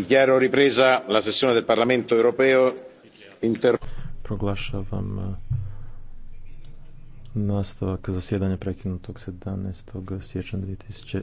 Dichiaro ripresa la sessione del Parlamento europeo. Inter... Proglašavam eh, nastavak zasjedanja prekinutog 17. siječnja 2019.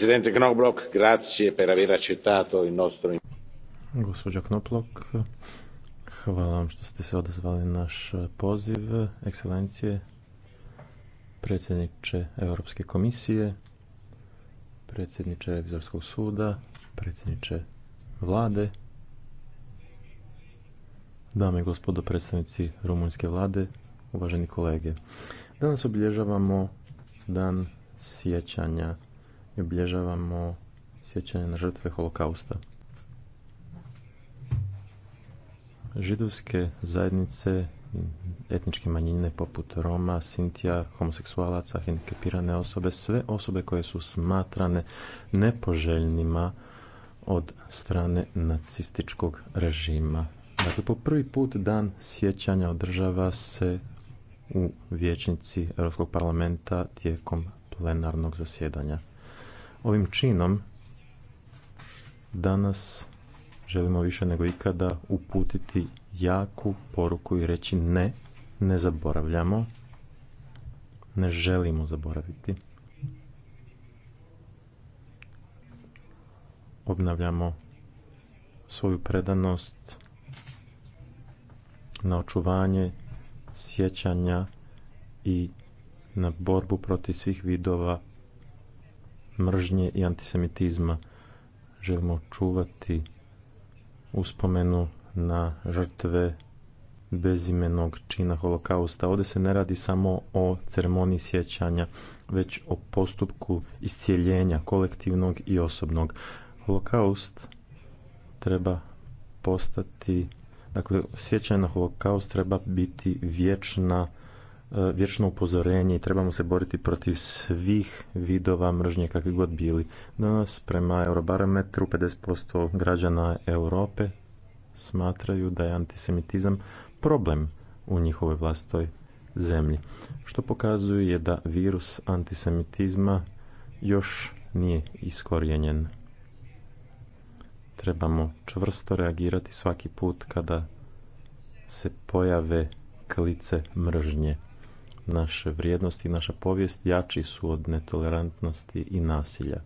Presidente Knobloch, grazie per aver accettato nostro... Gospođo Knoplok, hvala vam što ste se odazvali naš poziv, ekscelencije, predsjedniče Europske komisije, predsjedniče Revizorskog suda, predsjedniče vlade, dame i gospodo predstavnici rumunjske vlade, uvaženi kolege. Danas obilježavamo dan sjećanja i obilježavamo sjećanje na žrtve holokausta. Židovske zajednice etničke manjine poput Roma, Sintija, homoseksualaca, hendikepirane osobe, sve osobe koje su smatrane nepoželjnima od strane nacističkog režima. Dakle, po prvi put dan sjećanja održava se u vijećnici Europskog parlamenta tijekom plenarnog zasjedanja. Ovim činom danas želimo više nego ikada uputiti jaku poruku i reći ne, ne zaboravljamo, ne želimo zaboraviti. Obnavljamo svoju predanost na očuvanje sjećanja i na borbu protiv svih vidova mržnje i antisemitizma. Želimo čuvati uspomenu na žrtve bezimenog čina holokausta. Ovdje se ne radi samo o ceremoniji sjećanja, već o postupku iscijeljenja kolektivnog i osobnog. Holokaust treba postati, dakle, sjećanje na holokaust treba biti vječna E, vječno upozorenje i trebamo se boriti protiv svih vidova mržnje kakvi god bili. Danas prema Eurobarometru 50% građana Europe smatraju da je antisemitizam problem u njihovoj vlastoj zemlji. Što pokazuje da virus antisemitizma još nije iskorjenjen. Trebamo čvrsto reagirati svaki put kada se pojave klice mržnje naše vrijednosti i naša povijest jači su od netolerantnosti i nasilja.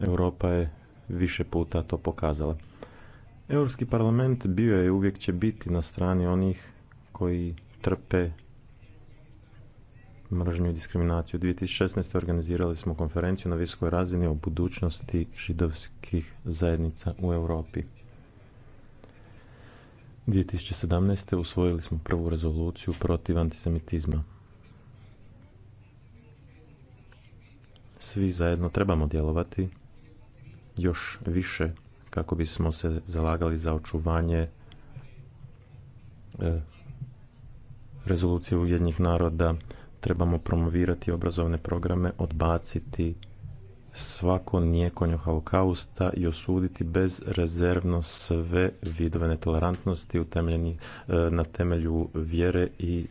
Europa je više puta to pokazala. Europski parlament bio je uvijek će biti na strani onih koji trpe mržnju i diskriminaciju. 2016. organizirali smo konferenciju na visokoj razini o budućnosti židovskih zajednica u Europi. 2017. usvojili smo prvu rezoluciju protiv antisemitizma. Svi zajedno trebamo djelovati još više kako bismo se zalagali za očuvanje e, rezolucije Ujedinjenih naroda. Trebamo promovirati obrazovne programe, odbaciti svako nijekonjo holokausta i osuditi bezrezervno sve vidove netolerantnosti utemeljeni e, na temelju vjere i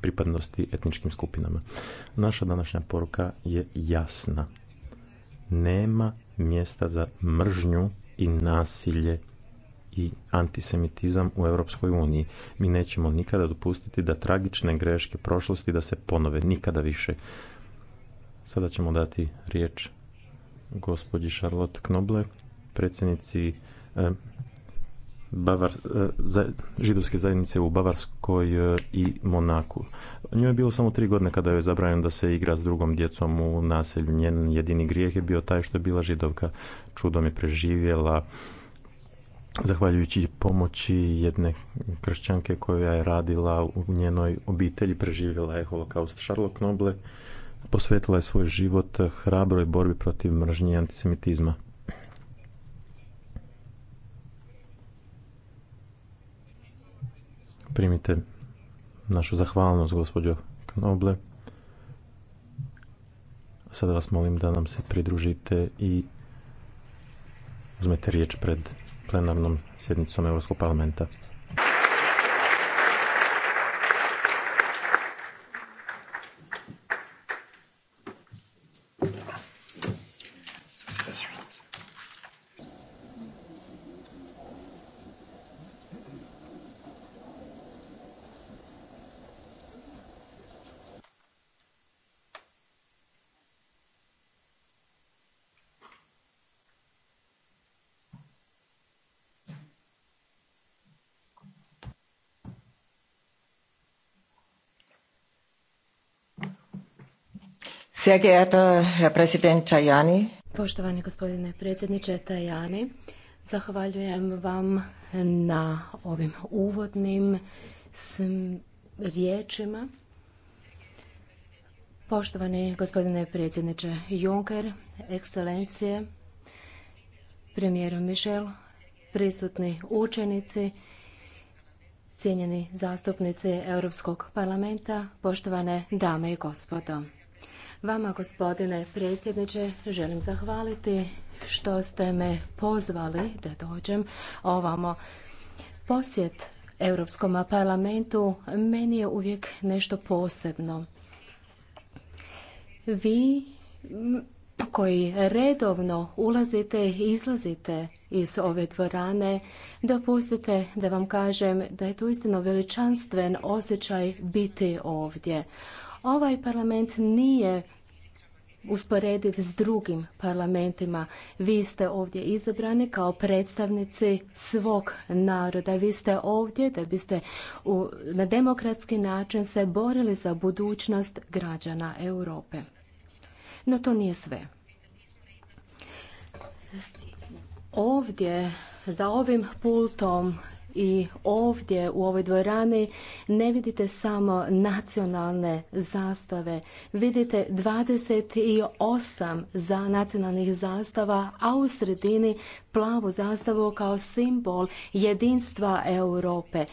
pripadnosti etničkim skupinama. Naša današnja poruka je jasna. Nema mjesta za mržnju i nasilje i antisemitizam u Europskoj uniji. Mi nećemo nikada dopustiti da tragične greške prošlosti da se ponove nikada više. Sada ćemo dati riječ gospođi Charlotte Knoble, predsjednici eh, Bavar, eh, židovske zajednice u Bavarskoj eh, i Monaku. Njoj je bilo samo tri godine kada je zabranjeno da se igra s drugom djecom u naselju. Njen jedini grijeh je bio taj što je bila židovka. Čudom je preživjela zahvaljujući pomoći jedne kršćanke koja je radila u njenoj obitelji, preživjela je holokaust Charlotte Knoble posvetila je svoj život hrabroj borbi protiv mržnje i antisemitizma. Primite našu zahvalnost, gospođo Knoble. Sada vas molim da nam se pridružite i uzmete riječ pred plenarnom sjednicom Europskog parlamenta. Sehr Poštovani gospodine predsjedniče Tajani, zahvaljujem vam na ovim uvodnim riječima. Poštovani gospodine predsjedniče Juncker, ekscelencije, premijeru Michel, prisutni učenici, cijenjeni zastupnici Europskog parlamenta, poštovane dame i gospodo. Vama, gospodine predsjedniče, želim zahvaliti što ste me pozvali da dođem ovamo. Posjet Europskom parlamentu meni je uvijek nešto posebno. Vi koji redovno ulazite i izlazite iz ove dvorane, dopustite da vam kažem da je to istino veličanstven osjećaj biti ovdje. Ovaj parlament nije usporediv s drugim parlamentima. Vi ste ovdje izabrani kao predstavnici svog naroda. Vi ste ovdje da biste u, na demokratski način se borili za budućnost građana Europe. No to nije sve. Ovdje za ovim pultom i ovdje u ovoj dvorani ne vidite samo nacionalne zastave, vidite 28 za nacionalnih zastava, a u sredini plavu zastavu kao simbol jedinstva Europe.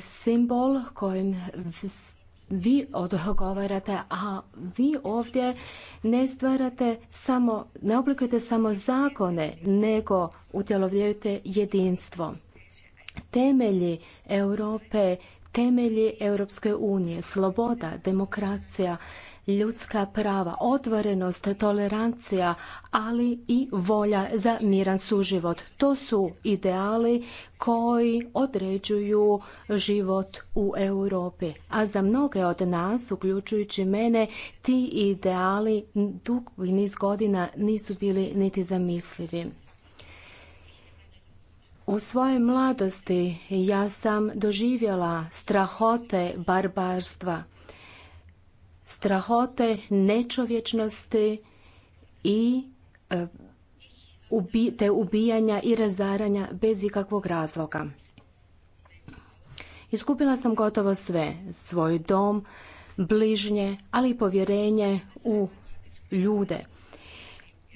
Simbol kojim vi odgovarate, a vi ovdje ne stvarate samo, ne oblikujete samo zakone, nego utjelovljujete jedinstvo temelji Europe, temelji Europske unije, sloboda, demokracija, ljudska prava, otvorenost, tolerancija, ali i volja za miran suživot. To su ideali koji određuju život u Europi. A za mnoge od nas, uključujući mene, ti ideali dugi niz godina nisu bili niti zamislivi. U svojoj mladosti ja sam doživjela strahote barbarstva, strahote nečovječnosti i e, te ubijanja i razaranja bez ikakvog razloga. Iskupila sam gotovo sve, svoj dom, bližnje, ali i povjerenje u ljude.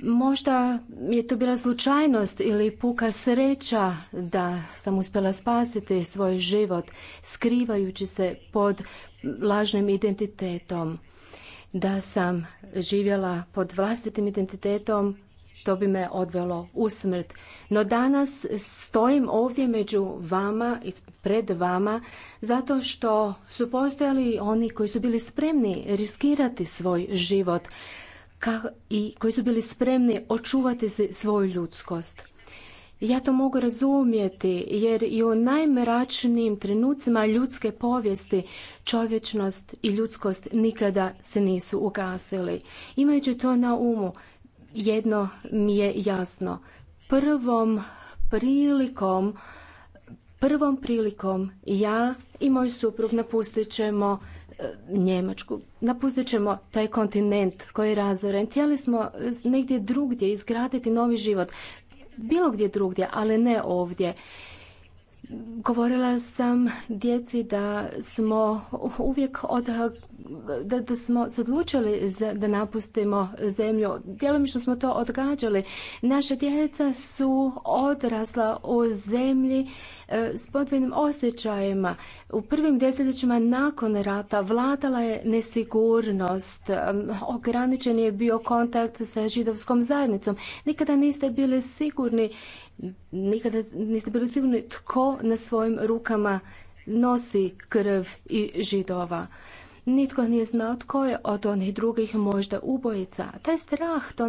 Možda je to bila slučajnost ili puka sreća da sam uspjela spasiti svoj život skrivajući se pod lažnim identitetom. Da sam živjela pod vlastitim identitetom, to bi me odvelo u smrt. No danas stojim ovdje među vama, pred vama, zato što su postojali oni koji su bili spremni riskirati svoj život i koji su bili spremni očuvati svoju ljudskost. Ja to mogu razumjeti jer i u najmračnijim trenucima ljudske povijesti čovječnost i ljudskost nikada se nisu ugasili. Imajući to na umu, jedno mi je jasno. Prvom prilikom prvom prilikom ja i moj suprug napustit ćemo Njemačku. Napustit ćemo taj kontinent koji je razoren. Htjeli smo negdje drugdje izgraditi novi život. Bilo gdje drugdje, ali ne ovdje. Govorila sam djeci da smo uvijek od da, da smo se odlučili za, da napustimo zemlju. Djelomično smo to odgađali. Naša djeca su odrasla u zemlji e, s podvijenim osjećajima. U prvim desetljećima nakon rata vladala je nesigurnost, e, ograničen je bio kontakt sa židovskom zajednicom. Nikada niste bili sigurni nikada niste bili sigurni tko na svojim rukama nosi krv i židova. Nitko nije znao tko je od onih drugih možda ubojica. Taj strah, to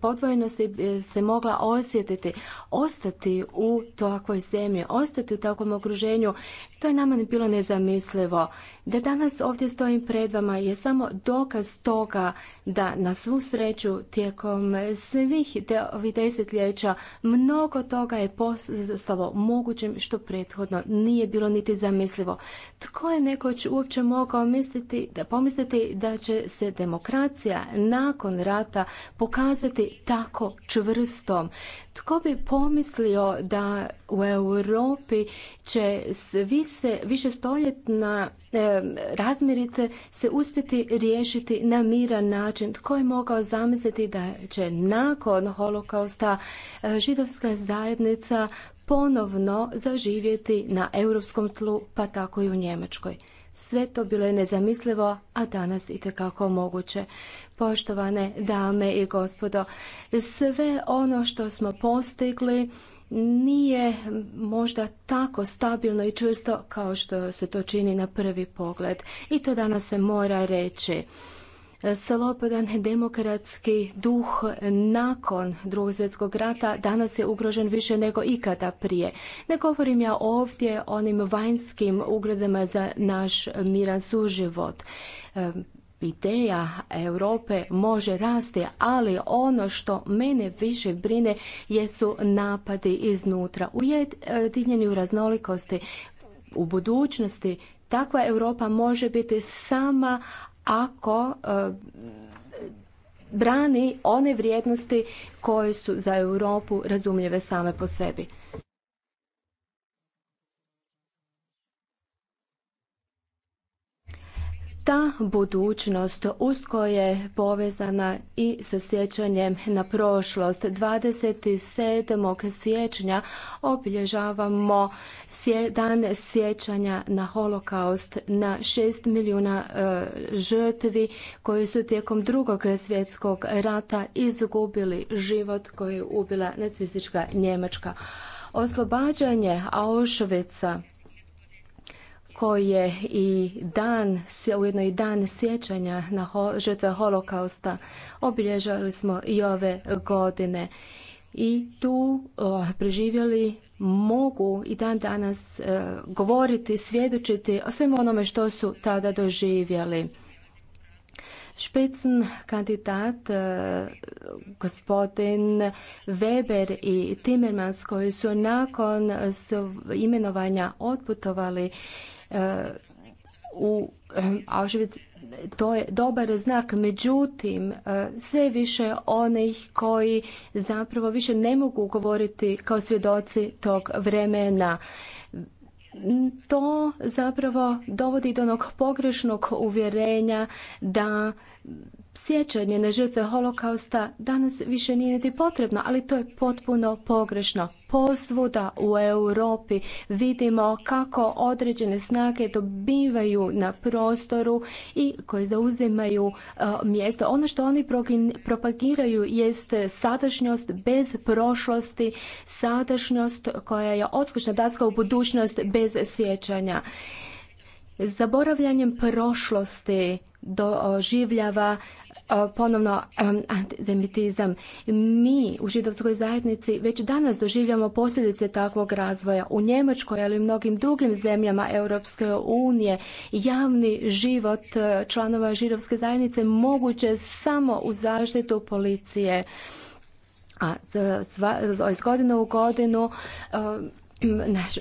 podvojenost se mogla osjetiti, ostati u takvoj zemlji, ostati u takvom okruženju to je nama bilo nezamislivo. Da danas ovdje stojim pred vama je samo dokaz toga da na svu sreću tijekom svih ovih desetljeća mnogo toga je postalo mogućim što prethodno nije bilo niti zamislivo. Tko je nekoć uopće mogao misliti, da pomisliti da će se demokracija nakon rata pokazati tako čvrstom? Tko bi pomislio da u Europi će višestoljetna više stoljetna e, razmirice se uspjeti riješiti na miran način? Tko je mogao zamisliti da će nakon holokausta e, židovska zajednica ponovno zaživjeti na europskom tlu, pa tako i u Njemačkoj? Sve to bilo je nezamislivo, a danas i tekako moguće. Poštovane dame i gospodo, sve ono što smo postigli nije možda tako stabilno i čvrsto kao što se to čini na prvi pogled. I to danas se mora reći slobodan demokratski duh nakon drugog svjetskog rata danas je ugrožen više nego ikada prije. Ne govorim ja ovdje o onim vanjskim ugrozama za naš miran suživot e, ideja Europe može rasti, ali ono što mene više brine jesu napadi iznutra. U u raznolikosti u budućnosti takva Europa može biti sama ako e, brani one vrijednosti koje su za Europu razumljive same po sebi. Ta budućnost usko je povezana i sa sjećanjem na prošlost. 27. siječnja obilježavamo dan sjećanja na holokaust na 6 milijuna e, žrtvi koji su tijekom drugog svjetskog rata izgubili život koji je ubila nacistička Njemačka. Oslobađanje Auschwitza koji je i dan, ujedno i dan sjećanja na žrtve holokausta. Obilježali smo i ove godine. I tu preživjeli mogu i dan danas e, govoriti, svjedočiti o svemu onome što su tada doživjeli. Špicn kandidat e, gospodin Weber i Timmermans koji su nakon imenovanja otputovali u Auschwitz to je dobar znak, međutim e, sve više onih koji zapravo više ne mogu govoriti kao svjedoci tog vremena. To zapravo dovodi do onog pogrešnog uvjerenja da sjećanje na žrtve holokausta danas više nije niti potrebno, ali to je potpuno pogrešno posvuda u Europi vidimo kako određene snage dobivaju na prostoru i koje zauzimaju e, mjesto. Ono što oni propagiraju jest sadašnjost bez prošlosti, sadašnjost koja je odskočna daska u budućnost bez sjećanja. Zaboravljanjem prošlosti doživljava E, ponovno e, antizemitizam. Mi u židovskoj zajednici već danas doživljamo posljedice takvog razvoja. U Njemačkoj, ali i mnogim drugim zemljama Europske unije javni život e, članova židovske zajednice moguće samo u zaštitu policije. A iz godine u godinu naš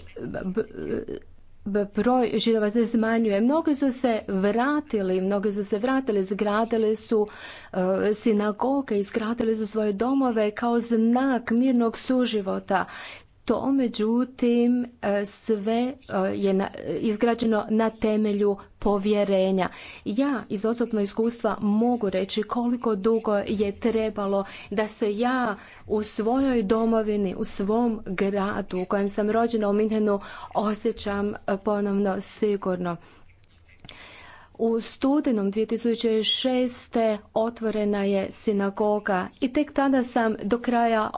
broj židova se smanjuje. Mnogi su se vratili, mnogi su se vratili, zgradili su e, sinagoge, izgradili su svoje domove kao znak mirnog suživota. To međutim e, sve e, je izgrađeno na temelju povjerenja. Ja iz osobnog iskustva mogu reći koliko dugo je trebalo da se ja u svojoj domovini, u svom gradu u kojem sam rođena u Minhenu osjećam e, ponovno sigurno. U studenom 2006. otvorena je sinagoga i tek tada sam do kraja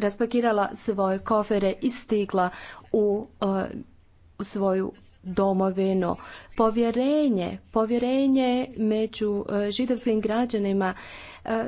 raspakirala svoje kofere i stigla u, e, u svoju domovinu. Povjerenje, povjerenje među e, židovskim građanima e,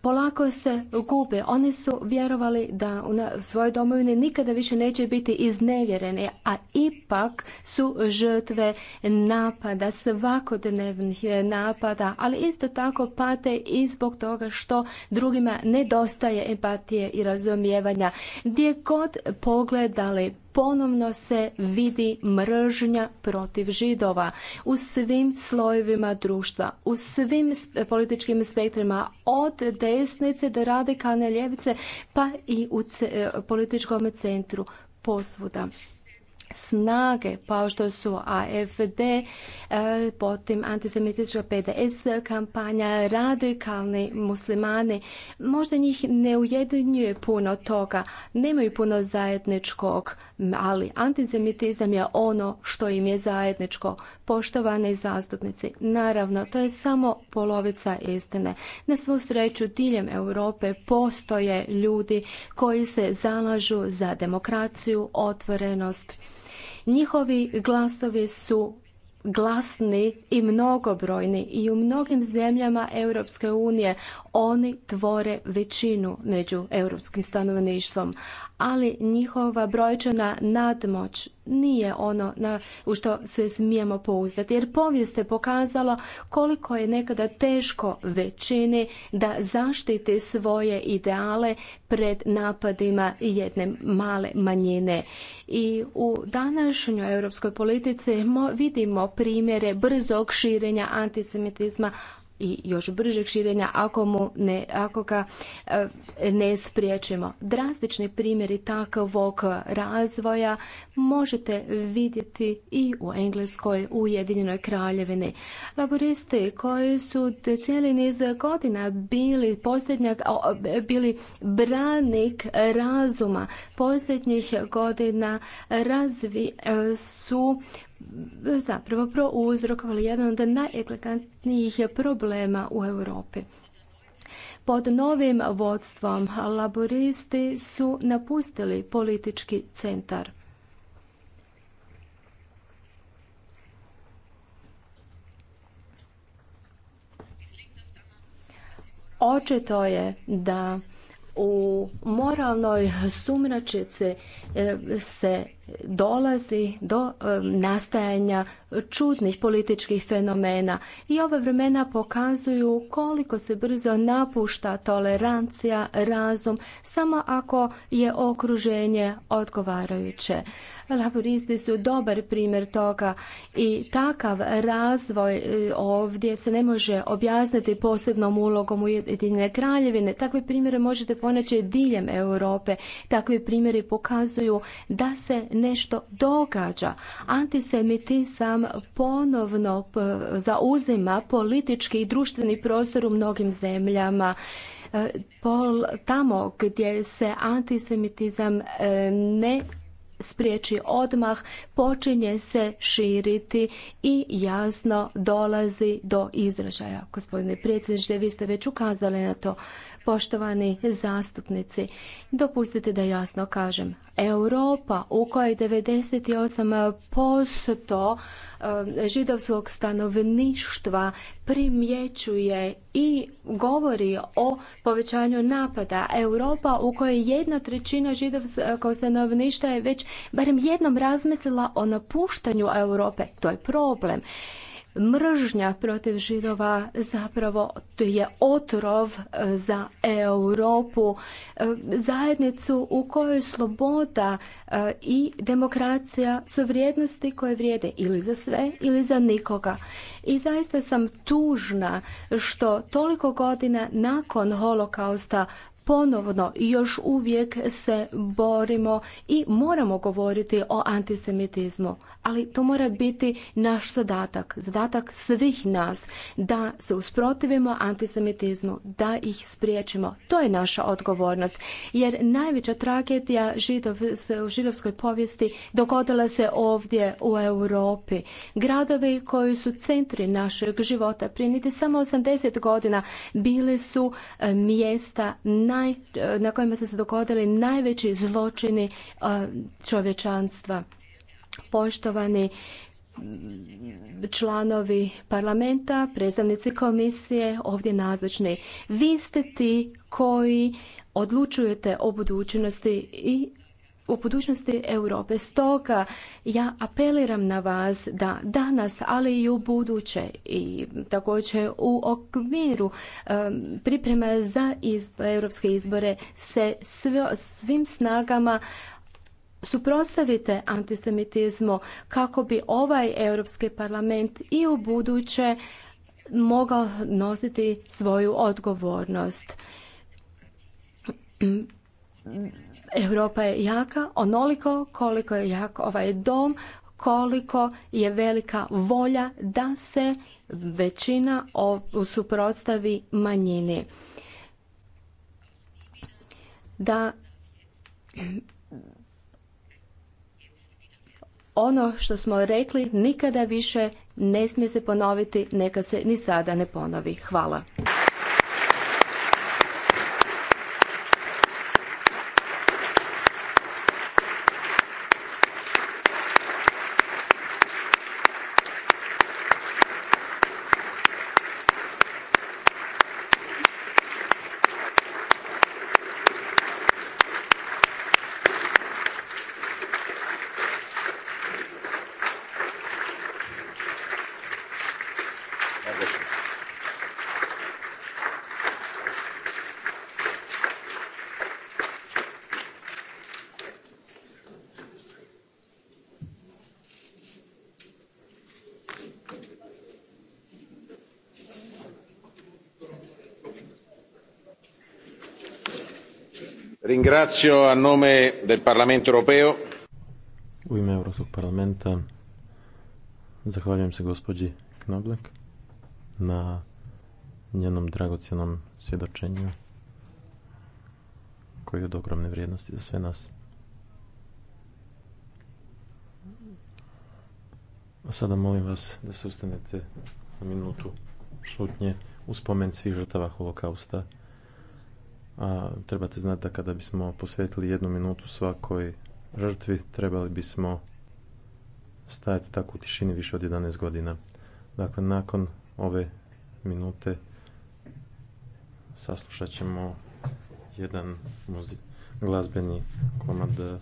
polako se gube. Oni su vjerovali da u svojoj domovini nikada više neće biti iznevjereni, a ipak su žrtve napada, svakodnevnih napada, ali isto tako pate i zbog toga što drugima nedostaje empatije i razumijevanja. Gdje god pogledali ponovno se vidi mržnja protiv židova u svim slojevima društva, u svim političkim spektrima od desnice do radikalne ljevice pa i u e, političkom centru posvuda snage kao što su AFD, e, potim antisemitička PDS kampanja, radikalni muslimani. Možda njih ne ujedinjuje puno toga, nemaju puno zajedničkog, ali antisemitizam je ono što im je zajedničko. Poštovani zastupnici, naravno, to je samo polovica istine. Na svu sreću, diljem Europe postoje ljudi koji se zalažu za demokraciju, otvorenost, Njihovi glasovi su glasni i mnogobrojni i u mnogim zemljama Europske unije oni tvore većinu među europskim stanovništvom ali njihova brojčana nadmoć nije ono na u što se smijemo pouzdati jer povijest je pokazala koliko je nekada teško većini da zaštiti svoje ideale pred napadima jedne male manjine. I u današnjoj europskoj politici vidimo primjere brzog širenja antisemitizma, i još bržeg širenja ako, ne, ako ga e, ne spriječimo. Drastični primjeri takvog razvoja možete vidjeti i u Engleskoj, u Ujedinjenoj kraljevini. Laboristi koji su cijeli niz godina bili posljednjak, e, bili branik razuma posljednjih godina razvi e, su zapravo prouzrokovali jedan od najeklekantnijih problema u Europi. Pod novim vodstvom laboristi su napustili politički centar. Očito je da u moralnoj sumračici e, se dolazi do nastajanja čudnih političkih fenomena i ove vremena pokazuju koliko se brzo napušta tolerancija, razum, samo ako je okruženje odgovarajuće. Laboristi su dobar primjer toga i takav razvoj e, ovdje se ne može objasniti posebnom ulogom Ujedinjene kraljevine. Takve primjere možete ponaći diljem Europe. Takvi primjeri pokazuju da se nešto događa. Antisemitizam ponovno e, zauzima politički i društveni prostor u mnogim zemljama. E, pol, tamo gdje se antisemitizam ne spriječi odmah, počinje se širiti i jasno dolazi do izražaja. Gospodine predsjedniče, vi ste već ukazali na to. Poštovani zastupnici, dopustite da jasno kažem. Europa u kojoj 98% eh, židovskog stanovništva primjećuje i govori o povećanju napada. Europa u kojoj jedna trećina židovskog stanovništva je već barem jednom razmislila o napuštanju Europe. To je problem mržnja protiv židova zapravo je otrov e, za Europu, e, zajednicu u kojoj sloboda e, i demokracija su vrijednosti koje vrijede ili za sve ili za nikoga. I zaista sam tužna što toliko godina nakon holokausta ponovno još uvijek se borimo i moramo govoriti o antisemitizmu. Ali to mora biti naš zadatak, zadatak svih nas da se usprotivimo antisemitizmu, da ih spriječimo. To je naša odgovornost. Jer najveća tragedija židov, u židovskoj povijesti dogodila se ovdje u Europi. Gradovi koji su centri našeg života prije niti samo 80 godina bili su e, mjesta na kojima su se dogodili najveći zločini čovječanstva. Poštovani članovi parlamenta, predstavnici komisije, ovdje nazočni. Vi ste ti koji odlučujete o budućnosti i u budućnosti Europe. Stoga ja apeliram na vas da danas, ali i u buduće i također u okviru um, priprema za europske izbore se svim snagama suprotstavite antisemitizmu kako bi ovaj Europski parlament i u buduće mogao nositi svoju odgovornost Europa je jaka onoliko koliko je jak ovaj dom, koliko je velika volja da se većina suprotstavi manjini. Da ono što smo rekli nikada više ne smije se ponoviti, neka se ni sada ne ponovi. Hvala. Ringrazio a nome del Parlamento europeo. U ime Europskog parlamenta zahvaljujem se gospođi Knoblek na njenom dragocjenom svjedočenju koji je od ogromne vrijednosti za sve nas. A sada molim vas da se ustanete na minutu šutnje u spomen svih žrtava holokausta a trebate znati da kada bismo posvetili jednu minutu svakoj žrtvi, trebali bismo stajati tako u tišini više od 11 godina. Dakle, nakon ove minute saslušat ćemo jedan glazbeni komad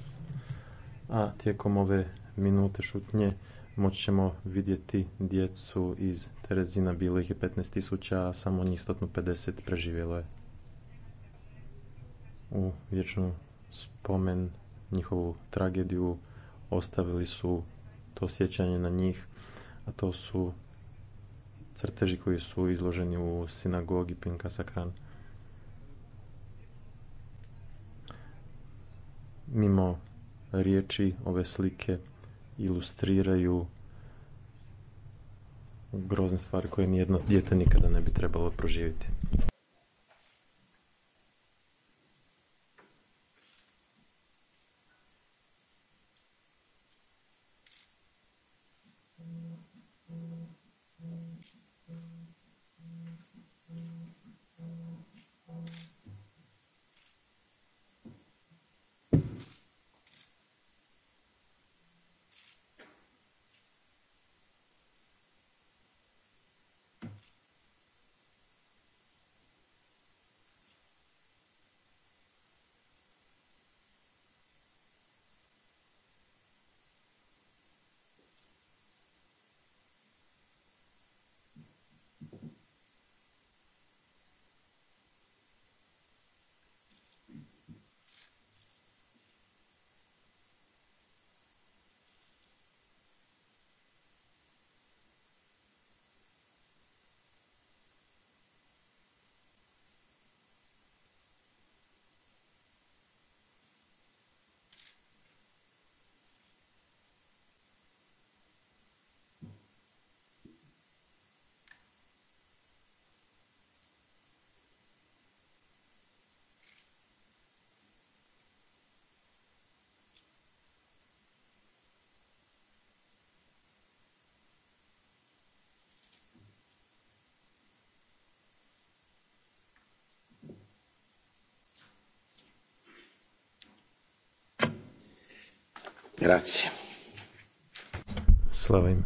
a tijekom ove minute šutnje moći ćemo vidjeti djecu iz Terezina, bilo ih je 15.000, a samo njih 150 preživjelo je u vječnu spomen njihovu tragediju ostavili su to sjećanje na njih, a to su crteži koji su izloženi u sinagogi Pinka Sakran. Mimo riječi ove slike ilustriraju grozne stvari koje nijedno dijete nikada ne bi trebalo proživjeti. Grazie. slavim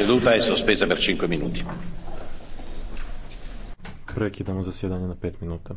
seduta je sospesa per 5 minuti. Prekidamo zasjedanje na 5 minuta.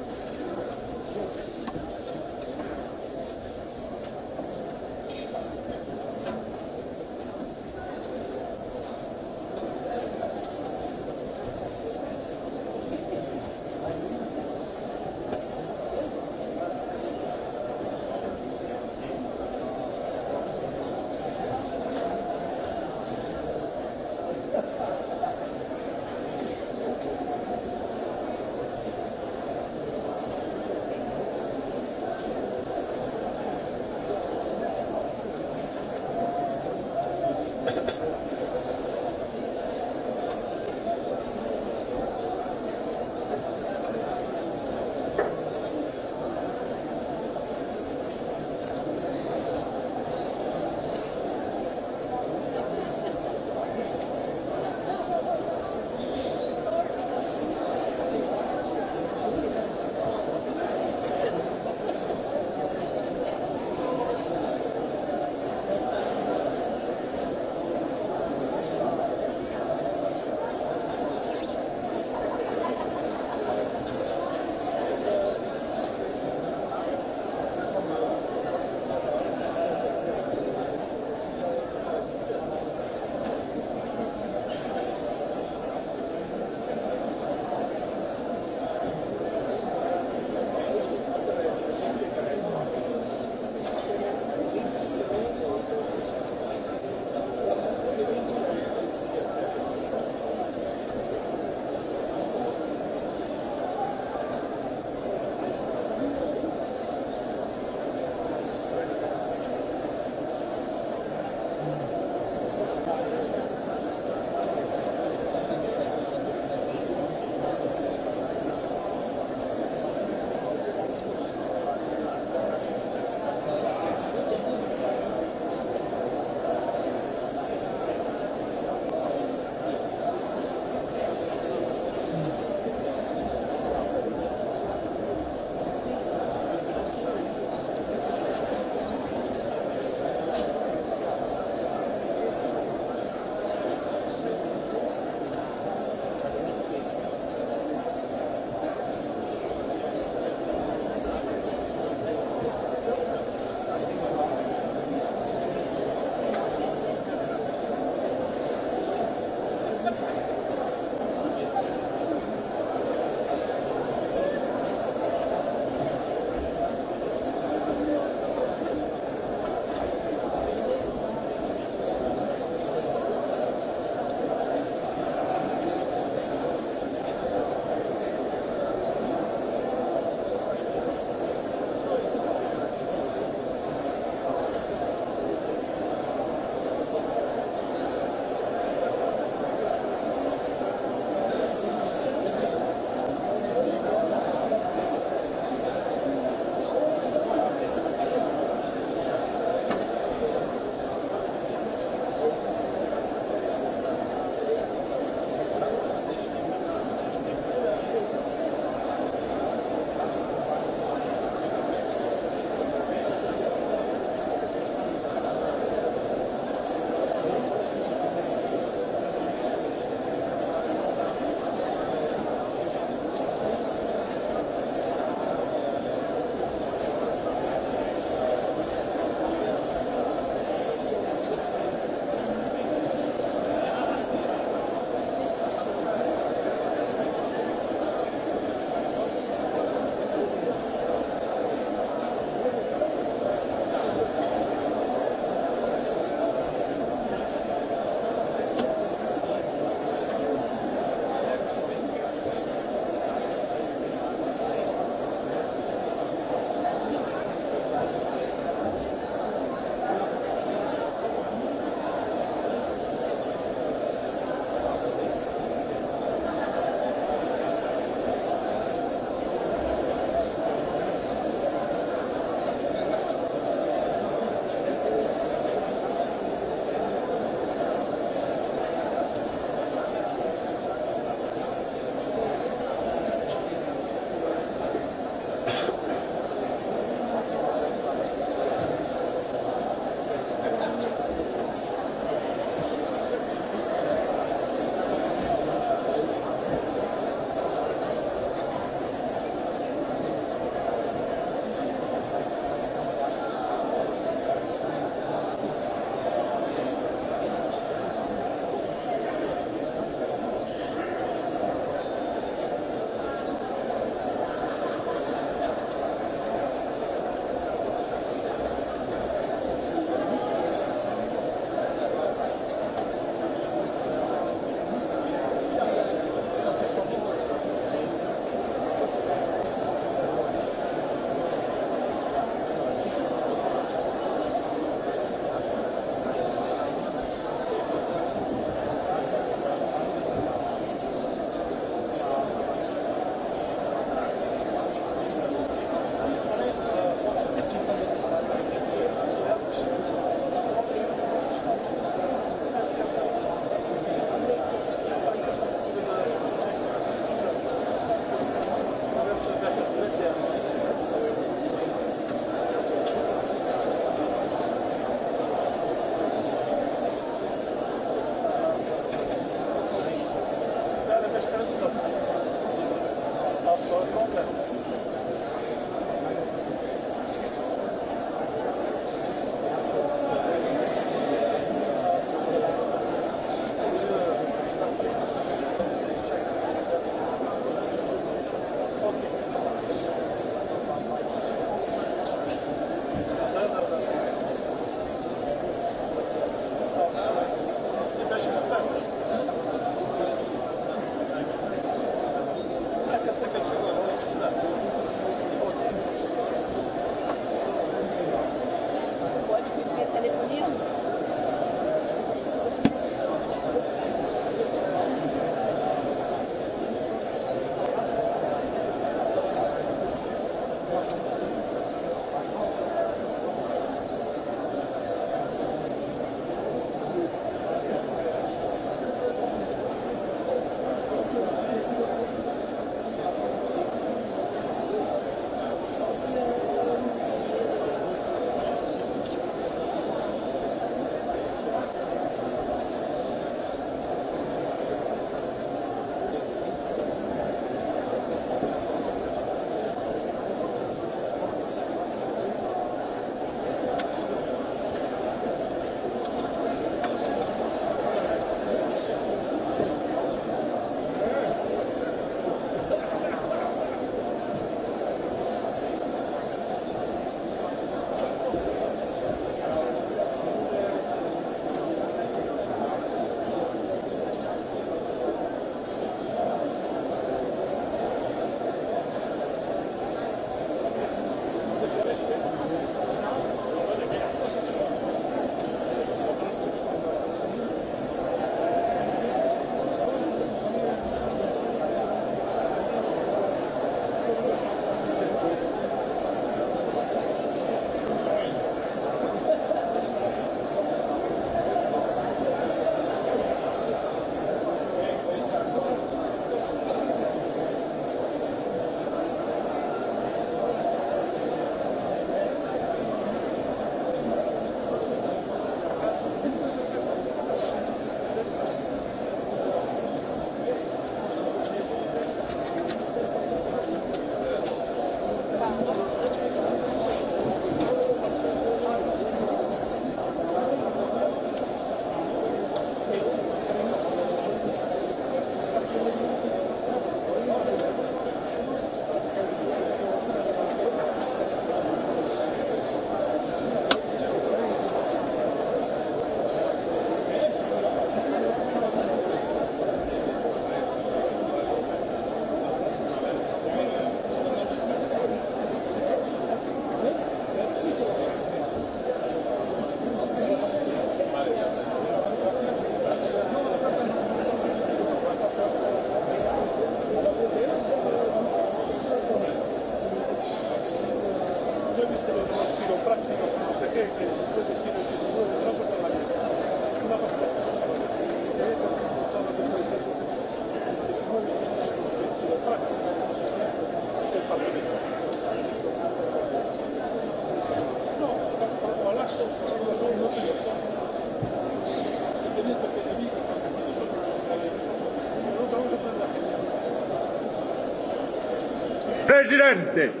Presidente!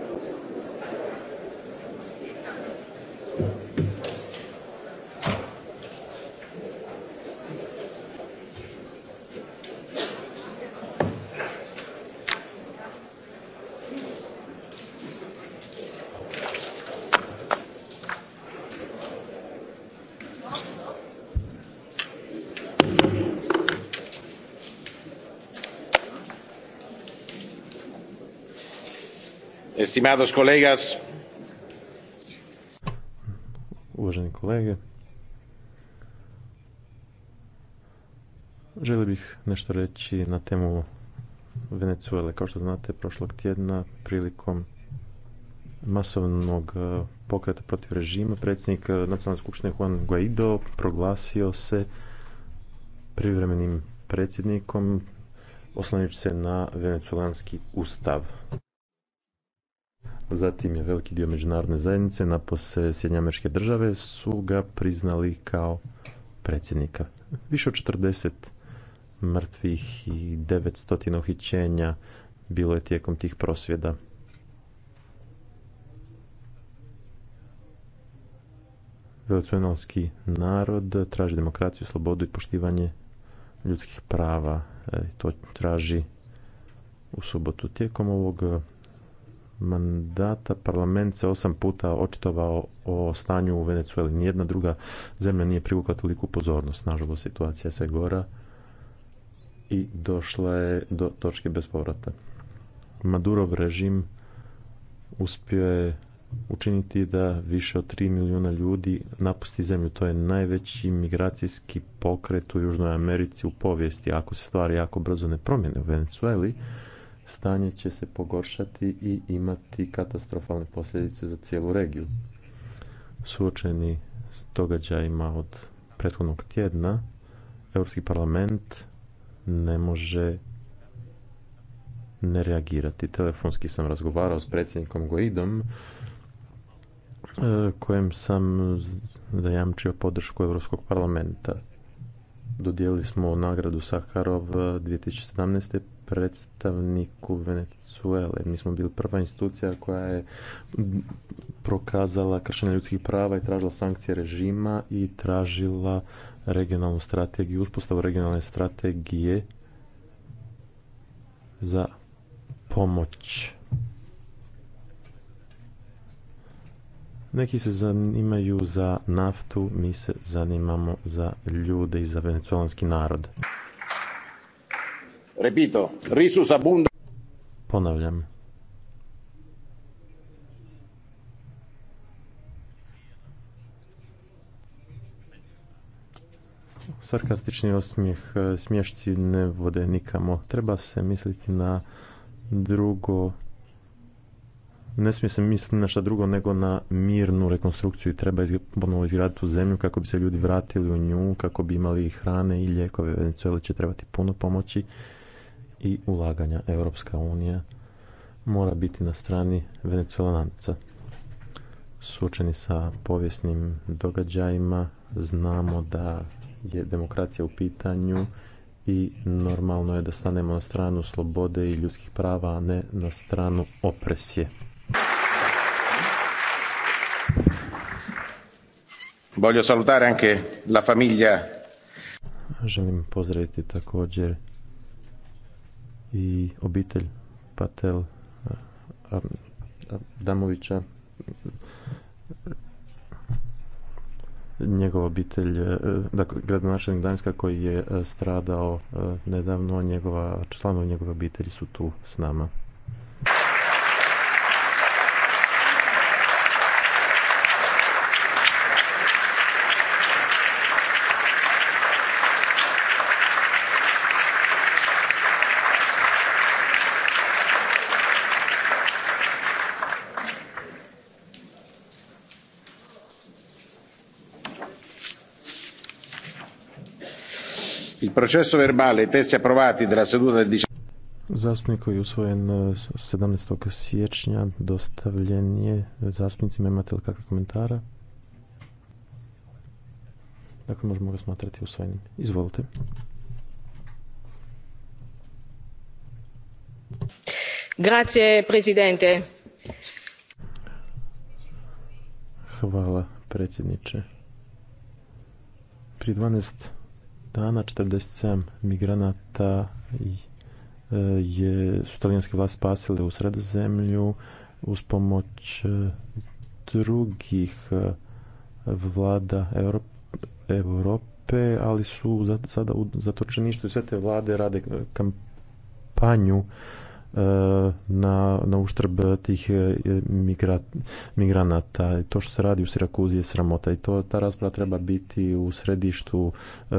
Estimados Uvaženi kolege. Želio bih nešto reći na temu Venezuele. Kao što znate, prošlog tjedna prilikom masovnog e, pokreta protiv režima predsjednik e, Nacionalne skupštine Juan Guaido proglasio se privremenim predsjednikom oslanjajući se na venecuelanski ustav. Zatim je veliki dio međunarodne zajednice, napose Sjedinja američke države, su ga priznali kao predsjednika. Više od 40 mrtvih i 900 uhićenja bilo je tijekom tih prosvjeda. Venezuelanski narod traži demokraciju, slobodu i poštivanje ljudskih prava. E, to traži u subotu tijekom ovog mandata parlament se osam puta očitovao o stanju u Venecueli. Nijedna druga zemlja nije privukla toliku pozornost. Nažalost, situacija se gora i došla je do točke bez povrata. Madurov režim uspio je učiniti da više od 3 milijuna ljudi napusti zemlju. To je najveći migracijski pokret u Južnoj Americi u povijesti. Ako se stvari jako brzo ne promjene u Venezueli, stanje će se pogoršati i imati katastrofalne posljedice za cijelu regiju. Suočeni s događajima od prethodnog tjedna, Europski parlament ne može ne reagirati. Telefonski sam razgovarao s predsjednikom Goidom, e, kojem sam zajamčio podršku Europskog parlamenta. Dodijelili smo nagradu Saharov 2017. E, predstavniku Venezuele. Mi smo bili prva institucija koja je prokazala kršenje ljudskih prava i tražila sankcije režima i tražila regionalnu strategiju, uspostavu regionalne strategije za pomoć. Neki se zanimaju za naftu, mi se zanimamo za ljude i za venecuelanski narod. Repito, risus abunda. Ponavljam. Sarkastični osmijeh, e, smješci ne vode nikamo. Treba se misliti na drugo, ne smije se misliti na šta drugo nego na mirnu rekonstrukciju. i Treba ponovo izgraditi tu zemlju kako bi se ljudi vratili u nju, kako bi imali hrane i lijekove. Venezuela će trebati puno pomoći i ulaganja. Europska unija mora biti na strani venecuelanaca. Sučeni sa povijesnim događajima znamo da je demokracija u pitanju i normalno je da stanemo na stranu slobode i ljudskih prava, a ne na stranu opresije. Voglio salutare anche la famiglia. Želim pozdraviti također i obitelj Patel Damovića njegova obitelj, e, dakle, gradonačelnik Danska koji je e, stradao e, nedavno, njegova, članovi njegove obitelji su tu s nama. Processo verbale, e testi approvati della seduta del 19. koji je usvojen 17. Eh, siječnja, dostavljen je zastupnicima, imate li kakve komentara? Dakle, možemo ga smatrati usvojenim. Izvolite. Grazie, presidente. Hvala, predsjedniče. Pri 12 dana 47 migranata e, je, su talijanske vlasti spasile u sredozemlju uz pomoć e, drugih e, vlada Europe, ali su sada u zatočeništu i sve te vlade rade kampanju E, na, na uštrb tih e, migranata. To što se radi u Sirakuzi je sramota i to, ta rasprava treba biti u središtu e,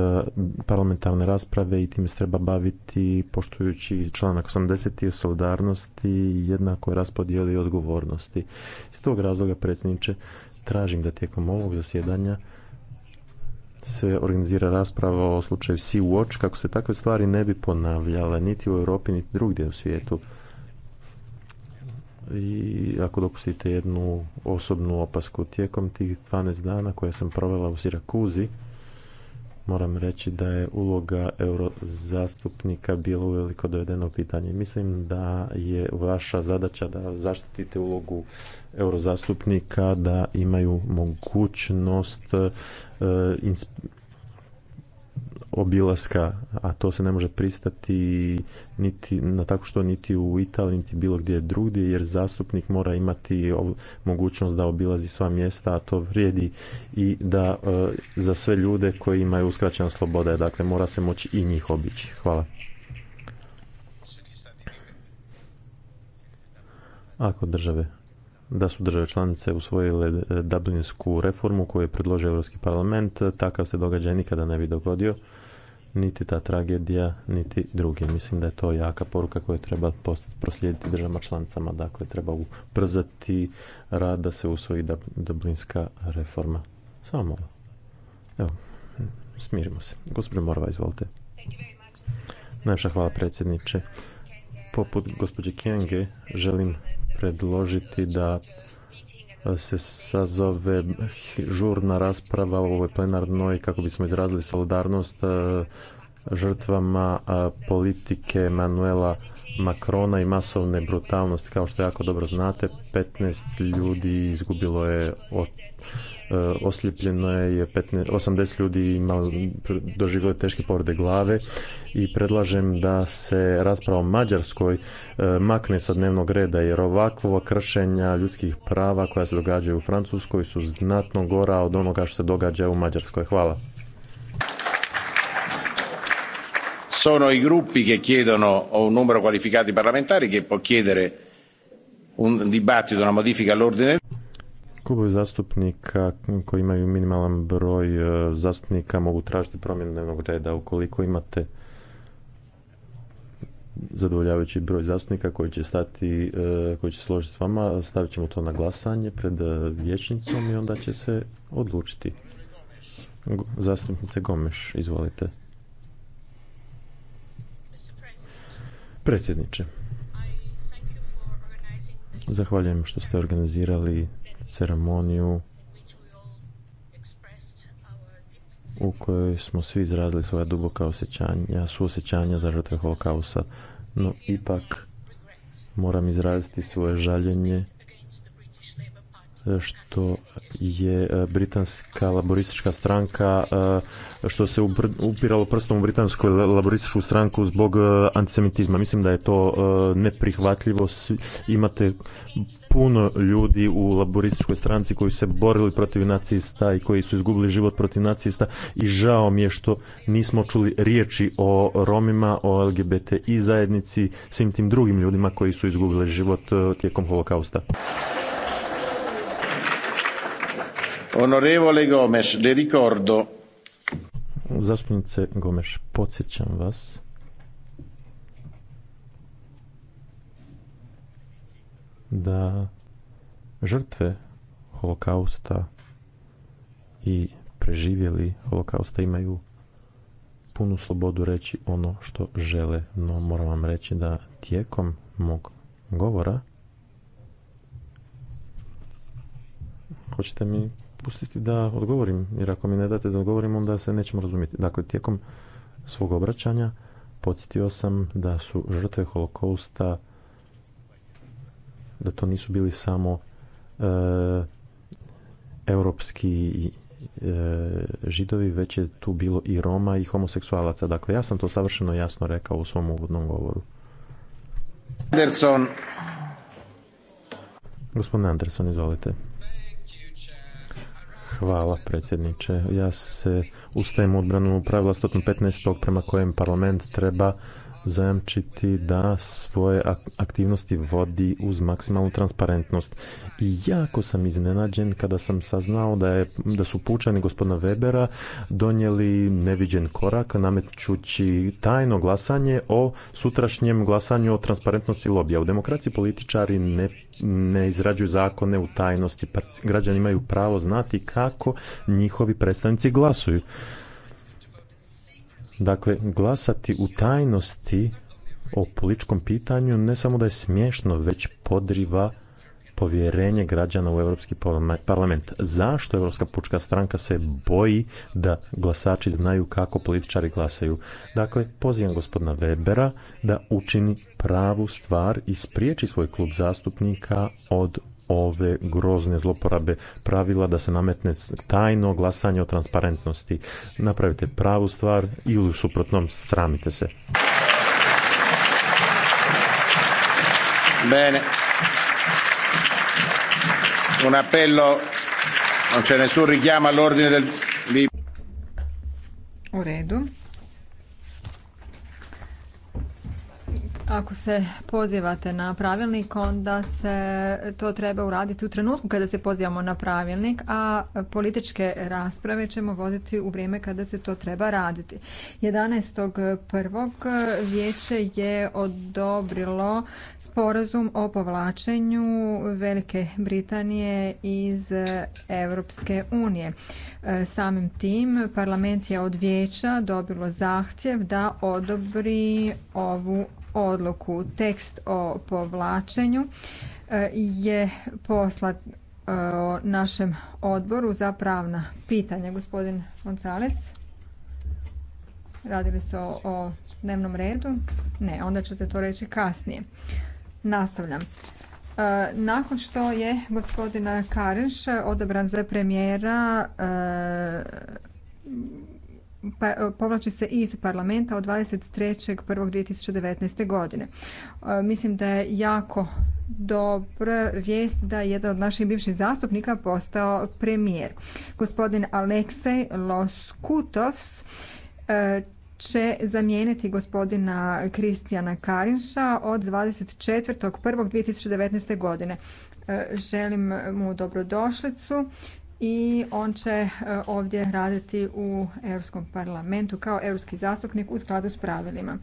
parlamentarne rasprave i time se treba baviti poštujući članak 80. solidarnosti i jednako raspodijeli odgovornosti. Iz tog razloga predsjedniče tražim da tijekom ovog zasjedanja se organizira rasprava o slučaju Sea Watch kako se takve stvari ne bi ponavljale niti u Europi niti drugdje u svijetu. I ako dopustite jednu osobnu opasku tijekom tih 12 dana koje sam provela u Sirakuzi moram reći da je uloga eurozastupnika bila uveliko dovedena u pitanje. Mislim da je vaša zadaća da zaštitite ulogu eurozastupnika, da imaju mogućnost e, obilaska, a to se ne može pristati niti na tako što niti u Italiji, niti bilo gdje drugdje, jer zastupnik mora imati mogućnost da obilazi sva mjesta, a to vrijedi i da e, za sve ljude koji imaju uskraćena sloboda, dakle mora se moći i njih obići. Hvala. Ako države da su države članice usvojile e, dublinsku reformu koju je predložio Europski parlament, takav se događaj nikada ne bi dogodio niti ta tragedija, niti druge. Mislim da je to jaka poruka koju treba proslijediti državama članicama. Dakle, treba ubrzati rad da se usvoji dublinska reforma. Samo malo. Evo, smirimo se. Gospodin Morava, izvolite. Najviše hvala predsjedniče. Poput gospođe Kenge želim predložiti da se sazove žurna rasprava u ovoj plenarnoj kako bismo izrazili solidarnost e, žrtvama politike Manuela Makrona i masovne brutalnosti. Kao što jako dobro znate, 15 ljudi izgubilo je od E, osljepljeno je 15, 80 ljudi imalo, doživjelo teške povrede glave i predlažem da se rasprava o Mađarskoj e, makne sa dnevnog reda jer ovakvo kršenja ljudskih prava koja se događaju u Francuskoj su znatno gora od onoga što se događa u Mađarskoj. Hvala. Sono i gruppi che chiedono un numero qualificato di parlamentari che può chiedere un dibattito, una modifica all'ordine klubovi zastupnika koji imaju minimalan broj e, zastupnika mogu tražiti promjenu dnevnog reda ukoliko imate zadovoljavajući broj zastupnika koji će stati, e, koji će složiti s vama, stavit ćemo to na glasanje pred e, vječnicom i onda će se odlučiti. Zastupnice Gomeš, izvolite. Predsjedniče, zahvaljujem što ste organizirali ceremoniju u kojoj smo svi izrazili svoja duboka osjećanja, suosjećanja za žrtve Holokausa, No, ipak moram izraziti svoje žaljenje što je e, britanska laboristička stranka e, što se upiralo prstom u britansku laborističku stranku zbog e, antisemitizma. Mislim da je to neprihvatljivo. Imate puno ljudi u laborističkoj stranci koji se borili protiv nacista i koji su izgubili život protiv nacista i žao mi je što nismo čuli riječi o Romima, o LGBT i zajednici, svim tim drugim ljudima koji su izgubili život tijekom holokausta. Onorevole Gomes, le ricordo. Zastupnice Gomes, podsjećam vas. da žrtve holokausta i preživjeli holokausta imaju punu slobodu reći ono što žele, no moram vam reći da tijekom mog govora hoćete mi pustiti da odgovorim, jer ako mi ne date da odgovorim, onda se nećemo razumjeti. Dakle, tijekom svog obraćanja podsjetio sam da su žrtve holokausta, da to nisu bili samo e, europski e, židovi, već je tu bilo i Roma i homoseksualaca. Dakle, ja sam to savršeno jasno rekao u svom uvodnom govoru. Anderson. Gospodine Anderson, izvolite. Hvala predsjedniče. Ja se ustajem u odbranu pravila 115. prema kojem parlament treba zajamčiti da svoje aktivnosti vodi uz maksimalnu transparentnost. I jako sam iznenađen kada sam saznao da, je, da su pučani gospodina Webera donijeli neviđen korak namećući tajno glasanje o sutrašnjem glasanju o transparentnosti lobija. U demokraciji političari ne, ne izrađuju zakone u tajnosti. Građani imaju pravo znati kako njihovi predstavnici glasuju. Dakle, glasati u tajnosti o političkom pitanju ne samo da je smiješno, već podriva povjerenje građana u Europski parlament. Zašto Europska pučka stranka se boji da glasači znaju kako političari glasaju? Dakle, pozivam gospodina Webera da učini pravu stvar i spriječi svoj klub zastupnika od ove grozne zloporabe pravila da se nametne tajno glasanje o transparentnosti. Napravite pravu stvar ili u suprotnom sramite se. Bene. Un appello, non c'è nessun richiamo all'ordine del... U redu. Ako se pozivate na pravilnik, onda se to treba uraditi u trenutku kada se pozivamo na pravilnik, a političke rasprave ćemo voditi u vrijeme kada se to treba raditi. 11.1. vijeće je odobrilo sporazum o povlačenju Velike Britanije iz Europske unije. Samim tim parlament je od vijeća dobilo zahtjev da odobri ovu odluku. Tekst o povlačenju e, je poslat e, našem odboru za pravna pitanja. Gospodin Gonzales, radili se o, dnevnom redu? Ne, onda ćete to reći kasnije. Nastavljam. E, nakon što je gospodin Kareš odabran za premijera pa, e, povlači se iz parlamenta od 23.1.2019. godine. E, mislim da je jako dobra vijest da je jedan od naših bivših zastupnika postao premijer. Gospodin Aleksej Loskutovs e, će zamijeniti gospodina Kristijana Karinša od 24.1.2019. godine. Želim mu dobrodošlicu i on će e, ovdje raditi u Europskom parlamentu kao europski zastupnik u skladu s pravilima.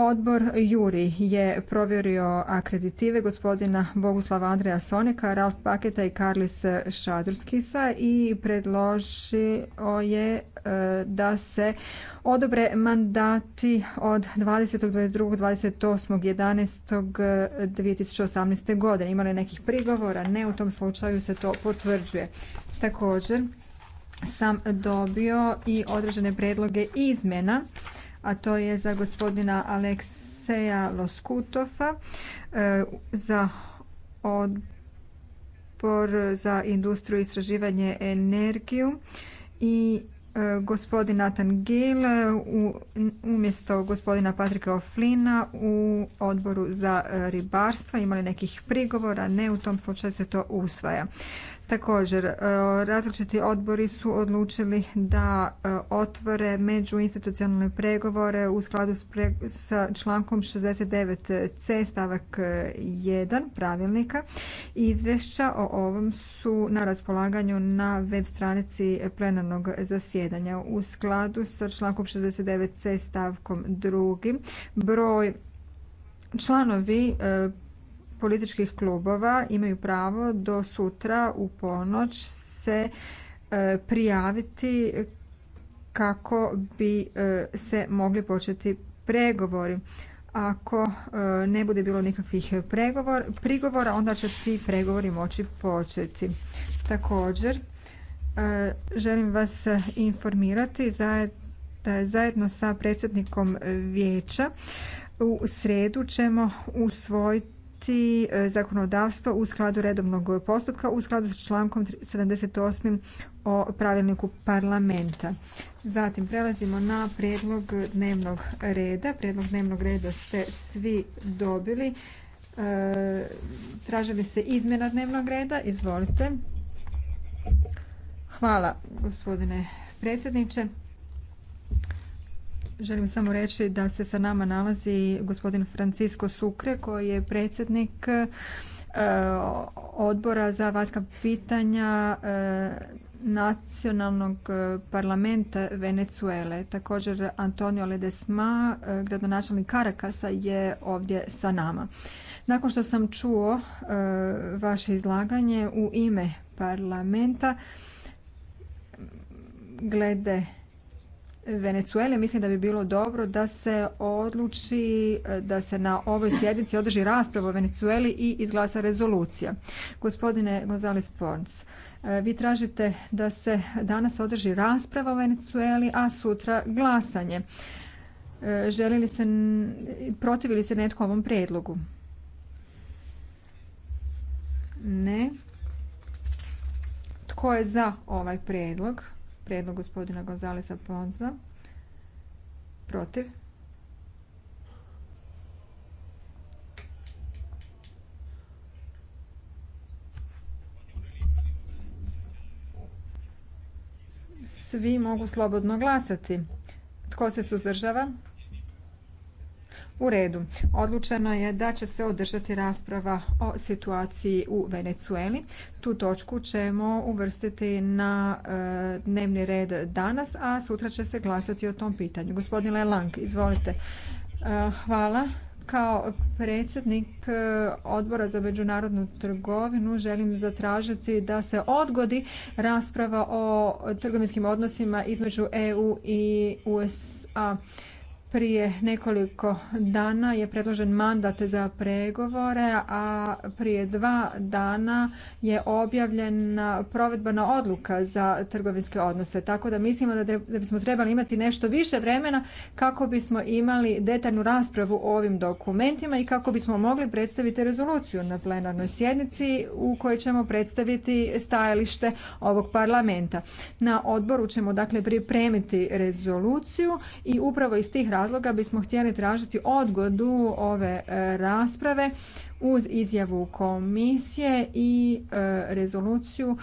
Odbor Juri je provjerio akreditive gospodina Boguslava Andreja Sonika, Ralf Paketa i Karlis Šadurskisa i predložio je e, da se odobre mandati od 20. 22. 28. 11. 2018. godine. imali nekih prigovora? Ne, u tom slučaju se to potvrđuje. Također sam dobio i određene predloge izmjena a to je za gospodina Alekseja Loskutova e, za odbor za industriju i istraživanje energiju i e, gospodin Nathan Gill umjesto gospodina Patrika Oflina u odboru za e, ribarstvo. Imali nekih prigovora? Ne, u tom slučaju se to usvaja. Također, e, različiti odbori su odlučili da e, otvore međuinstitucionalne pregovore u skladu s sa člankom 69c stavak 1 e, pravilnika. Izvješća o ovom su na raspolaganju na web stranici plenarnog zasjedanja. U skladu sa člankom 69c stavkom 2 broj članovi političkih klubova imaju pravo do sutra u ponoć se e, prijaviti kako bi e, se mogli početi pregovori. Ako e, ne bude bilo nikakvih pregovor, prigovora, onda će svi pregovori moći početi. Također, želim vas informirati da je zajedno sa predsjednikom vijeća u sredu ćemo usvojiti E, zakonodavstvo u skladu redovnog postupka u skladu sa člankom 78. o pravilniku parlamenta. Zatim prelazimo na prijedlog dnevnog reda. Prijedlog dnevnog reda ste svi dobili. E, li se izmjena dnevnog reda. Izvolite. Hvala gospodine predsjedniče. Želim samo reći da se sa nama nalazi gospodin Francisco Sukre koji je predsjednik e, odbora za vanjska pitanja e, nacionalnog e, parlamenta Venezuele. Također Antonio Ledesma, gradonačelnik Karakasa je ovdje sa nama. Nakon što sam čuo vaše izlaganje u ime parlamenta glede Venecuele mislim da bi bilo dobro da se odluči e, da se na ovoj sjednici održi rasprava o Venecueli i izglasa rezolucija. Gospodine Gonzales Pons, e, vi tražite da se danas održi rasprava o Venecueli, a sutra glasanje. E, želi li se, protivi li se netko ovom prijedlogu? Ne. Tko je za ovaj prijedlog? Prijedlog gospodina Gonzalesa Ponza. Protiv. Svi mogu slobodno glasati. Tko se suzdržava? U redu. Odlučeno je da će se održati rasprava o situaciji u Venecueli. Tu točku ćemo uvrstiti na e, dnevni red danas, a sutra će se glasati o tom pitanju. Gospodin Lang, izvolite. E, hvala. Kao predsjednik e, odbora za međunarodnu trgovinu želim zatražiti da se odgodi rasprava o trgovinskim odnosima između EU i USA prije nekoliko dana je predložen mandat za pregovore, a prije dva dana je objavljena provedbena odluka za trgovinske odnose. Tako da mislimo da bismo trebali imati nešto više vremena kako bismo imali detaljnu raspravu o ovim dokumentima i kako bismo mogli predstaviti rezoluciju na plenarnoj sjednici u kojoj ćemo predstaviti stajalište ovog parlamenta. Na odboru ćemo dakle pripremiti rezoluciju i upravo iz tih razloga bismo htjeli tražiti odgodu ove e, rasprave uz izjavu komisije i e, rezoluciju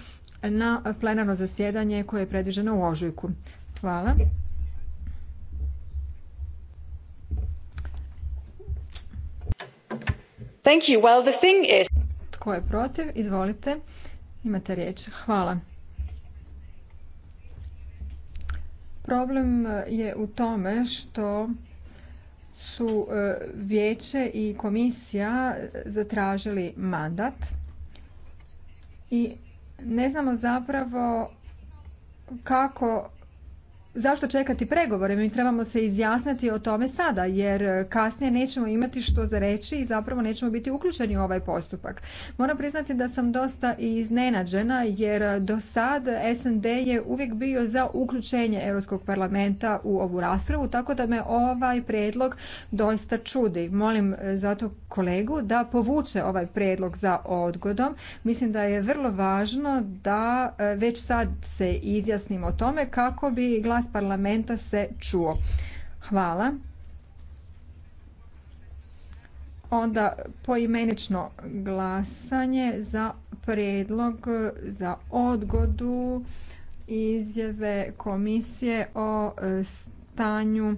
na plenarno zasjedanje koje je predviđeno u ožujku. Hvala. Thank you. Tko je protiv? Izvolite. Imate riječ. Hvala. Problem e, je u tome što su e, vijeće i komisija e, zatražili mandat i ne znamo zapravo kako zašto čekati pregovore? Mi trebamo se izjasniti o tome sada, jer kasnije nećemo imati što za reći i zapravo nećemo biti uključeni u ovaj postupak. Moram priznati da sam dosta iznenađena, jer do sad SND je uvijek bio za uključenje Europskog parlamenta u ovu raspravu, tako da me ovaj predlog doista čudi. Molim eh, zato kolegu da povuče ovaj predlog za odgodom. Mislim da je vrlo važno da eh, već sad se izjasnimo o tome kako bi glas parlamenta se čuo. Hvala. Onda poimenično glasanje za prijedlog za odgodu izjave komisije o e, stanju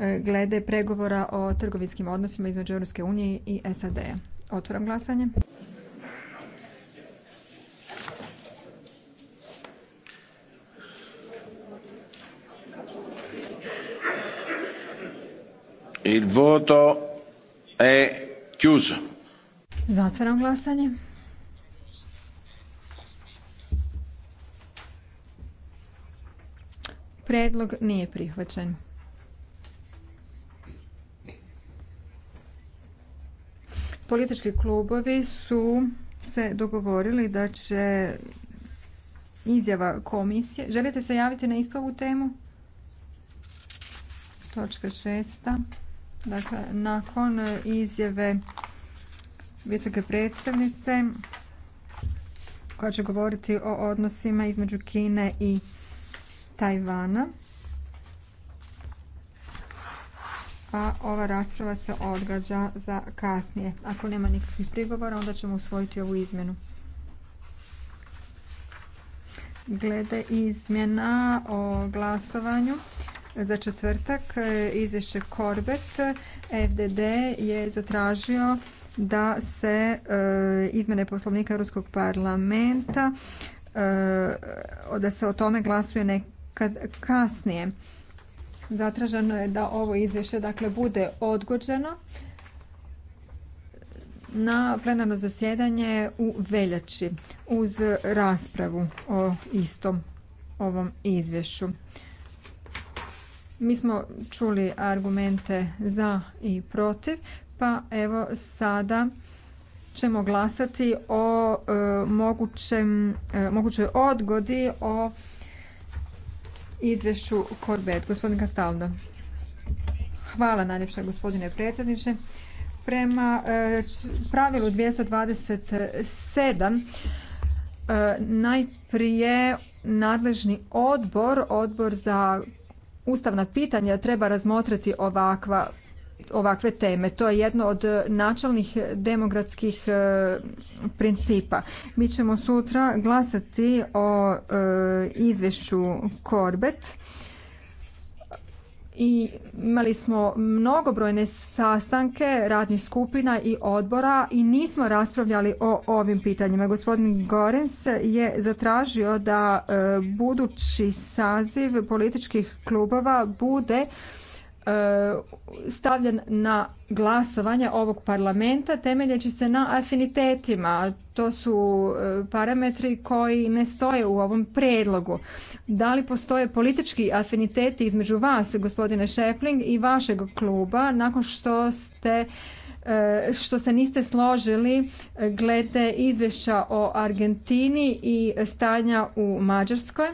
e, glede pregovora o trgovinskim odnosima između Europske unije i SAD-a. Otvaram glasanje. voto è chiuso. Zatvaram glasanje. Predlog nije prihvaćen. Politički klubovi su se dogovorili da će izjava komisije... Želite se javiti na istu ovu temu? Točka šesta. Dakle, nakon izjave visoke predstavnice koja će govoriti o odnosima između Kine i Tajvana. A ova rasprava se odgađa za kasnije. Ako nema nikakvih prigovora, onda ćemo usvojiti ovu izmjenu. Glede izmjena o glasovanju za četvrtak e, izvješće Korbet FDD je zatražio da se e, izmene poslovnika Europskog parlamenta e, da se o tome glasuje nekad kasnije. Zatraženo je da ovo izvješće dakle bude odgođeno na plenarno zasjedanje u veljači uz raspravu o istom ovom izvješću. Mi smo čuli argumente za i protiv, pa evo sada ćemo glasati o e, e, mogućoj odgodi o izvješću Korbet. Gospodin Kastaldo. Hvala najljepša gospodine predsjedniče. Prema e, pravilu 227 najprije nadležni odbor, odbor za ustavna pitanja treba razmotriti ovakva ovakve teme. To je jedno od načelnih demokratskih e, principa. Mi ćemo sutra glasati o e, izvješću Korbet i imali smo mnogobrojne sastanke radnih skupina i odbora i nismo raspravljali o ovim pitanjima. Gospodin Gorens je zatražio da e, budući saziv političkih klubova bude E, stavljen na glasovanje ovog parlamenta temeljeći se na afinitetima. To su e, parametri koji ne stoje u ovom predlogu. Da li postoje politički afiniteti između vas, gospodine Šefling, i vašeg kluba nakon što ste e, što se niste složili glede izvješća o Argentini i stanja u Mađarskoj?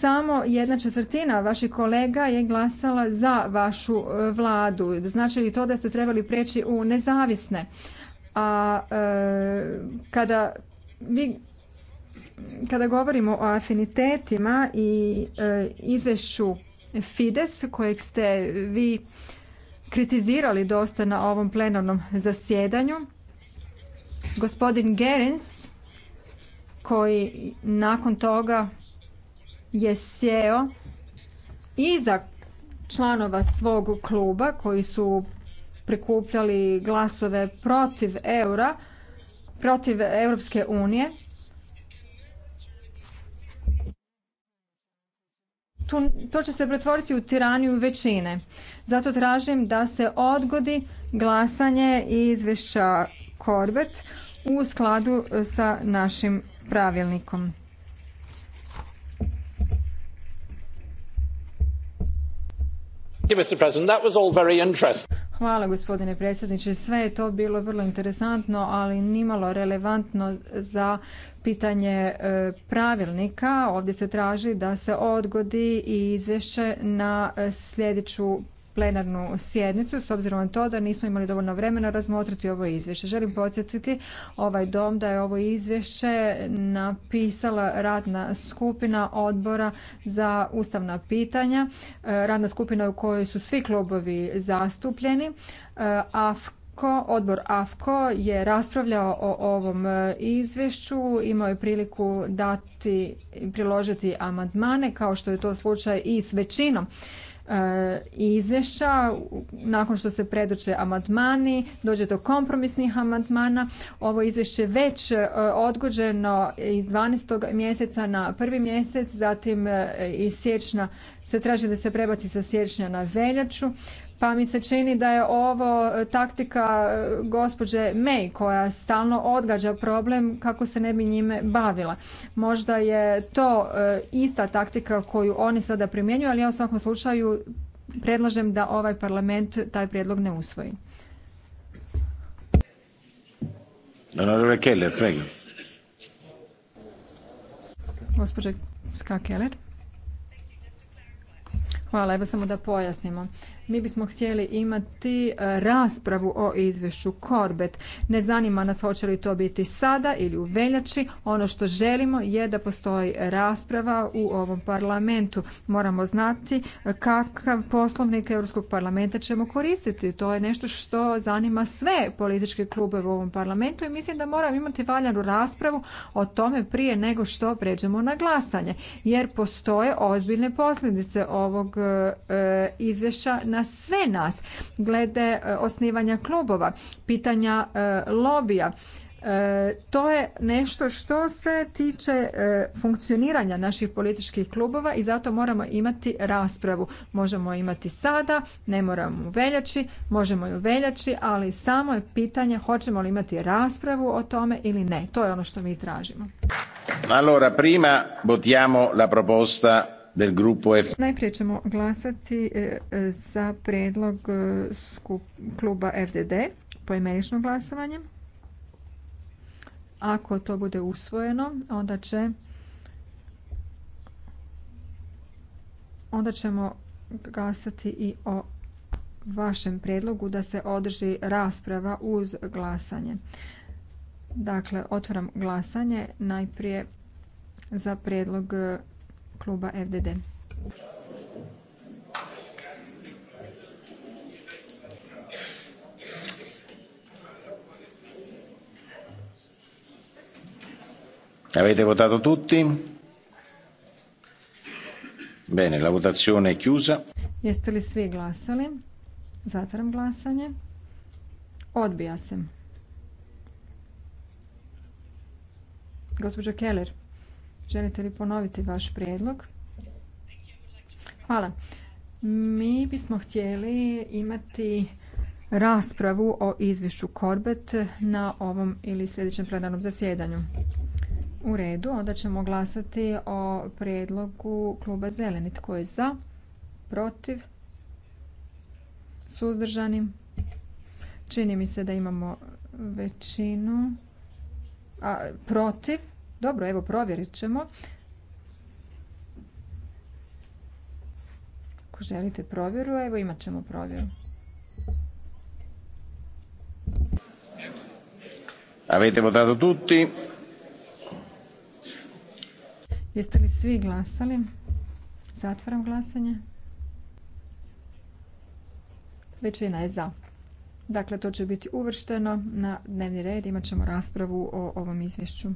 samo jedna četvrtina vaših kolega je glasala za vašu e, vladu. Znači li to da ste trebali preći u nezavisne? A e, kada vi kada govorimo o afinitetima i e, izvješću Fides kojeg ste vi kritizirali dosta na ovom plenarnom zasjedanju, gospodin Gerens koji nakon toga je sjeo iza članova svog kluba koji su prikupljali glasove protiv eura, protiv Europske unije. to će se pretvoriti u tiraniju većine. Zato tražim da se odgodi glasanje i izvješća Korbet u skladu sa našim pravilnikom. Hvala gospodine predsjedniče. Sve je to bilo vrlo interesantno, ali nimalo relevantno za pitanje e, pravilnika. Ovdje se traži da se odgodi i izvješće na e, sljedeću plenarnu sjednicu s obzirom na to da nismo imali dovoljno vremena razmotriti ovo izvješće. Želim podsjetiti ovaj dom da je ovo izvješće napisala radna skupina odbora za ustavna pitanja, eh, radna skupina u kojoj su svi klubovi zastupljeni, eh, a Odbor AFKO je raspravljao o ovom eh, izvješću, imao je priliku dati, priložiti amandmane kao što je to slučaj i s većinom E, izvješća, nakon što se predoče amandmani, dođe do kompromisnih amandmana. Ovo izvješće već e, odgođeno iz 12. mjeseca na prvi mjesec, zatim e, iz sječna se traži da se prebaci sa siječnja na veljaču pa mi se čini da je ovo e, taktika e, gospođe May koja stalno odgađa problem kako se ne bi njime bavila. Možda je to e, ista taktika koju oni sada primjenjuju, ali ja u svakom slučaju predlažem da ovaj parlament taj prijedlog ne usvoji. Hvala, evo samo da pojasnimo. Mi bismo htjeli imati e, raspravu o izvješću Korbet. Ne zanima nas hoće li to biti sada ili u veljači. Ono što želimo je da postoji rasprava u ovom parlamentu. Moramo znati e, kakav poslovnik Europskog parlamenta ćemo koristiti. To je nešto što zanima sve političke klube u ovom parlamentu i mislim da moramo imati valjanu raspravu o tome prije nego što pređemo na glasanje. Jer postoje ozbiljne posljedice ovog e, izvješća na sve nas glede e, osnivanja klubova, pitanja e, lobija. E, to je nešto što se tiče funkcioniranja naših političkih klubova i zato moramo imati raspravu. Možemo imati sada, ne moramo u veljači, možemo i u veljači, ali samo je pitanje hoćemo li imati raspravu o tome ili ne. To je ono što mi tražimo. Allora, prima votiamo proposta del grupo F. Najprije ćemo glasati e, e, za predlog e, kluba FDD poimenično glasovanjem Ako to bude usvojeno, onda će onda ćemo glasati i o vašem predlogu da se održi rasprava uz glasanje. Dakle, otvaram glasanje najprije za predlog kluba FDD. Avete votato tutti? Bene, la votazione è chiusa. Jeste li svi glasali? Zatvaram glasanje. Odbija se. Gospođa Keller. Želite li ponoviti vaš prijedlog? Hvala. Mi bismo htjeli imati raspravu o izvješću Korbet na ovom ili sljedećem plenarnom zasjedanju. U redu, onda ćemo glasati o prijedlogu kluba Zeleni. Tko je za? Protiv? Suzdržani? Čini mi se da imamo većinu. A, protiv? Dobro, evo provjerit ćemo. Ako želite provjeru, evo imat ćemo provjeru. Avete votato tutti? Jeste li svi glasali? Zatvaram glasanje. Većina je za. Dakle, to će biti uvršteno na dnevni red. Imaćemo ćemo raspravu o ovom izvješću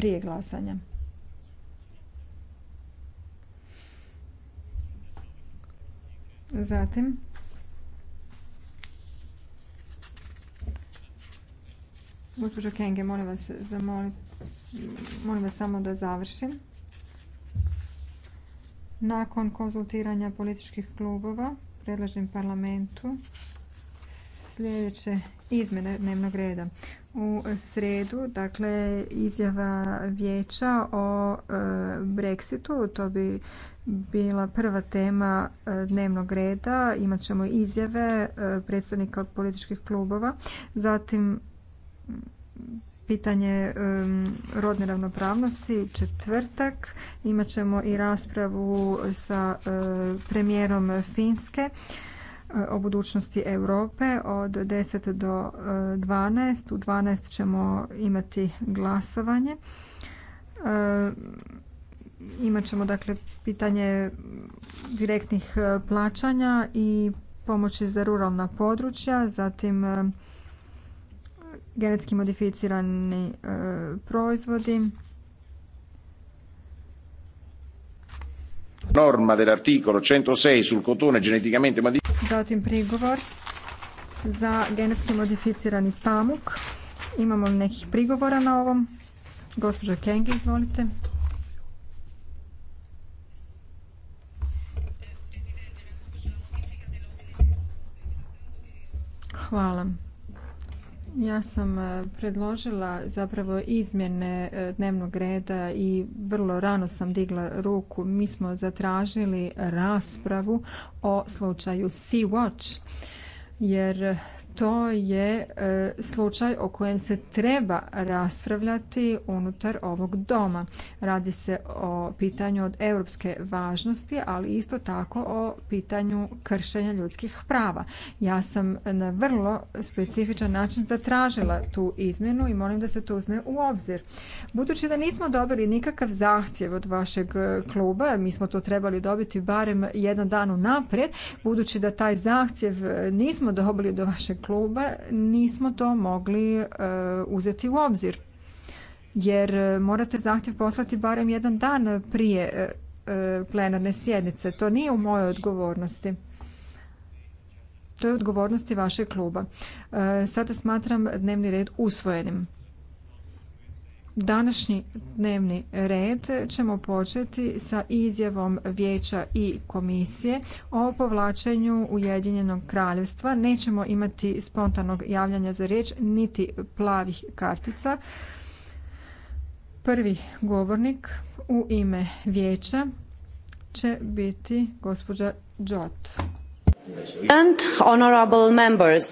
prije glasanja. Zatim Gospođo Kenge, molim vas, molim vas samo da završim. Nakon konzultiranja političkih klubova predlažem parlamentu sljedeće izmjene dnevnog reda u sredu, dakle izjava vijeća o e, Brexitu, to bi bila prva tema e, dnevnog reda, imat ćemo izjave e, predstavnika političkih klubova, zatim pitanje rodne ravnopravnosti četvrtak imat ćemo i raspravu sa premijerom Finske o budućnosti Europe od 10 do 12. E, U 12 ćemo imati glasovanje. E, imat ćemo dakle pitanje direktnih e, plaćanja i pomoći za ruralna područja, zatim genetski modificirani proizvodi, norma dell'articolo 106 sul cotone geneticamente modificato. Zatim prigovor za genetski modificirani pamuk. Imamo li nekih prigovora na ovom? Gospođo Kenge, izvolite. Hvala. Ja sam e, predložila zapravo izmjene e, dnevnog reda i vrlo rano sam digla ruku. Mi smo zatražili raspravu o slučaju Sea Watch jer to je e, slučaj o kojem se treba raspravljati unutar ovog doma. Radi se o pitanju od europske važnosti, ali isto tako o pitanju kršenja ljudskih prava. Ja sam na vrlo specifičan način zatražila tu izmjenu i molim da se to uzme u obzir. Budući da nismo dobili nikakav zahtjev od vašeg e, kluba, mi smo to trebali dobiti barem jedan dan unaprijed, budući da taj zahtjev e, nismo dobili do vašeg kluba nismo to mogli e, uzeti u obzir jer e, morate zahtjev poslati barem jedan dan prije e, plenarne sjednice. To nije u mojoj odgovornosti. To je odgovornosti vašeg kluba. Sada smatram dnevni red usvojenim. Današnji dnevni red ćemo početi sa izjavom Vijeća i Komisije o povlačenju Ujedinjenog kraljevstva. Nećemo imati spontanog javljanja za riječ niti plavih kartica. Prvi govornik u ime Vijeća će biti gospođa Džot. And honorable members,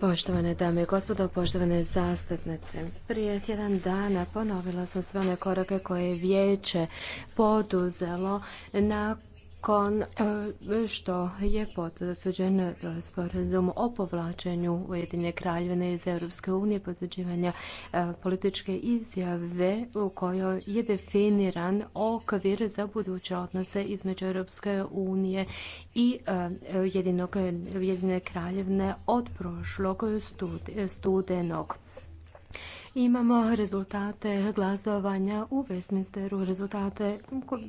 Poštovane dame i gospodo, poštovane zastupnice, prije tjedan dana ponovila sam sve one korake koje je vijeće poduzelo na nakon e, što je potvrđen e, sporazum o povlačenju Ujedine kraljevine iz Europske unije, potvrđivanja e, političke izjave u kojoj je definiran okvir za buduće odnose između Europske unije i Ujedinjene kraljevine od prošlog studenog. Imamo rezultate glasovanja u Westminsteru, rezultate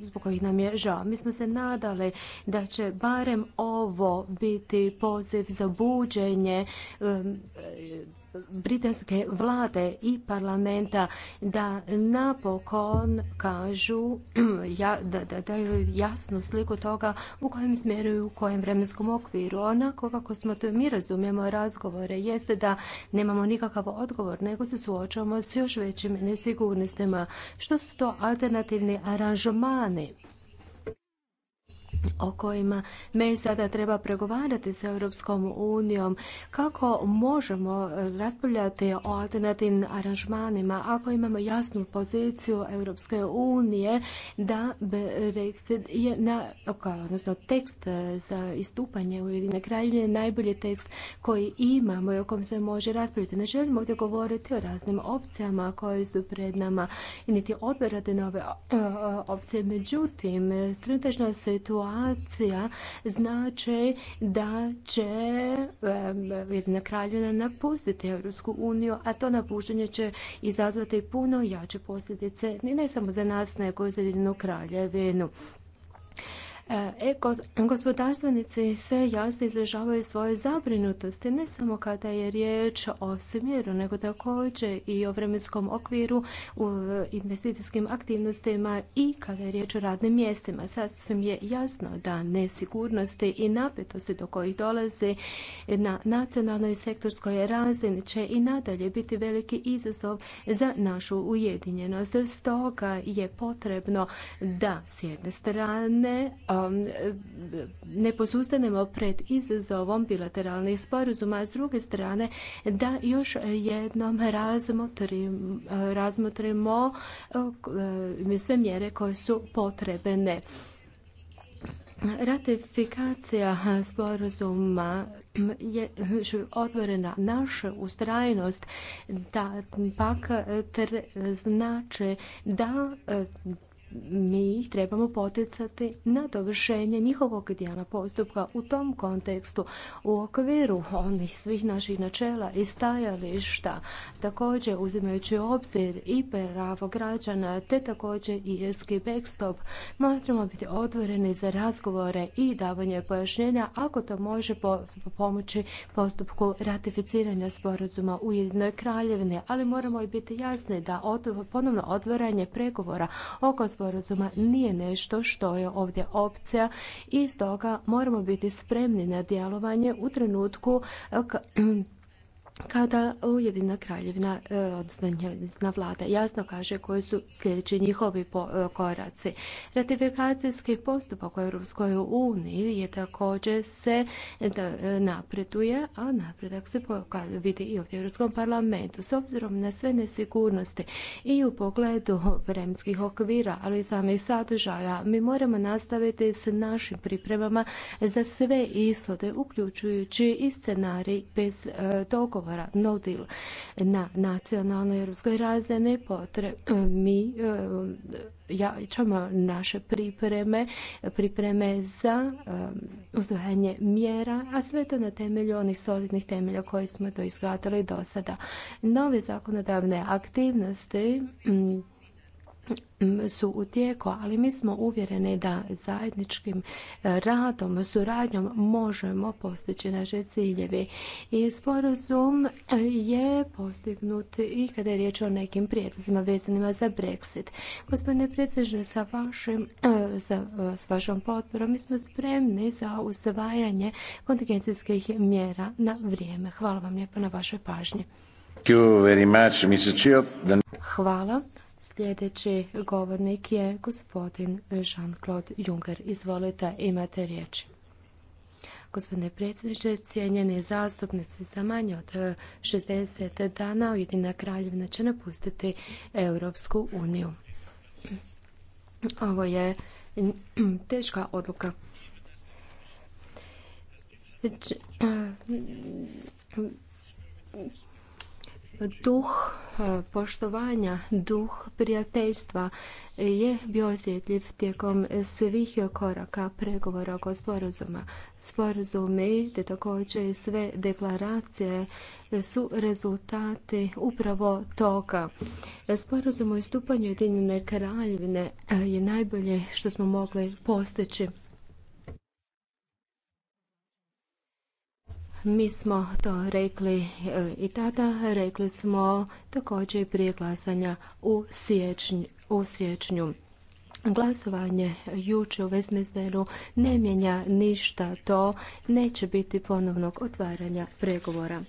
zbog kojih nam je žao. Mi smo se nadali da će barem ovo biti poziv za buđenje britanske vlade i parlamenta da napokon kažu da, da daju jasnu sliku toga u kojem smjeru i u kojem vremenskom okviru. Onako kako smo to mi razumijemo razgovore jeste da nemamo nikakav odgovor nego se suočavamo s još većim nesigurnostima. Što su to alternativni aranžmani? o kojima me sada treba pregovarati sa Europskom unijom, kako možemo e, raspravljati o alternativnim aranžmanima ako imamo jasnu poziciju Europske unije da Brexit je na, odnosno tekst e, za istupanje u jedine kraljevine najbolji tekst koji imamo i o kom se može raspraviti. Ne želimo ovdje govoriti o raznim opcijama koje su pred nama i niti otvarati nove e, opcije. Međutim, trenutačna situacija situacija znači da će jedna kraljevina napustiti Europsku uniju, a to napuštanje će izazvati puno jače posljedice, ne samo za nas, nego i za jedinu kraljevinu. E, eko, gospodarstvenici sve jasno izražavaju svoje zabrinutosti, ne samo kada je riječ o smjeru, nego također i o vremenskom okviru, u investicijskim aktivnostima i kada je riječ o radnim mjestima. Sasvim je jasno da nesigurnosti i napetosti do kojih dolazi na nacionalnoj sektorskoj razini će i nadalje biti veliki izazov za našu ujedinjenost. Stoga je potrebno da s jedne strane Um, ne posustanemo pred izazovom bilateralnih sporazuma, a s druge strane da još jednom razmotrimo uh, sve mjere koje su potrebne. Ratifikacija sporazuma je otvorena naša ustrajnost da pak znače da mi ih trebamo poticati na dovršenje njihovog dijela postupka u tom kontekstu u okviru onih svih naših načela i stajališta također uzimajući u obzir i pravo građana te također i eski backstop moramo biti otvoreni za razgovore i davanje pojašnjenja ako to može pomoći postupku ratificiranja sporazuma u jednoj kraljevini ali moramo i biti jasni da ponovno otvaranje pregovora oko sporazuma nije nešto što je ovdje opcija i stoga moramo biti spremni na djelovanje u trenutku kada Ujedina kraljevina e, odnosno njezina vlada, jasno kaže koji su sljedeći njihovi e, koraci. Ratifikacijski postupak u Europskoj uniji je također se e, napreduje, a napredak se vidi i u Europskom parlamentu. S obzirom na sve nesigurnosti i u pogledu vremenskih okvira, ali i samih sadržaja, mi moramo nastaviti s našim pripremama za sve ishode, uključujući i scenarij bez dogovora pregovora. No deal na nacionalnoj europskoj razini potreb e, mi e, jačamo naše pripreme, pripreme za e, uzvajanje mjera, a sve to na temelju onih solidnih temelja koje smo to izgradili do sada. Nove zakonodavne aktivnosti su u tijeku, ali mi smo uvjereni da zajedničkim e, radom, suradnjom možemo postići naše ciljevi. I sporazum e, je postignut i kada je riječ o nekim prijedlozima vezanima za Brexit. Gospodine predsjedniče, sa, vašim, e, sa, s vašom potporom mi smo spremni za usvajanje kontingencijskih mjera na vrijeme. Hvala vam lijepo na vašoj pažnji. Hvala. Sljedeći govornik je gospodin Jean-Claude Juncker. Izvolite, imate riječ. Gospodine predsjedniče, cijenjeni zastupnici, za manje od 60 eh, dana Ujedina kraljevina će napustiti Europsku uniju. Ovo je teška odluka. Eh, duh e, poštovanja, duh prijateljstva je bio osjetljiv tijekom svih koraka pregovora oko sporazuma. Sporazumi, te također sve deklaracije su rezultati upravo toga. Sporazum o istupanju Jedinjene kraljevine e, je najbolje što smo mogli postići. Mi smo to rekli e, i tada, rekli smo također i prije glasanja u siječnju. U siječnju. Glasovanje juče u Vesmizderu ne mijenja ništa to, neće biti ponovnog otvaranja pregovora.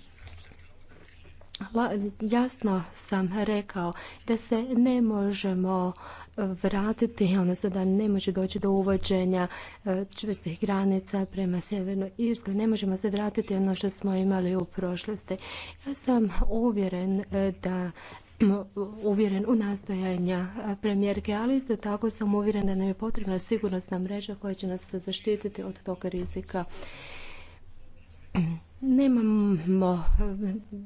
Jasno sam rekao da se ne možemo vratiti, odnosno da ne može doći do uvođenja e, čvrstih granica prema Sjevernoj Irskoj. Ne možemo se vratiti ono što smo imali u prošlosti. Ja sam uvjeren e, da uvjeren u nastojanja e, premijerke, ali isto tako sam uvjeren da nam je potrebna sigurnosna mreža koja će nas zaštititi od toga rizika nemamo,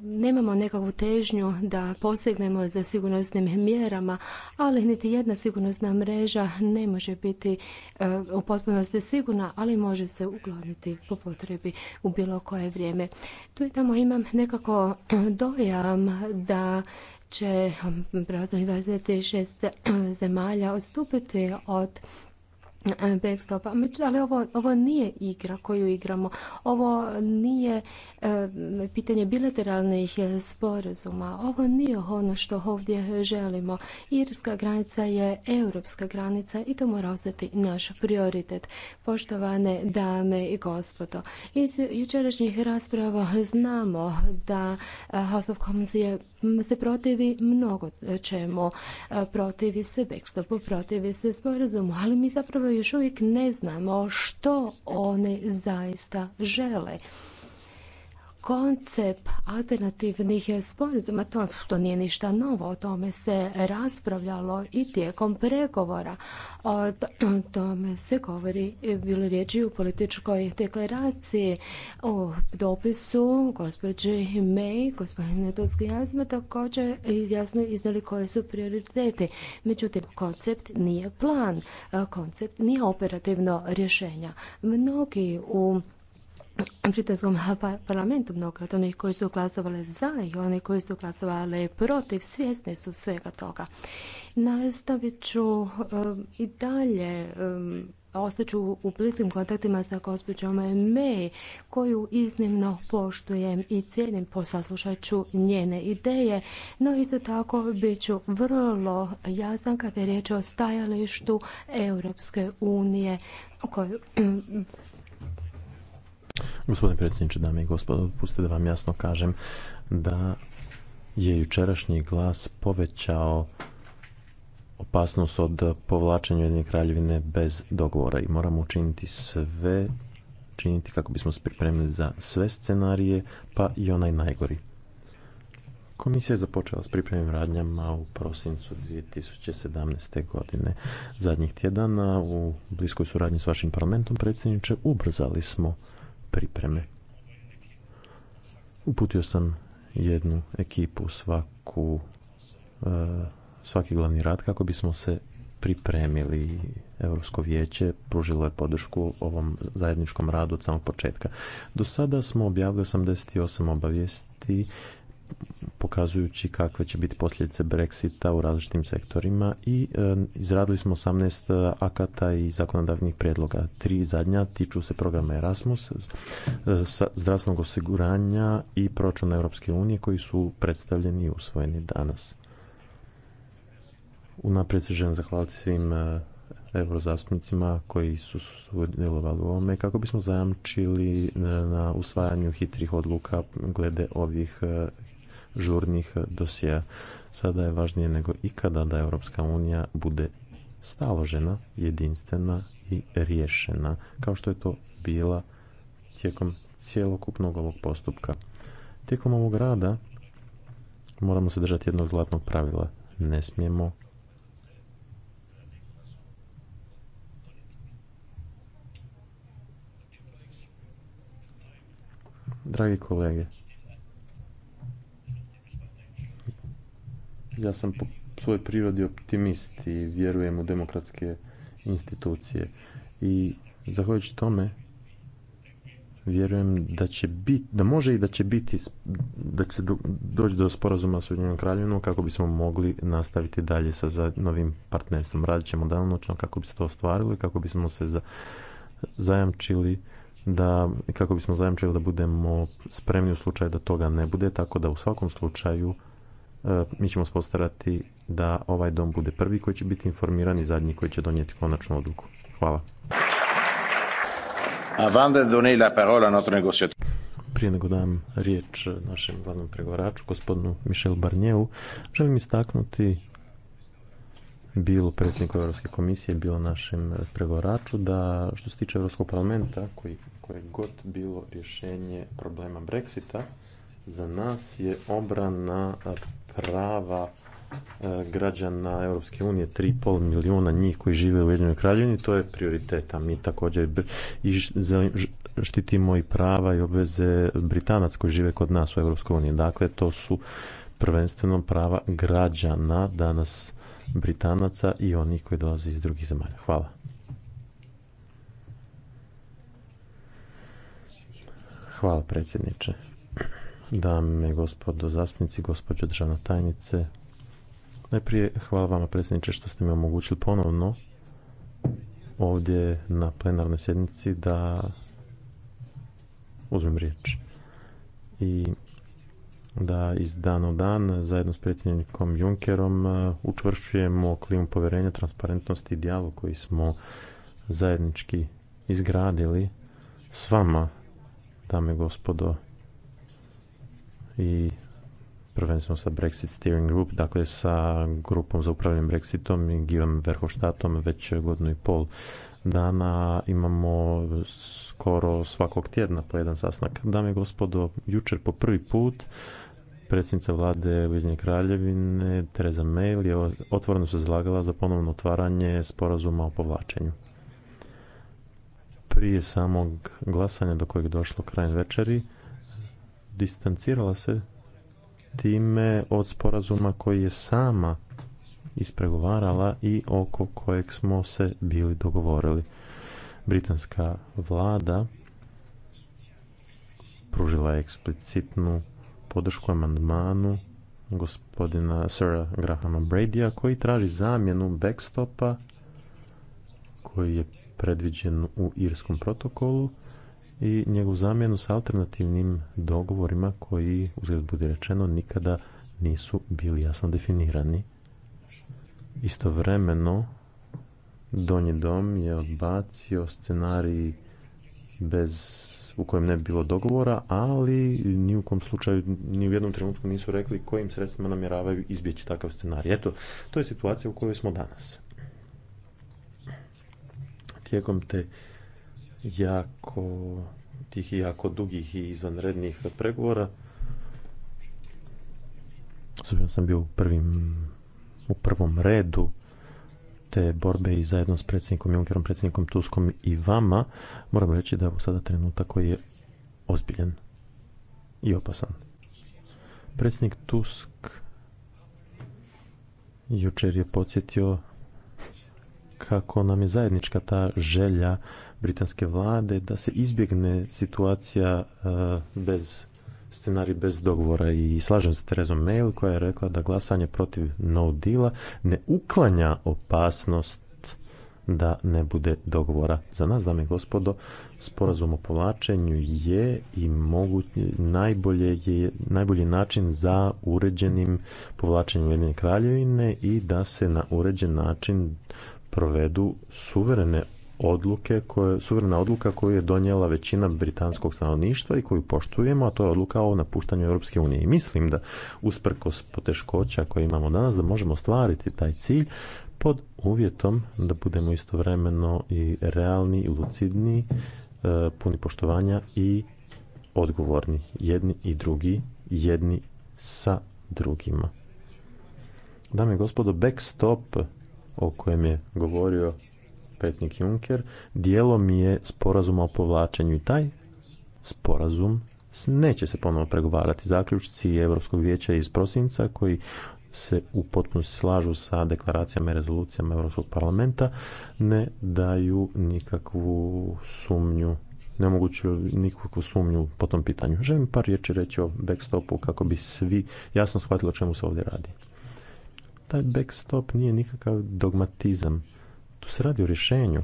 nemamo nekakvu težnju da posegnemo za sigurnosnim mjerama, ali niti jedna sigurnosna mreža ne može biti e, u potpunosti sigurna, ali može se ukloniti po potrebi u bilo koje vrijeme. Tu i tamo imam nekako e, dojam da će dvadeset 26 zemalja odstupiti od E, backstopa. Ali ovo, ovo nije igra koju igramo. Ovo nije e, pitanje bilateralnih sporazuma. Ovo nije ono što ovdje želimo. Irska granica je europska granica i to mora ostati naš prioritet. Poštovane dame i gospodo, iz jučerašnjih rasprava znamo da e, House of Commons je, se protivi mnogo čemu. Protivi se backstopu, protivi se sporazumu, ali mi zapravo još uvijek ne znamo što oni zaista žele koncept alternativnih sporazuma, to, nije ništa novo, o tome se raspravljalo i tijekom pregovora. O tome se govori, e, bilo riječi u političkoj deklaraciji, u dopisu gospođe May, gospodine Doskija smo također jasno iznali koje su prioriteti. Međutim, koncept nije plan, e, koncept nije operativno rješenja. Mnogi u britanskom pa-, parlamentu mnogo od onih koji su glasovali za i oni koji su glasovali protiv svjesni su svega toga. Nastavit ću um, i dalje um, ostaću u bliskim kontaktima sa gospođom May, koju iznimno poštujem i cijenim, posaslušat ću njene ideje, no isto tako bit ću vrlo jasan kada je riječ o stajalištu Europske unije koju Gospodine predsjedniče, dame i gospodo, pustite da vam jasno kažem da je jučerašnji glas povećao opasnost od povlačenja jedne kraljevine bez dogovora i moramo učiniti sve činiti kako bismo se pripremili za sve scenarije, pa i onaj najgori. Komisija je započela s pripremim radnjama u prosincu 2017. godine. Zadnjih tjedana u bliskoj suradnji s vašim parlamentom predsjedniče ubrzali smo pripreme. Uputio sam jednu ekipu svaku, e, svaki glavni rad kako bismo se pripremili Europsko vijeće pružilo je podršku ovom zajedničkom radu od samog početka. Do sada smo objavili 88 obavijesti pokazujući kakve će biti posljedice Brexita u različitim sektorima i e, izradili smo 18 e, akata i zakonodavnih prijedloga. Tri zadnja tiču se programa Erasmus, e, zdravstvenog osiguranja i proračuna Europske unije koji su predstavljeni i usvojeni danas. Unaprijed se želim zahvaliti svim eurozastupnicima koji su sudjelovali u ovome kako bismo zajamčili na usvajanju hitrih odluka glede ovih žurnih dosija. Sada je važnije nego ikada da Europska unija bude staložena, jedinstvena i riješena, kao što je to bila tijekom cijelokupnog ovog postupka. Tijekom ovog rada moramo se držati jednog zlatnog pravila. Ne smijemo Dragi kolege, Ja sam po svojoj prirodi optimist i vjerujem u demokratske institucije. I zahvaljujući tome vjerujem da će biti, da može i da će biti, da će doći do sporazuma s Ujedinjenom kraljevinom kako bismo mogli nastaviti dalje sa novim partnerstvom. Radit ćemo danonoćno kako bi se to ostvarilo i kako bismo se zajamčili da, kako bismo zajamčili da budemo spremni u slučaju da toga ne bude, tako da u svakom slučaju E, mi ćemo spostarati da ovaj dom bude prvi koji će biti informiran i zadnji koji će donijeti konačnu odluku. Hvala. Prije nego dam riječ našem glavnom pregovaraču, gospodinu Michel Barnjevu, želim istaknuti bilo predsjedniku Europske komisije, bilo našem pregovaraču, da što se tiče Europskog parlamenta, koji, koje god bilo rješenje problema Brexita, za nas je obrana prava e, građana Europske unije, 3,5 milijuna njih koji žive u Ujedinjenoj kraljevini, to je prioritet. A Mi također i štitimo i prava i obveze Britanac koji žive kod nas u Europskoj uniji. Dakle, to su prvenstveno prava građana danas Britanaca i onih koji dolaze iz drugih zemalja. Hvala. Hvala predsjedniče dame, gospodo zastupnici, gospođo državna tajnice. Najprije hvala vama predsjedniče što ste mi omogućili ponovno ovdje na plenarnoj sjednici da uzmem riječ i da iz dana u dan zajedno s predsjednikom Junkerom učvršćujemo klimu povjerenja, transparentnosti i dijalog koji smo zajednički izgradili s vama, dame gospodo i prvenstveno sa Brexit Steering Group, dakle sa grupom za upravljanje Brexitom i Gijom Verhoštatom već godinu i pol dana imamo skoro svakog tjedna po jedan sastanak. Dame i gospodo, jučer po prvi put predsjednica vlade Ujedinje kraljevine Tereza Mail, je otvoreno se zalagala za ponovno otvaranje sporazuma o povlačenju. Prije samog glasanja do kojeg je došlo krajem večeri, distancirala se time od sporazuma koji je sama ispregovarala i oko kojeg smo se bili dogovorili. Britanska vlada pružila je eksplicitnu podršku amandmanu gospodina Sira Grahama Bradya koji traži zamjenu backstopa koji je predviđen u irskom protokolu i njegovu zamjenu sa alternativnim dogovorima koji, uzgled bude rečeno, nikada nisu bili jasno definirani. Istovremeno, Donji dom je odbacio scenarij bez u kojem ne bi bilo dogovora, ali ni u kom slučaju, ni u jednom trenutku nisu rekli kojim sredstvima namjeravaju izbjeći takav scenarij. Eto, to je situacija u kojoj smo danas. Tijekom te jako tih i jako dugih i izvanrednih pregovora. S sam bio u, prvim, u prvom redu te borbe i zajedno s predsjednikom Junkerom, predsjednikom Tuskom i vama, moram reći da je ovo sada trenutak koji je ozbiljen i opasan. Predsjednik Tusk jučer je podsjetio kako nam je zajednička ta želja britanske vlade da se izbjegne situacija e, bez scenarij bez dogovora i slažem se Terezom Mail koja je rekla da glasanje protiv no deala ne uklanja opasnost da ne bude dogovora. Za nas, dame i gospodo, sporazum o povlačenju je i mogu, najbolje je, najbolji način za uređenim povlačenjem Ujedinjene kraljevine i da se na uređen način provedu suverene odluke koje, suverena odluka koju je donijela većina britanskog stanovništva i koju poštujemo, a to je odluka o napuštanju Europske unije. I mislim da usprkos poteškoća koje imamo danas da možemo ostvariti taj cilj pod uvjetom da budemo istovremeno i realni i lucidni, e, puni poštovanja i odgovorni jedni i drugi, jedni sa drugima. Dame i gospodo, backstop o kojem je govorio predsjednik Juncker, dijelom je sporazuma o povlačenju i taj sporazum neće se ponovno pregovarati. Zaključci Europskog vijeća iz prosinca koji se u potpunosti slažu sa deklaracijama i rezolucijama Europskog parlamenta ne daju nikakvu sumnju ne moguću nikakvu sumnju po tom pitanju. Želim par riječi reći o backstopu kako bi svi jasno shvatili o čemu se ovdje radi. Taj backstop nije nikakav dogmatizam. Tu se radi o rješenju,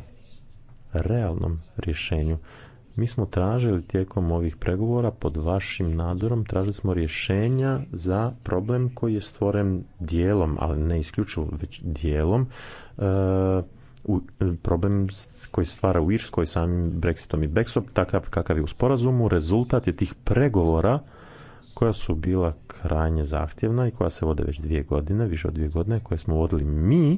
realnom rješenju. Mi smo tražili tijekom ovih pregovora pod vašim nadzorom, tražili smo rješenja za problem koji je stvoren dijelom, ali ne isključivo već dijelom, e, u, problem koji stvara u Irskoj samim Brexitom i Backstop, takav kakav je u sporazumu, rezultat je tih pregovora koja su bila krajnje zahtjevna i koja se vode već dvije godine, više od dvije godine, koje smo vodili mi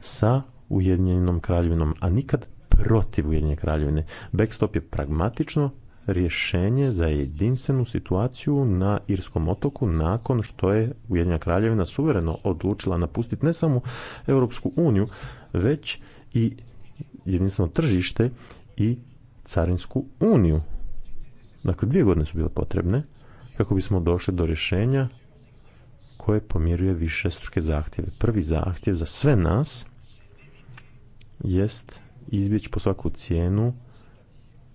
sa Ujedinjenom kraljevinom, a nikad protiv Ujedinjene kraljevine. Backstop je pragmatično rješenje za jedinstvenu situaciju na Irskom otoku nakon što je Ujedinjena kraljevina suvereno odlučila napustiti ne samo Europsku uniju, već i jedinstveno tržište i carinsku uniju. Dakle, dvije godine su bile potrebne kako bismo došli do rješenja koje pomiruje više struke zahtjeve. Prvi zahtjev za sve nas jest izbjeći po svaku cijenu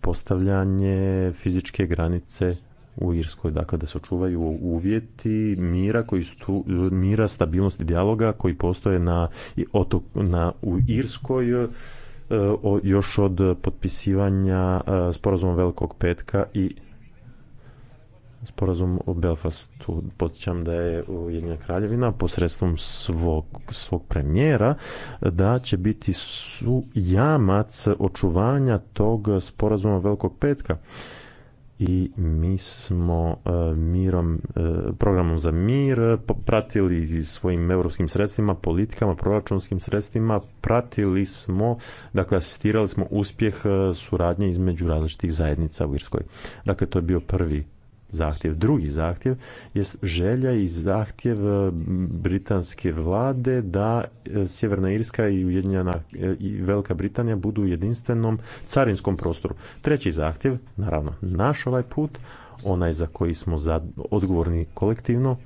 postavljanje fizičke granice u Irskoj, dakle da se očuvaju uvjeti mira, koji stu, mira stabilnosti dijaloga koji postoje na, otok, na, u Irskoj e, još od potpisivanja e, sporazuma Velikog petka i sporazum o Belfastu. Podsjećam da je Ujedinjena kraljevina posredstvom svog, svog premijera da će biti su jamac očuvanja tog sporazuma Velikog petka. I mi smo e, mirom, e, programom za mir pratili svojim europskim sredstvima, politikama, proračunskim sredstvima, pratili smo, dakle asistirali smo uspjeh e, suradnje između različitih zajednica u Irskoj. Dakle, to je bio prvi zahtjev. Drugi zahtjev je želja i zahtjev e, britanske vlade da e, Sjeverna Irska i Ujedinjena e, i Velika Britanija budu u jedinstvenom carinskom prostoru. Treći zahtjev, naravno naš ovaj put, onaj za koji smo odgovorni kolektivno,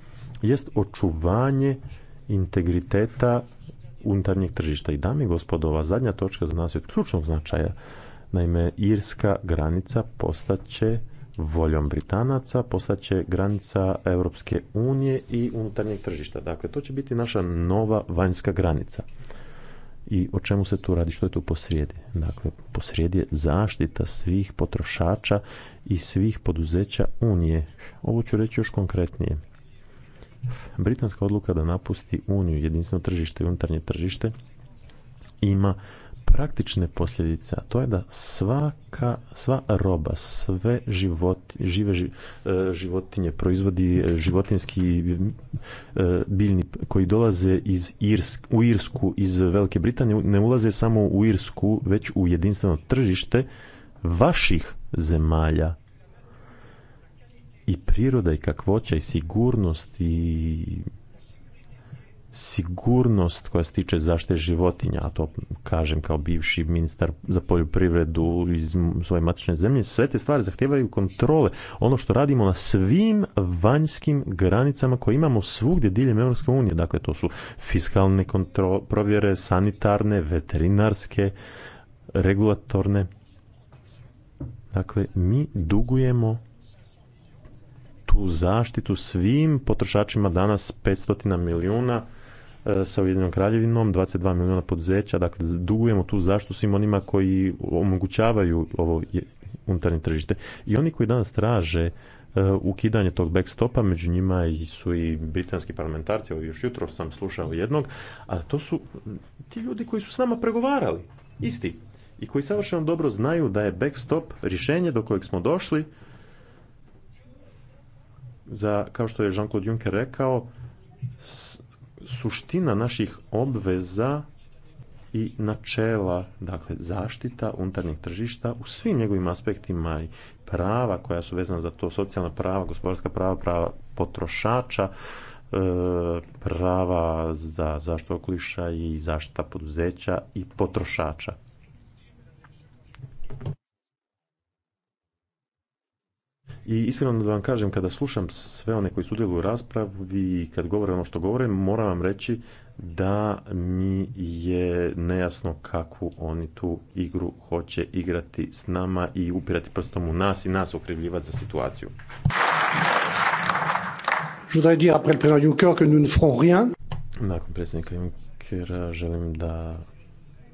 jest očuvanje integriteta unutarnjeg tržišta. I dame i gospodo, ova zadnja točka za nas je od ključnog značaja. Naime, irska granica postaće voljom Britanaca će granica Europske unije i unutarnjeg tržišta. Dakle, to će biti naša nova vanjska granica. I o čemu se tu radi? Što je tu posrijedi? Dakle, posrijedi je zaštita svih potrošača i svih poduzeća Unije. Ovo ću reći još konkretnije. Britanska odluka da napusti Uniju, jedinstveno tržište i unutarnje tržište, ima praktične posljedice, a to je da svaka, sva roba, sve život, žive e, životinje, proizvodi e, životinski e, biljni koji dolaze iz u Irsku iz Velike Britanije, ne ulaze samo u Irsku, već u jedinstveno tržište vaših zemalja i priroda i kakvoća i sigurnost i sigurnost koja se tiče zaštite životinja, a to kažem kao bivši ministar za poljoprivredu iz svoje matične zemlje, sve te stvari zahtijevaju kontrole. Ono što radimo na svim vanjskim granicama koje imamo svugdje diljem Europske unije, dakle to su fiskalne provjere, sanitarne, veterinarske, regulatorne. Dakle, mi dugujemo tu zaštitu svim potrošačima danas 500 milijuna E, sa Ujedinom kraljevinom, 22 milijuna poduzeća, dakle dugujemo tu zaštu svim onima koji omogućavaju ovo unutarnje tržište. I oni koji danas traže e, ukidanje tog backstopa, među njima su i britanski parlamentarci, evo još jutro sam slušao jednog, a to su ti ljudi koji su s nama pregovarali, isti, i koji savršeno dobro znaju da je backstop rješenje do kojeg smo došli, za, kao što je Jean-Claude Juncker rekao, suština naših obveza i načela, dakle zaštita unutarnjeg tržišta u svim njegovim aspektima i prava koja su vezana za to, socijalna prava, gospodarska prava, prava potrošača, e, prava za zaštitu okoliša i zaštita poduzeća i potrošača. I iskreno da vam kažem, kada slušam sve one koji sudjeluju u raspravi i kad govore ono što govore, moram vam reći da mi je nejasno kakvu oni tu igru hoće igrati s nama i upirati prstom u nas i nas okrivljivati za situaciju. Nakon predsjednika Junckera želim da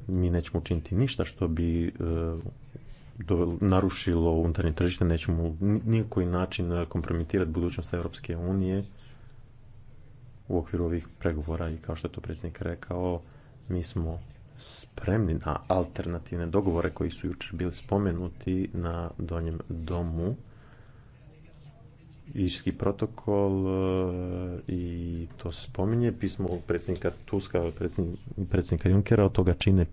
mi nećemo učiniti ništa što bi e, do, narušilo unutarnje tržište, nećemo nikoji način eh, kompromitirati budućnost Europske unije u okviru ovih pregovora i kao što je to predsjednik rekao, mi smo spremni na alternativne dogovore koji su jučer bili spomenuti na Donjem domu Iški protokol e, i to spominje pismo predsjednika Tuska, predsjednika Junkera, od toga čine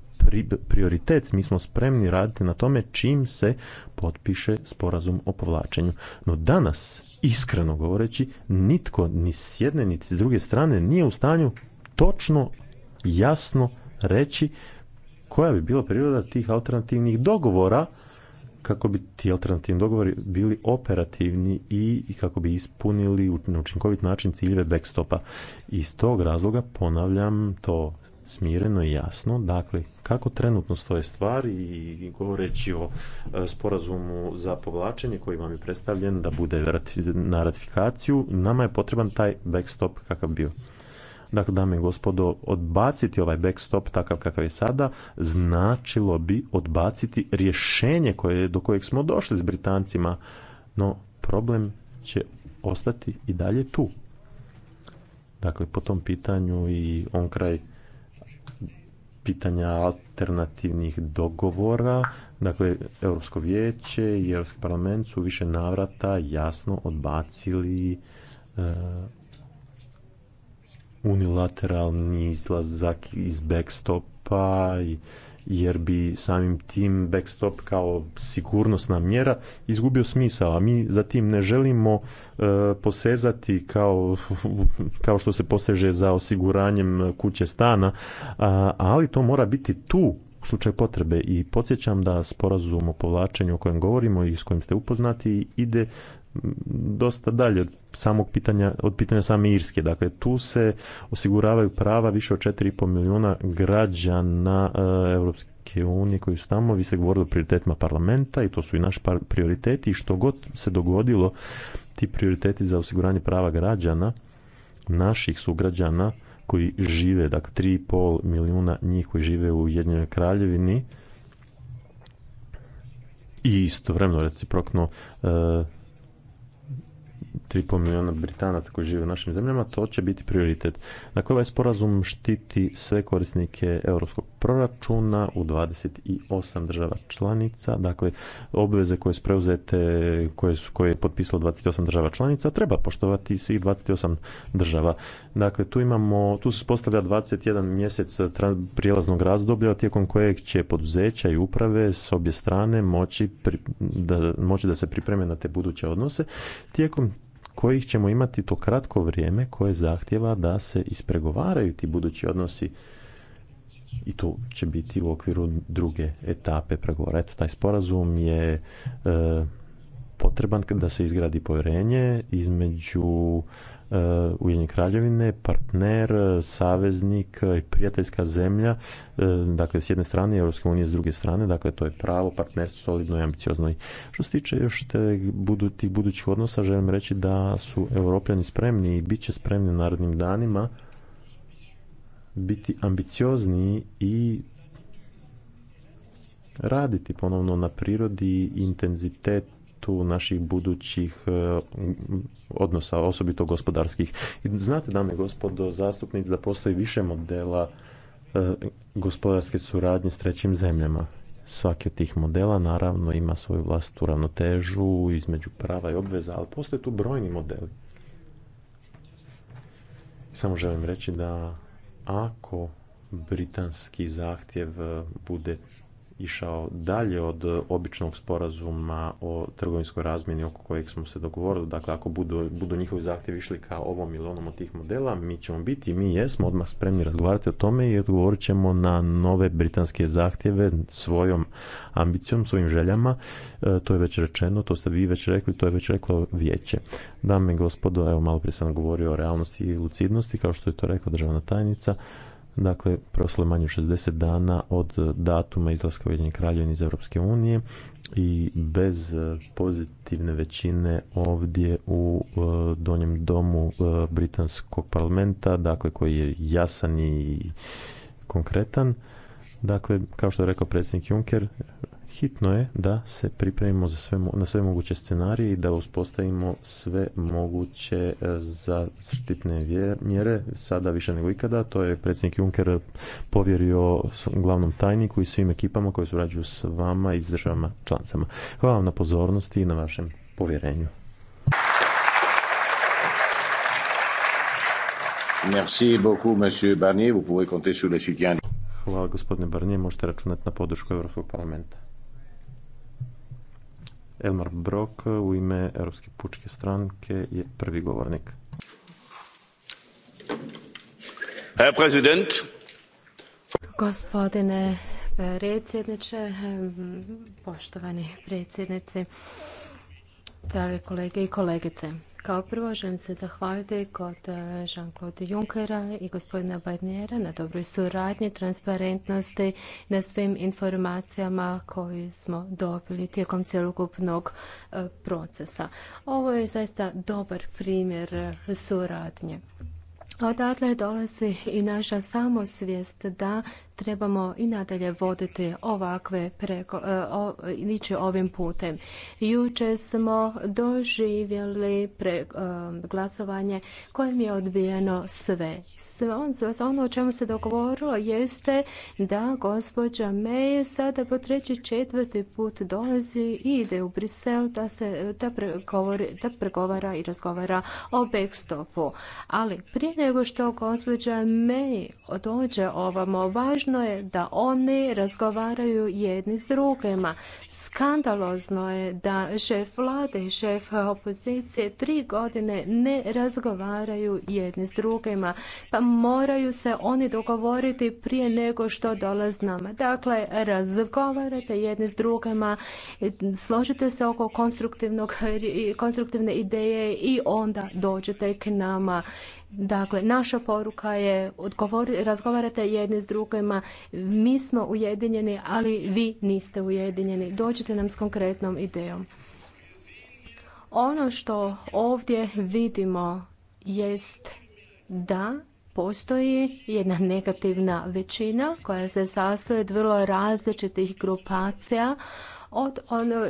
prioritet. Mi smo spremni raditi na tome čim se potpiše sporazum o povlačenju. No danas, iskreno govoreći, nitko ni s jedne ni s druge strane nije u stanju točno, jasno reći koja bi bila priroda tih alternativnih dogovora kako bi ti alternativni dogovori bili operativni i, kako bi ispunili na učinkovit način ciljeve backstopa. Iz tog razloga ponavljam to smireno i jasno. Dakle, kako trenutno stoje stvari i govoreći o e, sporazumu za povlačenje koji vam je predstavljen da bude na ratifikaciju, nama je potreban taj backstop kakav bio. Dakle, dame i gospodo, odbaciti ovaj backstop takav kakav je sada značilo bi odbaciti rješenje koje, do kojeg smo došli s Britancima, no problem će ostati i dalje tu. Dakle, po tom pitanju i on kraj pitanja alternativnih dogovora, dakle, Europsko vijeće i Europski parlament su više navrata jasno odbacili e, unilateralni izlazak iz backstopa jer bi samim tim backstop kao sigurnosna mjera izgubio smisao, a mi za tim ne želimo e, posezati kao, kao što se poseže za osiguranjem kuće stana, ali to mora biti tu u slučaju potrebe i podsjećam da sporazum o povlačenju o kojem govorimo i s kojim ste upoznati ide dosta dalje od samog pitanja, od pitanja same Irske. Dakle, tu se osiguravaju prava više od 4,5 milijuna građana eh, Europske unije koji su tamo. Vi ste govorili o prioritetima parlamenta i to su i naši prioriteti i što god se dogodilo, ti prioriteti za osiguranje prava građana, naših sugrađana koji žive, dakle 3,5 milijuna njih koji žive u Ujedinjenoj kraljevini i istovremeno reciprokno eh, 3,5 milijuna Britanaca koji žive u našim zemljama, to će biti prioritet. Dakle, ovaj sporazum štiti sve korisnike europskog proračuna u 28 država članica. Dakle, obveze koje su preuzete, koje, su, koje je potpisalo 28 država članica, treba poštovati svih 28 država. Dakle, tu imamo, tu se postavlja 21 mjesec prijelaznog razdoblja tijekom kojeg će poduzeća i uprave s obje strane moći, da, moći da se pripreme na te buduće odnose. Tijekom kojih ćemo imati to kratko vrijeme koje zahtjeva da se ispregovaraju ti budući odnosi i to će biti u okviru druge etape pregovora. Eto, taj sporazum je e, potreban da se izgradi povjerenje između Uh, Ujedinjene kraljevine, partner, uh, saveznik uh, i prijateljska zemlja, dakle s jedne strane i Europske unije s druge strane, dakle to je pravo partnerstvo solidno i ambiciozno. Što se tiče još te budu, tih budućih odnosa, želim reći da su europljani spremni i bit će spremni u narednim danima biti ambiciozni i raditi ponovno na prirodi, intenzitet tu naših budućih e, odnosa, osobito gospodarskih. I znate, dame i gospodo, zastupnici, da postoji više modela e, gospodarske suradnje s trećim zemljama. Svaki od tih modela naravno ima svoju vlastitu ravnotežu između prava i obveza, ali postoje tu brojni modeli. Samo želim reći da ako britanski zahtjev bude išao dalje od običnog sporazuma o trgovinskoj razmjeni oko kojeg smo se dogovorili. Dakle, ako budu, njihovi zahtjevi išli ka ovom ili onom od tih modela, mi ćemo biti, mi jesmo odmah spremni razgovarati o tome i odgovorit ćemo na nove britanske zahtjeve svojom ambicijom, svojim željama. E, to je već rečeno, to ste vi već rekli, to je već reklo vijeće. Dame i gospodo, evo malo prije sam govorio o realnosti i lucidnosti, kao što je to rekla državna tajnica dakle prosle manje 60 dana od e, datuma izlaska Ujedinjene kraljevine iz Europske unije i bez e, pozitivne većine ovdje u e, donjem domu britanskog parlamenta, dakle koji je jasan i konkretan. Dakle, kao što je rekao predsjednik Juncker, Hitno je da se pripremimo za sve, na sve moguće scenarije i da uspostavimo sve moguće e, zaštitne mjere, sada više nego ikada. To je predsjednik Juncker povjerio glavnom tajniku i svim ekipama koji surađuju s vama i s državama člancama. Hvala vam na pozornosti i na vašem povjerenju. Merci beaucoup, monsieur Barnier. Vous pouvez compter sur Hvala gospodine Barnier, možete računati na podršku Europskog parlamenta. Elmar Brok u ime Europske pučke stranke je prvi govornik. Herr Präsident. Gospodine predsjedniče, poštovani predsjednici, drage kolege i kolegice. Kao prvo želim se zahvaliti kod e, Jean-Claude Junckera i gospodina Barniera na dobroj suradnji, transparentnosti, na svim informacijama koje smo dobili tijekom cjelokupnog e, procesa. Ovo je zaista dobar primjer e, suradnje. Odatle dolazi i naša samosvijest da trebamo i nadalje voditi ovakve preko, e, ići ovim putem. Juče smo doživjeli pre, e, glasovanje kojim je odbijeno sve. sve on, ono o čemu se dogovorilo jeste da gospođa May sada po treći četvrti put dolazi i ide u Brisel da se da, pregovara i razgovara o backstopu. Ali prije nego što gospođa May dođe ovamo, važno je da oni razgovaraju jedni s drugima. Skandalozno je da šef vlade i šef opozicije tri godine ne razgovaraju jedni s drugima. Pa moraju se oni dogovoriti prije nego što dolaze nama. Dakle, razgovarate jedni s drugima, složite se oko konstruktivne ideje i onda dođete k nama. Dakle, naša poruka je, odgovori, razgovarate jedni s drugima, mi smo ujedinjeni, ali vi niste ujedinjeni. Dođite nam s konkretnom idejom. Ono što ovdje vidimo jest da postoji jedna negativna većina koja se sastoji od vrlo različitih grupacija od ono,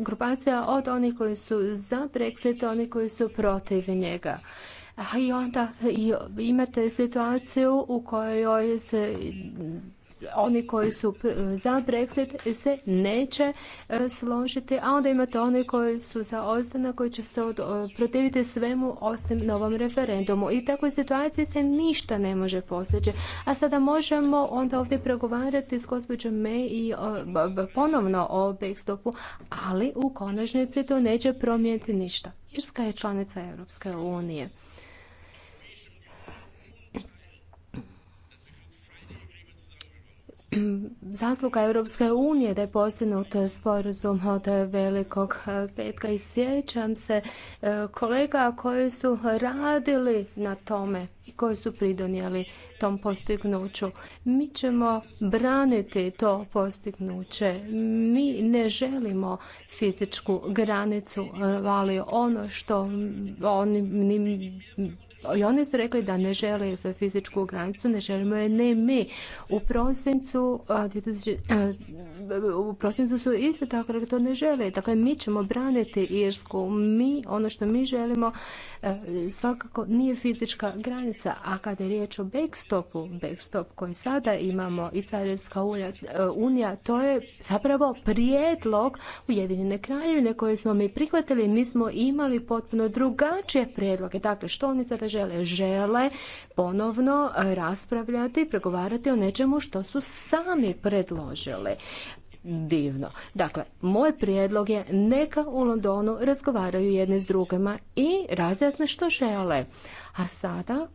grupacija od onih koji su za Brexit, oni koji su protiv njega i onda imate situaciju u kojoj se oni koji su za Brexit se neće e, složiti, a onda imate oni koji su za ostanak, koji će se protiviti svemu osim novom referendumu. I takvoj situaciji se ništa ne može postići. A sada možemo onda ovdje pregovarati s gospođom May i ponovno o backstopu, ali u konačnici to neće promijeniti ništa. Irska je članica Europske unije. zasluga Europske unije da je postignut sporazum od velikog e, petka i sjećam se e, kolega koji su radili na tome i koji su pridonijeli tom postignuću. Mi ćemo braniti to postignuće. Mi ne želimo fizičku granicu, e, ali ono što oni i oni su rekli da ne žele fizičku granicu, ne želimo je ne mi. U prosincu, u prosincu su isto tako rekli to ne žele. Dakle, mi ćemo braniti Irsku. Mi, ono što mi želimo, e, svakako nije fizička granica. A kada je riječ o backstopu, backstop koji sada imamo i Carinska e, unija, to je zapravo prijedlog Ujedinjene kraljevine koje smo mi prihvatili. Mi smo imali potpuno drugačije prijedloge. Dakle, što oni sada žele. Žele ponovno raspravljati, i pregovarati o nečemu što su sami predložili divno. Dakle, moj prijedlog je neka u Londonu razgovaraju jedne s drugima i razjasne što žele. A sada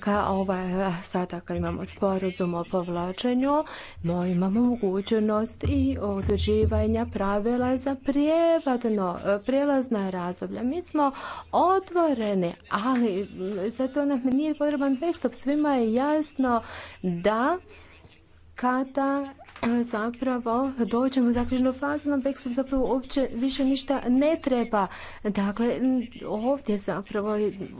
kao ovaj, sada kad imamo sporazum o povlačenju, imamo mogućnost i određivanja pravila za prijevadno, e, prijelazna razdoblja. Mi smo otvoreni, ali za to nam nije potreban tekstup. Svima je jasno da kada zapravo dođemo u zaključnu fazu nam backstop zapravo uopće više ništa ne treba. Dakle, ovdje zapravo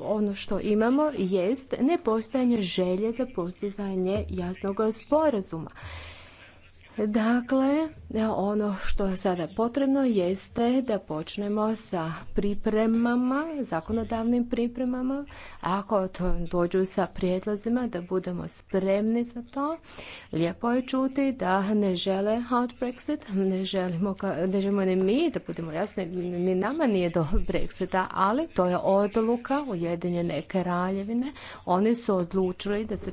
ono što imamo jest nepostojanje želje za postizanje jasnog sporazuma. Dakle, ono što je sada potrebno jeste da počnemo sa pripremama, zakonodavnim pripremama. Ako to dođu sa prijedlozima, da budemo spremni za to. Lijepo je čuti da ne žele hard Brexit, ne želimo, želimo ni mi, da budemo jasni, ni nama nije do Brexita, ali to je odluka Ujedinjene kraljevine. Oni su odlučili da se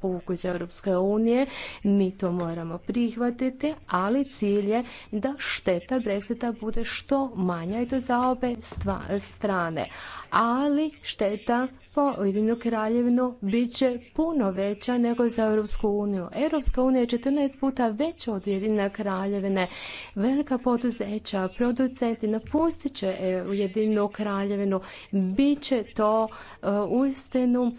povuku iz Europske unije. Mi to moramo prihvatiti, ali cilj je da šteta Brexita bude što manja i to za obe strane. Ali šteta po Ujedinjenu kraljevinu bit će puno veća nego za Europsku uniju. Europska unija je 14 puta veća od Ujedinjene kraljevine. Velika poduzeća, producenti napustit će e, Ujedinjenu kraljevinu. će to e, uistinu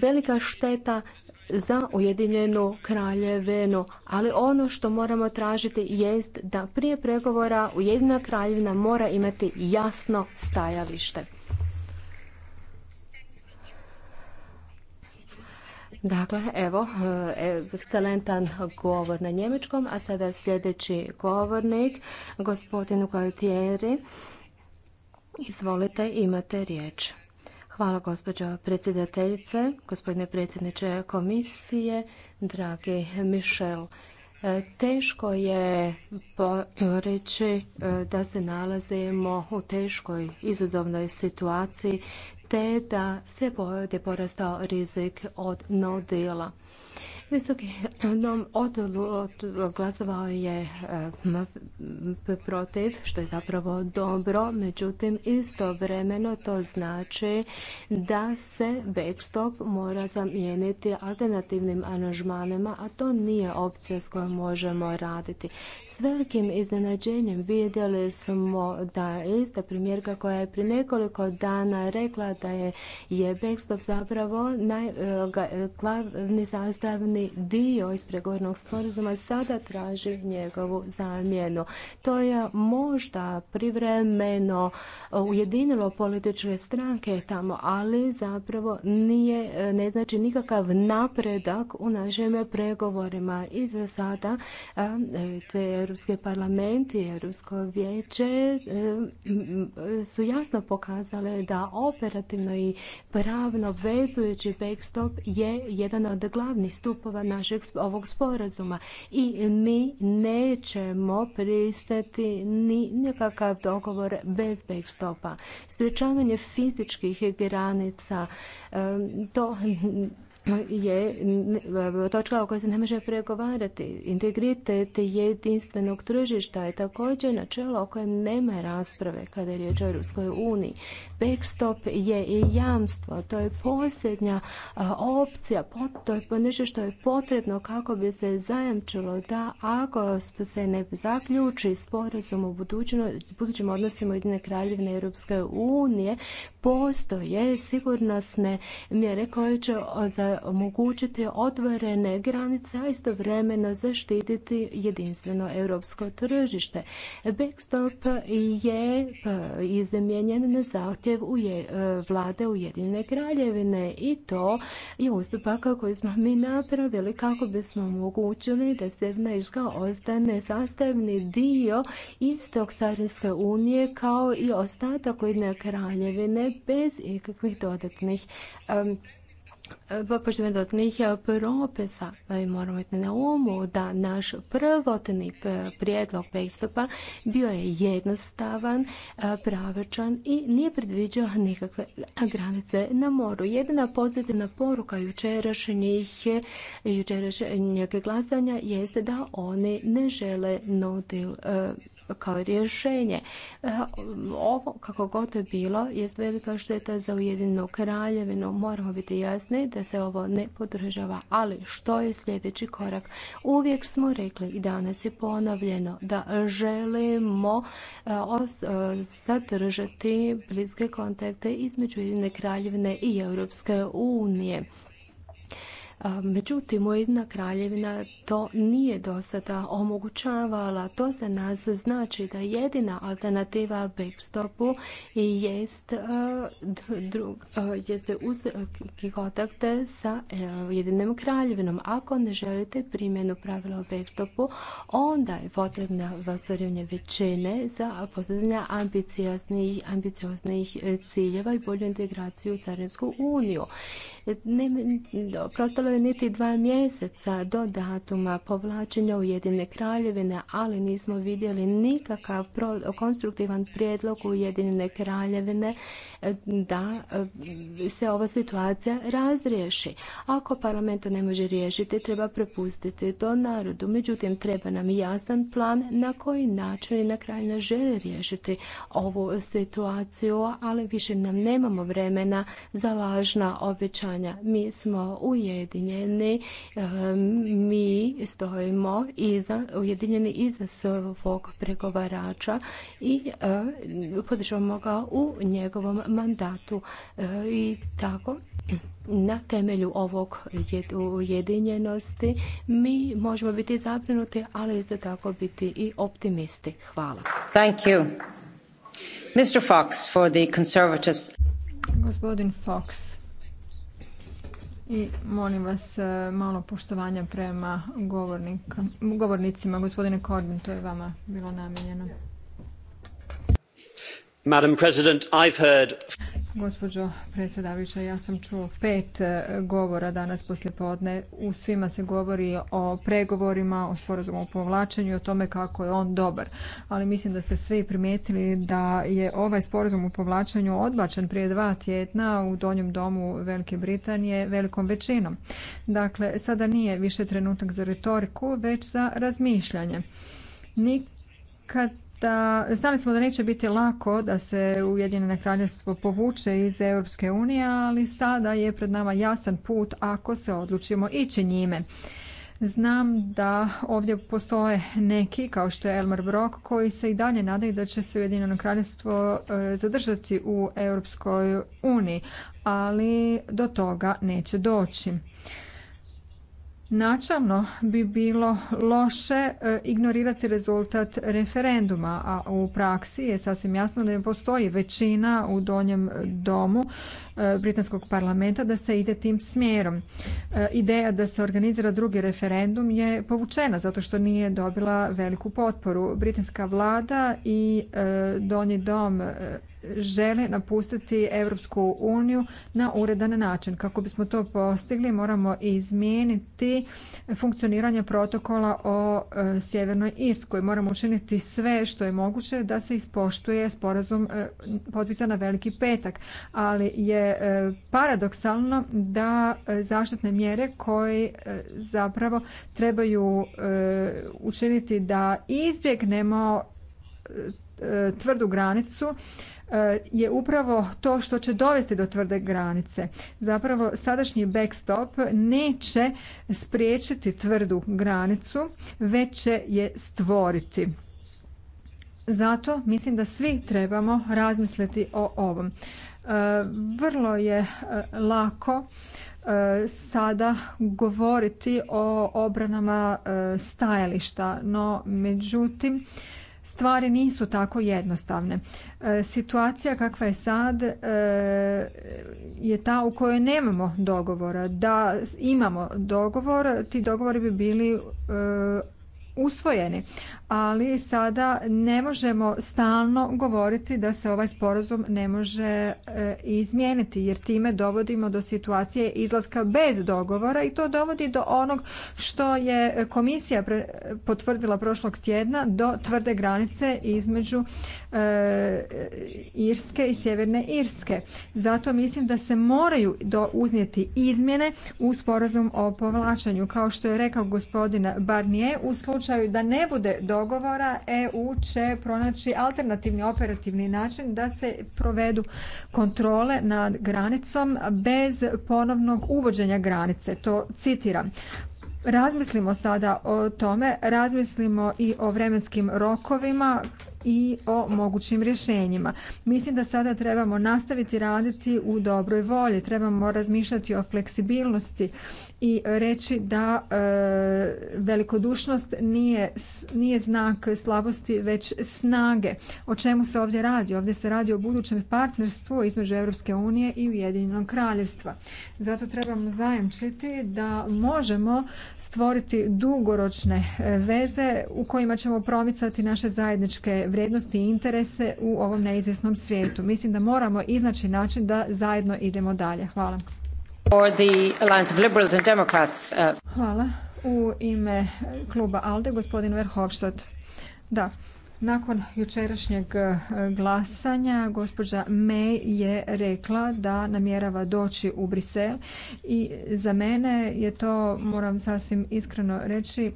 velika šteta za Ujedinjenu kraljevinu. Ali ono što moramo tražiti jest da prije pregovora Ujedinjena kraljevina mora imati jasno stajalište. Dakle, evo, e, ekscelentan govor na njemačkom, a sada sljedeći govornik, gospodin Gualtieri. Izvolite, imate riječ. Hvala gospođo predsjedateljice, gospodine predsjedniče komisije, dragi Mišel. E, teško je reći e, da se nalazimo u teškoj izazovnoj situaciji te da se je porastao rizik od no deala. Visoki dom glasovao je e, protiv, što je zapravo dobro, međutim istovremeno to znači da se backstop mora zamijeniti alternativnim aranžmanima, a to nije opcija s kojom možemo raditi. S velikim iznenađenjem vidjeli smo da je ista primjerka koja je pri nekoliko dana rekla da je, je backstop zapravo naj, e, glavni sastavni dio iz pregovornog sporazuma sada traži njegovu zamjenu. To je možda privremeno ujedinilo političke stranke tamo, ali zapravo nije, ne znači nikakav napredak u našim pregovorima. I za sada te Europski parlament i Europsko vijeće su jasno pokazale da operativno i pravno vezujući backstop je jedan od glavnih stupova našeg ovog sporazuma i mi nećemo pristati ni nikakav dogovor bez backstopa. Sprečavanje fizičkih granica, to je e, točka o kojoj se ne može pregovarati. Integritet jedinstvenog tržišta je također načelo o kojem nema rasprave kada je riječ o Europskoj uniji. Backstop je i jamstvo, to je posljednja e, opcija, to je nešto što je potrebno kako bi se zajamčilo da ako se ne zaključi sporazum u budućim odnosima jedne kraljevine Europske unije, postoje sigurnosne mjere koje će za omogućiti otvorene granice, a istovremeno zaštititi jedinstveno europsko tržište. Backstop je e, izmijenjen na zahtjev e, vlade Ujedinjene kraljevine i to je ustupak koji smo mi napravili kako bismo omogućili da Sjeverna Irska ostane sastavni dio istog Sarinske unije kao i ostatak Ujedinjene kraljevine bez ikakvih dodatnih je dodatnih eh, propisa. Eh, moramo imati na umu da naš prvotni eh, prijedlog pristupa bio je jednostavan, pravičan i nije predviđao nikakve granice na moru. Jedina pozitivna poruka jučerašnjih jučerašnjeg glasanja jeste da oni ne žele nodil kao rješenje. Ovo, kako god je bilo, jest velika šteta za Ujedinu kraljevinu. Moramo biti jasni da se ovo ne podržava. Ali što je sljedeći korak? Uvijek smo rekli i danas je ponovljeno da želimo e, sadržati e, bliske kontakte između Jedine kraljevne i Europske unije. Međutim, jedna kraljevina to nije do sada omogućavala. To za nas znači da jedina alternativa backstopu jest, e, drug, e, jeste uz e, kontakte sa Jedinom kraljevinom. Ako ne želite primjenu pravila o backstopu, onda je potrebna vasorjenje većine za postavljanje ambicioznih ciljeva i bolju integraciju u Carinsku uniju. Ne, prostalo je niti dva mjeseca do datuma povlačenja Ujedine kraljevine, ali nismo vidjeli nikakav konstruktivan prijedlog Ujedine kraljevine e, da e, se ova situacija razriješi. Ako parlament to ne može riješiti, treba prepustiti to narodu. Međutim, treba nam jasan plan na koji način i na kraju ne žele riješiti ovu situaciju, ali više nam nemamo vremena za lažna obećanja mi smo ujedinjeni, mi stojimo iza, ujedinjeni iza svog pregovarača i podržavamo ga u njegovom mandatu. E, I tako, na temelju ovog ujedinjenosti mi možemo biti zabrinuti, ali isto tako biti i optimisti. Hvala. Thank you. Mr. Fox for the Conservatives. Gospodin Fox i molim vas e, malo poštovanja prema govornicima. Gospodine Korbin, to je vama bilo namijenjeno. Madam Gospođo predsjedavajuća, ja sam čuo pet e, govora danas poslijepodne. U svima se govori o pregovorima, o sporazumu o povlačenju, o tome kako je on dobar. Ali mislim da ste svi primijetili da je ovaj sporazum o povlačenju odbačen prije dva tjedna u Donjem domu Velike Britanije velikom većinom. Dakle, sada nije više trenutak za retoriku, već za razmišljanje. Nikad da znali smo da neće biti lako da se Ujedinjeno kraljevstvo povuče iz Europske unije, ali sada je pred nama jasan put ako se odlučimo ići njime. Znam da ovdje postoje neki, kao što je Elmer Brock koji se i dalje nadaju da će se Ujedinjeno kraljevstvo e, zadržati u Europskoj uniji, ali do toga neće doći. Načalno bi bilo loše e, ignorirati rezultat referenduma, a u praksi je sasvim jasno da ne postoji većina u donjem domu E, britanskog parlamenta da se ide tim smjerom. E, ideja da se organizira drugi referendum je povučena zato što nije dobila veliku potporu. Britanska vlada i e, donji dom žele napustiti Europsku uniju na uredan način. Kako bismo to postigli moramo izmijeniti funkcioniranje protokola o Sjevernoj Irskoj. Moramo učiniti sve što je moguće da se ispoštuje sporazum potpisan na Veliki petak, ali je E, paradoksalno da e, zaštitne mjere koje zapravo trebaju e, učiniti da izbjegnemo tvrdu granicu je upravo to što će dovesti do tvrde granice. Zapravo sadašnji backstop neće spriječiti tvrdu granicu, već će je stvoriti. Zato mislim da svi trebamo razmisliti o ovom. Vrlo je e, lako e, sada govoriti o obranama e, stajališta, no međutim stvari nisu tako jednostavne. Situacija kakva je sad je ta u kojoj nemamo dogovora. Da imamo dogovor, ti dogovori bi bili usvojeni ali sada ne možemo stalno govoriti da se ovaj sporazum ne može e, izmijeniti jer time dovodimo do situacije izlaska bez dogovora i to dovodi do onog što je komisija potvrdila prošlog tjedna do tvrde granice između e, Irske i Sjeverne Irske. Zato mislim da se moraju uznijeti izmjene u sporazum o povlačenju. Kao što je rekao gospodin Barnier, u slučaju da ne bude do dogovora EU će pronaći alternativni operativni način da se provedu kontrole nad granicom bez ponovnog uvođenja granice. To citiram. Razmislimo sada o tome, razmislimo i o vremenskim rokovima i o mogućim rješenjima. Mislim da sada trebamo nastaviti raditi u dobroj volji, trebamo razmišljati o fleksibilnosti i reći da e, velikodušnost nije, znak slabosti već snage. O čemu se ovdje radi? Ovdje se radi o budućem partnerstvu između Europske unije i Ujedinjenog kraljevstva. Zato trebamo zajamčiti da možemo stvoriti dugoročne e, veze u kojima ćemo promicati naše zajedničke vrijednosti i interese u ovom neizvjesnom svijetu. Mislim da moramo iznaći način da zajedno idemo dalje. Hvala. Uh, Hvala. U ime kluba ALDE gospodin Verhofstadt. Da, nakon jučerašnjeg uh, glasanja gospođa May je rekla da namjerava doći u Brisel i za mene je to, moram sasvim iskreno reći, uh,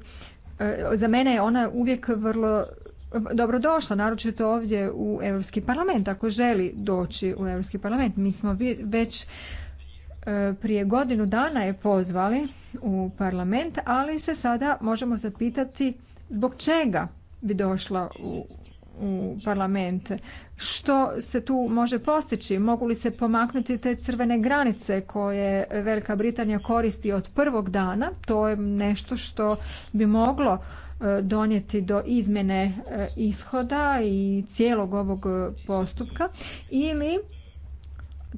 za mene je ona uvijek vrlo dobrodošla, naročito ovdje u Europski parlament, ako želi doći u Europski parlament. Mi smo već e, prije godinu dana je pozvali u parlament, ali se sada možemo zapitati zbog čega bi došla u, u parlament, što se tu može postići, mogu li se pomaknuti te crvene granice koje Velika Britanija koristi od prvog dana, to je nešto što bi moglo E, donijeti do izmjene e, ishoda i cijelog ovog postupka ili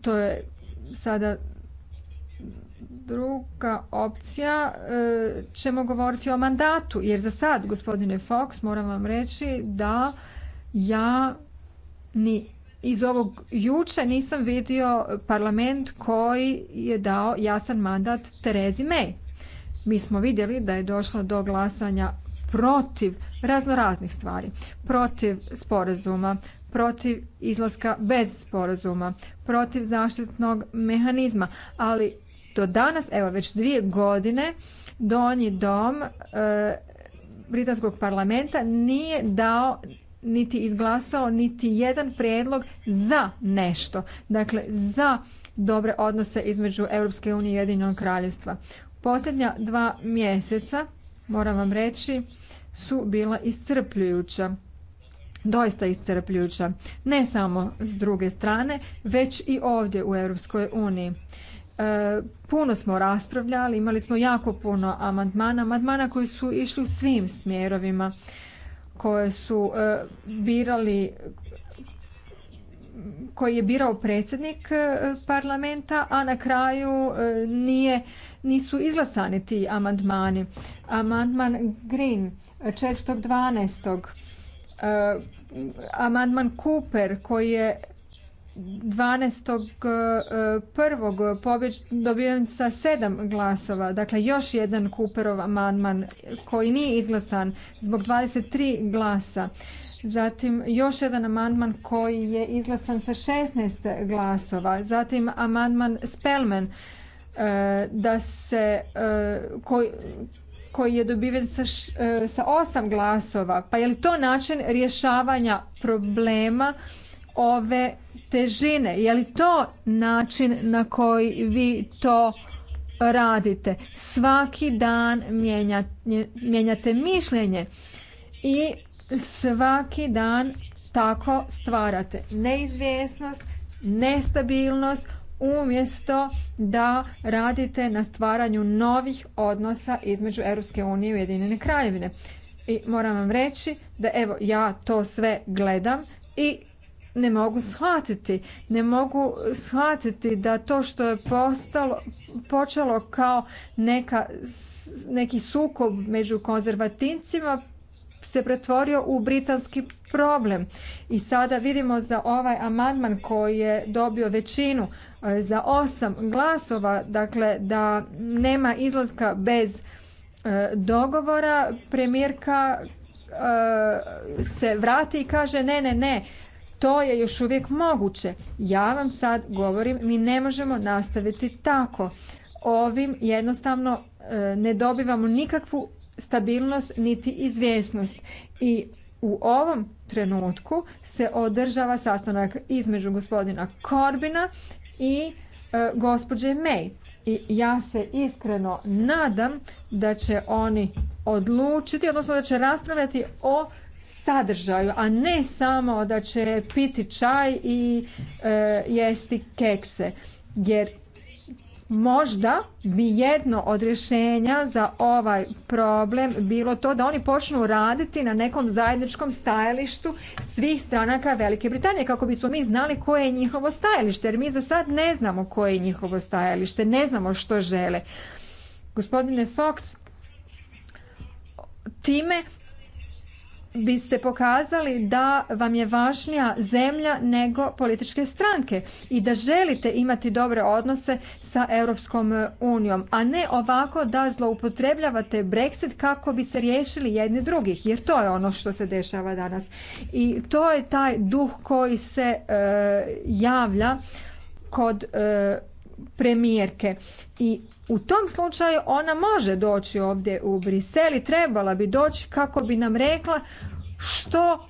to je sada druga opcija e, ćemo govoriti o mandatu jer za sad gospodine Fox moram vam reći da ja ni iz ovog juče nisam vidio parlament koji je dao jasan mandat Terezi May. Mi smo vidjeli da je došla do glasanja protiv razno raznih stvari. Protiv sporazuma, protiv izlaska bez sporazuma, protiv zaštitnog mehanizma, ali do danas, evo već dvije godine, donji dom e, Britanskog parlamenta nije dao niti izglasao niti jedan prijedlog za nešto. Dakle, za dobre odnose između Europske unije i Ujedinjenog kraljevstva. Posljednja dva mjeseca moram vam reći, su bila iscrpljujuća. Doista iscrpljujuća. Ne samo s druge strane, već i ovdje u Europskoj uniji. E, puno smo raspravljali, imali smo jako puno amandmana, amandmana koji su išli u svim smjerovima, koje su e, birali koji je birao predsjednik e, parlamenta, a na kraju nije nisu izglasani ti amandmani. Amandman Green 4.12. E, amandman Cooper koji je 12.1. pobjeć dobiven sa sedam glasova. Dakle, još jedan Cooperov amandman koji nije izglasan zbog 23 glasa. Zatim još jedan amandman koji je izglasan sa 16 glasova. Zatim amandman Spelman E, da se e, koji, je dobiven sa, e, sa osam glasova. Pa je li to način rješavanja problema ove težine? Je li to način na koji vi to radite? Svaki dan mijenjate mišljenje i svaki dan tako stvarate neizvjesnost, nestabilnost, umjesto da radite na stvaranju novih odnosa između Europske unije i Ujedinjene kraljevine. I moram vam reći da evo ja to sve gledam i ne mogu shvatiti. Ne mogu shvatiti da to što je postalo, počelo kao neka, neki sukob među konzervativcima se pretvorio u britanski problem. I sada vidimo za ovaj amandman koji je dobio većinu E, za osam glasova, dakle da nema izlaska bez e, dogovora, premijerka e, se vrati i kaže ne, ne, ne, to je još uvijek moguće. Ja vam sad govorim, mi ne možemo nastaviti tako. Ovim jednostavno ne dobivamo nikakvu stabilnost niti izvjesnost. I u ovom trenutku se održava sastanak između gospodina Korbina i e, gospođe May. I ja se iskreno nadam da će oni odlučiti, odnosno da će raspravljati o sadržaju, a ne samo da će piti čaj i e, jesti kekse. Jer Možda bi jedno od rješenja za ovaj problem bilo to da oni počnu raditi na nekom zajedničkom stajalištu svih stranaka Velike Britanije kako bismo mi znali koje je njihovo stajalište jer mi za sad ne znamo koje je njihovo stajalište, ne znamo što žele. Gospodine Fox, time biste pokazali da vam je važnija zemlja nego političke stranke i da želite imati dobre odnose sa Europskom unijom, a ne ovako da zloupotrebljavate Brexit kako bi se riješili jedni drugih, jer to je ono što se dešava danas. I to je taj duh koji se e, javlja kod e, premijerke. I u tom slučaju ona može doći ovdje u Briseli, trebala bi doći kako bi nam rekla što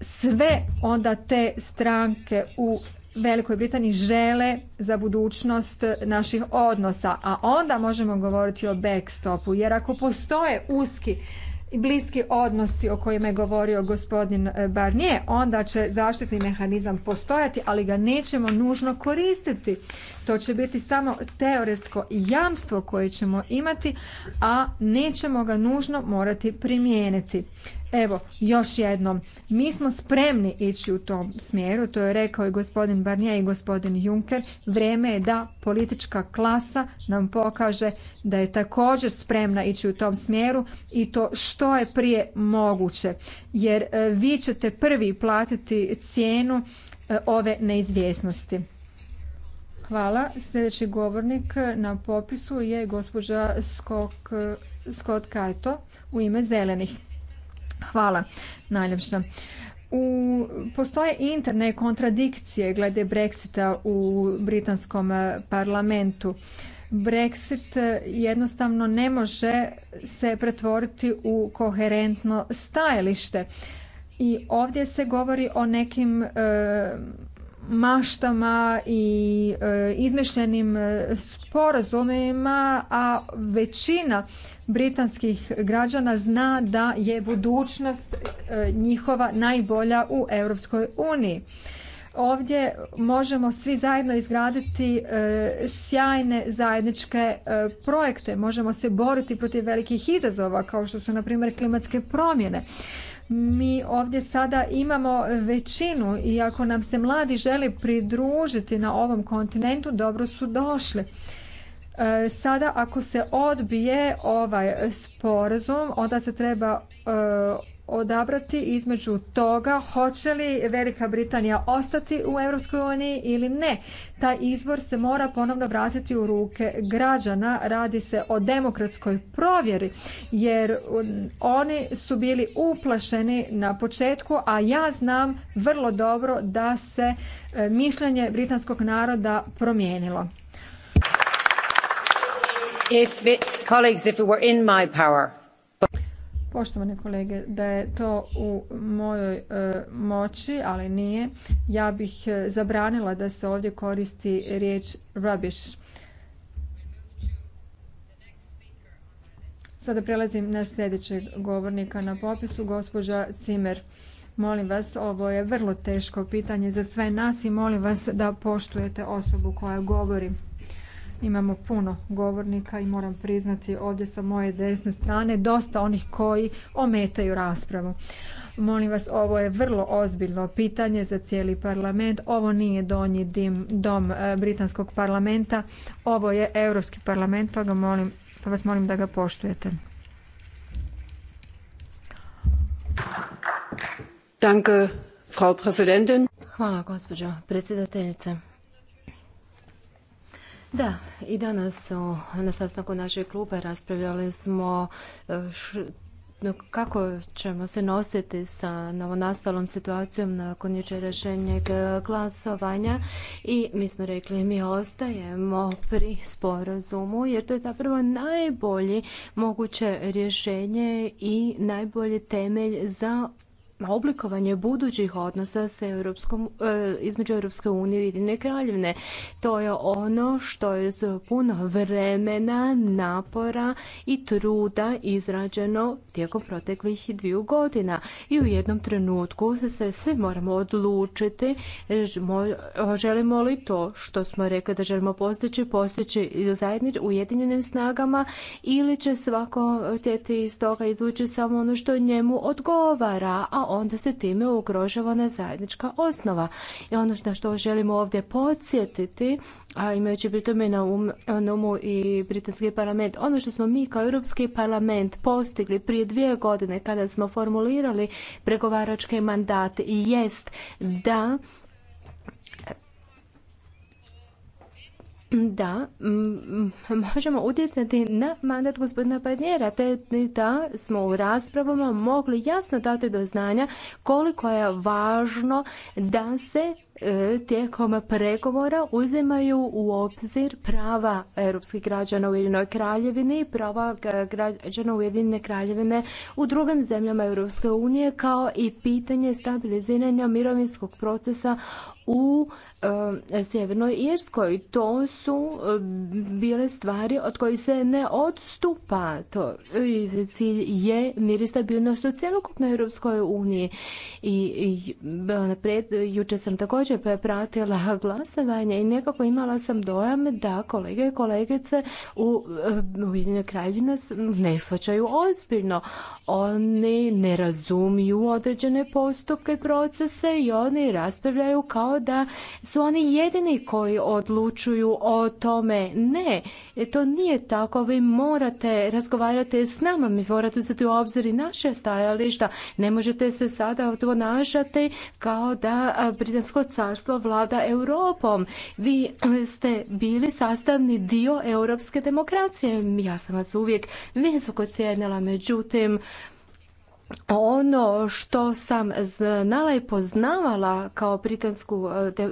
sve onda te stranke u Velikoj Britaniji žele za budućnost naših odnosa, a onda možemo govoriti o backstopu, jer ako postoje uski bliski odnosi o kojima je govorio gospodin e, Barnier, onda će zaštitni mehanizam postojati, ali ga nećemo nužno koristiti. To će biti samo teoretsko jamstvo koje ćemo imati, a nećemo ga nužno morati primijeniti. Evo, još jednom, mi smo spremni ići u tom smjeru, to je rekao i gospodin Barnier i gospodin Juncker. Vrijeme je da politička klasa nam pokaže da je također spremna ići u tom smjeru i to što je prije moguće. Jer e, vi ćete prvi platiti cijenu e, ove neizvjesnosti. Hvala. Sljedeći govornik e, na popisu je gospođa Scott Kajto u ime Zelenih. Hvala najljepša. U, postoje interne kontradikcije glede Brexita u britanskom eh, parlamentu. Brexit eh, jednostavno ne može se pretvoriti u koherentno stajalište. I ovdje se govori o nekim eh, maštama i e, izmišljenim e, sporazumima, a većina britanskih građana zna da je budućnost e, njihova najbolja u Europskoj uniji. Ovdje možemo svi zajedno izgraditi sjajne zajedničke projekte, možemo se boriti protiv velikih izazova kao što su na primjer klimatske promjene mi ovdje sada imamo većinu i ako nam se mladi žele pridružiti na ovom kontinentu, dobro su došli. E, sada ako se odbije ovaj sporazum, onda se treba e, odabrati između toga hoće li Velika Britanija ostati u Europskoj uniji ili ne. Taj izbor se mora ponovno vratiti u ruke građana. Radi se o demokratskoj provjeri jer oni su bili uplašeni na početku, a ja znam vrlo dobro da se e, mišljenje britanskog naroda promijenilo. colleagues, if were in my power, Poštovane kolege, da je to u mojoj e, moći, ali nije, ja bih e, zabranila da se ovdje koristi riječ rubbish. Sada prelazim na sljedećeg govornika na popisu, gospođa Cimer. Molim vas, ovo je vrlo teško pitanje za sve nas i molim vas da poštujete osobu koja govori. Imamo puno govornika i moram priznati ovdje sa moje desne strane dosta onih koji ometaju raspravu. Molim vas, ovo je vrlo ozbiljno pitanje za cijeli parlament. Ovo nije donji dom e, britanskog parlamenta. Ovo je Europski parlament, pa, ga molim, pa vas molim da ga poštujete. Danke, Frau Hvala, gospođo predsjedateljice. Da, i danas na sastanku našeg kluba raspravljali smo e, kako ćemo se nositi sa novonastalom situacijom nakon jučerašnjeg glasovanja i mi smo rekli mi ostajemo pri sporazumu jer to je zapravo najbolje moguće rješenje i najbolji temelj za oblikovanje budućih odnosa sa Europskom, e, između Europske unije i ujedinjene kraljevne. To je ono što je za puno vremena, napora i truda izrađeno tijekom proteklih dviju godina. I u jednom trenutku se svi moramo odlučiti želimo li to što smo rekli da želimo postići, postići zajednič, ujedinjenim snagama ili će svako htjeti iz toga izvući samo ono što njemu odgovara, a onda se time ugrožava ona zajednička osnova. I ono na što želimo ovdje podsjetiti, a imajući pri tome um, na, umu i britanski parlament, ono što smo mi kao Europski parlament postigli prije dvije godine kada smo formulirali pregovaračke mandate i jest da da možemo utjecati na mandat gospodina Barnjera, te da smo u raspravama mogli jasno dati do znanja koliko je važno da se E, tijekom pregovora uzimaju u obzir prava europskih građana u Ujedinoj kraljevini i prava građana Ujedinjene kraljevine u drugim zemljama Europske unije kao i pitanje stabiliziranja mirovinskog procesa u e, Sjevernoj Irskoj. To su e, bile stvari od kojih se ne odstupa. To, cilj je mir i stabilnost u cijelokupnoj Europskoj uniji. I, i juče sam također također pratila glasovanje i nekako imala sam dojam da kolege i kolegice u e, Ujedinjenoj nas ne shvaćaju ozbiljno. Oni ne razumiju određene postupke, procese i oni raspravljaju kao da su oni jedini koji odlučuju o tome. Ne, e, to nije tako. Vi morate razgovarati s nama, mi morate uzeti u obzir i naše stajališta. Ne možete se sada ponašati kao da britansko carstvo vlada Europom. Vi eh, ste bili sastavni dio europske demokracije. Ja sam vas uvijek visoko cijenila, međutim, ono što sam znala i poznavala kao britansku e, e,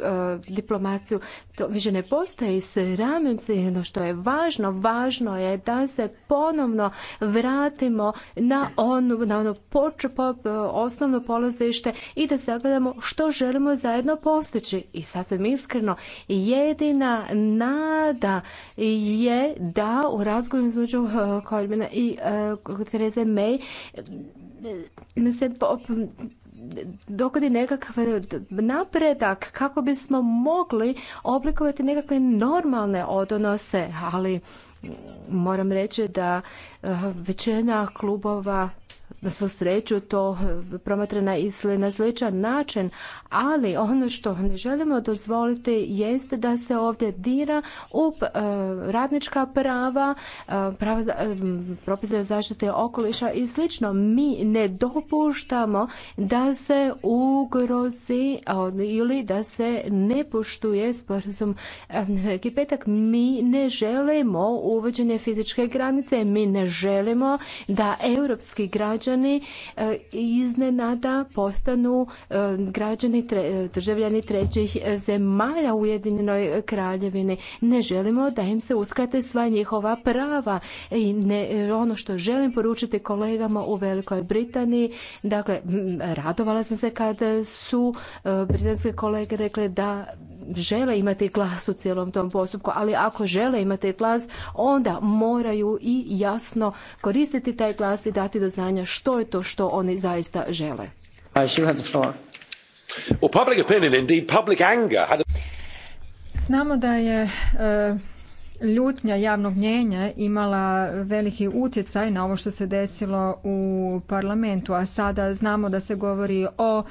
diplomaciju, to više ne postoji, sramim se, jedno što je važno, važno je da se ponovno vratimo na ono, na ono e, osnovno polazište i da sagledamo što želimo zajedno postići. I sasvim iskreno, jedina nada je da u razgovoru između Korbina i Tereze May se dogodi nekakav napredak kako bismo mogli oblikovati nekakve normalne odnose, ali moram reći da eh, većina klubova na svu sreću to eh, promatra na sličan način, ali ono što ne želimo dozvoliti jeste da se ovdje dira u e, radnička prava, e, prava e, propise zaštite okoliša i slično. Mi ne dopuštamo da se ugrozi ili da se ne poštuje sporazum kipetak. Mi ne želimo uvođenje fizičke granice, mi ne želimo da europski građani iznenada postanu građani državljani, državljani trećih e, zemalja u Ujedinjenoj kraljevini. Ne želimo da im se uskrate sva njihova prava i ne, ono što želim poručiti kolegama u Velikoj Britaniji, dakle radovala sam se kad su e, britanske kolege rekle da žele imati glas u cijelom tom postupku, ali ako žele imati glas, onda moraju i jasno koristiti taj glas i dati do znanja što je to što oni zaista žele. Znamo da je e, ljutnja javnog mnjenja imala veliki utjecaj na ovo što se desilo u parlamentu, a sada znamo da se govori o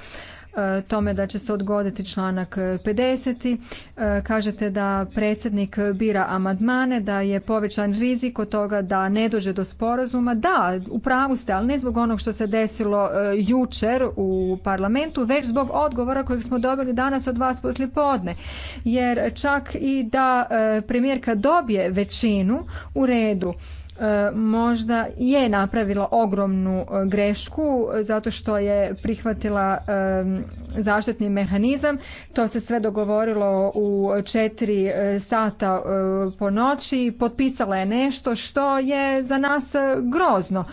E, tome da će se odgoditi članak 50. E, kažete da predsjednik bira amandmane, da je povećan rizik od toga da ne dođe do sporazuma. Da, u pravu ste, ali ne zbog onog što se desilo e, jučer u parlamentu, već zbog odgovora kojeg smo dobili danas od vas poslije podne. Jer čak i da premijerka dobije većinu u redu, možda je napravila ogromnu e, grešku e, zato što je prihvatila zaštitni mehanizam. To se sve dogovorilo u četiri e, sata po noći. Potpisala je nešto što je za nas grozno.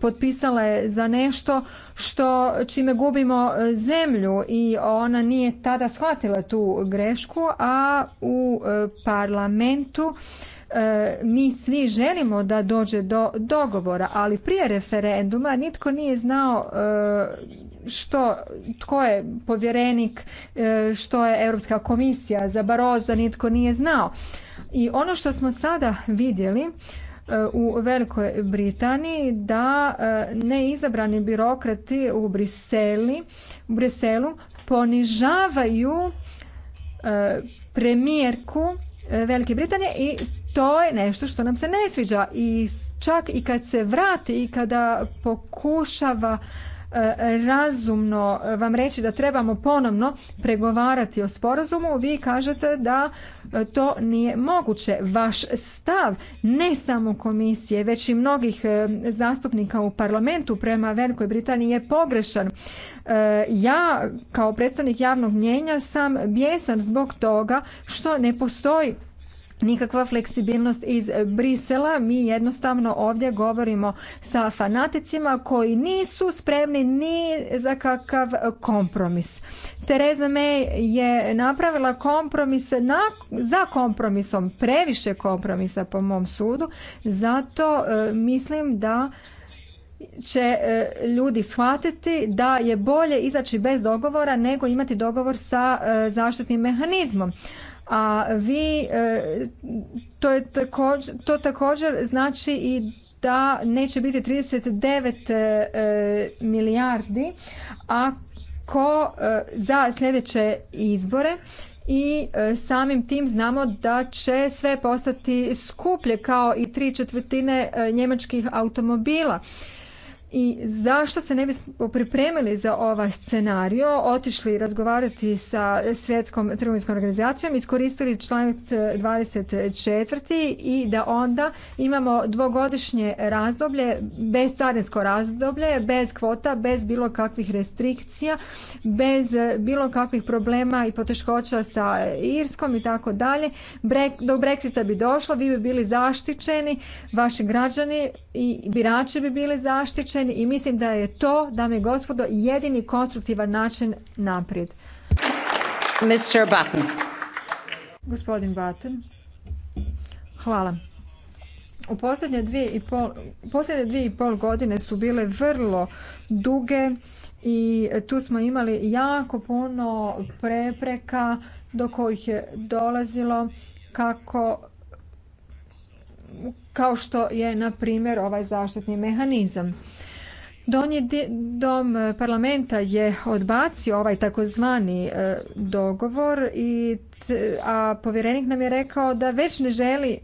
Potpisala je za nešto što čime gubimo zemlju i ona nije tada shvatila tu grešku, a u parlamentu E, mi svi želimo da dođe do dogovora, ali prije referenduma nitko nije znao e, što, tko je povjerenik, e, što je Europska komisija za Baroza, nitko nije znao. I ono što smo sada vidjeli u Velikoj Britaniji da neizabrani birokrati u Briseli, u Briselu ponižavaju premijerku Velike Britanije i to je nešto što nam se ne sviđa i čak i kad se vrati i kada pokušava e, razumno e, vam reći da trebamo ponovno pregovarati o sporazumu, vi kažete da e, to nije moguće. Vaš stav ne samo komisije, već i mnogih zastupnika u parlamentu prema Velikoj Britaniji je pogrešan. Ja kao predstavnik javnog mnjenja sam bjesan zbog toga što ne postoji nikakva fleksibilnost iz Brisela. Mi jednostavno ovdje govorimo sa fanaticima koji nisu spremni ni za kakav kompromis. Tereza May je napravila kompromis na, za kompromisom, previše kompromisa po mom sudu, zato e, mislim da će e, ljudi shvatiti da je bolje izaći bez dogovora nego imati dogovor sa e, zaštitnim mehanizmom a vi e, to, je također, to također znači i da neće biti 39 e, milijardi ako e, za sljedeće izbore i samim tim znamo da će sve postati skuplje kao i tri četvrtine njemačkih automobila i zašto se ne bismo pripremili za ovaj scenario, otišli razgovarati sa svjetskom trgovinskom organizacijom, iskoristili članak 24. i da onda imamo dvogodišnje razdoblje, bez carinsko razdoblje, bez kvota, bez bilo kakvih restrikcija, bez bilo kakvih problema i poteškoća sa Irskom i tako dalje. Do Brexita bi došlo, vi bi bili zaštićeni, vaši građani i birači bi bili zaštićeni, i mislim da je to, dame i gospodo, jedini konstruktivan način naprijed. Mr. Button. Gospodin Button. Hvala. U posljednje dvije i pol, posljednje dvije i pol godine su bile vrlo duge i tu smo imali jako puno prepreka do kojih je dolazilo kako kao što je na primjer ovaj zaštitni mehanizam. Donji dom e, parlamenta je odbacio ovaj takozvani e, dogovor, i, a povjerenik nam je rekao da već ne želi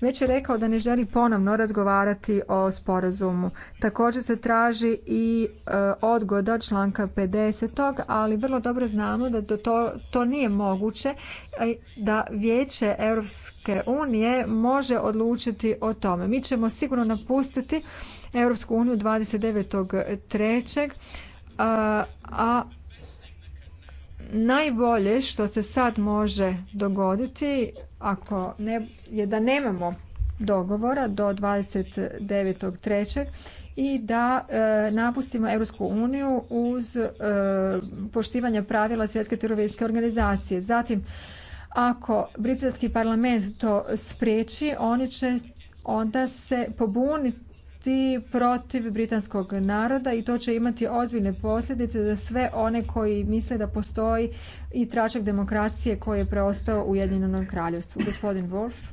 već je rekao da ne želi ponovno razgovarati o sporazumu. Također se traži i e, odgoda članka 50. ali vrlo dobro znamo da to, to nije moguće da vijeće Europske unije može odlučiti o tome. Mi ćemo sigurno napustiti Europsku uniju 29.3. A, najbolje što se sad može dogoditi ako ne, je da nemamo dogovora do 29.3. i da e, napustimo Europsku uniju uz e, poštivanje pravila Svjetske terorijske organizacije. Zatim, ako britanski parlament to spriječi, oni će onda se pobuniti protiv britanskog naroda i to će imati ozbiljne posljedice za sve one koji misle da postoji i tračak demokracije koji je preostao u Ujedinjenom kraljevstvu. Gospodin Wolf.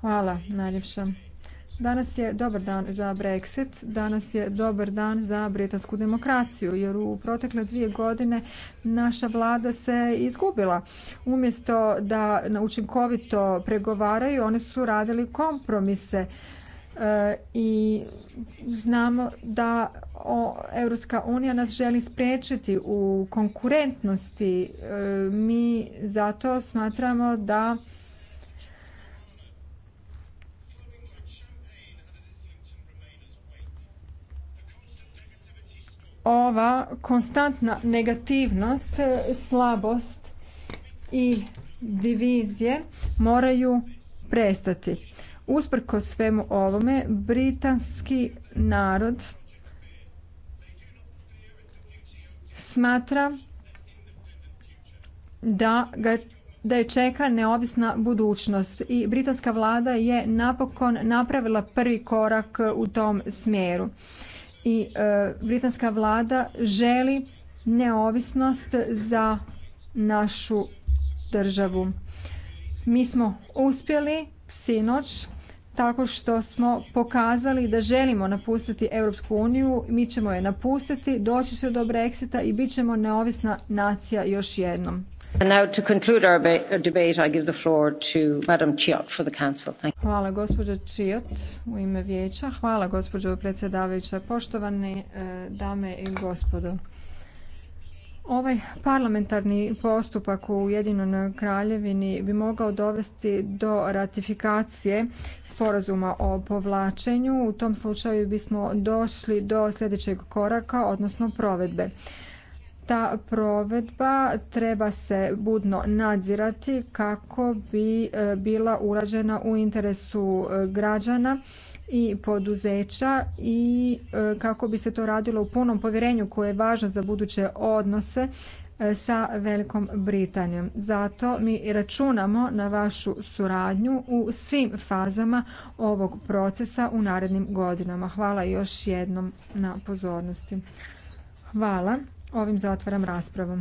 Hvala najljepša. Danas je dobar dan za Brexit, danas je dobar dan za britansku demokraciju, jer u protekle dvije godine naša vlada se izgubila. Umjesto da učinkovito pregovaraju, oni su radili kompromise e, i znamo da Europska unija nas želi spriječiti u konkurentnosti. E, mi zato smatramo da ova konstantna negativnost, e, slabost i divizije moraju prestati. Usprko svemu ovome, britanski narod smatra da ga da je čeka neovisna budućnost i britanska vlada je napokon napravila prvi korak u tom smjeru i e, britanska vlada želi neovisnost za našu državu. Mi smo uspjeli sinoć tako što smo pokazali da želimo napustiti Europsku uniju, mi ćemo je napustiti, doći će do Brexita i bit ćemo neovisna nacija još jednom. Hvala gospođo Čijot u ime vijeća. Hvala gospođo predsjedavajuća. Poštovani e, dame i gospodo. Ovaj parlamentarni postupak u Ujedinjenoj kraljevini bi mogao dovesti do ratifikacije sporazuma o povlačenju. U tom slučaju bismo došli do sljedećeg koraka, odnosno provedbe ta provedba treba se budno nadzirati kako bi e, bila urađena u interesu e, građana i poduzeća i e, kako bi se to radilo u punom povjerenju koje je važno za buduće odnose sa Velikom Britanijom. Zato mi računamo na vašu suradnju u svim fazama ovog procesa u narednim godinama. Hvala još jednom na pozornosti. Hvala. Ovim zatvaram raspravu.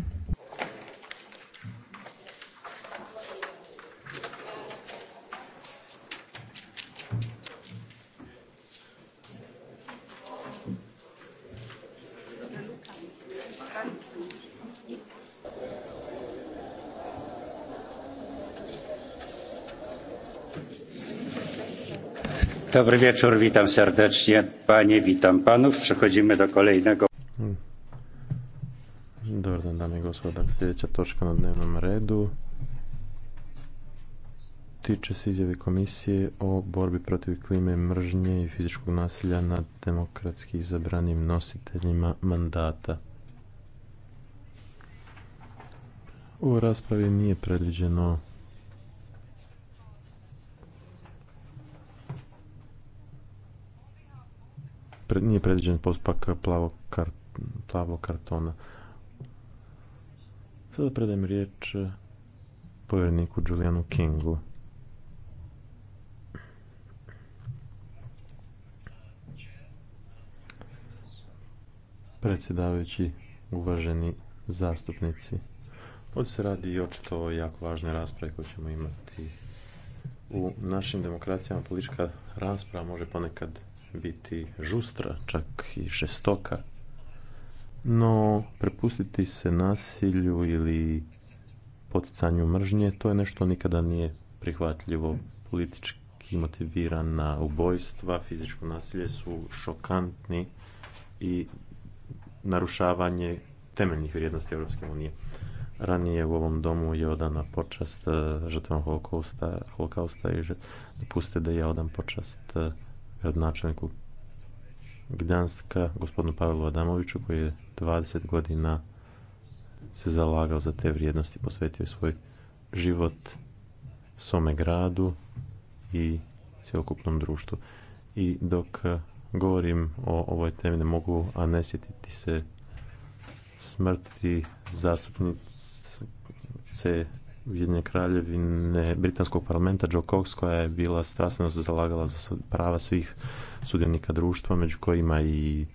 dobry wieczór witam serdecznie panie witam panów przechodzimy do kolejnego Dobar dan, dame i gospoda, Sljedeća točka na dnevnom redu tiče se izjave komisije o borbi protiv klime mržnje i fizičkog nasilja nad demokratski izabranim nositeljima mandata. U raspravi nije predviđeno nije predviđen postupak plavog kartona. Sada predajem riječ e, povjerniku Julianu Kingu. Predsjedavajući, uvaženi zastupnici, ovdje se radi i očito o jako važnoj raspravi koju ćemo imati. U našim demokracijama politička rasprava može ponekad biti žustra, čak i šestoka, no, prepustiti se nasilju ili poticanju mržnje, to je nešto nikada nije prihvatljivo. Politički motivirana ubojstva, fizičko nasilje su šokantni i narušavanje temeljnih vrijednosti Europske unije. Ranije u ovom domu je odana počast eh, žrtvama holokausta, i dopuste da je odam počast eh, gradonačelniku Gdanska gospodinu Pavelu Adamoviću koji je 20 godina se zalagao za te vrijednosti, posvetio svoj život svome gradu i cjelokupnom društvu. I dok govorim o ovoj temi ne mogu, a ne sjetiti se smrti zastupnice Ujedinjene kraljevine Britanskog parlamenta Joe Cox koja je bila strastveno zalagala za prava svih sudionika društva među kojima i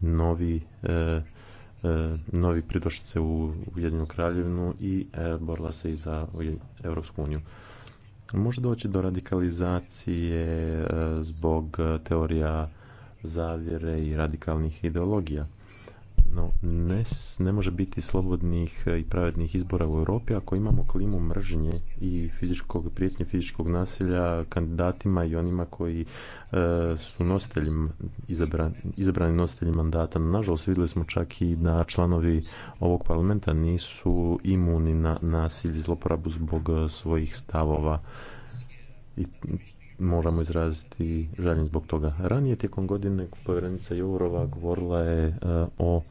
novi e, e novi u Ujedinjenu kraljevinu i e, borila se i za Europsku uniju. Može doći do radikalizacije e, zbog e, teorija zavjere i radikalnih ideologija. No, ne, ne može biti slobodnih eh, i pravednih izbora u Europi ako imamo klimu mržnje i fizičkog prijetnje fizičkog nasilja kandidatima i onima koji eh, su nositelji izabrani nositelji mandata. Nažalost, vidjeli smo čak i da članovi ovog parlamenta nisu imuni na nasilje i zloporabu zbog eh, svojih stavova. I moramo izraziti žaljenje zbog toga. Ranije tijekom godine povjerenica Jourova govorila je e, o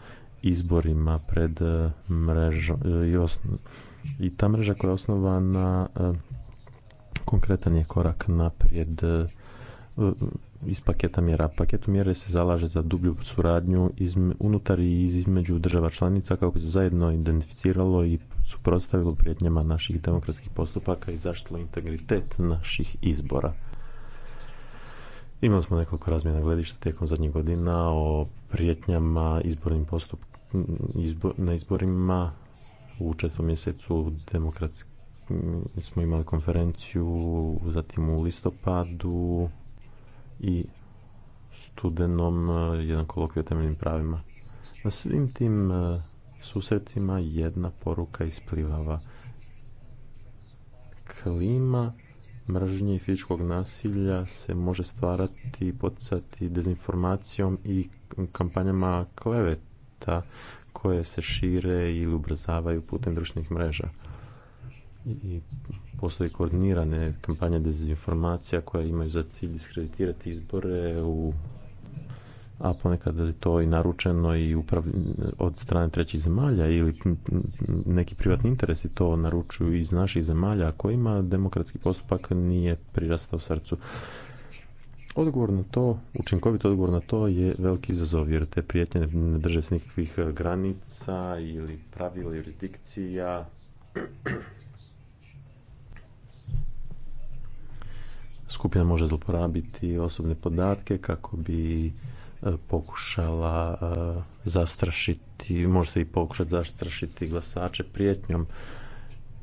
izborima pred e, mrežom e, i ta mreža koja je osnovana konkretan je korak naprijed iz paketa mjera. Paket mjere se zalaže za dublju suradnju izme, unutar i između država članica kako bi se zajedno identificiralo i suprotstavilo prijetnjama naših demokratskih postupaka i zaštilo integritet naših izbora. Imali smo nekoliko razmjena gledišta tijekom zadnjih godina o prijetnjama izbornim postup, na izborima u četvrtom mjesecu demokratski smo imali konferenciju zatim u listopadu i studenom eh, jedan kolokvij o temeljnim pravima. Na svim tim eh, susretima jedna poruka isplivava. Klima mržnje i fizičkog nasilja se može stvarati i poticati dezinformacijom i kampanjama kleveta koje se šire ili ubrzavaju putem društvenih mreža. I postoji koordinirane kampanje dezinformacija koje imaju za cilj diskreditirati izbore u a ponekad je to i naručeno i od strane trećih zemalja ili neki privatni interesi to naručuju iz naših zemalja kojima demokratski postupak nije prirastao srcu. Odgovor na to, učinkovit odgovor na to je veliki izazov jer te prijetnje ne drže s nikakvih granica ili pravila jurisdikcija skupina može zloporabiti osobne podatke kako bi e, pokušala e, zastrašiti, može se i pokušati zastrašiti glasače prijetnjom.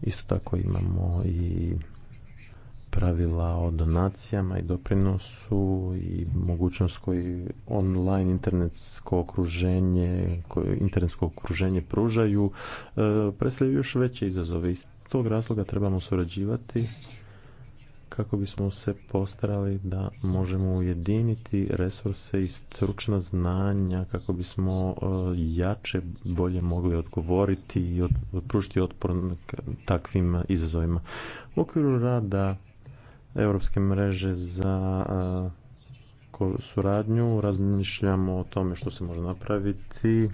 Isto tako imamo i pravila o donacijama i doprinosu i mogućnost koji online internetsko okruženje, koje internetsko okruženje pružaju, e, predstavljaju još veće izazove. Iz tog razloga trebamo surađivati kako bismo se postarali da možemo ujediniti resurse i stručna znanja kako bismo e, jače, bolje mogli odgovoriti i pružiti otpor takvim izazovima. U okviru rada Europske mreže za e, suradnju razmišljamo o tome što se može napraviti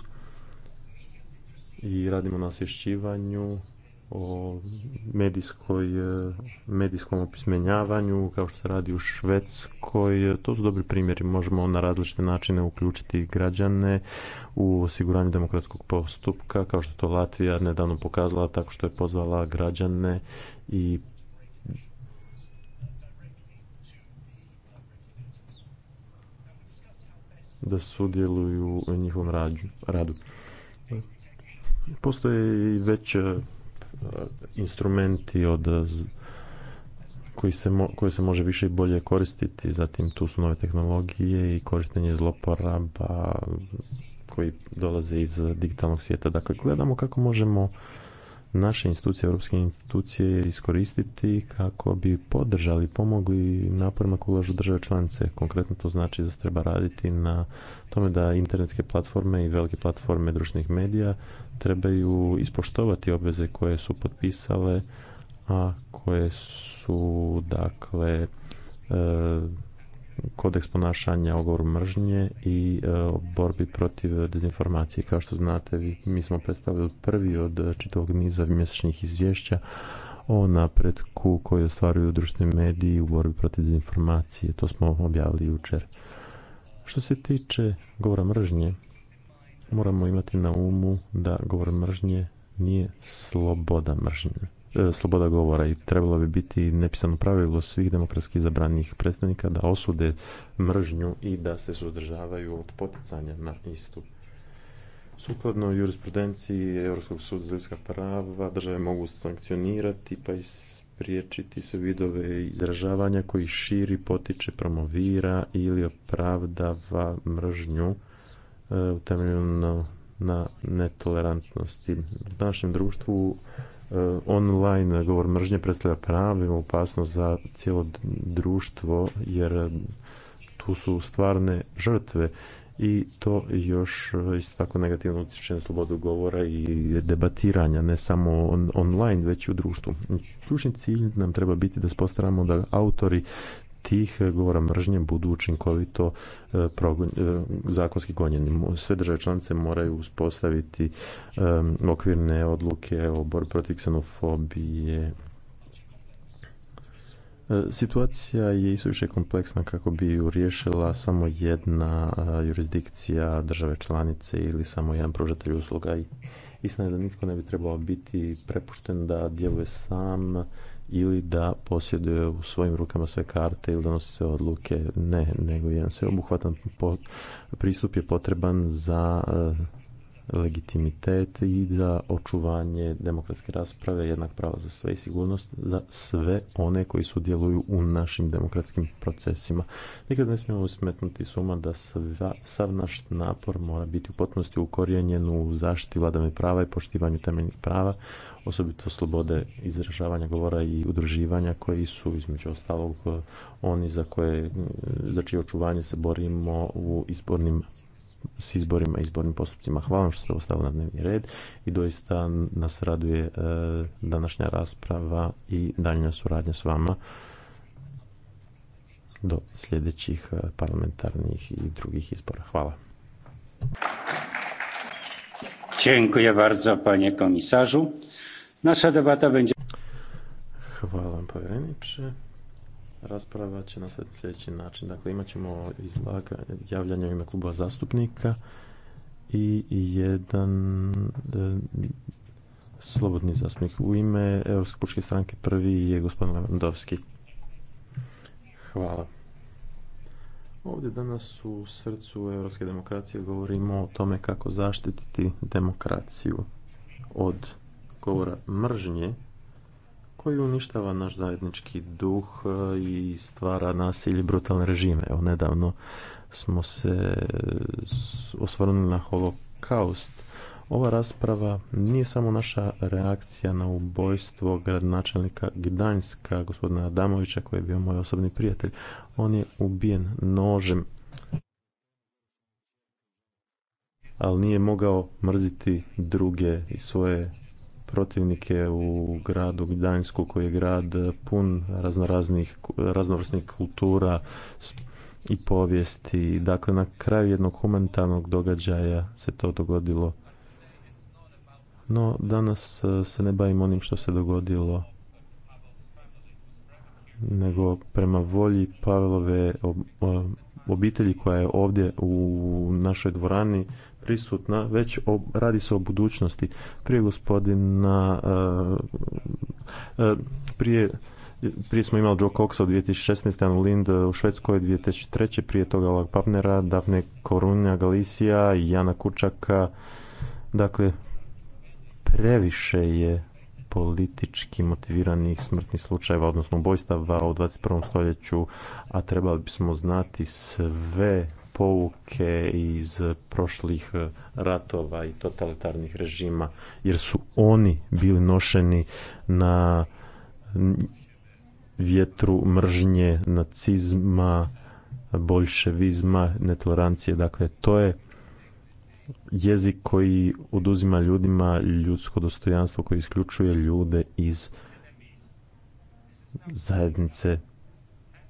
i radimo na osvješćivanju o medijskoj, e, medijskom opismenjavanju, kao što se radi u Švedskoj. To su dobri primjeri. Možemo na različite načine uključiti građane u osiguranju demokratskog postupka, kao što to Latvija nedavno pokazala tako što je pozvala građane i da sudjeluju u njihovom radu. Postoje i već instrumenti od koji se mo, koje se može više i bolje koristiti, zatim tu su nove tehnologije i korištenje zloporaba koji dolaze iz digitalnog svijeta. Dakle, gledamo kako možemo naše institucije, europske institucije iskoristiti kako bi podržali, pomogli naporima koje ulažu države članice. Konkretno to znači da se treba raditi na tome da internetske platforme i velike platforme društvenih medija trebaju ispoštovati obveze koje su potpisale, a koje su dakle e, kodeks ponašanja o govoru mržnje i e, borbi protiv dezinformacije. Kao što znate, mi smo predstavili prvi od e, čitavog niza mjesečnih izvješća o napretku koji ostvaruju društveni mediji u borbi protiv dezinformacije. To smo objavili jučer. Što se tiče govora mržnje, moramo imati na umu da govor mržnje nije sloboda mržnje. E, sloboda govora i trebalo bi biti nepisano pravilo svih demokratskih izabranih predstavnika da osude mržnju i da se suzdržavaju od poticanja na istu. Sukladno jurisprudenciji Europskog suda za ljudska prava države mogu sankcionirati pa i spriječiti sve vidove izražavanja koji širi, potiče, promovira ili opravdava mržnju e, utemeljeno na netolerantnosti. U našem društvu Eh, online govor mržnje predstavlja pravima opasnost za cijelo društvo jer eh, tu su stvarne žrtve i to još eh, isto tako negativno utječe na slobodu govora i debatiranja, ne samo on, online, već i u društvu. Ključni cilj nam treba biti da spostavamo da autori tih e, govora mržnje budu učinkovito e, e, zakonski gonjeni. Sve države članice moraju uspostaviti okvirne odluke o borbi protiv ksenofobije, Situacija je više kompleksna kako bi ju riješila samo jedna jurisdikcija države članice ili samo jedan pružatelj usluga. Istina je da nitko ne bi trebao biti prepušten da djeluje sam ili da posjeduje u svojim rukama sve karte ili donosi sve odluke. Ne, nego jedan sveobuhvatan pristup je potreban za eh, legitimitet i za očuvanje demokratske rasprave, jednak prava za sve i sigurnost za sve one koji sudjeluju u našim demokratskim procesima. Nikad ne smijemo smetnuti suma da sav naš napor mora biti u potpunosti ukorijenjen u zaštiti vladavine prava i poštivanju temeljnih prava, osobito slobode izražavanja govora i udruživanja koji su između ostalog oni za koje za čije očuvanje se borimo u izbornim s izborima i izbornim postupcima. Hvala vam što ste ostalo na dnevni red i doista nas raduje e, današnja rasprava i daljnja suradnja s vama do sljedećih e, parlamentarnih i drugih izbora. Hvala. Dziękuję bardzo, panie komisarzu. Nasza debata będzie... Hvala vam, povjereniče rasprava će na sljedeći način. Dakle, imat ćemo izlaga, javljanje u ime kluba zastupnika i jedan e, slobodni zastupnik. U ime Europske pučke stranke prvi je gospodin Lewandowski. Hvala. Ovdje danas u srcu europske demokracije govorimo o tome kako zaštititi demokraciju od govora mržnje koji uništava naš zajednički duh e, i stvara nasilje i brutalne režime. Evo, nedavno smo se osvrnuli na holokaust. Ova rasprava nije samo naša reakcija na ubojstvo gradnačelnika Gdanjska, gospodina Adamovića, koji je bio moj osobni prijatelj. On je ubijen nožem, ali nije mogao mrziti druge i svoje protivnike u gradu Gdansku koji je grad pun raznoraznih raznovrsnih kultura i povijesti. Dakle, na kraju jednog humanitarnog događaja se to dogodilo. No, danas e, se ne bavimo onim što se dogodilo, nego prema volji Pavelove e, obitelji koja je ovdje u našoj dvorani prisutna, već radi se o budućnosti. Prije gospodina, eh, eh, prije prije smo imali Joe Coxa u 2016. Anu Lind u Švedskoj 2003. Prije toga Olag Pavnera, davne Korunja Galicija, Jana Kučaka. Dakle, previše je politički motiviranih smrtnih slučajeva, odnosno ubojstava u 21. stoljeću, a trebali bismo znati sve pouke iz prošlih e, ratova i totalitarnih režima, jer su oni bili nošeni na vjetru mržnje, nacizma, bolševizma, netolerancije. Dakle, to je jezik koji oduzima ljudima ljudsko dostojanstvo, koji isključuje ljude iz zajednice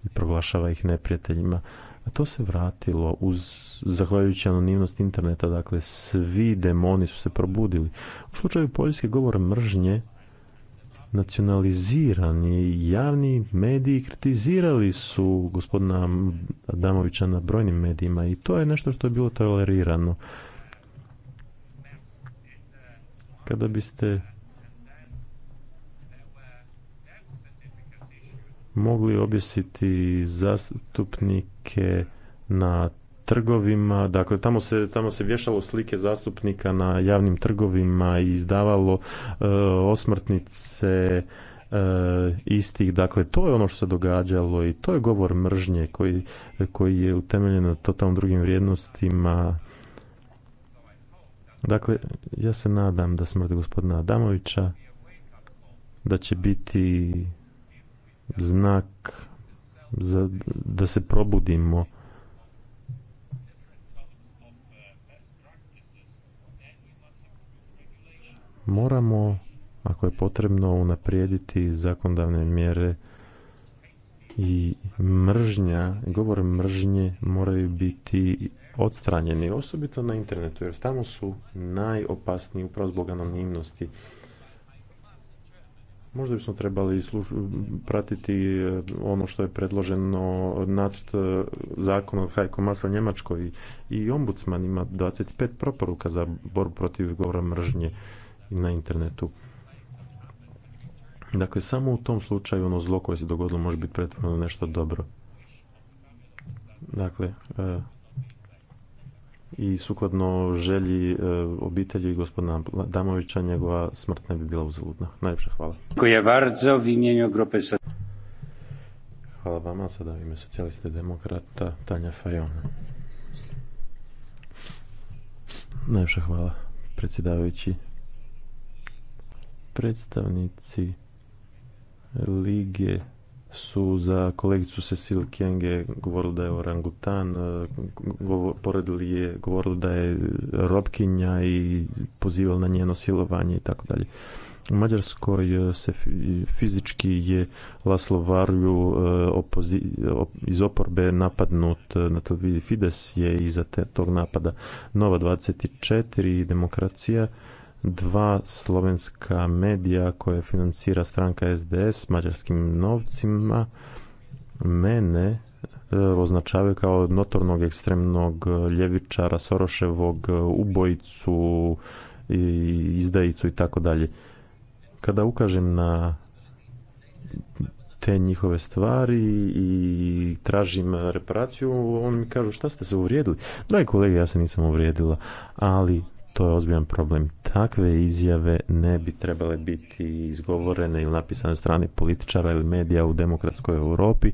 i proglašava ih neprijateljima. A to se vratilo uz, zahvaljujući anonimnost interneta, dakle svi demoni su se probudili. U slučaju Poljske govor mržnje nacionalizirani javni mediji kritizirali su gospodina Adamovića na brojnim medijima i to je nešto što je bilo tolerirano. Kada biste mogli objesiti zastupnik slike na trgovima, dakle tamo se, tamo se vješalo slike zastupnika na javnim trgovima i izdavalo e, osmrtnice e, istih, dakle to je ono što se događalo i to je govor mržnje koji, koji je utemeljen na totalno drugim vrijednostima. Dakle, ja se nadam da smrt gospodina Adamovića da će biti znak za, da se probudimo. Moramo, ako je potrebno, unaprijediti zakondavne mjere i mržnja, govor mržnje moraju biti odstranjeni, osobito na internetu, jer tamo su najopasniji upravo zbog anonimnosti Možda bismo trebali pratiti eh, ono što je predloženo nacrt eh, zakona o Hajko Masa Njemačkoj i ombudsman ima 25 proporuka za borbu protiv govora mržnje na internetu. Dakle, samo u tom slučaju ono zlo koje se dogodilo može biti pretvoreno nešto dobro. Dakle, eh, i sukladno želji e, obitelji gospodina Damovića njegova smrt ne bi bila uzaludna. Najljepša hvala. Hvala vama, sada ime socijaliste demokrata Tanja Fajona. Najljepša hvala predsjedavajući predstavnici Lige su za kolegicu Cecil Kenge govorili da je orangutan, e, poredili je, govorili da je robkinja i pozivali na njeno silovanje i tako dalje. U Mađarskoj e, se fizički je Laslo Varju e, iz oporbe napadnut na televiziji Fides je iza te, tog napada Nova 24 i demokracija dva slovenska medija koje financira stranka SDS mađarskim novcima mene e, označavaju kao notornog ekstremnog ljevičara, Soroševog e, ubojicu, i izdajicu i tako dalje. Kada ukažem na te njihove stvari i tražim reparaciju, oni mi kažu šta ste se uvrijedili. Dragi kolege, ja se nisam uvrijedila, ali to je ozbiljan problem. Takve izjave ne bi trebale biti izgovorene ili napisane strane političara ili medija u demokratskoj Europi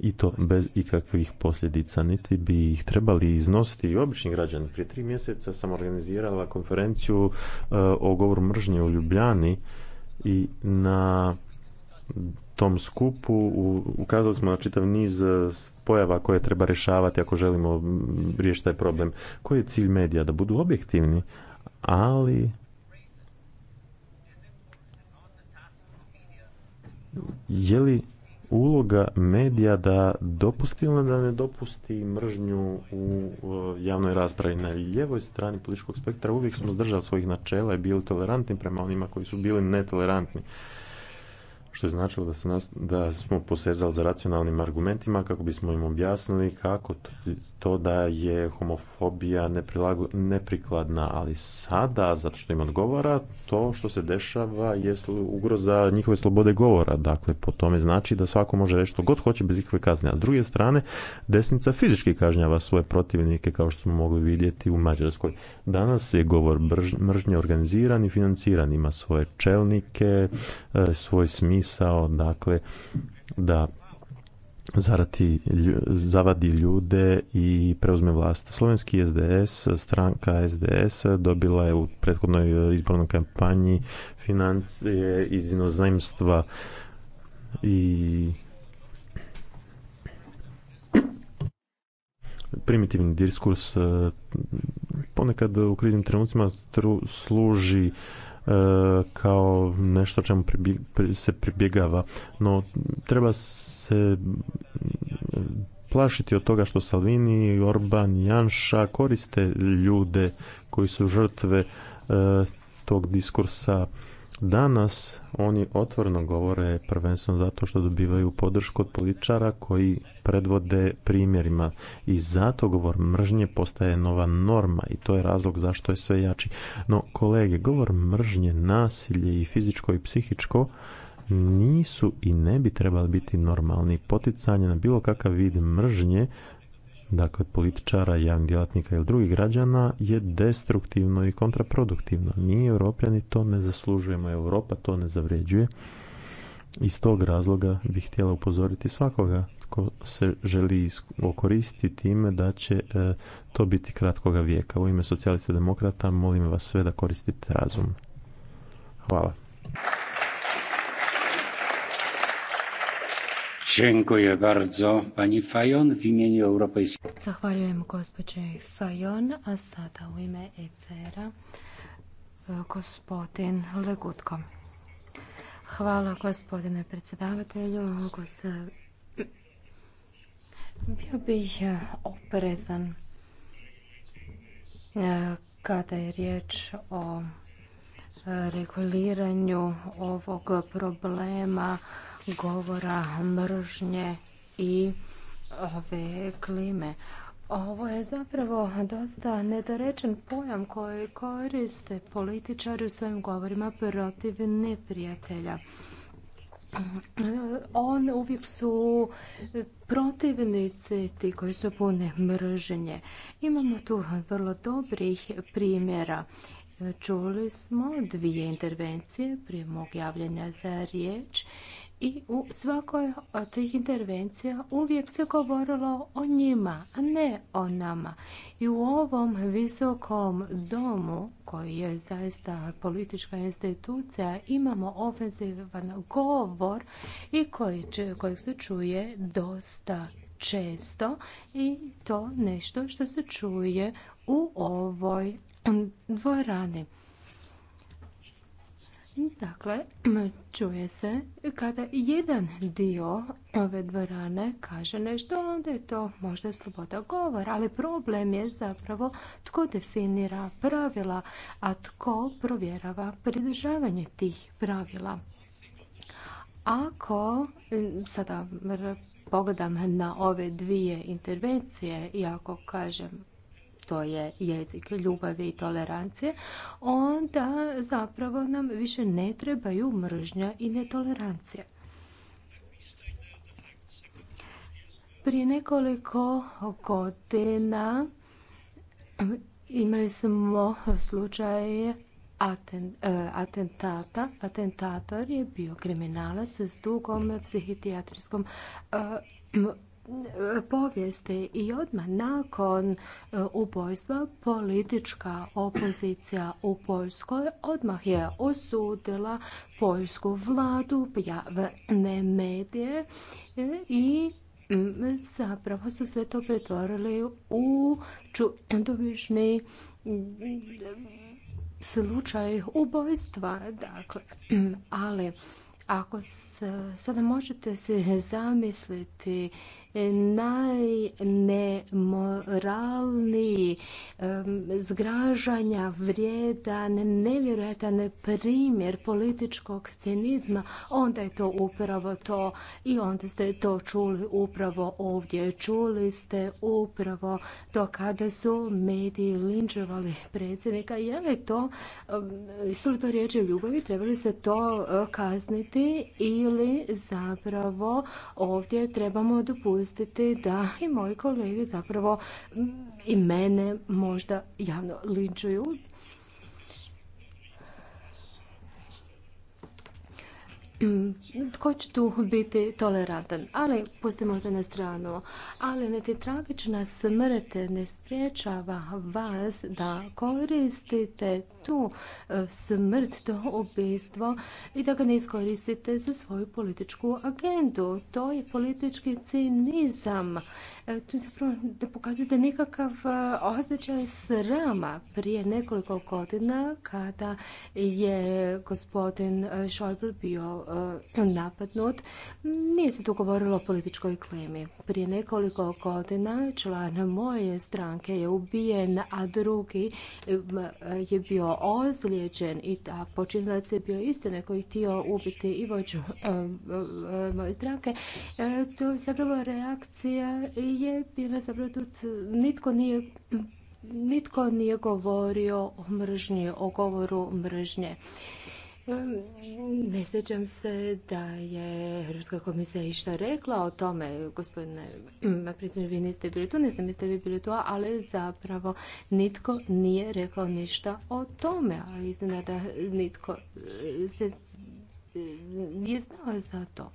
i to bez ikakvih posljedica. Niti bi ih trebali iznositi i obični građani. Prije tri mjeseca sam organizirala konferenciju e, o govoru mržnje u Ljubljani i na tom skupu ukazali smo na čitav niz e, pojava koje treba rješavati ako želimo riješiti taj problem. Koji je cilj medija? Da budu objektivni, ali je li uloga medija da dopusti ili da ne dopusti mržnju u javnoj raspravi. Na ljevoj strani političkog spektra uvijek smo zdržali svojih načela i bili tolerantni prema onima koji su bili netolerantni što je značilo da, se nas, da smo posezali za racionalnim argumentima kako bismo im objasnili kako to, da je homofobija neprikladna, ali sada, zato što im odgovara, to što se dešava je ugroza njihove slobode govora. Dakle, po tome znači da svako može reći što god hoće bez ikakve kazne. A s druge strane, desnica fizički kažnjava svoje protivnike kao što smo mogli vidjeti u Mađarskoj. Danas je govor mržnje organiziran i financiran, ima svoje čelnike, e, svoj smis misao, dakle, da zarati, zavadi ljude i preuzme vlast. Slovenski SDS, stranka SDS, dobila je u prethodnoj izbornoj kampanji financije iz inozemstva i primitivni diskurs eh, ponekad u kriznim trenucima služi E, kao nešto čemu se pribjegava. No, treba se mm, plašiti od toga što Salvini, Orban, Janša koriste ljude koji su žrtve e, tog diskursa Danas oni otvorno govore prvenstveno zato što dobivaju podršku od političara koji predvode primjerima i zato govor mržnje postaje nova norma i to je razlog zašto je sve jači. No kolege, govor mržnje, nasilje i fizičko i psihičko nisu i ne bi trebali biti normalni. Poticanje na bilo kakav vid mržnje dakle političara, javnih djelatnika ili drugih građana je destruktivno i kontraproduktivno. Mi europljani to ne zaslužujemo, Europa to ne zavređuje. Iz tog razloga bih htjela upozoriti svakoga ko se želi okoristiti time da će e, to biti kratkoga vijeka. U ime socijalista demokrata molim vas sve da koristite razum. Hvala. pani Fajon, Zahvaljujem gospođi Fajon, a sada u ime ECR-a e, gospodin Legutko. Hvala gospodine predsjedavatelju. Bio bih e, oprezan e, kada je riječ o reguliranju ovog problema govora mržnje i ove klime. Ovo je zapravo dosta nedorečen pojam koji koriste političari u svojim govorima protiv neprijatelja. On uvijek su protivnici ti koji su pune mržnje. Imamo tu vrlo dobrih primjera. Čuli smo dvije intervencije prije mog javljanja za riječ i u svakoj od tih intervencija uvijek se govorilo o njima, a ne o nama. I u ovom visokom domu, koji je zaista politička institucija, imamo ofenzivan govor i koji, kojeg se čuje dosta često i to nešto što se čuje u ovoj dvorani. Dakle, čuje se kada jedan dio ove dvorane kaže nešto, onda je to možda sloboda govora, ali problem je zapravo tko definira pravila, a tko provjerava pridržavanje tih pravila. Ako sada pogledam na ove dvije intervencije i ako kažem što je jezik ljubavi i tolerancije, onda zapravo nam više ne trebaju mržnja i netolerancija. Prije nekoliko godina imali smo slučaj e, atentata. Atentator je bio kriminalac s dugom psihijatrijskom e, povijesti i odmah nakon e, ubojstva politička opozicija u Poljskoj odmah je osudila poljsku vladu, javne medije e, i zapravo su sve to pretvorili u čudovišni slučaj ubojstva. Dakle, ali ako sada možete se zamisliti najnemoralniji zgražanja vrijedan, nevjerojatan primjer političkog cinizma, onda je to upravo to i onda ste to čuli upravo ovdje. Čuli ste upravo to kada su mediji linčevali predsjednika. Je li to, su li to riječi ljubavi, trebali se to e, kazniti ili zapravo ovdje trebamo dopustiti dopustiti da i moji kolege zapravo i mene možda javno linčuju Tko će tu biti tolerantan? Ali, pustimo to na stranu. Ali niti tragična smrt ne spriječava vas da koristite tu e, smrt, to ubistvo i da ga ne iskoristite za svoju političku agendu. To je politički cinizam E, tu zapravo da pokazate nekakav e, osjećaj srama prije nekoliko godina kada je gospodin e, Schäuble bio napadnut. Nije se tu govorilo o političkoj klimi. Prije nekoliko godina član moje stranke je ubijen, a drugi je bio ozlijeđen i ta počinilac je bio istine koji je htio ubiti i vođu moje stranke. To je zapravo reakcija i je bila tu nitko nije nitko nije govorio o mržnji, o govoru mržnje. Ne sjećam se da je Europska komisija išta rekla o tome, gospodine predsjedniče, vi niste bili tu, ne znam jeste vi bili tu, ali zapravo nitko nije rekao ništa o tome, a iznenada nitko e, se e, nije znao za to.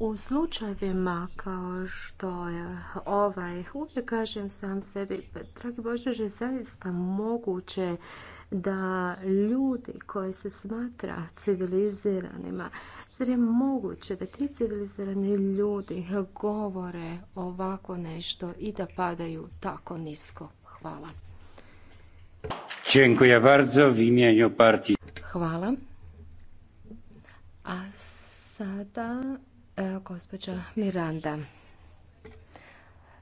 U slučajevima kao što je ovaj, uvijek kažem sam sebi, dragi Bože, že zaista moguće da ljudi koji se smatra civiliziranima, zar je moguće da ti civilizirani ljudi govore ovako nešto i da padaju tako nisko? Hvala. je bardzo Hvala. A sada E, gospođa Miranda.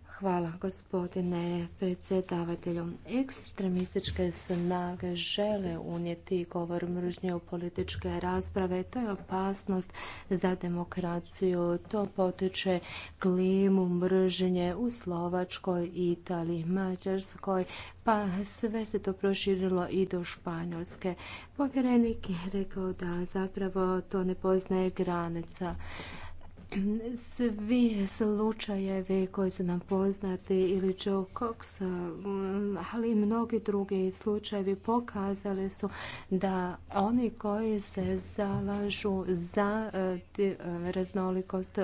Hvala gospodine predsjedavatelju. Ekstremističke snage žele unijeti govor mržnje u političke rasprave. To je opasnost za demokraciju. To potiče klimu mržnje u Slovačkoj, Italiji, Mađarskoj, pa sve se to proširilo i do Španjolske. Povjerenik je rekao da zapravo to ne poznaje granica. Svi slučajevi koji su nam poznati ili Joe Cox, ali i mnogi drugi slučajevi pokazali su da oni koji se zalažu za e, raznolikost,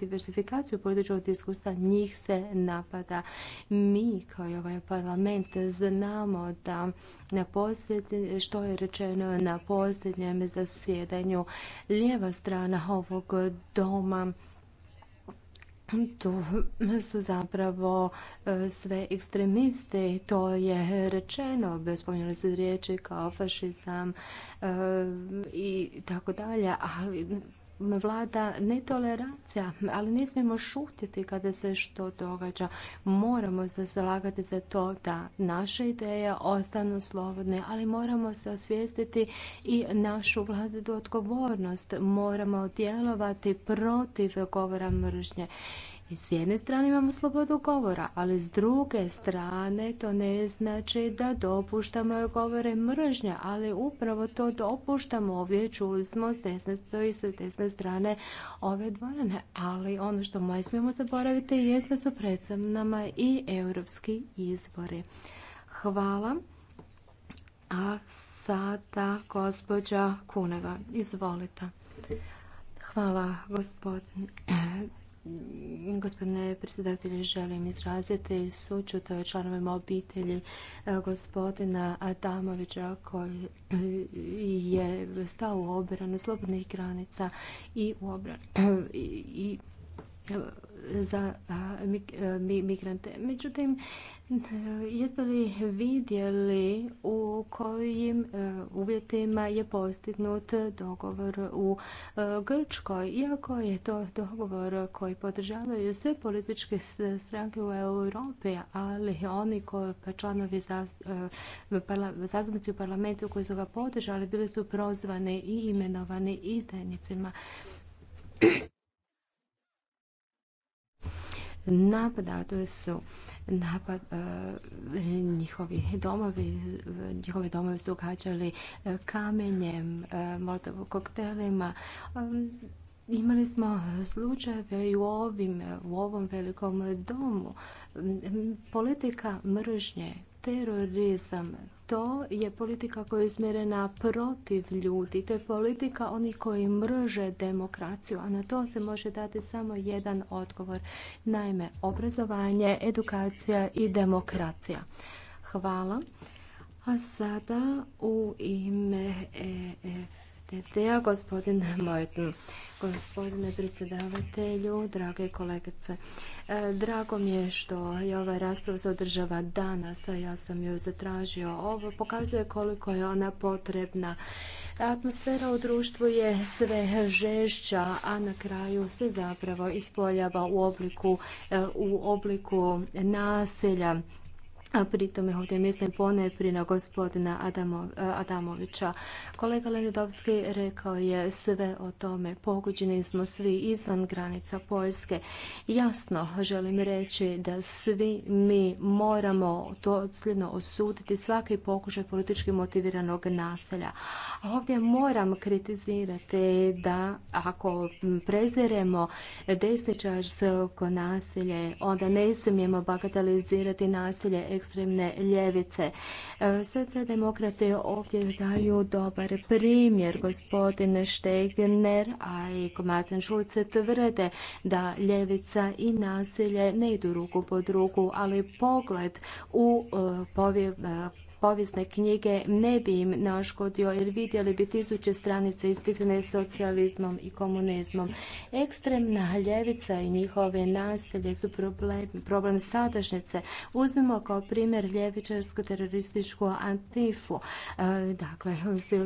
diversifikaciju političkog diskusa, njih se napada. Mi kao ovaj parlament znamo da na posljednje, što je rečeno na posljednjem zasjedanju lijeva strana ovog doma tu su zapravo e, sve ekstremiste i to je rečeno, spominjali se riječi kao fašizam e, i tako dalje, ali vlada netolerancija, ali ne smijemo šutiti kada se što događa. Moramo se zalagati za to da naše ideje ostanu slobodne, ali moramo se osvijestiti i našu vlastitu odgovornost. Moramo djelovati protiv govora mržnje s jedne strane imamo slobodu govora, ali s druge strane to ne znači da dopuštamo govore mržnja, ali upravo to dopuštamo. Ovdje čuli smo s desne, s desne strane ove dvorane, ali ono što ne smijemo zaboraviti jeste su pred i europski izbori. Hvala. A sada gospođa Kuneva, izvolite. Hvala gospodine Gospodine predsjedatelju, želim izraziti sućut članovima obitelji e, gospodina Adamovića koji je stao u obranu slobodnih granica i u e, i za migrante. Međutim, jeste li vidjeli u kojim e, uvjetima je postignut dogovor u e, Grčkoj? Iako je to dogovor koji podržavaju sve političke stranke u Europi, ali oni koji pa članovi e, zastupnici u parlamentu koji su ga podržali bili su prozvani i imenovani izdajnicima. Napadato dakle, su napad, e, njihovi domovi, njihove domove su ukađali e, kamenjem, e, molotov koktelima. Imali smo slučajeve i u, ovim, u ovom velikom domu. Politika mržnje terorizam. To je politika koja je izmjerena protiv ljudi. To je politika onih koji mrže demokraciju, a na to se može dati samo jedan odgovor. Naime, obrazovanje, edukacija i demokracija. Hvala. A sada u ime e e te ja, gospodine Mojten. Gospodine predsjedavatelju, drage kolegice, e, drago mi je što je ova rasprava se održava danas, a ja sam ju zatražio. Ovo pokazuje koliko je ona potrebna. Atmosfera u društvu je sve žešća, a na kraju se zapravo ispoljava u obliku, e, u obliku naselja a je ovdje mislim ponajprije na gospodina e, Adamovića. Kolega Lenidovski rekao je sve o tome. Poguđeni smo svi izvan granica Poljske. Jasno želim reći da svi mi moramo dosljedno osuditi svaki pokušaj politički motiviranog naselja. A ovdje moram kritizirati da ako preziremo desničarsko nasilje, onda ne smijemo bagatelizirati nasilje ekstremne ljevice. E, socijaldemokrati ovdje daju dobar primjer. Gospodin Štegner, a i Martin Schulz tvrde da ljevica i nasilje ne idu ruku pod ruku, ali pogled u e, povijest povijesne knjige ne bi im naškodio jer vidjeli bi tisuće stranice ispisane socijalizmom i komunizmom. Ekstremna ljevica i njihove nasilje su problem, problem sadašnjice. Uzmimo kao primjer ljevičarsku terorističku antifu. E, dakle,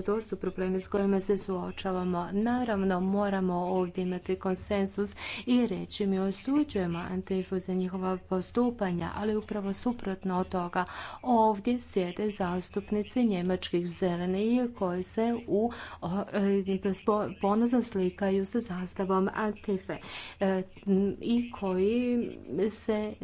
to su problemi s kojima se suočavamo. Naravno, moramo ovdje imati konsensus i reći mi osuđujemo antifu za njihova postupanja, ali upravo suprotno od toga. Ovdje sjede zastupnici njemačkih zelenih koji se u e, ponosa slikaju sa zastavom Antife e, i koji se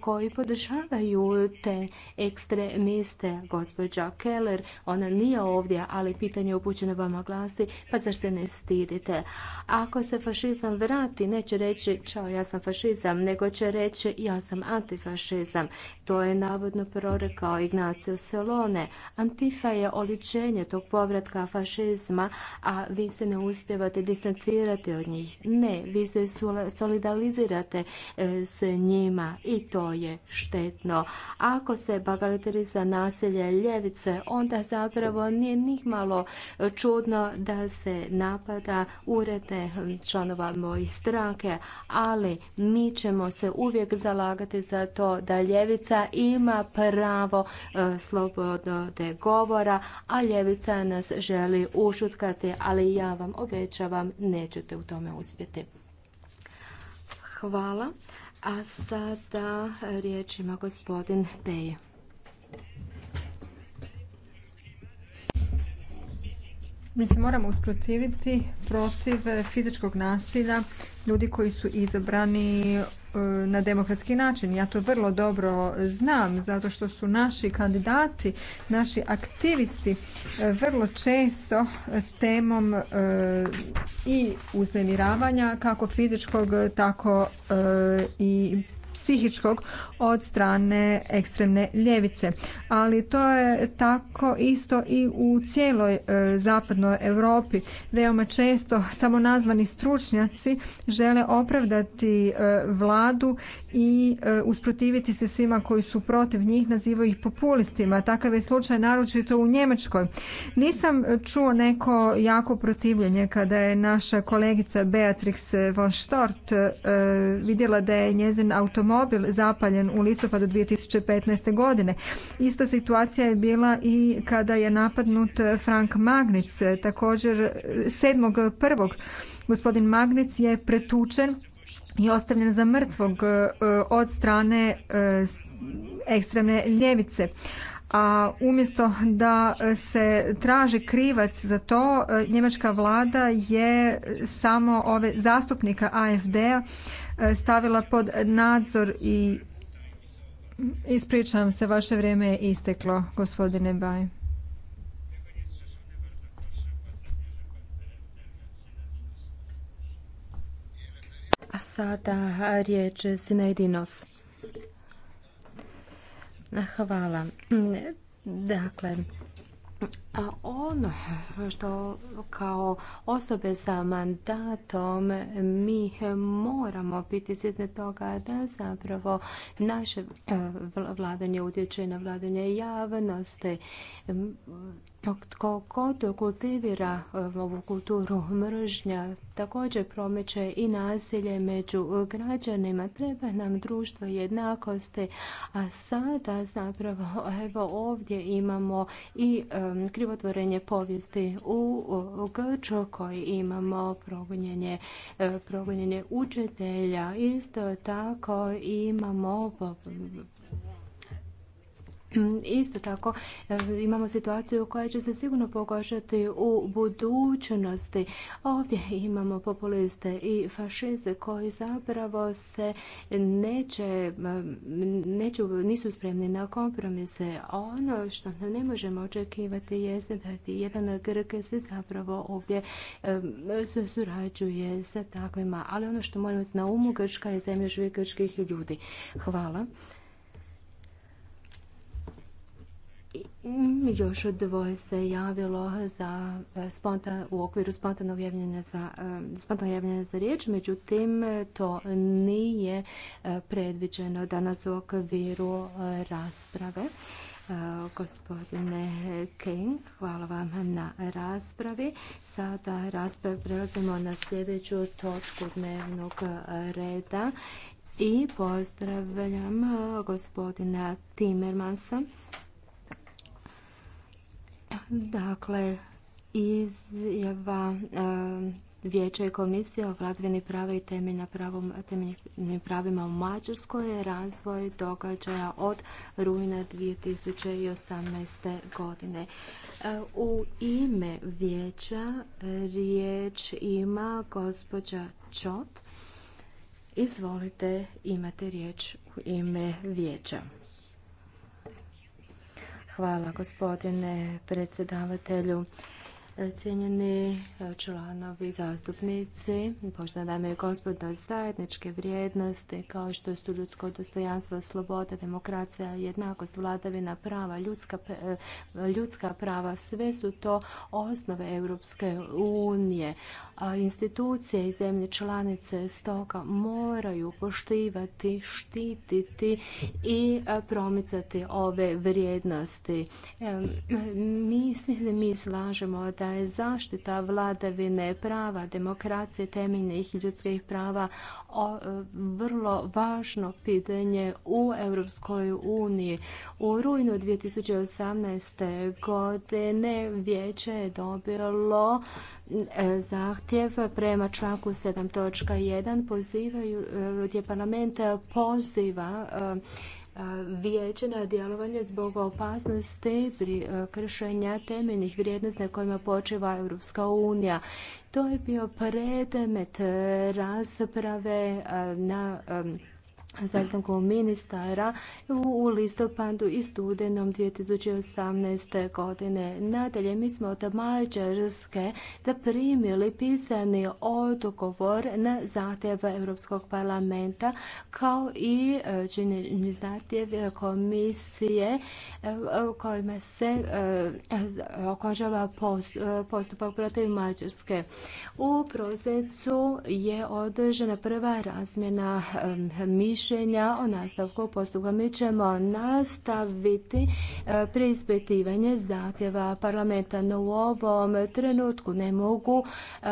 koji podržavaju te ekstremiste. Gospođa Keller, ona nije ovdje, ali pitanje upućeno vama glasi, pa zar se ne stidite? Ako se fašizam vrati, neće reći čao ja sam fašizam, nego će reći ja sam antifašizam. To je navodno prorekao Ignacio Selone. Antifa je oličenje tog povratka fašizma, a vi se ne uspjevate distancirati od njih. Ne, vi se solidarizirate e, s njima i i to je štetno. Ako se bagateliza nasilje ljevice, onda zapravo nije njih malo čudno da se napada urede članova mojih stranke, ali mi ćemo se uvijek zalagati za to da ljevica ima pravo e, slobodno te govora, a ljevica nas želi ušutkati, ali ja vam obećavam nećete u tome uspjeti. Hvala. A sada riječ ima gospodin Pej. Mi se moramo usprotiviti protiv fizičkog nasilja ljudi koji su izabrani E, na demokratski način. Ja to vrlo dobro znam, zato što su naši kandidati, naši aktivisti e, vrlo često temom e, i uznemiravanja, kako fizičkog, tako i psihičkog od strane ekstremne ljevice. Ali to je tako isto i u cijeloj e, zapadnoj Europi. Veoma često samo nazvani stručnjaci žele opravdati e, vladu i e, usprotiviti se svima koji su protiv njih, nazivaju ih populistima. Takav je slučaj naročito u Njemačkoj. Nisam čuo neko jako protivljenje kada je naša kolegica Beatrix von Stort vidjela da je njezin automobil zapaljen u listopadu 2015. godine. Ista situacija je bila i kada je napadnut Frank Magnic, također 7.1. Gospodin Magnic je pretučen i ostavljen za mrtvog e, od strane e, ekstremne ljevice a umjesto da se traži krivac za to, e, njemačka vlada je samo ove zastupnika AFD-a stavila pod nadzor i Ispričavam se, vaše vrijeme je isteklo, gospodine Baj. A sada riječ Sinejdinos. Hvala. Dakle, a ono što kao osobe sa mandatom mi moramo biti svjesni toga da zapravo naše e, vladanje utječe na vladanje javnosti. Tko god kultivira ovu kulturu mržnja, također promeće i nasilje među građanima. Treba nam društvo jednakosti, a sada zapravo evo ovdje imamo i e, krivotvorenje povijesti u koji imamo progonjenje, e, progonjenje učitelja, isto tako imamo Mm, isto tako e, imamo situaciju koja će se sigurno pogošati u budućnosti. Ovdje imamo populiste i fašiste koji zapravo se neće, neću, nisu spremni na kompromise. Ono što ne možemo očekivati je da jedan Grk se zapravo ovdje e, surađuje sa takvima. Ali ono što moramo na umu Grčka je zemlja živih grčkih ljudi. Hvala. Mm, još dvoje se javilo za e, u okviru spontanog javljanja za, e, za riječ, međutim to nije e, predviđeno danas u okviru rasprave. Gospodine King, hvala vam na raspravi. Sada raspravu prelazimo na sljedeću točku dnevnog reda i pozdravljam gospodina Timmermansa Dakle, izjava eh, Vijeća i komisija o vladavini prava i temeljnim pravima u Mađarskoj je razvoj događaja od rujna 2018. godine. Eh, u ime vijeća riječ ima gospođa Čot. Izvolite, imate riječ u ime vijeća. Hvala gospodine predsjedavatelju. Cijenjeni e, članovi, zastupnici, Pošto dame i gospodo, zajedničke vrijednosti kao što su ljudsko dostojanstvo, sloboda, demokracija, jednakost, vladavina prava, ljudska, e, prava, sve su to osnove Europske unije. Institucije i zemlje članice stoga moraju poštivati, štititi i e, promicati ove vrijednosti. Mi mi slažemo da je zaštita vladavine prava, demokracije, temeljnih ljudskih prava e, vrlo važno pitanje u Europskoj uniji. U rujnu 2018. godine vijeće je dobilo e, zahtjev prema članku 7.1 pozivaju e, gdje parlament poziva vijeće djelovanje zbog opasnosti pri e, kršenja temeljnih vrijednosti na kojima počiva Europska unija. To je bio predmet rasprave e, na sastanku ministara u listopadu i studenom 2018. godine. Nadalje, mi smo od Mađarske da primili pisani odgovor na zahtjev Europskog parlamenta kao i e, zahtjev komisije e, kojima se e, okončava postupak protiv Mađarske. U prosincu je održana prva razmjena mišljenja mišljenja o nastavku postupka. Mi ćemo nastaviti e, preispitivanje zahtjeva parlamenta, no u ovom trenutku ne mogu e,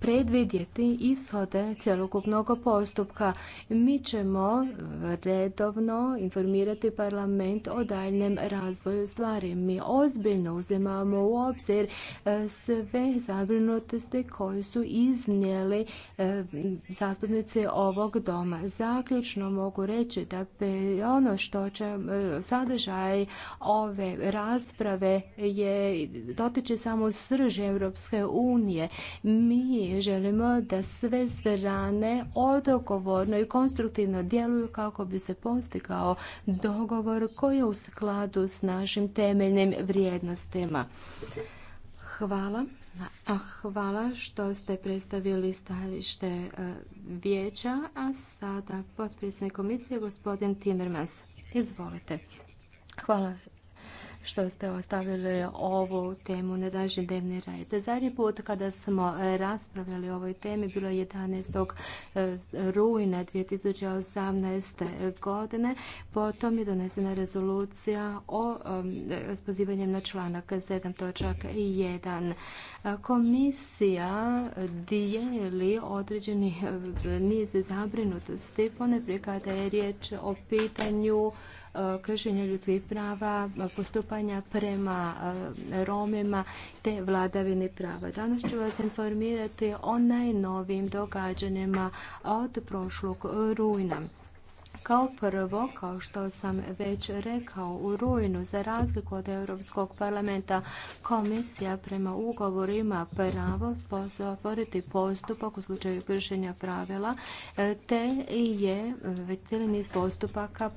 predvidjeti ishode cjelokupnog postupka. Mi ćemo redovno informirati parlament o daljnjem razvoju stvari. Mi ozbiljno uzimamo u obzir e, sve zabrinutosti koje su iznijeli e, zastupnici ovog doma. Zaključno mogu reći da ono što će e, sadržaj ove rasprave je dotiče samo srž Europske unije. Mi mi želimo da sve strane odgovorno i konstruktivno djeluju kako bi se postigao dogovor koji je u skladu s našim temeljnim vrijednostima. Hvala. Hvala što ste predstavili stajalište e, vijeća, a sada potpredsjednik komisije gospodin Timmermans. Izvolite. Hvala što ste ostavili ovu temu na današnji dnevni red. Zadnji put kada smo raspravljali o ovoj temi bilo je 11. E, rujna 2018. godine. Potom je donesena rezolucija o e, spozivanjem na članak 7 točak 1. Komisija dijeli određeni e, niz zabrinutosti prije kada je riječ o pitanju Eh, kršenja ljudskih prava, postupanja prema eh, Romima te vladavini prava. Danas ću vas informirati o najnovijim događanjima od prošlog rujna. Kao prvo, kao što sam već rekao, u rujnu, za razliku od Europskog parlamenta, komisija prema ugovoru ima pravo otvoriti postupak u slučaju kršenja pravila, e, te je već cijeli niz postupaka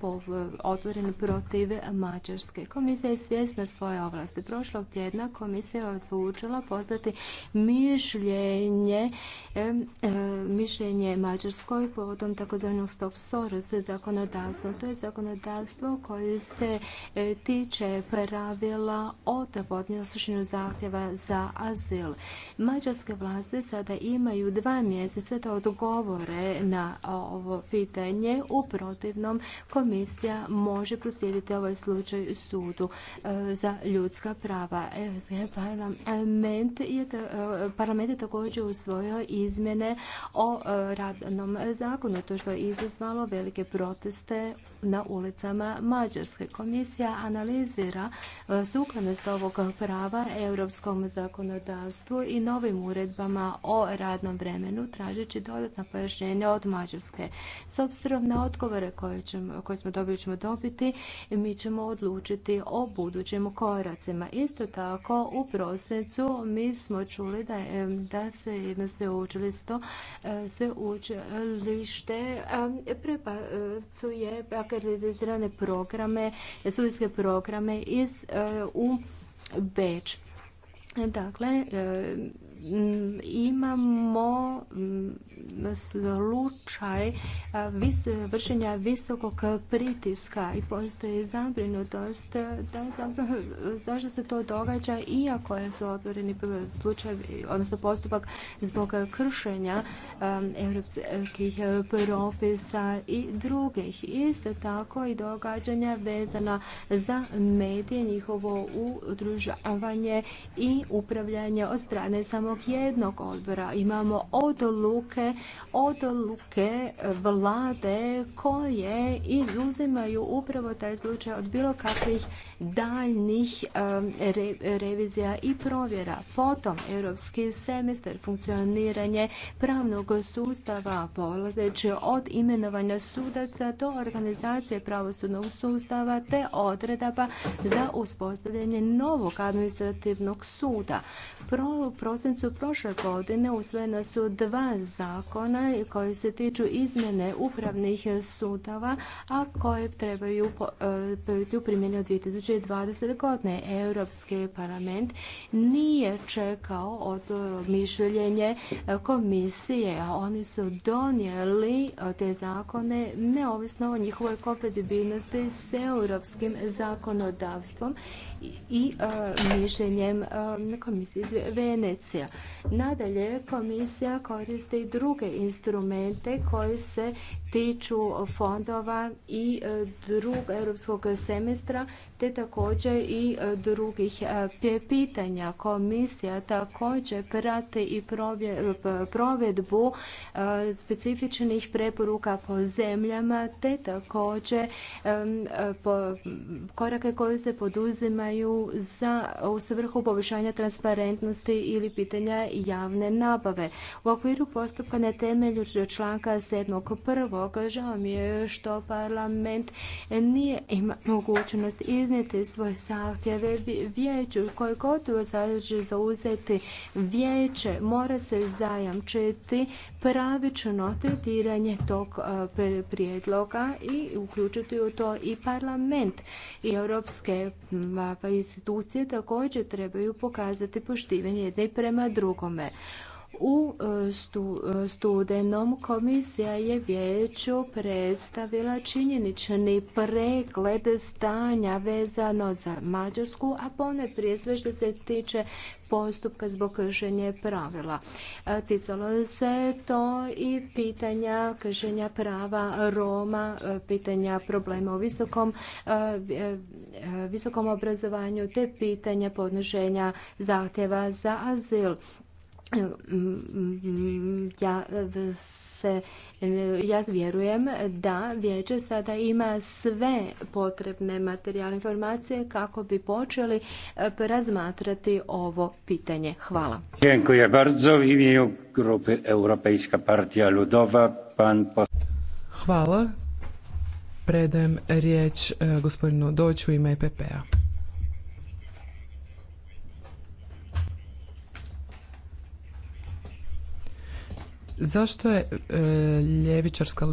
otvoren protiv Mađarske. Komisija je svjesna svoje ovlasti. Prošlog tjedna komisija je odlučila poslati mišljenje, e, e, mišljenje Mađarskoj povodom takozvanog stop Soros za zakonodavstvom To je zakonodavstvo koje se e, tiče pravila o podnošenju zahtjeva za azil. Mađarske vlasti sada imaju dva mjeseca da odgovore na ovo pitanje. U protivnom, komisija može proslijediti ovaj slučaj sudu e, za ljudska prava. Parlament je, e, parlament je također usvojio izmjene o radnom zakonu, to što je izazvalo velike proteste na ulicama Mađarske. Komisija analizira e, sukladnost ovog prava europskom zakonodavstvu i novim uredbama o radnom vremenu, tražeći dodatna pojašnjenja od Mađarske. S obzirom na odgovore koje, ćemo, smo dobili ćemo dobiti, mi ćemo odlučiti o budućim koracima. Isto tako, u prosincu mi smo čuli da, e, da se jedno sveučilište e, sve učilište prebacuje akreditirane programe, studijske programe iz e, u Beč. Dakle, e, imamo mm, slučaj vršenja visokog pritiska i postoji zabrinutost da zapravo zašto se to događa iako su otvoreni slučaj, odnosno postupak zbog kršenja europskih propisa i drugih. Isto tako i događanja vezana za medije, njihovo udružavanje i upravljanje od strane samog jednog odbora. Imamo odluke, odluke vlade koje izuzimaju upravo taj slučaj od bilo kakvih daljnih revizija i provjera. Potom europski semestar, funkcioniranje pravnog sustava polazeći od imenovanja sudaca do organizacije pravosudnog sustava te odredaba za uspostavljanje novog administrativnog suda. Pro, prosincu prošle godine usvojena su dva zakona koji se tiču izmjene upravnih sudova, a koje trebaju e, biti u primjeni od 2020. godine. Europski parlament nije čekao od e, mišljenje e, komisije, oni su donijeli te zakone neovisno o njihovoj kompatibilnosti s europskim zakonodavstvom i mišljenjem komisije iz Venecija. Nadalje, komisija koristi druge instrumente koji se tiču fondova i e, drugog europskog semestra, te također i e, drugih e, pitanja. Komisija također prati i provedbu specifičnih preporuka po zemljama, te također korake koje se poduzimaju u svrhu poboljšanja transparentnosti ili pitanja javne nabave. U okviru postupka na temelju članka 7.1. žao je što parlament nije ima mogućnost iznijeti svoje zahtjeve vijeću koje gotovo zauzeti vijeće mora se zajamčiti pravično tretiranje tog e, prijedloga i uključiti u to i parlament i europske institucije također trebaju pokazati poštivanje jedne prema drugome. U e, e, studenom komisija je vijeću predstavila činjenični pregled stanja vezano za Mađarsku, a pone prije sve što se tiče postupka zbog kršenja pravila. E, ticalo se to i pitanja kršenja prava Roma, pitanja problema u visokom, visokom obrazovanju te pitanja podnošenja zahtjeva za azil ja se ja vjerujem da vijeće sada ima sve potrebne materijale informacije kako bi počeli e, razmatrati ovo pitanje. Hvala. bardzo. Europejska pan Hvala. Predajem riječ e, gospodinu Doću ime EPP-a. Zašto je e, ljevičarska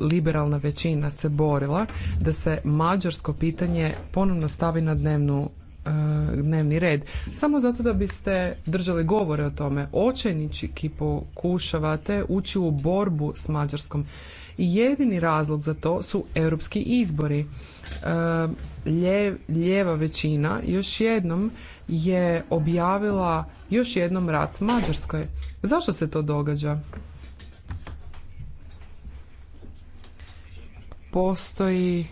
liberalna većina se borila da se mađarsko pitanje ponovno stavi na dnevnu e, dnevni red samo zato da biste držali govore o tome očajnički pokušavate ući u borbu s mađarskom jedini razlog za to su europski izbori e, Ljeva lijeva većina još jednom je objavila još jednom rat Mađarskoj. Zašto se to događa? Postoji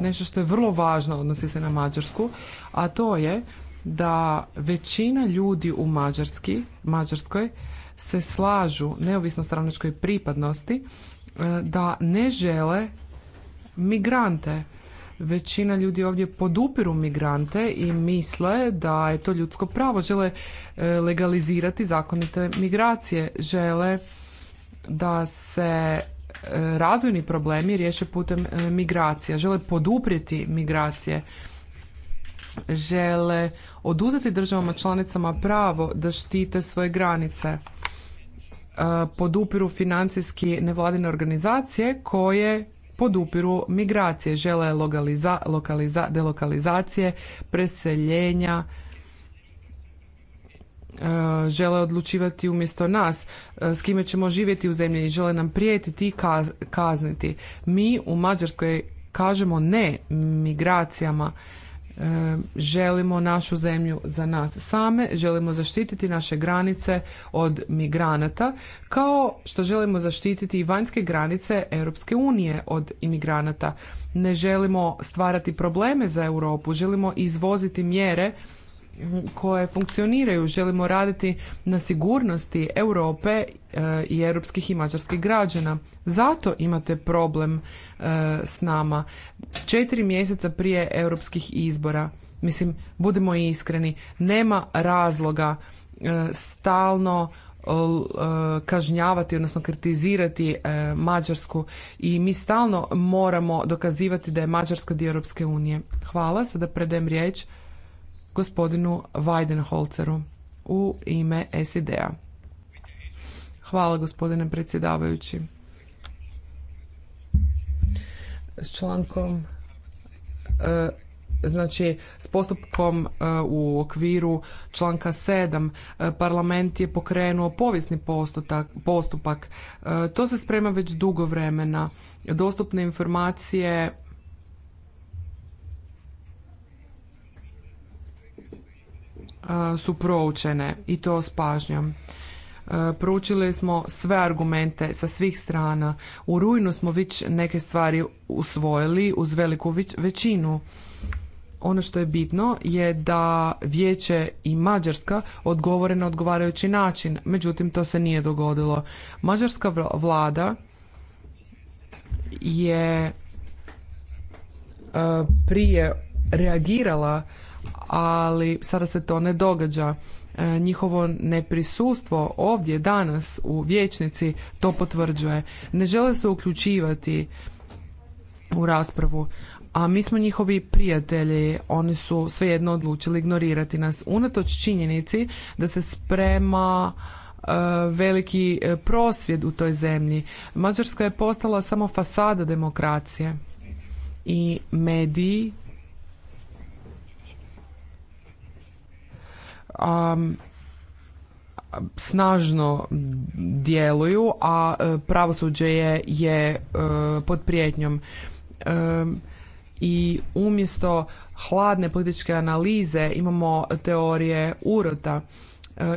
nešto što je vrlo važno, odnosi se na Mađarsku, a to je da većina ljudi u Mađarski, Mađarskoj se slažu, neovisno stranačkoj pripadnosti, e, da ne žele migrante Većina ljudi ovdje podupiru migrante i misle da je to ljudsko pravo. Žele e, legalizirati zakonite migracije. Žele da se e, razvojni problemi riješe putem e, migracija. Žele poduprijeti migracije. Žele oduzeti državama članicama pravo da štite svoje granice podupiru financijski nevladine organizacije koje podupiru migracije, žele delokalizacije, preseljenja, e, žele odlučivati umjesto nas e, s kime ćemo živjeti u zemlji i žele nam prijetiti i kazniti. Mi u Mađarskoj kažemo ne migracijama želimo našu zemlju za nas same, želimo zaštititi naše granice od migranata, kao što želimo zaštititi i vanjske granice Europske unije od imigranata. Ne želimo stvarati probleme za Europu, želimo izvoziti mjere koje funkcioniraju. Želimo raditi na sigurnosti Europe e, i europskih i mađarskih građana. Zato imate problem e, s nama. Četiri mjeseca prije europskih izbora. Mislim, budimo iskreni, nema razloga e, stalno kažnjavati, odnosno kritizirati Mađarsku i mi stalno moramo dokazivati da je Mađarska dio Europske unije. Hvala, sada predajem riječ gospodinu Weidenholzeru u ime SID-a. Hvala gospodine predsjedavajući. S člankom e, znači s postupkom e, u okviru članka 7 e, parlament je pokrenuo povijesni postupak. To se sprema već dugo vremena. Dostupne informacije su proučene i to s pažnjom. Proučili smo sve argumente sa svih strana. U rujnu smo već neke stvari usvojili uz veliku većinu. Ono što je bitno je da vijeće i Mađarska odgovore na odgovarajući način. Međutim, to se nije dogodilo. Mađarska vlada je prije reagirala ali sada se to ne događa. E, njihovo neprisustvo ovdje danas u vijećnici to potvrđuje. Ne žele se uključivati u raspravu, a mi smo njihovi prijatelji, oni su svejedno odlučili ignorirati nas. Unatoč činjenici da se sprema e, veliki e, prosvjed u toj zemlji. Mađarska je postala samo fasada demokracije i mediji a snažno djeluju, a e, pravosuđe je, je e, pod prijetnjom. E, I umjesto hladne političke analize imamo teorije urota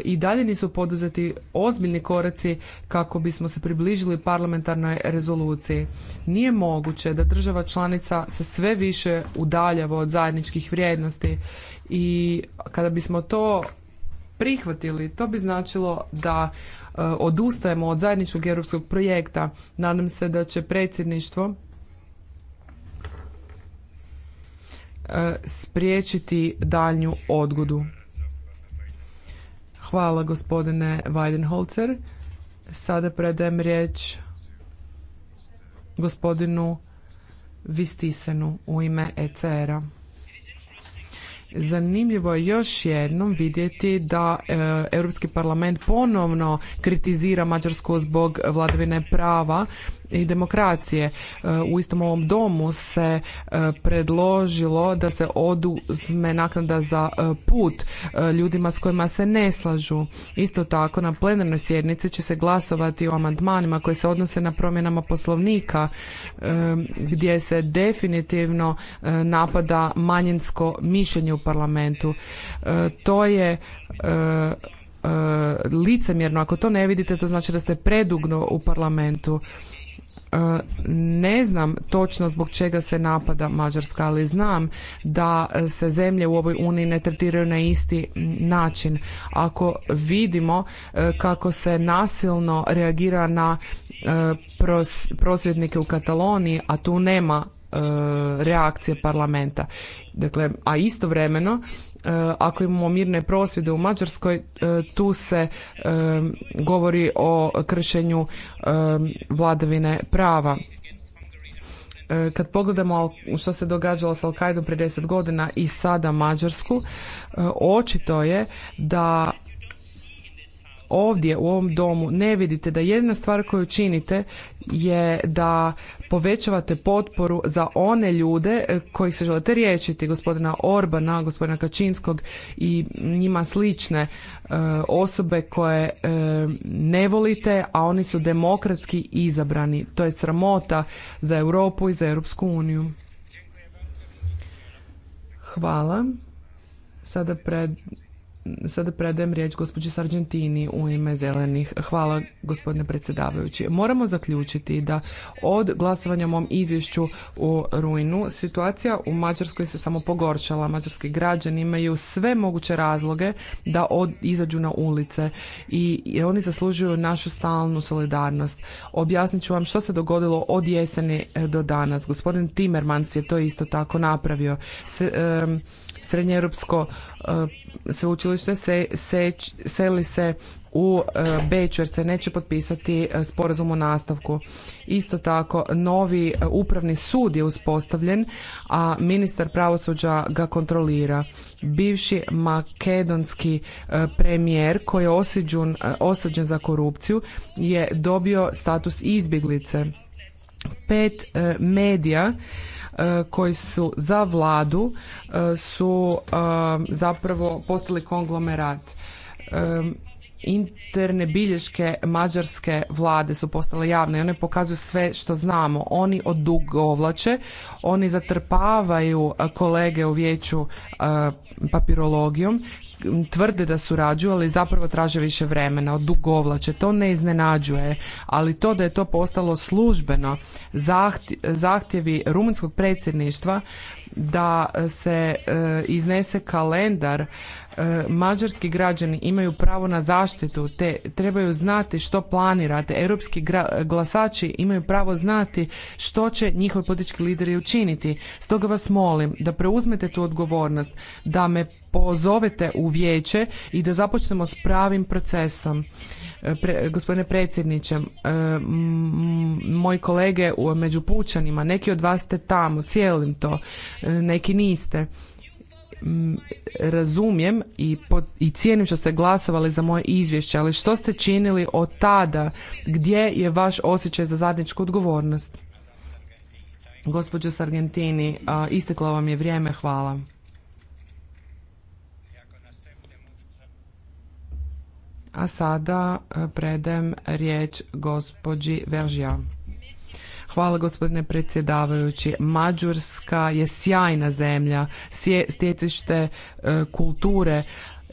i dalje nisu poduzeti ozbiljni koraci kako bismo se približili parlamentarnoj rezoluciji. Nije moguće da država članica se sve više udaljava od zajedničkih vrijednosti i kada bismo to prihvatili, to bi značilo da e, odustajemo od zajedničkog europskog projekta. Nadam se da će predsjedništvo e, spriječiti daljnju odgodu. Hvala gospodine Weidenholzer. Sada predajem riječ gospodinu Vistisenu u ime ECR-a. Zanimljivo je još jednom vidjeti da e, Europski parlament ponovno kritizira Mađarsku zbog vladavine prava i demokracije. E, u istom ovom domu se e, predložilo da se oduzme naknada za e, put ljudima s kojima se ne slažu. Isto tako na plenarnoj sjednici će se glasovati o amandmanima koji se odnose na promjenama poslovnika gdje se definitivno napada manjinsko mišljenje u parlamentu. To je licemjerno. Ako to ne vidite, to znači da ste predugno u parlamentu. E, ne znam točno zbog čega se napada Mađarska, ali znam da e, se zemlje u ovoj Uniji ne tretiraju na isti način. Ako vidimo e, kako se nasilno reagira na prosvjednike u Kataloniji, a tu nema Eh, reakcije parlamenta. Dakle, a istovremeno eh, ako imamo mirne prosvjede u Mađarskoj eh, tu se govori o kršenju vladavine prava kad pogledamo što se događalo s al prije 10 godina i sada Mađarsku, očito je da ovdje u ovom domu ne vidite da jedna stvar koju činite je da povećavate potporu za one ljude e, kojih se želite riješiti, gospodina Orbana, gospodina Kačinskog i njima slične e, osobe koje e, ne volite, a oni su demokratski izabrani. To je sramota za Europu i za Europsku uniju. Hvala. Sada pred sada predajem riječ gospođi Sargentini u ime zelenih. Hvala gospodine predsjedavajući. Moramo zaključiti da od glasovanja mom izvješću u rujnu situacija u Mađarskoj se samo pogoršala. Mađarski građani imaju sve moguće razloge da od, izađu na ulice i, oni zaslužuju našu stalnu solidarnost. Objasnit ću vam što se dogodilo od jeseni e, do danas. Gospodin Timmermans je to isto tako napravio. Srednjeeuropsko e, sveučilište se, se, seli se u e, Beč jer se neće potpisati e, sporazum o nastavku. Isto tako, novi upravni sud je uspostavljen, a ministar pravosuđa ga kontrolira. Bivši makedonski premijer koji je osuđen, osuđen za korupciju je dobio status izbjeglice. Pet medija E, koji su za vladu e, su e, zapravo postali konglomerat. Interne bilješke mađarske vlade su postale javne i one pokazuju sve što znamo. Oni odugovlače, oni zatrpavaju kolege u vijeću papirologijom tvrde da surađuju, ali zapravo traže više vremena, odugovlače. To ne iznenađuje, ali to da je to postalo službeno zahtjevi rumunskog predsjedništva da se e, iznese kalendar E, mađarski građani imaju pravo na zaštitu te trebaju znati što planirate. Europski glasači imaju pravo znati što će njihovi politički lideri učiniti. Stoga vas molim da preuzmete tu odgovornost, da me pozovete u vijeće i da započnemo s pravim procesom. E, gospodine predsjedniče, e, moji kolege u, među pučanima, neki od vas ste tamo, cijelim to, neki niste razumijem i, i cijenim što ste glasovali za moje izvješće, ali što ste činili od tada? Gdje je vaš osjećaj za zajedničku odgovornost? Gospođo Sargentini, isteklo vam je vrijeme, hvala. A sada e, predem riječ gospođi Veržija. Hvala gospodine predsjedavajući. Mađurska je sjajna zemlja, stjecište e, kulture.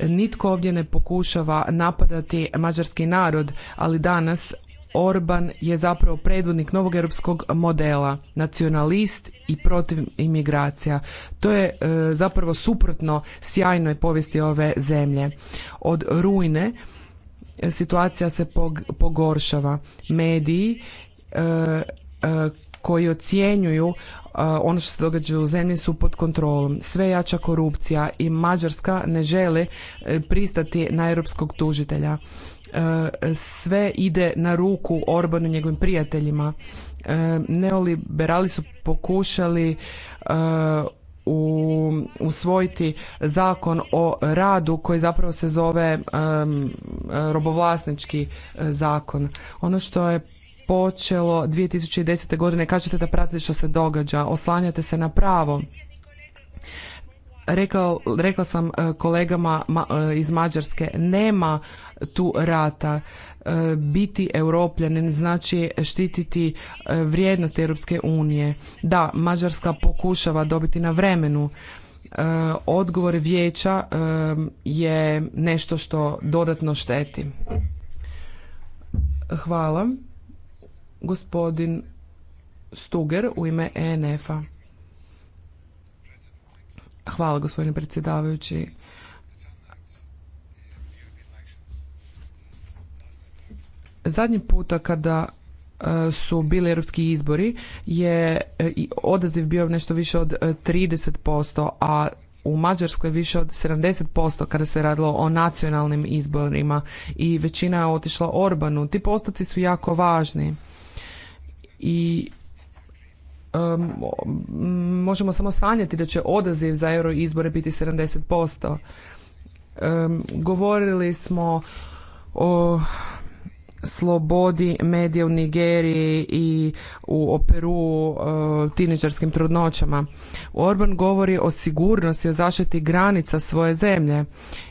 Nitko ovdje ne pokušava napadati mađarski narod, ali danas Orban je zapravo predvodnik novog europskog modela, nacionalist i protiv imigracija. To je e, zapravo suprotno sjajnoj povijesti ove zemlje. Od rujne e, situacija se pogoršava. Mediji E, koji ocjenjuju e, ono što se događa u zemlji su pod kontrolom. Sve jača korupcija i Mađarska ne želi e, pristati na europskog tužitelja. Sve ide na ruku Orbanu i njegovim prijateljima. Neoliberali su pokušali usvojiti zakon o radu koji zapravo se zove robovlasnički zakon. Ono što je počelo 2010. godine. Kažete da pratite što se događa, oslanjate se na pravo. Rekao, rekla sam e, kolegama e, iz Mađarske, nema tu rata. E, biti europljanin znači štititi vrijednosti Europske unije. Da, Mađarska pokušava dobiti na vremenu. Odgovor vijeća je nešto što dodatno šteti. Hvala gospodin Stuger u ime ENF-a. Hvala gospodine predsjedavajući. Zadnji puta kada e, su bili europski izbori je e, odaziv bio nešto više od 30%, e, a u Mađarskoj više od 70% kada se radilo o nacionalnim izborima i većina je otišla Orbanu. Ti postoci su jako važni i um, možemo samo sanjati da će odaziv za euro izbore biti 70%. Um, govorili smo o slobodi medija u Nigeriji i u operu e, trudnoćama. Orban govori o sigurnosti, o zaštiti granica svoje zemlje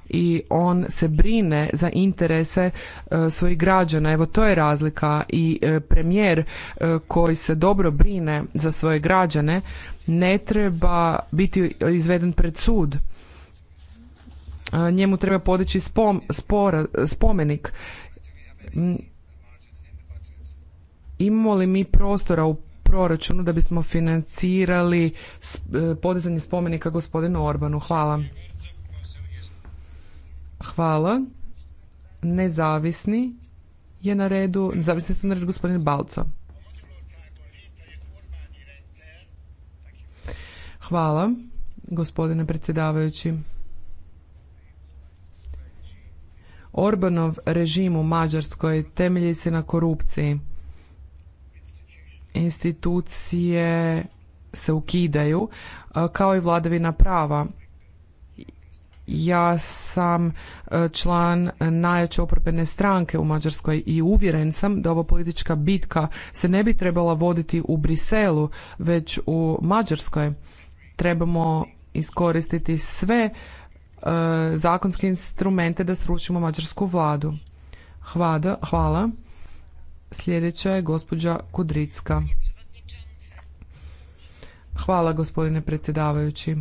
i on se brine za interese e, svojih građana. Evo to je razlika i e, premijer e, koji se dobro brine za svoje građane ne treba biti izveden pred sud njemu treba podići spomenik Imamo li mi prostora u proračunu da bismo financirali e, podizanje spomenika gospodinu Orbanu? Hvala. Hvala. Nezavisni je na redu, nezavisni su na redu gospodin Balco. Hvala, gospodine predsjedavajući. Orbanov režim u Mađarskoj temelji se na korupciji. Institucije se ukidaju, e, kao i vladavina prava. Ja sam e, član najjače oporbene stranke u Mađarskoj i uvjeren sam da ova politička bitka se ne bi trebala voditi u Briselu, već u Mađarskoj. Trebamo iskoristiti sve E, zakonske instrumente da srušimo mađarsku vladu. hvala. Sljedeća je gospođa Kudricka. Hvala gospodine predsjedavajući.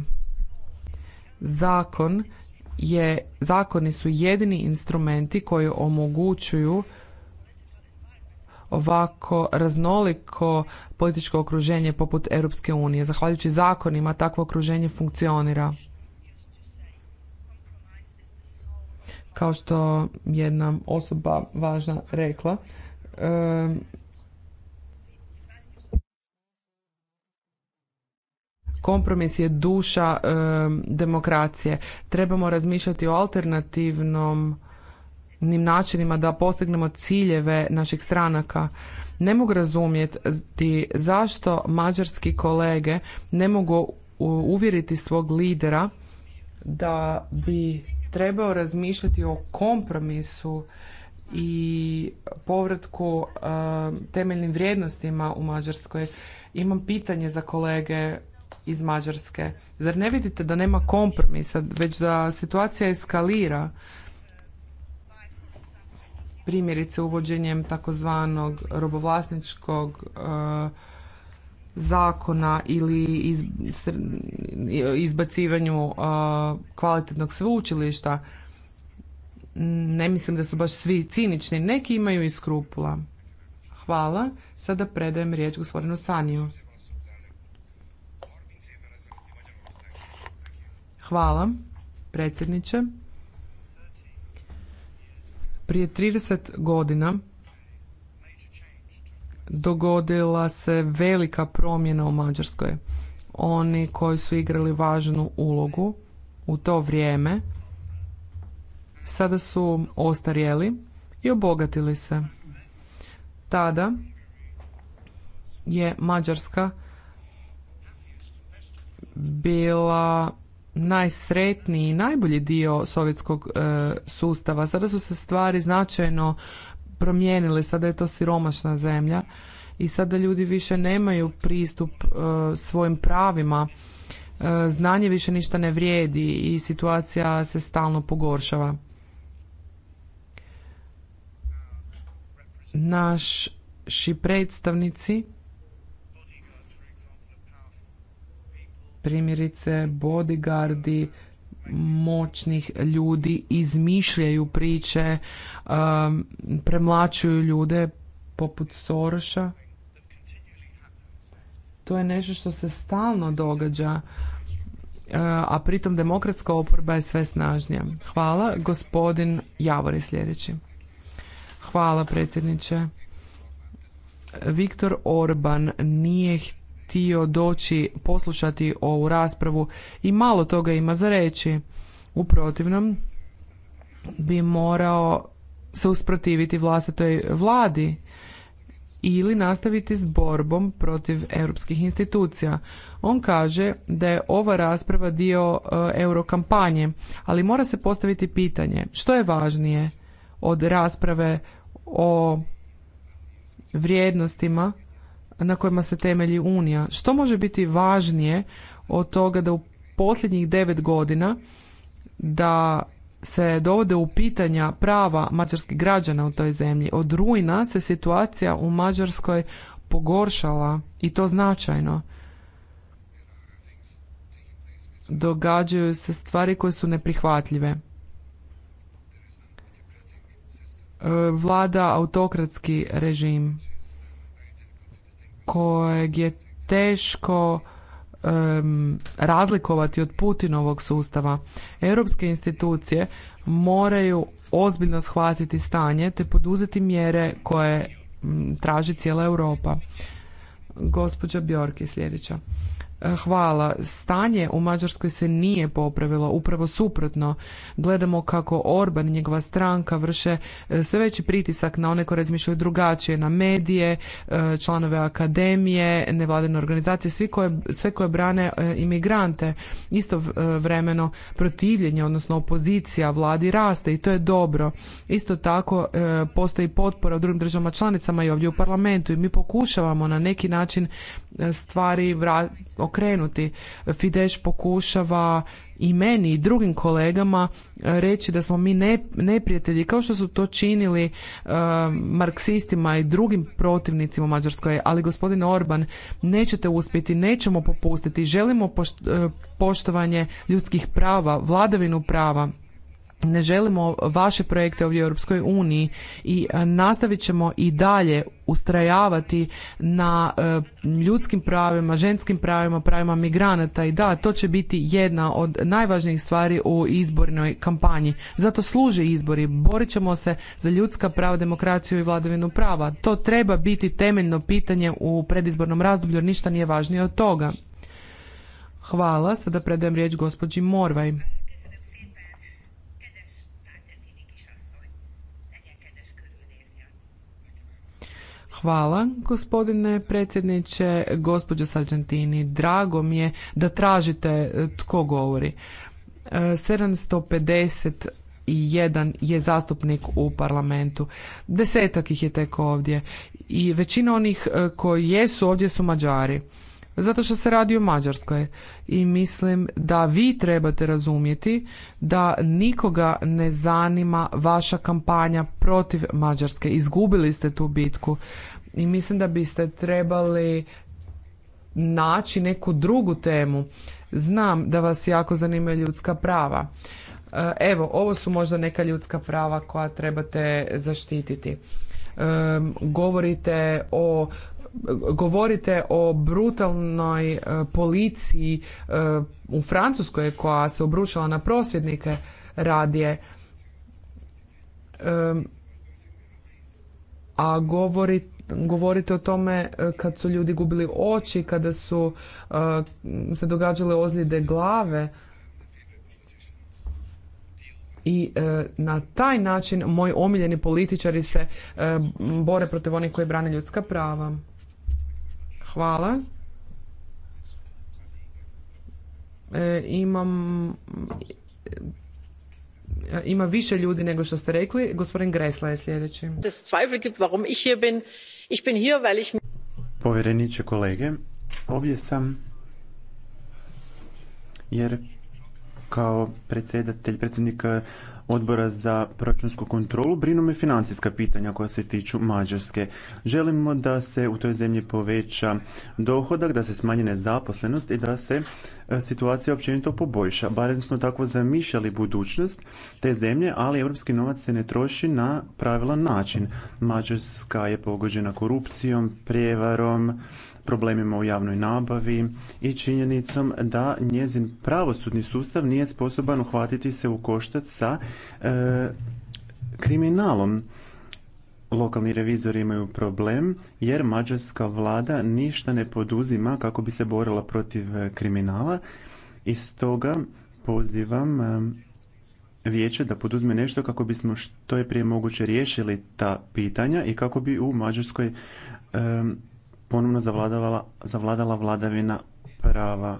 Zakon je, zakoni su jedini instrumenti koji omogućuju ovako raznoliko političko okruženje poput Europske unije. Zahvaljujući zakonima takvo okruženje funkcionira. Kao što jedna osoba važna rekla, kompromis je duša demokracije. Trebamo razmišljati o alternativnom načinima da postignemo ciljeve naših stranaka. Ne mogu razumjeti zašto mađarski kolege ne mogu uvjeriti svog lidera da bi trebao razmišljati o kompromisu i povratku e, temeljnim vrijednostima u Mađarskoj. Imam pitanje za kolege iz Mađarske. Zar ne vidite da nema kompromisa, već da situacija eskalira? Primjerice uvođenjem takozvanog robovlasničkog e, zakona ili izbacivanju uh, kvalitetnog sveučilišta. Ne mislim da su baš svi cinični, neki imaju i skrupula. Hvala. Sada predajem riječ gospodinu Saniju. Hvala, predsjedniče. Prije 30 godina dogodila se velika promjena u Mađarskoj. Oni koji su igrali važnu ulogu u to vrijeme sada su ostarjeli i obogatili se. Tada je Mađarska bila najsretniji i najbolji dio sovjetskog e, sustava. Sada su se stvari značajno promijenile sada je to siromašna zemlja i sada ljudi više nemaju pristup e, svojim pravima, e, znanje više ništa ne vrijedi i situacija se stalno pogoršava. Naši predstavnici primjerice bodyguardi moćnih ljudi izmišljaju priče, um, premlaćuju ljude poput Soroša. To je nešto što se stalno događa, uh, a pritom demokratska oporba je sve snažnija. Hvala. Gospodin Javor je sljedeći. Hvala predsjedniče. Viktor Orban nije htio htio doći poslušati ovu raspravu i malo toga ima za reći. U protivnom bi morao se usprotiviti vlastitoj vladi ili nastaviti s borbom protiv europskih institucija. On kaže da je ova rasprava dio e, eurokampanje, ali mora se postaviti pitanje što je važnije od rasprave o vrijednostima na kojima se temelji Unija. Što može biti važnije od toga da u posljednjih devet godina da se dovode u pitanja prava mađarskih građana u toj zemlji. Od rujna se situacija u Mađarskoj pogoršala i to značajno. Događaju se stvari koje su neprihvatljive. E, vlada autokratski režim kojeg je teško razlikovati od Putinovog sustava. Europske institucije moraju ozbiljno shvatiti stanje te poduzeti mjere koje traži cijela Europa. Gospođa Bjork je sljedeća. Hvala. Stanje u Mađarskoj se nije popravilo, upravo suprotno. Gledamo kako Orban i njegova stranka vrše e, sve veći pritisak na one koji razmišljaju drugačije, na medije, e, članove akademije, nevladine organizacije, svi koje, sve koje brane e, imigrante. Isto vremeno protivljenje, odnosno opozicija vladi raste i to je dobro. Isto tako postoji potpora u drugim državama članicama i ovdje u parlamentu i mi pokušavamo na neki način stvari okrenuti. Fidesz pokušava i meni i drugim kolegama e, reći da smo mi ne, neprijatelji, kao što su to činili e, marksistima i drugim protivnicima Mađarskoj, ali gospodin Orban, nećete uspjeti, nećemo popustiti, želimo e, poštovanje ljudskih prava, vladavinu prava, ne želimo vaše projekte ovdje u Europskoj uniji i e, nastavit ćemo i dalje ustrajavati na e, ljudskim pravima, ženskim pravima, pravima migranata i da, to će biti jedna od najvažnijih stvari u izbornoj kampanji. Zato služe izbori. Borit ćemo se za ljudska prava, demokraciju i vladavinu prava. To treba biti temeljno pitanje u predizbornom razdoblju jer ništa nije važnije od toga. Hvala. Sada predajem riječ gospođi Morvaj. Hvala, gospodine predsjedniče, gospođo Sargentini. Drago mi je da tražite e, tko govori. 751 e, je zastupnik u parlamentu. Desetak ih je tek ovdje. I većina onih e, koji jesu ovdje su Mađari. Zato što se radi o Mađarskoj. I mislim da vi trebate razumjeti da nikoga ne zanima vaša kampanja protiv Mađarske. Izgubili ste tu bitku. I mislim da biste trebali naći neku drugu temu. Znam da vas jako zanimaju ljudska prava. E, evo, ovo su možda neka ljudska prava koja trebate zaštititi. E, govorite o govorite o brutalnoj e, policiji u Francuskoj koja se obrušila na prosvjednike radije a govorite govorite o tome e, kad su ljudi gubili oči, kada su e, se događale ozljede glave i e, na taj način moji omiljeni političari se bore protiv onih koji brane ljudska prava. Hvala. imam ima više ljudi nego što ste rekli. Gospodin Gresla je sljedeći. Ich Povjereniče kolege, ovdje sam jer kao predsjedatelj, predsjednika odbora za proračunsku kontrolu brinu me financijska pitanja koja se tiču Mađarske. Želimo da se u toj zemlji poveća dohodak, da se smanji nezaposlenost i da se e, situacija općenito poboljša. Barem smo tako zamišljali budućnost te zemlje, ali europski novac se ne troši na pravilan način. Mađarska je pogođena korupcijom, prijevarom, problemima u javnoj nabavi i činjenicom da njezin pravosudni sustav nije sposoban uhvatiti se u koštac sa e, kriminalom. Lokalni revizori imaju problem jer mađarska vlada ništa ne poduzima kako bi se borila protiv e, kriminala i stoga pozivam e, vijeće da poduzme nešto kako bismo što je prije moguće riješili ta pitanja i kako bi u Mađarskoj ponovno zavladala, vladavina prava.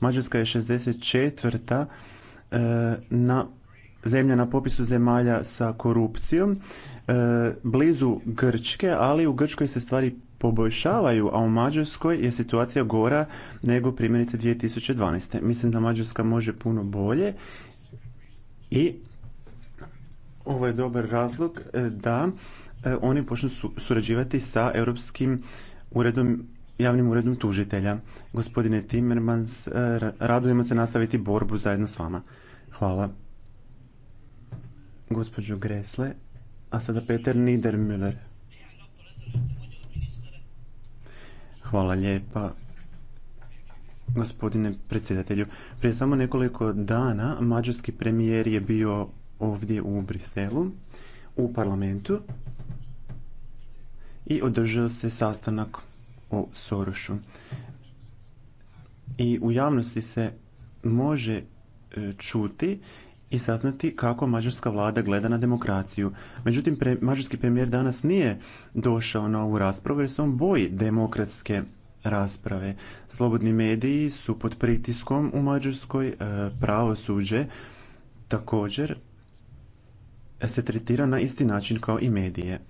Mađarska je 64. E, na zemlja na popisu zemalja sa korupcijom, e, blizu Grčke, ali u Grčkoj se stvari poboljšavaju, a u Mađarskoj je situacija gora nego primjerice 2012. Mislim da Mađarska može puno bolje i ovo je dobar razlog e, da oni počnu surađivati sa europskim uredom javnim uredom tužitelja. Gospodine Timmermans, e, radujemo se nastaviti borbu zajedno s vama. Hvala. Gospođo Gresle, a sada Peter Niedermüller. Hvala lijepa. Gospodine predsjedatelju, prije samo nekoliko dana mađarski premijer je bio ovdje u Briselu, u parlamentu i održao se sastanak o Sorošu. I u javnosti se može e, čuti i saznati kako mađarska vlada gleda na demokraciju. Međutim, mađarski premijer danas nije došao na ovu raspravu jer se on boji demokratske rasprave. Slobodni mediji su pod pritiskom u Mađarskoj, e, pravosuđe također se tretira na isti način kao i medije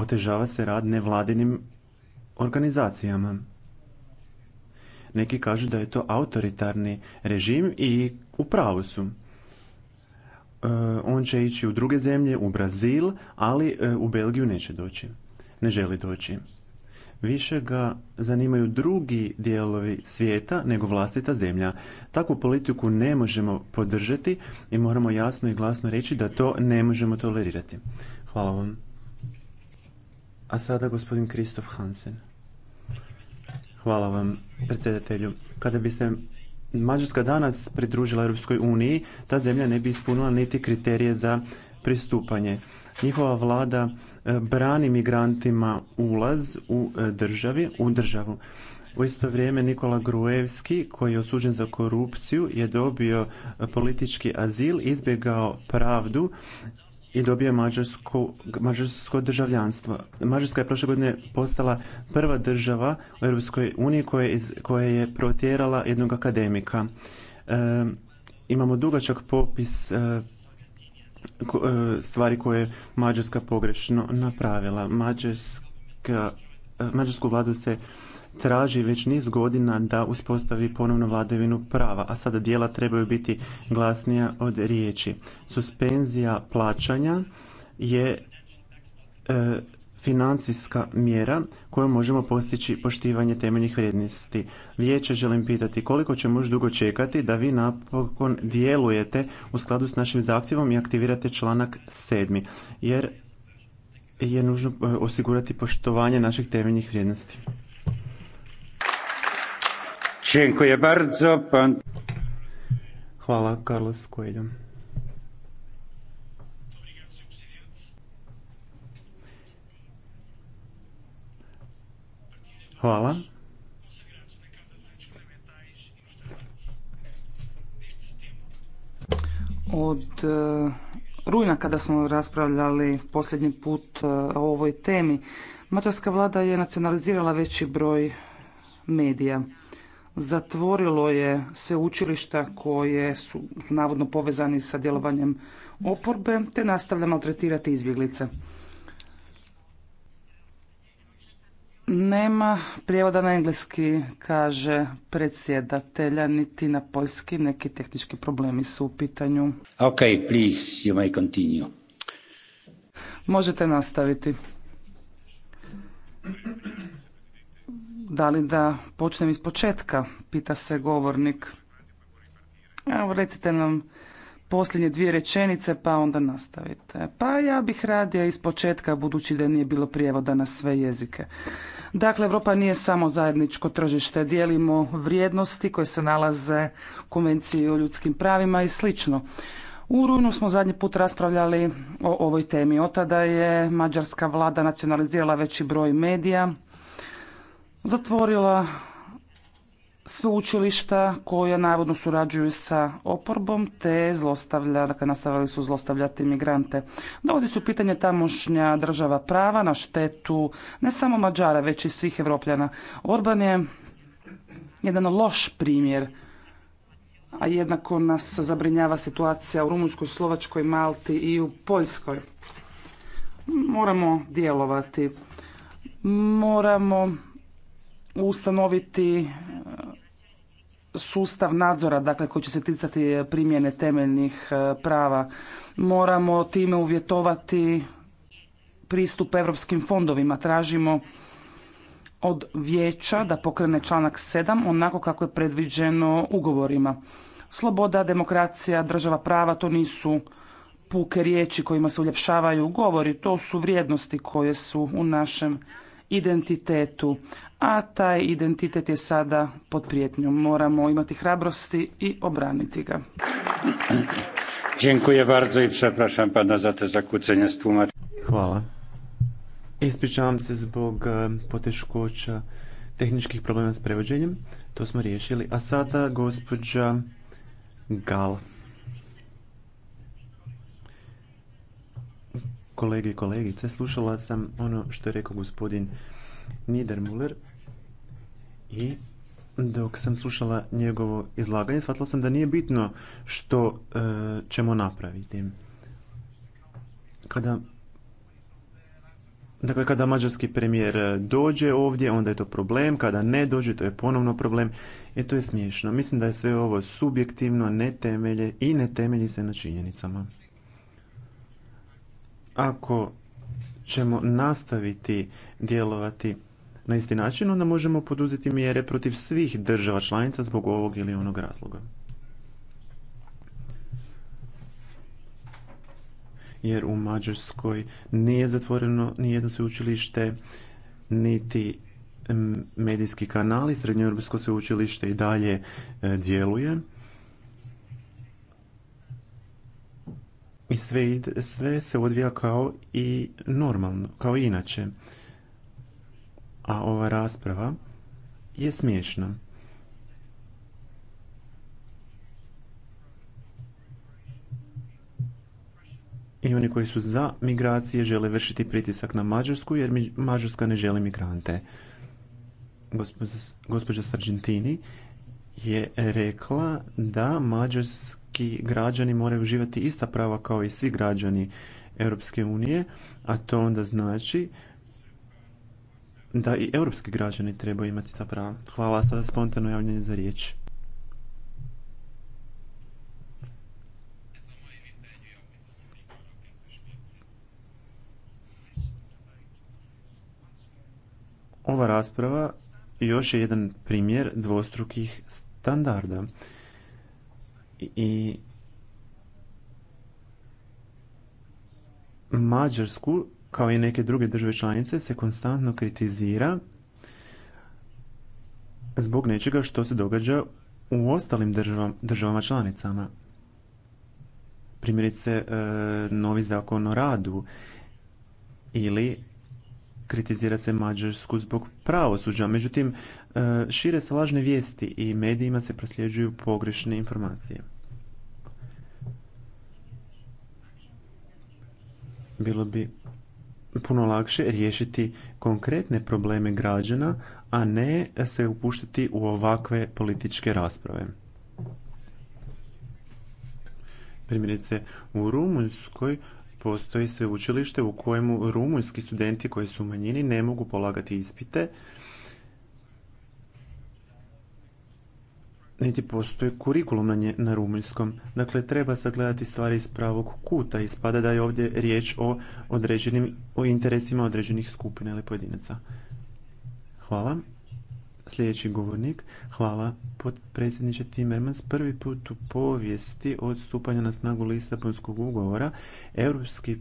otežava se rad nevladinim organizacijama. Neki kažu da je to autoritarni režim i u pravu su. E, on će ići u druge zemlje, u Brazil, ali e, u Belgiju neće doći. Ne želi doći. Više ga zanimaju drugi dijelovi svijeta nego vlastita zemlja. Takvu politiku ne možemo podržati i moramo jasno i glasno reći da to ne možemo tolerirati. Hvala vam. A sada gospodin Kristof Hansen. Hvala vam, predsjedatelju. Kada bi se Mađarska danas pridružila Europskoj uniji, ta zemlja ne bi ispunila niti kriterije za pristupanje. Njihova vlada e, brani migrantima ulaz u e, državi, u državu. U isto vrijeme Nikola Gruevski, koji je osuđen za korupciju, je dobio e, politički azil, izbjegao pravdu i dobio mađarsko, mađarsko državljanstvo. Mađarska je prošle godine postala prva država u Europskoj uniji koja je, je protjerala jednog akademika. E, imamo dugačak popis e, e, stvari koje je Mađarska pogrešno napravila. Mađarska, mađarsku vladu se traži već niz godina da uspostavi ponovno vladavinu prava, a sada dijela trebaju biti glasnija od riječi. Suspenzija plaćanja je e, financijska mjera kojom možemo postići poštivanje temeljnih vrijednosti. Vijeće želim pitati koliko će možda dugo čekati da vi napokon djelujete u skladu s našim zahtjevom i aktivirate članak 7. jer je nužno e, osigurati poštovanje naših temeljnih vrijednosti. Hvala, Carlos Coelho. Hvala. Od e, rujna kada smo raspravljali posljednji put e, o ovoj temi, mađarska vlada je nacionalizirala veći broj medija zatvorilo je sve učilišta koje su, su navodno povezani sa djelovanjem oporbe te nastavlja maltretirati izbjeglice. Nema prijevoda na engleski, kaže predsjedatelja, niti na poljski. Neki tehnički problemi su u pitanju. Ok, please, you may continue. Možete nastaviti. Da li da počnem iz početka, pita se govornik. Evo recite nam posljednje dvije rečenice pa onda nastavite. Pa ja bih radio iz početka budući da nije bilo prijevoda na sve jezike. Dakle, Europa nije samo zajedničko tržište, dijelimo vrijednosti koje se nalaze u Konvenciji o ljudskim pravima i slično. U rujnu smo zadnji put raspravljali o ovoj temi. Od tada je mađarska vlada nacionalizirala veći broj medija, zatvorila sveučilišta koja navodno surađuju sa oporbom te zlostavlja, dakle nastavili su zlostavljati migrante. Dovodi su pitanje tamošnja država prava na štetu ne samo Mađara, već i svih Evropljana. Orban je jedan loš primjer a jednako nas zabrinjava situacija u Rumunjskoj, Slovačkoj, Malti i u Poljskoj. Moramo djelovati. Moramo ustanoviti e, sustav nadzora, dakle koji će se ticati primjene temeljnih e, prava. Moramo time uvjetovati pristup europskim fondovima. Tražimo od vijeća da pokrene članak 7 onako kako je predviđeno ugovorima. Sloboda, demokracija, država prava to nisu puke riječi kojima se uljepšavaju govori, to su vrijednosti koje su u našem identitetu a taj identitet je sada pod prijetnjom. Moramo imati hrabrosti i obraniti ga. Dziękuję bardzo i przepraszam pana za te zakłócenia z Hvala. Ispričavam se zbog e, poteškoća tehničkih problema s prevođenjem. To smo riješili. A sada gospođa Gal. Kolege i kolegice, slušala sam ono što je rekao gospodin Niedermuller i dok sam slušala njegovo izlaganje, shvatila sam da nije bitno što e, ćemo napraviti. Kada Dakle, kada mađarski premijer dođe ovdje, onda je to problem, kada ne dođe, to je ponovno problem. E to je smiješno. Mislim da je sve ovo subjektivno, ne temelje i ne temelji se na činjenicama. Ako ćemo nastaviti djelovati na isti način, onda možemo poduzeti mjere protiv svih država članica zbog ovog ili onog razloga. Jer u Mađarskoj nije zatvoreno ni jedno sveučilište, niti medijski kanali, Europsko sveučilište i dalje e, djeluje. I sve, sve se odvija kao i normalno, kao i inače a ova rasprava je smiješna. I oni koji su za migracije žele vršiti pritisak na Mađarsku jer Mađarska ne želi migrante. Gospođa Sargentini je rekla da mađarski građani moraju uživati ista prava kao i svi građani Europske unije, a to onda znači da i europski građani trebaju imati ta prava. Hvala sada spontano javljanje za riječ. Ova rasprava još je jedan primjer dvostrukih standarda. I Mađarsku kao i neke druge države članice se konstantno kritizira zbog nečega što se događa u ostalim državama, državama članicama. Primjerice e, novi zakon o radu ili kritizira se Mađarsku zbog pravosuđa. Međutim, e, šire se lažne vijesti i medijima se prosljeđuju pogrešne informacije. Bilo bi puno lakše riješiti konkretne probleme građana, a ne se upuštati u ovakve političke rasprave. Primjerice, u Rumunjskoj postoji sveučilište u kojemu rumunjski studenti koji su u manjini ne mogu polagati ispite niti postoji kurikulum na, na rumunjskom. Dakle, treba sagledati stvari iz pravog kuta. Ispada da je ovdje riječ o određenim, o interesima određenih skupina ili pojedinaca. Hvala. Sljedeći govornik. Hvala potpredsjedniče Timmermans. Prvi put u povijesti od stupanja na snagu Lisabonskog ugovora Europski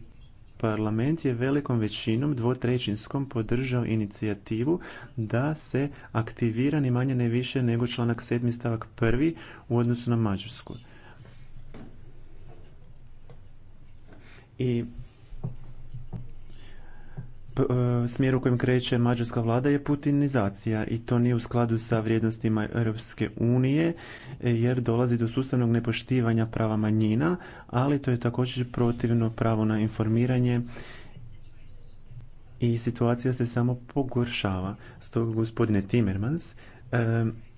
Parlament je velikom većinom dvotrećinskom podržao inicijativu da se aktivira ni manje ne više nego članak 7. stavak 1. u odnosu na Mađarsku. I E, smjer u kojem kreće mađarska vlada je putinizacija i to nije u skladu sa vrijednostima Europske unije e, jer dolazi do sustavnog nepoštivanja prava manjina, ali to je također protivno pravo na informiranje i situacija se samo pogoršava. Stoga gospodine Timmermans, e,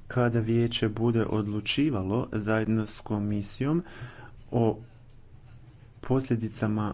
kada vijeće bude odlučivalo zajedno s komisijom o posljedicama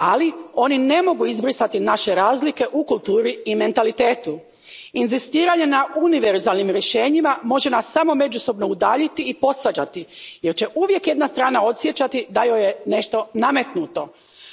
ali oni ne mogu izbrisati naše razlike u kulturi i mentalitetu. inzistiranje na univerzalnim rješenjima može nas samo međusobno udaljiti i posađati, jer će uvijek jedna strana odsjećati da joj je nešto nametnuto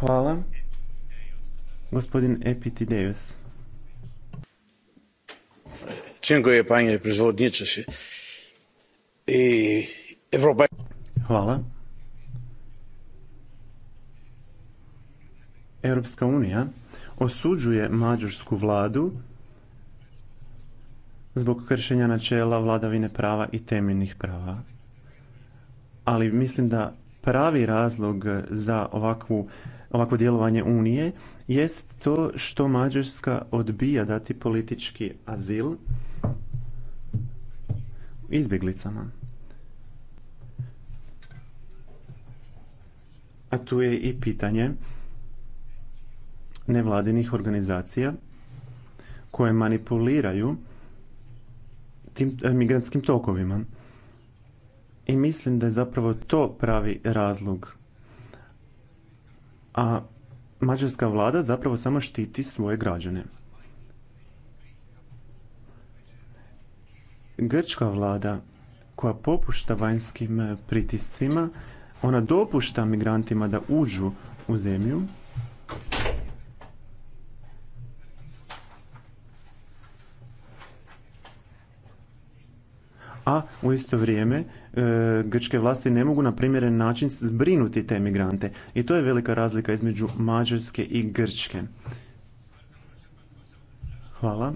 Hvala. Gospodin Epitideus. Dziękuję panie przewodniczący. I Europa... Hvala. Europska unija osuđuje mađorsku vladu zbog kršenja načela vladavine prava i temeljnih prava. Ali mislim da pravi razlog za ovakvu ovakvo djelovanje Unije jest to što Mađarska odbija dati politički azil izbjeglicama. A tu je i pitanje nevladinih organizacija koje manipuliraju tim eh, migrantskim tokovima. I mislim da je zapravo to pravi razlog a mađarska vlada zapravo samo štiti svoje građane. Grčka vlada koja popušta vanjskim pritiscima, ona dopušta migrantima da uđu u zemlju. A u isto vrijeme E, grčke vlasti ne mogu na primjeren način zbrinuti te migrante. I to je velika razlika između Mađarske i Grčke. Hvala.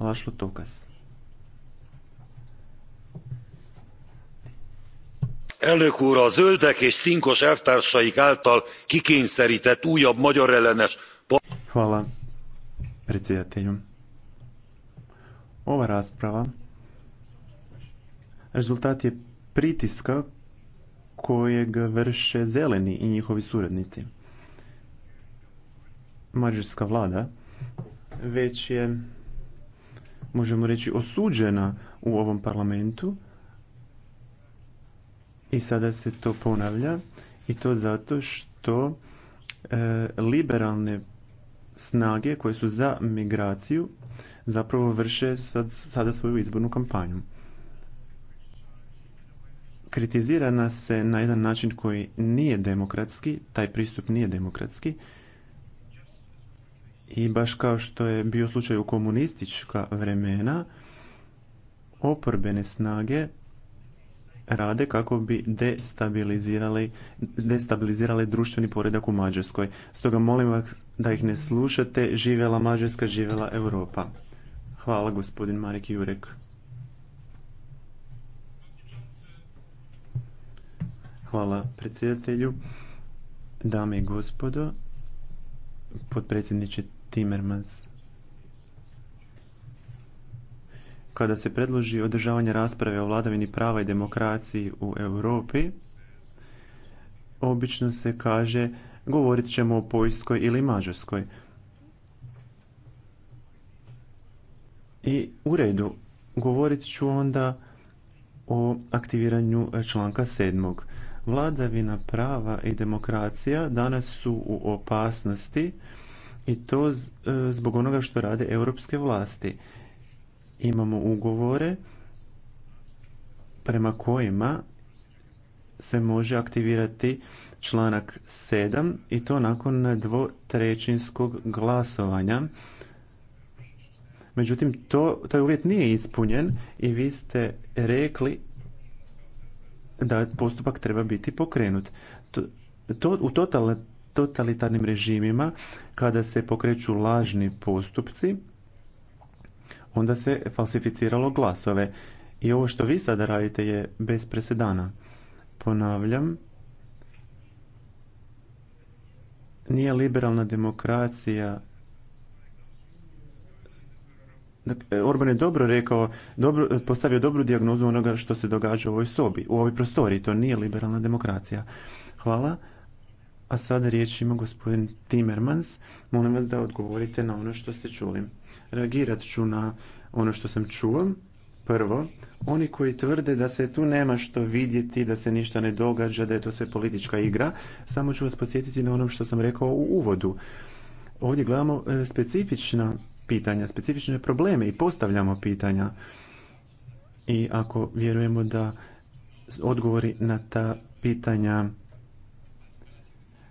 Lašlo Tokas. Elnök úr, a zöldek és szinkos elvtársaik által kikényszerített újabb magyar ellenes... Hvala, predsjedatelju. Ova rasprava rezultat je pritiska kojeg vrše zeleni i njihovi suradnici. Mađarska vlada već je, možemo reći, osuđena u ovom parlamentu i sada se to ponavlja i to zato što e, liberalne snage koje su za migraciju zapravo vrše sad, sada svoju izbornu kampanju kritizira nas se na jedan način koji nije demokratski, taj pristup nije demokratski. I baš kao što je bio slučaj u komunistička vremena, oporbene snage rade kako bi destabilizirali, destabilizirali društveni poredak u Mađarskoj. Stoga molim vas da ih ne slušate. Živjela Mađarska, živjela Europa. Hvala gospodin Marek Jurek. Hvala predsjedatelju. Dame i gospodo, podpredsjedniče Timmermans. Kada se predloži održavanje rasprave o vladavini prava i demokraciji u Europi, obično se kaže govorit ćemo o Poljskoj ili Mađarskoj. I u redu, govorit ću onda o aktiviranju članka sedmog vladavina prava i demokracija danas su u opasnosti i to e, zbog onoga što rade europske vlasti. Imamo ugovore prema kojima se može aktivirati članak 7 i to nakon dvotrećinskog glasovanja. Međutim, to, taj uvjet nije ispunjen i vi ste rekli da postupak treba biti pokrenut. To, u total, totalitarnim režimima kada se pokreću lažni postupci, onda se falsificiralo glasove. I ovo što vi sada radite je bez presedana. Ponavljam, nije liberalna demokracija Dakle, e, Orban je dobro rekao, dobro, e, postavio dobru dijagnozu onoga što se događa u ovoj sobi, u ovoj prostoriji. To nije liberalna demokracija. Hvala. A sada riječ ima gospodin Timmermans. Molim vas da odgovorite na ono što ste čuli. Reagirat ću na ono što sam čuo. Prvo, oni koji tvrde da se tu nema što vidjeti, da se ništa ne događa, da je to sve politička igra, samo ću vas podsjetiti na ono što sam rekao u uvodu. Ovdje gledamo e, specifična pitanja, specifične probleme i postavljamo pitanja. I ako vjerujemo da odgovori na ta pitanja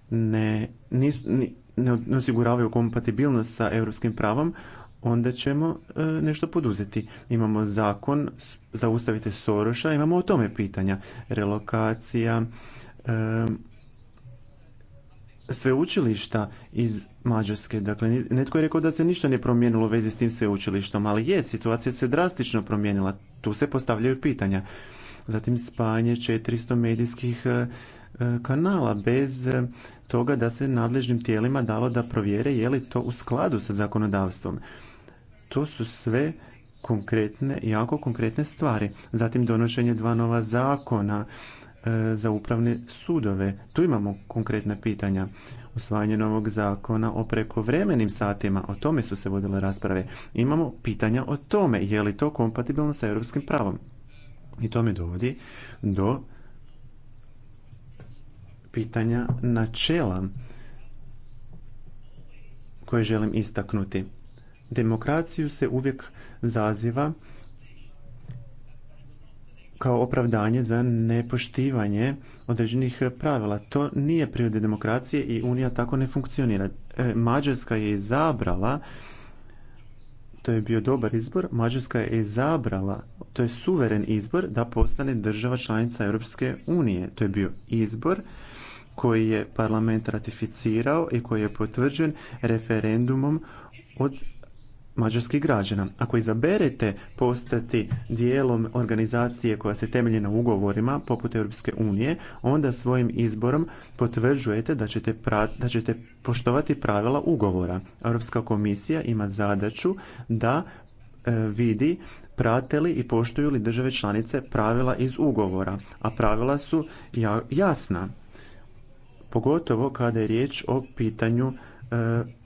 ne, nis, ne osiguravaju kompatibilnost sa europskim pravom, onda ćemo e, nešto poduzeti. Imamo zakon, zaustavite Soroša, imamo o tome pitanja. Relokacija, e, sveučilišta iz Mađarske. Dakle, netko je rekao da se ništa ne promijenilo u vezi s tim sveučilištom, ali je, situacija se drastično promijenila. Tu se postavljaju pitanja. Zatim spajanje 400 medijskih e, e, kanala bez e, toga da se nadležnim tijelima dalo da provjere je li to u skladu sa zakonodavstvom. To su sve konkretne, jako konkretne stvari. Zatim donošenje dva nova zakona E, za upravne sudove. Tu imamo konkretna pitanja. Usvajanje novog zakona o prekovremenim satima, o tome su se vodile rasprave. Imamo pitanja o tome, je li to kompatibilno sa europskim pravom. I to me dovodi do pitanja načela koje želim istaknuti. Demokraciju se uvijek zaziva kao opravdanje za nepoštivanje određenih pravila. To nije prirode demokracije i Unija tako ne funkcionira. E, Mađarska je izabrala, to je bio dobar izbor, Mađarska je izabrala, to je suveren izbor da postane država članica Europske unije. To je bio izbor koji je parlament ratificirao i koji je potvrđen referendumom od mađarskih građana. Ako izaberete postati dijelom organizacije koja se temelji na ugovorima poput Europske unije, onda svojim izborom potvrđujete da ćete, pra, da ćete poštovati pravila ugovora. Europska komisija ima zadaću da e, vidi prate li i poštuju li države članice pravila iz ugovora, a pravila su jasna. Pogotovo kada je riječ o pitanju e,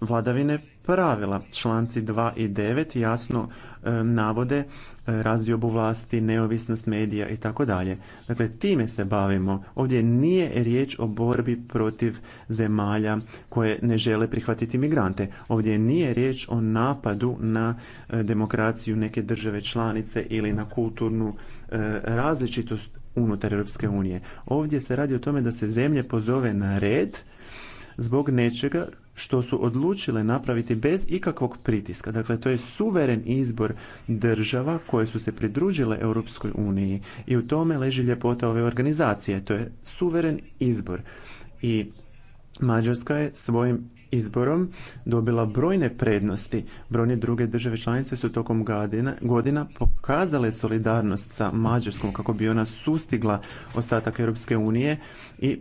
vladavine pravila. Članci 2 i 9 jasno e, navode e, razdiobu vlasti, neovisnost medija i tako dalje. Dakle, time se bavimo. Ovdje nije riječ o borbi protiv zemalja koje ne žele prihvatiti migrante. Ovdje nije riječ o napadu na e, demokraciju neke države članice ili na kulturnu različitost unutar Europske unije. Ovdje se radi o tome da se zemlje pozove na red zbog nečega što su odlučile napraviti bez ikakvog pritiska. Dakle, to je suveren izbor država koje su se pridružile Europskoj uniji i u tome leži ljepota ove organizacije. To je suveren izbor. I Mađarska je svojim izborom dobila brojne prednosti. Brojne druge države članice su tokom godina, godina pokazale solidarnost sa Mađarskom kako bi ona sustigla ostatak Europske unije i,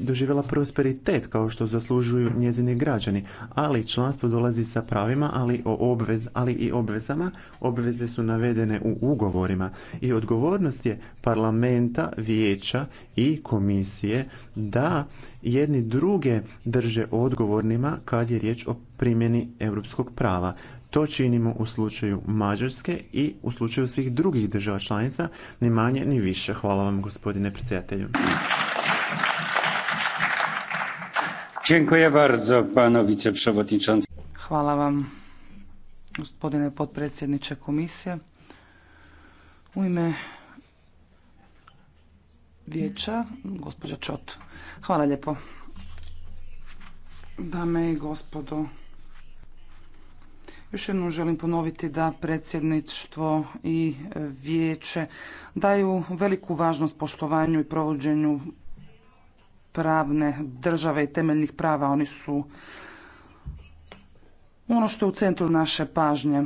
doživjela prosperitet kao što zaslužuju njezini građani. Ali članstvo dolazi sa pravima, ali, o obvez, ali i obvezama. Obveze su navedene u ugovorima i odgovornost je parlamenta, vijeća i komisije da jedni druge drže odgovornima kad je riječ o primjeni europskog prava. To činimo u slučaju Mađarske i u slučaju svih drugih država članica, ni manje ni više. Hvala vam gospodine predsjedatelju. Hvala vam gospodine potpredsjedniče komisije. U ime vijeća, gospođa Čot. Hvala lijepo. Dame i gospodo, još jednom želim ponoviti da predsjedništvo i vijeće daju veliku važnost poštovanju i provođenju pravne države i temeljnih prava. Oni su ono što je u centru naše pažnje.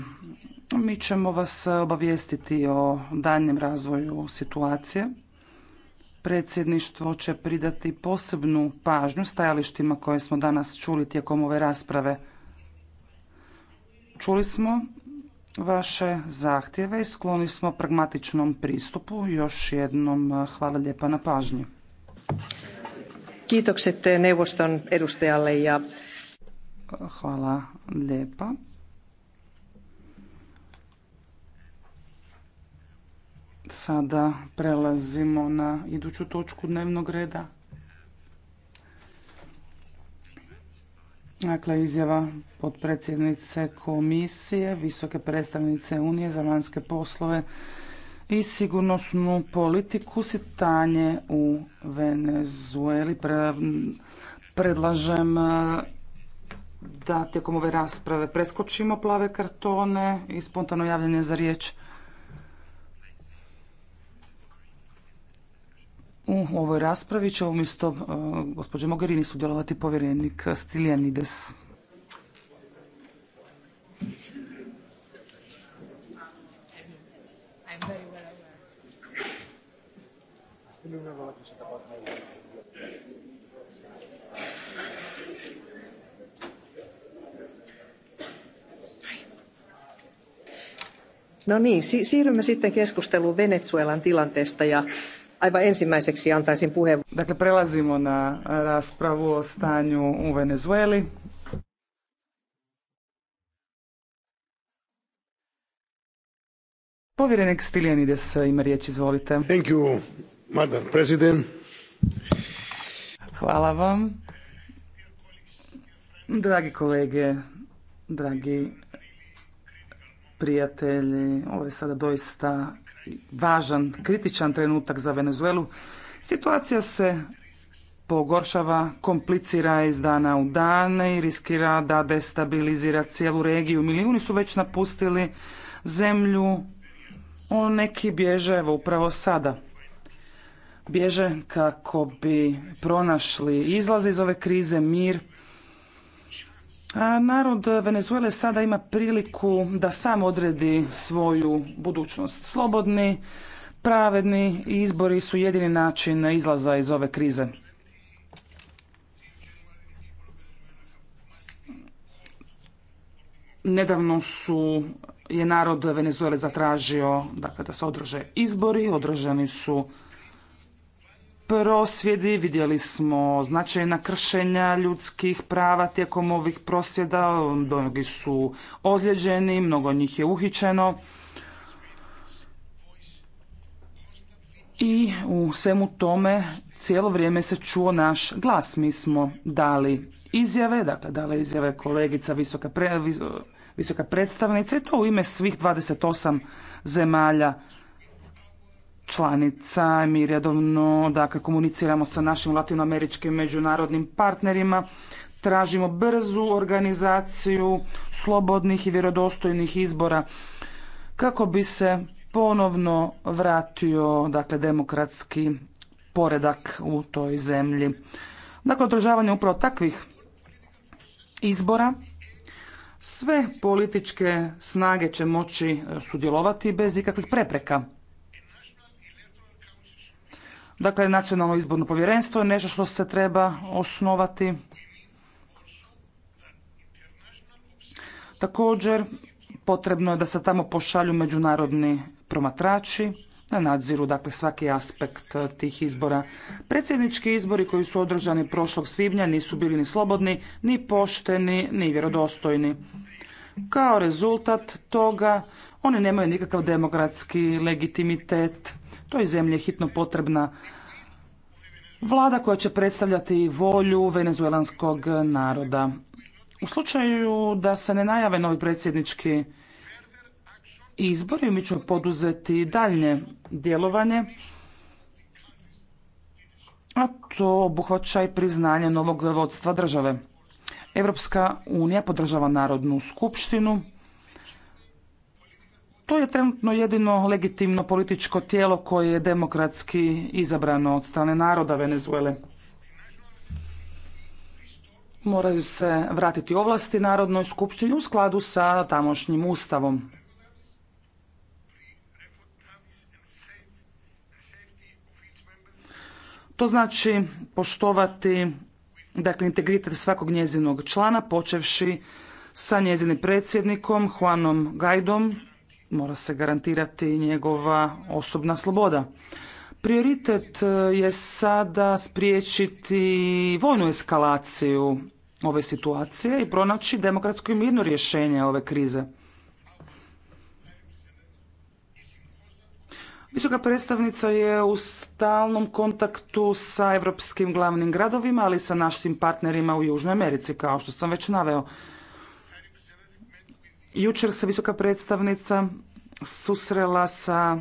Mi ćemo vas obavijestiti o daljnjem razvoju situacije predsjedništvo će pridati posebnu pažnju stajalištima koje smo danas čuli tijekom ove rasprave. Čuli smo vaše zahtjeve i skloni smo pragmatičnom pristupu. Još jednom eh, hvala lijepa na pažnji. Kiitokset eh, neuvoston edustajalle ja... Hvala lijepa. Sada prelazimo na iduću točku dnevnog reda. Dakle, izjava potpredsjednice komisije, visoke predstavnice Unije za vanjske poslove i sigurnosnu politiku sitanje u Venezueli. predlažem eh, da tijekom ove rasprave preskočimo plave kartone i spontano javljanje za riječ. U ovoj raspravi će umjesto e, gospođe Mogherini sudjelovati povjerenik Stiljanides. No niin, siirrymme sitten keskusteluun Venezuelan tilanteesta ja Aivan ensimmäiseksi antaisin Dakle, prelazimo na raspravu o stanju u Venezueli. Povjerenik se ima riječ, izvolite. Thank you, Hvala vam. Dragi kolege, dragi prijatelji, ovo je sada doista važan, kritičan trenutak za Venezuelu. Situacija se pogoršava, komplicira iz dana u dan i riskira da destabilizira cijelu regiju. Milijuni su već napustili zemlju, o neki bježe evo upravo sada. Bježe kako bi pronašli izlaz iz ove krize, mir, a narod Venezuele sada ima priliku da sam odredi svoju budućnost. Slobodni, pravedni izbori su jedini način izlaza iz ove krize. Nedavno su je narod Venezuele zatražio dakle, da se održe izbori, održani su prosvjedi, vidjeli smo značajna kršenja ljudskih prava tijekom ovih prosvjeda, mnogi su ozlijeđeni, mnogo njih je uhičeno. I u svemu tome cijelo vrijeme se čuo naš glas. Mi smo dali izjave, dakle dali izjave kolegica visoka, visoka predstavnica i to u ime svih 28 zemalja članica. Mi redovno dakle, komuniciramo sa našim latinoameričkim međunarodnim partnerima. Tražimo brzu organizaciju slobodnih i vjerodostojnih izbora kako bi se ponovno vratio dakle, demokratski poredak u toj zemlji. Dakle, održavanje upravo takvih izbora sve političke snage će moći sudjelovati bez ikakvih prepreka. Dakle, nacionalno izborno povjerenstvo je nešto što se treba osnovati. Također, potrebno je da se tamo pošalju međunarodni promatrači na nadziru, dakle, svaki aspekt tih izbora. Predsjednički izbori koji su održani prošlog svibnja nisu bili ni slobodni, ni pošteni, ni vjerodostojni. Kao rezultat toga, oni nemaju nikakav demokratski legitimitet. Toj zemlji je hitno potrebna vlada koja će predstavljati volju venezuelanskog naroda. U slučaju da se ne najave novi predsjednički izbori, mi ćemo poduzeti daljnje djelovanje, a to obuhvaća i priznanje novog vodstva države. Evropska unija podržava Narodnu skupštinu to je trenutno jedino legitimno političko tijelo koje je demokratski izabrano od strane naroda Venezuele. Moraju se vratiti ovlasti Narodnoj skupštini u skladu sa tamošnjim ustavom. To znači poštovati dakle, integritet svakog njezinog člana, počevši sa njezinim predsjednikom Juanom Gajdom, mora se garantirati njegova osobna sloboda. Prioritet e, je sada spriječiti vojnu eskalaciju ove situacije i pronaći demokratsko i mirno rješenje ove krize. Visoka predstavnica je u stalnom kontaktu sa evropskim glavnim gradovima, ali i sa našim partnerima u Južnoj Americi, kao što sam već naveo. Jučer se visoka predstavnica susrela sa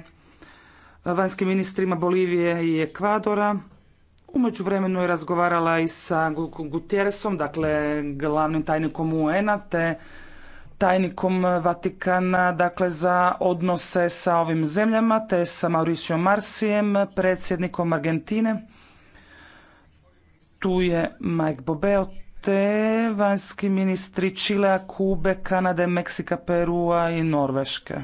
vanjskim ministrima Bolivije i Ekvadora. Umeđu vremenu je razgovarala i sa Gutjeresom, dakle glavnim tajnikom UN-a, te tajnikom Vatikana, dakle za odnose sa ovim zemljama, te sa Mauricio Marsijem, predsjednikom Argentine. Tu je Mike Bobeo, te vanjski ministri Čilea, Kube, Kanade, Meksika, Perua i Norveške.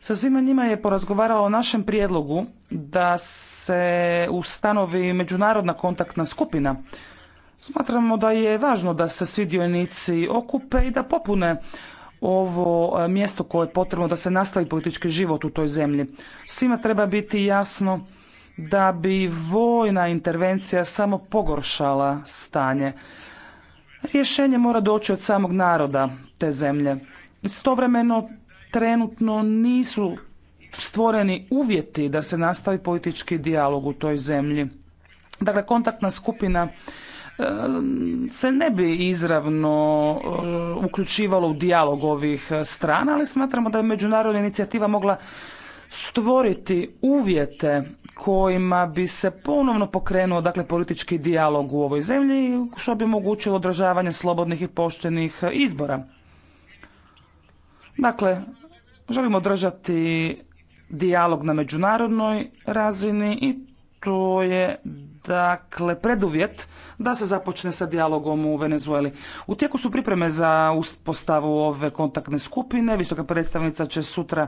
Sa svima njima je porazgovarala o našem prijedlogu da se ustanovi međunarodna kontaktna skupina. Smatramo da je važno da se svi dionici okupe i da popune ovo e, mjesto koje je potrebno da se nastavi politički život u toj zemlji. Svima treba biti jasno da bi vojna intervencija samo pogoršala stanje. Rješenje mora doći od samog naroda te zemlje. Istovremeno trenutno nisu stvoreni uvjeti da se nastavi politički dijalog u toj zemlji. Dakle, kontaktna skupina e, se ne bi izravno e, uključivalo u dijalog ovih strana, ali smatramo da je međunarodna inicijativa mogla stvoriti uvjete kojima bi se ponovno pokrenuo dakle politički dijalog u ovoj zemlji što bi omogućilo održavanje slobodnih i poštenih izbora. Dakle, želimo održati dijalog na međunarodnoj razini i to je dakle preduvjet da se započne sa dijalogom u Venezueli. U tijeku su pripreme za uspostavu ove kontaktne skupine. Visoka predstavnica će sutra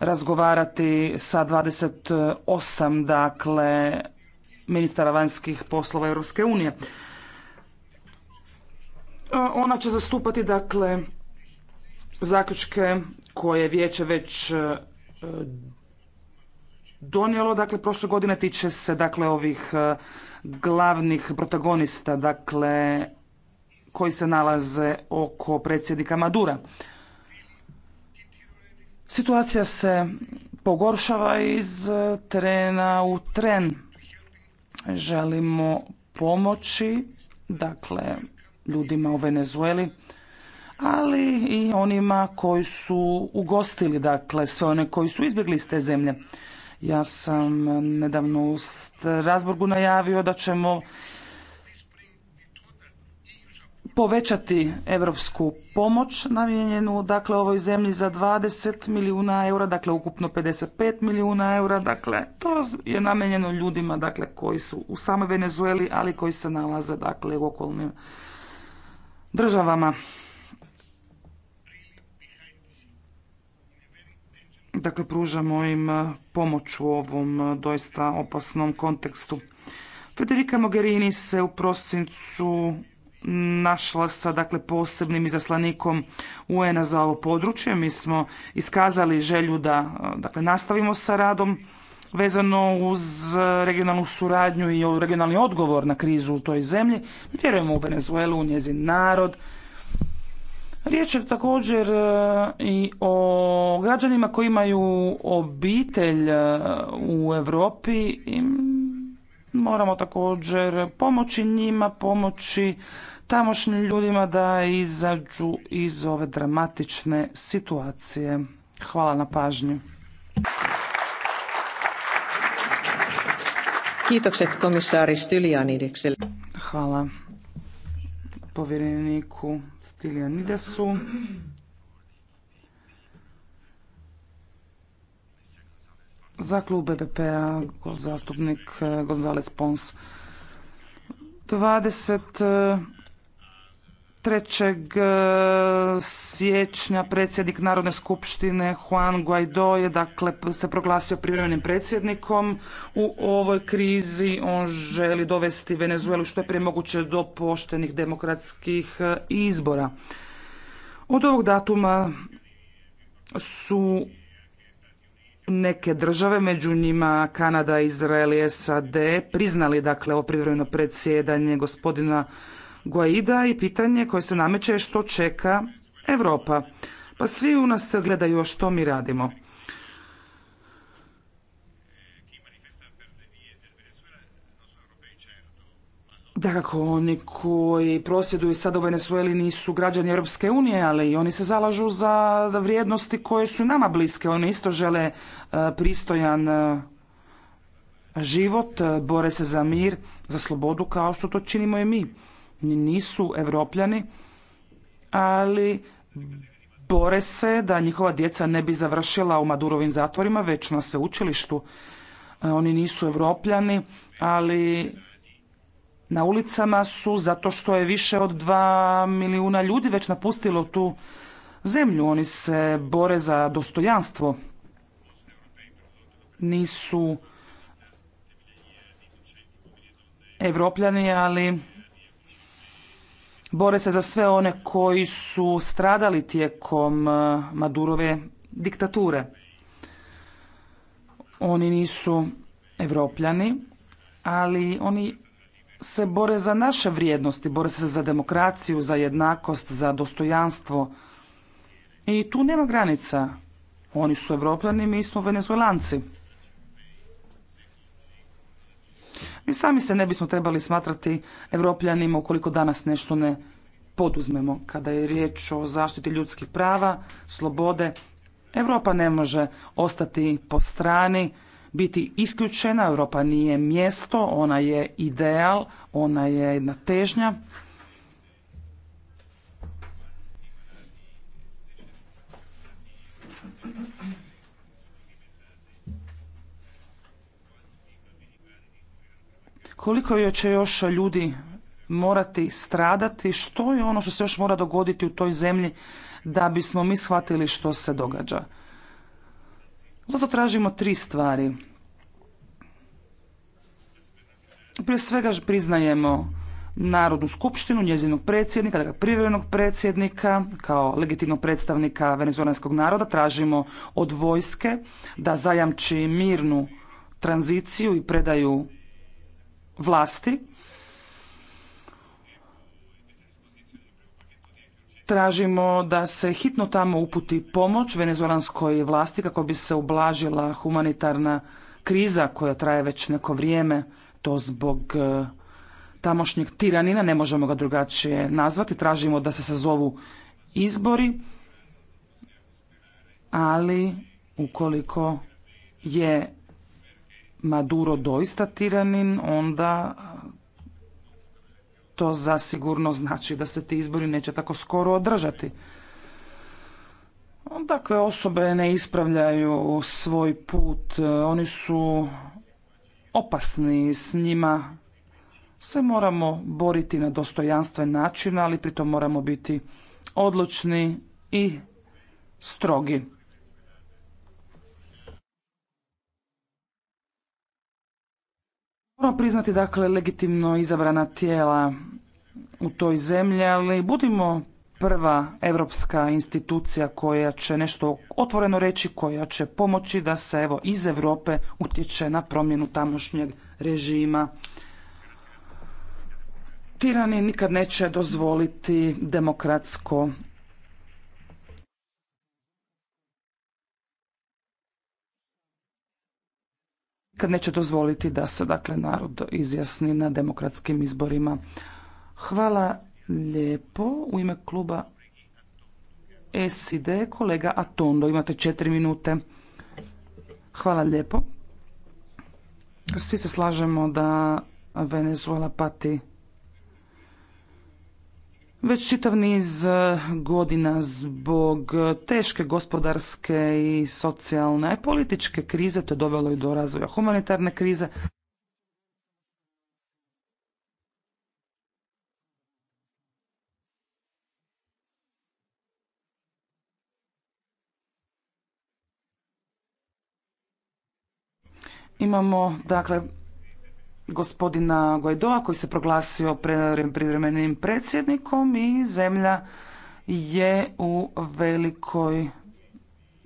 razgovarati sa 28 dakle ministara vanjskih poslova Europske unije. E, ona će zastupati dakle zaključke koje je vijeće već e, donijelo dakle prošle godine tiče se dakle ovih e, glavnih protagonista dakle koji se nalaze oko predsjednika Madura. Situacija se pogoršava iz e, trena u tren. Želimo pomoći, dakle, ljudima u Venezueli, ali i onima koji su ugostili, dakle, sve one koji su izbjegli iz te zemlje. Ja sam nedavno u Strasburgu najavio da ćemo povećati europsku pomoć namijenjenu dakle ovoj zemlji za 20 milijuna eura, dakle ukupno 55 milijuna eura, dakle to je namijenjeno ljudima dakle koji su u samoj Venezueli, ali koji se nalaze dakle u okolnim državama. Dakle, pružamo im pomoć u ovom doista opasnom kontekstu. Federica Mogherini se u prosincu našla sa dakle posebnim izaslanikom UN-a za ovo područje. Mi smo iskazali želju da eh, dakle nastavimo sa radom vezano uz eh, regionalnu suradnju i regionalni odgovor na krizu u toj zemlji. Vjerujemo u Venezuelu, u njezin narod. Riječ je također eh, i o građanima koji imaju obitelj u Europi i Moramo također pomoći njima, pomoći tamošnjim ljudima da izađu iz ove dramatične situacije. Hvala na pažnju. Kiitokset komisari Hvala povjereniku Stilijanidesu. Za klub bpp a zastupnik eh, Gonzales Pons. 23. Eh, eh, siječnja predsjednik Narodne skupštine Juan Guaido je dakle se proglasio privremenim predsjednikom. U ovoj krizi on želi dovesti Venezuelu što je prije moguće do poštenih demokratskih izbora. Od ovog datuma su neke države, među njima Kanada, Izrael i SAD, priznali dakle ovo predsjedanje gospodina Guaida i pitanje koje se nameće je što čeka Europa. Pa svi u nas gledaju što mi radimo. Dakako, oni koji prosvjeduju sad u Venezueli nisu građani Europske unije, ali i oni se zalažu za vrijednosti koje su nama bliske. Oni isto žele e, pristojan e, život, e, bore se za mir, za slobodu, kao što to činimo i mi. Nisu evropljani, ali bore se da njihova djeca ne bi završila u Madurovim zatvorima, već na sveučilištu. Oni nisu evropljani, ali na ulicama su zato što je više od dva milijuna ljudi već napustilo tu zemlju. Oni se bore za dostojanstvo. Nisu evropljani, ali bore se za sve one koji su stradali tijekom e, Madurove diktature. Oni nisu evropljani, ali oni se bore za naše vrijednosti, bore se za demokraciju, za jednakost, za dostojanstvo. I tu nema granica. Oni su evropljani, mi smo venezuelanci. Mi sami se ne bismo trebali smatrati evropljanima ukoliko danas nešto ne poduzmemo. Kada je riječ o zaštiti ljudskih prava, slobode, Europa ne može ostati po strani biti isključena. Europa nije mjesto, ona je ideal, ona je jedna težnja. Koliko joj će još ljudi morati stradati, što je ono što se još mora dogoditi u toj zemlji da bismo mi shvatili što se događa. Zato tražimo tri stvari. Prije svega priznajemo Narodnu skupštinu, njezinog predsjednika, dakle privremenog predsjednika, kao legitimnog predstavnika venezuelanskog naroda, tražimo od vojske da zajamči mirnu tranziciju i predaju vlasti. Tražimo da se hitno tamo uputi pomoć venezuelanskoj vlasti kako bi se ublažila humanitarna kriza koja traje već neko vrijeme. To zbog e, tamošnjeg tiranina, ne možemo ga drugačije nazvati. Tražimo da se sazovu izbori, ali ukoliko je Maduro doista tiranin, onda to zasigurno znači da se ti izbori neće tako skoro održati. Takve osobe ne ispravljaju svoj put, oni su opasni s njima. Se moramo boriti na dostojanstven način, ali pritom moramo biti odlučni i strogi. priznati dakle legitimno izabrana tijela u toj zemlji, ali budimo prva europska institucija koja će nešto otvoreno reći, koja će pomoći da se evo iz Europe utječe na promjenu tamošnjeg režima. Tirani nikad neće dozvoliti demokratsko kad neće dozvoliti da se dakle narod izjasni na demokratskim izborima. Hvala lijepo. U ime kluba SID kolega Atondo. Imate četiri minute. Hvala lijepo. Svi se slažemo da Venezuela pati već čitav niz e, godina zbog e, teške gospodarske i socijalne i političke krize, to je dovelo i do razvoja humanitarne krize. Imamo, dakle, gospodina Guaidoa koji se proglasio privremenim predsjednikom i zemlja je u velikoj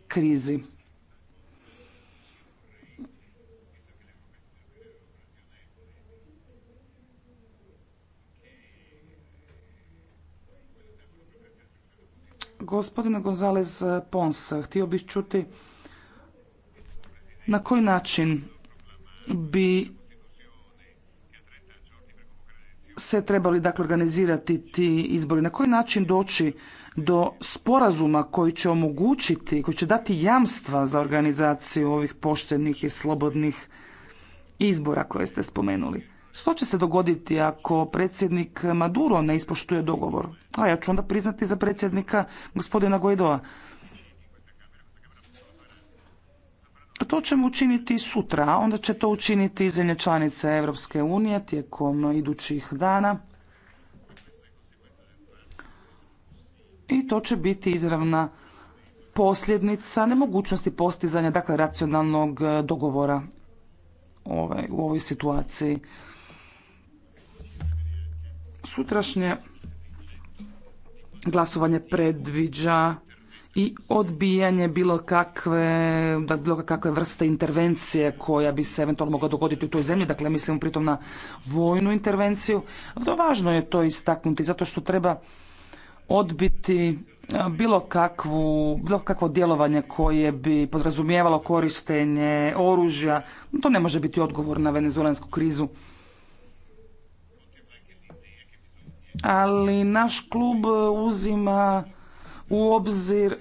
krizi. Gospodine Gonzalez Pons, htio bih čuti na koji način bi se trebali dakle organizirati ti izbori, na koji način doći do sporazuma koji će omogućiti, koji će dati jamstva za organizaciju ovih poštenih i slobodnih izbora koje ste spomenuli. Što će se dogoditi ako predsjednik Maduro ne ispoštuje dogovor? A ja ću onda priznati za predsjednika gospodina Gojdoa. to ćemo učiniti sutra, onda će to učiniti i zemlje članice Europske unije tijekom idućih dana. I to će biti izravna posljednica nemogućnosti postizanja dakle, racionalnog e, dogovora ovaj, u ovoj situaciji. Sutrašnje glasovanje predviđa i odbijanje bilo kakve, bilo kakve vrste intervencije koja bi se eventualno mogla dogoditi u toj zemlji, dakle mislim pritom na vojnu intervenciju. Vrlo važno je to istaknuti zato što treba odbiti e, bilo, kakvu, bilo kakvo djelovanje koje bi podrazumijevalo korištenje oružja. To ne može biti odgovor na venezuelansku krizu. Ali naš klub uzima u obzir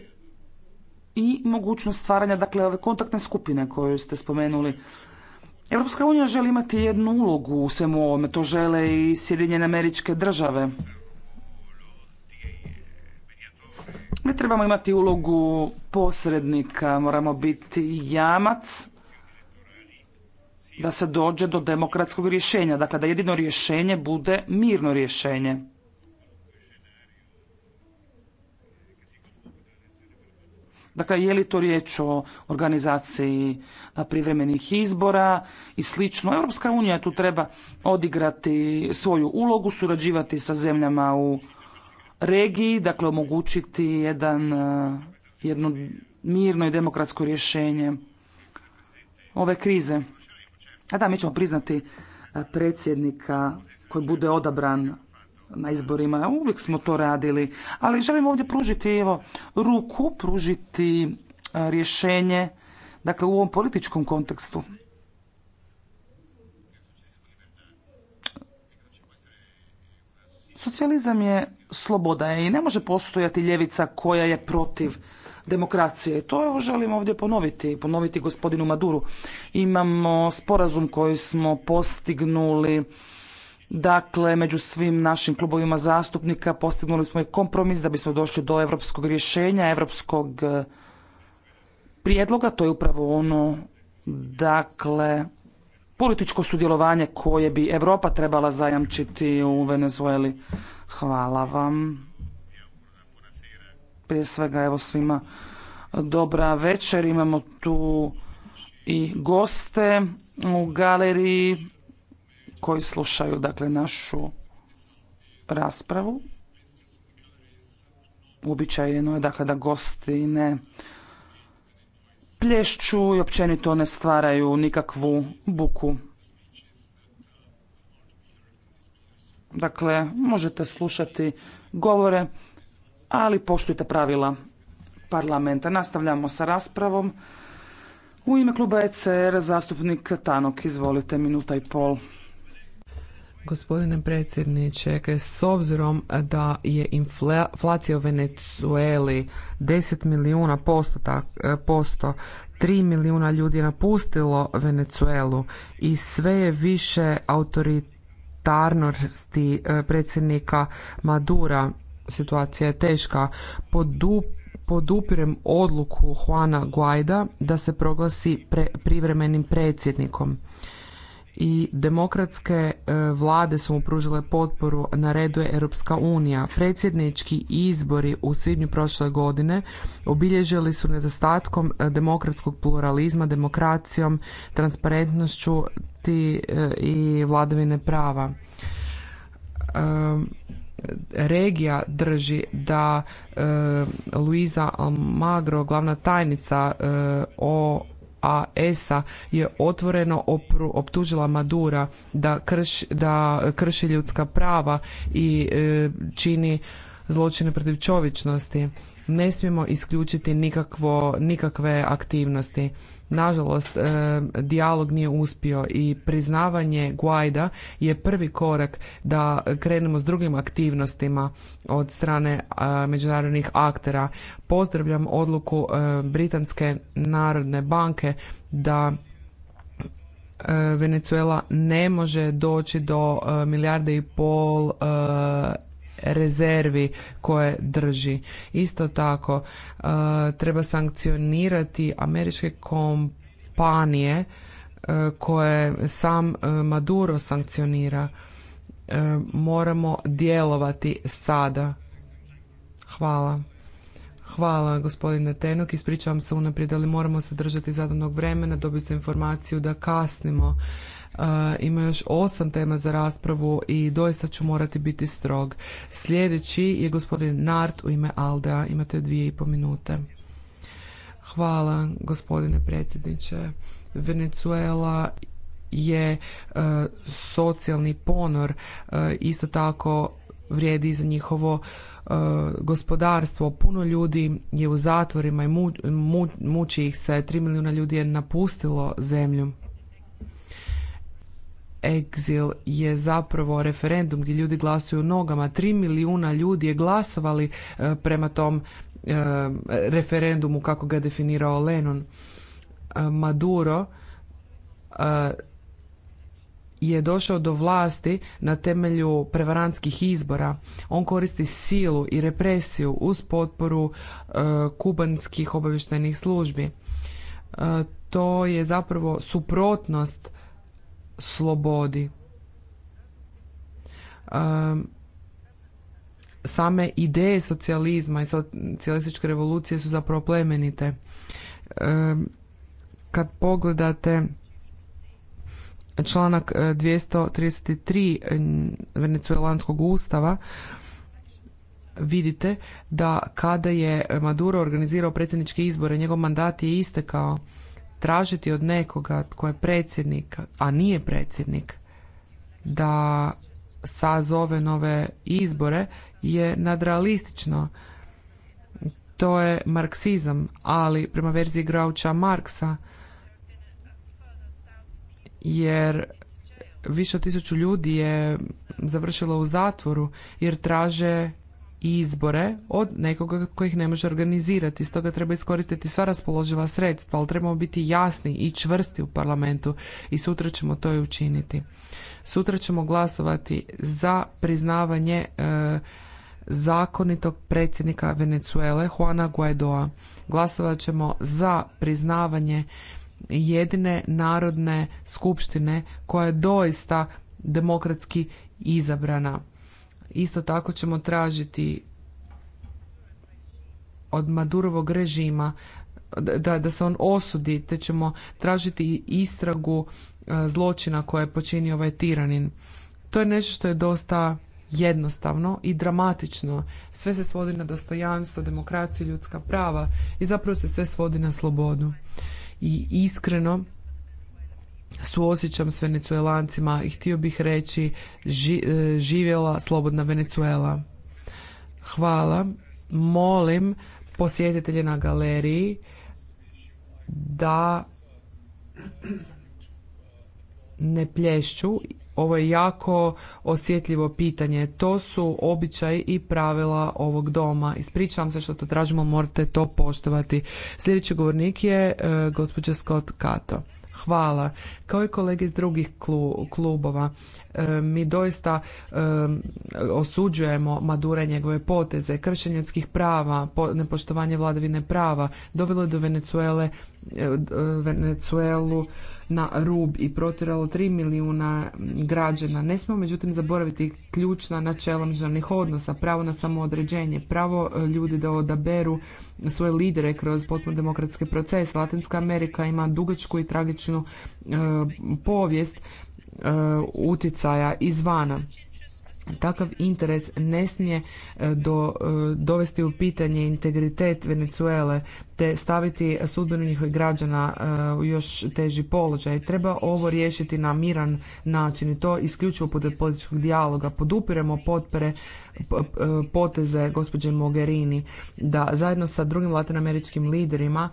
i mogućnost stvaranja dakle ove kontaktne skupine koju ste spomenuli. Europska unija želi imati jednu ulogu u svemu ovome, to žele i Sjedinjene američke države. Mi trebamo imati ulogu posrednika, moramo biti jamac da se dođe do demokratskog rješenja, dakle da jedino rješenje bude mirno rješenje. Dakle, je li to riječ o organizaciji privremenih izbora i slično. Europska unija tu treba odigrati svoju ulogu, surađivati sa zemljama u regiji, dakle omogućiti jedan, jedno mirno i demokratsko rješenje ove krize. A da, mi ćemo priznati predsjednika koji bude odabran na izborima. Uvijek smo to radili, ali želim ovdje pružiti evo, ruku, pružiti e, rješenje dakle, u ovom političkom kontekstu. Socijalizam je sloboda i ne može postojati ljevica koja je protiv demokracije. to želim ovdje ponoviti, ponoviti gospodinu Maduru. Imamo sporazum koji smo postignuli Dakle, među svim našim klubovima zastupnika postignuli smo i kompromis da bismo došli do europskog rješenja, europskog e, prijedloga. To je upravo ono, dakle, političko sudjelovanje koje bi Europa trebala zajamčiti u Venezueli. Hvala vam. Prije svega, evo svima dobra večer. Imamo tu i goste u galeriji koji slušaju dakle našu raspravu. Uobičajeno je dakle da gosti ne plješću i općenito ne stvaraju nikakvu buku. Dakle, možete slušati govore, ali poštujte pravila parlamenta. Nastavljamo sa raspravom. U ime kluba ECR zastupnik Tanok, izvolite, minuta i pol. Gospodine predsjedniče, s obzirom da je inflacija u Venezueli 10 milijuna posto, tak, e, posto 3 milijuna ljudi je napustilo Venezuelu i sve je više autoritarnosti e, predsjednika Madura. Situacija je teška. Podup, podupirem odluku Juana Guaida da se proglasi privremenim predsjednikom i demokratske e, vlade su mu pružile potporu, na redu je Europska unija. Predsjednički izbori u svibnju prošle godine obilježili su nedostatkom e, demokratskog pluralizma, demokracijom, transparentnošću e, i vladavine prava. regija drži da Luisa Almagro, glavna tajnica o a ESA je otvoreno optužila Madura da, krš, da krši ljudska prava i e, čini zločine protiv čovječnosti. Ne smijemo isključiti nikakvo, nikakve aktivnosti. Nažalost, e, dijalog nije uspio i priznavanje Guajda je prvi korak da krenemo s drugim aktivnostima od strane e, međunarodnih aktera. Pozdravljam odluku e, Britanske narodne banke da Venezuela ne može doći do milijarde i pol rezervi koje drži. Isto tako e, treba sankcionirati američke kompanije e, koje sam e, Maduro sankcionira. Moramo djelovati sada. Hvala. Hvala gospodine Tenok, ispričavam se unaprijed, ali moramo se držati zadanog vremena, dobio informaciju da kasnimo ima još osam tema za raspravu i doista ću morati biti strog. Sljedeći je gospodin Nart u ime Aldea. Imate dvije i po minute. Hvala gospodine predsjedniče. Venezuela je e, socijalni ponor, e, isto tako vrijedi za njihovo e, gospodarstvo. Puno ljudi je u zatvorima i muči ih se. Tri milijuna ljudi je napustilo zemlju. Exil je zapravo referendum gdje ljudi glasuju nogama. Tri milijuna ljudi je glasovali e, prema tom e, referendumu kako ga definirao Lenon. E, Maduro je došao do vlasti na temelju prevarantskih izbora. On koristi silu i represiju uz potporu kubanskih obavještajnih službi. To je zapravo suprotnost slobodi, same ideje socijalizma i socijalističke revolucije su zapravo plemenite. Kad pogledate članak 233 e, venecuelanskog ustava, vidite da kada je Maduro organizirao predsjedničke izbore, njegov mandat je istekao tražiti od nekoga tko je predsjednik, a nije predsjednik, da sazove nove izbore je nadrealistično. To je marksizam, ali prema verziji Grauča Marksa, jer više od tisuću ljudi je završilo u zatvoru jer traže izbore od nekoga kojih ne može organizirati. Stoga treba iskoristiti sva raspoloživa sredstva, ali trebamo biti jasni i čvrsti u parlamentu i sutra ćemo to i učiniti. Sutra ćemo glasovati za priznavanje e, zakonitog predsjednika Venezuele Juana Guaidoa. Glasovat ćemo za priznavanje jedine narodne skupštine koja je doista demokratski izabrana. Isto tako ćemo tražiti od Madurovog režima da, da se on osudi te ćemo tražiti istragu e, zločina koje je počinio ovaj tiranin. To je nešto što je dosta jednostavno i dramatično. Sve se svodi na dostojanstvo, demokraciju, ljudska prava i zapravo se sve svodi na slobodu. I iskreno suosjećam s venecuelancima i htio bih reći e, živjela slobodna Venecuela. Hvala. Molim posjetitelje na galeriji da ne plješću. Ovo je jako osjetljivo pitanje. To su običaj i pravila ovog doma. Ispričavam se što to tražimo, morate to poštovati. Sljedeći govornik je e, gospođa Scott Kato. Hvala. Kao i kolege iz drugih klubova, E, mi doista e, osuđujemo Madure njegove poteze, kršenje prava, nepoštovanje vladavine prava, dovelo je do Venezuele, e, Venezuelu na rub i protiralo 3 milijuna građana. Ne smo međutim zaboraviti ključna načela međunarodnih odnosa, pravo na samoodređenje, pravo ljudi da odaberu svoje lidere kroz potpuno demokratske proces. Latinska Amerika ima dugačku i tragičnu povijest E, utjecaja izvana takav interes ne smije e, do, e, dovesti u pitanje integritet Venezuele te staviti sudbenu njihovih građana e, u još teži položaj. Treba ovo riješiti na miran način i to isključivo pod političkog dijaloga. Podupiremo potpore poteze gospođe Mogherini da zajedno sa drugim latinoameričkim liderima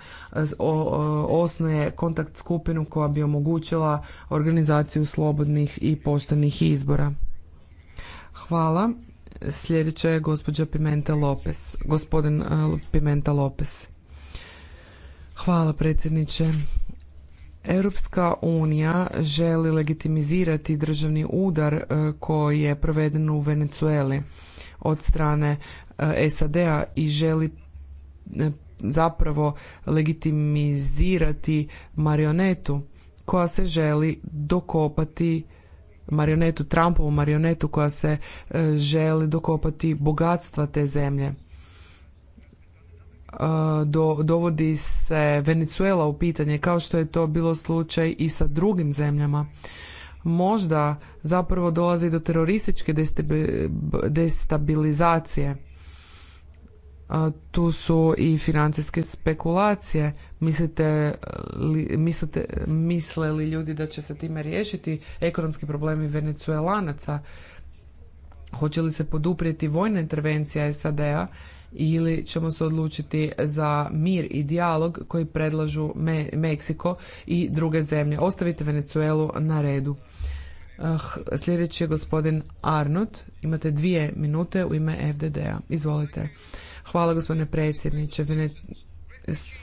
osnuje kontakt skupinu koja bi omogućila organizaciju slobodnih i poštenih izbora. Hvala. Sljedeća je gospođa Pimenta Lopes. Gospodin e, Pimenta Lopez. Hvala predsjedniče. Europska unija želi legitimizirati državni udar e, koji je proveden u Venezueli od strane e, SAD-a i želi zapravo legitimizirati marionetu koja se želi dokopati marionetu, Trumpovu marionetu koja se e, želi dokopati bogatstva te zemlje. E, do, dovodi se Venezuela u pitanje kao što je to bilo slučaj i sa drugim zemljama. Možda zapravo dolazi do terorističke destabilizacije tu su i financijske spekulacije. Mislite li, mislite, misle li ljudi da će se time riješiti ekonomski problemi venecuelanaca? Hoće li se poduprijeti vojna intervencija SAD-a ili ćemo se odlučiti za mir i dijalog koji predlažu Meksiko i druge zemlje? Ostavite Venecuelu na redu. Ah, sljedeći je gospodin Arnott. Imate dvije minute u ime FDD-a. Izvolite. Hvala gospodine predsjedniče.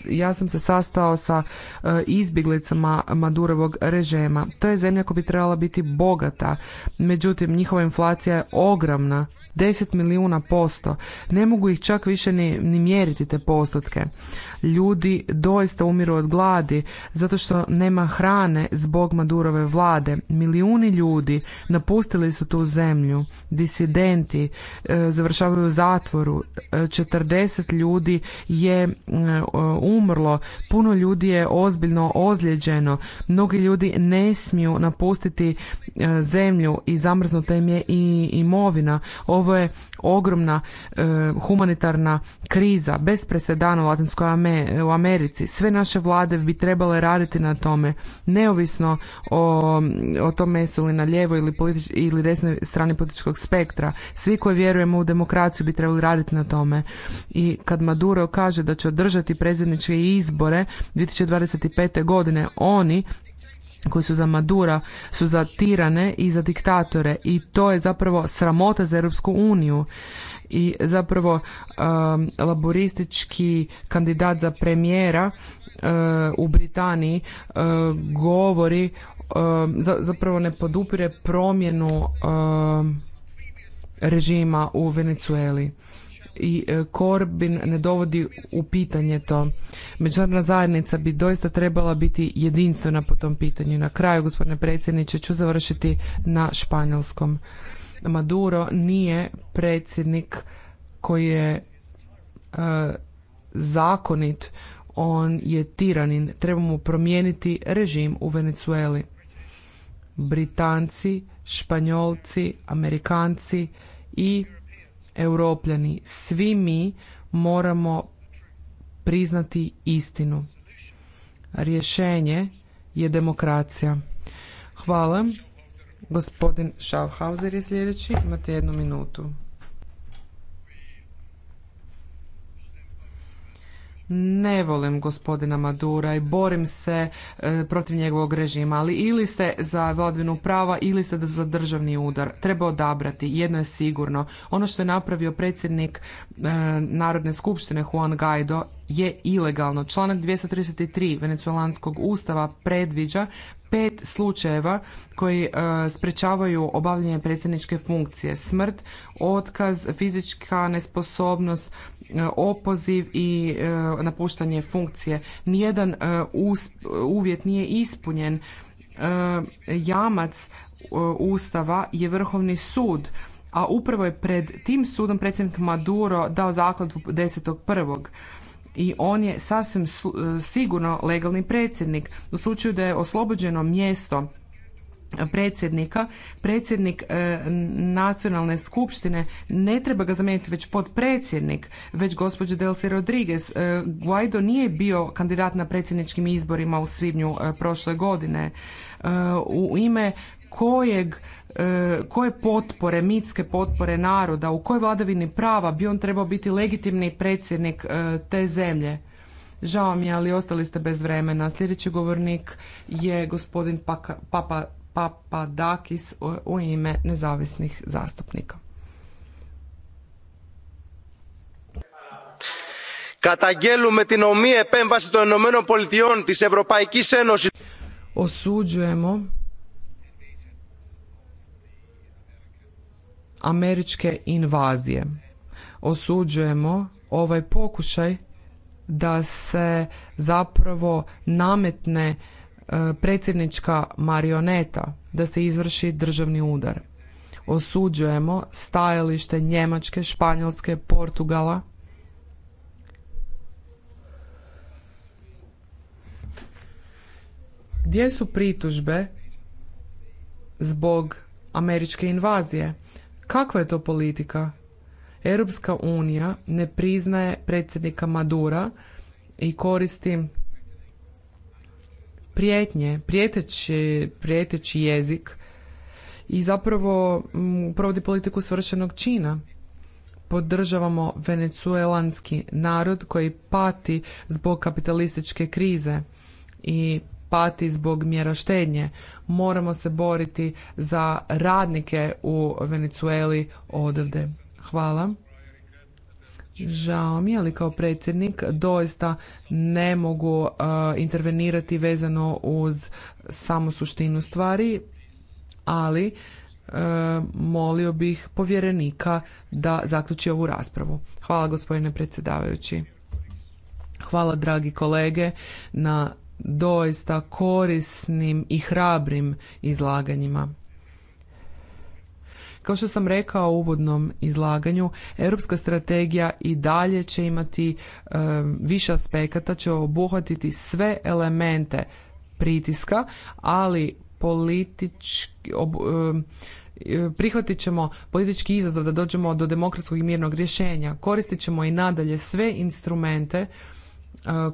Ja sam se sastao sa e, izbjeglicama Madurovog režima. To je zemlja koja bi trebala biti bogata. Međutim, njihova inflacija je ogromna. 10 milijuna posto. Ne mogu ih čak više ni, ni mjeriti te postotke. Ljudi doista umiru od gladi zato što nema hrane zbog Madurove vlade. Milijuni ljudi napustili su tu zemlju. Disidenti e, završavaju u zatvoru. 40 e, ljudi je e, umrlo. Puno ljudi je ozbiljno ozlijeđeno. Mnogi ljudi ne smiju napustiti zemlju i zamrznuta im je i imovina. Ovo je ogromna humanitarna kriza bez presedana u Latinskoj Americi u Americi. Sve naše vlade bi trebale raditi na tome, neovisno o, o tome su na lijevoj ili, ili desnoj strani političkog spektra. Svi koji vjerujemo u demokraciju bi trebali raditi na tome. I kad Maduro kaže da će održati predsjedničke izbore 2025. godine, oni koji su za Madura, su za tirane i za diktatore i to je zapravo sramota za Europsku uniju i zapravo um, laboristički kandidat za premijera uh, u Britaniji uh, govori um, zapravo ne podupire promjenu um, režima u Venecueli i Korbin uh, ne dovodi u pitanje to. Međunarodna zajednica bi doista trebala biti jedinstvena po tom pitanju. Na kraju, gospodine predsjedniče, ću završiti na španjolskom. Maduro nije predsjednik koji je e, zakonit, on je tiranin. Trebamo promijeniti režim u Venezueli. Britanci, Španjolci, Amerikanci i Europljani, svi mi moramo priznati istinu. Rješenje je demokracija. Hvala. Gospodin Schaffhauser je sljedeći, imate jednu minutu. ne volim gospodina Madura i borim se e, protiv njegovog režima, ali ili ste za vladavinu prava ili ste za državni udar. Treba odabrati, jedno je sigurno. Ono što je napravio predsjednik e, Narodne skupštine Juan Guaido je ilegalno. Članak 233 Venezuelanskog ustava predviđa pet slučajeva koji e, sprečavaju obavljanje predsjedničke funkcije. Smrt, otkaz, fizička nesposobnost, E, opoziv i e, napuštanje funkcije. Nijedan e, uvjet nije ispunjen. Jamac Ustava je Vrhovni sud, a upravo je pred tim sudom predsjednik Maduro dao zakladu 10.1 i on je sasvim sigurno legalni predsjednik. U slučaju da je oslobođeno mjesto predsjednika, predsjednik e, nacionalne skupštine ne treba ga zamijeniti već potpredsjednik, već gospođa Delsi Rodriguez. E, Guaido nije bio kandidat na predsjedničkim izborima u svibnju e, prošle godine. U ime kojeg koje potpore, mitske potpore naroda, u kojoj vladavini prava bi on trebao biti legitimni predsjednik te zemlje. Žao mi je, ali ostali ste bez vremena. Sljedeći govornik je gospodin Papa Papadakis u ime nezavisnih zastupnika. Καταγγέλουμε την ομή επέμβαση των Ηνωμένων Πολιτειών της Ευρωπαϊκής Ένωσης. Osuđujemo američke invazije. Osuđujemo ovaj pokušaj da se zapravo nametne E, predsjednička marioneta da se izvrši državni udar. Osuđujemo stajalište Njemačke, Španjolske, Portugala Gdje su pritužbe zbog američke invazije? Kakva je to politika? Europska unija ne priznaje predsjednika Madura i koristi prijetnje, prijeteći, prijeteći jezik i zapravo mm, provodi politiku svršenog čina. Podržavamo venecuelanski narod koji pati zbog kapitalističke krize i pati zbog mjera štednje. Moramo se boriti za radnike u Venecueli odavde. Hvala. Žao mi, ali kao predsjednik doista ne mogu uh, intervenirati vezano uz samu suštinu stvari, ali uh, molio bih povjerenika da zaključi ovu raspravu. Hvala gospodine predsjedavajući. Hvala dragi kolege na doista korisnim i hrabrim izlaganjima. Kao što sam rekao u uvodnom izlaganju, Europska strategija i dalje će imati više aspekata, će obuhvatiti sve elemente pritiska, ali politički e, prihvatit ćemo politički izazov da dođemo do demokratskog i mirnog rješenja. Koristit ćemo i nadalje sve instrumente e,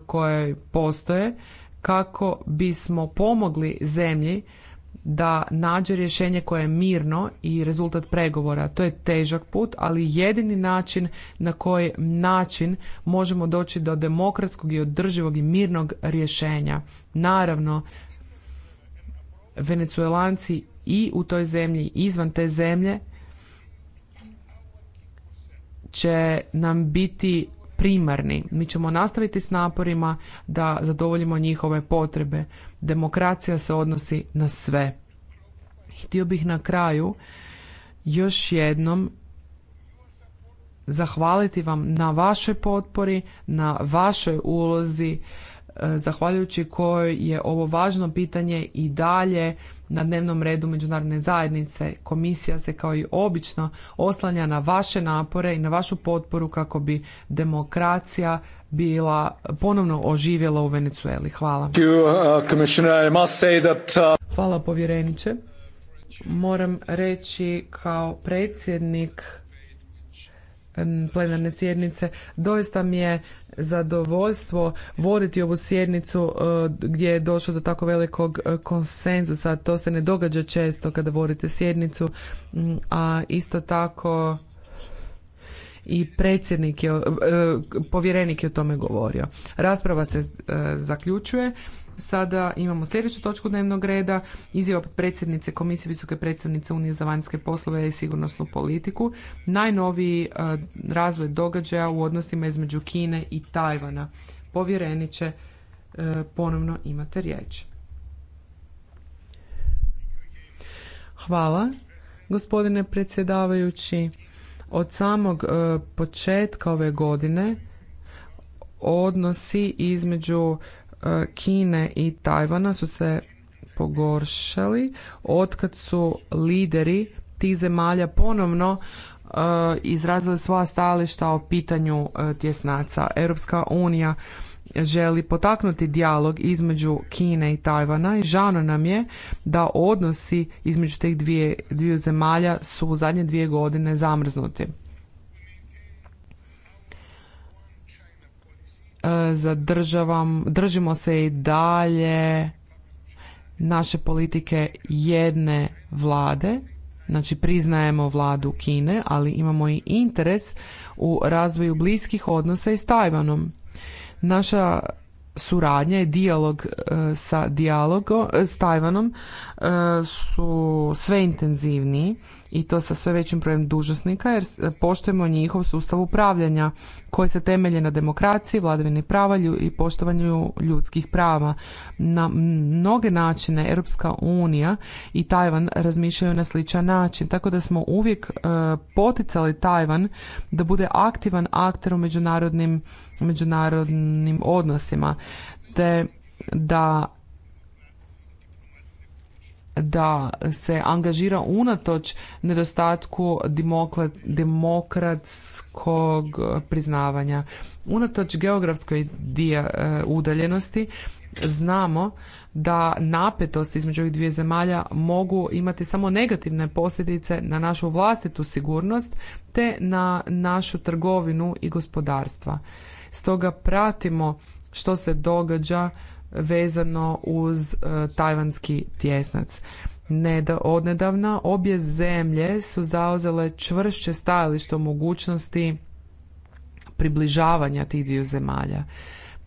koje postoje kako bismo pomogli zemlji da nađe rješenje koje je mirno i rezultat pregovora. To je težak put, ali jedini način na koji način možemo doći do demokratskog i održivog i mirnog rješenja. Naravno, venecuelanci i u toj zemlji, izvan te zemlje, će nam biti primarni. Mi ćemo nastaviti s naporima da zadovoljimo njihove potrebe. Demokracija se odnosi na sve. Htio bih na kraju još jednom zahvaliti vam na vašoj potpori, na vašoj ulozi, e, zahvaljujući kojoj je ovo važno pitanje i dalje na dnevnom redu međunarodne zajednice. Komisija se kao i obično oslanja na vaše napore i na vašu potporu kako bi demokracija bila ponovno oživjela u Venezueli. Hvala. Uh, uh, Hvala povjereniče. Moram reći kao predsjednik plenarne sjednice, doista mi je zadovoljstvo voditi ovu sjednicu uh, gdje je došlo do tako velikog konsenzusa. To se ne događa često kada vodite sjednicu, mm, a isto tako i predsjednik je, e, povjerenik je o tome govorio. Rasprava se e, zaključuje. Sada imamo sljedeću točku dnevnog reda, izjava predsjednice Komisije Visoke predsjednice Unije za vanjske poslove i sigurnosnu politiku, najnoviji e, razvoj događaja u odnosima između Kine i Tajvana. Povjereniče, ponovno imate riječ. Hvala. Gospodine predsjedavajući, od samog e, početka ove godine odnosi između e, Kine i Tajvana su se pogoršali otkad su lideri tih zemalja ponovno e, izrazili svoja stajališta o pitanju tjesnaca. Europska unija želi potaknuti dijalog između Kine i Tajvana i žano nam je da odnosi između tih dvije, dviju zemalja su u zadnje dvije godine zamrznuti. E, zadržavam, držimo se i dalje naše politike jedne vlade, znači priznajemo vladu Kine, ali imamo i interes u razvoju bliskih odnosa i s Tajvanom. Naša suradnja i dijalog e, sa dijalogom e, s Tajvanom e, su sve intenzivniji i to sa sve većim brojem dužnosnika jer e, poštujemo njihov sustav upravljanja koji se temelje na demokraciji, vladavini prava i poštovanju ljudskih prava. Na mnoge načine Europska unija i Tajvan razmišljaju na sličan način, tako da smo uvijek e, poticali Tajvan da bude aktivan akter u međunarodnim, međunarodnim odnosima te da da se angažira unatoč nedostatku demokratskog priznavanja. Unatoč geografskoj e, udaljenosti znamo da napetost između ovih dvije zemalja mogu imati samo negativne posljedice na našu vlastitu sigurnost te na našu trgovinu i gospodarstva. Stoga pratimo što se događa vezano uz e, tajvanski tjesnac. Neda, odnedavna obje zemlje su zauzele čvršće stajalište o mogućnosti približavanja tih dviju zemalja.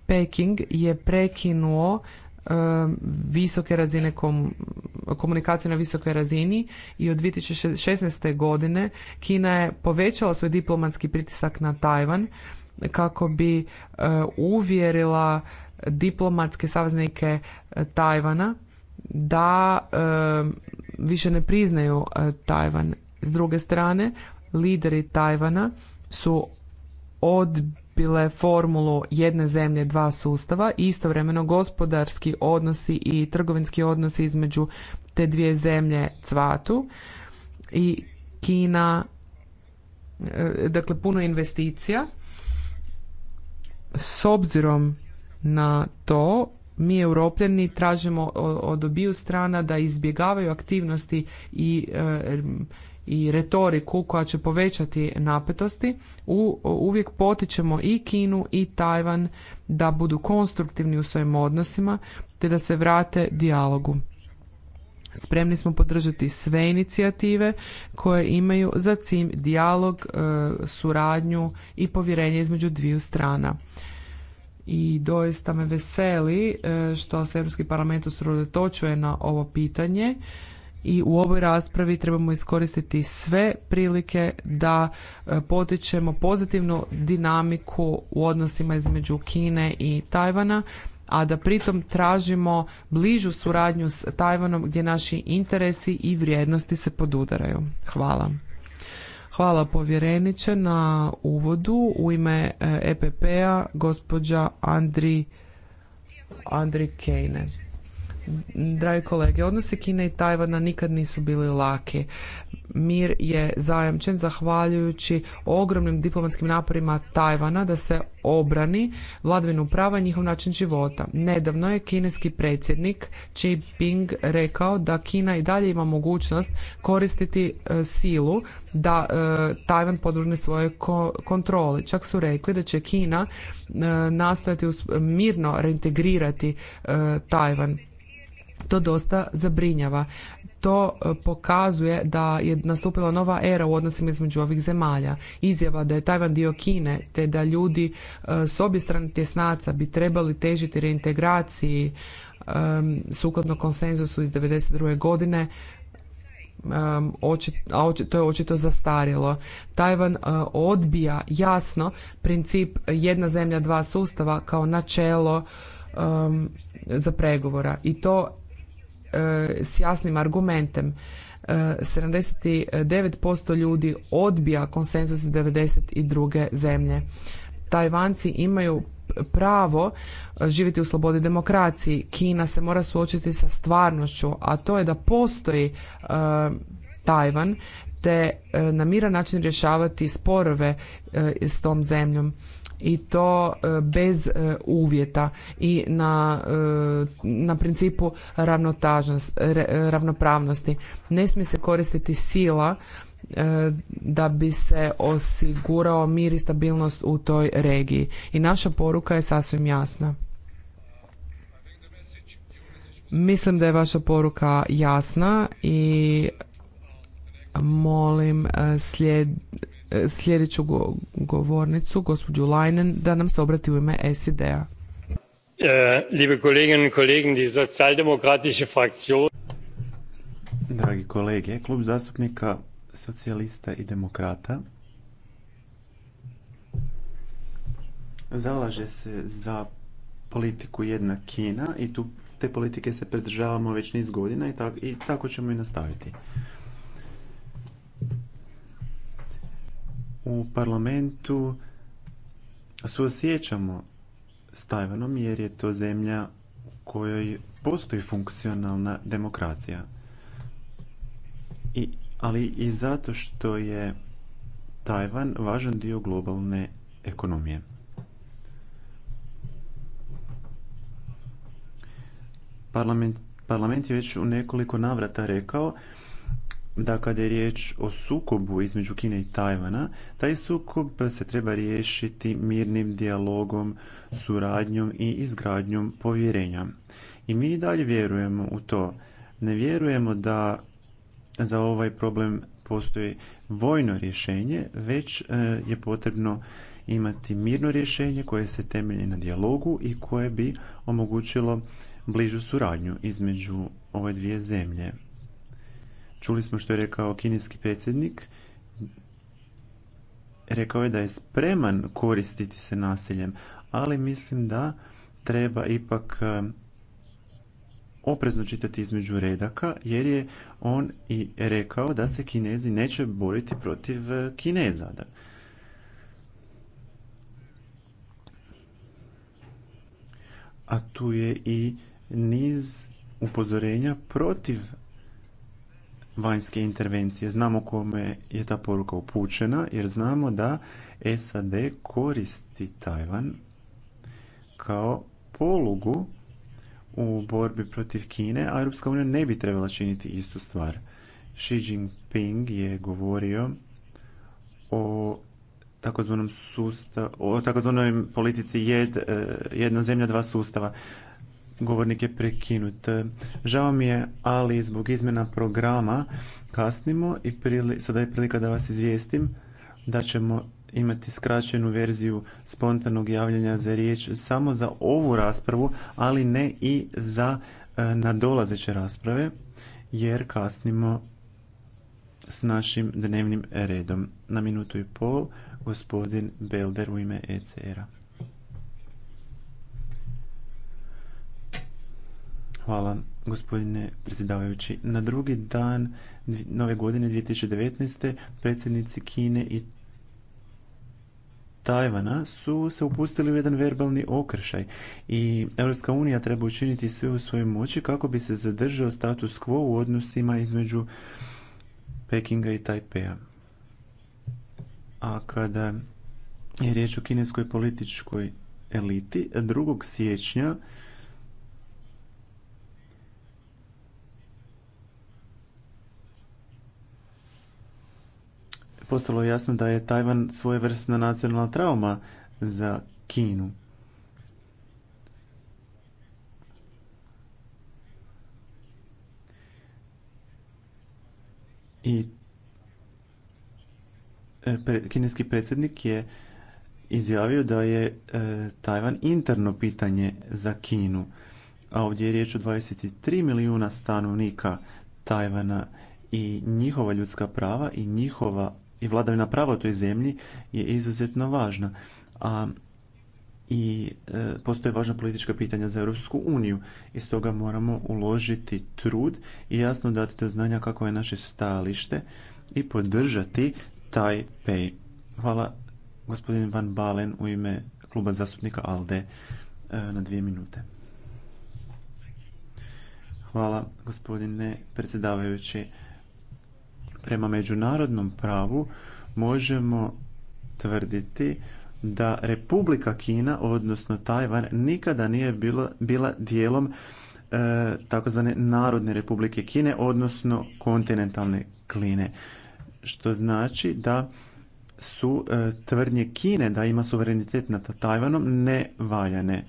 Peking je prekinuo e, visoke razine kom, komunikaciju na visokoj razini i od 2016. godine Kina je povećala svoj diplomatski pritisak na Tajvan kako bi e, uvjerila diplomatske saveznike e, Tajvana da e, više ne priznaju e, Tajvan. S druge strane, lideri Tajvana su odbile formulu jedne zemlje, dva sustava i istovremeno gospodarski odnosi i trgovinski odnosi između te dvije zemlje cvatu i Kina, dakle puno investicija s obzirom na to mi europljani tražimo od obiju strana da izbjegavaju aktivnosti i, e, i retoriku koja će povećati napetosti. U, uvijek potičemo i Kinu i Tajvan da budu konstruktivni u svojim odnosima te da se vrate dijalogu. Spremni smo podržati sve inicijative koje imaju za cilj dijalog, e, suradnju i povjerenje između dviju strana i doista me veseli e, što se Europski parlament usredotočuje na ovo pitanje i u ovoj raspravi trebamo iskoristiti sve prilike da e, potičemo pozitivnu dinamiku u odnosima između Kine i Tajvana, a da pritom tražimo bližu suradnju s Tajvanom gdje naši interesi i vrijednosti se podudaraju. Hvala. Hvala povjereniče na uvodu. U ime EPP-a e gospođa Andri, Andri Kejne. Dragi kolege, odnosi Kine i Tajvana nikad nisu bili laki. Mir je zajamčen zahvaljujući ogromnim diplomatskim naporima Tajvana da se obrani vladavinu prava i njihov način života. Nedavno je kineski predsjednik Xi Jinping rekao da Kina i dalje ima mogućnost koristiti e, silu da e, Tajvan podvrgne svoje ko kontroli. Čak su rekli da će Kina e, nastojati mirno reintegrirati Tajvan to dosta zabrinjava. To e, pokazuje da je nastupila nova era u odnosima između ovih zemalja. Izjava da je Tajvan dio Kine, te da ljudi e, s obje strane tjesnaca bi trebali težiti reintegraciji e, sukladno konsenzusu iz 1992. godine a to je očito zastarjelo. Tajvan odbija jasno princip jedna zemlja, dva sustava kao načelo za pregovora i to E, s jasnim argumentem. 79% e, ljudi odbija konsenzus 92 zemlje. Tajvanci imaju pravo živjeti u slobodi demokraciji. Kina se mora suočiti sa stvarnošću, a to je da postoji e, Tajvan te na miran način rješavati sporove s tom zemljom i to e, bez e, uvjeta i na, e, na principu ravnopravnosti. Ne smije se koristiti sila da bi se osigurao mir i stabilnost u toj regiji. I naša poruka je sasvim jasna. Mislim da je vaša poruka jasna i molim slijed, E, sljedeću govornicu, gospođu Lajnen, da nam se obrati u ime SID-a. E, liebe Kolleginnen und die sozialdemokratische Fraktion. Dragi kolege, klub zastupnika socijalista i demokrata zalaže se za politiku jedna Kina i tu te politike se pridržavamo već niz godina i tako, i tako ćemo i nastaviti. u parlamentu suosjećamo s Tajvanom jer je to zemlja u kojoj postoji funkcionalna demokracija. I, ali i zato što je Tajvan važan dio globalne ekonomije. Parlament, parlament je već u nekoliko navrata rekao da kada je riječ o sukobu između Kine i Tajvana, taj sukob se treba riješiti mirnim dijalogom, suradnjom i izgradnjom povjerenja. I mi i dalje vjerujemo u to. Ne vjerujemo da za ovaj problem postoji vojno rješenje, već e, je potrebno imati mirno rješenje koje se temelji na dijalogu i koje bi omogućilo bližu suradnju između ove dvije zemlje. Čuli smo što je rekao kineski predsjednik. Rekao je da je spreman koristiti se nasiljem, ali mislim da treba ipak e, oprezno čitati između redaka jer je on i rekao da se Kinezi neće boriti protiv e, Kineza. A tu je i niz upozorenja protiv vanjske intervencije. Znamo kome je ta poruka upućena jer znamo da SAD koristi Tajvan kao polugu u borbi protiv Kine, a Europska unija ne bi trebala činiti istu stvar. Xi Jinping je govorio o takozvanom o takozvanoj politici jed, eh, jedna zemlja, dva sustava govornik je prekinut. Žao mi je, ali zbog izmjena programa kasnimo i sada je prilika da vas izvijestim da ćemo imati skraćenu verziju spontanog javljanja za riječ samo za ovu raspravu, ali ne i za e, nadolazeće rasprave, jer kasnimo s našim dnevnim redom. Na minutu i pol, gospodin Belder u ime ECR-a. Hvala, gospodine predsjedavajući. Na drugi dan nove godine 2019. predsjednici Kine i Tajvana su se upustili u jedan verbalni okršaj i Europska unija treba učiniti sve u svojoj moći kako bi se zadržao status quo u odnosima između Pekinga i Tajpeja. A kada je riječ o kineskoj političkoj eliti, 2. siječnja postalo jasno da je Tajvan svojevrsna nacionalna trauma za Kinu. I e, kineski predsjednik je izjavio da je e, Tajvan interno pitanje za Kinu. A ovdje je riječ o 23 milijuna stanovnika Tajvana i njihova ljudska prava i njihova i vladavina prava u toj zemlji je izuzetno važna. A i e, postoje važna politička pitanja za Europsku uniju. I stoga moramo uložiti trud i jasno dati do znanja kako je naše stajalište i podržati taj pej. Hvala gospodin Van Balen u ime kluba zastupnika ALDE e, na dvije minute. Hvala gospodine predsjedavajući. Prema međunarodnom pravu možemo tvrditi da Republika Kina, odnosno Tajvan, nikada nije bila dijelom e, takozvane Narodne Republike Kine, odnosno kontinentalne Kline. Što znači da su e, tvrdnje Kine da ima suverenitet nad Tajvanom nevaljane.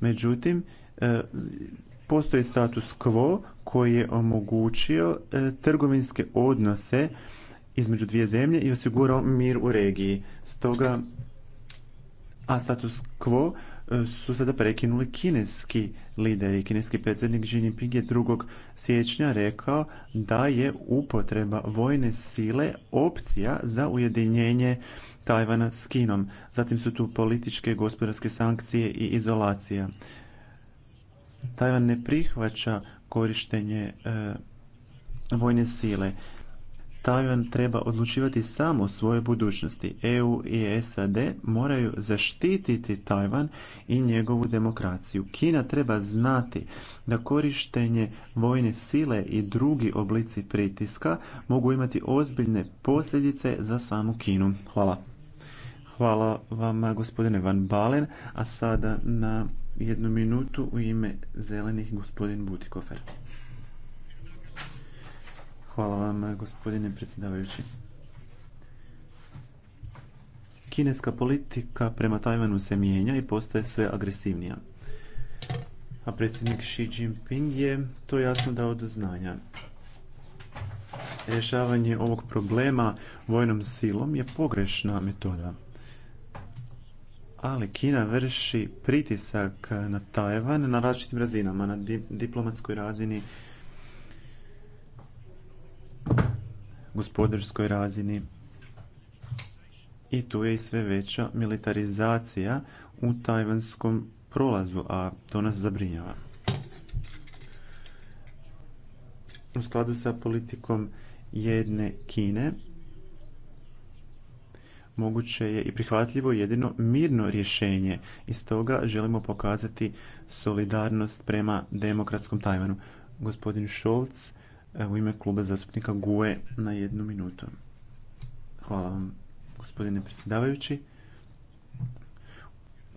Međutim, e, postoji status quo koji je omogućio e, trgovinske odnose između dvije zemlje i osigurao mir u regiji. Stoga, a status quo e, su sada prekinuli kineski lideri. Kineski predsjednik Xi Jinping je 2. siječnja rekao da je upotreba vojne sile opcija za ujedinjenje Tajvana s Kinom. Zatim su tu političke gospodarske sankcije i izolacija. Tajvan ne prihvaća korištenje e, vojne sile. Tajvan treba odlučivati samo o svojoj budućnosti. EU i SAD moraju zaštititi Tajvan i njegovu demokraciju. Kina treba znati da korištenje vojne sile i drugi oblici pritiska mogu imati ozbiljne posljedice za samu Kinu. Hvala. Hvala vam gospodine Van Balen, a sada na jednu minutu u ime zelenih gospodin Butikofer. Hvala vam gospodine predsjedavajući. Kineska politika prema Tajvanu se mijenja i postaje sve agresivnija. A predsjednik Xi Jinping je to jasno dao do znanja. Rješavanje ovog problema vojnom silom je pogrešna metoda ali Kina vrši pritisak na Tajvan na različitim razinama, na diplomatskoj razini, gospodarskoj razini i tu je i sve veća militarizacija u tajvanskom prolazu, a to nas zabrinjava. U skladu sa politikom jedne Kine, moguće je i prihvatljivo jedino mirno rješenje i stoga želimo pokazati solidarnost prema demokratskom Tajvanu. Gospodin Scholz u ime kluba zastupnika GUE na jednu minutu. Hvala vam gospodine predsjedavajući.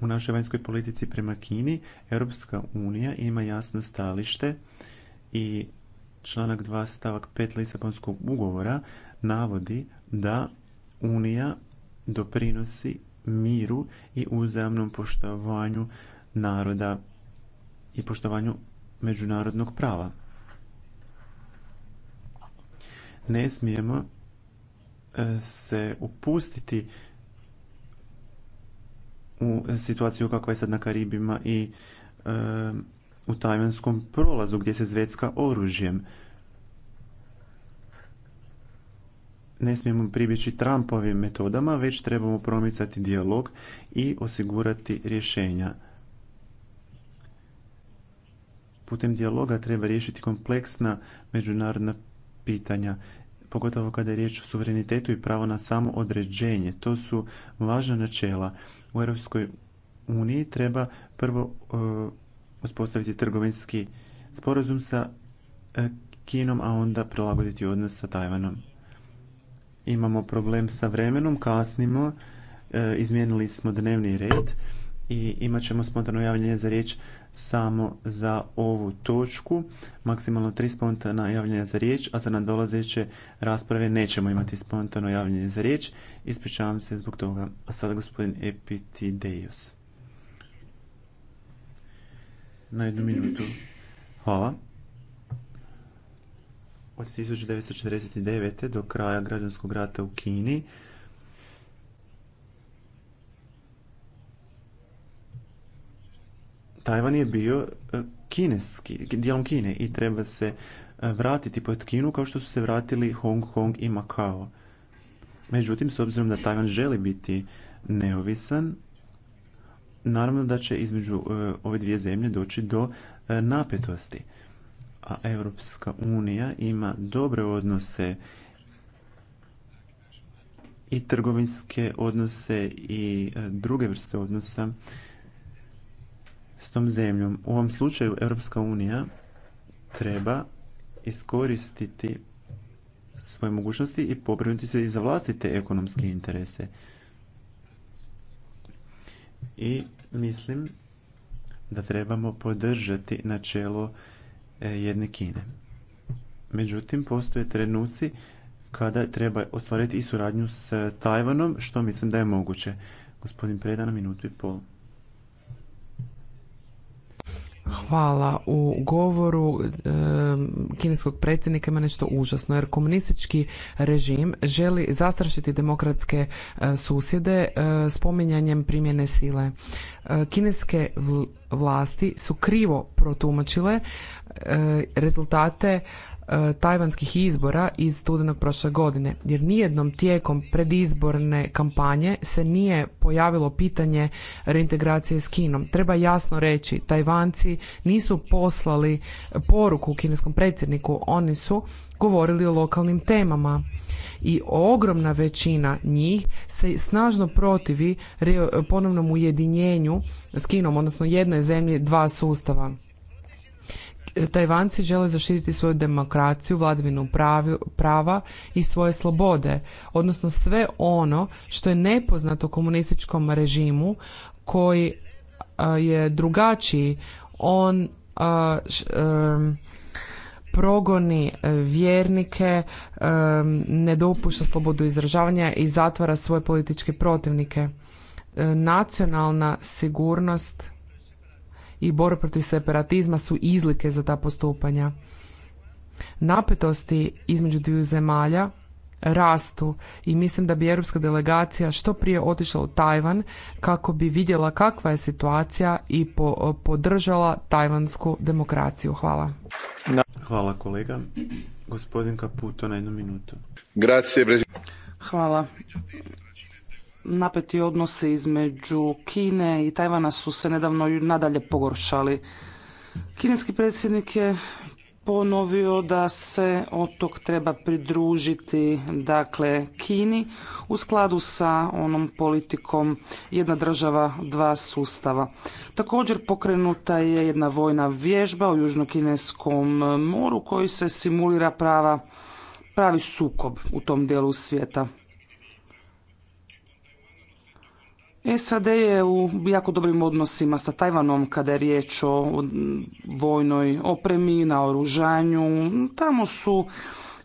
U našoj vanjskoj politici prema Kini Europska unija ima jasno stalište i članak 2 stavak 5 Lisabonskog ugovora navodi da Unija doprinosi miru i uzajamnom poštovanju naroda i poštovanju međunarodnog prava. Ne smijemo e, se upustiti u situaciju kakva je sad na Karibima i e, u tajvanskom prolazu gdje se zvecka oružjem. ne smijemo pribjeći Trumpovim metodama, već trebamo promicati dijalog i osigurati rješenja. Putem dijaloga treba riješiti kompleksna međunarodna pitanja, pogotovo kada je riječ o suverenitetu i pravo na samo određenje. To su važna načela. U Europskoj uniji treba prvo e, uspostaviti trgovinski sporazum sa e, Kinom, a onda prilagoditi odnos sa Tajvanom imamo problem sa vremenom, kasnimo, e, izmijenili smo dnevni red i imat ćemo spontano javljanje za riječ samo za ovu točku. Maksimalno tri spontana javljanja za riječ, a za nadolazeće rasprave nećemo imati spontano javljanje za riječ. Ispričavam se zbog toga. A sada gospodin Epitideios. Na jednu minutu. Hvala od 1949. do kraja građanskog rata u Kini. Tajvan je bio e, kineski, dijelom Kine i treba se e, vratiti pod Kinu kao što su se vratili Hong Kong i Makao. Međutim, s obzirom da Tajvan želi biti neovisan, naravno da će između e, ove dvije zemlje doći do napetosti a Europska unija ima dobre odnose i trgovinske odnose i e, druge vrste odnosa s tom zemljom. U ovom slučaju Europska unija treba iskoristiti svoje mogućnosti i pobrinuti se i za vlastite ekonomske interese. I mislim da trebamo podržati načelo E, jedne Kine. Međutim, postoje trenuci kada treba ostvariti i suradnju s Tajvanom, što mislim da je moguće. Gospodin predana minutu i pol hvala u govoru kineskog predsjednika ima nešto užasno jer komunistički režim želi zastrašiti demokratske e, susjede e, spominjanjem primjene sile. E, kineske vlasti su krivo protumačile e, rezultate E, tajvanskih izbora iz studenog prošle godine jer nijednom tijekom predizborne kampanje se nije pojavilo pitanje reintegracije s Kinom. Treba jasno reći, Tajvanci nisu poslali poruku kineskom predsjedniku, oni su govorili o lokalnim temama i ogromna većina njih se snažno protivi ponovnom ujedinjenju s Kinom, odnosno jednoj zemlji dva sustava Tajvanci žele zaštititi svoju demokraciju, vladavinu prava i svoje slobode, odnosno sve ono što je nepoznato komunističkom režimu koji je drugačiji. On progoni e, vjernike, ne dopušta slobodu izražavanja i zatvara svoje političke protivnike. E, nacionalna sigurnost i borba protiv separatizma su izlike za ta postupanja. Napetosti između dviju zemalja rastu i mislim da bi europska delegacija što prije otišla u Tajvan kako bi vidjela kakva je situacija i podržala tajvansku demokraciju. Hvala. Hvala kolega. Gospodin Kaputo na jednu minutu. Grazie, Hvala napeti odnosi između Kine i Tajvana su se nedavno nadalje pogoršali. Kineski predsjednik je ponovio da se otok treba pridružiti dakle Kini u skladu sa onom politikom jedna država, dva sustava. Također pokrenuta je jedna vojna vježba u južnokineskom moru koji se simulira prava pravi sukob u tom dijelu svijeta. SAD je u jako dobrim odnosima sa Tajvanom kada je riječ o vojnoj opremi, na oružanju. Tamo su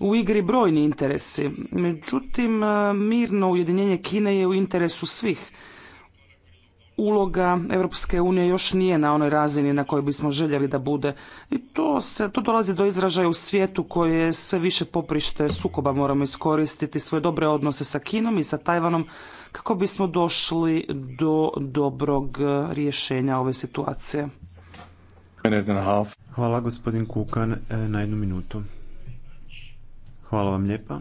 u igri brojni interesi. Međutim, mirno ujedinjenje Kine je u interesu svih. Uloga Europske unije još nije na onoj razini na kojoj bismo željeli da bude. I to, se, to dolazi do izražaja u svijetu koje je sve više poprište sukoba. Moramo iskoristiti svoje dobre odnose sa Kinom i sa Tajvanom kako bismo došli do dobrog rješenja ove situacije. Hvala gospodin Kukan e, na jednu minutu. Hvala vam lijepa.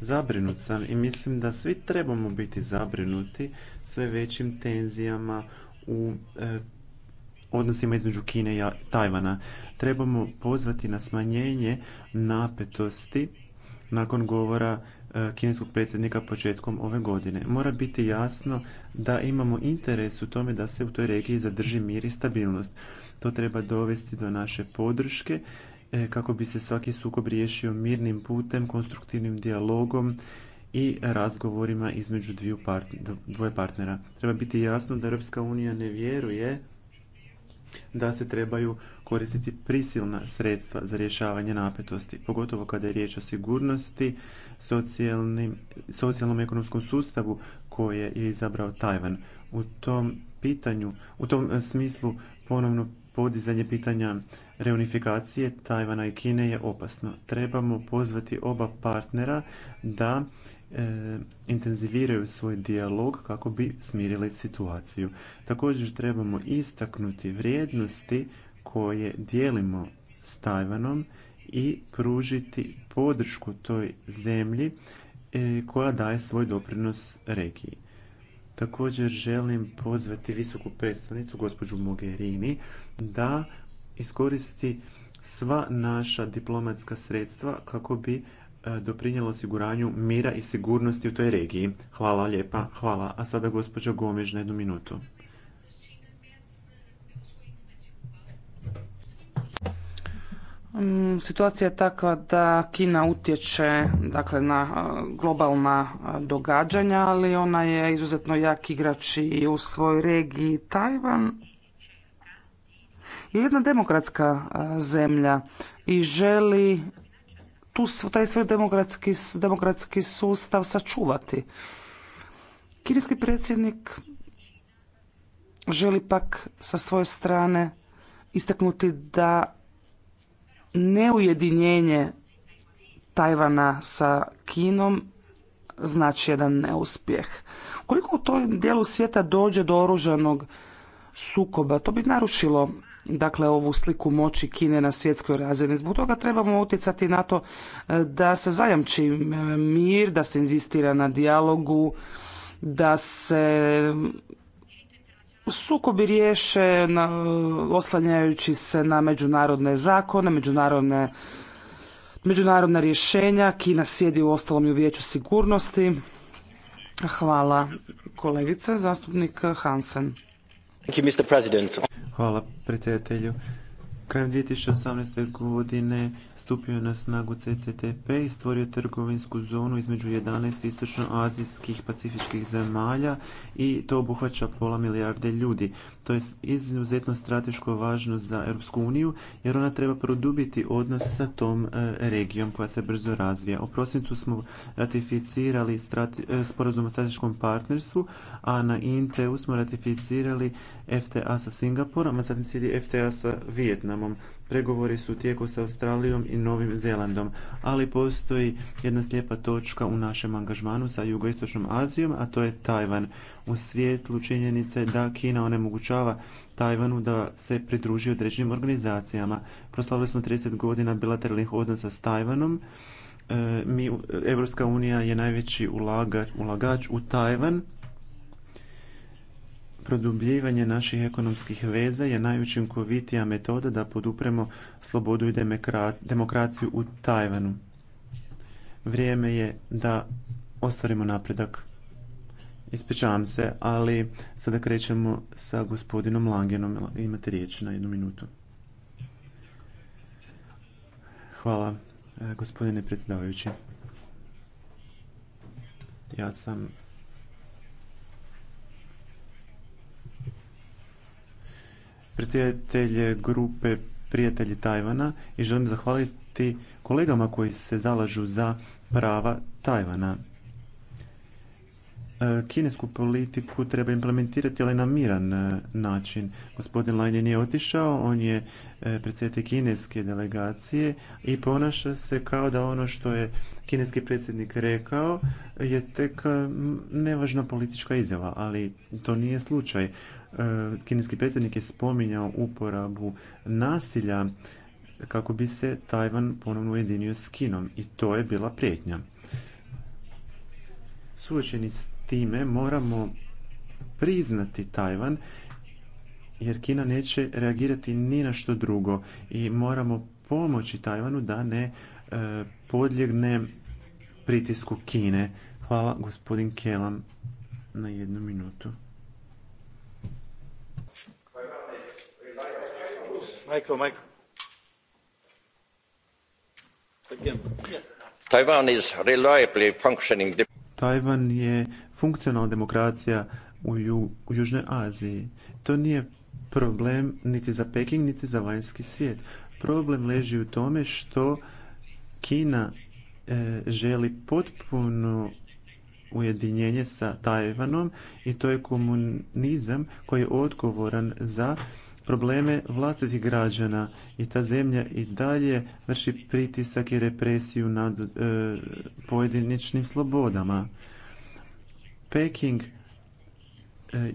Zabrinut sam i mislim da svi trebamo biti zabrinuti sve većim tenzijama u e, odnosima između Kine i Tajvana. Trebamo pozvati na smanjenje napetosti nakon govora E, kineskog predsjednika početkom ove godine. Mora biti jasno da imamo interes u tome da se u toj regiji zadrži mir i stabilnost. To treba dovesti do naše podrške e, kako bi se svaki sukob riješio mirnim putem, konstruktivnim dijalogom i razgovorima između dvoje partnera. Treba biti jasno da Europska unija ne vjeruje da se trebaju koristiti prisilna sredstva za rješavanje napetosti, pogotovo kada je riječ o sigurnosti, socijalnom ekonomskom sustavu koje je izabrao Tajvan. U tom pitanju, u tom e, smislu ponovno podizanje pitanja reunifikacije Tajvana i Kine je opasno. Trebamo pozvati oba partnera da e, intenziviraju svoj dijalog kako bi smirili situaciju. Također trebamo istaknuti vrijednosti koje dijelimo s Tajvanom i pružiti podršku toj zemlji e, koja daje svoj doprinos regiji. Također želim pozvati visoku predstavnicu gospođu Mogherini da iskoristi sva naša diplomatska sredstva kako bi e, doprinijela osiguranju mira i sigurnosti u toj regiji. Hvala lijepa, hvala. A sada gospođa Gomež na jednu minutu. Mm, situacija je takva da Kina utječe dakle, na globalna događanja, ali ona je izuzetno jak igrač i u svojoj regiji. Tajvan je jedna demokratska zemlja i želi tu, taj svoj demokratski, demokratski sustav sačuvati. Kineski predsjednik želi pak sa svoje strane istaknuti da neujedinjenje Tajvana sa Kinom znači jedan neuspjeh. Koliko u tom dijelu svijeta dođe do oružanog sukoba, to bi narušilo dakle ovu sliku moći Kine na svjetskoj razini. Zbog toga trebamo utjecati na to e, da se zajamči e, mir, da se inzistira na dijalogu, da se sukobi riješe oslanjajući se na međunarodne zakone, međunarodne međunarodna rješenja. Kina sjedi u ostalom i u vijeću sigurnosti. Hvala kolegice, zastupnik Hansen. Hvala predsjedatelju. Krajem 2018. godine stupio je na snagu CCTP i stvorio trgovinsku zonu između 11 istočnoazijskih pacifičkih zemalja i to obuhvaća pola milijarde ljudi. To je izuzetno strateško važno za Europsku uniju jer ona treba produbiti odnos sa tom e, regijom koja se brzo razvija. U prosincu smo ratificirali e, sporazum o strateškom partnerstvu, a na INTEU smo ratificirali FTA sa Singapurom, a zatim slijedi FTA sa Vijetnamom. Pregovori su u tijeku sa Australijom i Novim Zelandom, ali postoji jedna slijepa točka u našem angažmanu sa jugoistočnom Azijom, a to je Tajvan. U svijetlu činjenice da Kina onemogućava Tajvanu da se pridruži određenim organizacijama. Proslavili smo 30 godina bilateralnih odnosa s Tajvanom. E, mi, unija je najveći ulagač u Tajvan Produbljivanje naših ekonomskih veza je najučinkovitija metoda da podupremo slobodu i demokraciju u Tajvanu. Vrijeme je da ostvarimo napredak. Ispričavam se, ali sada krećemo sa gospodinom Langenom. Imate riječ na jednu minutu. Hvala, eh, gospodine predsjedavajući. Ja sam predsjedatelj grupe Prijatelji Tajvana i želim zahvaliti kolegama koji se zalažu za prava Tajvana. E, kinesku politiku treba implementirati, ali na miran e, način. Gospodin Lajn je nije otišao, on je e, predsjednik kineske delegacije i ponaša se kao da ono što je kineski predsjednik rekao je tek nevažna politička izjava, ali to nije slučaj. E, kineski predsjednik je spominjao uporabu nasilja kako bi se Tajvan ponovno ujedinio s Kinom i to je bila prijetnja. Suočeni s time moramo priznati Tajvan jer Kina neće reagirati ni na što drugo i moramo pomoći Tajvanu da ne e, podljegne pritisku Kine. Hvala gospodin Kelam na jednu minutu. Tajvan je funkcionalna demokracija u, Južnoj Aziji. To nije problem niti za Peking, niti za vanjski svijet. Problem leži u tome što Kina e, želi potpuno ujedinjenje sa Tajvanom i to je komunizam koji je odgovoran za probleme vlastitih građana i ta zemlja i dalje vrši pritisak i represiju nad e, pojedinačnim slobodama. Peking e,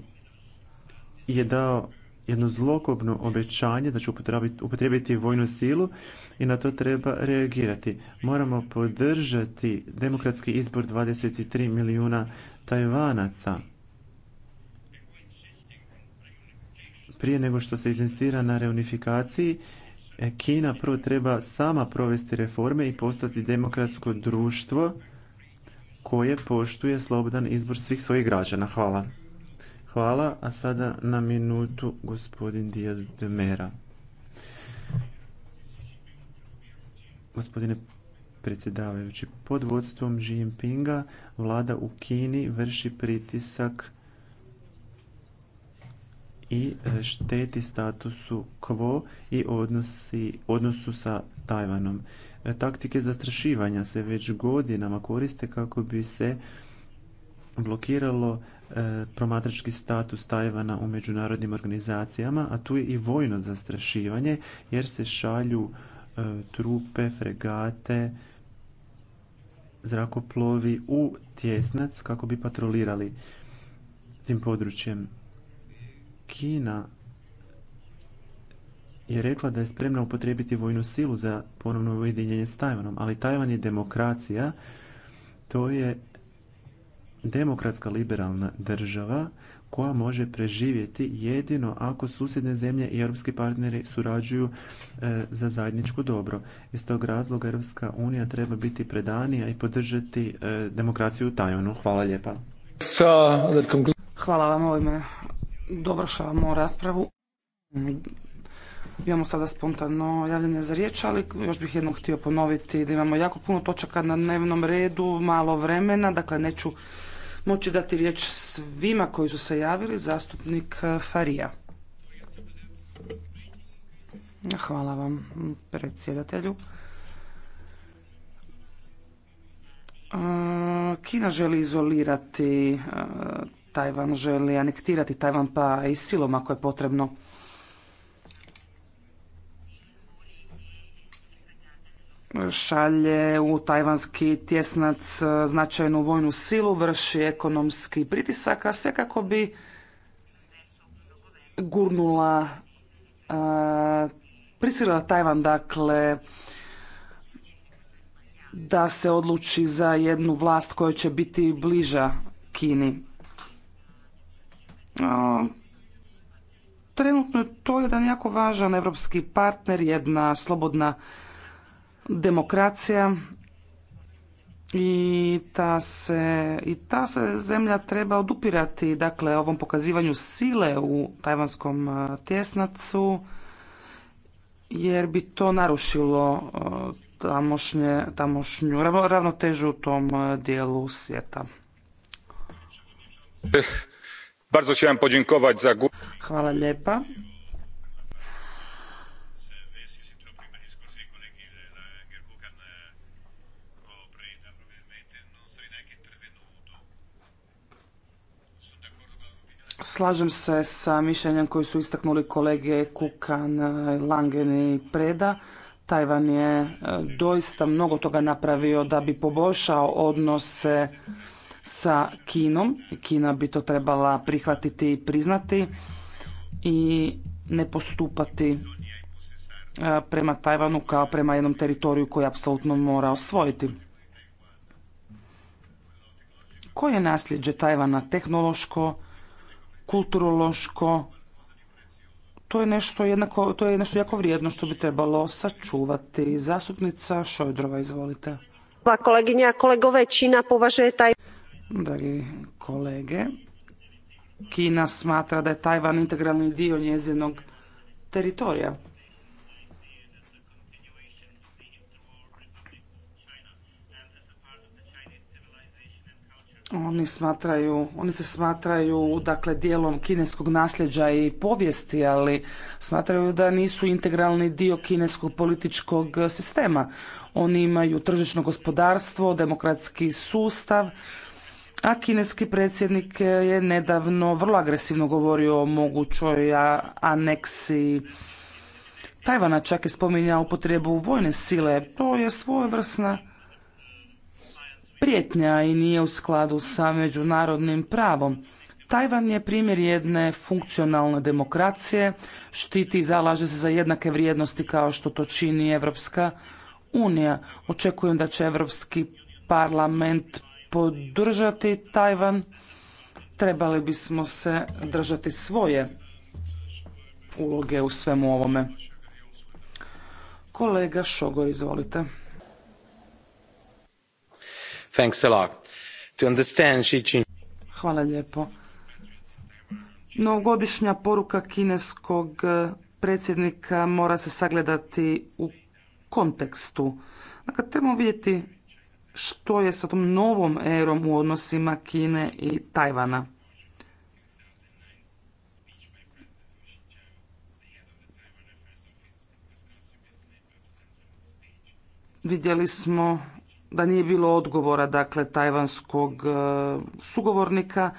je dao jedno zlokobno obećanje da će upotrijebiti vojnu silu i na to treba reagirati. Moramo podržati demokratski izbor 23 milijuna Tajvanaca prije nego što se inzistira na reunifikaciji, e, Kina prvo treba sama provesti reforme i postati demokratsko društvo koje poštuje slobodan izbor svih svojih građana. Hvala. Hvala, a sada na minutu gospodin Diaz de Mera. Gospodine predsjedavajući, pod vodstvom Jinpinga vlada u Kini vrši pritisak i e, šteti statusu quo i odnosu sa Tajvanom. E, taktike zastrašivanja se već godinama koriste kako bi se blokiralo e, promatrački status Tajvana u međunarodnim organizacijama, a tu je i vojno zastrašivanje jer se šalju trupe, fregate, zrakoplovi u tjesnac kako bi patrolirali tim područjem Kina je rekla da je spremna upotrijebiti vojnu silu za ponovno ujedinjenje s Tajvanom, ali Tajvan je demokracija, to je demokratska liberalna država koja može preživjeti jedino ako susjedne zemlje i europski partneri surađuju e, za zajedničko dobro. Iz tog razloga Europska unija treba biti predanija i podržati e, demokraciju u Tajvanu. Hvala lijepa. Hvala vam ovime dovršavamo raspravu. Imamo sada spontano javljanje za riječ, ali još bih jednom htio ponoviti da imamo jako puno točaka na dnevnom redu, malo vremena, dakle neću moći dati riječ svima koji su se javili, zastupnik Farija. Hvala vam, predsjedatelju. Kina želi izolirati Tajvan želi anektirati Tajvan pa i silom ako je potrebno. Šalje u tajvanski tjesnac e, značajnu vojnu silu, vrši ekonomski pritisak, a sve kako bi gurnula, e, prisilila Tajvan dakle da se odluči za jednu vlast koja će biti bliža Kini. Trenutno je to jedan jako važan evropski partner, jedna slobodna demokracija i ta se, i ta se zemlja treba odupirati dakle ovom pokazivanju sile u tajvanskom tjesnacu jer bi to narušilo tamošnje, tamošnju ravnotežu u tom dijelu svijeta. Eh, Bardzo chciałem podziękować za... Hvala lijepa. Slažem se sa mišljenjem koji su istaknuli kolege Kukan, Langen i Preda. Tajvan je e, doista mnogo toga napravio da bi poboljšao odnose sa Kinom. Kina bi to trebala prihvatiti i priznati i ne postupati e, prema Tajvanu kao prema jednom teritoriju koji apsolutno mora osvojiti. Koje je nasljeđe Tajvana? Tehnološko, kulturološko, to je nešto jednako, to je nešto jako vrijedno što bi trebalo sačuvati. Zastupnica Šojdrova, izvolite. Pa koleginja, kolegove Čina považuje taj... Dragi kolege, Kina smatra da je Tajvan integralni dio njezinog teritorija. Oni smatraju, oni se smatraju dakle dijelom kineskog nasljeđa i povijesti, ali smatraju da nisu integralni dio kineskog političkog sistema. Oni imaju tržišno gospodarstvo, demokratski sustav a kineski predsjednik je nedavno vrlo agresivno govorio o mogućoj aneksiji Tajvana čak je spominjao upotrebu vojne sile. To je svojevrsna prijetnja i nije u skladu sa međunarodnim pravom. Tajvan je primjer jedne funkcionalne demokracije, štiti i zalaže se za jednake vrijednosti kao što to čini Evropska unija. Očekujem da će Evropski parlament podržati Tajvan, trebali bismo se držati svoje uloge u svemu ovome. Kolega Šogor, izvolite. Hvala lijepo. Novogodišnja poruka kineskog predsjednika mora se sagledati u kontekstu. Dakle, trebamo vidjeti što je sa tom novom erom u odnosima Kine i Tajvana. Vidjeli smo da nije bilo odgovora dakle tajvanskog e, sugovornika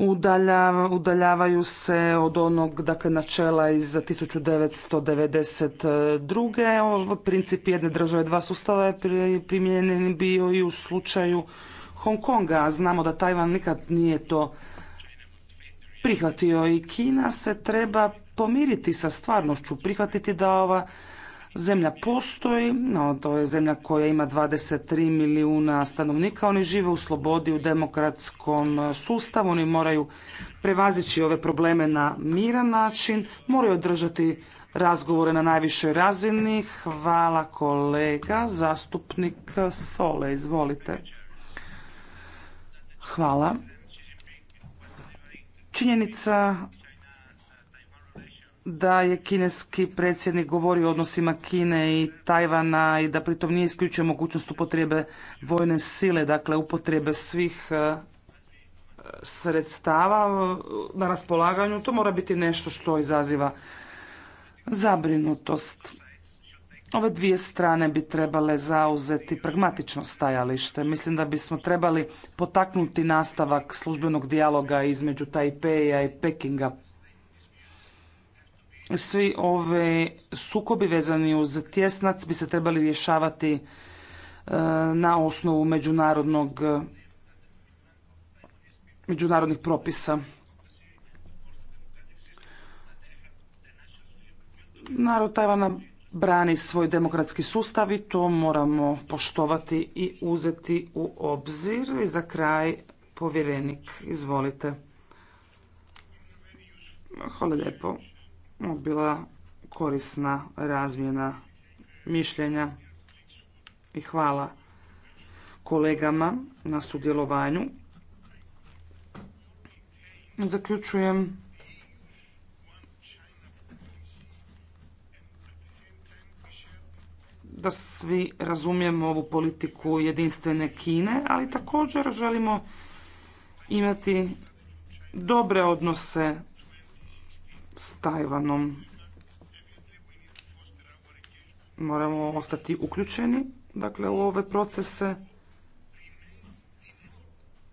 udaljavaju se od onog dakle, načela iz 1992. Ovo princip jedne države dva sustava je primijenjen bio i u slučaju Hong Konga, znamo da Tajvan nikad nije to prihvatio i Kina se treba pomiriti sa stvarnošću, prihvatiti da ova Zemlja postoji, no, to je zemlja koja ima 23 milijuna stanovnika, oni žive u slobodi, u demokratskom sustavu, oni moraju prevazići ove probleme na miran način, moraju održati razgovore na najvišoj razini. Hvala kolega, zastupnik Sole, izvolite. Hvala. Činjenica da je kineski predsjednik govorio o odnosima Kine i Tajvana i da pritom nije isključio mogućnost upotrebe vojne sile, dakle upotrebe svih e, sredstava e, na raspolaganju. To mora biti nešto što izaziva zabrinutost. Ove dvije strane bi trebale zauzeti pragmatično stajalište. Mislim da bismo trebali potaknuti nastavak službenog dijaloga između Tajpeja i Pekinga svi ovi sukobi vezani uz tjesnac bi se trebali rješavati e, na osnovu međunarodnog e, međunarodnih propisa. Narod Tajvana brani svoj demokratski sustav i to moramo poštovati i uzeti u obzir. I za kraj povjerenik, izvolite. Hvala lijepo bila korisna razmjena mišljenja i hvala kolegama na sudjelovanju. Zaključujem da svi razumijemo ovu politiku jedinstvene Kine, ali također želimo imati dobre odnose s Tajvanom. Moramo ostati uključeni dakle, u ove procese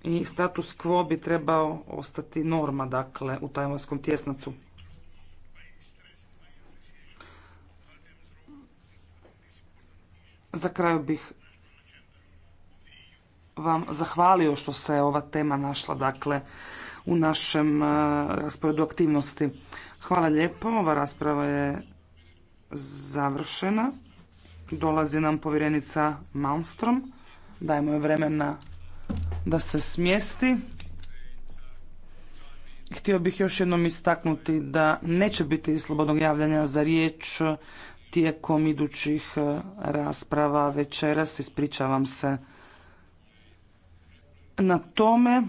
i status quo bi trebao ostati norma dakle, u tajvanskom tjesnacu. Za kraju bih vam zahvalio što se ova tema našla dakle, u našem e, rasporedu aktivnosti. Hvala lijepo, ova rasprava je završena. Dolazi nam povjerenica Malmstrom. Dajmo joj vremena da se smjesti. Htio bih još jednom istaknuti da neće biti slobodnog javljanja za riječ tijekom idućih e, rasprava večeras. Ispričavam se na tome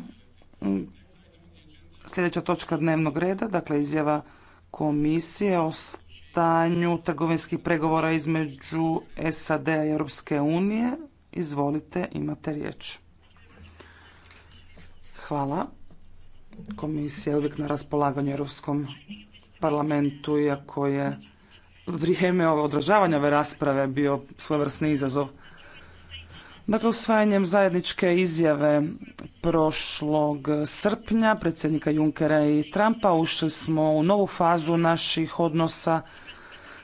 sljedeća točka dnevnog reda, dakle izjava komisije o stanju trgovinskih pregovora između sad i Europske unije. Izvolite, imate riječ. Hvala. Komisija je uvijek na raspolaganju Europskom parlamentu, iako je vrijeme odražavanja ove rasprave bio svojevrsni izazov. Dakle, usvajanjem zajedničke izjave prošlog srpnja predsjednika Junkera i Trumpa ušli smo u novu fazu naših odnosa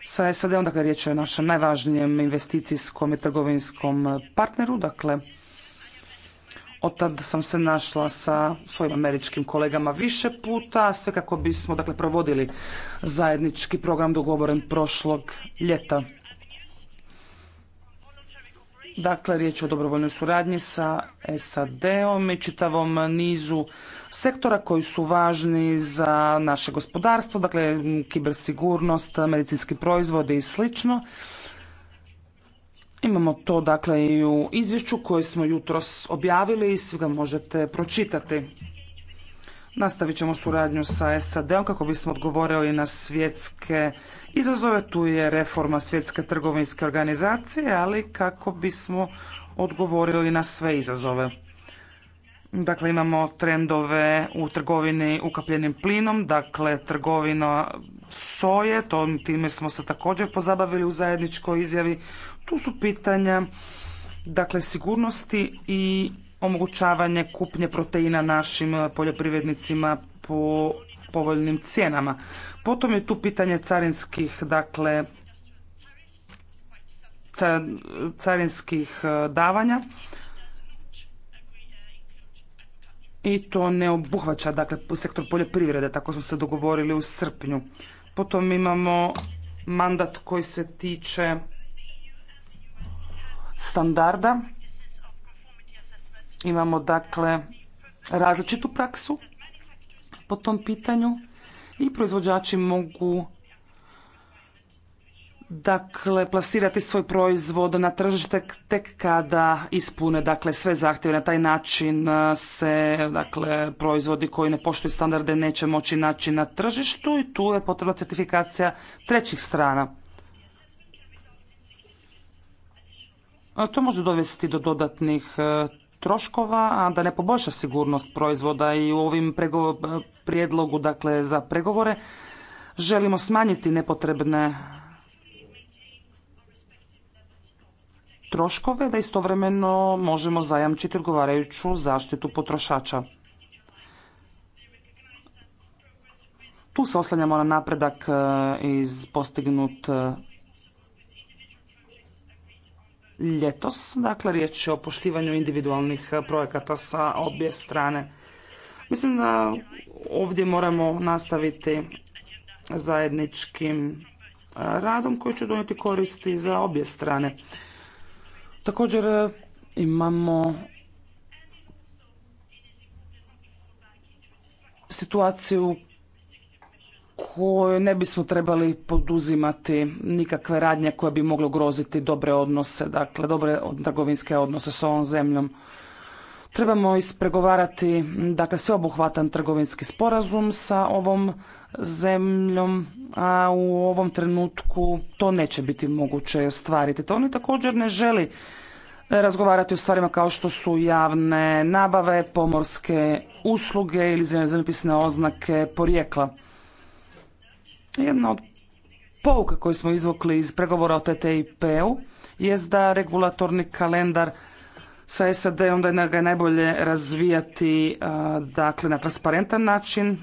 sa SAD-om, dakle riječ je o našem najvažnijem investicijskom i trgovinskom partneru, dakle od tad sam se našla sa svojim američkim kolegama više puta, sve kako bismo dakle provodili zajednički program dogovoren prošlog ljeta. Dakle, riječ je o dobrovoljnoj suradnji sa SAD-om i čitavom nizu sektora koji su važni za naše gospodarstvo, dakle kibersigurnost, medicinski proizvodi i slično. Imamo to dakle i u izvješću koje smo jutros objavili i svi ga možete pročitati. Nastavit ćemo suradnju sa SAD-om kako bismo odgovorili na svjetske izazove. Tu je reforma svjetske trgovinske organizacije, ali kako bismo odgovorili na sve izazove. Dakle, imamo trendove u trgovini ukapljenim plinom, dakle, trgovina soje, to, time smo se također pozabavili u zajedničkoj izjavi. Tu su pitanja, dakle, sigurnosti i omogućavanje kupnje proteina našim poljoprivrednicima po povoljnim cijenama. Potom je tu pitanje carinskih, dakle, carinskih e, davanja i to ne obuhvaća dakle sektor poljoprivrede, tako smo se dogovorili u srpnju. Potom imamo mandat koji se tiče standarda. Imamo dakle različitu praksu po tom pitanju i proizvođači mogu dakle plasirati svoj proizvod na tržište tek kada ispune dakle sve zahtjeve. Na taj način e, se dakle proizvodi koji ne poštuju standarde neće moći naći na tržištu i tu je potrebna certifikacija trećih strana. to može dovesti do dodatnih e, troškova, a da ne poboljša sigurnost proizvoda i u ovim prijedlogu dakle, za pregovore želimo smanjiti nepotrebne troškove, da istovremeno možemo zajamčiti odgovarajuću zaštitu potrošača. Tu se oslanjamo na napredak e, iz postignut ljetos. Dakle, riječ je o poštivanju individualnih eh, projekata sa obje strane. Mislim da ovdje moramo nastaviti zajedničkim eh, radom koji će donijeti koristi za obje strane. Također eh, imamo situaciju kojoj ne bismo trebali poduzimati nikakve radnje koje bi mogle ugroziti dobre odnose, dakle dobre trgovinske odnose s ovom zemljom. Trebamo ispregovarati dakle sveobuhvatan trgovinski sporazum sa ovom zemljom, a u ovom trenutku to neće biti moguće ostvariti. To oni također ne želi razgovarati o stvarima kao što su javne nabave, pomorske usluge ili zemljopisne oznake porijekla. Jedna od pouka koju smo izvukli iz pregovora o TTIP-u je da regulatorni kalendar sa sad onda da ga je najbolje razvijati dakle, na transparentan način.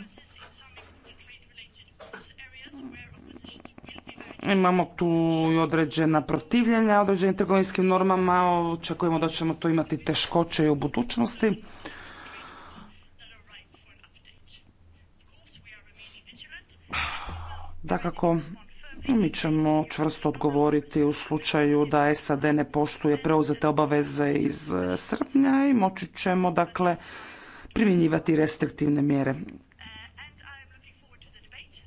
Imamo tu i određena protivljenja određenim trgovinskim normama, očekujemo da ćemo to imati teškoće i u budućnosti. Dakako, mi ćemo čvrsto odgovoriti u slučaju da SAD ne poštuje preuzete obaveze iz e, srpnja i moći ćemo dakle primjenjivati restriktivne mjere.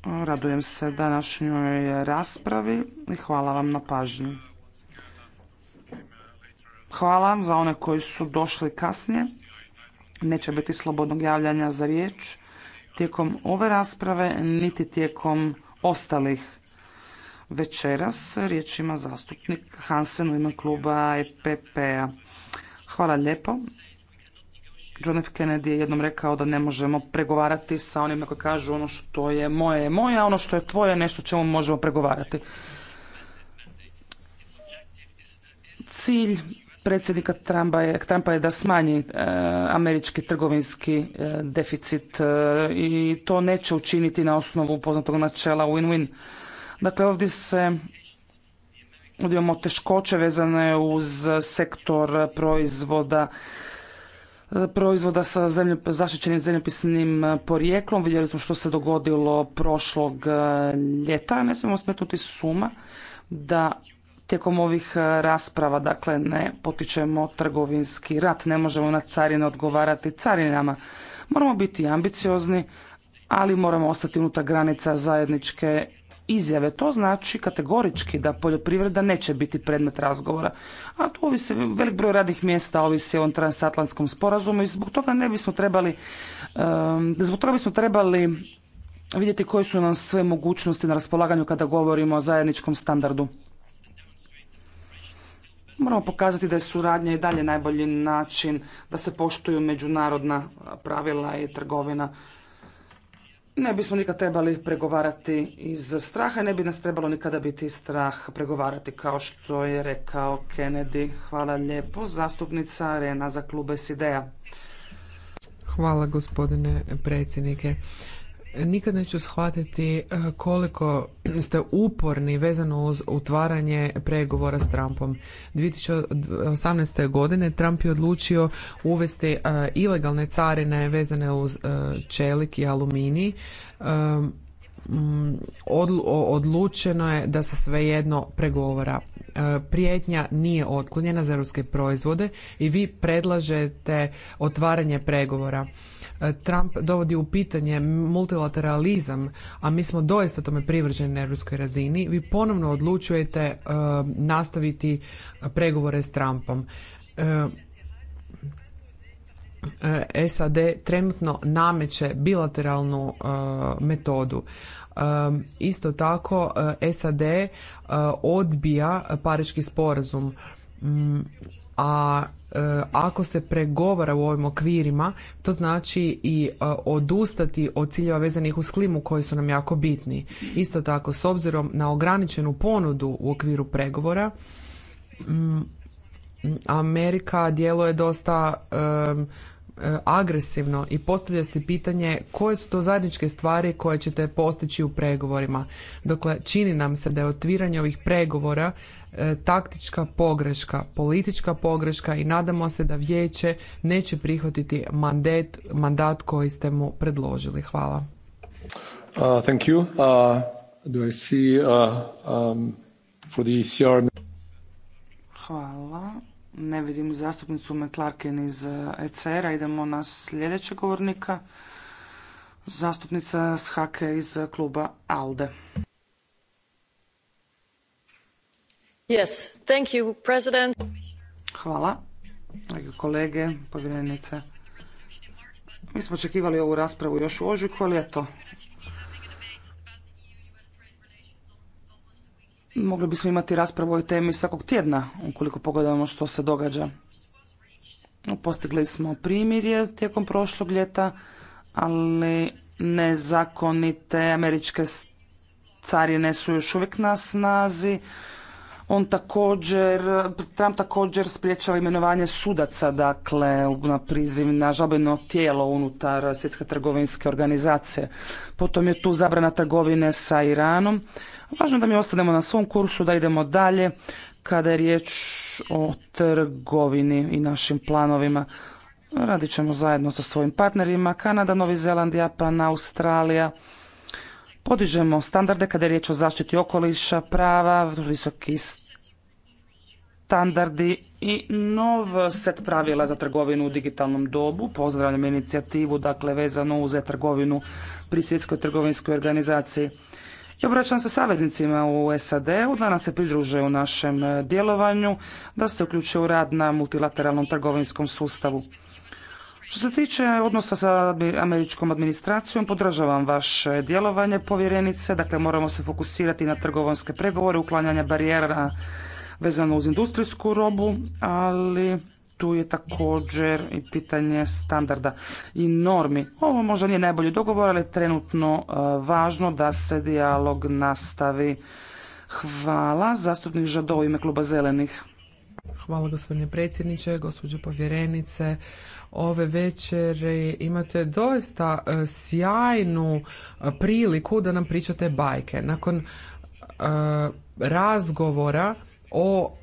Radujem se današnjoj raspravi i hvala vam na pažnju. Hvala za one koji su došli kasnije. Neće biti slobodnog javljanja za riječ tijekom ove rasprave, niti tijekom ostalih. Večeras riječ ima zastupnik Hansen u ime kluba EPP-a. Hvala lijepo. John F. Kennedy je jednom rekao da ne možemo pregovarati sa onima koji kažu ono što je moje je moje, a ono što je tvoje je nešto čemu možemo pregovarati. Cilj predsjednika Trumpa je, je da smanji e, američki trgovinski e, deficit e, i to neće učiniti na osnovu poznatog načela win-win. Dakle, ovdje se ovdje imamo teškoće vezane uz sektor proizvoda proizvoda sa zaštićenim zemljopisnim porijeklom. Vidjeli smo što se dogodilo prošlog ljeta. Ne smijemo smetnuti suma da tijekom ovih e, rasprava, dakle ne potičemo trgovinski rat, ne možemo na carine odgovarati carinama. Moramo biti ambiciozni, ali moramo ostati unutar granica zajedničke izjave. To znači kategorički da poljoprivreda neće biti predmet razgovora. A tu ovisi, velik broj radnih mjesta ovisi o transatlantskom sporazumu i zbog toga ne bismo trebali, zbog toga bismo trebali vidjeti koje su nam sve mogućnosti na raspolaganju kada govorimo o zajedničkom standardu. Moramo pokazati da je suradnja i dalje najbolji način da se poštuju međunarodna pravila i trgovina. Ne bismo nikad trebali pregovarati iz straha i ne bi nas trebalo nikada biti strah pregovarati kao što je rekao Kennedy. Hvala lijepo. Zastupnica Arena za klube SIDEA. Hvala gospodine predsjednike nikad neću shvatiti e, koliko ste uporni vezano uz utvaranje pregovora s Trumpom. 2018. godine Trump je odlučio uvesti e, ilegalne carine vezane uz e, čelik i aluminij. odlučeno je da se svejedno pregovora. Prijetnja nije otklonjena za ruske proizvode i vi predlažete otvaranje pregovora. E, Trump dovodi u pitanje multilateralizam, a mi smo doista tome privrženi na europskoj razini, vi ponovno odlučujete e, nastaviti e, pregovore s Trumpom. SAD trenutno nameće bilateralnu metodu. Isto tako SAD odbija Pariški sporazum mm, a e, ako se pregovara u ovim okvirima, to znači i e, odustati od ciljeva vezanih uz klimu koji su nam jako bitni. Isto tako, s obzirom na ograničenu ponudu u okviru pregovora, m, Amerika djeluje dosta e, agresivno i postavlja se pitanje koje su to zajedničke stvari koje ćete postići u pregovorima. Dokle, čini nam se da je otviranje ovih pregovora E, taktička pogreška, politička pogreška i nadamo se da vijeće neće prihvatiti mandat, mandat koji ste mu predložili. Hvala. Uh, thank you. Uh, do I see, uh, um, for the ECR... Hvala. Ne vidim zastupnicu McClarkin iz uh, ECR-a. Idemo na sljedećeg govornika. Zastupnica Shake iz kluba ALDE. Yes, thank Hvala. Kolege, povjerenice. Mi smo očekivali ovu raspravu još u ožujku, ali eto. Mogli bismo imati raspravu o ovoj temi svakog tjedna, ukoliko pogledamo što se događa. Postigli smo primirje tijekom prošlog ljeta, ali nezakonite američke carine su još uvijek na snazi. On također, Trump također spriječava imenovanje sudaca, dakle, na priziv na žalbeno tijelo unutar svjetske trgovinske organizacije. Potom je tu zabrana trgovine sa Iranom. Važno da mi ostanemo na svom kursu, da idemo dalje kada je riječ o trgovini i našim planovima. Radit ćemo zajedno sa svojim partnerima Kanada, Novi Zeland, Japan, Australija. Podižemo standarde kada je riječ o zaštiti okoliša, prava, visoki standardi i nov set pravila za trgovinu u digitalnom dobu. Pozdravljam inicijativu dakle vezano uz trgovinu pri Svjetskoj trgovinskoj organizaciji. I obraćam se saveznicima u SAD-u da nas se pridruže u našem djelovanju, da se uključe u rad na multilateralnom trgovinskom sustavu. Što se tiče odnosa sa američkom administracijom, podržavam vaše djelovanje povjerenice, dakle moramo se fokusirati na trgovinske pregovore, uklanjanje barijera vezano uz industrijsku robu, ali tu je također i pitanje standarda i normi. Ovo možda nije najbolji dogovor, ali trenutno e, važno da se dijalog nastavi. Hvala. Zastupnik Žado u ime Kluba Zelenih. Hvala gospodine predsjedniče, gospođo povjerenice ove večeri imate doista e, sjajnu e, priliku da nam pričate bajke. Nakon e, razgovora o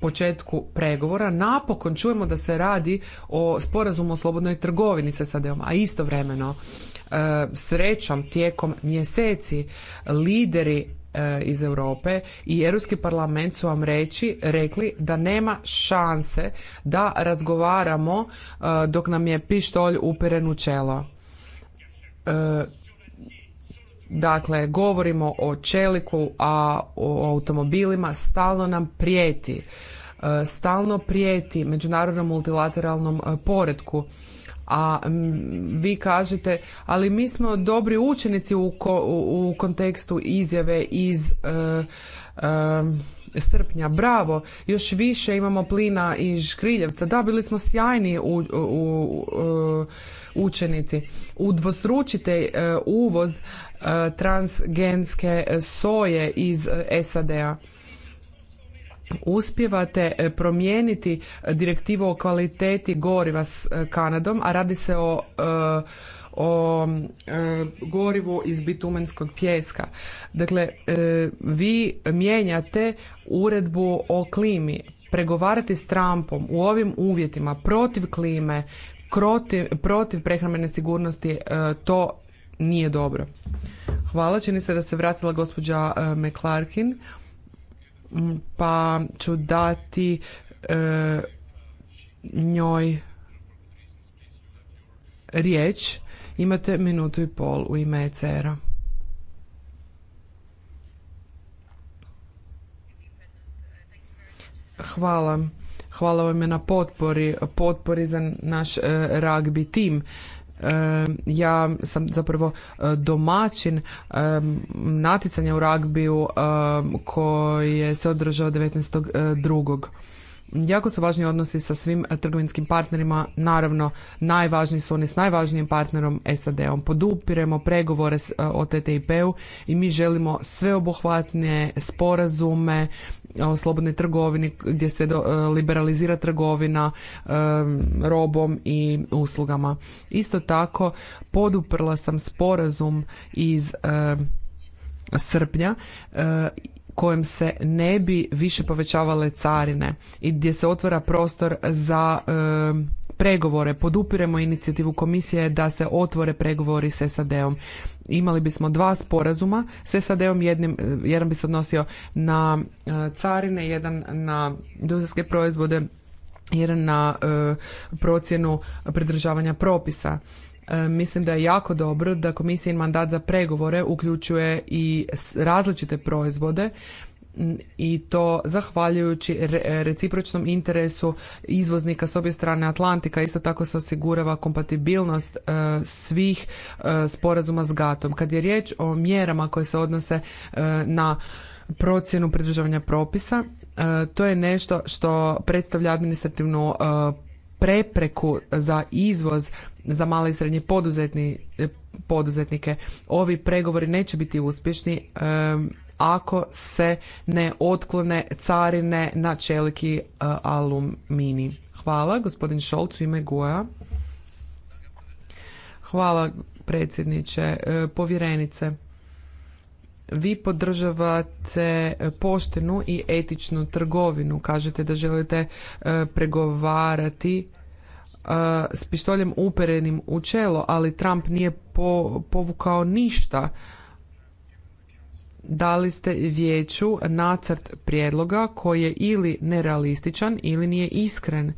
početku pregovora napokon čujemo da se radi o sporazumu o slobodnoj trgovini sa SAD-om, a istovremeno srećom tijekom mjeseci lideri E, iz Europe i Europski parlament su vam reći, rekli da nema šanse da razgovaramo e, dok nam je pištolj uperen u čelo. E, dakle, govorimo o čeliku, a o automobilima stalno nam prijeti. Stalno prijeti međunarodnom multilateralnom poredku a vi kažete ali mi smo dobri učenici u, u, kontekstu izjave iz e, e, srpnja bravo još više imamo plina iz škriljevca da bili smo sjajni u, u e, učenici udvostručite uvoz transgenske soje iz sad a uspijevate e, promijeniti e, direktivu o kvaliteti goriva s e, Kanadom, a radi se o o gorivu iz bitumenskog pjeska. Dakle, vi mijenjate uredbu o klimi. Pregovarati s Trumpom u ovim uvjetima protiv klime, protiv, prehrambene sigurnosti, to nije dobro. Hvala, čini se da se vratila gospođa McClarkin pa ću dati e, njoj riječ. Imate minutu i pol u ime ECR-a. Hvala. Hvala vam na potpori, potpori za naš ragbi e, rugby tim ja sam zapravo e, domaćin natjecanja u ragbiju koje se održava 19.2. E, Jako su važni odnosi sa svim e, trgovinskim partnerima, naravno najvažniji su oni s najvažnijim partnerom SAD-om. Podupiremo pregovore e, o TTIP-u i mi želimo sveobuhvatnije sporazume o slobodnoj trgovini gdje se e, liberalizira trgovina robom i uslugama. Isto tako poduprla sam sporazum iz srpnja kojem se ne bi više povećavale carine i gdje se otvara prostor za pregovore. Podupiremo inicijativu komisije da se otvore pregovori s SAD-om. Imali bismo dva sporazuma s SAD-om, jedan bi se odnosio na e, carine, jedan na industrijske proizvode, jedan na e, procjenu pridržavanja propisa. E, mislim da je jako dobro da komisijin mandat za pregovore uključuje i različite proizvode i to zahvaljujući recipročnom interesu izvoznika s obje strane Atlantika isto tako se osigurava kompatibilnost e, svih e, sporazuma s gatom. Kad je riječ o mjerama koje se odnose na procjenu pridržavanja propisa, to je nešto što predstavlja administrativnu prepreku za izvoz za male i srednje e, poduzetnike. Ovi pregovori neće biti uspješni ako se ne otklone carine na čeliki i e, alumini. Hvala, gospodin Šolcu, u ime Goja. Hvala, predsjedniče, e, povjerenice. Vi podržavate poštenu i etičnu trgovinu. Kažete da želite pregovarati s pištoljem uperenim u čelo, ali Trump nije povukao ništa. Dali ste vijeću nacrt prijedloga koji je ili nerealističan ili nije iskren.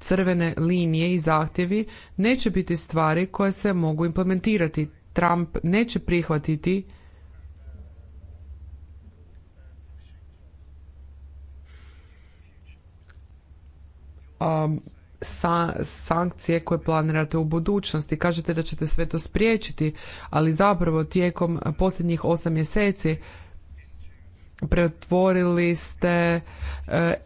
Crvene linije i zahtjevi neće biti stvari koje se mogu implementirati. Trump neće prihvatiti um, sa sankcije koje planirate u budućnosti. Kažete da ćete sve to spriječiti, ali zapravo tijekom posljednjih osam mjeseci pretvorili ste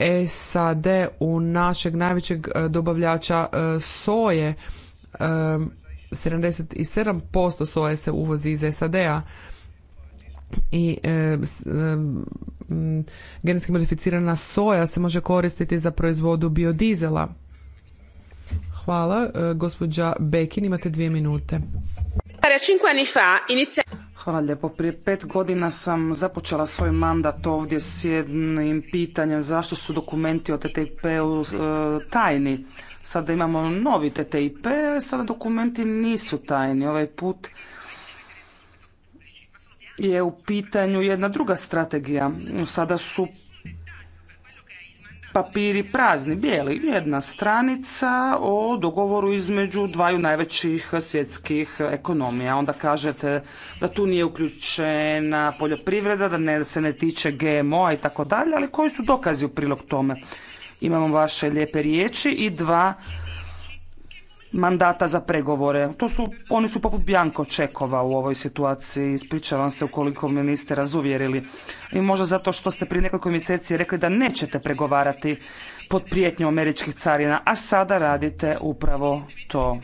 e, SAD u našeg najvećeg e, dobavljača e, soje. 77% soje se uvozi iz SAD-a i genetski modificirana soja se može koristiti za proizvodu biodizela Hvala. E, gospođa Bekin, imate dvije minute. Hvala lijepo. Prije pet godina sam započela svoj mandat ovdje s jednim pitanjem zašto su dokumenti o TTIP-u e, tajni. Sada imamo novi TTIP, sada dokumenti nisu tajni. Ovaj put je u pitanju jedna druga strategija. Sada su papiri prazni, bijeli, jedna stranica o dogovoru između dvaju najvećih svjetskih ekonomija. Onda kažete da tu nije uključena poljoprivreda, da ne, se ne tiče GMO-a i tako dalje, ali koji su dokazi u prilog tome? Imamo vaše lijepe riječi i dva mandata za pregovore. To su, oni su poput Bjanko Čekova u ovoj situaciji. Ispričavam se ukoliko me niste razuvjerili. I možda zato što ste prije nekoliko mjeseci rekli da nećete pregovarati pod prijetnjom američkih carina, a sada radite upravo to.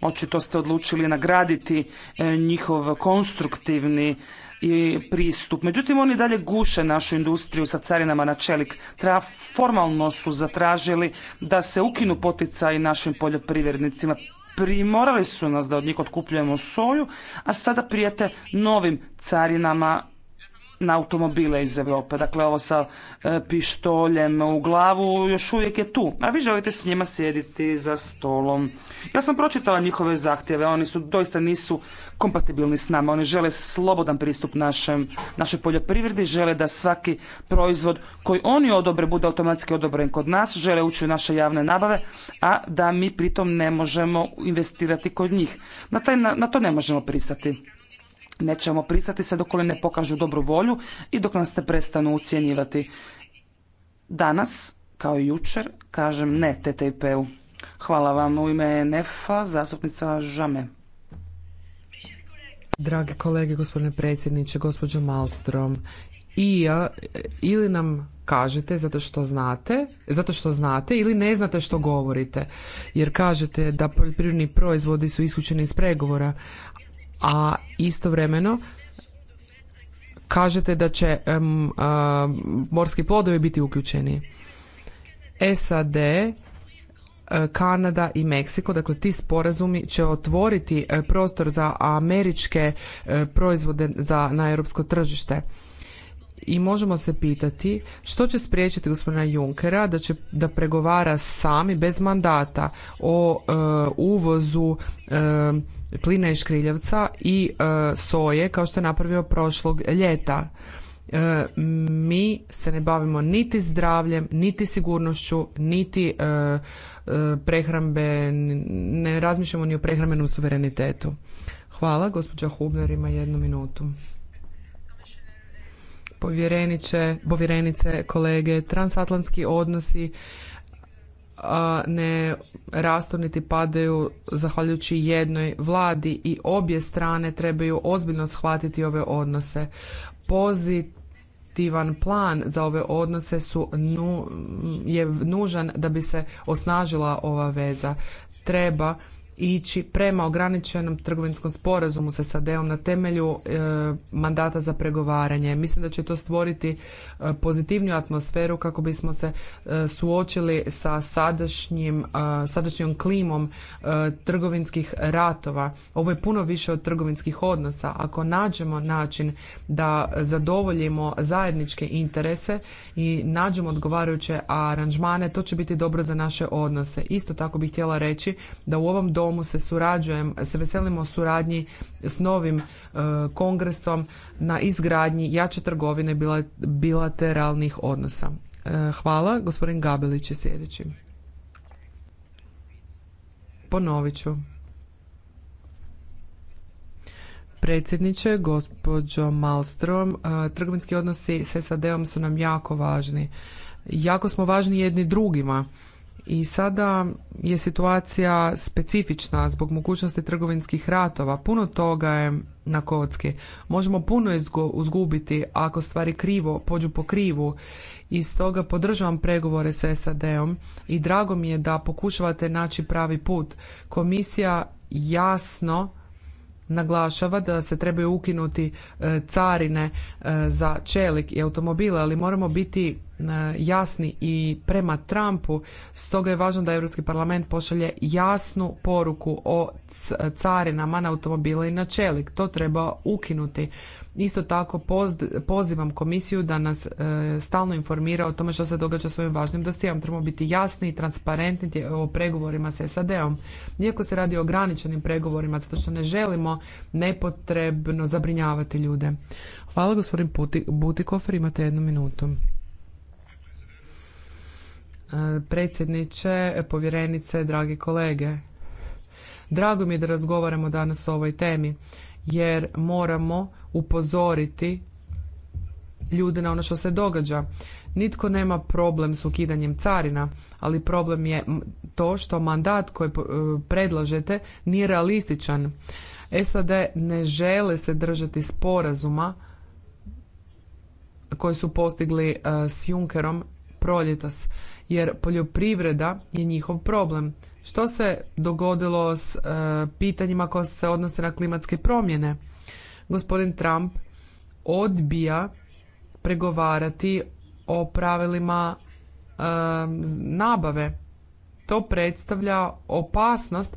Očito ste odlučili nagraditi e, njihov konstruktivni i pristup. Međutim, oni dalje guše našu industriju sa carinama na čelik. formalno su zatražili da se ukinu poticaji našim poljoprivrednicima. Primorali su nas da od njih otkupljujemo soju, a sada prijete novim carinama na automobile iz Europe. Dakle, ovo sa e, pištoljem u glavu još uvijek je tu. A vi želite s njima sjediti za stolom. Ja sam pročitala njihove zahtjeve. Oni su doista nisu kompatibilni s nama. Oni žele slobodan pristup našem, našoj poljoprivredi. Žele da svaki proizvod koji oni odobre bude automatski odobren kod nas. Žele ući u naše javne nabave, a da mi pritom ne možemo investirati kod njih. Na, taj, na to ne možemo pristati. Nećemo pristati se dok ne pokažu dobru volju i dok nas ne prestanu ucijenjivati. Danas, kao i jučer, kažem ne TTIP-u. Hvala vam u ime NF-a, zastupnica Žame. Dragi kolege, gospodine predsjedniče, gospođo Malstrom, i ja, ili nam kažete zato što znate, zato što znate ili ne znate što govorite. Jer kažete da poljoprivredni proizvodi su isključeni iz pregovora, a istovremeno kažete da će morski plodovi biti uključeni. SAD, e, Kanada i Meksiko, dakle ti sporazumi će otvoriti e, prostor za američke e, proizvode za, na europsko tržište. I možemo se pitati što će spriječiti gospodina Junkera da će da pregovara sami bez mandata o uvozu plina iz škriljevca i e, soje kao što je napravio prošlog ljeta. E, mi se ne bavimo niti zdravljem, niti sigurnošću, niti e, prehrambe, ne razmišljamo ni o prehrambenom suverenitetu. Hvala, gospođa Hubner ima jednu minutu. Povjereniče, povjerenice, kolege, transatlantski odnosi ne rastu niti padaju zahvaljujući jednoj vladi i obje strane trebaju ozbiljno shvatiti ove odnose. Pozitivan plan za ove odnose su nu, je nužan da bi se osnažila ova veza. Treba ići prema ograničenom trgovinskom sporazumu sa sad na temelju e, mandata za pregovaranje. Mislim da će to stvoriti e, pozitivniju atmosferu kako bismo se e, suočili sa sadašnjim, sadašnjom klimom trgovinskih ratova. Ovo je puno više od trgovinskih odnosa. Ako nađemo način da zadovoljimo zajedničke interese i nađemo odgovarajuće aranžmane, to će biti dobro za naše odnose. Isto tako bih htjela reći da u ovom domu komu se surađujem, se veselimo suradnji s novim e, kongresom na izgradnji jače trgovine bilateralnih odnosa. E, hvala, gospodin Gabelić je sljedeći. Ponovit ću. Predsjedniče, gospođo Malstrom, e, trgovinski odnosi sa SAD-om su nam jako važni. Jako smo važni jedni drugima. I sada je situacija specifična zbog mogućnosti trgovinskih ratova. Puno toga je na kocki. Možemo puno uzgubiti ako stvari krivo pođu po krivu i stoga podržavam pregovore s SAD-om i drago mi je da pokušavate naći pravi put. Komisija jasno naglašava da se trebaju ukinuti e, carine e, za čelik i automobile, ali moramo biti E, jasni i prema Trumpu, stoga je važno da Europski parlament pošalje jasnu poruku o carinama na automobile i na čelik. To treba ukinuti. Isto tako pozivam komisiju da nas e, stalno informira o tome što se događa s ovim važnim dostijevom. Trebamo biti jasni i transparentni o pregovorima s SAD-om. Iako se radi o ograničenim pregovorima, zato što ne želimo nepotrebno zabrinjavati ljude. Hvala gospodin Butikofer, imate jednu minutu predsjedniče, povjerenice, dragi kolege. Drago mi je da razgovaramo danas o ovoj temi jer moramo upozoriti ljude na ono što se događa. Nitko nema problem s ukidanjem carina, ali problem je to što mandat koji e, predlažete nije realističan. SAD ne žele se držati sporazuma koji su postigli e, s Junckerom proljetos jer poljoprivreda je njihov problem. Što se dogodilo s e, pitanjima koja se odnose na klimatske promjene? Gospodin Trump odbija pregovarati o pravilima e, nabave. To predstavlja opasnost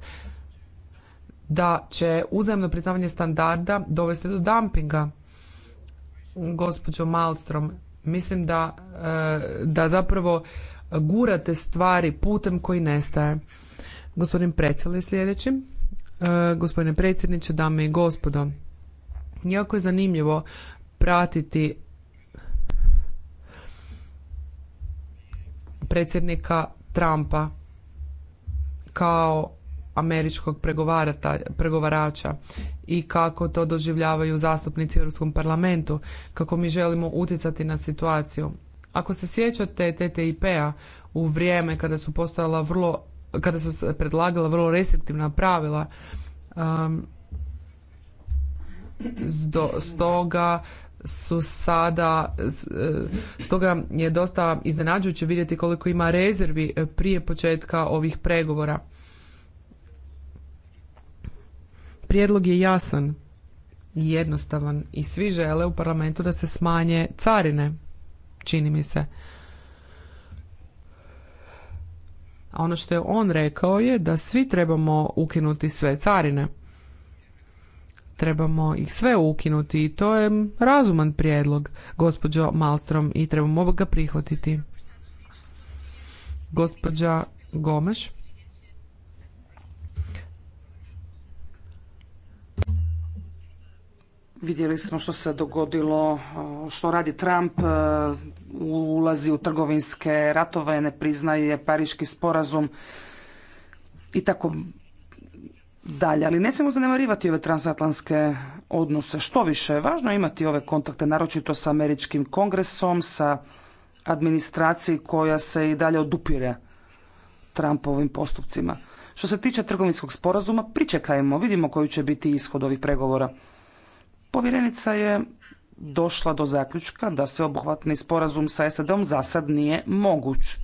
da će uzajemno priznavanje standarda dovesti do dumpinga. Gospođo Malstrom, mislim da, e, da zapravo gurate stvari putem koji nestaje. Gospodin Precel je sljedeći. E, gospodine predsjedniče, dame i gospodo, jako je zanimljivo pratiti predsjednika Trumpa kao američkog pregovarača i kako to doživljavaju zastupnici u Europskom parlamentu, kako mi želimo utjecati na situaciju. Ako se sjećate TTIP-a u vrijeme kada su postojala vrlo, kada su se predlagala vrlo restriktivna pravila, um, stoga su sada, e, stoga je dosta iznenađujuće vidjeti koliko ima rezervi e, prije početka ovih pregovora. Prijedlog je jasan i jednostavan i svi žele u parlamentu da se smanje carine čini mi se. A ono što je on rekao je da svi trebamo ukinuti sve carine. Trebamo ih sve ukinuti i to je razuman prijedlog, gospođo Malstrom, i trebamo ga prihvatiti. Gospođa Gomeš. Vidjeli smo što se dogodilo, što radi Trump, e, ulazi u trgovinske ratove, ne priznaje Pariški sporazum i tako dalje. Ali ne smijemo zanemarivati ove transatlantske odnose. Što više, važno je imati ove kontakte, naročito sa američkim kongresom, sa administraciji koja se i dalje odupire Trumpovim postupcima. Što se tiče trgovinskog sporazuma, pričekajmo, vidimo koji će biti ishod ovih pregovora. Povjerenica je došla do zaključka da sveobuhvatni sporazum sa SAD-om za sad nije moguć.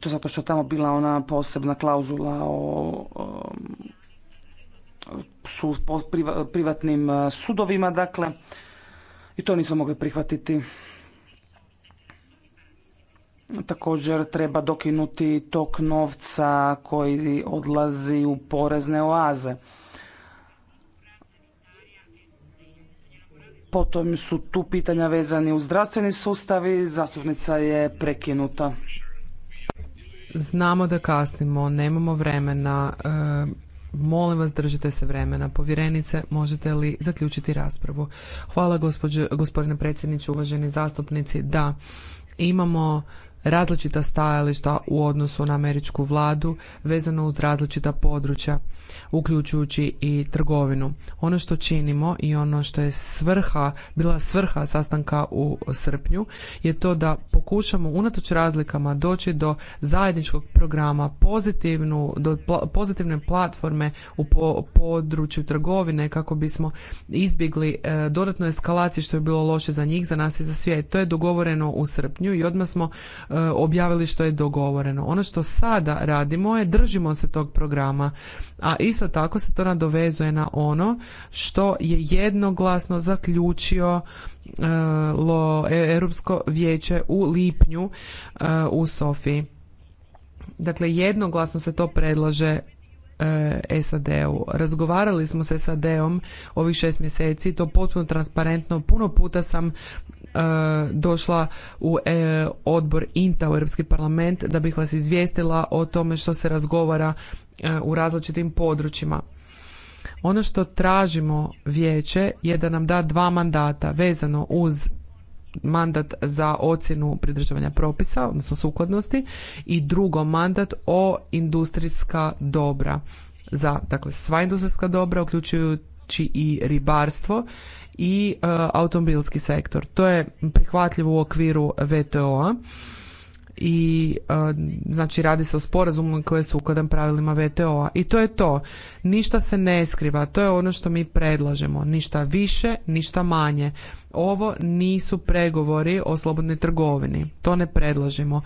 To zato što je tamo bila ona posebna klauzula o, um, privatnim uh, sudovima, dakle, i to nismo mogli prihvatiti. Također treba dokinuti tok novca koji odlazi u porezne oaze. Potom su tu pitanja vezani u zdravstveni sustav i zastupnica je prekinuta. Znamo da kasnimo, nemamo vremena. E, molim vas držite se vremena. Povjerenice, možete li zaključiti raspravu? Hvala gospodine predsjedniče, uvaženi zastupnici. Da, imamo različita stajališta u odnosu na američku vladu vezano uz različita područja, uključujući i trgovinu. Ono što činimo i ono što je svrha, bila svrha sastanka u srpnju je to da pokušamo unatoč razlikama doći do zajedničkog programa, pozitivnu, do pozitivne platforme u području trgovine kako bismo izbjegli e, dodatnu što je bilo loše za njih, za nas i za svijet. To je dogovoreno u srpnju i odmah smo e, E, objavili što je dogovoreno. Ono što sada radimo je držimo se tog programa, a isto tako se to nadovezuje na ono što je jednoglasno zaključio e, e, Europsko vijeće u lipnju u Sofiji. Dakle, jednoglasno se to predlaže SAD-u. Razgovarali smo s SAD-om ovih šest mjeseci, to potpuno transparentno. Puno puta sam E, došla u e, odbor INTA u Europski parlament da bih vas izvijestila o tome što se razgovara e, u različitim područjima. Ono što tražimo vijeće je da nam da dva mandata vezano uz mandat za ocjenu pridržavanja propisa, odnosno sukladnosti i drugo mandat o industrijska dobra za dakle sva industrijska dobra uključujući i ribarstvo i e, automobilski sektor. To je prihvatljivo u okviru VTO-a i e, znači radi se o sporazumu koji je sukladan pravilima VTO-a i to je to. Ništa se ne skriva, to je ono što mi predlažemo, ništa više, ništa manje. Ovo nisu pregovori o slobodnoj trgovini, to ne predlažemo.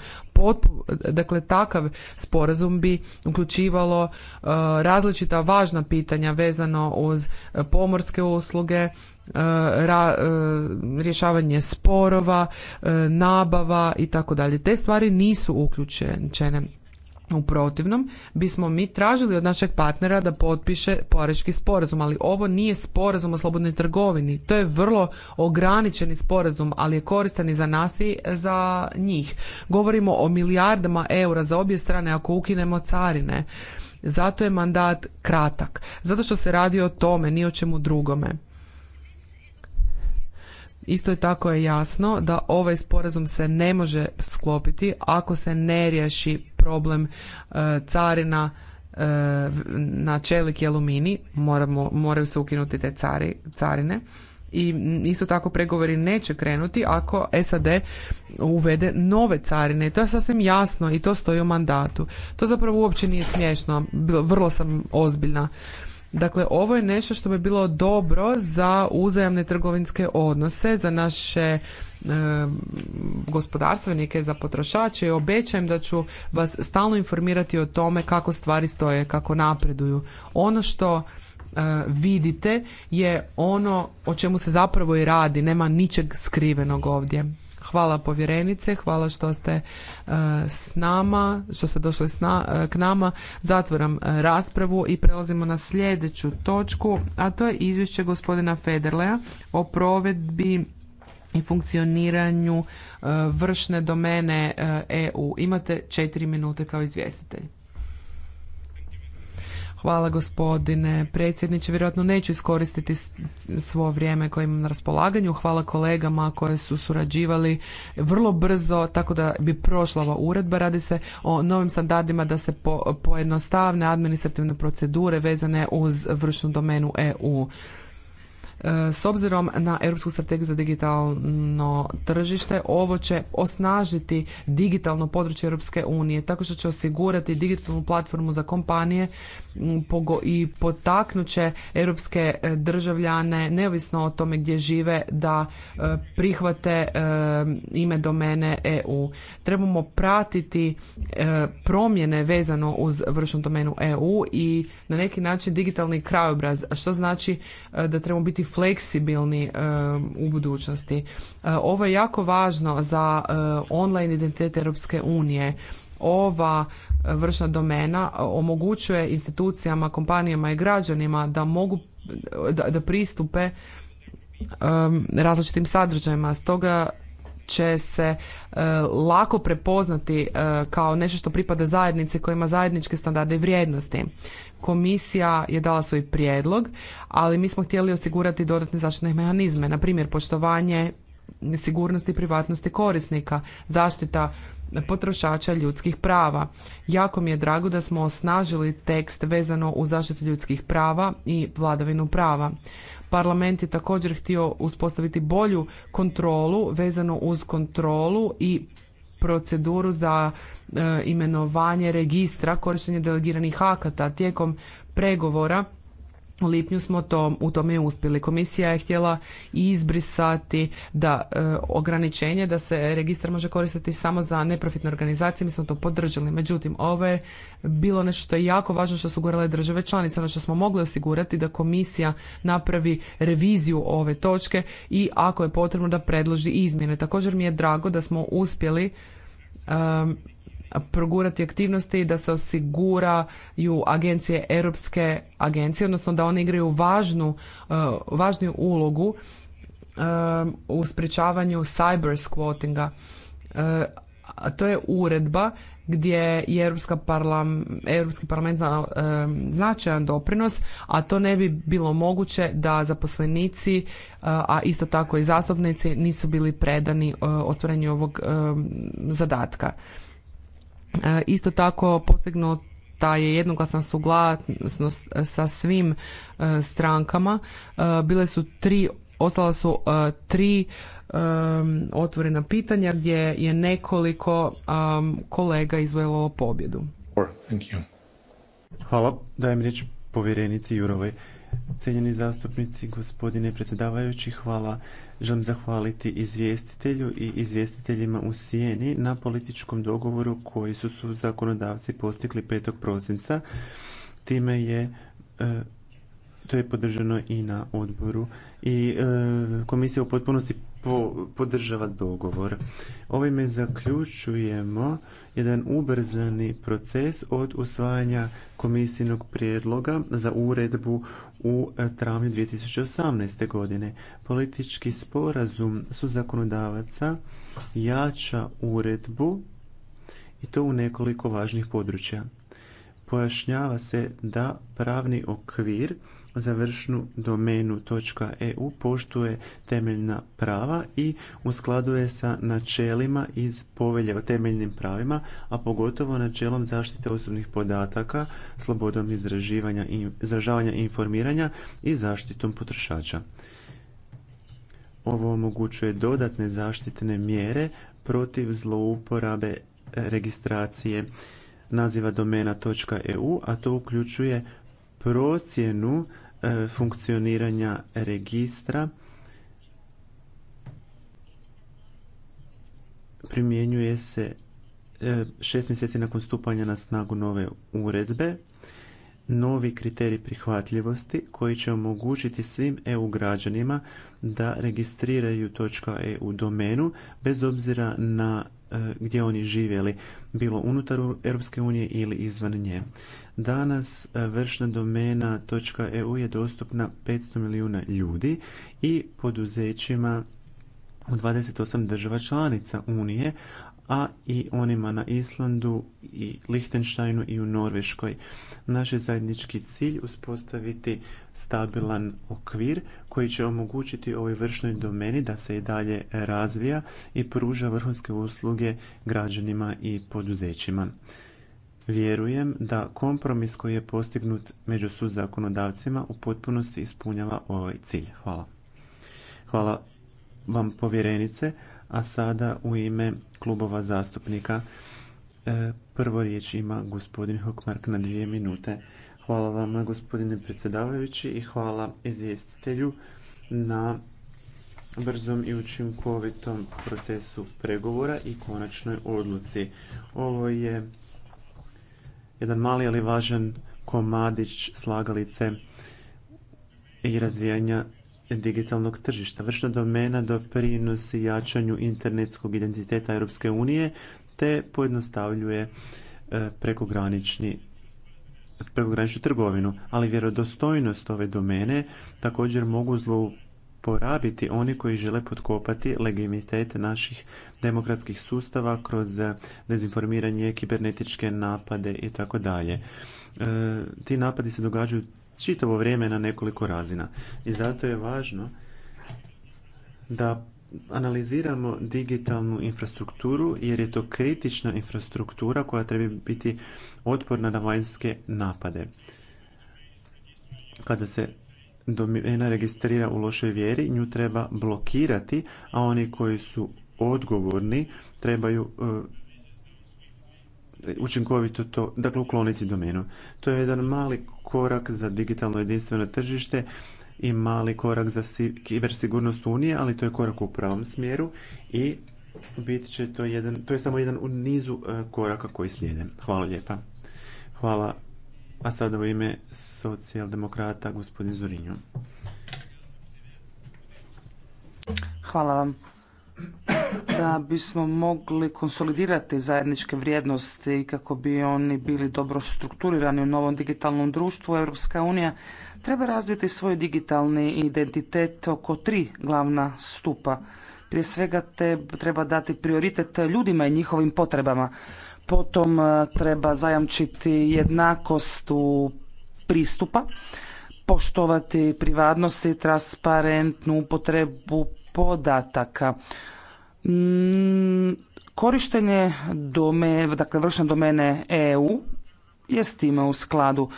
dakle, takav sporazum bi uključivalo e, različita važna pitanja vezano uz pomorske usluge, E, ra, e, rješavanje sporova, e, nabava i tako dalje. Te stvari nisu uključene. U protivnom bismo mi tražili od našeg partnera da potpiše pariški sporazum, ali ovo nije sporazum o slobodnoj trgovini. To je vrlo ograničeni sporazum, ali je koristan i za nas i za njih. Govorimo o milijardama eura za obje strane ako ukinemo carine. Zato je mandat kratak. Zato što se radi o tome, ni o čemu drugome. Isto je tako je jasno da ovaj sporazum se ne može sklopiti ako se ne riješi problem e, carina e, na čelik i aluminij, Moramo, moraju se ukinuti te carine i isto tako pregovori neće krenuti ako SAD uvede nove carine. To je sasvim jasno i to stoji u mandatu. To zapravo uopće nije smiješno, vrlo sam ozbiljna. Dakle, ovo je nešto što bi bilo dobro za uzajamne trgovinske odnose, za naše e, gospodarstvenike, za potrošače i obećajem da ću vas stalno informirati o tome kako stvari stoje, kako napreduju. Ono što e, vidite je ono o čemu se zapravo i radi, nema ničeg skrivenog ovdje. Hvala povjerenice, hvala što ste e, s nama, što ste došli e, k nama. Zatvoram e, raspravu i prelazimo na sljedeću točku, a to je izvješće gospodina Federleja o provedbi i funkcioniranju vršne domene EU. Imate četiri minute kao izvjestitelj. Hvala gospodine predsjedniče. Vjerojatno neću iskoristiti svo vrijeme koje imam na raspolaganju. Hvala kolegama koje su surađivali vrlo brzo tako da bi prošla ova uredba. Radi se o novim standardima da se pojednostavne administrativne procedure vezane uz vršnu domenu EU. E, s obzirom na Europsku strategiju za digitalno tržište, ovo će osnažiti digitalno područje Europske unije tako što će osigurati digitalnu platformu za kompanije i potaknut će europske e, državljane, neovisno o tome gdje žive, da e, prihvate ime domene EU. Trebamo pratiti promjene vezano uz vršnu domenu EU i na neki način digitalni krajobraz, što znači da trebamo biti fleksibilni e, u budućnosti. E, ovo je jako važno za e, online identitet Europske unije. Ova vršna domena omogućuje institucijama, kompanijama i građanima da mogu da, da pristupe različitim sadržajima. Stoga će se e, lako prepoznati e, kao nešto što pripada zajednici koja ima zajedničke standarde i vrijednosti. Komisija je dala svoj prijedlog, ali mi smo htjeli osigurati dodatne zaštitne mehanizme, na primjer poštovanje sigurnosti i privatnosti korisnika, zaštita potrošača ljudskih prava. Jako mi je drago da smo osnažili tekst vezano u zaštitu ljudskih prava i vladavinu prava. Parlament je također htio uspostaviti bolju kontrolu vezano uz kontrolu i proceduru za e, imenovanje registra korištenje delegiranih akata tijekom pregovora u lipnju smo to, u tome uspjeli. Komisija je htjela izbrisati da e, ograničenje da se registar može koristiti samo za neprofitne organizacije, mi smo to podržali. Međutim, ovo je bilo nešto što je jako važno što su gorele države članice, ono što smo mogli osigurati da komisija napravi reviziju ove točke i ako je potrebno da predloži izmjene. Također mi je drago da smo uspjeli e, progurati aktivnosti da se osiguraju agencije, europske agencije, odnosno da one igraju važnu, e, važniju ulogu e, u sprječavanju cyber squattinga. E, a to je uredba gdje je Europski parlament za značajan doprinos, a to ne bi bilo moguće da zaposlenici, a isto tako i zastupnici nisu bili predani ostvarenju ovog zadatka. E, isto tako postignuta je jednoglasna suglasnost e, sa svim e, strankama. Bile su tri, ostala su tri otvorena pitanja gdje je nekoliko kolega izvojilo pobjedu. Hvala, dajem riječ povjerenici Jurovoj. Cijenjeni zastupnici, gospodine predsjedavajući, hvala Želim zahvaliti izvjestitelju i izvjestiteljima u Sijeni na političkom dogovoru koji su su zakonodavci postigli 5. prosinca. Time je e, to je podržano i na odboru i e, komisija u potpunosti podržava dogovor. Ovime zaključujemo jedan ubrzani proces od usvajanja komisijnog prijedloga za uredbu u e, travnju 2018. godine. Politički sporazum su zakonodavaca jača uredbu i to u nekoliko važnih područja. Pojašnjava se da pravni okvir završnu domenu .eu poštuje temeljna prava i uskladuje sa načelima iz povelje o temeljnim pravima, a pogotovo načelom zaštite osobnih podataka, slobodom izražavanja i informiranja i zaštitom potrošača. Ovo omogućuje dodatne zaštitne mjere protiv zlouporabe registracije naziva domena.eu, a to uključuje procjenu e, funkcioniranja registra primjenjuje se e, šest mjeseci nakon stupanja na snagu nove uredbe novi kriterij prihvatljivosti koji će omogućiti svim EU građanima da registriraju .eu domenu bez obzira na e, gdje oni živjeli, bilo unutar Europske unije ili izvan nje. Danas e, vršna domena .eu je dostupna 500 milijuna ljudi i poduzećima u 28 država članica Unije, a i onima na Islandu i Lichtensteinu i u Norveškoj. Naš je zajednički cilj uspostaviti stabilan okvir koji će omogućiti ovoj vršnoj domeni da se i dalje razvija i pruža vrhunske usluge građanima i poduzećima. Vjerujem da kompromis koji je postignut među zakonodavcima u potpunosti ispunjava ovaj cilj. Hvala. Hvala vam povjerenice, a sada u ime klubova zastupnika e, prvo riječ ima gospodin Hokmark na dvije minute. Hvala vam gospodine predsjedavajući i hvala izvjestitelju na brzom i učinkovitom procesu pregovora i konačnoj odluci. Ovo je jedan mali ali važan komadić slagalice i razvijanja digitalnog tržišta. Vršna domena doprinosi jačanju internetskog identiteta Europske unije te pojednostavljuje e, prekogranični prekograničnu trgovinu, ali vjerodostojnost ove domene također mogu zlouporabiti oni koji žele potkopati legitimitet naših demokratskih sustava kroz eh, dezinformiranje, kibernetičke napade i tako dalje. Eh, ti napadi se događaju čitavo vrijeme na nekoliko razina i zato je važno da analiziramo digitalnu infrastrukturu jer je to kritična infrastruktura koja treba biti otporna na vanjske napade. Kada se domena registrira u lošoj vjeri, nju treba blokirati, a oni koji su odgovorni trebaju e, učinkovito to, dakle ukloniti domenu. To je jedan mali korak za digitalno jedinstveno tržište i mali korak za kibersigurnost Unije, ali to je korak u pravom smjeru i bit će to jedan, to je samo jedan u nizu e, koraka koji slijede. Hvala lijepa. Hvala. A sada u ime socijaldemokrata gospodin Zorinju. Hvala vam da bismo mogli konsolidirati zajedničke vrijednosti kako bi oni bili dobro strukturirani u novom digitalnom društvu, Europska unija treba razviti svoj digitalni identitet oko tri glavna stupa. Prije svega te treba dati prioritet ljudima i njihovim potrebama. Potom eh, treba zajamčiti jednakost u pristupa, poštovati privatnost i transparentnu upotrebu podataka. Mm, korištenje dakle vršne domene EU je s time u skladu.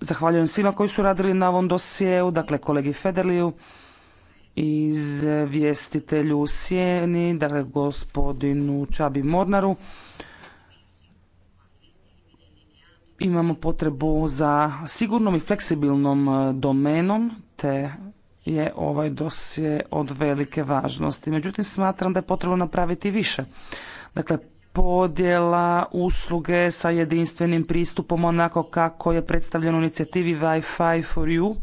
Zahvaljujem svima koji su radili na ovom dosjeu, dakle kolegi Federliju, izvjestitelju Sjeni, dakle gospodinu Čabi Mornaru. Imamo potrebu za sigurnom i fleksibilnom domenom te je ovaj dosje od velike važnosti. Međutim, smatram da je potrebno napraviti više. Dakle, podjela usluge sa jedinstvenim pristupom onako kako je predstavljeno u inicijativi Wi-Fi for you.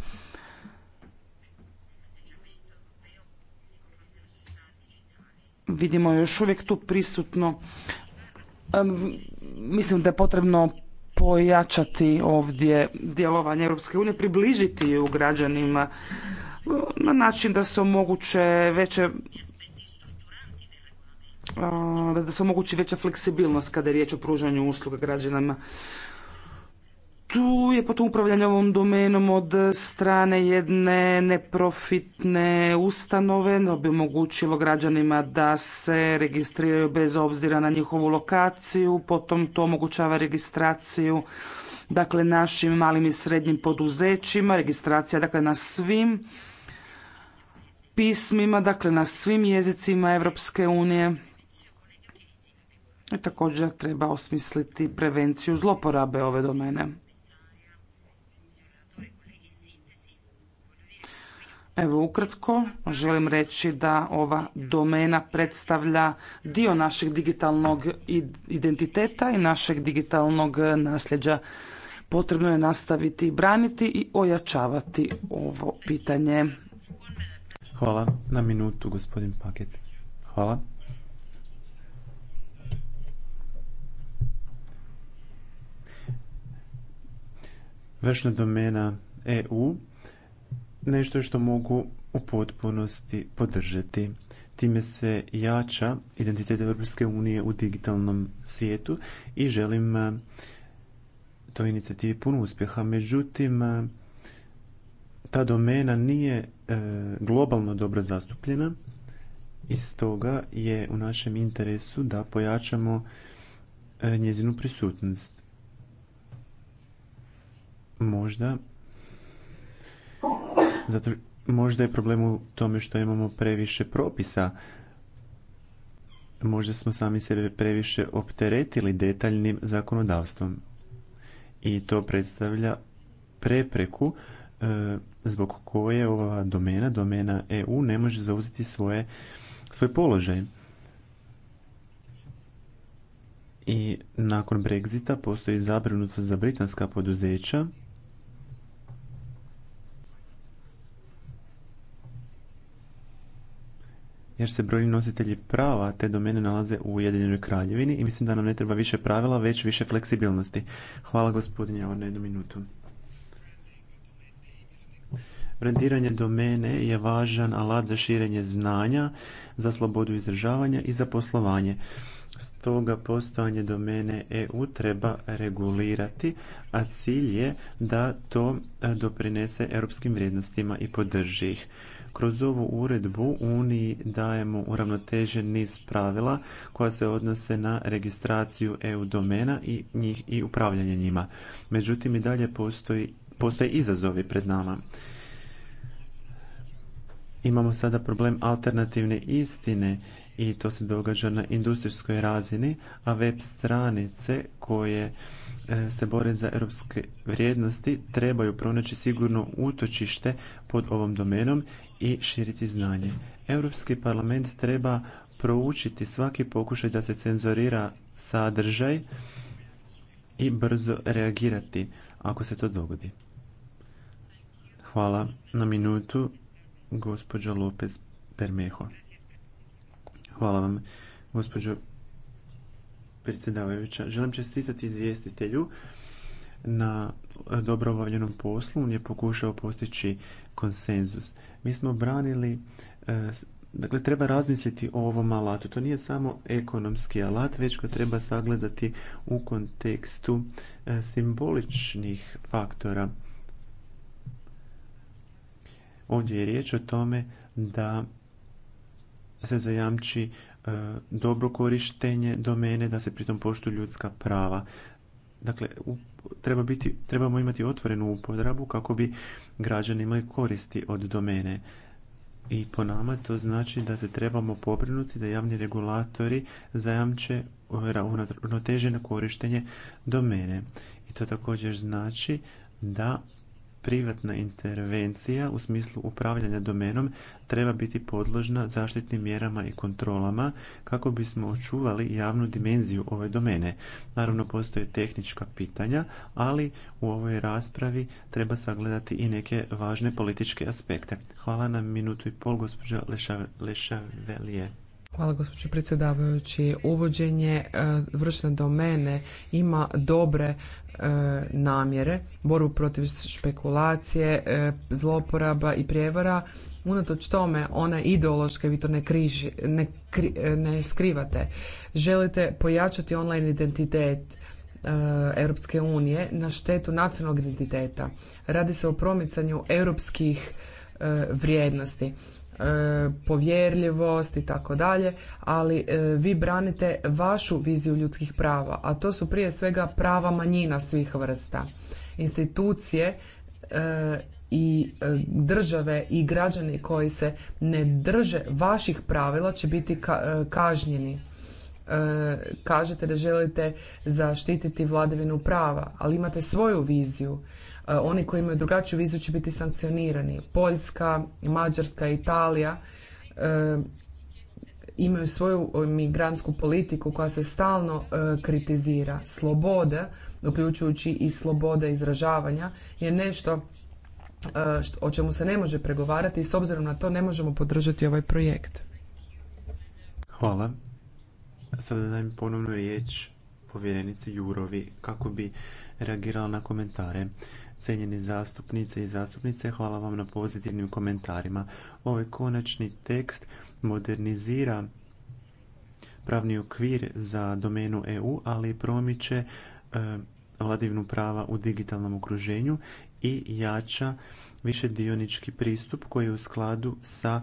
Vidimo još uvijek tu prisutno. Mislim da je potrebno pojačati ovdje djelovanje Europske unije, približiti ju građanima na način da se omoguće veće da se omogući veća fleksibilnost kada je riječ o pružanju usluga građanima. Tu je potom upravljanje ovom domenom od strane jedne neprofitne ustanove, da bi omogućilo građanima da se registriraju bez obzira na njihovu lokaciju, potom to omogućava registraciju dakle našim malim i srednjim poduzećima, registracija dakle na svim pismima, dakle na svim jezicima Evropske unije. I također treba osmisliti prevenciju zloporabe ove domene. Evo ukratko, želim reći da ova domena predstavlja dio našeg digitalnog identiteta i našeg digitalnog nasljeđa. Potrebno je nastaviti braniti i ojačavati ovo pitanje. Hvala. Na minutu, gospodin Paket. Hvala. Vršna domena EU nešto što mogu u potpunosti podržati. Time se jača identitet Evropske unije u digitalnom svijetu i želim eh, toj inicijativi puno uspjeha. Međutim, eh, ta domena nije e, globalno dobro zastupljena i stoga je u našem interesu da pojačamo e, njezinu prisutnost. Možda zato možda je problem u tome što imamo previše propisa. Možda smo sami sebe previše opteretili detaljnim zakonodavstvom. I to predstavlja prepreku e, zbog koje ova domena, domena EU, ne može zauzeti svoje, svoj položaj. I nakon Brexita postoji zabrinutost za britanska poduzeća jer se brojni nositelji prava te domene nalaze u Ujedinjenoj kraljevini i mislim da nam ne treba više pravila, već više fleksibilnosti. Hvala gospodine, ovo na jednu minutu. Brandiranje domene je važan alat za širenje znanja, za slobodu izražavanja i za poslovanje. Stoga postojanje domene EU treba regulirati, a cilj je da to e, doprinese europskim vrijednostima i podrži ih. Kroz ovu uredbu Uniji dajemo uravnotežen niz pravila koja se odnose na registraciju EU domena i, njih, i upravljanje njima. Međutim, i dalje postoji, postoje izazovi pred nama Imamo sada problem alternativne istine i to se događa na industrijskoj razini, a web stranice koje e, se bore za europske vrijednosti trebaju pronaći sigurno utočište pod ovom domenom i širiti znanje. Europski parlament treba proučiti svaki pokušaj da se cenzurira sadržaj i brzo reagirati ako se to dogodi. Hvala na minutu gospođa Lopez Permeho. Hvala vam, gospođo predsjedavajuća. Želim čestitati izvjestitelju na dobro obavljenom poslu. On je pokušao postići konsenzus. Mi smo branili e, Dakle, treba razmisliti o ovom alatu. To nije samo ekonomski alat, već ga treba sagledati u kontekstu e, simboličnih faktora Ovdje je riječ o tome da se zajamči e, dobro korištenje domene, da se pritom poštuju ljudska prava. Dakle, treba biti, trebamo imati otvorenu upodrabu kako bi građani imali koristi od domene. I po nama to znači da se trebamo pobrinuti da javni regulatori zajamče e, uravnoteženo korištenje domene. I to također znači da privatna intervencija u smislu upravljanja domenom treba biti podložna zaštitnim mjerama i kontrolama kako bismo očuvali javnu dimenziju ove domene. Naravno postoje tehnička pitanja, ali u ovoj raspravi treba sagledati i neke važne političke aspekte. Hvala na minutu i pol gospođa Lešavelije. Hvala gospođo predsjedavajući. Uvođenje e, vršne domene ima dobre e, namjere, borbu protiv špekulacije, e, zloporaba i prijevara. Unatoč tome, ona ideološka, vi to ne, ne, skrivate. Želite pojačati online identitet, Europske unije na štetu nacionalnog identiteta. Radi se o promicanju europskih vrijednosti. E, povjerljivost i tako dalje, ali e, vi branite vašu viziju ljudskih prava, a to su prije svega prava manjina svih vrsta. Institucije e, i države i građani koji se ne drže vaših pravila će biti kažnjeni. Kažete da želite zaštititi vladavinu prava, ali imate svoju viziju E, oni koji imaju drugačiju vizu će biti sankcionirani. Poljska, Mađarska, Italija e, imaju svoju e, migrantsku politiku koja se stalno kritizira. Slobode, uključujući i slobode izražavanja, je nešto o čemu se ne može pregovarati i s obzirom na to ne možemo podržati ovaj projekt. Hvala. Sada dajem ponovno riječ povjerenici Jurovi kako bi reagirala na komentare cijenjeni zastupnice i zastupnice, hvala vam na pozitivnim komentarima. Ovaj konačni tekst modernizira pravni okvir za domenu EU, ali promiče e, vladivnu prava u digitalnom okruženju i jača više dionički pristup koji je u skladu sa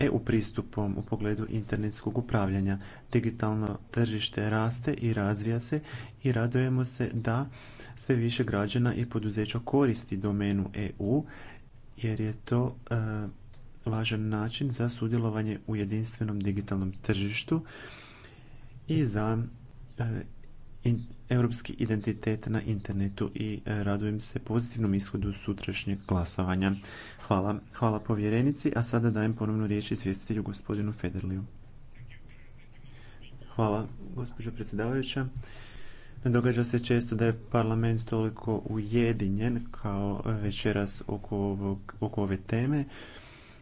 EU pristupom u pogledu internetskog upravljanja. Digitalno tržište raste i razvija se i radujemo se da sve više građana i poduzeća koristi domenu EU jer je to e, važan način za sudjelovanje u jedinstvenom digitalnom tržištu i za e, europski identitet na internetu i e, radujem se pozitivnom ishodu sutrašnjeg glasovanja. Hvala, hvala povjerenici, a sada dajem ponovno riječ izvjestitelju gospodinu Federliju. Hvala, gospođo predsjedavajuća. Ne događa se često da je parlament toliko ujedinjen kao večeras oko, oko ove teme.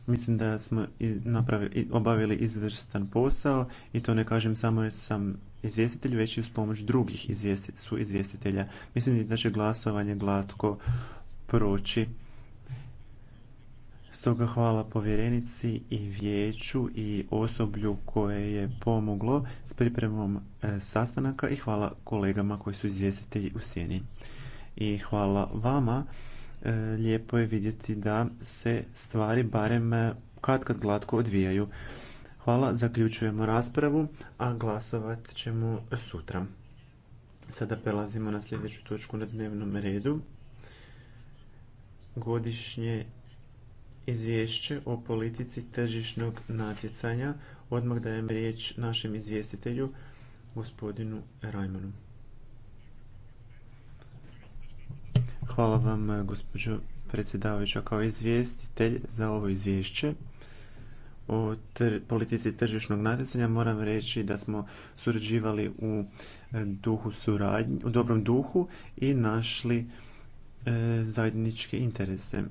Mislim da smo napravili, obavili izvrstan posao i to ne kažem samo jer sam izvjestitelj već i uz pomoć drugih su izvjestitelja. Mislim da će glasovanje glatko proći. Stoga hvala povjerenici i vijeću i osoblju koje je pomoglo s pripremom e, sastanaka i hvala kolegama koji su izvjestitelji u sjeni. I hvala vama. E, lijepo je vidjeti da se stvari barem e, kad kad glatko odvijaju. Hvala, zaključujemo raspravu, a glasovat ćemo sutra. Sada prelazimo na sljedeću točku na dnevnom redu. Godišnje izvješće o politici tržišnog natjecanja. Odmah dajem riječ našem izvjestitelju, gospodinu Rajmanu. Hvala vam, gospođo predsjedavajuća, kao izvjestitelj za ovo izvješće o politici tržišnog natjecanja moram reći da smo surađivali u e, duhu suradnje, u dobrom duhu i našli e, zajedničke interese.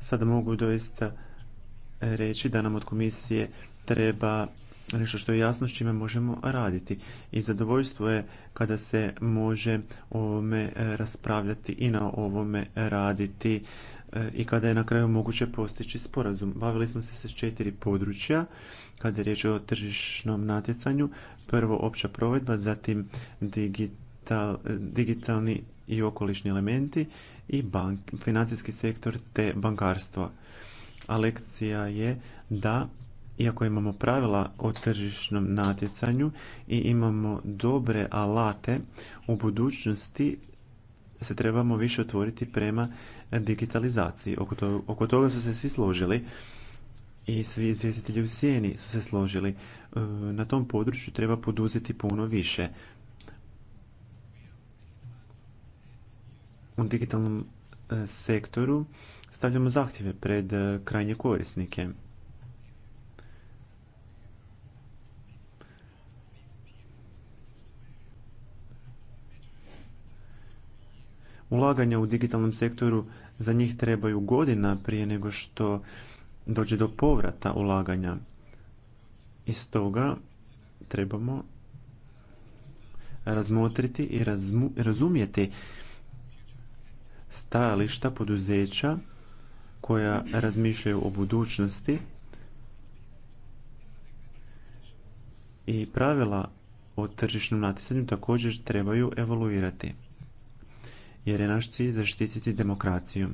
Sada mogu doista reći da nam od komisije treba nešto što je jasno s čime možemo raditi. I zadovoljstvo je kada se može o ovome e, raspravljati i na ovome raditi e, i kada je na kraju moguće postići sporazum. Bavili smo se s četiri područja kada je riječ o tržišnom natjecanju. Prvo opća provedba, zatim digital, e, digitalni i okolišni elementi i bank, financijski sektor te bankarstva. A lekcija je da iako imamo pravila o tržišnom natjecanju i imamo dobre alate u budućnosti se trebamo više otvoriti prema digitalizaciji oko, toga su se svi složili i svi izvjestitelji u sjeni su se složili e, na tom području treba poduzeti puno više u digitalnom e, sektoru stavljamo zahtjeve pred e, krajnje korisnike Ulaganja u digitalnom sektoru za njih trebaju godina prije nego što dođe do povrata ulaganja. I stoga trebamo razmotriti i razmu, razumjeti stajališta poduzeća koja razmišljaju o budućnosti i pravila o tržišnom natjecanju također trebaju evoluirati jer je naš cilj zaštititi demokraciju.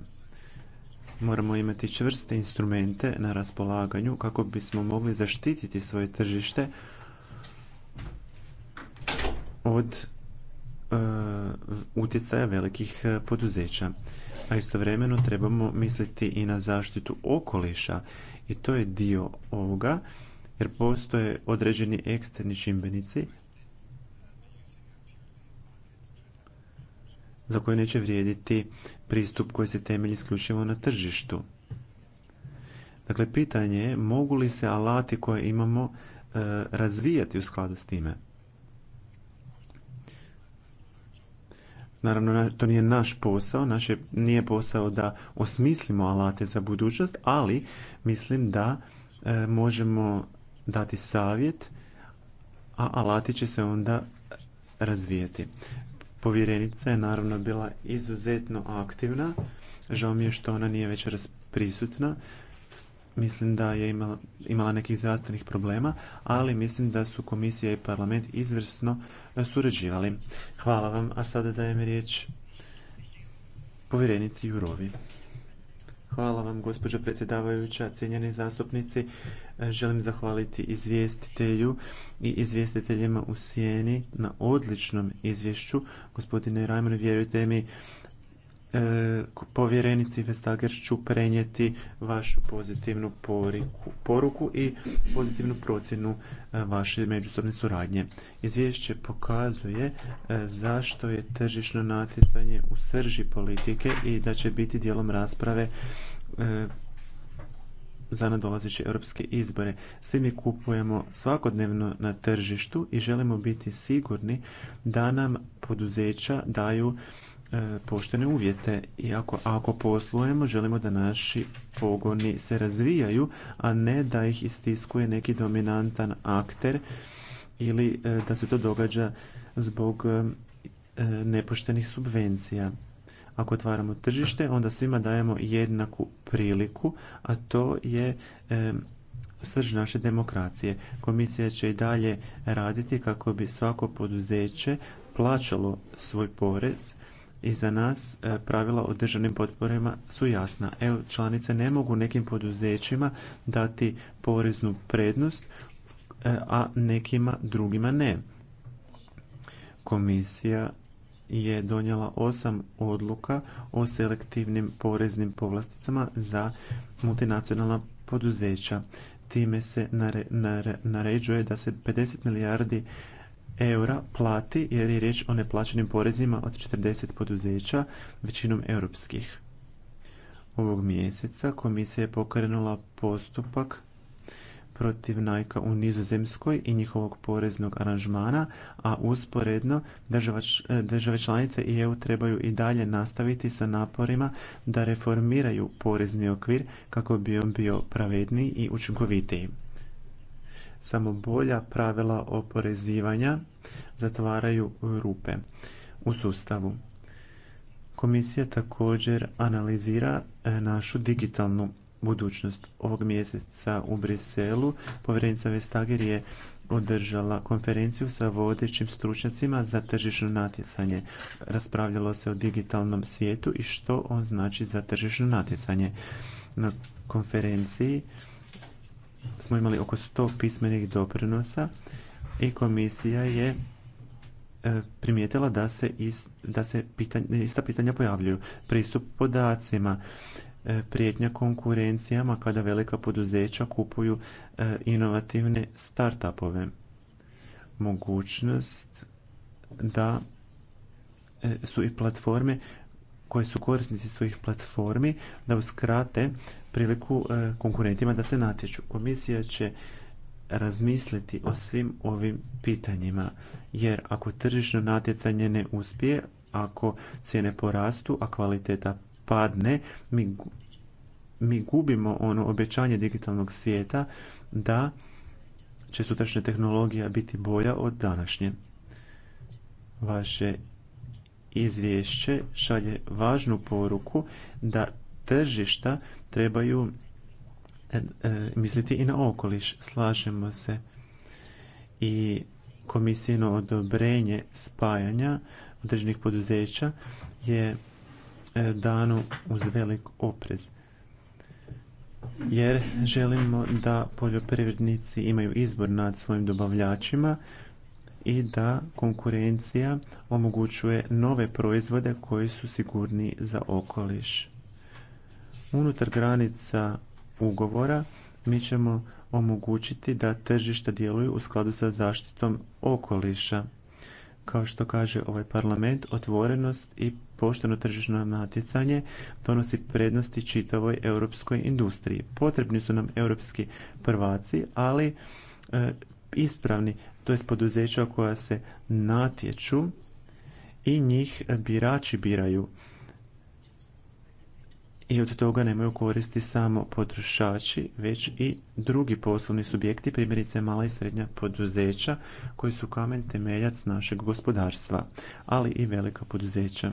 Moramo imati čvrste instrumente na raspolaganju kako bismo mogli zaštititi svoje tržište od e, utjecaja velikih e, poduzeća. A istovremeno trebamo misliti i na zaštitu okoliša i to je dio ovoga jer postoje određeni eksterni čimbenici za koje neće vrijediti pristup koji se temelji isključivo na tržištu. Dakle, pitanje je mogu li se alati koje imamo e, razvijati u skladu s time? Naravno, to nije naš posao, naš je, nije posao da osmislimo alate za budućnost, ali mislim da e, možemo dati savjet, a alati će se onda razvijeti povjerenica je naravno bila izuzetno aktivna. Žao mi je što ona nije večeras prisutna. Mislim da je imala, imala nekih zdravstvenih problema, ali mislim da su komisija i parlament izvrsno surađivali. Hvala vam, a sada dajem riječ povjerenici Jurovi. Hvala vam, gospođo predsjedavajuća, cijenjeni zastupnici. E, želim zahvaliti izvjestitelju i izvjestiteljima u Sijeni na odličnom izvješću. Gospodine Rajman, vjerujte mi, E, povjerenici Vestager ću prenijeti vašu pozitivnu poruku i pozitivnu procjenu e, vaše međusobne suradnje. Izvješće pokazuje e, zašto je tržišno natjecanje u srži politike i da će biti dijelom rasprave za nadolazeće europske izbore. Svi mi kupujemo svakodnevno na tržištu i želimo biti sigurni da nam poduzeća daju E, poštene uvjete i ako, ako poslujemo želimo da naši pogoni se razvijaju a ne da ih istiskuje neki dominantan akter ili e, da se to događa zbog e, nepoštenih subvencija ako otvaramo tržište onda svima dajemo jednaku priliku a to je srž naše demokracije komisija će i dalje raditi kako bi svako poduzeće plaćalo svoj porez i za nas e, pravila o državnim potporama su jasna. EU članice ne mogu nekim poduzećima dati poreznu prednost, e, a nekima drugima ne. Komisija je donijela osam odluka o selektivnim poreznim povlasticama za multinacionalna poduzeća. Time se naređuje da se 50 milijardi eura plati jer je riječ o neplaćenim porezima od 40 poduzeća, većinom europskih. Ovog mjeseca komisija je pokrenula postupak protiv Najka u Nizozemskoj i njihovog poreznog aranžmana, a usporedno e, države članice i EU trebaju i dalje nastaviti sa naporima da reformiraju porezni okvir kako bi on bio pravedniji i učinkovitiji. Samo bolja pravila oporezivanja zatvaraju rupe u sustavu. Komisija također analizira e, našu digitalnu budućnost. Ovog mjeseca u Briselu povjerenica Vestager je održala konferenciju sa vodećim stručnjacima za tržišno natjecanje. Raspravljalo se o digitalnom svijetu i što on znači za tržišno natjecanje. Na konferenciji smo imali oko 100 pismenih doprinosa i komisija je e, primijetila da se, da se ista pitanja pojavljuju. Pristup podacima, e, prijetnja konkurencijama kada velika poduzeća kupuju e, inovativne startupove. Mogućnost da su i platforme koje su korisnici svojih platformi da uskrate priliku e, konkurentima da se natječu. Komisija će razmisliti o svim ovim pitanjima jer ako tržišno natjecanje ne uspije, ako cijene porastu, a kvaliteta padne, mi, mi gubimo ono obećanje digitalnog svijeta da će sutrašnja tehnologija biti bolja od današnje. Vaše izvješće šalje važnu poruku da tržišta trebaju e, e, misliti i na okoliš. Slažemo se i komisijno odobrenje spajanja određenih poduzeća je e, dano uz velik oprez. Jer želimo da poljoprivrednici imaju izbor nad svojim dobavljačima i da konkurencija omogućuje nove proizvode koji su sigurni za okoliš unutar granica ugovora mi ćemo omogućiti da tržišta djeluju u skladu sa zaštitom okoliša. Kao što kaže ovaj parlament, otvorenost i pošteno tržišno natjecanje donosi prednosti čitavoj europskoj industriji. Potrebni su nam europski prvaci, ali e, ispravni, to jest poduzeća koja se natječu i njih birači biraju i od toga nemaju koristi samo potrošači, već i drugi poslovni subjekti, primjerice mala i srednja poduzeća, koji su kamen temeljac našeg gospodarstva, ali i velika poduzeća.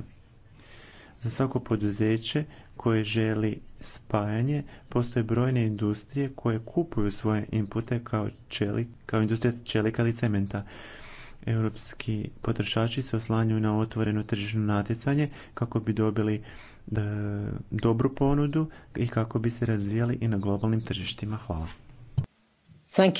Za svako poduzeće koje želi spajanje, postoje brojne industrije koje kupuju svoje impute kao, kao industrija čelika ili cementa. Europski potrošači se oslanjuju na otvoreno tržišno natjecanje kako bi dobili dobru ponudu i kako bi se razvijali i na globalnim tržištima. Hvala. Thank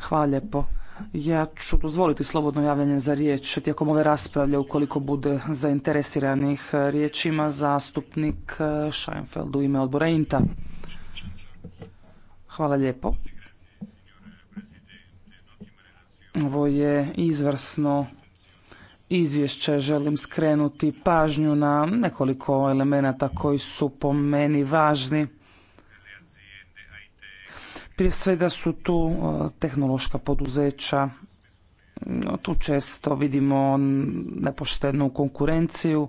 Hvala lijepo. Ja ću dozvoliti slobodno javljanje za riječ tijekom ove rasprave ukoliko bude zainteresiranih riječima zastupnik eh, Scheinfeld u ime odbora INTA. Hvala lijepo. Ovo je izvrsno izvješće želim skrenuti pažnju na nekoliko elemenata koji su po meni važni. Prije svega su tu e, tehnološka poduzeća. Tu često vidimo nepoštenu konkurenciju.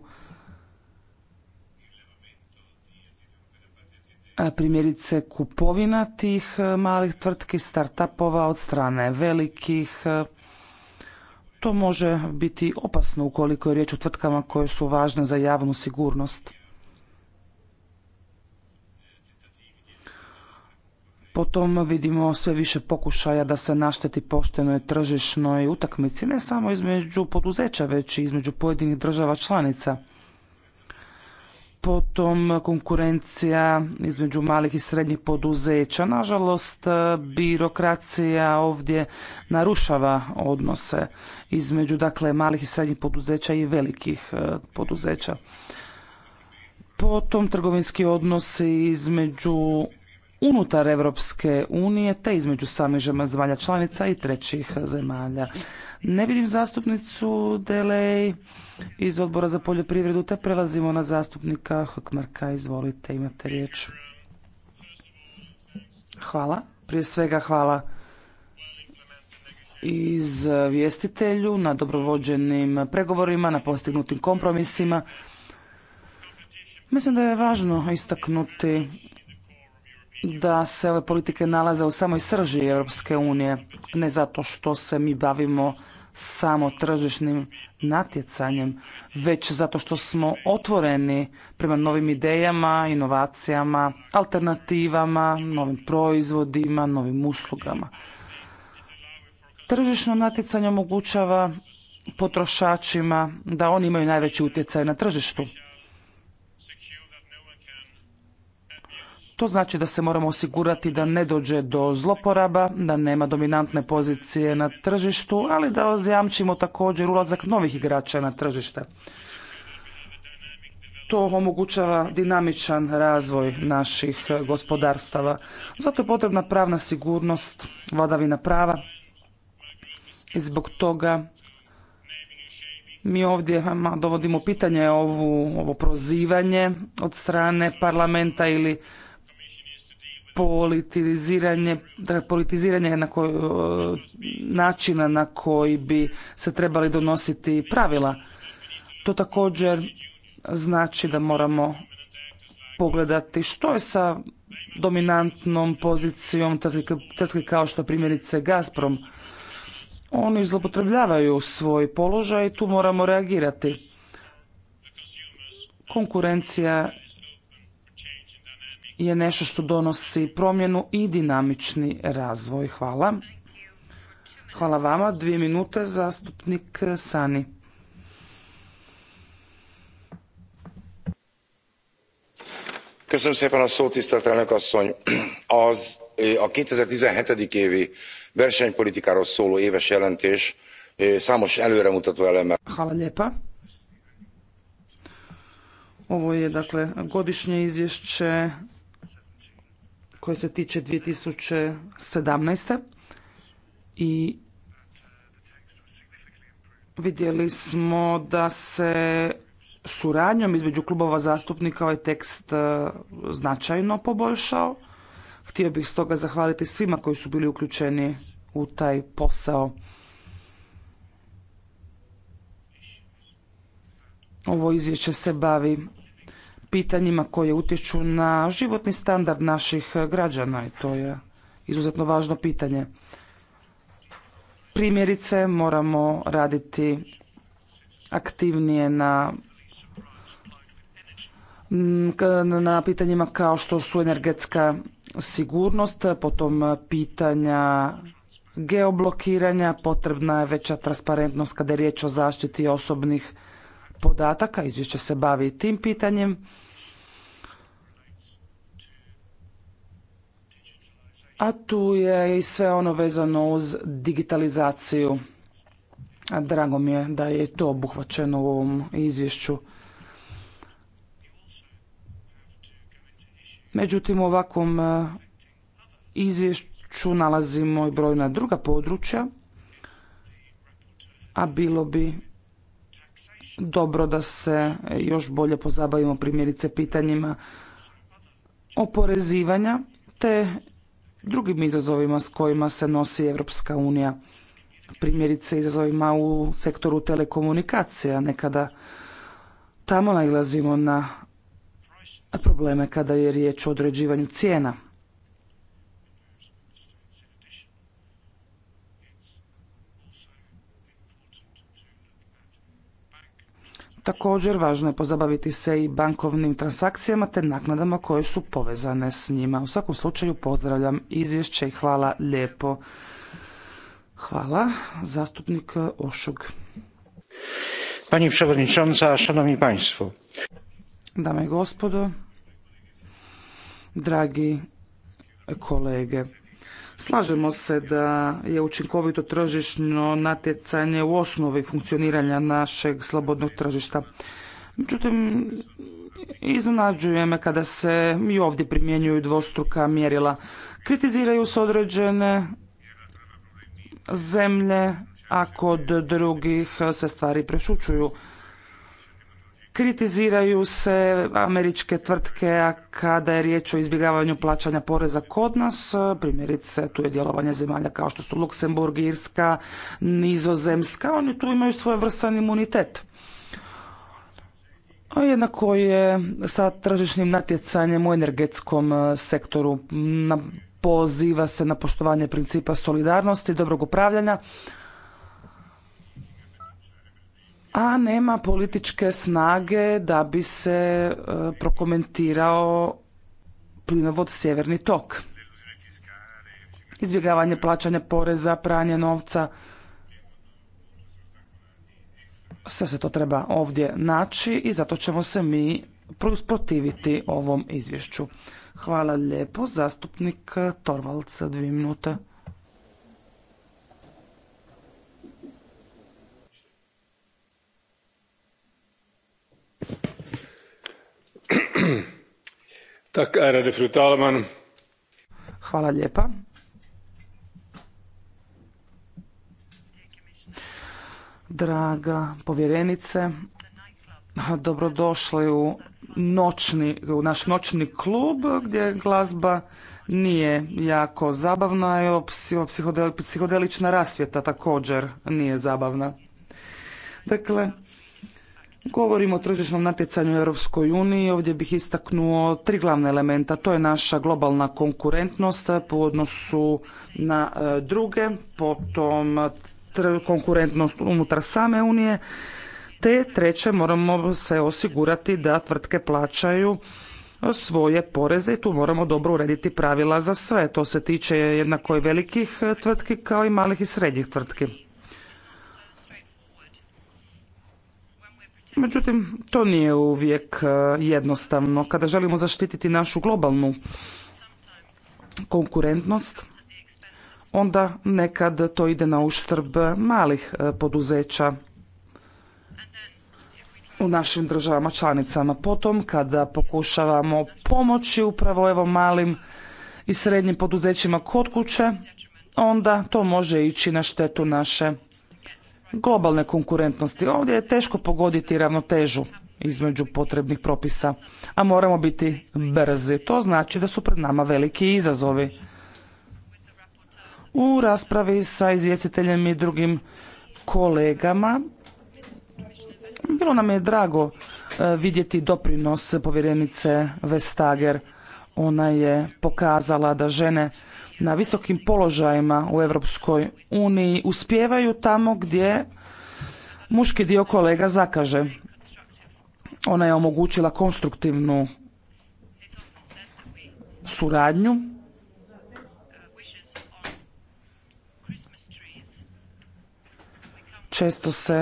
E, primjerice kupovina tih e, malih tvrtki, startupova od strane velikih to može biti opasno ukoliko je riječ o tvrtkama koje su važne za javnu sigurnost. Potom vidimo sve više pokušaja da se našteti poštenoj tržišnoj utakmici, ne samo između poduzeća, već i između pojedinih država članica potom konkurencija između malih i srednjih poduzeća. Nažalost, birokracija ovdje narušava odnose između dakle, malih i srednjih poduzeća i velikih e, poduzeća. Potom trgovinski odnosi između unutar Evropske unije te između samih zemalja članica i trećih zemalja. Ne vidim zastupnicu Delej iz odbora za poljoprivredu te prelazimo na zastupnika Hokmarka. Izvolite, imate riječ. Hvala. Prije svega hvala izvjestitelju na dobrovođenim pregovorima, na postignutim kompromisima. Mislim da je važno istaknuti da se ove politike nalaze u samoj srži Europske unije, ne zato što se mi bavimo samo tržišnim natjecanjem, već zato što smo otvoreni prema novim idejama, inovacijama, alternativama, novim proizvodima, novim uslugama. Tržišno natjecanje omogućava potrošačima da oni imaju najveći utjecaj na tržištu. To znači da se moramo osigurati da ne dođe do zloporaba, da nema dominantne pozicije na tržištu, ali da ozjamčimo također ulazak novih igrača na tržište. To omogućava dinamičan razvoj naših gospodarstava. Zato je potrebna pravna sigurnost, vladavina prava i zbog toga mi ovdje dovodimo pitanje ovu, ovo prozivanje od strane parlamenta ili politiziranje, politiziranje na načina na koji bi se trebali donositi pravila. To također znači da moramo pogledati što je sa dominantnom pozicijom tvrtke kao što primjerice Gazprom. Oni zlopotrebljavaju svoj položaj i tu moramo reagirati. Konkurencija je nešto što donosi promjenu i dinamični razvoj. Hvala. Hvala vama. Dvije minute, zastupnik Sani. Köszönöm szépen a szót, tisztelt elnök asszony. Az a 2017. évi versenypolitikáról szóló éves jelentés számos előremutató elemmel. Hála lépa. Ovo je dakle godišnje izvješće koji se tiče 2017. i vidjeli smo da se suradnjom između klubova zastupnika ovaj tekst e, značajno poboljšao. Htio bih stoga zahvaliti svima koji su bili uključeni u taj posao. Ovo izvješće se bavi pitanjima koje utječu na životni standard naših građana i to je izuzetno važno pitanje. Primjerice moramo raditi aktivnije na na pitanjima kao što su energetska sigurnost, potom pitanja geoblokiranja, potrebna je veća transparentnost kada je riječ o zaštiti osobnih podataka, izvješće se bavi tim pitanjem. a tu je i sve ono vezano uz digitalizaciju. A drago mi je da je to obuhvaćeno u ovom izvješću. Međutim, u ovakvom e, izvješću nalazimo i brojna druga područja, a bilo bi dobro da se još bolje pozabavimo primjerice pitanjima oporezivanja te drugim izazovima s kojima se nosi Europska unija. Primjerice izazovima u sektoru telekomunikacija. Nekada tamo nailazimo na probleme kada je riječ o određivanju cijena. Također važno je pozabaviti se i bankovnim transakcijama te naknadama koje su povezane s njima. U svakom slučaju pozdravljam izvješće i hvala lijepo. Hvala. Zastupnik Ošug. Pani przewodnicząca, szanowni państwo. Dame i gospodo, dragi kolege. Slažemo se da je učinkovito tržišno natjecanje u osnovi funkcioniranja našeg slobodnog tržišta. Međutim, iznenađuje me kada se i ovdje primjenjuju dvostruka mjerila. Kritiziraju se određene zemlje, a kod drugih se stvari prešućuju. Kritiziraju se američke tvrtke kada je riječ o izbjegavanju plaćanja poreza kod nas. Primjerice, tu je djelovanje zemalja kao što su Luksemburg, Irska, Nizozemska. Oni tu imaju svoj vrstan imunitet. Jednako je sa tržišnim natjecanjem u energetskom e, sektoru. Poziva se na poštovanje principa solidarnosti, dobrog upravljanja a nema političke snage da bi se e, prokomentirao plinovod Sjeverni tok. Izbjegavanje plaćanja poreza, pranje novca, sve se to treba ovdje naći i zato ćemo se mi protiviti ovom izvješću. Hvala lijepo, zastupnik Torvalc, dvije minute. Tak, Hvala Draga povjerenice, dobrodošli u, noćni, u naš noćni klub gdje glazba nije jako zabavna i psihodelična rasvjeta također nije zabavna. Dakle, Govorimo o tržišnom natjecanju u Europskoj uniji, ovdje bih istaknuo tri glavna elementa. To je naša globalna konkurentnost po odnosu na e, druge, potom konkurentnost unutar same unije, te treće moramo se osigurati da tvrtke plaćaju svoje poreze i tu moramo dobro urediti pravila za sve. To se tiče jednako i velikih tvrtki kao i malih i srednjih tvrtki. Međutim, to nije uvijek e, jednostavno. Kada želimo zaštititi našu globalnu konkurentnost, onda nekad to ide na uštrb malih e, poduzeća u našim državama članicama. Potom, kada pokušavamo pomoći upravo evo malim i srednjim poduzećima kod kuće, onda to može ići na štetu naše globalne konkurentnosti. Ovdje je teško pogoditi ravnotežu između potrebnih propisa, a moramo biti brzi. To znači da su pred nama veliki izazovi. U raspravi sa izvjestiteljem i drugim kolegama bilo nam je drago e, vidjeti doprinos povjerenice Vestager. Ona je pokazala da žene na visokim položajima u Europskoj uniji uspijevaju tamo gdje muški dio kolega zakaže. Ona je omogućila konstruktivnu suradnju. Često se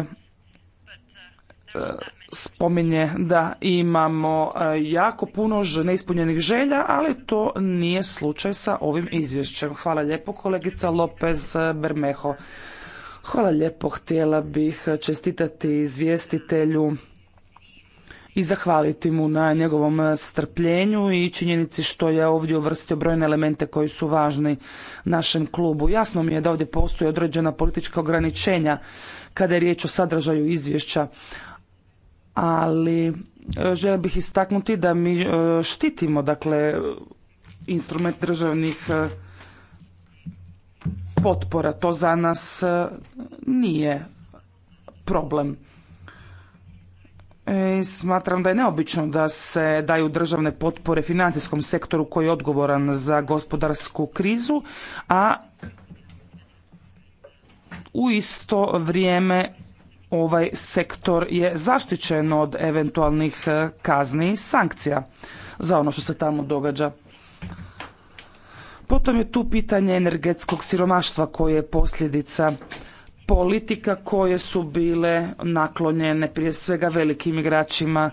e, spominje da imamo e, jako puno neispunjenih želja, ali to nije slučaj sa ovim izvješćem. Hvala lijepo kolegica Lopez Bermeho. Hvala lijepo, htjela bih čestitati izvjestitelju i zahvaliti mu na njegovom strpljenju i činjenici što je ovdje uvrstio brojne elemente koji su važni našem klubu. Jasno mi je da ovdje postoje određena politička ograničenja kada je riječ o sadržaju izvješća, ali e, želio bih istaknuti da mi e, štitimo dakle instrument državnih e, potpora. To za nas nije problem. I smatram da je neobično da se daju državne potpore financijskom sektoru koji je odgovoran za gospodarsku krizu, a u isto vrijeme ovaj sektor je zaštićen od eventualnih e, kazni i sankcija za ono što se tamo događa. Potom je tu pitanje energetskog siromaštva koje je posljedica politika koje su bile naklonjene prije svega velikim igračima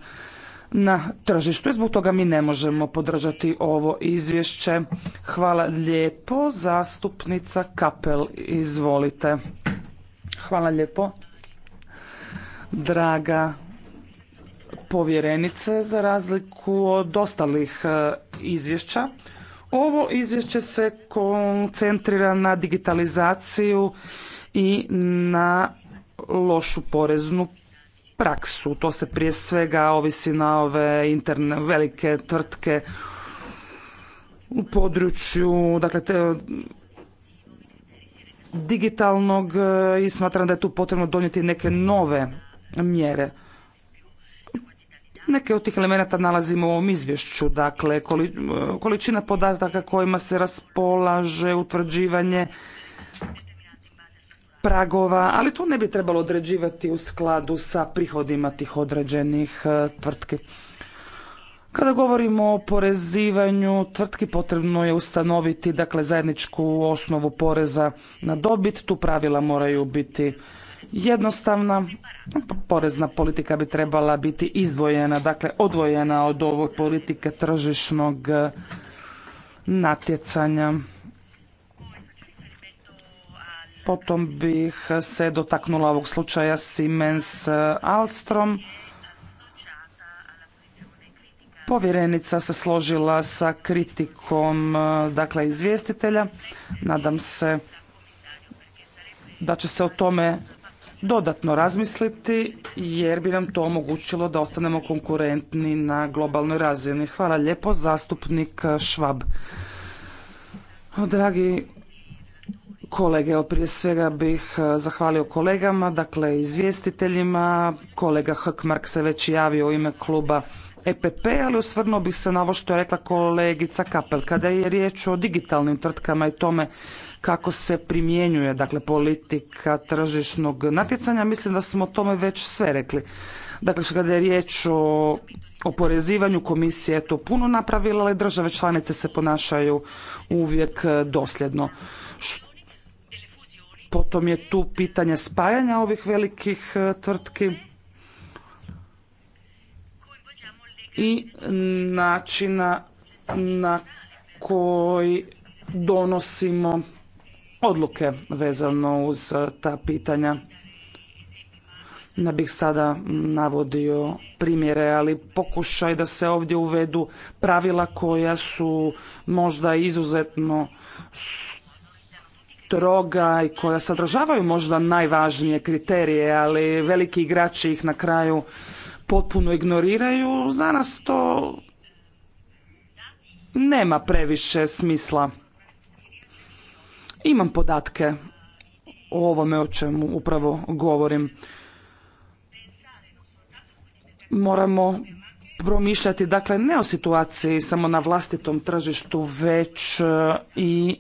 na tržištu i zbog toga mi ne možemo podržati ovo izvješće. Hvala lijepo. Zastupnica Kapel, izvolite. Hvala lijepo draga povjerenice, za razliku od ostalih e, izvješća, ovo izvješće se koncentrira na digitalizaciju i na lošu poreznu praksu. To se prije svega ovisi na ove interne velike tvrtke u području dakle, te, digitalnog e, i smatram da je tu potrebno donijeti neke nove mjere. Neke od tih elemenata nalazimo u ovom izvješću, dakle količina podataka kojima se raspolaže, utvrđivanje pragova, ali to ne bi trebalo određivati u skladu sa prihodima tih određenih e, tvrtki. Kada govorimo o porezivanju tvrtki potrebno je ustanoviti dakle zajedničku osnovu poreza na dobit, tu pravila moraju biti jednostavna. Porezna politika bi trebala biti izdvojena, dakle odvojena od ovog politike tržišnog eh, natjecanja. Potom bih se dotaknula ovog slučaja Siemens eh, Alstrom. Povjerenica se složila sa kritikom eh, dakle izvjestitelja. Nadam se da će se o tome dodatno razmisliti jer bi nam to omogućilo da ostanemo konkurentni na globalnoj razini. Hvala lijepo zastupnik Švab. Dragi kolege, prije svega bih e, zahvalio kolegama, dakle izvjestiteljima. Kolega Hkmark se već javio u ime kluba EPP, ali osvrnuo bih se na ovo što je rekla kolegica Kapel. Kada je riječ o digitalnim tvrtkama i tome kako se primjenjuje dakle politika tržišnog natjecanja. Mislim da smo o tome već sve rekli. Dakle, kada je riječ o oporezivanju komisije je to puno napravila, ali države članice se ponašaju uvijek dosljedno. Potom je tu pitanje spajanja ovih velikih e, tvrtki i načina na koji donosimo odluke vezano uz e, ta pitanja. Ne bih sada navodio primjere, ali pokušaj da se ovdje uvedu pravila koja su možda izuzetno stroga i koja sadržavaju možda najvažnije kriterije, ali veliki igrači ih na kraju potpuno ignoriraju. Za nas to nema previše smisla. Imam podatke o ovome o čemu upravo govorim. Moramo promišljati dakle ne o situaciji samo na vlastitom tržištu već e, i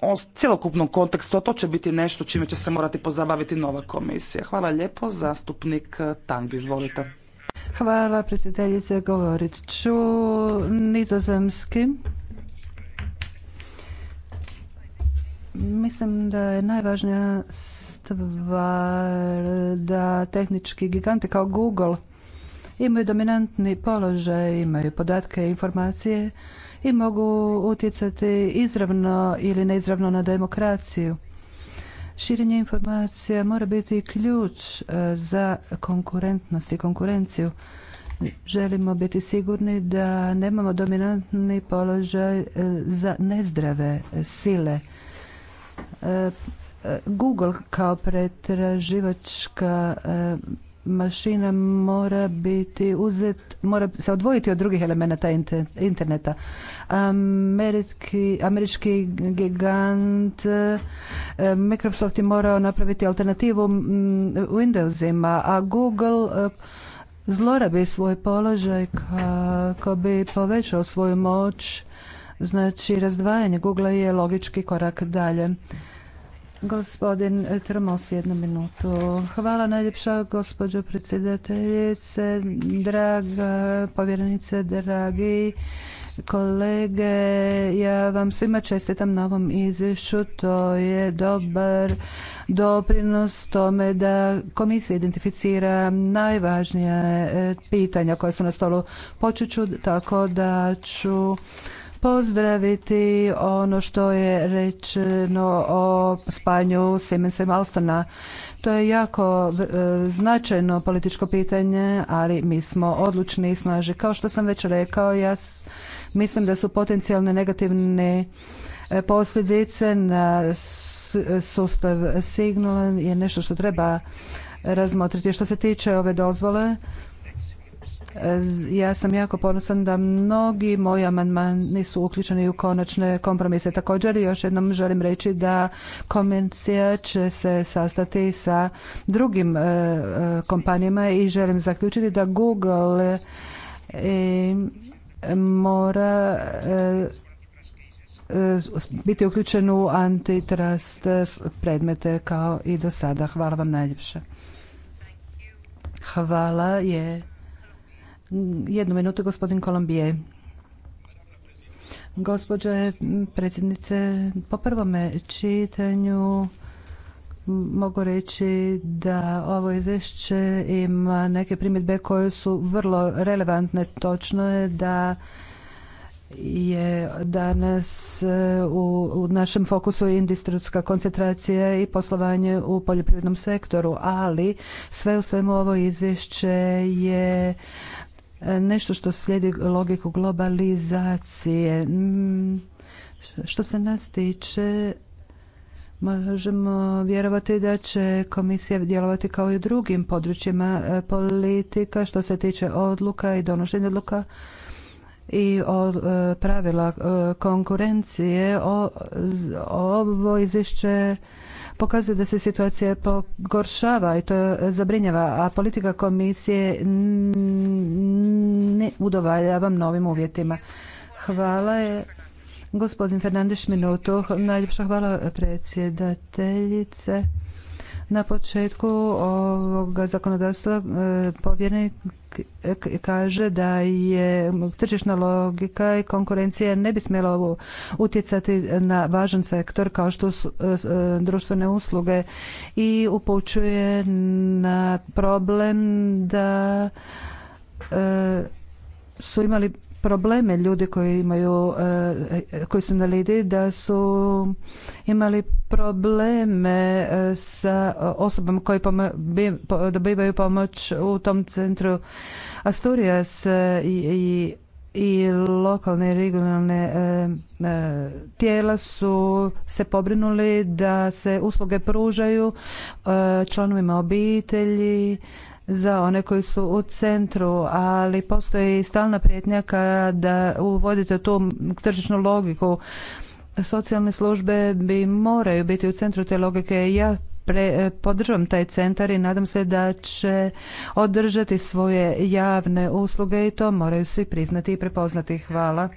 o cjelokupnom kontekstu, a to će biti nešto čime će se morati pozabaviti nova komisija. Hvala lijepo, zastupnik Tang, izvolite. Hvala predsjedeljice, govorit ću nizozemski. Mislim da je najvažnija stvar da tehnički giganti kao Google imaju dominantni položaj, imaju podatke i informacije i mogu utjecati izravno ili neizravno na demokraciju. Širenje informacija mora biti ključ e, za konkurentnost i konkurenciju. Želimo biti sigurni da nemamo dominantni položaj e, za nezdrave sile E, e, Google kao pretraživačka e, mašina mora biti uzet, mora se odvojiti od drugih elemenata interneta. Američki, američki gigant Microsoft je morao napraviti alternativu Windowsima, a Google zlorabi svoj položaj kako bi povećao svoju moć. Znači, razdvajanje Google je logički korak dalje. Gospodin Trmos, jednu minutu. Hvala najljepša gospođo predsjedateljice, draga povjerenice, dragi kolege. Ja vam svima čestitam na ovom izvješću. To je dobar doprinos tome da komisija identificira najvažnija e, pitanja koja su na stolu. Počet ću tako da ću pozdraviti ono što je rečeno o spanju Siemensa i Malstona. To je jako e, značajno političko pitanje, ali mi smo odlučni i snaži. Kao što sam već rekao, ja mislim da su potencijalne negativne e, posljedice na e, sustav signal je nešto što treba razmotriti. Što se tiče ove dozvole, ja sam jako ponosan da mnogi moji amandmani su uključeni u konačne kompromise. Također još jednom želim reći da komisija će se sastati sa drugim e, e, kompanijama i želim zaključiti da Google e, mora biti uključen u antitrust predmete kao i do sada. Hvala vam najljepše. Hvala je Jednu minutu, gospodin Kolombije. Gospođe predsjednice, po prvome čitanju mogu reći da ovo izvješće ima neke primjedbe koje su vrlo relevantne. Točno je da je danas u našem fokusu industrijska koncentracija i poslovanje u poljoprivrednom sektoru, ali sve u svemu ovo izvješće je nešto što slijedi logiku globalizacije. Mm, što se nas tiče, možemo vjerovati da će komisija djelovati kao i u drugim područjima e, politika što se tiče odluka i donošenja odluka i e, pravila e, konkurencije. Ovo izvješće pokazuje da se situacija pogoršava i to zabrinjava, a politika komisije ne udovaljava novim uvjetima. Hvala je. Gospodin Fernandeš, Minuto. Najljepša hvala predsjedateljice. Na početku ovoga zakonodavstva e, povjerenik e, kaže da je tržišna logika i konkurencija ne bi smjela utjecati na važan sektor kao što su e, društvene usluge i upućuje na problem da su imali probleme ljudi koji imaju, eh, koji su invalidi, da su imali probleme eh, sa osobama koji dobivaju pomoć u tom centru Asturias eh, i i lokalne i regionalne tijela su se pobrinuli da se usluge pružaju članovima obitelji za one koji su u centru, ali postoji stalna prijetnja kada uvodite tu tržišnu logiku. Socijalne službe bi moraju biti u centru te logike. Ja pre, podržavam taj centar i nadam se da će održati svoje javne usluge i to moraju svi priznati i prepoznati. Hvala.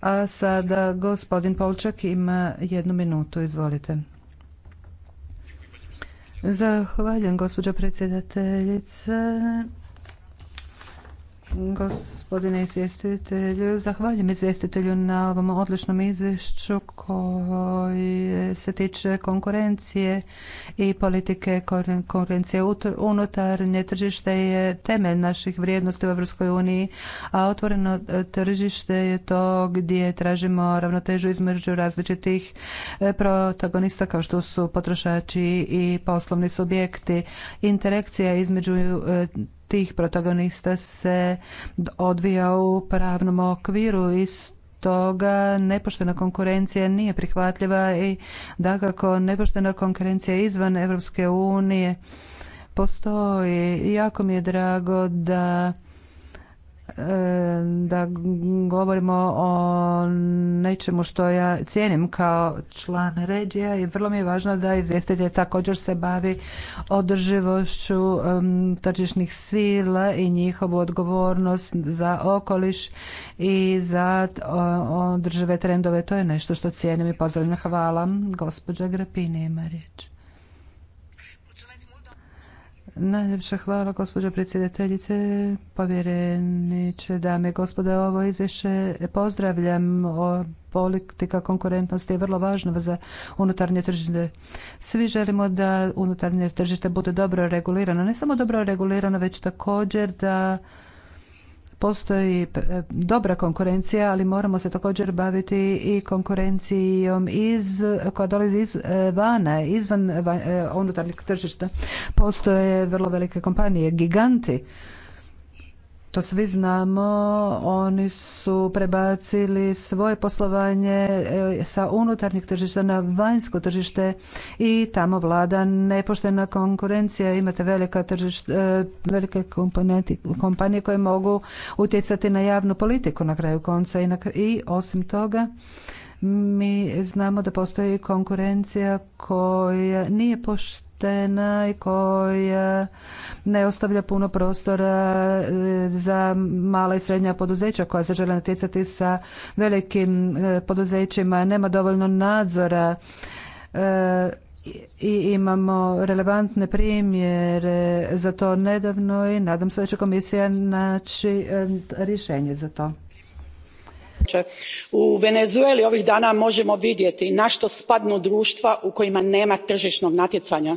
A sada gospodin Polčak ima jednu minutu, izvolite. Zahvaljujem, gospođo predsjedateljice. Gospodine izvjestitelju, zahvaljujem izvjestitelju na ovom odličnom izvješću koji se tiče konkurencije i politike konkurencije. Unutarnje tržište je temelj naših vrijednosti u EU, uniji, a otvoreno tržište je to gdje tražimo ravnotežu između različitih e, protagonista kao što su potrošači i poslovni subjekti. Interakcija između e, tih protagonista se odvija u pravnom okviru i toga nepoštena konkurencija nije prihvatljiva i dakako nepoštena konkurencija izvan Europske unije postoji. Jako mi je drago da da govorimo o nečemu što ja cijenim kao član regija i vrlo mi je važno da izvjestitelj također se bavi održivošću tržišnih sila i njihovu odgovornost za okoliš i za održive trendove. To je nešto što cijenim i pozdravljam. Hvala. Gospođa Grapini ima riječ. Najljepša hvala gospođo predsjedateljice, povjereniče, dame i gospode, ovo izvješće pozdravljam. O politika konkurentnosti je vrlo važna za unutarnje tržište. Svi želimo da unutarnje tržište bude dobro regulirano, ne samo dobro regulirano, već također da Postoji e, dobra konkurencija, ali moramo se također baviti i konkurencijom iz, koja dolazi iz e, vana, izvan e, unutarnjeg tržišta. Postoje vrlo velike kompanije, giganti to svi znamo, oni su prebacili svoje poslovanje e, sa unutarnjeg tržišta na vanjsko tržište i tamo vlada nepoštena konkurencija. Imate velika tržišta, e, velike kompanije koje mogu utjecati na javnu politiku na kraju konca i, i osim toga mi znamo da postoji konkurencija koja nije poštena i koja e, ne ostavlja puno prostora e, za mala i srednja poduzeća koja se žele natjecati sa velikim e, poduzećima, nema dovoljno nadzora i imamo relevantne primjere za to nedavno i nadam se da će komisija naći rješenje za to. U Venezueli ovih dana možemo vidjeti na što spadnu društva u kojima nema tržišnog natjecanja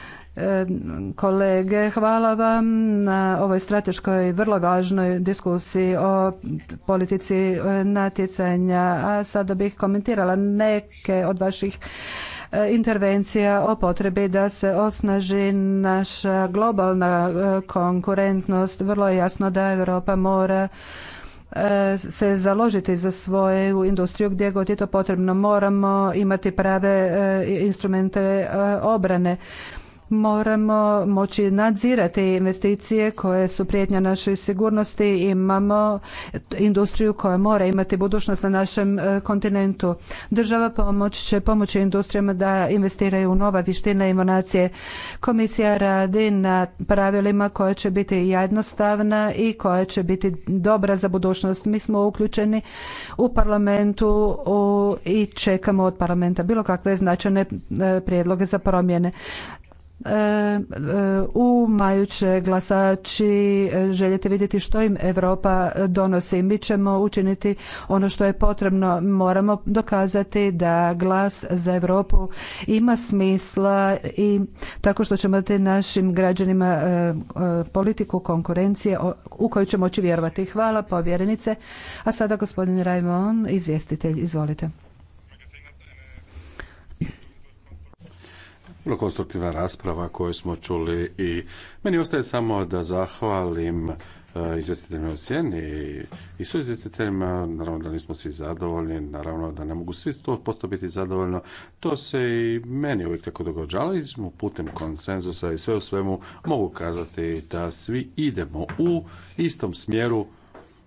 E, kolege. Hvala vam na ovoj strateškoj vrlo važnoj diskusiji o politici e, natjecanja. A sada bih komentirala neke od vaših e, intervencija o potrebi da se osnaži naša globalna konkurentnost. Vrlo je jasno da Europa mora se založiti za svoju industriju gdje god je to potrebno. Moramo imati prave instrumente obrane moramo moći nadzirati investicije koje su prijetnja našoj sigurnosti. Imamo industriju koja mora imati budućnost na našem e, kontinentu. Država pomoć će pomoći industrijama da investiraju u nova vještina i monacije. Komisija radi na pravilima koja će biti jednostavna i koja će biti dobra za budućnost. Mi smo uključeni u parlamentu i čekamo od parlamenta bilo kakve značajne e, prijedloge za promjene. E, e, u maju će glasači e, željeti vidjeti što im Europa donosi. Mi ćemo učiniti ono što je potrebno. Moramo dokazati da glas za Europu ima smisla i tako što ćemo dati našim građanima politiku konkurencije u koju ćemo moći vjerovati. Hvala povjerenice. A sada gospodin Rajmon, izvjestitelj, izvolite. vrlo konstruktivna rasprava koju smo čuli i meni ostaje samo da zahvalim e, izvjestiteljima u sjeni i su izvjestiteljima, naravno da nismo svi zadovoljni, naravno da ne mogu svi posto biti zadovoljno, to se i meni uvijek tako događa, ali putem konsenzusa i sve u svemu mogu kazati da svi idemo u istom smjeru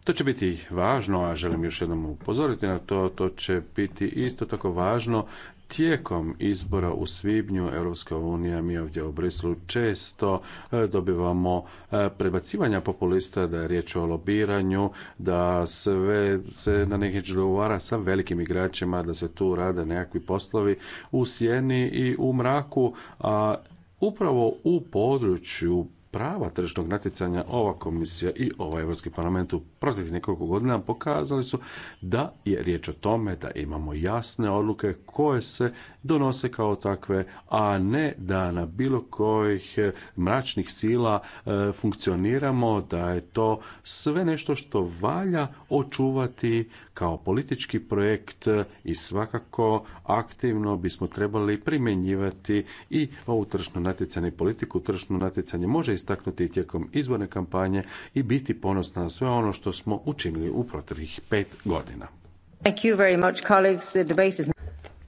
to će biti važno, a želim još jednom upozoriti na to, to će biti isto tako važno Tijekom izbora u svibnju Europska unija, mi ovdje u Brislu često e, dobivamo e, prebacivanja populista da je riječ o lobiranju, da sve se na neki dogovara sa velikim igračima, da se tu rade nekakvi poslovi u sjeni i u mraku, a upravo u području prava tržišnog natjecanja ova komisija i ovaj Europski parlament u proteklih nekoliko godina pokazali su da je riječ o tome da imamo jasne odluke koje se donose kao takve, a ne da na bilo kojih eh, mračnih sila eh, funkcioniramo, da je to sve nešto što valja očuvati kao politički projekt eh, i svakako aktivno bismo trebali primjenjivati i ovu tržnu natjecanje politiku. Tržno natjecanje može istaknuti tijekom izborne kampanje i biti ponosna na sve ono što smo učinili u proteklih pet godina.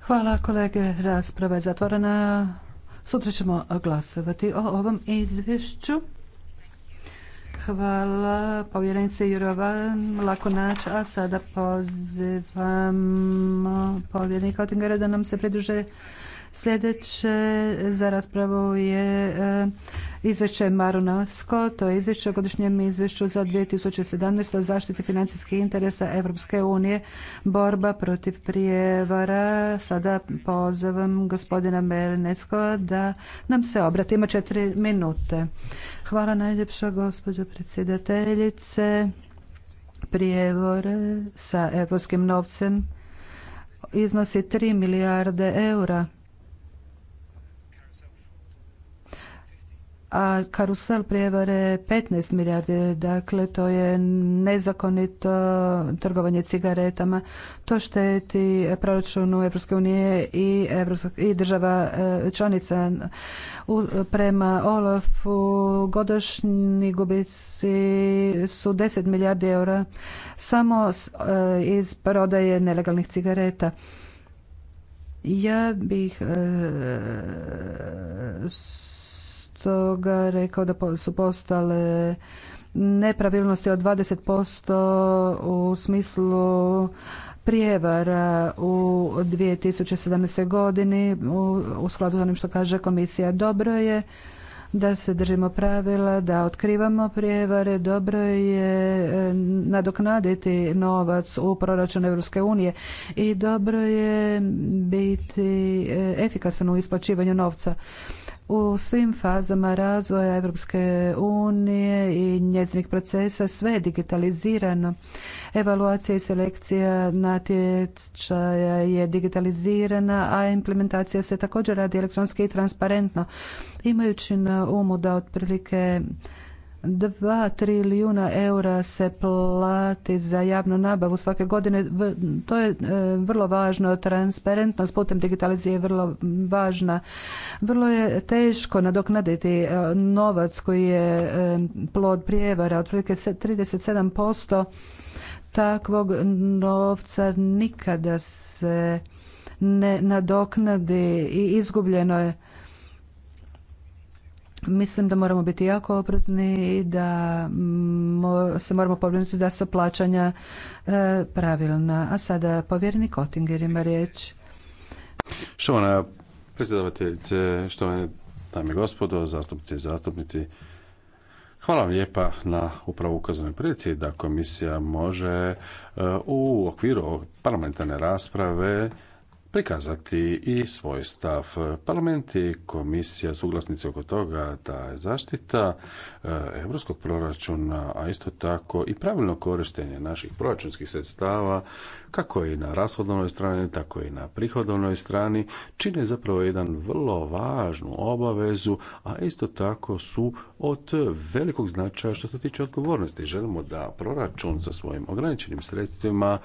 Hvala kolege, rasprava je zatvorena. Sutra ćemo glasovati o ovom izvješću. Hvala povjerenice Jurova, lako nać a sada pozivam povjerenika Otingara da nam se pridruže Sljedeće e, za raspravu je e, izvješće Marunasko, to je izvješće o godišnjem izvješću za 2017. o zaštiti financijskih interesa Europske unije, borba protiv prijevara. Sada pozivam gospodina Mernesko da nam se obrati. Ima četiri minute. Hvala najljepša gospođo predsjedateljice. Prijevore sa europskim novcem iznosi 3 milijarde eura a karusel prijevare 15 milijardi, dakle to je nezakonito trgovanje cigaretama, to šteti proračunu Evropske unije i, i država e, članica. prema Olafu godišnji gubici su 10 milijardi eura samo e, iz prodaje nelegalnih cigareta. Ja bih e, toga rekao da su postale nepravilnosti od 20% u smislu prijevara u 2017. godini u skladu s onim što kaže komisija. Dobro je da se držimo pravila, da otkrivamo prijevare, dobro je e, nadoknaditi novac u proračun Europske unije i dobro je biti e, efikasan u isplaćivanju novca u svim fazama razvoja Evropske unije i njezinih procesa sve je digitalizirano. Evaluacija i selekcija natječaja je digitalizirana, a implementacija se također radi elektronski i transparentno. Imajući na umu da otprilike 2 trilijuna eura se plati za javnu nabavu svake godine. To je e, vrlo važno. Transparentnost putem digitalizije je vrlo važna. Vrlo je teško nadoknaditi e, novac koji je e, plod prijevara. Otprilike 37% takvog novca nikada se ne nadoknadi i izgubljeno je Mislim da moramo biti jako oprezni i da mm, se moramo pobrinuti da su plaćanja e, pravilna. A sada povjerenik Otinger ima riječ. Štovana predsjedavateljice, štovane dame i gospodo, zastupnice i zastupnici, Hvala vam lijepa na upravo ukazanoj prilici da komisija može e, u okviru parlamentarne rasprave prikazati i svoj stav. Parlament i komisija suglasnici oko toga da je zaštita europskog proračuna, a isto tako i pravilno korištenje naših proračunskih sredstava kako i na rashodovnoj strani, tako i na prihodovnoj strani, čine zapravo jedan vrlo važnu obavezu, a isto tako su od velikog značaja što se tiče odgovornosti. Želimo da proračun sa svojim ograničenim sredstvima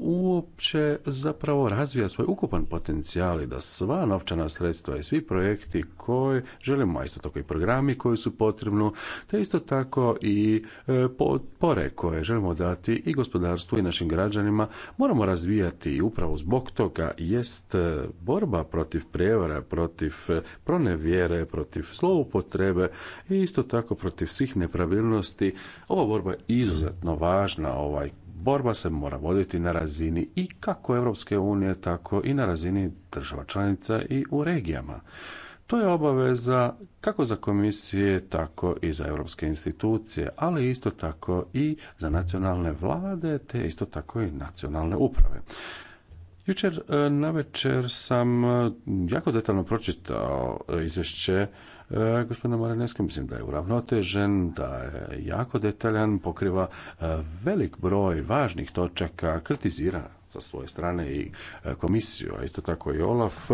uopće zapravo razvija svoj ukupan potencijal i da sva novčana sredstva i svi projekti koje želimo, a isto tako i programi koji su potrebni, te isto tako i e, potpore koje želimo dati i gospodarstvu i našim građanima, moramo razvijati i upravo zbog toga jest e, borba protiv prijevara, protiv e, pronevjere, protiv zloupotrebe i isto tako protiv svih nepravilnosti. Ova borba je izuzetno važna, ovaj borba se mora voditi na razini i kako Europske unije, tako i na razini država članica i u regijama. To je obaveza kako za komisije, tako i za europske institucije, ali isto tako i za nacionalne vlade, te isto tako i nacionalne uprave. Jučer eh, na večer sam eh, jako detaljno pročitao eh, izvješće E, gospodina Marineska. Mislim da je uravnotežen, da je jako detaljan, pokriva e, velik broj važnih točaka, kritizira sa svoje strane i e, komisiju, a isto tako i Olaf,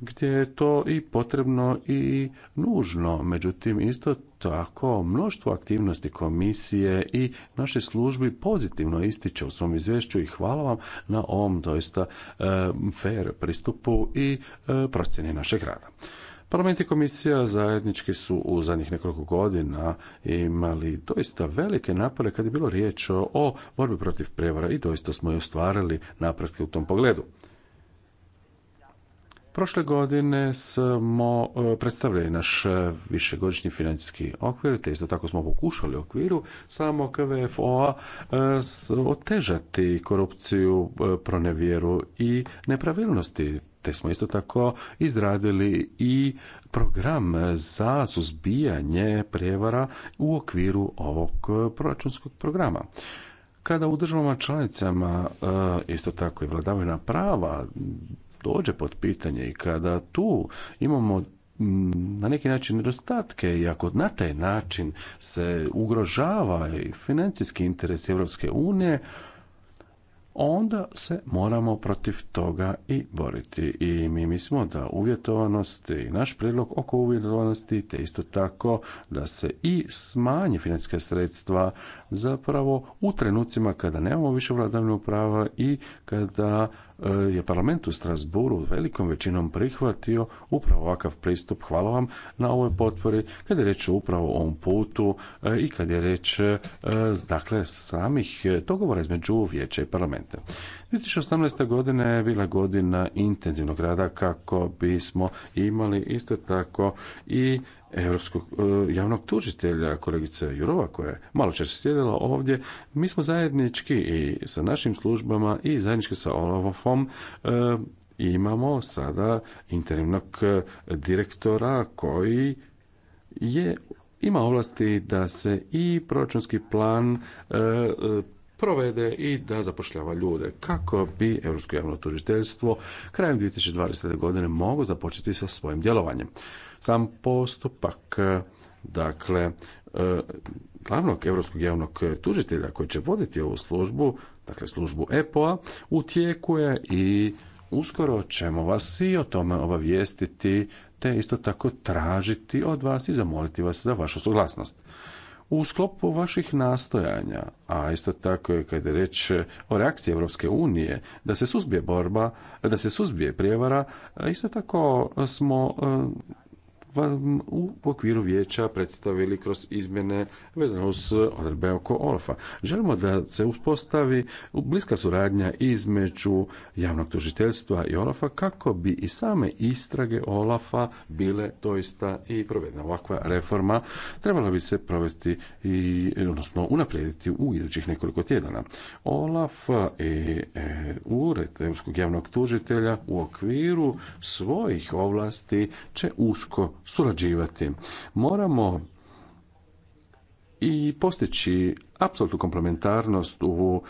gdje je to i potrebno i nužno. Međutim, isto tako mnoštvo aktivnosti komisije i naše službi pozitivno ističe u svom izvješću i hvala vam na ovom doista fer fair pristupu i procjeni našeg rada. Parlament i komisija zajednički su u zadnjih nekoliko godina imali doista velike napore kad je bilo riječ o borbi protiv prevara i doista smo i ostvarili napretke u tom pogledu. Prošle godine smo e, predstavili naš e, višegodišnji financijski okvir, te isto tako smo pokušali u okviru samo KVFO-a e, otežati korupciju, pronevjeru i nepravilnosti te smo isto tako izradili i program za suzbijanje prijevara u okviru ovog proračunskog programa kada u državama članicama e, isto tako i vladavina prava dođe pod pitanje i kada tu imamo mm, na neki način nedostatke i ako na taj način se ugrožava i financijski interes Europske unije, onda se moramo protiv toga i boriti. I mi mislimo da uvjetovanost i naš prijedlog oko uvjetovanosti, te isto tako da se i smanje financijska sredstva zapravo u trenucima kada nemamo više vladavnog prava i kada E, je parlament u Strasburu velikom većinom prihvatio upravo ovakav pristup. Hvala vam na ovoj potpori kad je reč upravo o ovom putu e, i kad je reč e, dakle samih dogovora između vijeća i parlamenta. 2018. godine je bila godina intenzivnog rada kako bismo imali isto tako i europskog e, javnog tužitelja, kolegica Jurova koja je malo češće sjedila ovdje, mi smo zajednički i sa našim službama i zajednički sa Olafom e, imamo sada interimnog e, direktora koji je ima ovlasti da se i proračunski plan provede i da zapošljava ljude kako bi Europsko javno tužiteljstvo krajem 2020. godine moglo započeti sa svojim djelovanjem sam postupak dakle e, glavnog europskog javnog tužitelja koji će voditi ovu službu, dakle službu EPO-a, u tijeku je i uskoro ćemo vas i o tome obavijestiti, te isto tako tražiti od vas i zamoliti vas za vašu suglasnost. U sklopu vaših nastojanja, a isto tako je kada je reč o reakciji Europske unije, da se suzbije borba, da se suzbije prijevara, isto tako smo e, vam u okviru vijeća predstavili kroz izmjene vezano uz odredbe oko Olafa. Želimo da se uspostavi bliska suradnja između javnog tužiteljstva i Olafa kako bi i same istrage Olafa bile toista i provedene. Ovakva reforma trebala bi se provesti i odnosno unaprijediti u idućih nekoliko tjedana. Olaf i e, Ured javnog tužitelja u okviru svojih ovlasti će usko surađivati. Moramo i postići apsolutnu komplementarnost u,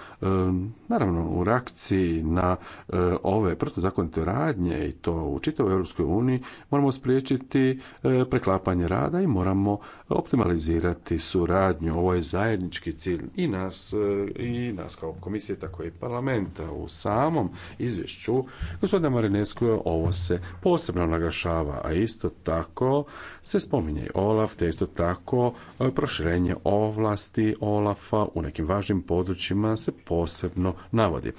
naravno, u reakciji na eh, ove protuzakonite radnje i to u čitavoj Europskoj uniji, moramo spriječiti eh, preklapanje rada i moramo optimalizirati suradnju. Ovo je zajednički cilj i nas, eh, i nas kao komisije, tako i parlamenta. U samom izvješću gospodina Marinescu ovo se posebno naglašava, a isto tako se spominje i Olaf, te isto tako proširenje ovlasti Olaf u nekim važnim područjima se posebno navodi.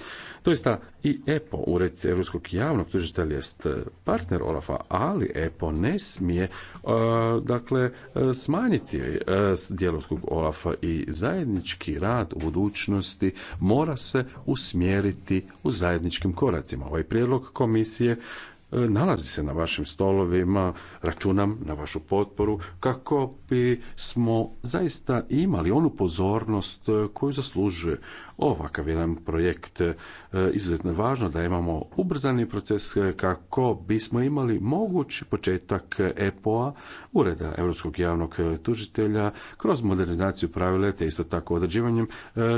Doista i EPO, Ured Europskog javnog tužitelja, jest e, partner olafa ali EPO ne smije e, dakle e, smanjiti djelokrug olaf i zajednički rad u budućnosti mora se usmjeriti u zajedničkim koracima. Ovaj prijedlog komisije E, nalazi se na vašim stolovima, računam na vašu potporu kako bi smo zaista imali onu pozornost e, koju zaslužuje ovakav jedan projekt. E, izuzetno je važno da imamo ubrzani proces kako bismo imali mogući početak EPO-a, Ureda Europskog javnog tužitelja, kroz modernizaciju pravila te isto tako određivanjem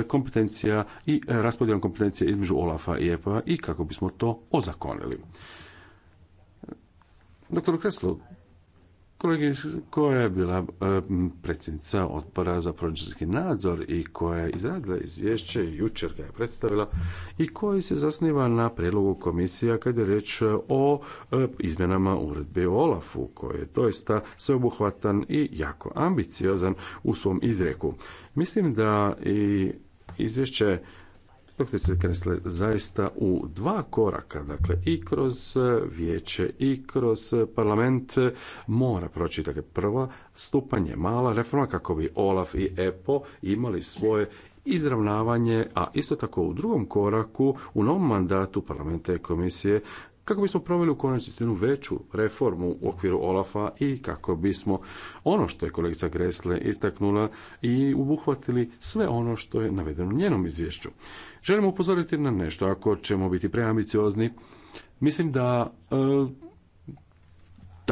kompetencija i raspodjelom kompetencija između OLAF-a i EPO-a i kako bismo to ozakonili. Doktor Kreslu, kolegi koja je bila e, predsjednica odbora za proračunski nadzor i koja je izradila izvješće i jučer ga je predstavila i koji se zasniva na prijedlogu komisija kad je riječ o e, izmjenama uredbe o Olafu koji je doista sveobuhvatan i jako ambiciozan u svom izreku. Mislim da i izvješće Doktorice Kresle, zaista u dva koraka, dakle i kroz e, vijeće i kroz e, parlament e, mora proći. Dakle, prva stupanje, mala reforma kako bi Olaf i EPO imali svoje izravnavanje, a isto tako u drugom koraku, u novom mandatu parlamenta i komisije, kako bismo proveli u konačnici jednu veću reformu u okviru Olafa i kako bismo ono što je kolegica Gresle istaknula i obuhvatili sve ono što je navedeno u njenom izvješću. Želimo upozoriti na nešto, ako ćemo biti preambiciozni, mislim da e,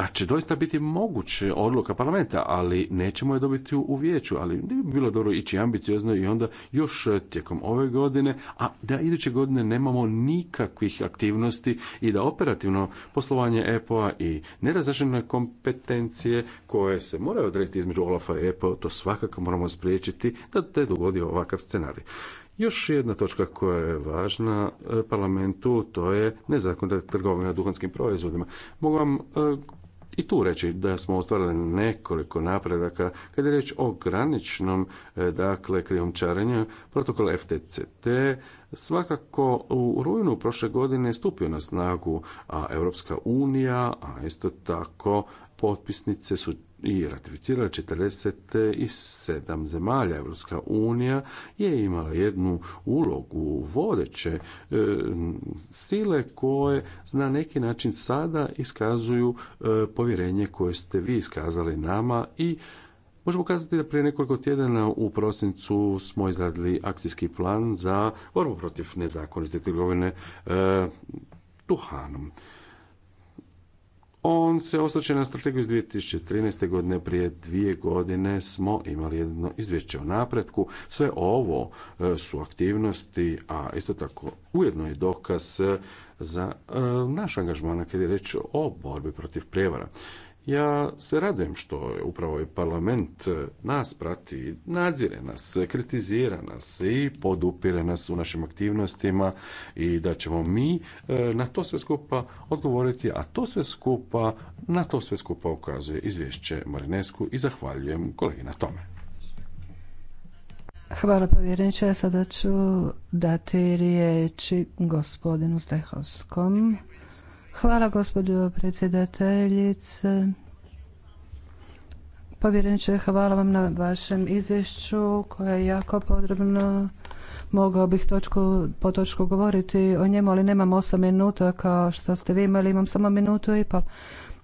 da će doista biti moguće odluka parlamenta, ali nećemo je dobiti u vijeću, ali bi bilo dobro ići ambiciozno i onda još tijekom ove godine, a da iduće godine nemamo nikakvih aktivnosti i da operativno poslovanje EPO-a i nerazrašene kompetencije koje se moraju odrediti između Olafa i EPO, to svakako moramo spriječiti da te dogodi ovakav scenarij. Još jedna točka koja je važna e, parlamentu, to je nezakonita trgovina duhanskim proizvodima. Mogu vam e, i tu reći da smo ostvarili nekoliko napredaka kada je riječ o graničnom e, dakle krijumčarenju protokol FTCT svakako u rujnu prošle godine stupio na snagu a Europska unija a isto tako potpisnice su i ratificirale 47 zemalja. Europska unija je imala jednu ulogu vodeće e, sile koje na neki način sada iskazuju e, povjerenje koje ste vi iskazali nama i Možemo kazati da prije nekoliko tjedana u prosincu smo izradili akcijski plan za borbu protiv nezakonite trgovine e, duhanom. On se osvrće na strategiju iz 2013. godine. Prije dvije godine smo imali jedno izvješće o napretku. Sve ovo e, su aktivnosti, a isto tako ujedno je dokaz za e, naš angažman kad je reč o borbi protiv prijevara. Ja se radujem što je upravo i ovaj parlament e, nas prati, nadzire nas, e, kritizira nas i podupire nas u našim aktivnostima i da ćemo mi e, na to sve skupa odgovoriti, a to sve skupa, na to sve skupa ukazuje izvješće Marinesku i zahvaljujem kolegi na tome. Hvala povjereniče, sada ću dati riječi gospodinu Stehovskom. Hvala gospođo predsjedateljice. Povjereniče, hvala vam na vašem izvješću koje je jako podrobno. Mogao bih točku po točku govoriti o njemu, ali nemam osam minuta kao što ste vi imali, imam samo minutu i pol.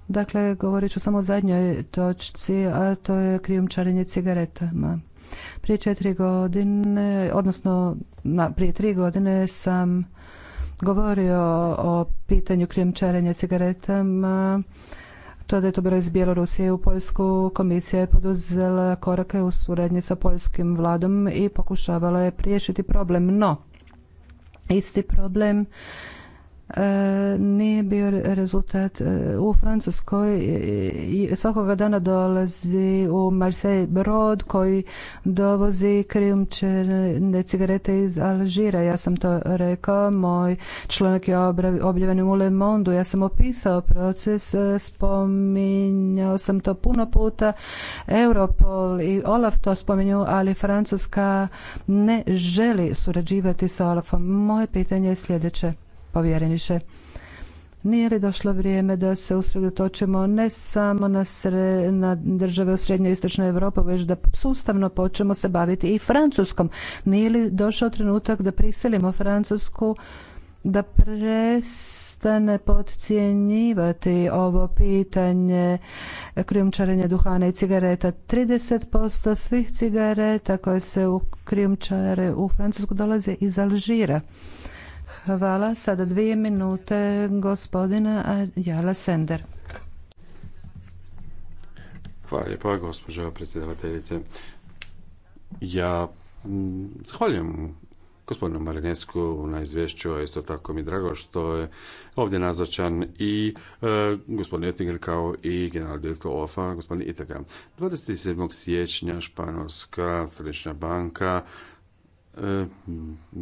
Dakle, govorit ću samo o zadnjoj točci, a to je krijumčarenje cigaretama. Prije četiri godine, odnosno na, prije tri godine sam govorio o pitanju krijumčarenja cigaretama, to da je to bilo iz Bjelorusije u Poljsku, komisija je poduzela korake u suradnji sa poljskim vladom i pokušavala je riješiti problem. No, isti problem nije bio rezultat e, u Francuskoj e, svakoga dana dolazi u Marseille brod koji dovozi krijumčene cigarete iz Alžira ja sam to rekao moj članak je objavljen u Le Monde ja sam opisao proces e, spominjao sam to puno puta Europol i Olaf to spominju ali Francuska ne želi surađivati sa Olafom moje pitanje je sljedeće povjereniče. Nije li došlo vrijeme da se usredotočimo ne samo na, na države u srednjoj istočnoj Europi, već da sustavno počnemo se baviti i Francuskom? Nije li došao trenutak da prisilimo Francusku da prestane podcjenjivati ovo pitanje krijumčarenja duhana i cigareta. 30% svih cigareta koje se u krijumčare u Francusku dolaze iz Alžira. Hvala. Sada dvije minute gospodina Jala Sender. Hvala lijepa, gospođo predsjedavateljice. Ja mm, zahvaljujem gospodinu Marinesku na izvješću, a isto tako mi je drago što je ovdje nazvačan i e, gospodin Ettinger kao i general direktor OFA, gospodin Itaga. 27. siječnja Španjolska središnja banka E,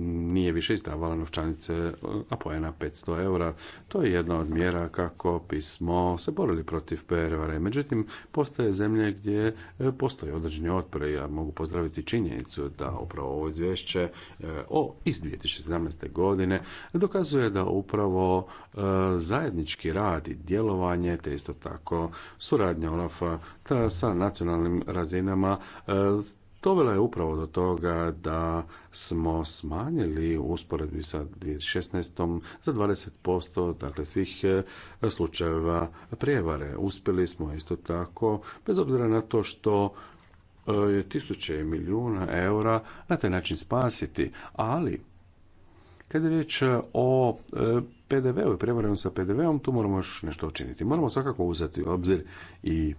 nije više izdavala novčanice pojena 500 eura. To je jedna od mjera kako bismo se borili protiv prevare. Međutim, postoje zemlje gdje e, postoje određeni otpore. Ja mogu pozdraviti činjenicu da upravo ovo izvješće e, o, iz 2017. godine dokazuje da upravo zajednički rad i djelovanje, te isto tako suradnja Olafa sa nacionalnim razinama dovela je upravo do toga da smo smanjili u usporedbi sa 2016. za 20% dakle svih e, slučajeva prijevare. Uspjeli smo isto tako, bez obzira na to što je tisuće milijuna eura na taj način spasiti, ali kad je riječ o e, PDV-u i sa PDV-om, tu moramo još nešto učiniti. Moramo svakako uzeti u obzir i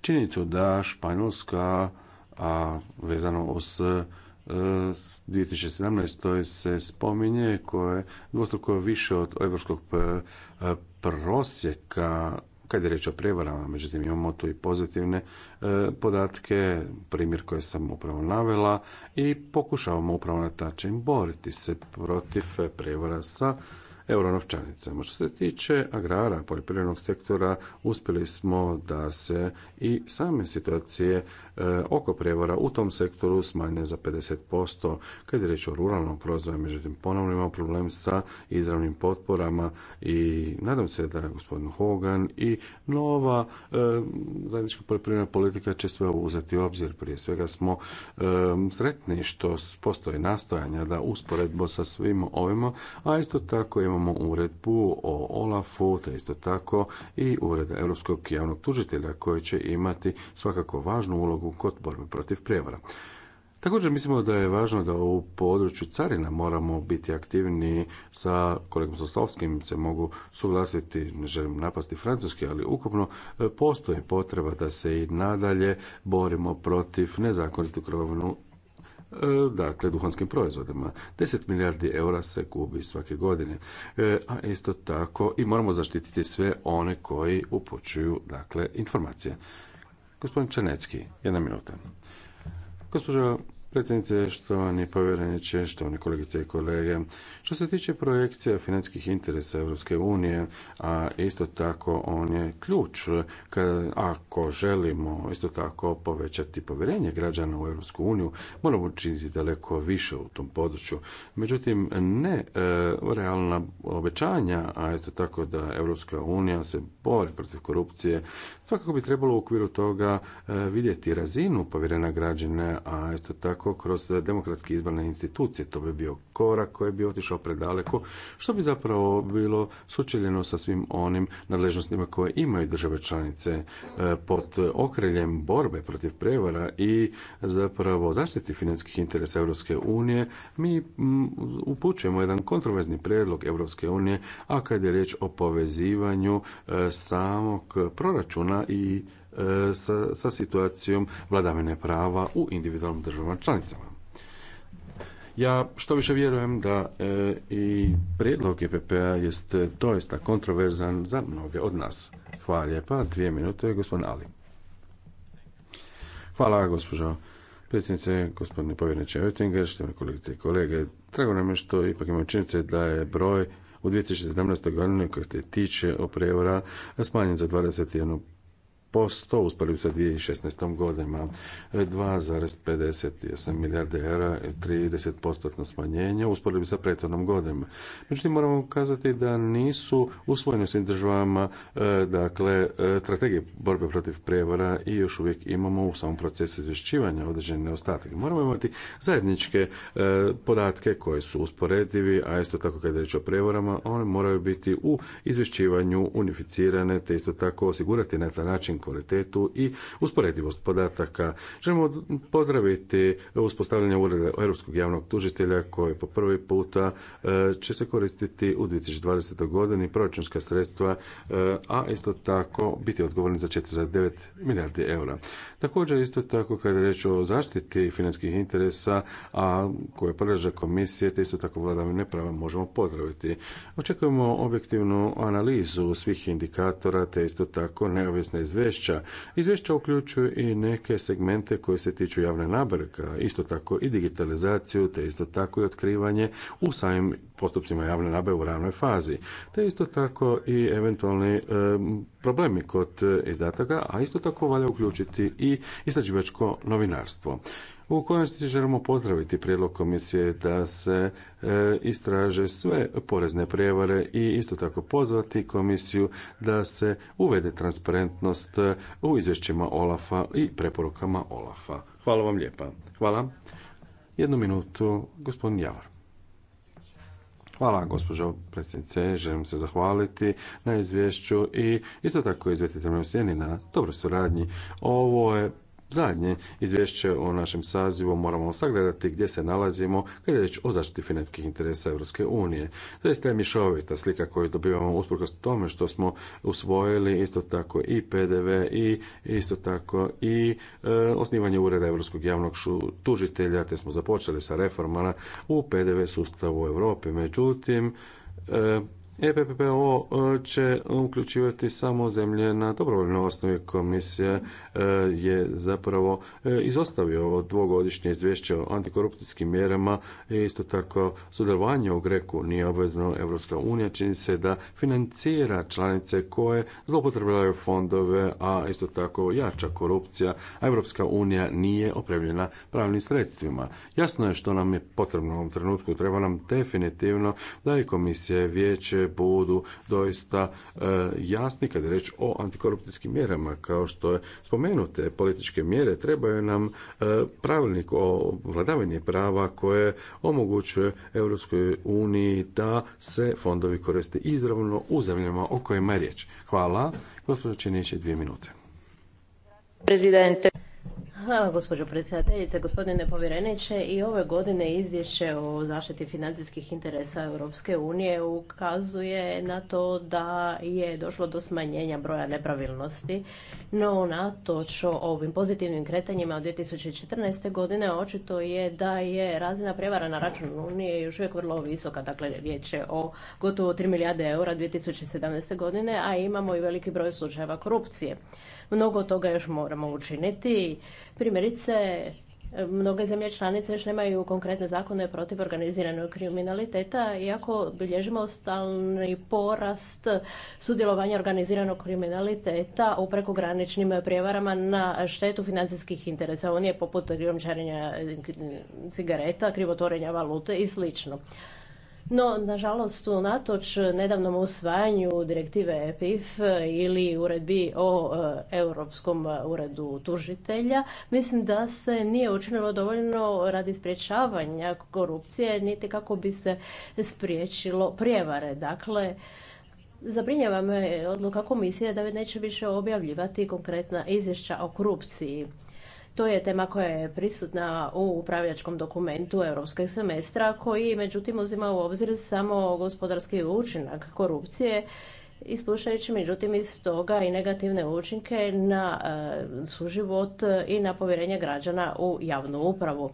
činjenicu da Španjolska a vezano uz 2017. E, se spominje koje dvostruko više od europskog e, prosjeka kad je reč o prevarama, međutim imamo tu i pozitivne e, podatke, primjer koje sam upravo navela i pokušavamo upravo na tačin boriti se protiv prevara sa euro novčanicama. Što se tiče agrara, poljoprivrednog sektora, uspjeli smo da se i same situacije e, oko prijevora u tom sektoru smanje za 50%. Kad je riječ o ruralnom prozvoju, međutim ponovno imamo problem sa izravnim potporama i nadam se da je gospodin Hogan i nova e, zajednička poljoprivredna politika će sve uzeti u obzir. Prije svega smo e, sretni što postoje nastojanja da usporedbo sa svim ovima, a isto tako imamo imamo uredbu o Olafu, te isto tako i ureda Europskog javnog tužitelja koji će imati svakako važnu ulogu kod borbe protiv prijevara. Također mislimo da je važno da u području carina moramo biti aktivni sa kolegom Sostovskim se mogu suglasiti, ne želim napasti francuski, ali ukupno e, postoji potreba da se i nadalje borimo protiv nezakonitog E, dakle duhanskim proizvodima. 10 milijardi eura se gubi svake godine. E, a isto tako i moramo zaštititi sve one koji upućuju dakle informacije. Gospodin Černecki, jedna minuta. Gospođo Predsjednice, štovani povjereniče, štovani kolegice i kolege, što se tiče projekcija financijskih interesa Europske unije, a isto tako on je ključ ako želimo isto tako povećati povjerenje građana u Europsku uniju, moramo učiniti daleko više u tom području. Međutim, ne e, realna obećanja, a isto tako da Europska unija se bori protiv korupcije, svakako bi trebalo u okviru toga e, vidjeti razinu povjerena građana, a isto tako tako kroz demokratske izborne institucije. To bi bio korak koji bi otišao predaleko, što bi zapravo bilo sučeljeno sa svim onim nadležnostima koje imaju države članice e, pod okriljem borbe protiv prevara i zapravo zaštiti financijskih interesa Europske unije. Mi upućujemo jedan kontroverzni prijedlog Europske unije, a kad je riječ o povezivanju e, samog proračuna i E, sa, situacijom vladavine prava u individualnim državama članicama. Ja što više vjerujem da e, i prijedlog EPP-a jest doista kontroverzan za mnoge od nas. Hvala lijepa. Dvije minute, gospodin Ali. Hvala, gospođo predsjednice, gospodine povjereniče Oettinger, štovane kolegice i kolege. Drago nam je što ipak imamo činjenice da je broj u 2017. godini koji se tiče oprevora smanjen za 21 posto usporedbi sa 2016. godinama 2,58 milijarde eura 30 postotno smanjenje usporedbi sa prethodnom godinom. Međutim, moramo ukazati da nisu usvojene svim državama e, dakle e, strategije borbe protiv prijevara i još uvijek imamo u samom procesu izvješćivanja određene neostatke. Moramo imati zajedničke e, podatke koji su usporedivi, a isto tako kada je riječ o prevarama, one moraju biti u izvješćivanju unificirane te isto tako osigurati na taj način kvalitetu i usporedivost podataka. Želimo pozdraviti uspostavljanje ureda Europskog javnog tužitelja koji po prvi puta e, će se koristiti u 2020. godini proračunska sredstva, e, a isto tako biti odgovorni za 4,9 milijardi eura. Također isto tako kada je reč o zaštiti financijskih interesa, a koje predlaže komisije, te isto tako vladavine prava možemo pozdraviti. Očekujemo objektivnu analizu svih indikatora, te isto tako neovisne izve izvješća. Izvješća uključuju i neke segmente koje se tiču javne nabrka, isto tako i digitalizaciju, te isto tako i otkrivanje u samim postupcima javne nabave u ravnoj fazi, te isto tako i eventualni e, problemi kod e, izdataka, a isto tako valja uključiti i istraživačko novinarstvo. U konačnici želimo pozdraviti prijedlog komisije da se e, istraže sve porezne prijevare i isto tako pozvati komisiju da se uvede transparentnost e, u izvješćima Olafa i preporukama Olafa. Hvala vam lijepa. Hvala. Jednu minutu, gospodin Javor. Hvala gospođo predsjednice, želim se zahvaliti na izvješću i isto tako izvjestiteljima u sjeni na dobroj suradnji. Ovo je zadnje izvješće o našem sazivu moramo sagledati gdje se nalazimo kad je riječ o zaštiti financijskih interesa Europske unije. Zaista je mišovita slika koju dobivamo usprkos tome što smo usvojili isto tako i PDV i isto tako i e, osnivanje ureda Europskog javnog tužitelja te smo započeli sa reformama u PDV sustavu u Europi. Međutim, e, EPPO e, će uključivati samo zemlje na dobrovoljnoj osnovi. Komisija e, je zapravo e, izostavio ovo dvogodišnje izvješće o antikorupcijskim mjerama i isto tako sudjelovanje u Greku nije obvezno. Europska unija čini se da financira članice koje zloupotrebljavaju fondove, a isto tako jača korupcija, a unija nije opremljena pravnim sredstvima. Jasno je što nam je potrebno u ovom trenutku. Treba nam definitivno da i komisija vijeće budu doista e, jasni kad je reč o antikorupcijskim mjerama kao što je spomenute političke mjere trebaju nam e, pravilnik o vladavini prava koje omogućuje Europskoj uniji da se fondovi koriste izravno u zemljama o kojima je riječ. Hvala. Gospođo Činić, dvije minute. Prezidente. Hvala gospođo predsjedateljice, gospodine povjereniče. I ove godine izvješće o zaštiti financijskih interesa Europske unije ukazuje na to da je došlo do smanjenja broja nepravilnosti, no natoč ovim pozitivnim kretanjima od 2014. godine očito je da je razina prevara na račun Unije još uvijek vrlo visoka, dakle riječ je o gotovo 3 milijarde eura 2017. godine, a imamo i veliki broj slučajeva korupcije. Mnogo toga još moramo učiniti. Primjerice, Mnoge zemlje članice još nemaju konkretne zakone protiv organiziranog kriminaliteta, iako bilježimo stalni porast sudjelovanja organiziranog kriminaliteta u prekograničnim prijevarama na štetu financijskih interesa. On je poput krivomčarenja cigareta, krivotvorenja valute i slično. No, nažalost, unatoč nedavnom usvajanju direktive EPIF ili uredbi o e, Europskom uredu tužitelja, mislim da se nije učinilo dovoljno radi sprječavanja korupcije, niti kako bi se spriječilo prijevare. Dakle, zabrinjava me odluka komisije da neće više objavljivati konkretna izvješća o korupciji. To je tema koja je prisutna u upravljačkom dokumentu europskog semestra koji međutim uzima u obzir samo gospodarski učinak korupcije ispušajući međutim iz toga i negativne učinke na e, suživot i na povjerenje građana u javnu upravu.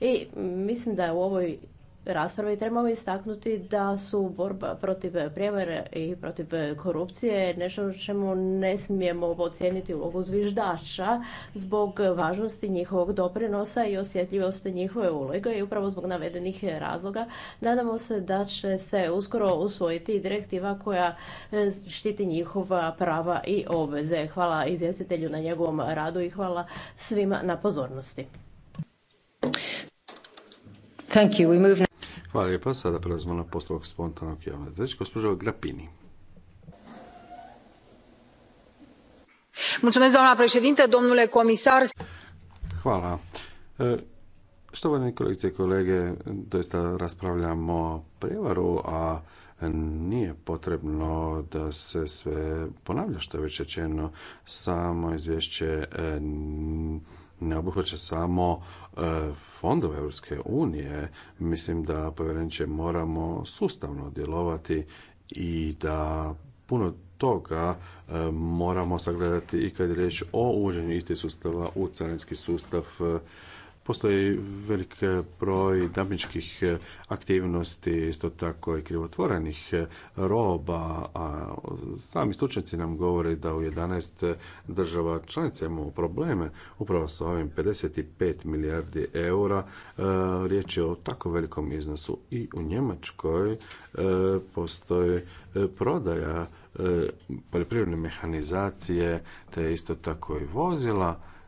I mislim da u ovoj raspravi trebamo istaknuti da su borba protiv prijevare i protiv korupcije nešto čemu ne smijemo ocijeniti ulogu zviždača zbog važnosti njihovog doprinosa i osjetljivosti njihove uloge i upravo zbog navedenih razloga nadamo se da će se uskoro usvojiti direktiva koja štiti njihova prava i obveze. Hvala izvjestitelju na njegovom radu i hvala svima na pozornosti. Thank you. We move Hvala lijepa. Sada prelazimo na postupak spontanog javnog zreća. Znači, Gospođa Grapini. Mulțumesc, doamna președinte, domnule comisar. Hvala. E, štovane kolegice i kolege, doista raspravljamo prevaru, a nije potrebno da se sve ponavlja što je već rečeno. Samo izvješće e, ne obuhvaća samo fondove Europske unije, mislim da povjereniče moramo sustavno djelovati i da puno toga e, moramo sagledati i kad je riječ o uvođenju istih sustava u carinski sustav Postoji velik eh, broj dampinških eh, aktivnosti, isto tako i krivotvorenih eh, roba, a sami stručnjaci nam govore da u 11 država članica imamo probleme upravo sa ovim 55 milijardi eura. Riječ je o tako velikom iznosu i u Njemačkoj postoji prodaja poljoprivredne mehanizacije, te isto tako i vozila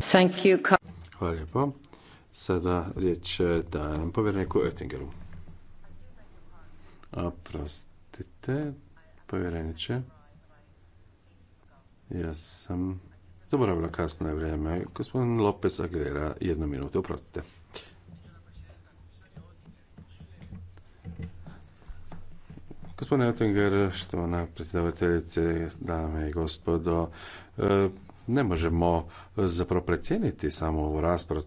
Thank you. Hvala lijepo. Sada riječ e, dajem povjereniku Oettingeru. Oprostite, povjereniče. Ja sam zaboravila kasno je vrijeme. Gospodin Lopez Aguilera, jednu minutu, oprostite. Gospodine Oettinger, štovana predsjedavateljice, dame i gospodo, e, ne možemo e, zapravo precijeniti samo ovu raspravu.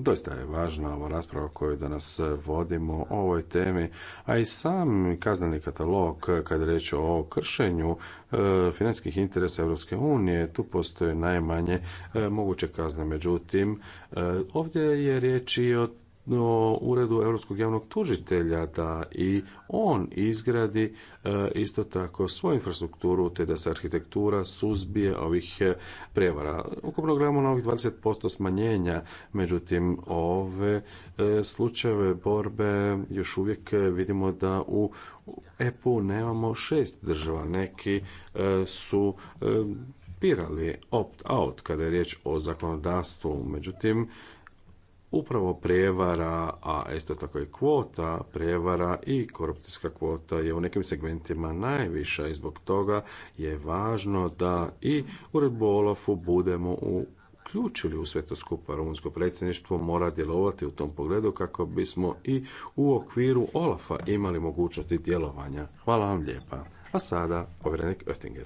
Doista je važna ova rasprava koju danas e, vodimo o ovoj temi, a i sam kazneni katalog e, kad je reč o kršenju financijskih interesa Europske unije, tu postoje najmanje moguće kazne. Međutim, ovdje je riječ i o no, uredu Europskog javnog tužitelja da i on izgradi e, isto tako svoju infrastrukturu te da se arhitektura suzbije ovih e, prevara. Ukupno gledamo na ovih 20% smanjenja, međutim ove e, slučajeve borbe još uvijek vidimo da u EPU nemamo šest država, neki su pirali opt-out kada je riječ o zakonodavstvu, međutim Upravo prevara, a isto tako i kvota, prevara i korupcijska kvota je u nekim segmentima najviša i zbog toga je važno da i uredbu Olafu budemo u uključili u sveto to skupa. predsjedništvo mora djelovati u tom pogledu kako bismo i u okviru Olafa imali mogućnosti djelovanja. Hvala vam lijepa. A sada povjerenik Oettinger.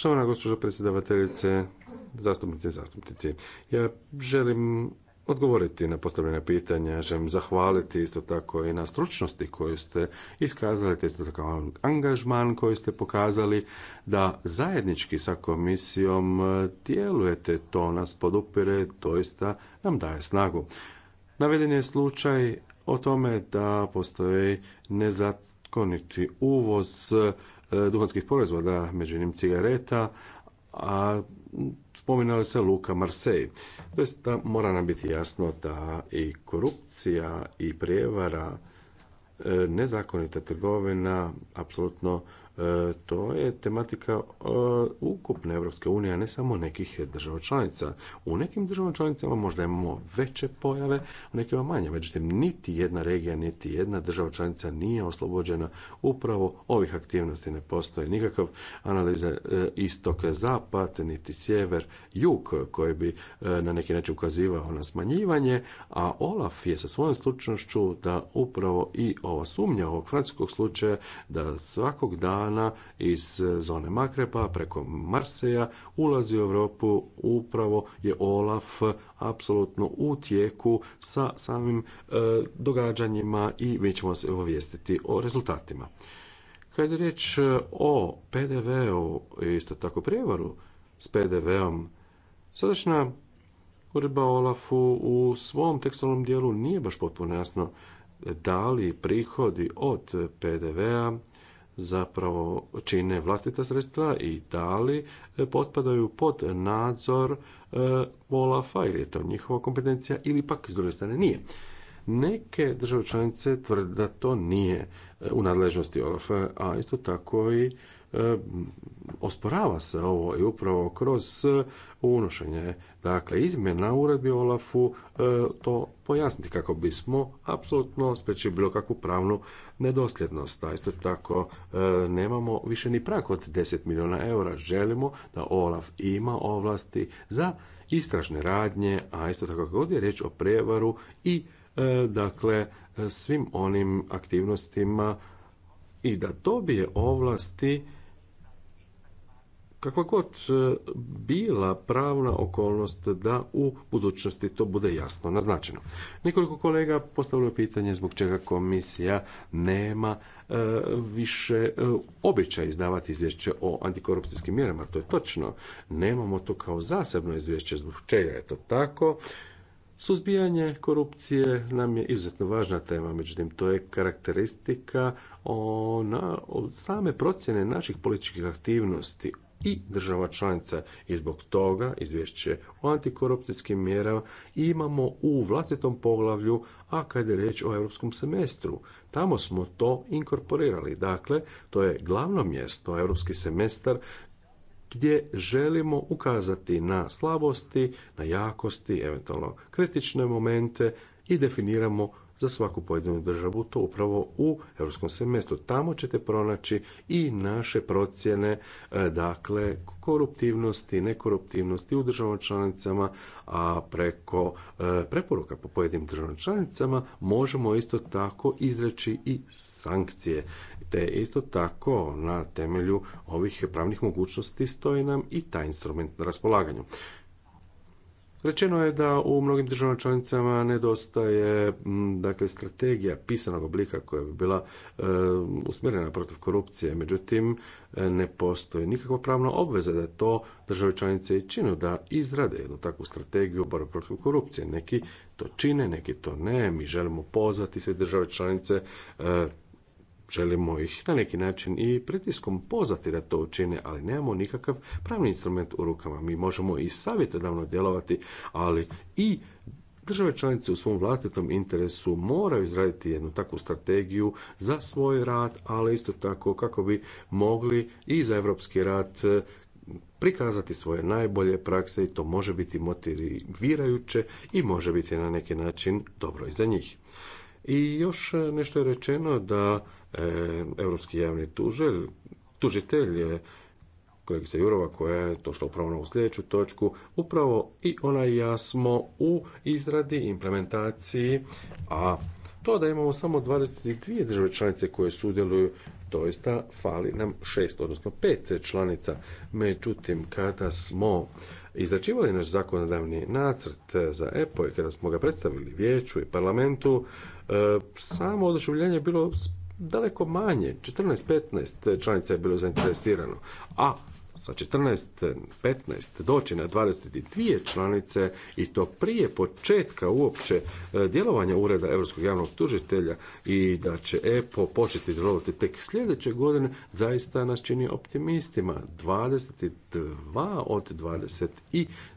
Štovana gospođo predsjedavateljice, zastupnice i zastupnici, ja želim odgovoriti na postavljena pitanja, želim zahvaliti isto tako i na stručnosti koju ste iskazali, te isto tako angažman koji ste pokazali da zajednički sa komisijom djelujete, to nas podupire, toista nam daje snagu. Naveden je slučaj o tome da postoji nezakoniti uvoz E, duhanskih proizvoda, među njim cigareta, a spominali se Luka Marsej. da mora nam biti jasno da i korupcija i prijevara, e, nezakonita trgovina apsolutno E, to je tematika e, ukupne Europske unije, a ne samo nekih država članica. U nekim državama članicama možda imamo veće pojave, u nekima manje. Međutim, niti jedna regija, niti jedna država članica nije oslobođena upravo ovih aktivnosti. Ne postoji nikakav analiza e, istok, zapad, niti sjever, jug, koji bi na neki način ukazivao na smanjivanje, a Olaf je sa svojom stručnošću da upravo i ova sumnja ovog francuskog slučaja da svakog da iz eh, zone Makrepa preko Marseja ulazi u Europu upravo je Olaf eh, apsolutno u tijeku sa samim eh, događanjima i mi ćemo se obavijestiti o rezultatima. Kad je riječ o PDV-u, isto tako prijevaru s PDV-om, sadašnja uredba Olafu u svom tekstualnom dijelu nije baš potpuno jasno da li prihodi od PDV-a zapravo čine vlastita sredstva i da li e, potpadaju pod nadzor e, Olafa ili je to njihova kompetencija ili pak s druge strane nije. Neke države članice tvrde da to nije e, u nadležnosti Olafa, a isto tako i E, osporava se ovo i upravo kroz e, unošenje dakle izmjena uredbi Olafu e, to pojasniti kako bismo apsolutno spriječili bilo kakvu pravnu nedosljednost. A isto tako nemamo više ni prak od 10 milijuna eura. Želimo da Olaf ima ovlasti za istražne radnje, a isto tako kako je riječ o prevaru i dakle svim onim aktivnostima i da dobije ovlasti kakva god e, bila pravna okolnost da u budućnosti to bude jasno naznačeno. Nekoliko kolega postavljaju pitanje zbog čega komisija nema e, više e, običaj izdavati izvješće o antikorupcijskim mjerama. To je točno. Nemamo to kao zasebno izvješće zbog čega je to tako. Suzbijanje korupcije nam je izuzetno važna tema, međutim to je karakteristika ona, same procjene naših političkih aktivnosti i država članica. I zbog toga izvješće o antikorupcijskim mjerama imamo u vlastitom poglavlju, a kad je riječ o europskom semestru, tamo smo to inkorporirali. Dakle, to je glavno mjesto, europski semestar, gdje želimo ukazati na slabosti, na jakosti, eventualno kritične momente i definiramo za svaku pojedinu državu, to upravo u europskom semestru. Tamo ćete pronaći i naše procjene, e, dakle, koruptivnosti, nekoruptivnosti u državama članicama, a preko e, preporuka po pojedinim državama članicama možemo isto tako izreći i sankcije. Te isto tako na temelju ovih pravnih mogućnosti stoji nam i taj instrument na raspolaganju. Rečeno je da u mnogim državama članicama nedostaje mm, dakle, strategija pisanog oblika koja bi bila e, usmjerena protiv korupcije. Međutim, ne postoji nikakva pravna obveza da to države članice i činu da izrade jednu takvu strategiju borbe protiv korupcije. Neki to čine, neki to ne. Mi želimo pozvati sve države članice e, želimo ih na neki način i pritiskom pozvati da to učine, ali nemamo nikakav pravni instrument u rukama. Mi možemo i savjetodavno djelovati, ali i države članice u svom vlastitom interesu moraju izraditi jednu takvu strategiju za svoj rad, ali isto tako kako bi mogli i za evropski rad eh, prikazati svoje najbolje prakse i to može biti motivirajuće i može biti na neki način dobro i za njih. I još e, nešto je rečeno da e, europski javni tuželj, tužitelj je kolegica Jurova koja je došla upravo na ovu sljedeću točku, upravo i ona i ja smo u izradi implementaciji, a to da imamo samo 22 države članice koje sudjeluju, doista fali nam šest, odnosno pet članica. Međutim, kada smo izračivali naš zakonodavni nacrt za EPO i kada smo ga predstavili vijeću i parlamentu, E, samo oduševljenje je bilo daleko manje, 14-15 članica je bilo zainteresirano, a sa 14, 15 doći na 22 članice i to prije početka uopće e, djelovanja Ureda Europskog javnog tužitelja i da će EPO početi djelovati tek sljedeće godine, zaista nas čini optimistima. 22 od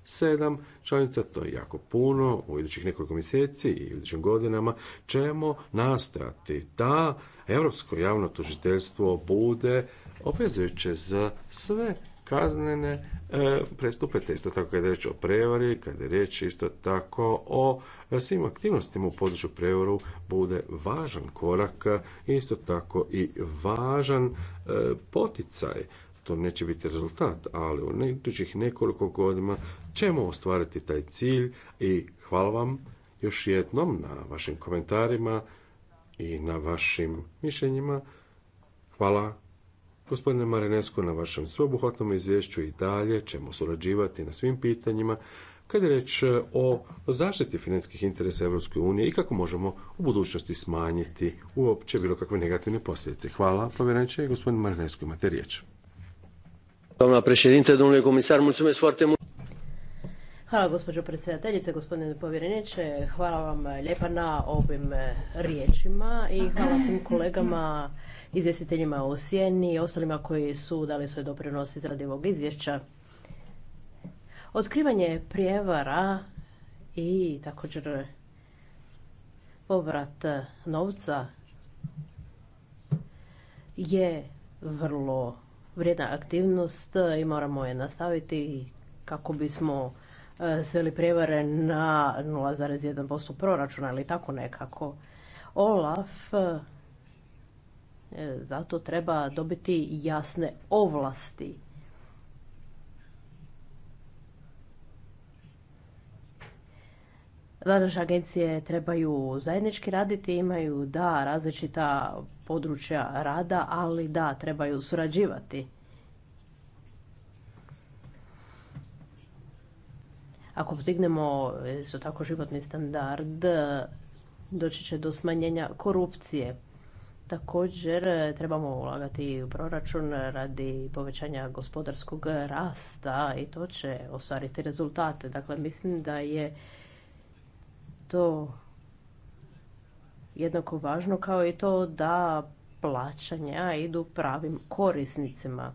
27 članica, to je jako puno, u idućih nekoliko mjeseci i u idućim godinama ćemo nastojati da Europsko javno tužiteljstvo bude obvezujuće za sve kaznene e, prestupe, te isto tako kada je riječ o prevari, kada je riječ isto tako o svim aktivnostima u području prevaru bude važan korak, isto tako i važan e, poticaj to neće biti rezultat, ali u idućih nekoliko godina ćemo ostvariti taj cilj i hvala vam još jednom na vašim komentarima i na vašim mišljenjima. Hvala Gospodine Marinesku, na vašem sveobuhvatnom izvješću i dalje ćemo surađivati na svim pitanjima kad je reč e, o zaštiti financijskih interesa Europske unije i kako možemo u budućnosti smanjiti uopće bilo kakve negativne posljedice. Hvala, povjereniče i gospodin Marinesku, imate riječ. președinte, domnule comisar, mulțumesc foarte Hvala gospođo predsjedateljice, gospodine povjereniče, hvala vam lijepa na ovim e, riječima i hvala svim kolegama izvjestiteljima u Sjeni i ostalima koji su dali svoj doprinos izradi ovog izvješća. Otkrivanje prijevara i također povrat novca je vrlo vrijedna aktivnost i moramo je nastaviti kako bismo e, sveli prijevare na 0,1% proračuna ili tako nekako. Olaf E, zato treba dobiti jasne ovlasti. Nadležne agencije trebaju zajednički raditi, imaju da različita područja rada, ali da trebaju surađivati. Ako postignemo e, isto tako životni standard, doći će do smanjenja korupcije. Također e, trebamo ulagati u proračun radi povećanja gospodarskog rasta i to će ostvariti rezultate. Dakle, mislim da je to jednako važno kao i to da plaćanja idu pravim korisnicima.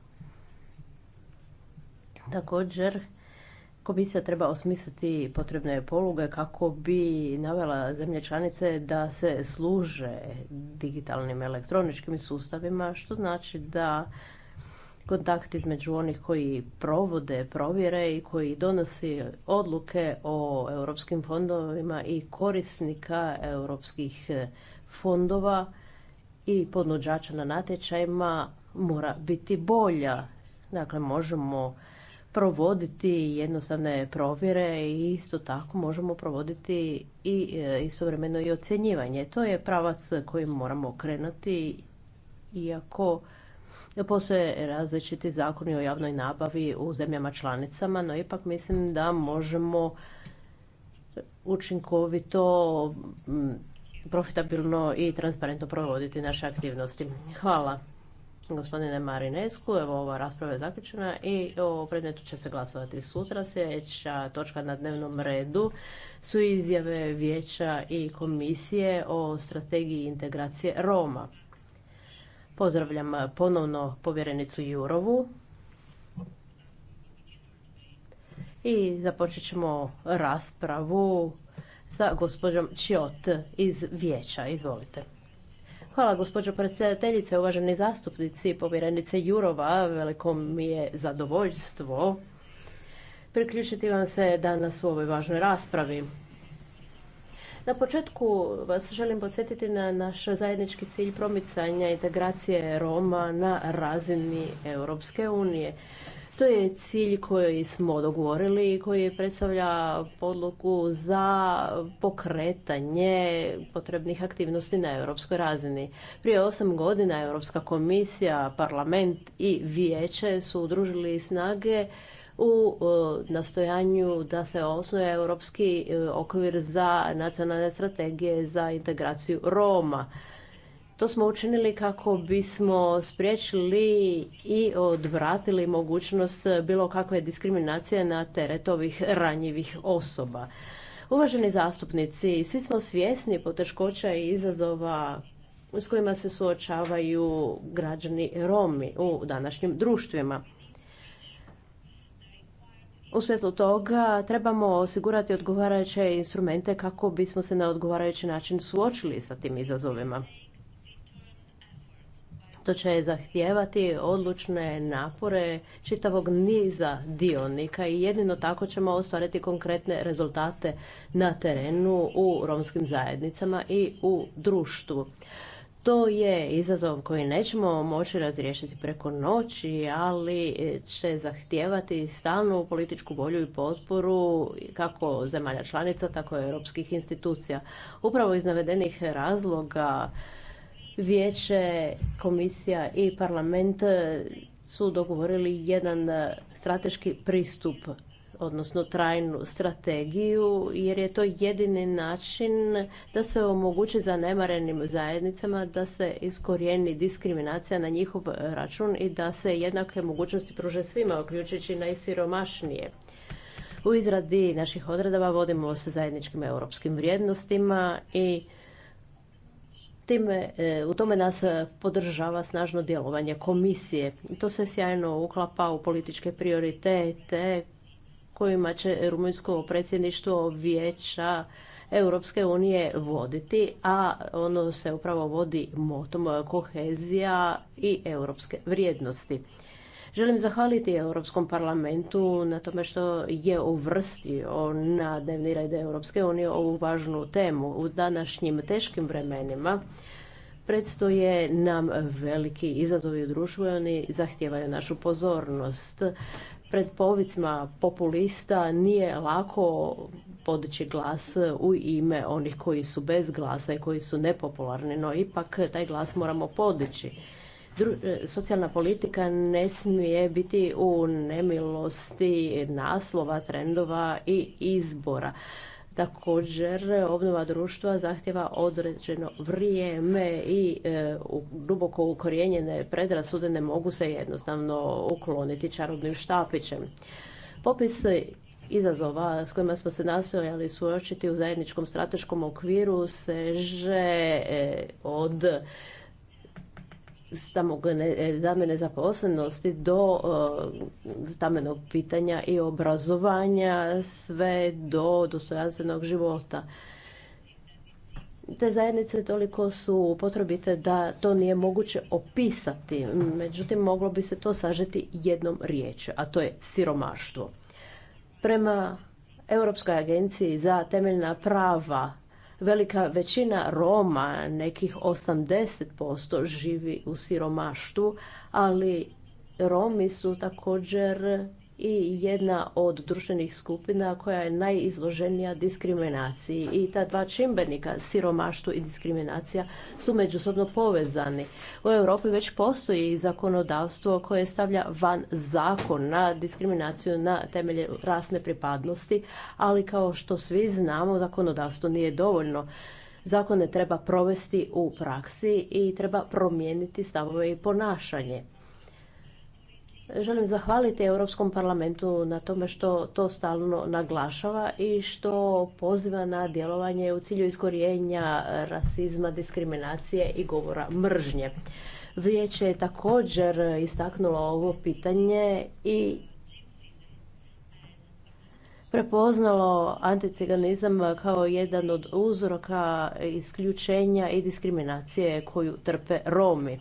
Također, Komisija treba osmisliti potrebne poluge kako bi navela zemlje članice da se služe digitalnim elektroničkim sustavima, što znači da kontakt između onih koji provode provjere i koji donosi odluke o europskim fondovima i korisnika europskih fondova i podnođača na natječajima mora biti bolja. Dakle, možemo provoditi jednostavne provjere i isto tako možemo provoditi i e, istovremeno i ocjenjivanje. To je pravac kojim moramo krenuti iako postoje različiti zakoni o javnoj nabavi u zemljama članicama, no ipak mislim da možemo učinkovito, profitabilno i transparentno provoditi naše aktivnosti. Hvala gospodine Marinesku. Evo ova rasprava je zaključena i o predmetu će se glasovati sutra. Sljedeća točka na dnevnom redu su izjave vijeća i komisije o strategiji integracije Roma. Pozdravljam ponovno povjerenicu Jurovu. I započet ćemo raspravu sa gospođom Čiot iz vijeća. Izvolite. Hvala gospođo predsjedateljice, uvaženi zastupnici, povjerenice Jurova, veliko mi je zadovoljstvo priključiti vam se danas u ovoj važnoj raspravi. Na početku vas želim podsjetiti na naš zajednički cilj promicanja integracije Roma na razini Europske unije. To je cilj koji smo dogovorili i koji predstavlja podlogu za pokretanje potrebnih aktivnosti na europskoj razini. Prije osam godina Europska komisija, parlament i vijeće su udružili snage u e, nastojanju da se osnuje europski e, okvir za nacionalne strategije za integraciju Roma. To smo učinili kako bismo spriječili i odvratili mogućnost bilo kakve diskriminacije na teret ovih ranjivih osoba. Uvaženi zastupnici, svi smo svjesni poteškoća i izazova s kojima se suočavaju građani Romi u današnjim društvima. U svijetu toga trebamo osigurati odgovarajuće instrumente kako bismo se na odgovarajući način suočili sa tim izazovima će zahtijevati odlučne napore čitavog niza dionika i jedino tako ćemo ostvariti konkretne rezultate na terenu u romskim zajednicama i u društvu. To je izazov koji nećemo moći razriješiti preko noći, ali će zahtijevati stalnu političku volju i potporu kako zemalja članica, tako i europskih institucija. Upravo iz navedenih razloga Vijeće, komisija i parlament e, su dogovorili jedan e, strateški pristup, odnosno trajnu strategiju, jer je to jedini način da se omogući zanemarenim zajednicama da se iskorijeni diskriminacija na njihov račun i da se jednake mogućnosti pruže svima, uključujući najsiromašnije. U izradi naših odredaba vodimo se zajedničkim europskim vrijednostima i time, e, u tome nas e, podržava snažno djelovanje komisije. To se sjajno uklapa u političke prioritete kojima će rumunjsko predsjedništvo vijeća Europske unije voditi, a ono se upravo vodi motom e, kohezija i europske vrijednosti. Želim zahvaliti Europskom parlamentu na tome što je uvrstio na dnevni red Europske unije ovu važnu temu. U današnjim teškim vremenima predstoje nam veliki izazovi u društvu i oni zahtijevaju našu pozornost. Pred povicima populista nije lako podići glas u ime onih koji su bez glasa i koji su nepopularni, no ipak taj glas moramo podići. E, socijalna politika ne smije biti u nemilosti naslova, trendova i izbora. Također, obnova društva zahtjeva određeno vrijeme i e, duboko ukorijenjene predrasude ne mogu se jednostavno ukloniti čarobnim štapićem. Popis izazova s kojima smo se nastojali suočiti u zajedničkom strateškom okviru seže e, od zamene e, zaposlenosti do e, stamenog pitanja i obrazovanja sve do dostojanstvenog života. Te zajednice toliko su potrebite da to nije moguće opisati, međutim moglo bi se to sažeti jednom riječju, a to je siromaštvo. Prema Europskoj agenciji za temeljna prava velika većina Roma, nekih 80% živi u siromaštvu, ali Romi su također i jedna od društvenih skupina koja je najizloženija diskriminaciji. I ta dva čimbenika, siromaštvo i diskriminacija, su međusobno povezani. U Europi već postoji zakonodavstvo koje stavlja van zakon na diskriminaciju na temelje rasne pripadnosti, ali kao što svi znamo, zakonodavstvo nije dovoljno. Zakone treba provesti u praksi i treba promijeniti stavove i ponašanje. Želim zahvaliti Europskom parlamentu na tome što to stalno naglašava i što poziva na djelovanje u cilju iskorijenja rasizma, diskriminacije i govora mržnje. Vijeće je također istaknulo ovo pitanje i prepoznalo anticiganizam kao jedan od uzroka isključenja i diskriminacije koju trpe Romi.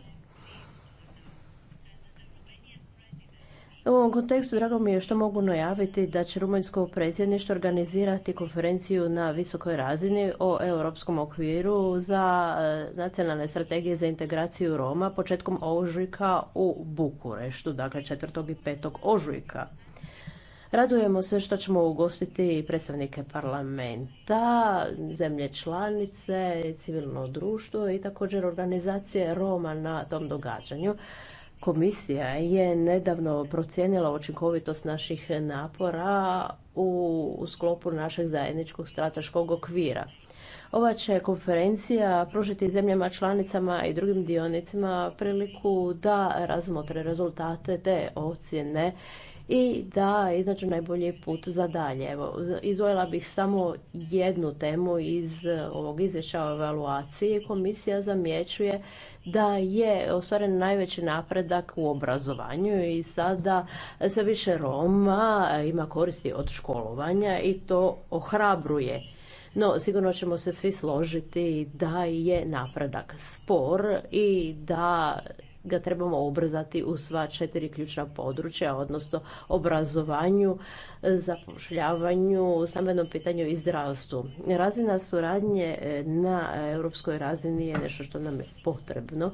U ovom kontekstu drago mi je što mogu najaviti da će rumunjsko predsjedništvo organizirati konferenciju na visokoj razini o europskom okviru za e, nacionalne strategije za integraciju Roma početkom ožujka u Bukureštu, dakle 4. i 5. ožujka. Radujemo se što ćemo ugostiti predstavnike parlamenta, zemlje članice, civilno društvo i također organizacije Roma na tom događanju. Komisija je nedavno procijenila učinkovitost naših napora u sklopu našeg zajedničkog strateškog okvira. Ova će konferencija pružiti zemljama članicama i drugim dionicima priliku da razmotre rezultate te ocjene i da izađu najbolji put za dalje. Evo, izvojila bih samo jednu temu iz e, ovog izvješća o evaluaciji. Komisija zamjećuje da je ostvaren najveći napredak u obrazovanju i sada sve više Roma ima koristi od školovanja i to ohrabruje. No, sigurno ćemo se svi složiti da je napredak spor i da ga trebamo ubrzati u sva četiri ključna područja, odnosno obrazovanju, e, zapošljavanju, stambenom pitanju i zdravstvu. Razina suradnje e, na europskoj razini je nešto što nam je potrebno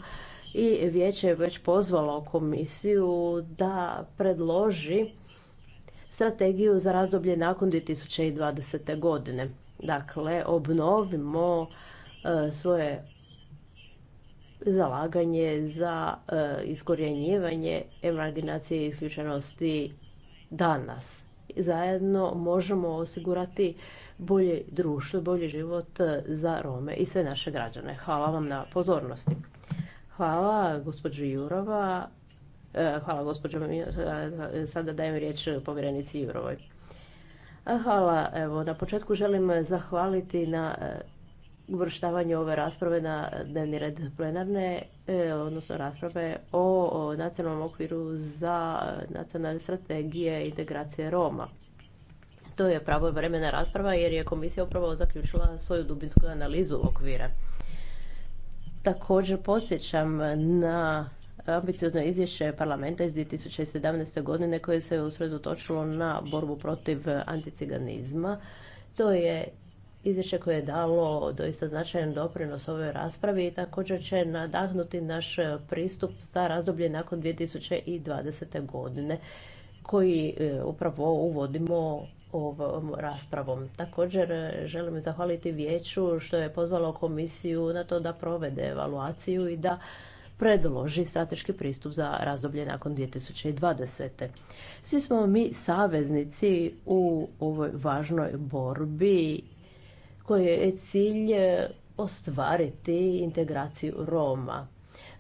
i vijeće je već pozvalo komisiju da predloži strategiju za razdoblje nakon 2020. godine. Dakle, obnovimo e, svoje zalaganje za e, iskorjenjivanje emarginacije i isključenosti danas. Zajedno možemo osigurati bolje društvo, bolji život e, za Rome i sve naše građane. Hvala vam na pozornosti. Hvala gospođo Jurova. E, hvala gospođo, sada dajem riječ povjerenici Jurovoj. Hvala. Evo, na početku želim zahvaliti na uvrštavanje ove rasprave na dnevni red plenarne, e, odnosno rasprave o nacionalnom okviru za nacionalne strategije integracije Roma. To je pravo vremena rasprava jer je komisija upravo zaključila svoju dubinsku analizu okvira. Također podsjećam na ambiciozno izvješće parlamenta iz 2017. godine koje se usredotočilo na borbu protiv anticiganizma. To je izvješće koje je dalo doista značajan doprinos ovoj raspravi i također će nadahnuti naš pristup za razdoblje nakon 2020. godine koji e, upravo uvodimo ovom raspravom. Također e, želim zahvaliti vijeću što je pozvalo komisiju na to da provede evaluaciju i da predloži strateški pristup za razdoblje nakon 2020. Svi smo mi saveznici u ovoj važnoj borbi koje je cilj e, ostvariti integraciju Roma.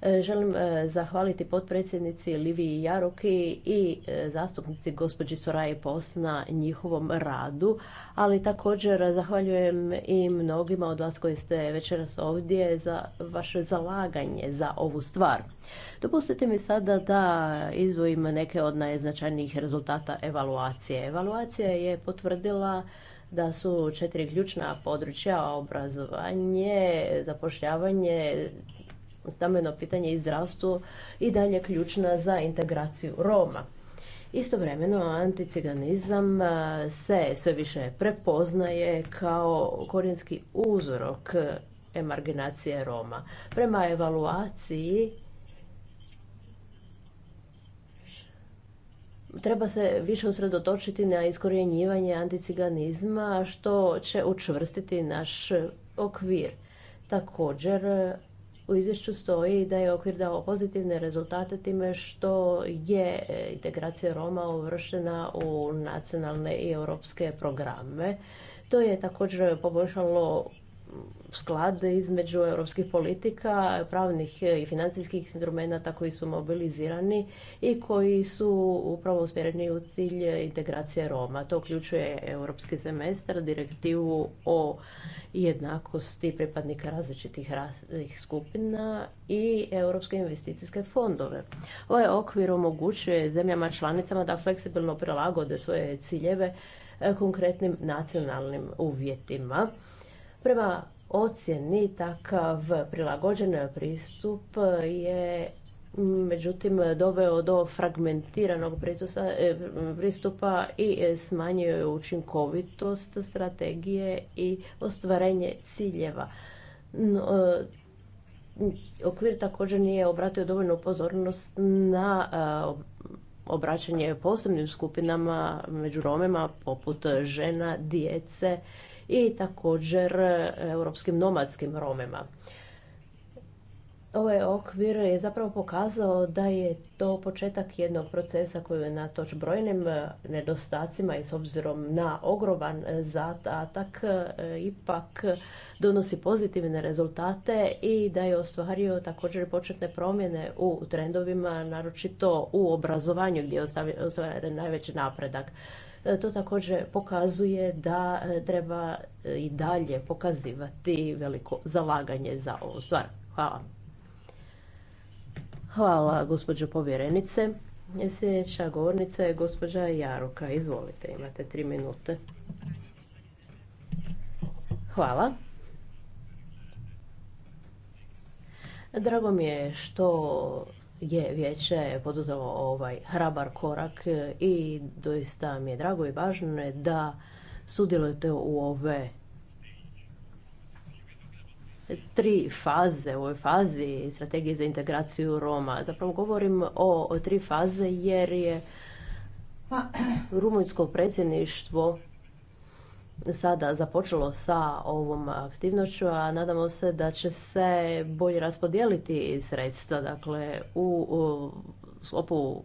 E, želim e, zahvaliti potpredsjednici Liviji Jaroki i zastupnici gospođi Soraje Post na njihovom radu, ali također zahvaljujem i mnogima od vas koji ste večeras ovdje za vaše zalaganje za ovu stvar. Dopustite mi sada da izvojim neke od najznačajnijih rezultata evaluacije. Evaluacija je potvrdila da su četiri ključna područja obrazovanje, zapošljavanje, stambeno pitanje i zdravstvo i dalje ključna za integraciju Roma. Istovremeno, anticiganizam se sve više prepoznaje kao korijenski uzrok emarginacije Roma. Prema evaluaciji treba se više usredotočiti na iskorjenjivanje anticiganizma što će učvrstiti naš okvir. Također, u izvješću stoji da je okvir dao pozitivne rezultate time što je integracija Roma uvrštena u nacionalne i europske programe. To je također poboljšalo sklad između europskih politika, pravnih i financijskih instrumenta koji su mobilizirani i koji su upravo usmjereni u cilj integracije Roma. To uključuje europski semestar, direktivu o jednakosti pripadnika različitih skupina i europske investicijske fondove. Ovaj okvir omogućuje zemljama članicama da fleksibilno prilagode svoje ciljeve e, konkretnim nacionalnim uvjetima Prema ocjeni takav prilagođen pristup je međutim doveo do fragmentiranog e, pristupa i smanjio je učinkovitost strategije i ostvarenje ciljeva. E, okvir također nije obratio dovoljnu pozornost na e, obraćanje posebnim skupinama među Romima poput žena, djece i također e, europskim nomadskim Romima. Ovaj okvir je zapravo pokazao da je to početak jednog procesa koji je natoč brojnim e, nedostacima i s obzirom na ogroman e, zadatak ipak donosi pozitivne rezultate i da je ostvario također početne promjene u trendovima, naročito u obrazovanju gdje je ostvaren najveći napredak. E, to također pokazuje da e, treba e, i dalje pokazivati veliko zalaganje za ovu stvar. Hvala. Hvala, gospođo povjerenice. Sljedeća govornica je gospođa Jaruka. Izvolite, imate tri minute. Hvala. Drago mi je što je vijeće poduzelo ovaj hrabar korak e, i doista mi je drago i važno je da sudjelujete u ove tri faze, u ovoj fazi strategije za integraciju Roma. Zapravo govorim o, o tri faze jer je pa, rumunjsko predsjedništvo sada započelo sa ovom aktivnošću, a nadamo se da će se bolje raspodijeliti sredstva. Dakle, u, u sklopu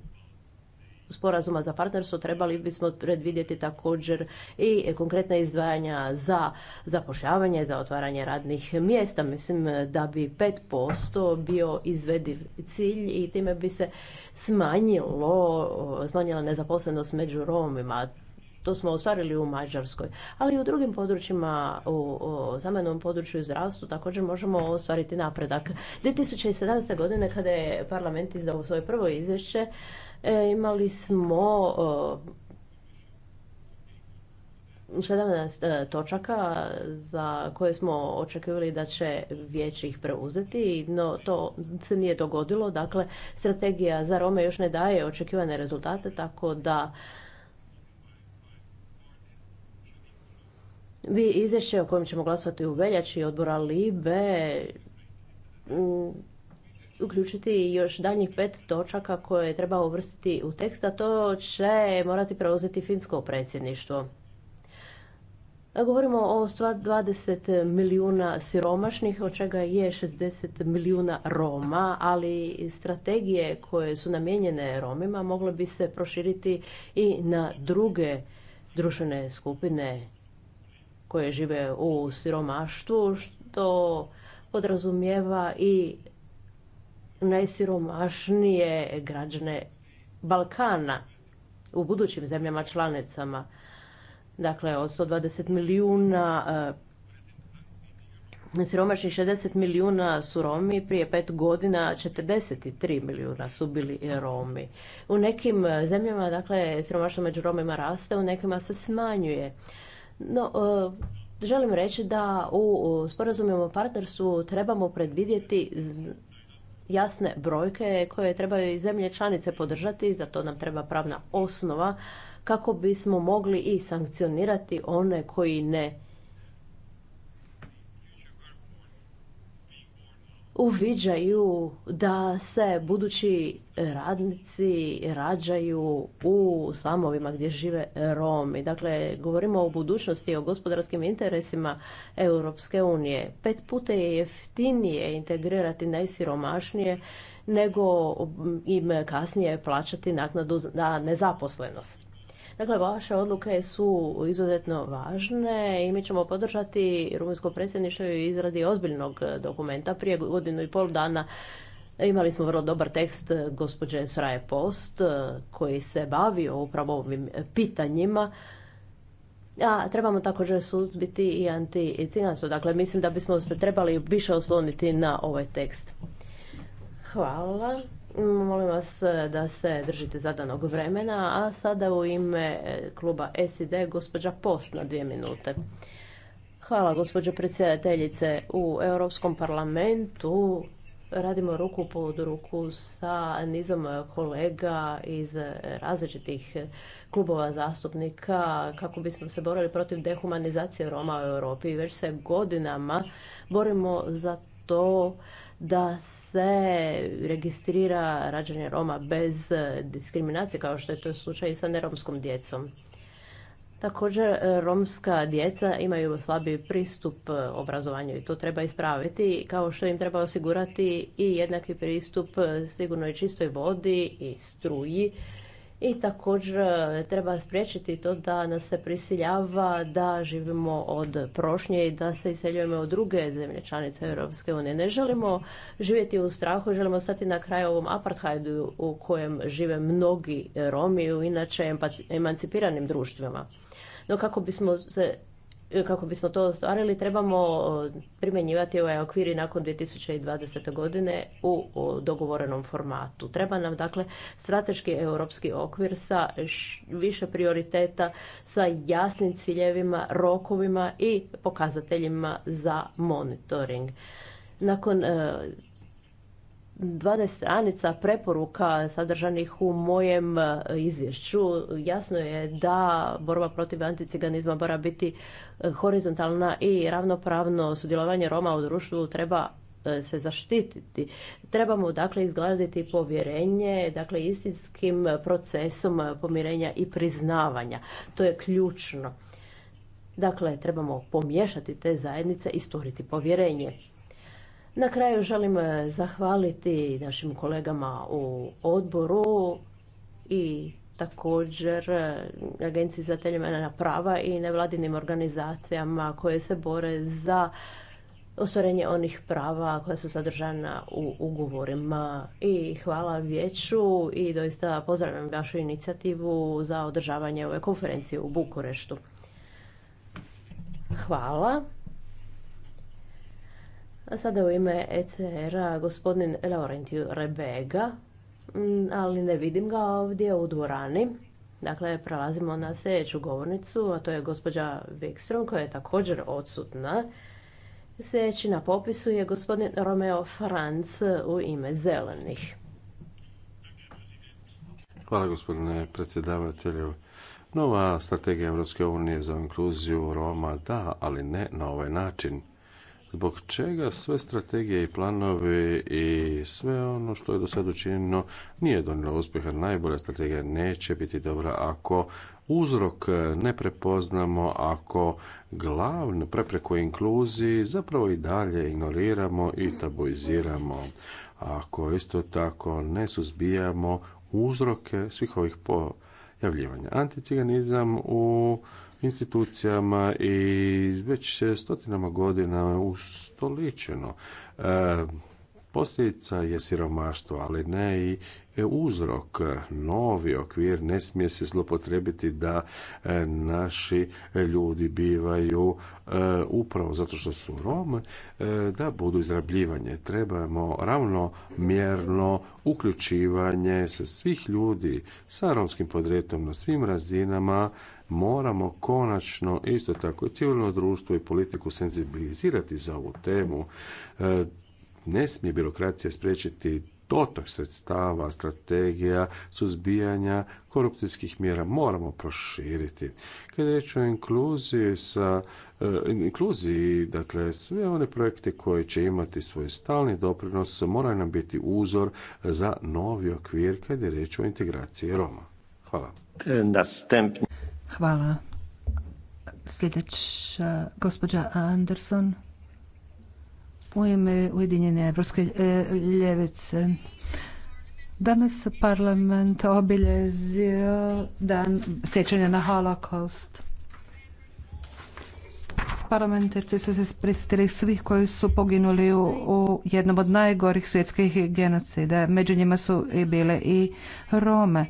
sporazuma za partnerstvo trebali bismo predvidjeti također i konkretna izdvajanja za zapošljavanje, za otvaranje radnih mjesta. Mislim da bi 5% bio izvediv cilj i time bi se smanjilo, smanjila nezaposlenost među Romima to smo ostvarili u Mađarskoj, ali i u drugim područjima, u, zamenom području zdravstvu također možemo ostvariti napredak. 2017. godine kada je parlament izdao svoje prvo izvješće, e, imali smo 17 e, e, točaka za koje smo očekivali da će vijeće ih preuzeti, no to se nije dogodilo. Dakle, strategija za Rome još ne daje očekivane rezultate, tako da Vi izvješće o kojem ćemo glasovati u veljači odbora Libe uključiti još daljnjih pet točaka koje treba uvrstiti u tekst, a to će morati preuzeti finsko predsjedništvo. Govorimo o 120 milijuna siromašnih, od čega je 60 milijuna Roma, ali strategije koje su namijenjene Romima mogle bi se proširiti i na druge društvene skupine koje žive u siromaštvu, što podrazumijeva i najsiromašnije građane Balkana u budućim zemljama članicama. Dakle, od 120 milijuna e, siromašnih 60 milijuna su Romi, prije pet godina 43 milijuna su bili Romi. U nekim e, zemljama, dakle, siromaštvo među Romima raste, u nekima se smanjuje. No, e, želim reći da u sporazumima o partnerstvu trebamo predvidjeti jasne brojke koje trebaju i zemlje članice podržati, za to nam treba pravna osnova kako bismo mogli i sankcionirati one koji ne uviđaju da se budući radnici rađaju u samovima gdje žive Romi. Dakle, govorimo o budućnosti i o gospodarskim interesima Europske unije. Pet puta je jeftinije integrirati najsiromašnije nego im kasnije plaćati naknadu na nezaposlenost. Dakle, vaše odluke su izuzetno važne i mi ćemo podržati rumunjsko predsjedništvo u izradi ozbiljnog dokumenta. Prije godinu i pol dana Imali smo vrlo dobar tekst eh, gospođe Sraje Post eh, koji se bavio upravo ovim pitanjima. A trebamo također suzbiti i anticiganstvo. Dakle, mislim da bismo se trebali više osloniti na ovaj tekst. Hvala. Molim vas eh, da se držite zadanog vremena, a sada u ime kluba SID gospođa Post na dvije minute. Hvala gospođo predsjedateljice. U Europskom parlamentu radimo ruku pod ruku sa nizom kolega iz različitih klubova zastupnika kako bismo se borili protiv dehumanizacije Roma u Europi. Već se godinama borimo za to da se registrira rađanje Roma bez diskriminacije kao što je to slučaj i sa neromskom djecom. Također, e, romska djeca imaju slabiji pristup e, obrazovanju i to treba ispraviti, kao što im treba osigurati i jednaki pristup e, sigurnoj i čistoj vodi i struji. I također treba spriječiti to da nas se prisiljava da živimo od prošnje i da se iseljujemo u druge zemlje članice Europske unije. Ne želimo živjeti u strahu, želimo stati na kraju ovom apartheidu u kojem žive mnogi Romi u inače emancipiranim društvima. No kako bismo se kako bismo to ostvarili, trebamo primjenjivati ovaj okvir nakon 2020. godine u dogovorenom formatu. Treba nam dakle strateški europski okvir sa više prioriteta, sa jasnim ciljevima, rokovima i pokazateljima za monitoring. Nakon e, 12 stranica preporuka sadržanih u mojem e, izvješću jasno je da borba protiv anticiganizma mora biti e, horizontalna i ravnopravno sudjelovanje Roma u društvu treba e, se zaštititi. Trebamo dakle izgraditi povjerenje, dakle istinskim procesom pomirenja i priznavanja. To je ključno. Dakle, trebamo pomiješati te zajednice i stvoriti povjerenje. Na kraju želim e, zahvaliti našim kolegama u odboru i također e, Agenciji za teljemena prava i nevladinim organizacijama koje se bore za ostvarenje onih prava koja su sadržana u ugovorima. I hvala vijeću i doista pozdravljam vašu inicijativu za održavanje ove konferencije u Bukureštu. Hvala. A sada u ime ECR-a gospodin Laurentiu Rebega, mm, ali ne vidim ga ovdje u dvorani. Dakle, prelazimo na sljedeću govornicu, a to je gospođa Wikström koja je također odsutna. Sljedeći na popisu je gospodin Romeo Franc u ime zelenih. Hvala gospodine predsjedavatelju. Nova strategija EU unije za inkluziju Roma, da, ali ne na ovaj način zbog čega sve strategije i planovi i sve ono što je do sada učinjeno nije donijelo uspjeha. Najbolja strategija neće biti dobra ako uzrok ne prepoznamo, ako glavnu prepreku inkluziji zapravo i dalje ignoriramo i tabuiziramo. Ako isto tako ne suzbijamo uzroke svih ovih pojavljivanja. Anticiganizam u institucijama i već stotinama godina ustoličeno. E, posljedica je siromaštvo, ali ne i uzrok. Novi okvir ne smije se zlopotrebiti da e, naši ljudi bivaju e, upravo zato što su Rome, da budu izrabljivanje. Trebamo ravnomjerno uključivanje svih ljudi sa romskim podretom na svim razinama moramo konačno isto tako i civilno društvo i politiku senzibilizirati za ovu temu. E, ne smije birokracija spriječiti dotok sredstava, strategija, suzbijanja korupcijskih mjera moramo proširiti. Kad je reč o inkluziji sa e, inkluziji, dakle sve one projekte koji će imati svoj stalni doprinos moraju nam biti uzor za novi okvir kad je reč o integraciji Roma. Hvala. Hvala. Sljedeća gospođa Anderson u ime Ujedinjene Evropske e, ljevice. Danas parlament obiljezio dan sjećanja na holokaust. Parlamentarci su se prisjetili svih koji su poginuli u, jednom od najgorih svjetskih genocida. Među njima su bile i Rome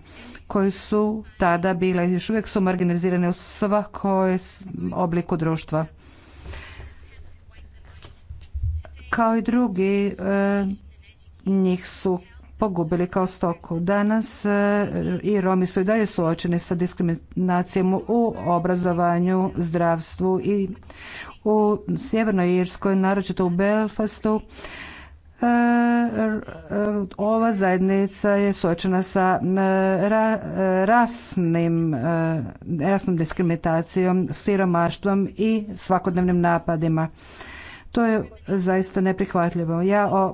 koji su tada bile i još uvijek su marginalizirane u svakoj obliku društva. Kao i drugi, e, njih su pogubili kao stoku. Danas e, i Romi su i dalje suočeni sa diskriminacijom u obrazovanju, zdravstvu i u Sjevernoj Irskoj, naročito u Belfastu, E, e, ova zajednica je suočena sa e, rasnim, rasnom diskriminacijom, siromaštvom i svakodnevnim napadima. To je zaista neprihvatljivo. Ja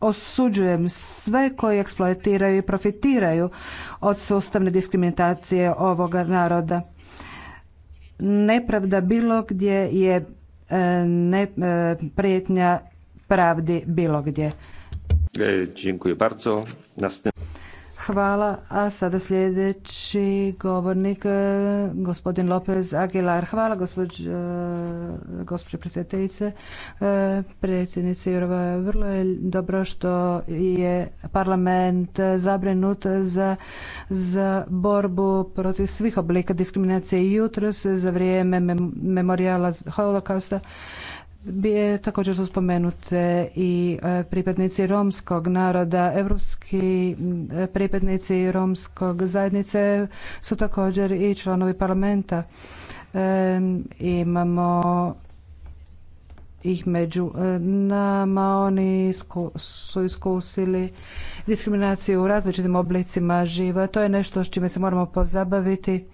osuđujem sve koji eksploatiraju i profitiraju od sustavne diskriminacije ovoga naroda. Nepravda bilo gdje je E, ne e, prijetnja pravdi bilo gdzie. E, dziękuję bardzo. Następny... Hvala. A sada sljedeći govornik, e, gospodin Lopez Aguilar. Hvala, gospođo, e, predsjedateljice. E, predsjednice Jurova, vrlo je dobro što je parlament zabrinut za, za borbu protiv svih oblika diskriminacije. Jutros za vrijeme memorijala holokausta Bije također su spomenute i e, pripadnici romskog naroda. Evropski e, pripadnici romskog zajednice su također i članovi parlamenta. Imamo ih među e, nama. Oni su iskusili diskriminaciju u različitim oblicima živa. To je nešto s čime se moramo pozabaviti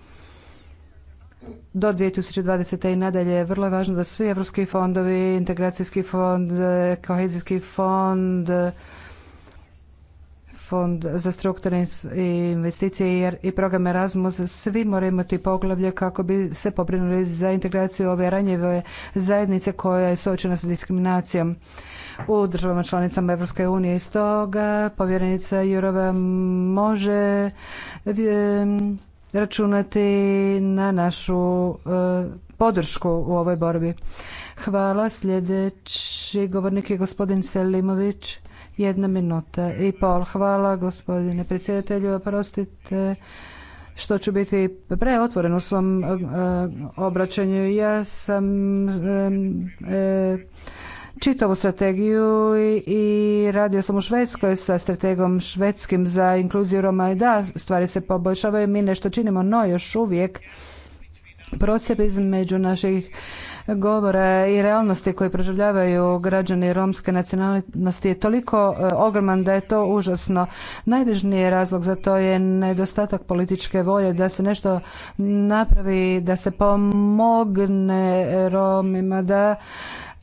do 2020. i nadalje vrlo važno da svi evropski fondovi, integracijski fond, kohezijski fond, fond za strukturne investicije er- i program Erasmus, svi moraju imati poglavlje kako bi se pobrinuli za integraciju ove ranjive zajednice koja je suočena sa diskriminacijom u državama članicama Europske unije. Stoga povjerenica Jurova može računati na našu e, podršku u ovoj borbi. Hvala. Sljedeći govornik je gospodin Selimović. Jedna minuta i pol. Hvala gospodine predsjedatelju. Oprostite što ću biti preotvoren u svom e, obraćanju. Ja sam e, čitavu strategiju i radio sam u Švedskoj sa strategom švedskim za inkluziju Roma i da, stvari se poboljšavaju, mi nešto činimo, no još uvijek procep između naših govora i realnosti koje proživljavaju građani romske nacionalnosti je toliko e, ogroman da je to užasno. Najvažniji razlog za to je nedostatak političke volje da se nešto napravi, da se pomogne Romima, da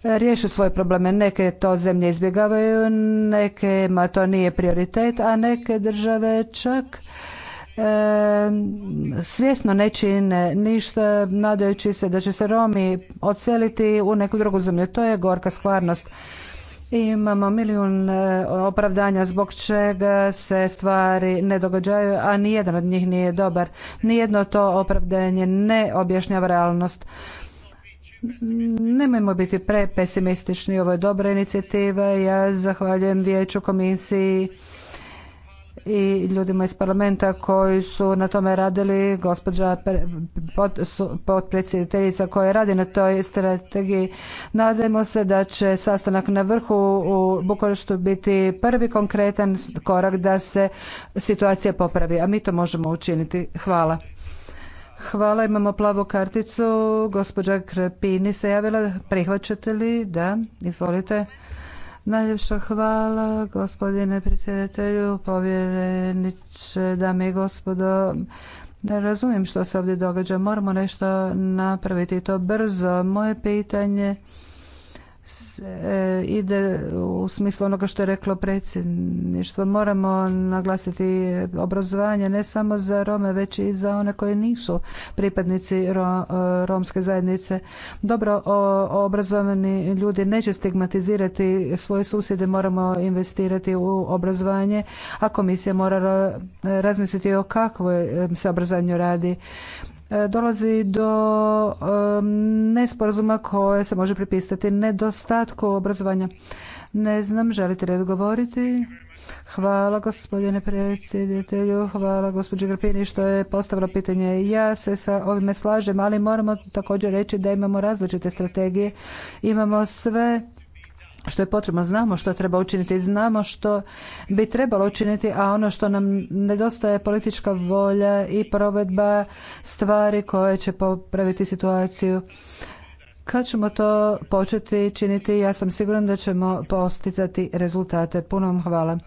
E, riješe svoje probleme. Neke to zemlje izbjegavaju, neke ma to nije prioritet, a neke države čak e, svjesno ne čine ništa nadajući se da će se Romi odseliti u neku drugu zemlju. To je gorka stvarnost. Imamo milijun e, opravdanja zbog čega se stvari ne događaju, a nijedan od njih nije dobar. Nijedno to opravdanje ne objašnjava realnost. Nemojmo biti pesimistični ovo je dobra inicijativa. Ja zahvaljujem vijeću komisiji i ljudima iz parlamenta koji su na tome radili, gospođa potpredsjediteljica koja radi na toj strategiji. Nadajmo se da će sastanak na vrhu u Bukureštu biti prvi konkretan korak da se situacija popravi, a mi to možemo učiniti. Hvala. Hvala, imamo plavu karticu. Gospođa Krepini se javila. Prihvaćate li? Da, izvolite. Najljepša hvala, gospodine predsjedatelju, povjereniče, dame i gospodo. Ne razumijem što se ovdje događa. Moramo nešto napraviti i to brzo. Moje pitanje E, ide u smislu onoga što je reklo predsjedništvo. Moramo naglasiti obrazovanje ne samo za Rome, već i za one koji nisu pripadnici e, romske zajednice. Dobro obrazovani ljudi neće stigmatizirati svoje susjede, moramo investirati u obrazovanje, a komisija mora razmisliti o kakvoj se obrazovanju radi. E, dolazi do e, nesporazuma koje se može pripisati nedostatku obrazovanja. Ne znam, želite li odgovoriti? Hvala gospodine predsjedatelju, hvala gospođe Grpini što je postavila pitanje. Ja se sa ovime slažem, ali moramo također reći da imamo različite strategije. Imamo sve što je potrebno, znamo što treba učiniti, znamo što bi trebalo učiniti, a ono što nam nedostaje je politička volja i provedba stvari koje će popraviti situaciju. Kad ćemo to početi činiti, ja sam siguran da ćemo posticati rezultate. Puno vam hvala.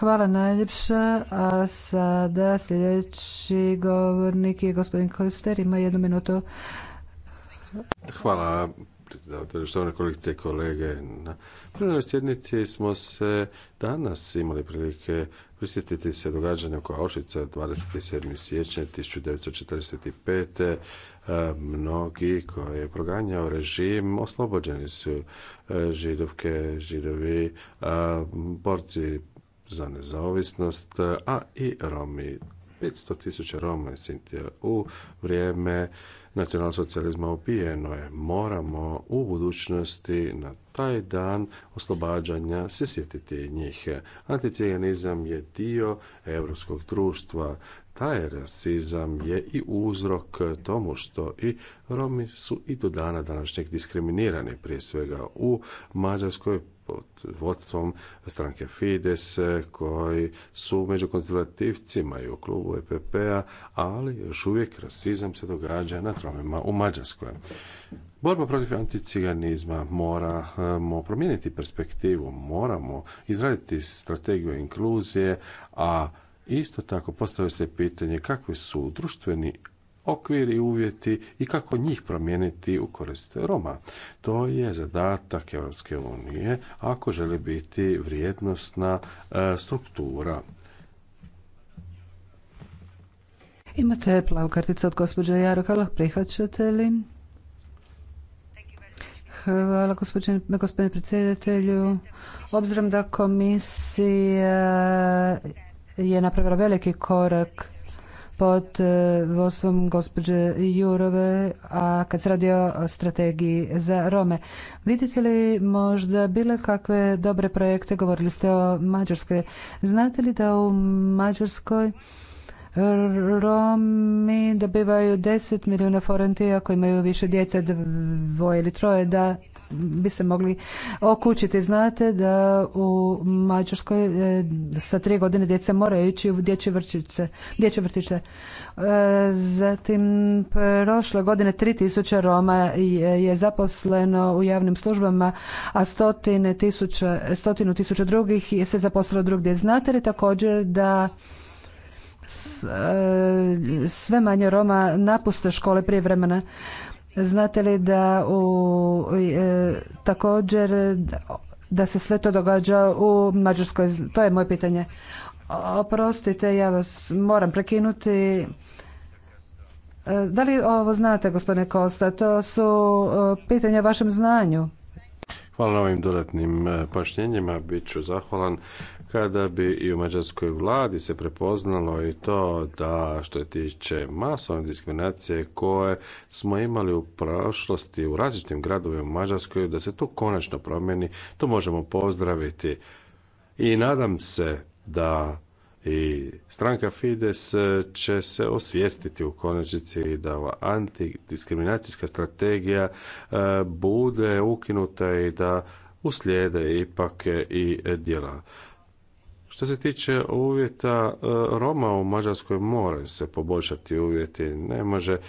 Hvala najljepša, a sada sljedeći govornik je gospodin Koster, ima jednu minutu. Hvala predsjedavatelju, štovane ono, kolegice i kolege. Na plenarnoj sjednici smo se danas imali prilike prisjetiti se događanja oko Auschwitza 27. siječnja 1945. E, mnogi koje je proganjao režim oslobođeni su e, židovke, židovi, e, borci za nezavisnost, a i Romi. 500 tisuća Roma je u vrijeme nacionalsocijalizma opijeno je. Moramo u budućnosti na taj dan oslobađanja se sjetiti njih. Anticijanizam je dio europskog društva. Taj rasizam je i uzrok tomu što i Romi su i do dana današnjeg diskriminirani, prije svega u Mađarskoj, pod vodstvom stranke Fides koji su među konzervativcima i u klubu EPP-a, ali još uvijek rasizam se događa na tromima u Mađarskoj. Borba protiv anticiganizma moramo promijeniti perspektivu, moramo izraditi strategiju inkluzije, a Isto tako postavlja se pitanje kakvi su društveni okviri i uvjeti i kako njih promijeniti u korist Roma. To je zadatak Europske unije ako želi biti vrijednostna e, struktura. Imate plavu karticu od gospođe Jarokala, prihvaćate li? Hvala gospodine, gospodine predsjedatelju. Obzirom da komisija je napravila veliki korak pod e, vodstvom gospođe Jurove, a kad se radi o strategiji za Rome. Vidite li možda bile kakve dobre projekte, govorili ste o Mađarskoj. Znate li da u Mađarskoj Romi dobivaju 10 milijuna forenti ako imaju više djece, dvoje ili troje, da bi se mogli okućiti. Znate da u Mađarskoj e, sa tri godine djeca moraju ići u dječje, vrtiće. dječje vrtiće. E, zatim, prošle godine 3000 Roma je zaposleno u javnim službama, a stotine stotinu tisuća drugih se zaposlilo drugdje. Znate li također da e, sve manje Roma napuste škole prije vremena? Znate li da u, e, također da se sve to događa u Mađarskoj? To je moje pitanje. Oprostite, ja vas moram prekinuti. E, da li ovo znate, gospodine Kosta? To su e, pitanja o vašem znanju. Hvala na ovim dodatnim pojašnjenjima. Bit ću zahvalan kada bi i u mađarskoj vladi se prepoznalo i to da što je tiče masovne diskriminacije koje smo imali u prošlosti u različitim gradovima u Mađarskoj, da se to konačno promijeni, to možemo pozdraviti. I nadam se da i stranka Fides će se osvijestiti u konačnici da ova antidiskriminacijska strategija e, bude ukinuta i da uslijede ipak i djela. Što se tiče uvjeta e, Roma u Mađarskoj more se poboljšati uvjeti. Ne može e,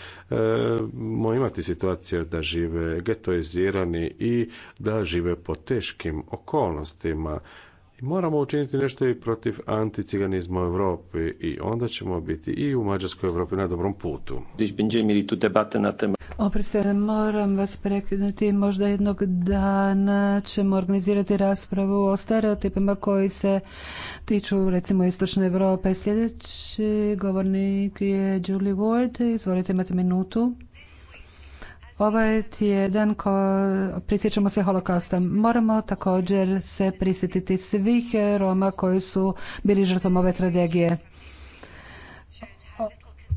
imati situacije da žive getoizirani i da žive po teškim okolnostima. Moramo učiniti nešto i protiv anticiganizma u Europi i onda ćemo biti i u Mađarskoj Europi na dobrom putu. Oprostite, moram vas prekinuti. Možda jednog dana ćemo organizirati raspravu o stereotipima koji se tiču recimo Istočne Europe. Sljedeći govornik je Julie Ward. Izvolite, imate minutu. Ovo je tjedan ko prisjećamo se holokausta. Moramo također se prisjetiti svih Roma koji su bili žrtvom ove tragedije.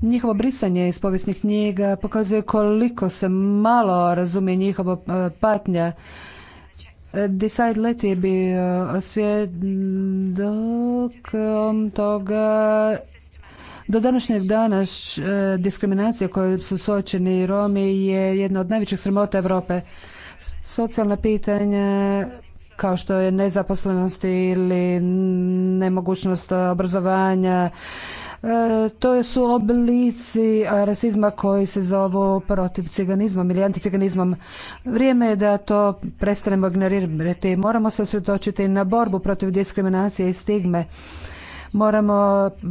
Njihovo brisanje iz povijesnih knjiga pokazuje koliko se malo razumije njihova e, patnja. Decide Let je bio svjedok um, toga do današnjeg dana e, diskriminacija koju su sočeni Romi je jedna od najvećih sramota Europe. Socijalna pitanja kao što je nezaposlenost ili nemogućnost obrazovanja, e, to su oblici rasizma koji se zovu protiv ciganizmom ili anticiganizmom. Vrijeme je da to prestanemo ignorirati. Moramo se osvjetočiti na borbu protiv diskriminacije i stigme Moramo e,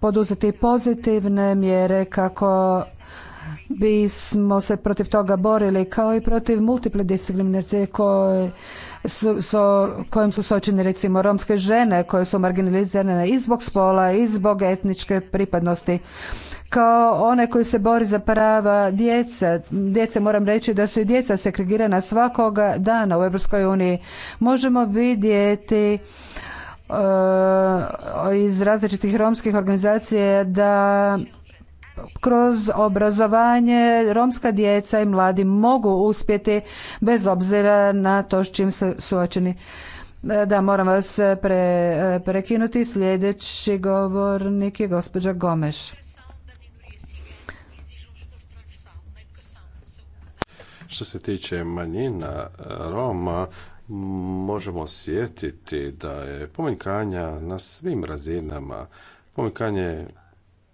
poduzeti pozitivne mjere kako bismo se protiv toga borili kao i protiv multiple diskriminacije koje su, so, kojim su recimo romske žene koje su marginalizirane i zbog spola i zbog etničke pripadnosti kao one koji se bori za prava djece. Djece moram reći da su i djeca segregirana svakoga dana u EU. uniji. Možemo vidjeti E, iz različitih romskih organizacija da kroz obrazovanje romska djeca i mladi mogu uspjeti bez obzira na to s čim su suočeni. E, da, moram vas pre, e, prekinuti. Sljedeći govornik je gospođa Gomeš. Što se tiče manjina Roma, možemo osjetiti da je pomanjkanja na svim razinama, pomanjkanje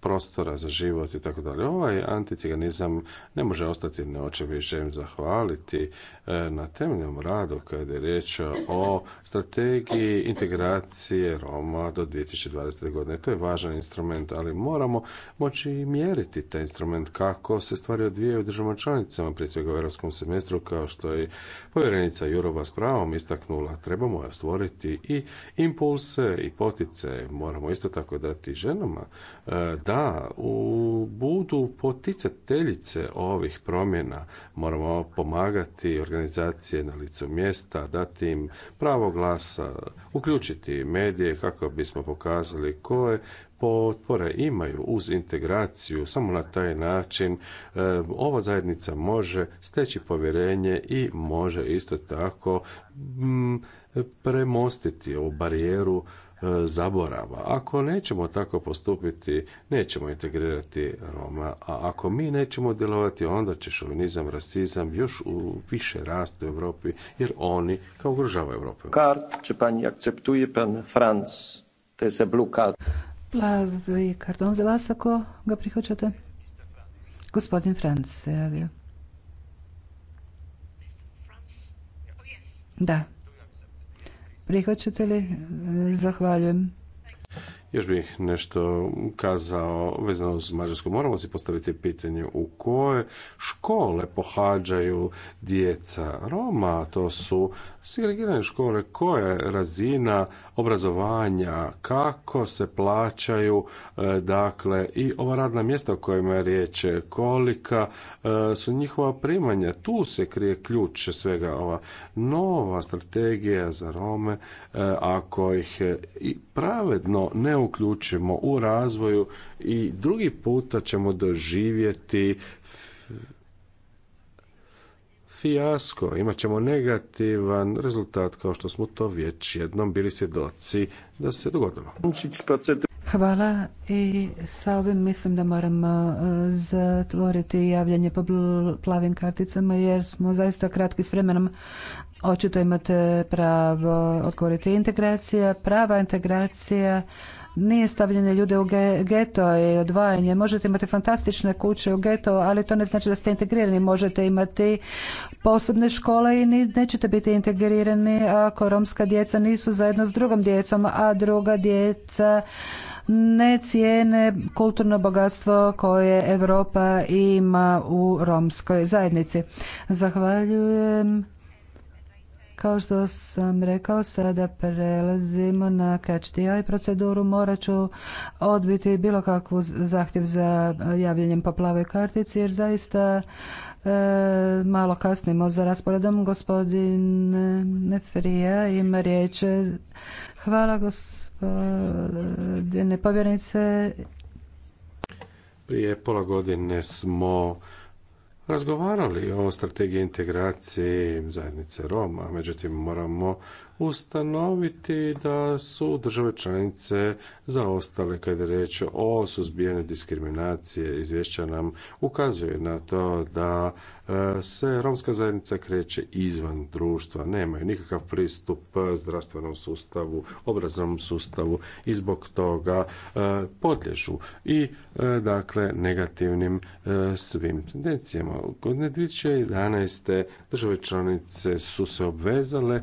prostora za život i tako dalje. Ovaj anticiganizam ne može ostati neočevišem, Želim zahvaliti e, na temeljnom radu kada je riječ o strategiji integracije Roma do 2020. godine. To je važan instrument, ali moramo moći i mjeriti taj instrument kako se stvari odvijaju u državama članicama, prije svega u europskom semestru, kao što je povjerenica Jurova s pravom istaknula. Trebamo stvoriti i impulse i potice. Moramo isto tako dati ženama da e, da u, budu poticateljice ovih promjena. Moramo pomagati organizacije na licu mjesta, dati im pravo glasa, uključiti medije kako bismo pokazali koje potpore imaju uz integraciju. Samo na taj način eh, ova zajednica može steći povjerenje i može isto tako mm, premostiti ovu barijeru E, zaborava. Ako nećemo tako postupiti, nećemo integrirati Roma, a ako mi nećemo djelovati, onda će šovinizam, rasizam još u više rasti u Europi, jer oni kao ugrožava Europu. Kart, će pani akceptuje pan Franc, to je Plavi za vas ako ga prihvaćate. Gospodin Franc se javio. Da. Prihvaćate li? E, zahvaljujem. Još bih nešto kazao vezano uz Mađarsku. Moramo si postaviti pitanje u koje škole pohađaju djeca Roma. To su segregirane škole. Koja je razina obrazovanja? Kako se plaćaju e, dakle i ova radna mjesta o kojima je riječ? Kolika e, su njihova primanja? Tu se krije ključ svega ova nova strategija za Rome E, ako ih e, i pravedno ne uključimo u razvoju i drugi puta ćemo doživjeti fijasko, imat ćemo negativan rezultat kao što smo to već jednom bili svjedoci da se dogodilo. Hvala i sa ovim mislim da moramo e, zatvoriti javljanje po plavim karticama jer smo zaista kratki s vremenom. Očito imate pravo odgovoriti integracija, prava integracija, nije stavljanje ljude u geto i odvajanje. Možete imati fantastične kuće u geto, ali to ne znači da ste integrirani. Možete imati posebne škole i nećete biti integrirani ako romska djeca nisu zajedno s drugom djecom, a druga djeca ne cijene kulturno bogatstvo koje Europa ima u romskoj zajednici. Zahvaljujem. Kao što sam rekao, sada prelazimo na catch the eye proceduru. Morat ću odbiti bilo kakvu zahtjev za javljanjem po plavoj kartici, jer zaista e, malo kasnimo za rasporedom. Gospodin Nefrija ima riječ. Hvala gospodine povjerenice. Prije pola godine smo razgovarali o strategiji integracije zajednice Roma, međutim moramo ustanoviti da su države članice zaostale kad je riječ o suzbijanju diskriminacije. Izvješća nam ukazuje na to da e, se romska zajednica kreće izvan društva, nemaju nikakav pristup zdravstvenom sustavu, obrazovnom sustavu i zbog toga e, podlježu i e, dakle negativnim svim tendencijama. Godine 2011. države članice su se obvezale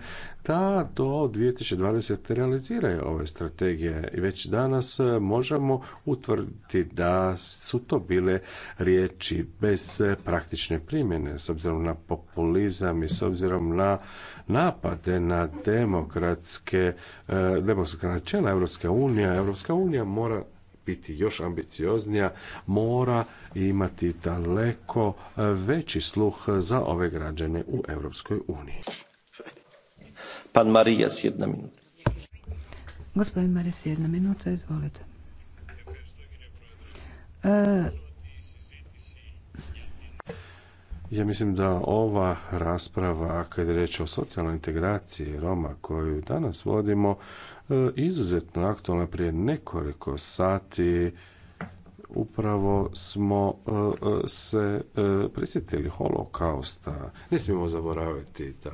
da do 2020. realiziraju ove strategije i već danas e, možemo utvrditi da su to bile riječi bez e, praktične primjene s obzirom na populizam i s obzirom na napade na demokratske e, demokratska načela Europske Europska unija mora biti još ambicioznija, mora imati daleko veći sluh za ove građane u Europskoj uniji. Pan jedna minuta. Gospodin jedna minuta, izvolite. E, ja mislim da ova rasprava, kad je reč o socijalnoj integraciji Roma koju danas vodimo, e, izuzetno aktualna prije nekoliko sati, upravo smo e, se prisjetili holokausta. Ne smijemo zaboraviti da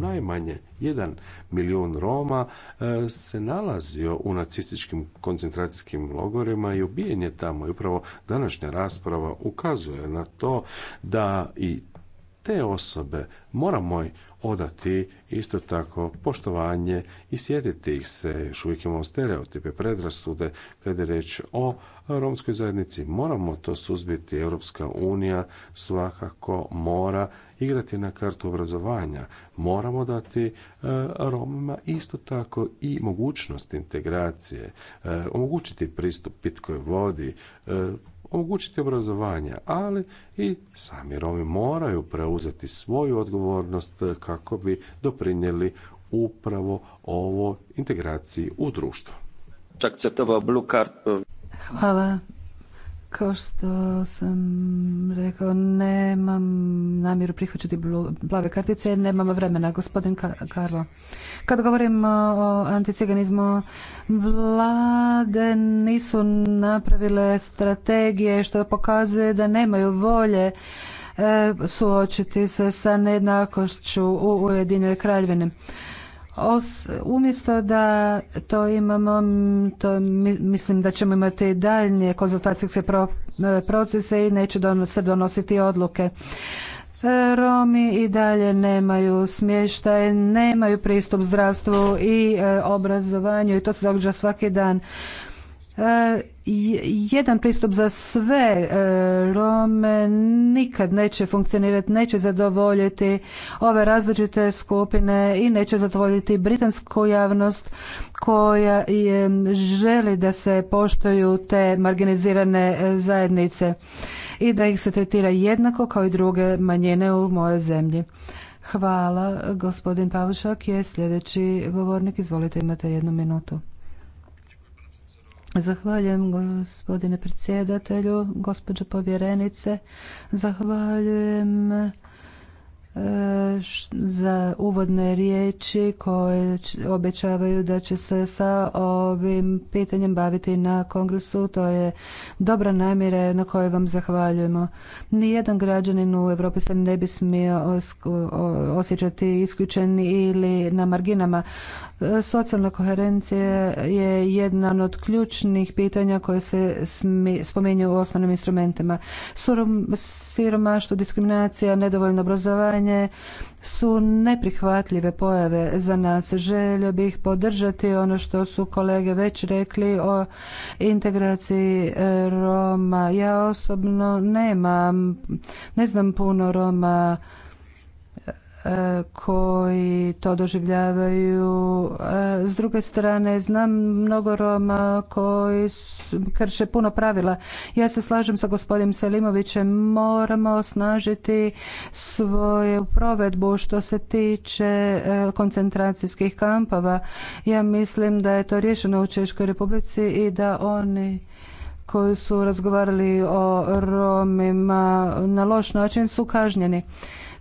najmanje jedan milijun Roma e, se nalazio u nacističkim koncentracijskim logorima i ubijen je tamo. I upravo današnja rasprava ukazuje na to da i te osobe moramo odati isto tako poštovanje i sjetiti ih se. Još uvijek imamo stereotipe, predrasude kada je reč o romskoj zajednici. Moramo to suzbiti. Europska unija svakako mora igrati na kartu obrazovanja. Moramo dati e, Romima isto tako i mogućnost integracije, e, omogućiti pristup pitkoj vodi, e, omogućiti obrazovanje, ali i sami Romi moraju preuzeti svoju odgovornost kako bi doprinijeli upravo ovo integraciji u društvo. Hvala. Kao što sam rekao, nemam namjeru prihvaćati plave kartice, nemam vremena. Gospodin Karlo, kad govorimo o anticiganizmu, vlade nisu napravile strategije što pokazuje da nemaju volje e, suočiti se sa nejednakošću u Ujedinjoj kraljevini. Os, umjesto da to imamo, to mislim da ćemo imati daljnje konzultacijske pro, e, procese i neće se donositi odluke. E, Romi i dalje nemaju smještaj, nemaju pristup zdravstvu i e, obrazovanju i to se događa svaki dan jedan pristup za sve e, Rome nikad neće funkcionirati, neće zadovoljiti ove različite skupine i neće zadovoljiti britansku javnost koja želi da se poštuju te marginizirane e, zajednice i da ih se tretira jednako kao i druge manjene u mojoj zemlji. Hvala. Gospodin Pavušak je sljedeći govornik. Izvolite, imate jednu minutu. Zahvaljujem gospodine predsjedatelju, gospođo povjerenice. Zahvaljujem e, za uvodne riječi koje obećavaju da će se sa ovim pitanjem baviti na kongresu. To je dobra namjera na kojoj vam zahvaljujemo. Nijedan građanin u Europi se ne bi smio osjećati isključen ili na marginama. Socijalna koherencija je jedna od ključnih pitanja koje se spominju u osnovnim instrumentima. Siromaštvo, diskriminacija, nedovoljno obrazovanje su neprihvatljive pojave za nas. Želio bih podržati ono što su kolege već rekli o integraciji e, Roma. Ja osobno nemam, ne znam puno Roma E, koji to doživljavaju. E, s druge strane, znam mnogo Roma koji krše puno pravila. Ja se slažem sa gospodinom Selimovićem, moramo osnažiti svoju provedbu što se tiče e, koncentracijskih kampova. Ja mislim da je to riješeno u Češkoj republici i da oni koji su razgovarali o Romima na loš način su kažnjeni.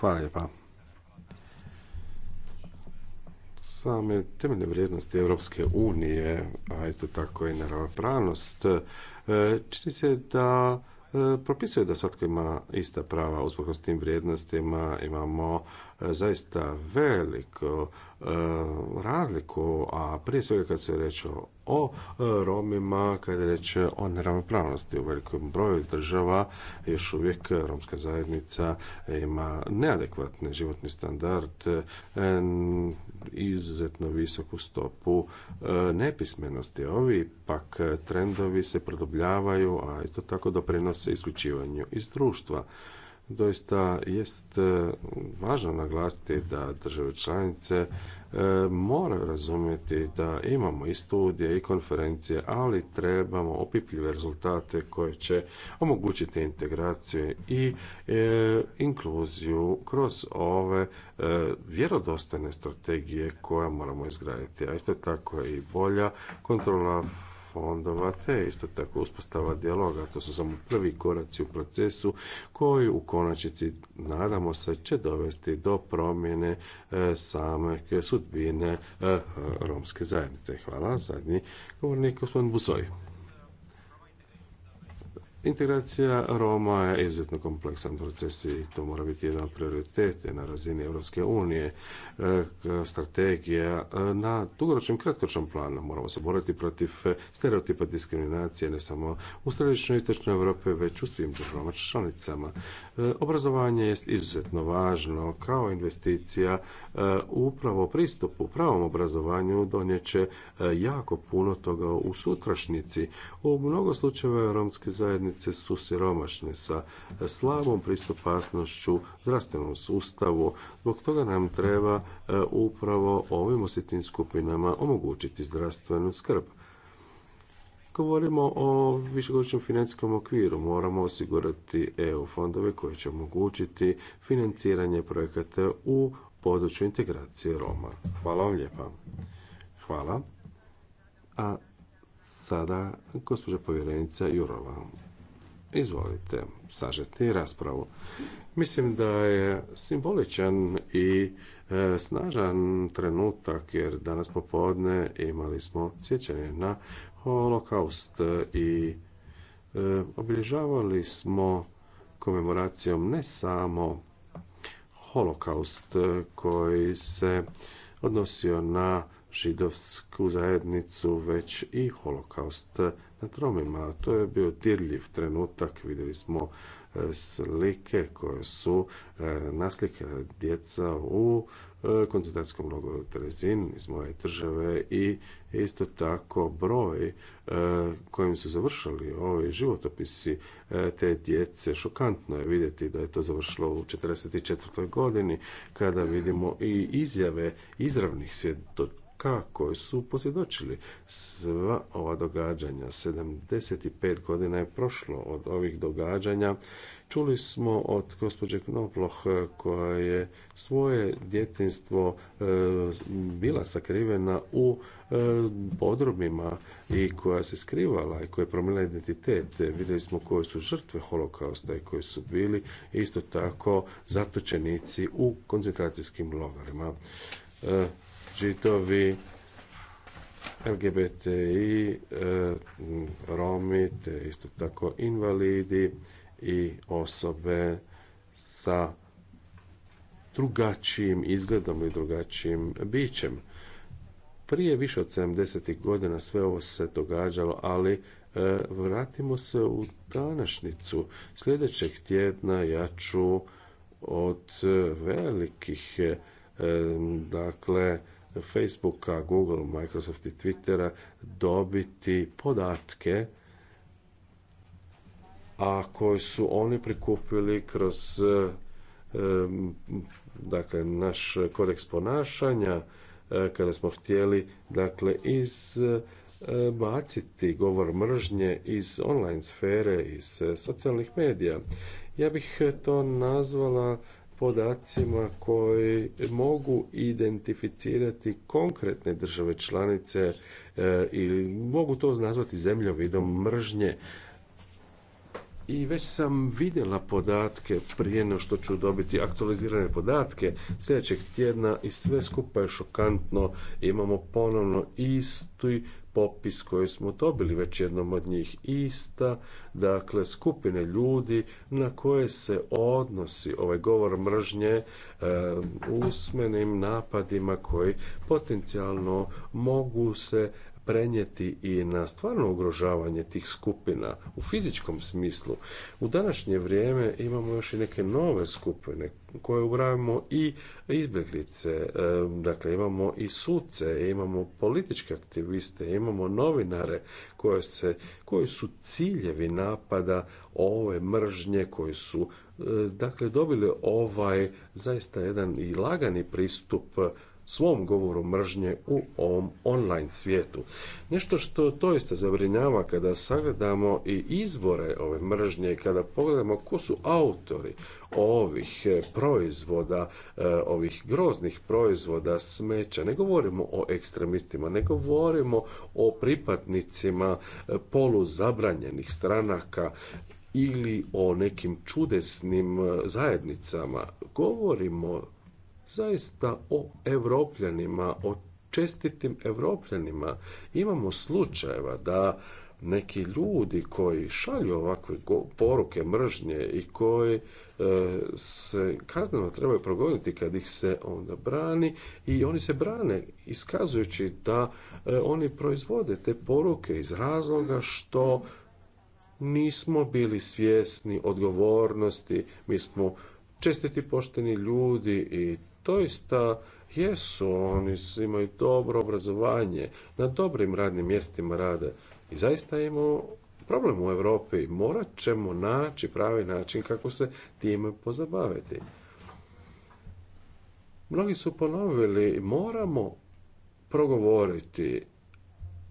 Hvala lijepa. Same temeljne vrijednosti Europske unije, a isto tako i neravnopravnost, e, čini se da e, propisuje da svatko ima ista prava usprkos tim vrijednostima. Imamo E, zaista veliko e, razliku, a prije svega kad se reče o e, Romima, kada je reč o neravnopravnosti u velikom broju država, još uvijek romska zajednica ima neadekvatni životni standard, izuzetno visoku stopu nepismenosti. Ovi pak trendovi se produbljavaju, a isto tako doprinose isključivanju iz društva doista jest e, važno naglasiti da države članice e, moraju razumjeti da imamo i studije i konferencije, ali trebamo opipljive rezultate koje će omogućiti integraciju i e, inkluziju kroz ove e, vjerodostojne strategije koje moramo izgraditi, a isto tako i bolja kontrola fondova, te isto tako uspostava dijaloga. To su samo prvi koraci u procesu koji u konačnici, nadamo se, će dovesti do promjene e, same sudbine e, romske zajednice. Hvala. Zadnji govornik, gospodin Busoj. Integracija Roma je izuzetno kompleksan proces i to mora biti jedan od prioritete na razini Europske unije, e, strategija e, na dugoročnom kratkoročnom planu. Moramo se boriti protiv e, stereotipa diskriminacije ne samo u središnjoj istočnoj Europi, već u svim državama članicama. E, obrazovanje je izuzetno važno kao investicija e, upravo pristup u pravom obrazovanju donjeće e, jako puno toga u sutrašnjici. U mnogo slučajeva romske zajednice su siromašne sa slabom pristupasnošću zdravstvenom sustavu. Zbog toga nam treba upravo ovim osjetim skupinama omogućiti zdravstvenu skrb govorimo o višegodišnjem financijskom okviru, moramo osigurati EU fondove koji će omogućiti financiranje projekata u području integracije Roma. Hvala vam lijepa. Hvala. A sada gospođa povjerenica Jurova. Izvolite, sažeti raspravu. Mislim da je simboličan i e, snažan trenutak jer danas popodne imali smo sjećanje na holokaust e, i e, obilježavali smo komemoracijom ne samo holokaust e, koji se odnosio na židovsku zajednicu, već i holokaust na tromima. To je bio dirljiv trenutak, vidjeli smo slike koje su naslike djeca u E, koncentracijskom logoru Terezin iz moje države i isto tako broj e, kojim su završili ovi životopisi e, te djece. Šokantno je vidjeti da je to završilo u 1944. godini kada vidimo i izjave izravnih svjedoka koji su posvjedočili sva ova događanja. 75 godina je prošlo od ovih događanja Čuli smo od gospođe Knoploh e, koja je svoje djetinstvo e, bila sakrivena u e, podrobima i koja se skrivala i koja je promijenila identitet. Vidjeli smo koje su žrtve holokausta i koji su bili isto tako zatočenici u koncentracijskim logorima. Žitovi, LGBTI, Romi, te isto tako invalidi, i osobe sa drugačijim izgledom i drugačijim bićem. Prije više od 70. godina sve ovo se događalo, ali e, vratimo se u današnjicu. Sljedećeg tjedna ja ću od velikih e, dakle Facebooka, Google, Microsoft i Twittera dobiti podatke a koji su oni prikupili kroz dakle naš kodeks ponašanja e, kada smo htjeli dakle iz e, baciti govor mržnje iz online sfere, iz e, socijalnih medija. Ja bih to nazvala podacima koji mogu identificirati konkretne države članice ili mogu to nazvati zemljovidom mržnje i već sam vidjela podatke prije no što ću dobiti aktualizirane podatke sljedećeg tjedna i sve skupa je šokantno. Imamo ponovno isti popis koji smo dobili već jednom od njih ista, dakle skupine ljudi na koje se odnosi ovaj govor mržnje e, usmenim napadima koji potencijalno mogu se prenijeti i na stvarno ugrožavanje tih skupina u fizičkom smislu. U današnje vrijeme imamo još i neke nove skupine koje ubrajamo i izbjeglice, e, dakle imamo i suce, imamo političke aktiviste, imamo novinare koje se, koji su ciljevi napada ove mržnje koji su e, dakle dobili ovaj zaista jedan i lagani pristup svom govoru mržnje u ovom online svijetu. Nešto što doista zabrinjava kada sagledamo i izvore ove mržnje i kada pogledamo ko su autori ovih e, proizvoda, e, ovih groznih proizvoda smeća. Ne govorimo o ekstremistima, ne govorimo o pripadnicima e, poluzabranjenih stranaka ili o nekim čudesnim zajednicama. Govorimo zaista o evropljanima, o čestitim evropljanima. Imamo slučajeva da neki ljudi koji šalju ovakve poruke mržnje i koji e, se kazneno trebaju progoniti kad ih se onda brani i oni se brane iskazujući da e, oni proizvode te poruke iz razloga što nismo bili svjesni odgovornosti, mi smo čestiti pošteni ljudi i doista jesu, oni imaju dobro obrazovanje, na dobrim radnim mjestima rade i zaista imamo problem u Europi. Morat ćemo naći pravi način kako se time pozabaviti. Mnogi su ponovili, moramo progovoriti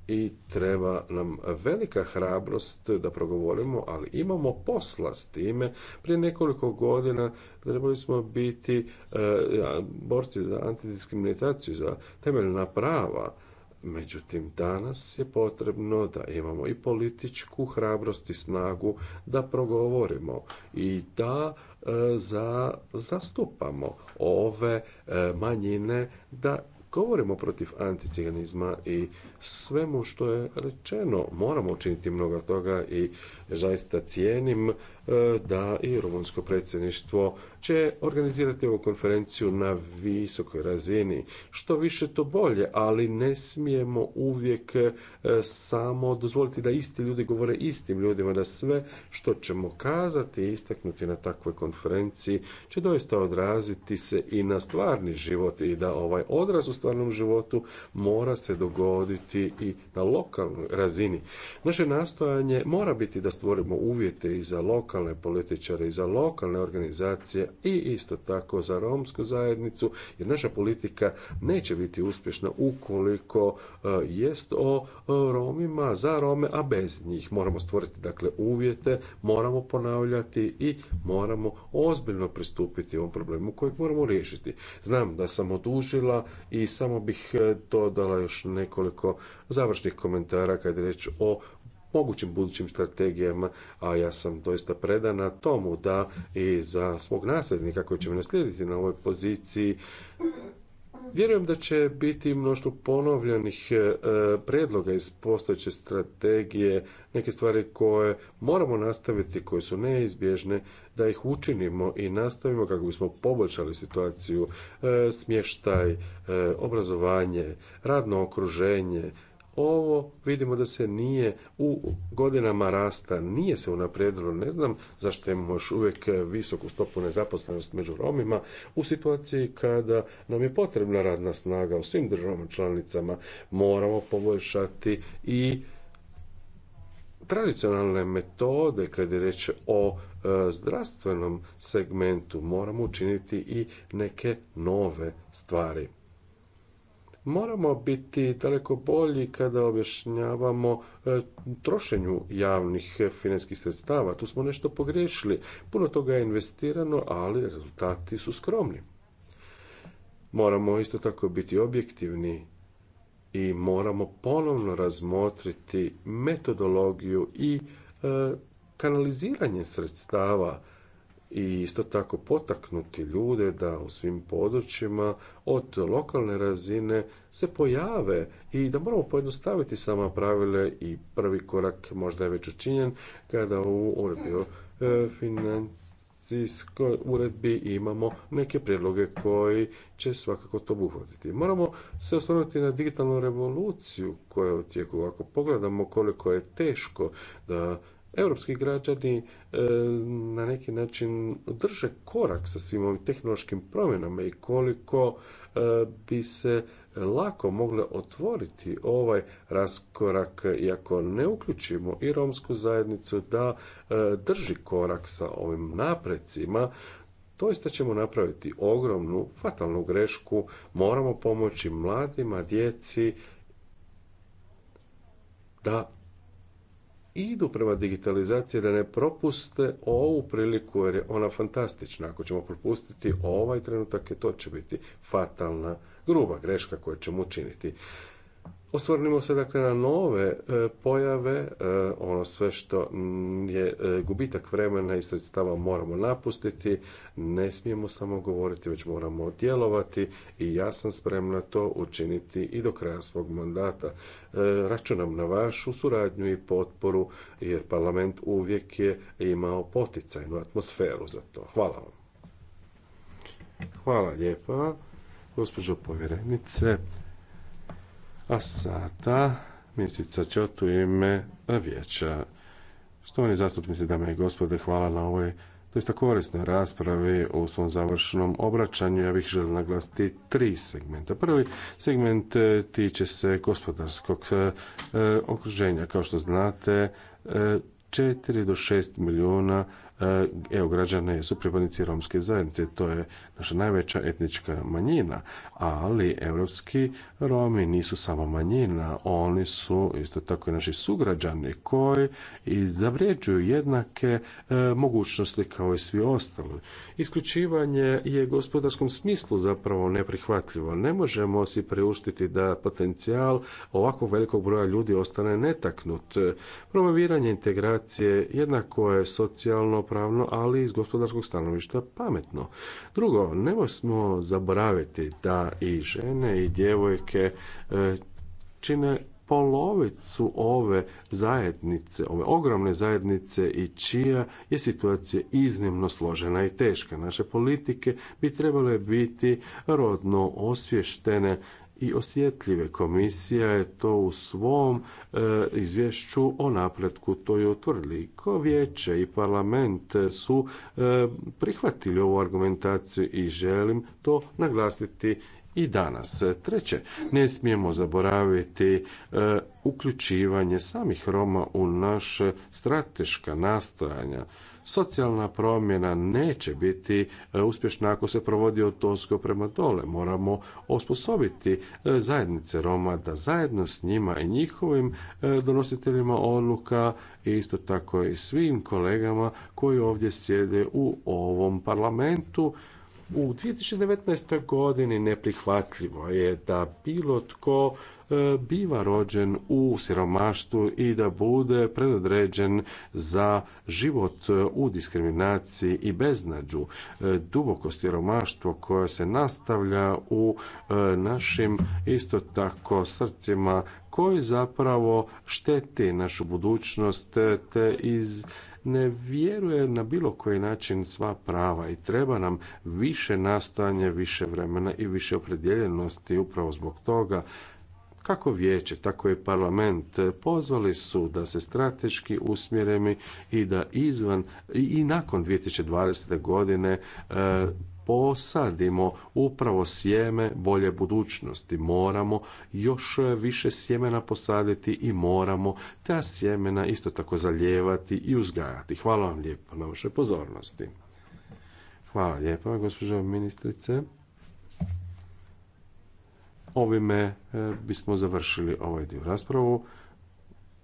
i treba nam velika hrabrost da progovorimo, ali imamo posla s time. Prije nekoliko godina trebali smo biti e, borci za antidiskriminaciju, za temeljna prava. Međutim, danas je potrebno da imamo i političku hrabrost i snagu da progovorimo i da e, za, zastupamo ove e, manjine da govorimo protiv anticiganizma i svemu što je rečeno. Moramo učiniti mnogo toga i zaista cijenim E, da i rumunsko predsjedništvo će organizirati ovu konferenciju na visokoj razini. Što više to bolje, ali ne smijemo uvijek e, samo dozvoliti da isti ljudi govore istim ljudima, da sve što ćemo kazati i istaknuti na takvoj konferenciji će doista odraziti se i na stvarni život i da ovaj odraz u stvarnom životu mora se dogoditi i na lokalnoj razini. Naše nastojanje mora biti da stvorimo uvjete i za lokalnu lokalne političare i za lokalne organizacije i isto tako za romsku zajednicu jer naša politika neće biti uspješna ukoliko e, jest o e, Romima za Rome, a bez njih. Moramo stvoriti dakle uvjete, moramo ponavljati i moramo ozbiljno pristupiti ovom problemu kojeg moramo riješiti. Znam da sam odužila i samo bih e, dodala još nekoliko završnih komentara kad je reč o mogućim budućim strategijama, a ja sam doista predana tomu da i za svog nasljednika koji će me naslijediti na ovoj poziciji Vjerujem da će biti mnoštvo ponovljenih e, predloga iz postojeće strategije, neke stvari koje moramo nastaviti, koje su neizbježne, da ih učinimo i nastavimo kako bismo poboljšali situaciju, e, smještaj, e, obrazovanje, radno okruženje, ovo vidimo da se nije u godinama rasta nije se unaprijedilo. Ne znam zašto imamo još uvijek visoku stopu nezaposlenosti među Romima u situaciji kada nam je potrebna radna snaga u svim državama članicama. Moramo poboljšati i tradicionalne metode kad je riječ o e, zdravstvenom segmentu moramo učiniti i neke nove stvari moramo biti daleko bolji kada objašnjavamo e, trošenju javnih e, financijskih sredstava. Tu smo nešto pogriješili. Puno toga je investirano, ali rezultati su skromni. Moramo isto tako biti objektivni i moramo ponovno razmotriti metodologiju i e, kanaliziranje sredstava i isto tako potaknuti ljude da u svim područjima od lokalne razine se pojave i da moramo pojednostaviti sama pravile i prvi korak možda je već učinjen kada u uredbi o e, financijskoj uredbi imamo neke prijedloge koji će svakako to obuhvatiti. Moramo se osvrnuti na digitalnu revoluciju koja je u tijeku. Ako pogledamo koliko je teško da europski građani e, na neki način drže korak sa svim ovim tehnološkim promjenama i koliko e, bi se lako mogle otvoriti ovaj raskorak i ako ne uključimo i romsku zajednicu da e, drži korak sa ovim naprecima, doista ćemo napraviti ogromnu, fatalnu grešku. Moramo pomoći mladima, djeci da idu prema digitalizaciji da ne propuste ovu priliku jer je ona fantastična. Ako ćemo propustiti ovaj trenutak, je to će biti fatalna, gruba greška koju ćemo učiniti. Osvrnimo se dakle na nove e, pojave, e, ono sve što je e, gubitak vremena i sredstava moramo napustiti, ne smijemo samo govoriti, već moramo djelovati i ja sam spremna to učiniti i do kraja svog mandata. Računam na vašu suradnju i potporu jer parlament uvijek je imao poticajnu atmosferu za to. Hvala vam. Hvala lijepa, gospođo povjerenice. A sada mjeseca Čot u ime vijeća. Štovani zastupnici, dame i gospode, hvala na ovoj doista korisnoj raspravi u svom završnom obraćanju. Ja bih želio naglasiti tri segmenta. Prvi segment e, tiče se gospodarskog e, e, okruženja. Kao što znate, 4 do 6 milijuna EU građane su pripadnici romske zajednice. To je naša najveća etnička manjina, ali europski Romi nisu samo manjina, oni su isto tako i naši sugrađani koji i zavređuju jednake e, mogućnosti kao i svi ostali. Isključivanje je gospodarskom smislu zapravo neprihvatljivo. Ne možemo si priuštiti da potencijal ovako velikog broja ljudi ostane netaknut. Promoviranje integracije jednako je socijalno pravno, ali iz gospodarskog stanovišta pametno. Drugo, ne nemojmo zaboraviti da i žene i djevojke e, čine polovicu ove zajednice, ove ogromne zajednice i čija je situacija iznimno složena i teška. Naše politike bi trebale biti rodno osvještene i osjetljive. Komisija je to u svom e, izvješću o napretku to je utvrdili. Ko vijeće i parlament su e, prihvatili ovu argumentaciju i želim to naglasiti i danas. Treće, ne smijemo zaboraviti e, uključivanje samih Roma u naše strateška nastojanja Socijalna promjena neće biti e, uspješna ako se provodi od Tosko prema dole. Moramo osposobiti e, zajednice Roma da zajedno s njima i njihovim e, donositeljima odluka i isto tako i svim kolegama koji ovdje sjede u ovom parlamentu u 2019. godini neprihvatljivo je da bilo tko E, biva rođen u siromaštvu i da bude predodređen za život e, u diskriminaciji i beznađu. E, duboko siromaštvo koje se nastavlja u našim isto tako srcima koji zapravo šteti našu budućnost te iz ne vjeruje na bilo koji način sva prava i treba nam više nastojanja, više vremena i više opredjeljenosti upravo zbog toga kako vijeće, tako i parlament pozvali su da se strateški usmjereni i da izvan i nakon 2020. godine e, posadimo upravo sjeme bolje budućnosti. Moramo još više sjemena posaditi i moramo ta sjemena isto tako zalijevati i uzgajati. Hvala vam lijepo na vašoj pozornosti. Hvala lijepo, gospođo ministrice. Ovime e, bismo završili ovaj dio raspravu.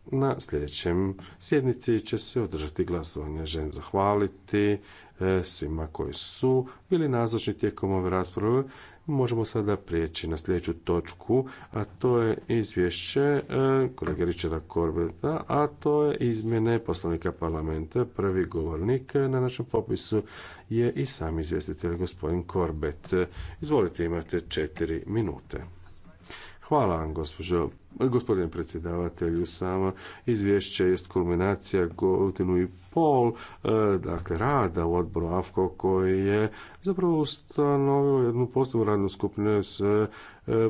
Na sljedećem sjednici će se održati glasovanje. Želim zahvaliti e, svima koji su bili nazočni tijekom ove rasprave. Možemo sada prijeći na sljedeću točku, a to je izvješće e, kolege Richarda Korbeta, a to je izmjene poslovnika parlamenta. Prvi govornik na našem popisu je i sam izvjestitelj gospodin Korbet. Izvolite, imate četiri minute. Hvala vam, gospođo, gospodine predsjedavatelju. Sama izvješće jest kulminacija godinu i pol e, dakle, rada u odboru AFKO koji je zapravo ustanovilo jednu poslovnu radnu skupinu s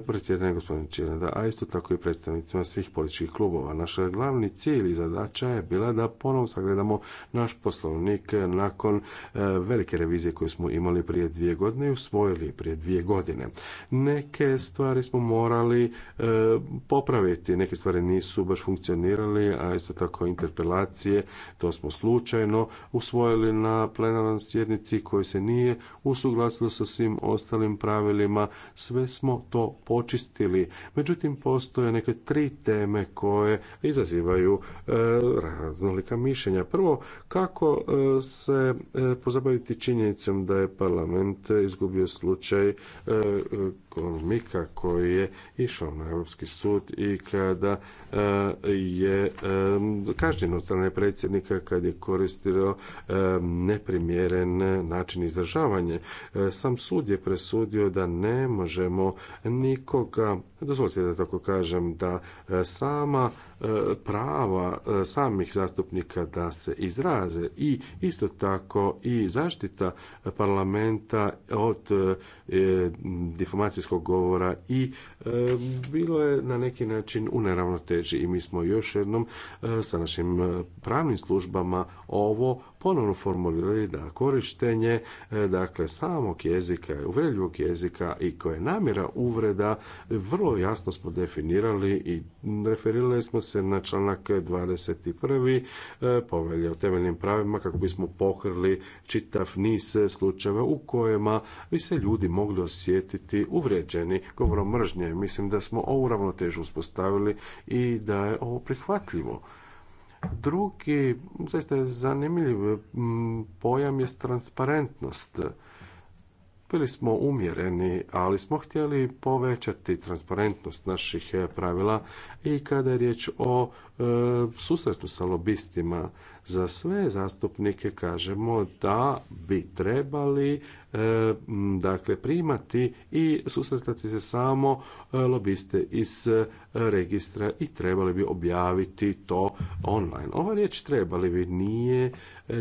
predsjedanje gospodine Čelenda, a isto tako i predstavnicima svih političkih klubova. Naš glavni cilj i zadaća je bila da ponovno sagledamo naš poslovnik nakon e, velike revizije koju smo imali prije dvije godine i usvojili prije dvije godine. Neke stvari smo morali e, popraviti, neke stvari nisu baš funkcionirali, a isto tako interpelacije, to smo slučajno usvojili na plenarnoj sjednici koji se nije usuglasilo sa svim ostalim pravilima. Sve smo to počistili. Međutim, postoje neke tri teme koje izazivaju e, raznolika mišljenja. Prvo, kako e, se e, pozabaviti činjenicom da je parlament izgubio slučaj Kolmika koji je išao na Europski sud i kada je kažnjen od strane predsjednika kad je koristio neprimjeren način izražavanja. Sam sud je presudio da ne možemo nikoga. Dozvolite da tako kažem da e, sama prava e, samih zastupnika da se izraze i isto tako i zaštita parlamenta od e, difamacijskog govora i e, bilo je na neki način u neravnoteži i mi smo još jednom sa našim pravnim službama ovo ponovno formulirali da korištenje dakle samog jezika, uvredljivog jezika i koje je namjera uvreda vrlo jasno smo definirali i referirali smo se se na članak 21. E, povelje o temeljnim pravima kako bismo pokrili čitav niz slučajeva u kojima bi se ljudi mogli osjetiti uvređeni govorom mržnje. Mislim da smo ovu ravnotežu uspostavili i da je ovo prihvatljivo. Drugi, zaista je zanimljiv pojam je transparentnost. Bili smo umjereni, ali smo htjeli povećati transparentnost naših e, pravila i kada je riječ o e, susretu sa lobistima za sve zastupnike kažemo da bi trebali e, dakle primati i susretati se samo e, lobiste iz e, registra i trebali bi objaviti to online. Ova riječ trebali bi nije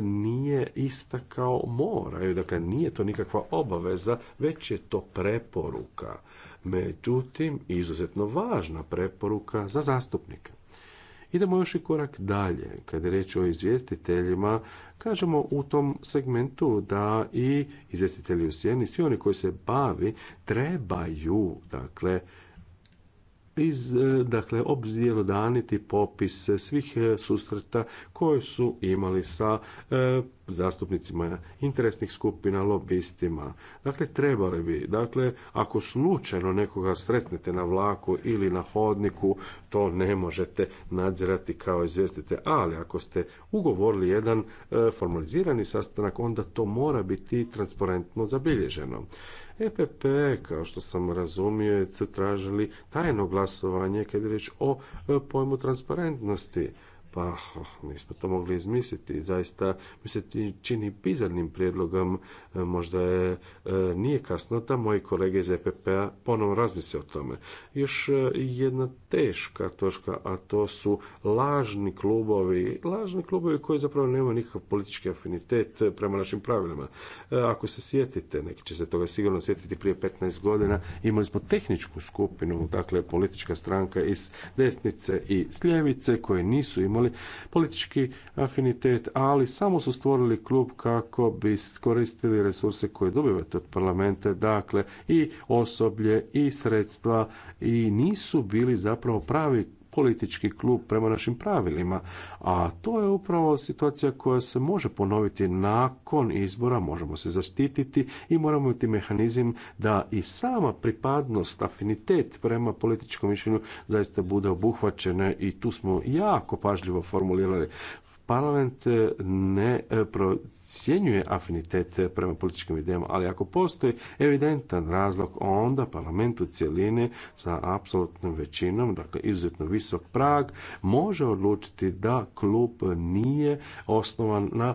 nije ista kao moraju, dakle nije to nikakva obaveza, već je to preporuka. Međutim, izuzetno važna preporuka za zastupnike. Idemo još i korak dalje. Kad je reč o izvjestiteljima, kažemo u tom segmentu da i izvjestitelji u sjeni, svi oni koji se bavi, trebaju, dakle, iz, e, dakle, popis svih e, susreta koje su imali sa e, zastupnicima interesnih skupina, lobistima. Dakle, trebali bi, dakle, ako slučajno nekoga sretnete na vlaku ili na hodniku, to ne možete nadzirati kao izvjestite, ali ako ste ugovorili jedan formalizirani sastanak, onda to mora biti transparentno zabilježeno. EPP, kao što sam razumio, tražili tajno glasovanje kad je riječ o e, pojmu transparentnosti. Pa, nismo oh, to mogli izmisliti. Zaista mi se čini bizarnim prijedlogom. E, možda je, e, nije kasno da moji kolege iz EPP-a ponovno razmisle o tome. Još e, jedna teška točka, a to su lažni klubovi. Lažni klubovi koji zapravo nemaju nikakav politički afinitet prema našim pravilima. Ako se sjetite, neki će se toga sigurno sjetiti prije 15 godina, imali smo tehničku skupinu, dakle politička stranka iz desnice i s koje nisu imali imali politički afinitet, ali samo su stvorili klub kako bi koristili resurse koje dobivate od parlamenta, dakle i osoblje i sredstva i nisu bili zapravo pravi politički klub prema našim pravilima, a to je upravo situacija koja se može ponoviti nakon izbora, možemo se zaštititi i moramo imati mehanizam da i sama pripadnost, afinitet prema političkom mišljenju zaista bude obuhvaćena i tu smo jako pažljivo formulirali parlament eh, ne eh, procjenjuje afinitet eh, prema političkim idejama, ali ako postoji evidentan razlog, onda parlament u cjelini sa apsolutnom većinom, dakle izuzetno visok prag, može odlučiti da klub nije osnovan na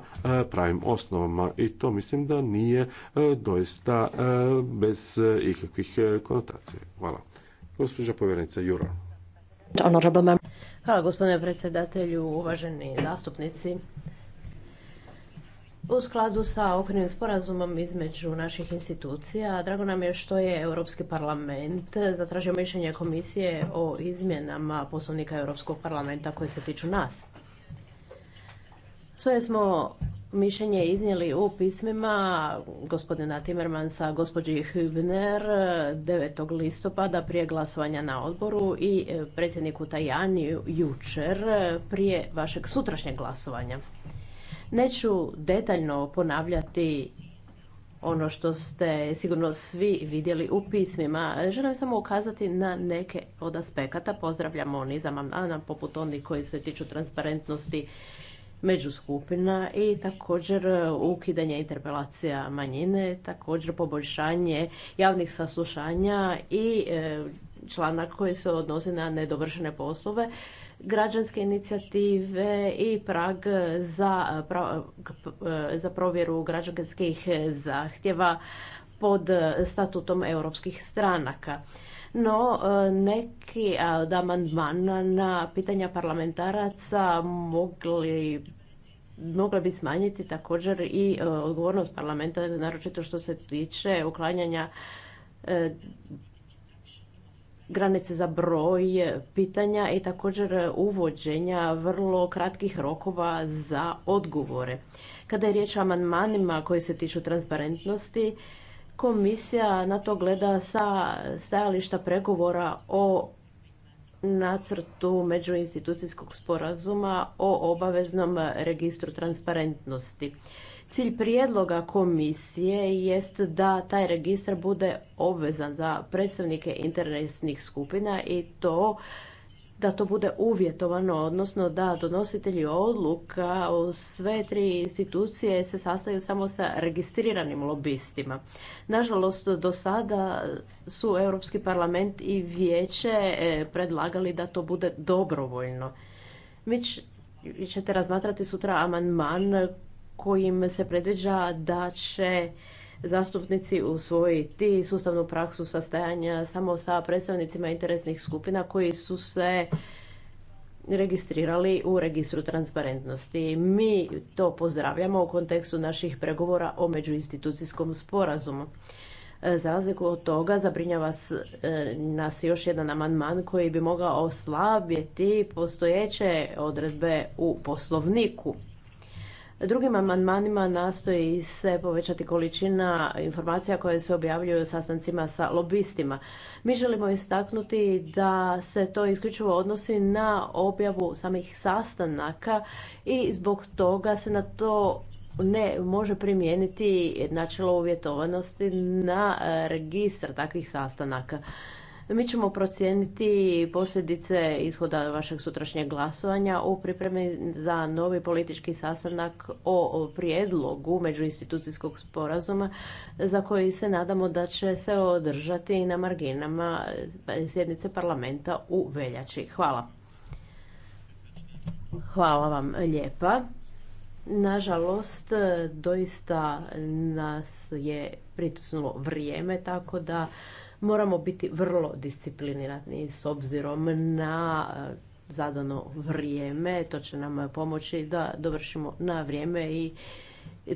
pravim osnovama i to mislim da nije doista bez ikakvih konotacija. Hvala. Gospođa povjerenica Jura. Hvala gospodine predsjedatelju, uvaženi zastupnici. U skladu sa okrenim sporazumom između naših institucija, drago nam je što je Europski parlament zatražio mišljenje komisije o izmjenama poslovnika Europskog parlamenta koje se tiču nas. Svoje smo mišljenje iznijeli u pismima gospodina Timmermansa, gospođi Hübner 9. listopada prije glasovanja na odboru i e, predsjedniku Tajani jučer prije vašeg sutrašnjeg glasovanja. Neću detaljno ponavljati ono što ste sigurno svi vidjeli u pismima. Želim samo ukazati na neke od aspekata. Pozdravljamo niz amandmana poput onih koji se tiču transparentnosti međuskupina i također e, ukidanje interpelacija manjine, također poboljšanje javnih saslušanja i e, članak koji se odnosi na nedovršene poslove, građanske inicijative i prag za, e, za provjeru građanskih zahtjeva pod statutom europskih stranaka no e, neki od amandmana na pitanja parlamentaraca mogli mogla bi smanjiti također i e, odgovornost parlamenta, naročito što se tiče uklanjanja e, granice za broj pitanja i također uvođenja vrlo kratkih rokova za odgovore. Kada je riječ o amandmanima koji se tiču transparentnosti, komisija na to gleda sa stajališta pregovora o nacrtu međuinstitucijskog sporazuma o obaveznom registru transparentnosti. Cilj prijedloga komisije jest da taj registar bude obvezan za predstavnike interesnih skupina i to da to bude uvjetovano, odnosno da donositelji odluka u sve tri institucije se sastaju samo sa registriranim lobistima. Nažalost, do sada su Europski parlament i vijeće e, predlagali da to bude dobrovoljno. Mi ćete razmatrati sutra amandman kojim se predviđa da će zastupnici usvojiti sustavnu praksu sastajanja samo sa predstavnicima interesnih skupina koji su se registrirali u registru transparentnosti. Mi to pozdravljamo u kontekstu naših pregovora o međuinstitucijskom sporazumu. E, za razliku od toga zabrinjava e, nas još jedan amandman koji bi mogao oslabiti postojeće odredbe u poslovniku. Drugim amandmanima nastoji se povećati količina informacija koje se objavljuju u sastancima sa lobistima. Mi želimo istaknuti da se to isključivo odnosi na objavu samih sastanaka i zbog toga se na to ne može primijeniti načelo uvjetovanosti na registar takvih sastanaka. Mi ćemo procijeniti posljedice ishoda vašeg sutrašnjeg glasovanja u pripremi za novi politički sastanak o prijedlogu međuinstitucijskog sporazuma za koji se nadamo da će se održati na marginama sjednice parlamenta u veljači. Hvala. Hvala vam lijepa. Nažalost, doista nas je pritisnulo vrijeme, tako da moramo biti vrlo disciplinirani s obzirom na e, zadano vrijeme. To će nam pomoći da dovršimo na vrijeme i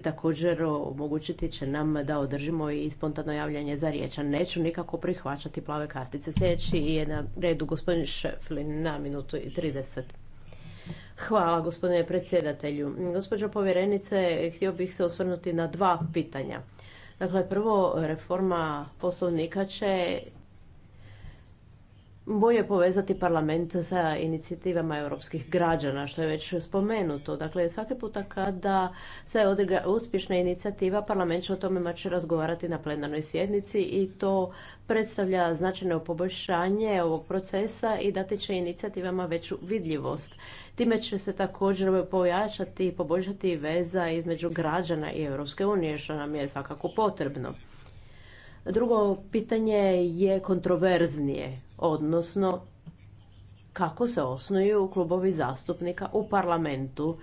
također omogućiti će nam da održimo i spontano javljanje za riječ. Neću nikako prihvaćati plave kartice. Sljedeći je na redu gospodin Šeflin na minutu i 30. Hvala gospodine predsjedatelju. Gospođo povjerenice, htio bih se osvrnuti na dva pitanja. Dakle, prvo reforma poslovnika će bolje povezati parlament sa inicijativama europskih građana, što je već spomenuto. Dakle, svaki puta kada se odigra uspješna inicijativa, parlament će o tome moći razgovarati na plenarnoj sjednici i to predstavlja značajno poboljšanje ovog procesa i dati će inicijativama veću vidljivost. Time će se također pojačati i poboljšati veza između građana i Europske unije, što nam je svakako potrebno. Drugo pitanje je kontroverznije odnosno kako se osnuju klubovi zastupnika u parlamentu.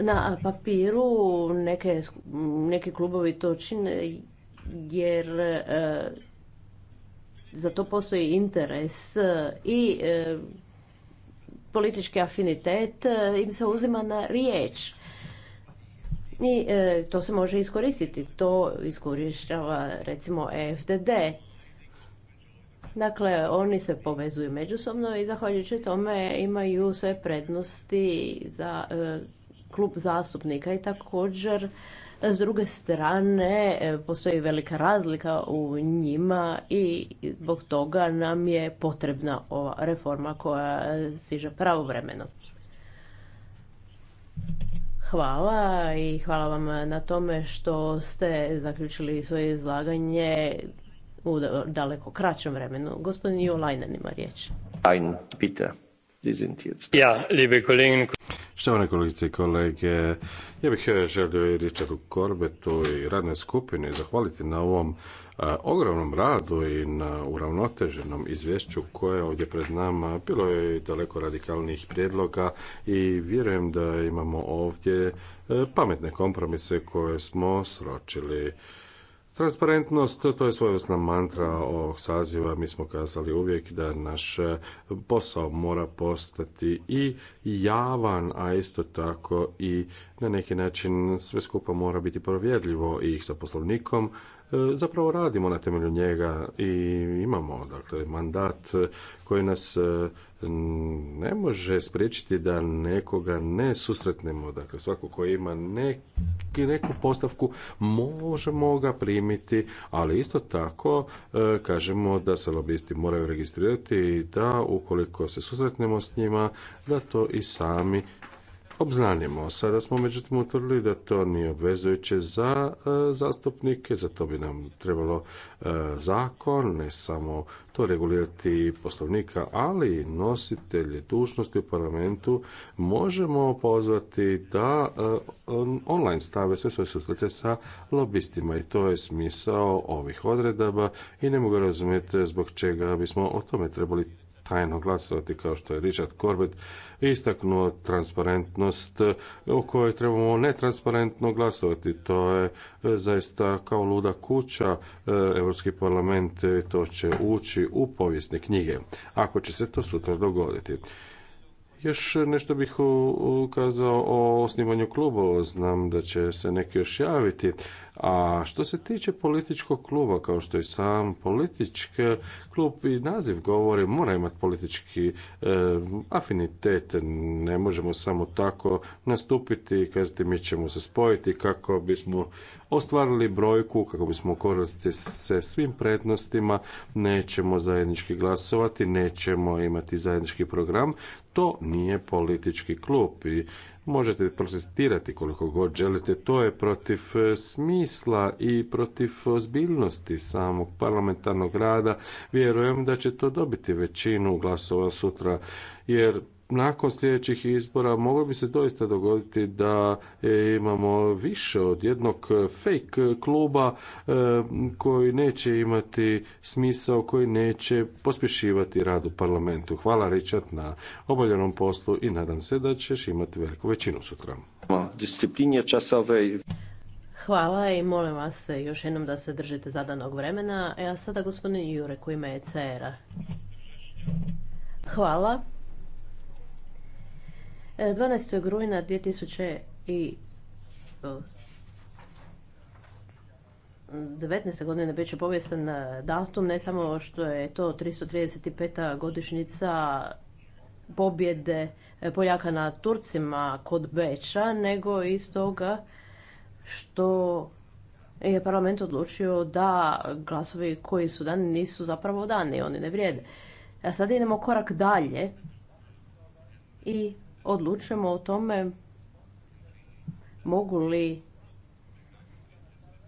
Na papiru neke, neki klubovi to čine jer e, za to postoji interes e, i e, politički afinitet e, im se uzima na riječ. I to se može iskoristiti. To iskorištava recimo FDD. Dakle, oni se povezuju međusobno i zahvaljujući tome imaju sve prednosti za e, klub zastupnika i također e, s druge strane e, postoji velika razlika u njima i zbog toga nam je potrebna ova reforma koja stiže pravovremeno. Hvala i hvala vam na tome što ste zaključili svoje izlaganje u daleko kraćem vremenu. Gospodin Jo Lajnen ima riječ. Ein, bitte. Ja, liebe Kollegen. Štovane kolegice i kolege, ja bih eh, želio i Richardu Korbetu i radnoj skupini zahvaliti na ovom eh, ogromnom radu i na uravnoteženom izvješću koje je ovdje pred nama. Bilo je daleko radikalnih prijedloga i vjerujem da imamo ovdje eh, pametne kompromise koje smo sročili. Transparentnost, to je svojevrsna mantra ovog saziva. Mi smo kazali uvijek da naš posao mora postati i javan, a isto tako i na neki način sve skupa mora biti provjerljivo i sa poslovnikom, zapravo radimo na temelju njega i imamo dakle mandat koji nas e, ne može spriječiti da nekoga ne susretnemo. Dakle, svako ko ima neki, neku postavku, možemo ga primiti, ali isto tako e, kažemo da se lobisti moraju registrirati i da ukoliko se susretnemo s njima, da to i sami obznanimo. Sada smo međutim utvrdili da to nije obvezujuće za e, zastupnike, za to bi nam trebalo e, zakon, ne samo to regulirati poslovnika, ali nositelje dužnosti u parlamentu možemo pozvati da e, online stave sve svoje susrete sa lobistima i to je smisao ovih odredaba i ne mogu razumjeti zbog čega bismo o tome trebali tajno glasovati kao što je Richard Corbett istaknuo transparentnost o kojoj trebamo netransparentno glasovati. To je e, zaista kao luda kuća. E, Europski parlament e, to će ući u povijesne knjige. Ako će se to sutra dogoditi. Još nešto bih ukazao o osnivanju klubova. Znam da će se neki još javiti. A što se tiče političkog kluba, kao što i sam politički klub i naziv govori, mora imati politički e, afinitet. Ne možemo samo tako nastupiti i kazati mi ćemo se spojiti kako bismo ostvarili brojku, kako bismo koristili se svim prednostima, nećemo zajednički glasovati, nećemo imati zajednički program. To nije politički klub i možete protestirati koliko god želite, to je protiv e, smisla i protiv ozbiljnosti samog parlamentarnog rada. Vjerujem da će to dobiti većinu glasova sutra, jer nakon sljedećih izbora moglo bi se doista dogoditi da e, imamo više od jednog fake kluba e, koji neće imati smisao, koji neće pospješivati rad u parlamentu. Hvala Richard na oboljenom poslu i nadam se da ćeš imati veliku većinu sutra. Hvala i molim vas još jednom da se držite zadanog vremena. E, a sada gospodin Jurek u ime ECR-a. Hvala. 12. rujna 2000 i 19. godine bit će povijestan datum, ne samo što je to 335. godišnjica pobjede e, Poljaka na Turcima kod Beča, nego i stoga što je parlament odlučio da glasovi koji su dani nisu zapravo dani, oni ne vrijede. A sada idemo korak dalje i odlučujemo o tome mogu li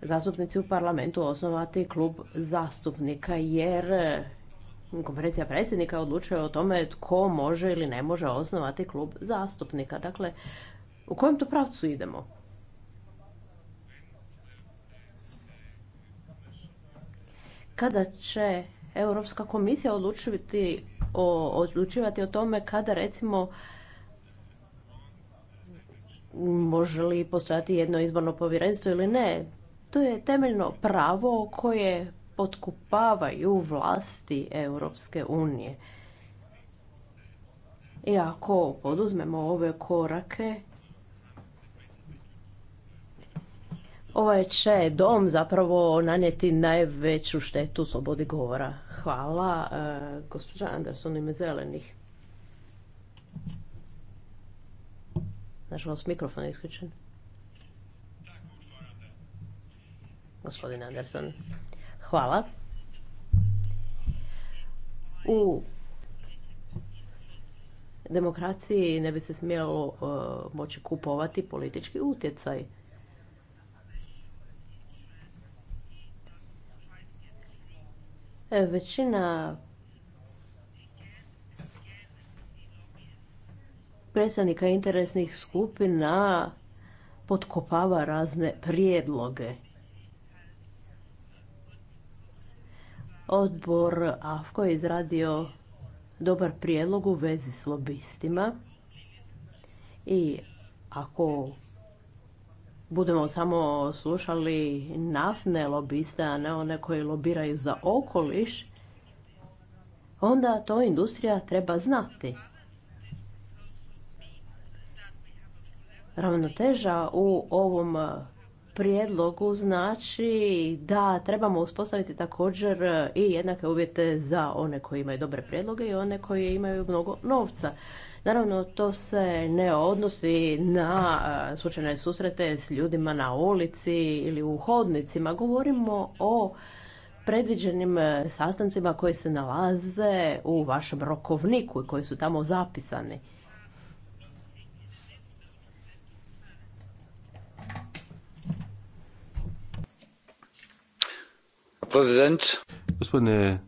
zastupnici u parlamentu osnovati klub zastupnika jer konferencija predsjednika odlučuje o tome tko može ili ne može osnovati klub zastupnika. Dakle, u kojem to pravcu idemo? Kada će Europska komisija odlučivati o, odlučivati o tome kada recimo može li postojati jedno izborno povjerenstvo ili ne. To je temeljno pravo koje potkupavaju vlasti Europske unije. I ako poduzmemo ove korake, ovaj će dom zapravo nanijeti najveću štetu slobodi govora. Hvala, e, gospođa Anderson ime zelenih. Nažalost, ono mikrofon je isključen. Gospodin Anderson. Hvala. U demokraciji ne bi se smjelo uh, moći kupovati politički utjecaj. E, većina predstavnika interesnih skupina potkopava razne prijedloge. Odbor AFKO je izradio dobar prijedlog u vezi s lobistima i ako budemo samo slušali naftne lobiste, a ne one koji lobiraju za okoliš, onda to industrija treba znati. ravnoteža u ovom prijedlogu znači da trebamo uspostaviti također i jednake uvjete za one koji imaju dobre prijedloge i one koji imaju mnogo novca. Naravno, to se ne odnosi na slučajne susrete s ljudima na ulici ili u hodnicima. Govorimo o predviđenim sastancima koji se nalaze u vašem rokovniku i koji su tamo zapisani. Gospodine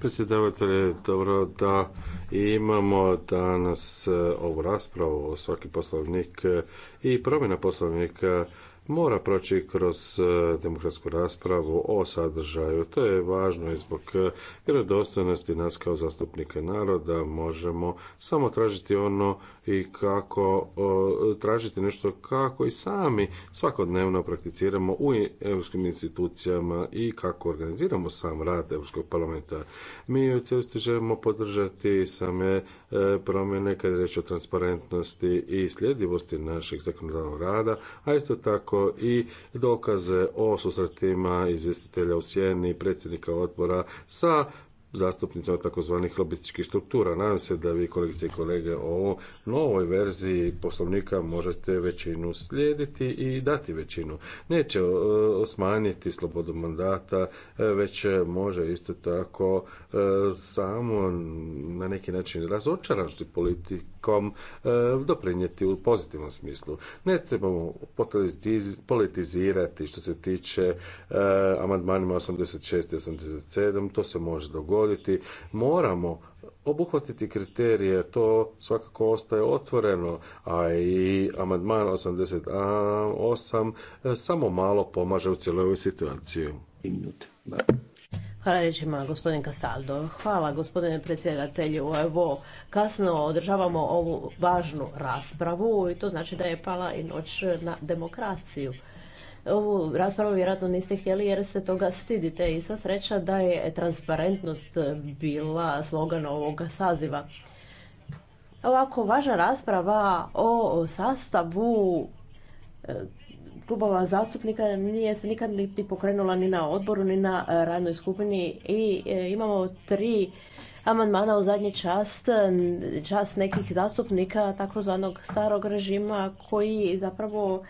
predsjedavatelje, dobro da imamo danas e, ovu raspravu o svaki poslovnik e, i promjena poslovnika mora proći kroz e, demokratsku raspravu o sadržaju. To je važno i zbog vjerodostojnosti nas kao zastupnika naroda možemo samo tražiti ono i kako tražiti nešto kako i sami svakodnevno prakticiramo u europskim institucijama i kako organiziramo sam rad Europskog parlamenta. Mi u cijelosti želimo podržati same e, promjene kada je reč o transparentnosti i sljedivosti našeg zakonodavnog rada, a isto tako i dokaze o susretima izvjestitelja u sjeni, predsjednika odbora sa zastupnicama takozvanih lobističkih struktura. Nadam se da vi, kolegice i kolege, o novoj verziji poslovnika možete većinu slijediti i dati većinu. Neće osmanjiti e, slobodu mandata, e, već može isto tako e, samo na neki način razočarati politiku politikom e, doprinijeti u pozitivnom smislu. Ne trebamo politizirati što se tiče e, amandmanima 86 i 87, to se može dogoditi. Moramo obuhvatiti kriterije, to svakako ostaje otvoreno, a i amandman 88 e, samo malo pomaže u cijeloj ovoj situaciji. Da. Hvala rečima, gospodin Kastaldo. Hvala, gospodine predsjedatelju. Evo, kasno održavamo ovu važnu raspravu i to znači da je pala i noć na demokraciju. Ovu raspravu vjerojatno niste htjeli jer se toga stidite i sa sreća da je transparentnost bila slogan ovoga saziva. Ovako važna rasprava o sastavu e, klubova zastupnika nije se nikad niti pokrenula ni na odboru ni na e, radnoj skupini i e, imamo tri amandmana u zadnji čast, čast nekih zastupnika takozvanog starog režima koji zapravo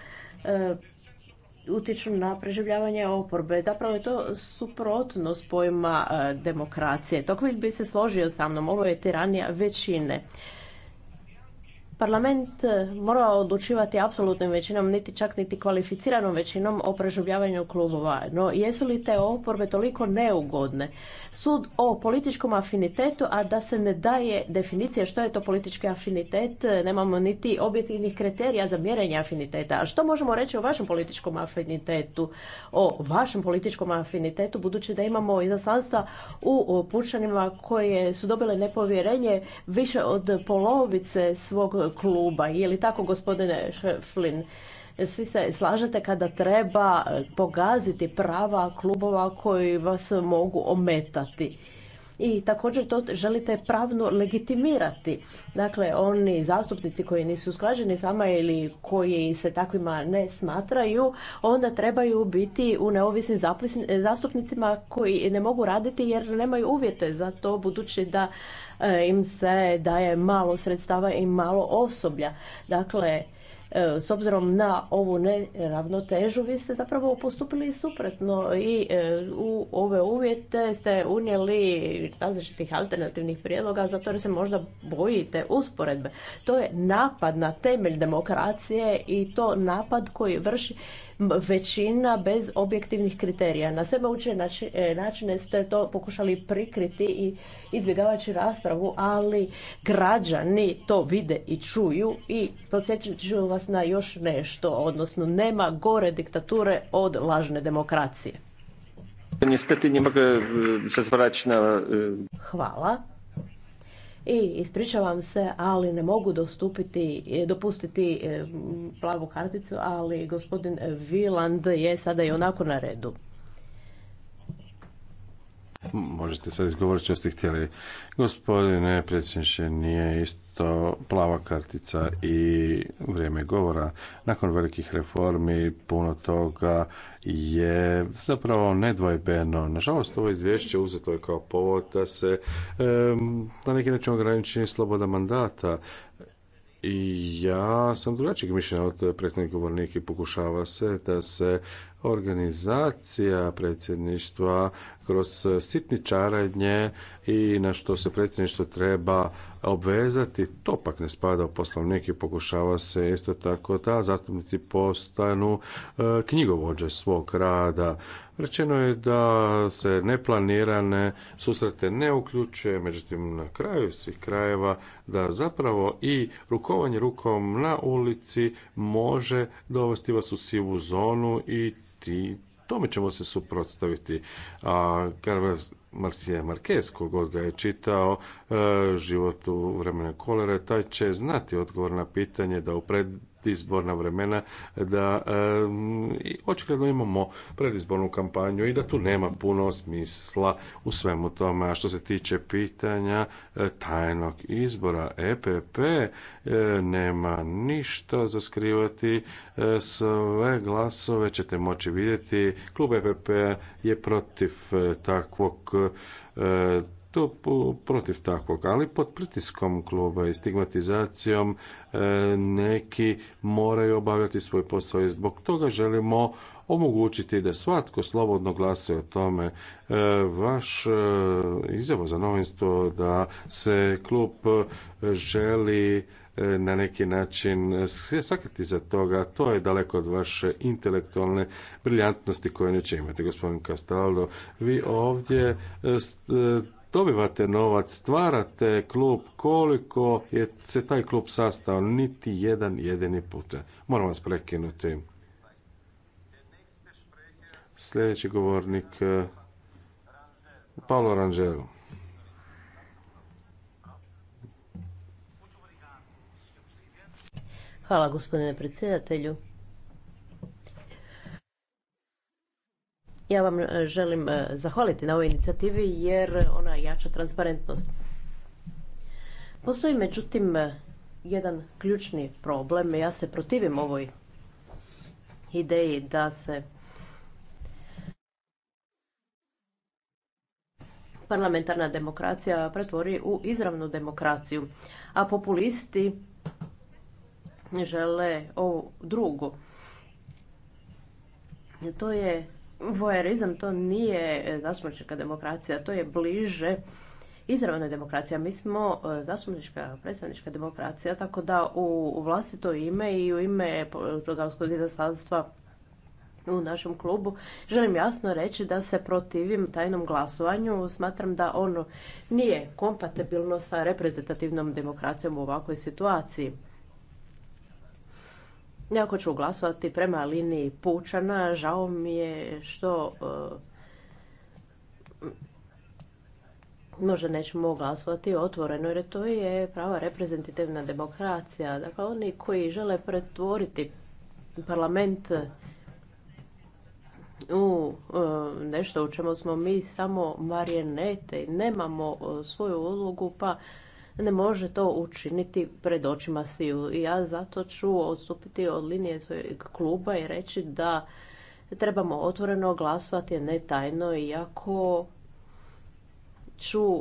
e, utječu na preživljavanje oporbe. Zapravo je to suprotno s pojma e, demokracije. Tokvilj bi se složio sa mnom, ovo je tiranija većine. Parlament e, mora odlučivati apsolutnom većinom, niti čak niti kvalificiranom većinom o preživljavanju klubova. No, jesu li te oporbe toliko neugodne? Sud o političkom afinitetu, a da se ne daje definicija što je to politički afinitet, e, nemamo niti objektivnih kriterija za mjerenje afiniteta. A što možemo reći o vašem političkom afinitetu? O vašem političkom afinitetu, budući da imamo izaslanstva u pučanima koje su dobile nepovjerenje više od polovice svog kluba. Je li tako, gospodine Šeflin? Svi se slažete kada treba pogaziti prava klubova koji vas mogu ometati i također to želite pravno legitimirati. Dakle, oni zastupnici koji nisu usklađeni s vama ili koji se takvima ne smatraju, onda trebaju biti u neovisnim zastupnicima koji ne mogu raditi jer nemaju uvjete za to budući da im se daje malo sredstava i malo osoblja. Dakle, E, s obzirom na ovu neravnotežu, vi ste zapravo postupili suprotno i e, u ove uvjete ste unijeli različitih alternativnih prijedloga, zato jer se možda bojite usporedbe. To je napad na temelj demokracije i to napad koji vrši većina bez objektivnih kriterija. Na sve moguće e, načine ste to pokušali prikriti i izbjegavajući raspravu, ali građani to vide i čuju i podsjetit ću vas vas na još nešto, odnosno nema gore diktature od lažne demokracije. E, e, Hvala. I ispričavam se, ali ne mogu dostupiti, e, dopustiti plavu karticu, ali gospodin Viland je sada i onako na redu. Možete sad izgovoriti što ste htjeli. Gospodine predsjedniče, nije isto plava kartica i vrijeme govora. Nakon velikih reformi puno toga je zapravo nedvojbeno. Nažalost, ovo izvješće uzeto je kao povod da se na neki način ograniči sloboda mandata. I ja sam drugačijeg mišljenja od prethodnih govornika i pokušava se da se organizacija predsjedništva kroz sitničarenje i na što se predsjedništvo treba obvezati, to pak ne spada u poslovnik i pokušava se isto tako da zastupnici postanu e, knjigovođe svog rada. Rečeno je da se neplanirane susrete ne uključuje, međutim na kraju svih krajeva da zapravo i rukovanje rukom na ulici može dovesti vas u sivu zonu i i tome ćemo se suprotstaviti. A Carlos Marcija Marquez, kogod ga je čitao, e, život u vremenu kolere, taj će znati odgovor na pitanje da u pred izborna vremena da očigledno imamo predizbornu kampanju i da tu nema puno smisla u svemu tome. A što se tiče pitanja e, tajnog izbora EPP e, nema ništa za skrivati. E, sve glasove ćete moći vidjeti. Klub EPP je protiv takvog to protiv takvog, ali pod pritiskom kluba i stigmatizacijom e, neki moraju obavljati svoj posao i zbog toga želimo omogućiti da svatko slobodno glasuje o tome. E, vaš e, izjavo za novinstvo da se klub želi na neki način sakriti za toga, to je daleko od vaše intelektualne briljantnosti koje neće imati. Gospodin Castaldo, vi ovdje dobivate novac, stvarate klub, koliko je se taj klub sastao, niti jedan jedini put. Moram vas prekinuti. Sljedeći govornik, eh, Paolo Rangelo. Hvala gospodine predsjedatelju. Ja vam e, želim e, zahvaliti na ovoj inicijativi jer ona jača transparentnost. Postoji međutim e, jedan ključni problem. Ja se protivim ovoj ideji da se parlamentarna demokracija pretvori u izravnu demokraciju, a populisti žele ovu drugu. To je vojerizam to nije e, zastupnička demokracija, to je bliže izravnoj demokracija. Mi smo e, zastupnička, predstavnička demokracija, tako da u vlastito ime i u ime portugalskog izaslanstva u našem klubu, želim jasno reći da se protivim tajnom glasovanju. Smatram da ono nije kompatibilno sa reprezentativnom demokracijom u ovakvoj situaciji. Jako ću glasovati prema liniji Pučana. Žao mi je što e, možda nećemo glasovati otvoreno jer to je prava reprezentativna demokracija. Dakle, oni koji žele pretvoriti parlament u e, nešto u čemu smo mi samo marionete, nemamo e, svoju ulogu, pa ne može to učiniti pred očima sviju. ja zato ću odstupiti od linije svojeg kluba i reći da trebamo otvoreno glasovati, ne tajno, iako ću e,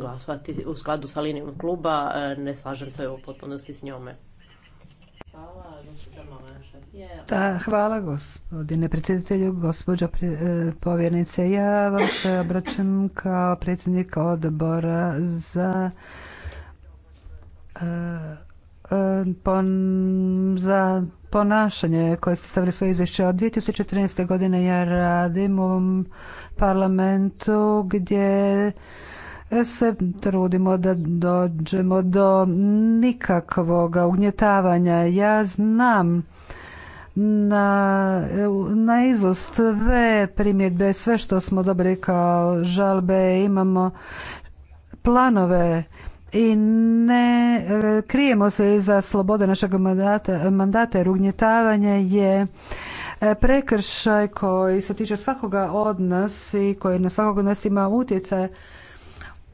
glasovati u skladu sa linijom kluba, e, ne slažem se u potpunosti s njome hvala gospodine predsjedatelju, gospođo e, povjernice. Ja vam se obraćam kao predsjednika odbora za e, e, za ponašanje koje ste stavili svoje izvješće od 2014. godine ja radim u ovom parlamentu gdje se trudimo da dođemo do nikakvog ugnjetavanja. Ja znam na, na sve primjedbe, sve što smo dobili kao žalbe, imamo planove i ne e, krijemo se iza slobode našeg mandata, mandata jer ugnjetavanje je e, prekršaj koji se tiče svakoga od nas i koji na svakog od nas ima utjecaj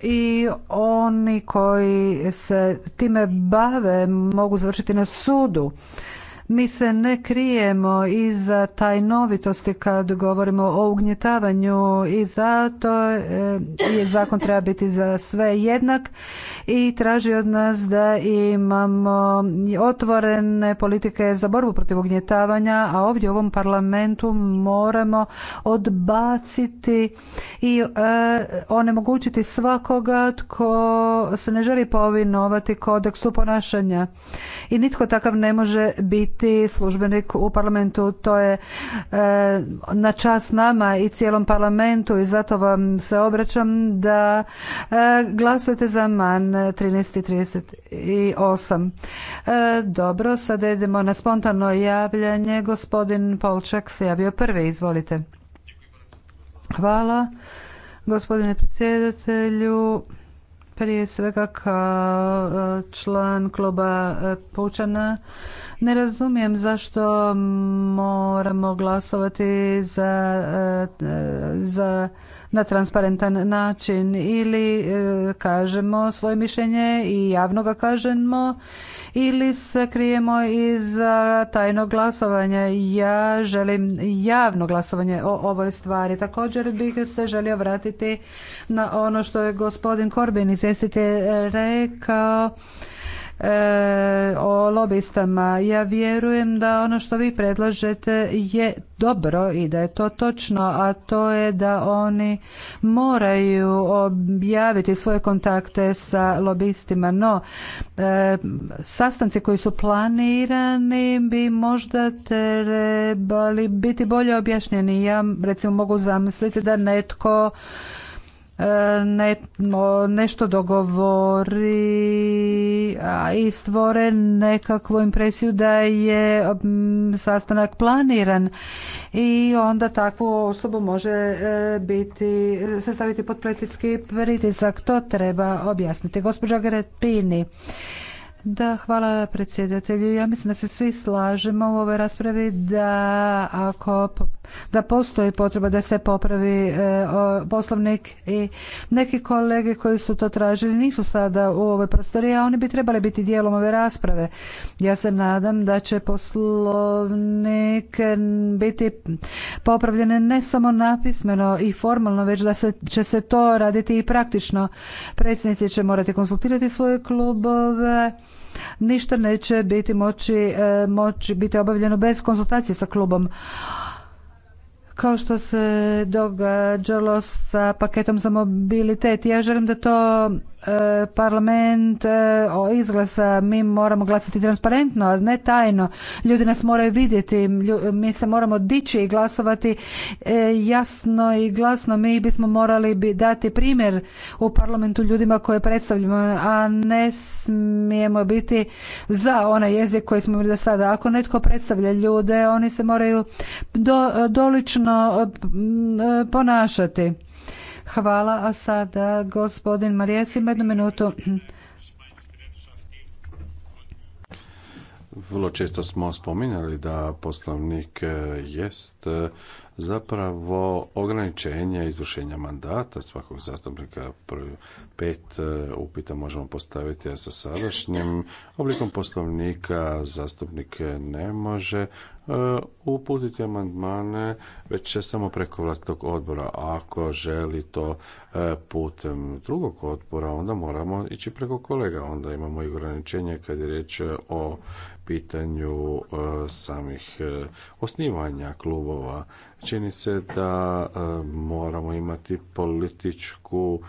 i oni koji se time bave mogu završiti na sudu mi se ne krijemo iza tajnovitosti kad govorimo o ugnjetavanju i zato je zakon treba biti za sve jednak i traži od nas da imamo otvorene politike za borbu protiv ugnjetavanja, a ovdje u ovom parlamentu moramo odbaciti i e, onemogućiti svakoga tko se ne želi povinovati kodeksu ponašanja i nitko takav ne može biti službenik u parlamentu. To je e, na čast nama i cijelom parlamentu i zato vam se obraćam da e, glasujete za man 13.38. E, dobro, sad idemo na spontano javljanje. Gospodin Polčak se javio prvi, izvolite. Hvala. Gospodine predsjedatelju, prije svega kao e, član kluba e, Pučana ne razumijem zašto moramo glasovati za, e, za na transparentan način ili e, kažemo svoje mišljenje i javno ga kažemo ili se krijemo i za glasovanja. Ja želim javno glasovanje o ovoj stvari. Također bih se želio vratiti na ono što je gospodin Korbin izvjestitelj rekao E, o lobistama. Ja vjerujem da ono što vi predlažete je dobro i da je to točno, a to je da oni moraju objaviti svoje kontakte sa lobistima. No, e, sastanci koji su planirani bi možda trebali biti bolje objašnjeni. Ja recimo mogu zamisliti da netko ne, nešto dogovori a i stvore nekakvu impresiju da je sastanak planiran i onda takvu osobu može e, biti, sastaviti pod politički pritisak. To treba objasniti. Gospođa pini. Da, hvala predsjedatelju. Ja mislim da se svi slažemo u ovoj raspravi da ako da postoji potreba da se popravi e, poslovnik i neki kolege koji su to tražili nisu sada u ovoj prostoriji, a oni bi trebali biti dijelom ove rasprave. Ja se nadam da će poslovnik biti popravljen ne samo napismeno i formalno, već da se, će se to raditi i praktično. Predsjednici će morati konsultirati svoje klubove Ništa neće biti moći, e, moći biti obavljeno bez konzultacije sa klubom kao što se događalo sa paketom za mobilitet. Ja želim da to E, parlament e, izglasa, mi moramo glasati transparentno, a ne tajno. Ljudi nas moraju vidjeti, mi se moramo dići i glasovati e, jasno i glasno. Mi bismo morali dati primjer u parlamentu ljudima koje predstavljamo, a ne smijemo biti za onaj jezik koji smo imali do sada. Ako netko predstavlja ljude, oni se moraju dolično ponašati. Hvala, a sada gospodin Marijes, ima jednu minutu. Vrlo često smo spominjali da poslovnik jest zapravo ograničenje izvršenja mandata svakog zastupnika pet e, upita možemo postaviti, a sa sadašnjim oblikom poslovnika zastupnik ne može e, uputiti amandmane već samo preko vlastitog odbora. ako želi to e, putem drugog odbora, onda moramo ići preko kolega. Onda imamo i ograničenje kad je riječ o pitanju samih osnivanja klubova Čini se da e, moramo imati političku,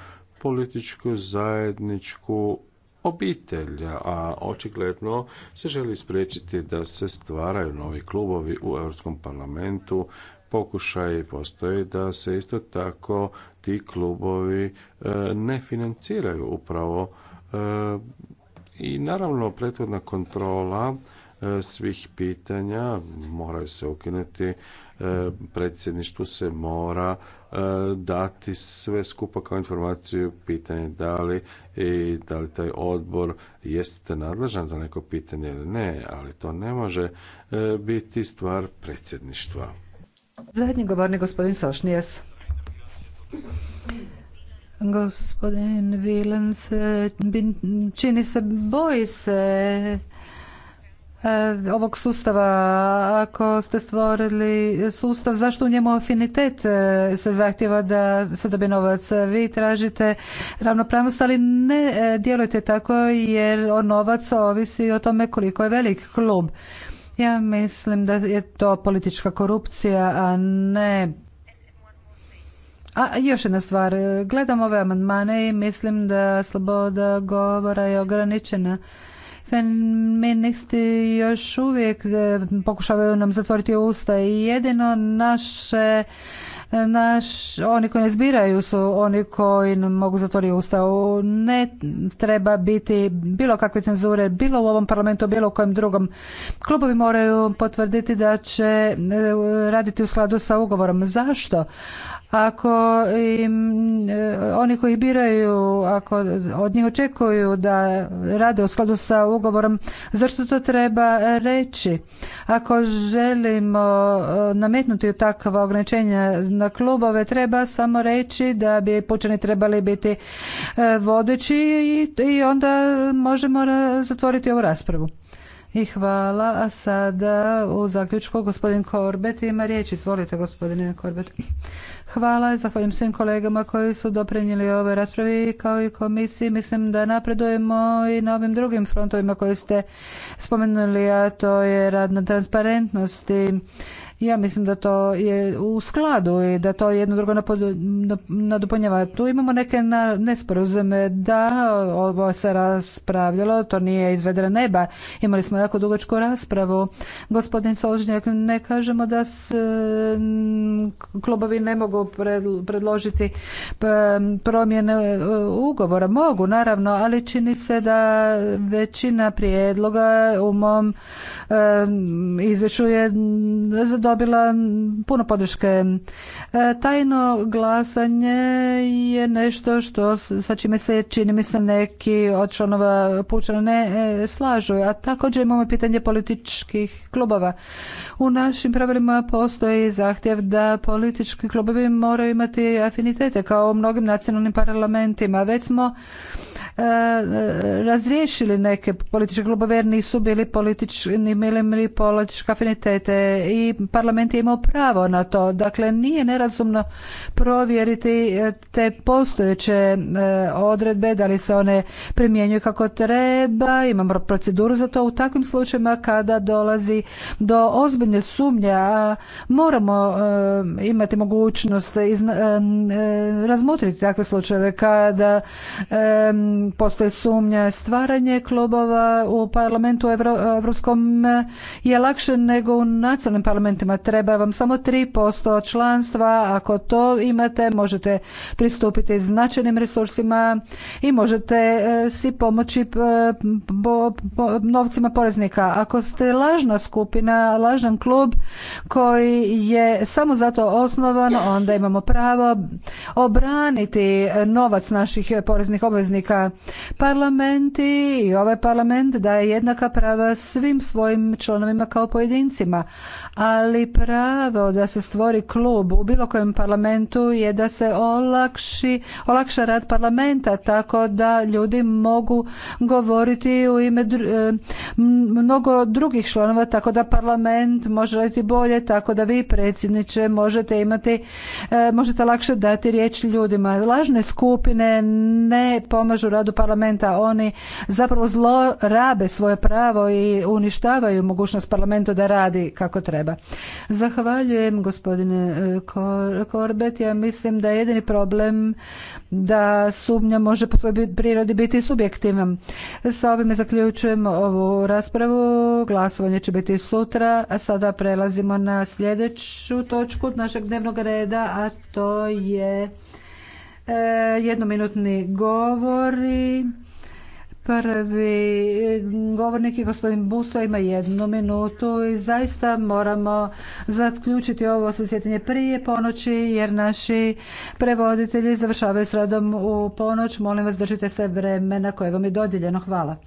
političku zajedničku obitelja, a očigledno se želi spriječiti da se stvaraju novi klubovi u Europskom parlamentu. Pokušaj postoji da se isto tako ti klubovi e, ne financiraju upravo e, i naravno prethodna kontrola svih pitanja moraju se ukinuti e, predsjedništvu se mora e, dati sve skupa kao informaciju pitanje da li i da li taj odbor jeste nadležan za neko pitanje ili ne, ali to ne može e, biti stvar predsjedništva. Zadnji govornik gospodin Sošnijas. Gospodin Vilens, čini se boji se E, ovog sustava. Ako ste stvorili sustav, zašto u njemu afinitet e, se zahtjeva da se dobije novac? Vi tražite ravnopravnost, ali ne e, djelujte tako jer novac ovisi o tome koliko je velik klub. Ja mislim da je to politička korupcija, a ne a još jedna stvar, gledam ove amandmane i mislim da sloboda govora je ograničena. Feministi još uvijek e, pokušavaju nam zatvoriti usta i jedino naše naš, oni koji ne zbiraju su oni koji mogu zatvoriti usta. Ne treba biti bilo kakve cenzure, bilo u ovom parlamentu, bilo u kojem drugom. Klubovi moraju potvrditi da će e, raditi u skladu sa ugovorom. Zašto? ako im, e, oni koji biraju, ako od njih očekuju da rade u skladu sa ugovorom, zašto to treba reći? Ako želimo e, nametnuti takva ograničenja na klubove, treba samo reći da bi pučani trebali biti e, vodeći i onda možemo zatvoriti ovu raspravu. I hvala. A sada u zaključku gospodin Korbet ima riječ. Izvolite gospodine Korbet. Hvala, zahvaljujem svim kolegama koji su doprinijeli ovoj raspravi kao i komisiji. Mislim da napredujemo i na ovim drugim frontovima koje ste spomenuli, a to je rad na transparentnosti ja mislim da to je u skladu i da to jedno drugo nadopunjava. Tu imamo neke nesporazume da ovo se raspravljalo, to nije iz vedra neba. Imali smo jako dugačku raspravu. Gospodin Solžnjak, ne kažemo da se mm, klubovi ne mogu predložiti promjene e, ugovora. Mogu, naravno, ali čini se da većina prijedloga u mom izvješću je dobila puno podrške. E, tajno glasanje je nešto što sa čime se čini mi se neki od članova pučana ne e, slažu, a također imamo pitanje političkih klubova. U našim pravilima postoji zahtjev da politički klubovi moraju imati afinitete kao u mnogim nacionalnim parlamentima. Već smo E, razriješili neke političke klubove jer nisu bili politični, ili političke afinitete i parlament je imao pravo na to. Dakle, nije nerazumno provjeriti e, te postojeće e, odredbe, da li se one primjenjuju kako treba, imamo proceduru za to u takvim slučajima kada dolazi do ozbiljne sumnje, a moramo imati mogućnost razmotriti takve slučajeve kada Postoje sumnja. Stvaranje klubova u parlamentu europskom e, je lakše nego u nacionalnim parlamentima. Treba vam samo 3% članstva. Ako to imate, možete pristupiti značajnim resursima i možete e, si pomoći e, novcima poreznika. Ako ste lažna skupina, lažan klub koji je samo zato osnovan, onda imamo pravo obraniti novac naših poreznih obveznika Parlamenti i ovaj parlament daje jednaka prava svim svojim članovima kao pojedincima, ali pravo da se stvori klub u bilo kojem parlamentu je da se olakši, olakša rad parlamenta tako da ljudi mogu govoriti u ime e, mnogo drugih članova tako da parlament može raditi bolje, tako da vi predsjedniče možete imati, e, možete lakše dati riječ ljudima. Lažne skupine ne pomažu radu parlamenta. Oni zapravo zlorabe svoje pravo i uništavaju mogućnost parlamentu da radi kako treba. Zahvaljujem gospodine e, Korbet. Ja mislim da je jedini problem da sumnja može po svojoj prirodi biti subjektivan. Sa ovime zaključujem ovu raspravu. Glasovanje će biti sutra. A sada prelazimo na sljedeću točku našeg dnevnog reda, a to je E, jednominutni govori. Prvi e, govornik je gospodin Buso, ima jednu minutu i zaista moramo zaključiti ovo sasjetanje prije ponoći jer naši prevoditelji završavaju s radom u ponoć. Molim vas držite se vremena koje vam je dodijeljeno. Hvala.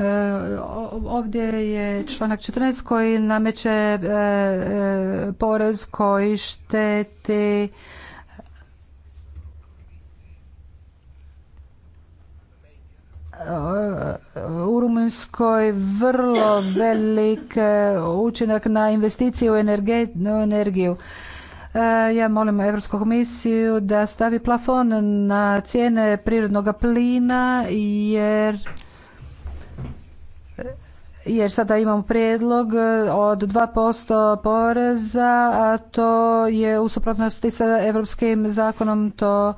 E, ovdje je članak 14 koji nameće e, e, porez koji šteti u Rumunjskoj vrlo velik učinak na investicije u energiju. Ja molim Evropsku komisiju da stavi plafon na cijene prirodnog plina jer jer sada imamo prijedlog e, od 2% poreza, a to je u suprotnosti sa europskim zakonom, to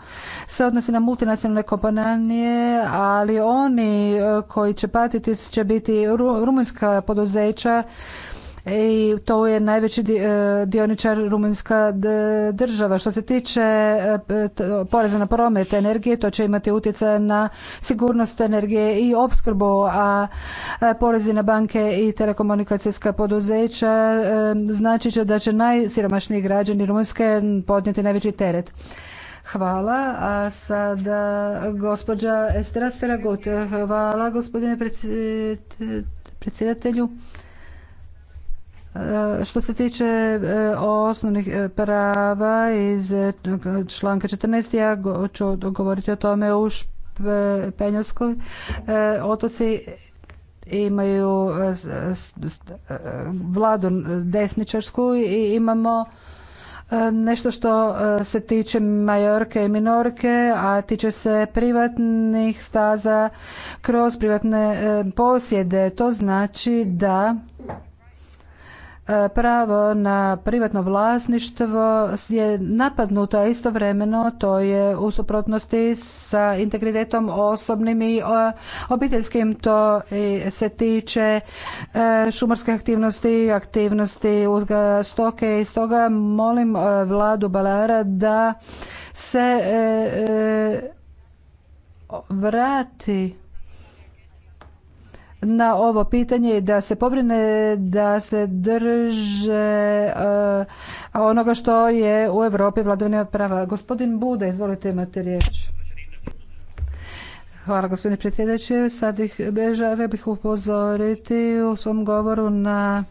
se odnosi na multinacionalne kompanije, ali oni e, koji će patiti će biti rumunjska poduzeća E, i to je najveći e, dioničar rumunjska država. Što se tiče e, poreza na promet energije, to će imati utjecaj na sigurnost energije i opskrbu, a porezi na banke i telekomunikacijska poduzeća znači će da će najsiromašniji građani Rumunjske podnijeti najveći teret. Hvala. A sada gospođa Estera Sferagut. Hvala gospodine predsjedatelju. E, što se tiče e, osnovnih e, prava iz članka 14. ja ću govoriti o tome u Špenjolskoj. Otoci imaju vladu desničarsku i imamo nešto što se tiče Majorke i Minorke, a tiče se privatnih staza kroz privatne posjede. To znači da E, pravo na privatno vlasništvo je napadnuto, a istovremeno to je u suprotnosti sa integritetom osobnim i obiteljskim. To se tiče e, šumarske aktivnosti, aktivnosti uzga stoke i stoga molim e, vladu Balara da se vrati na ovo pitanje i da se pobrine da se drže uh, onoga što je u Europi vladavina prava. Gospodin Buda, izvolite imate riječ. Hvala gospodine predsjedeće. Sad ih bežale bih upozoriti u svom govoru na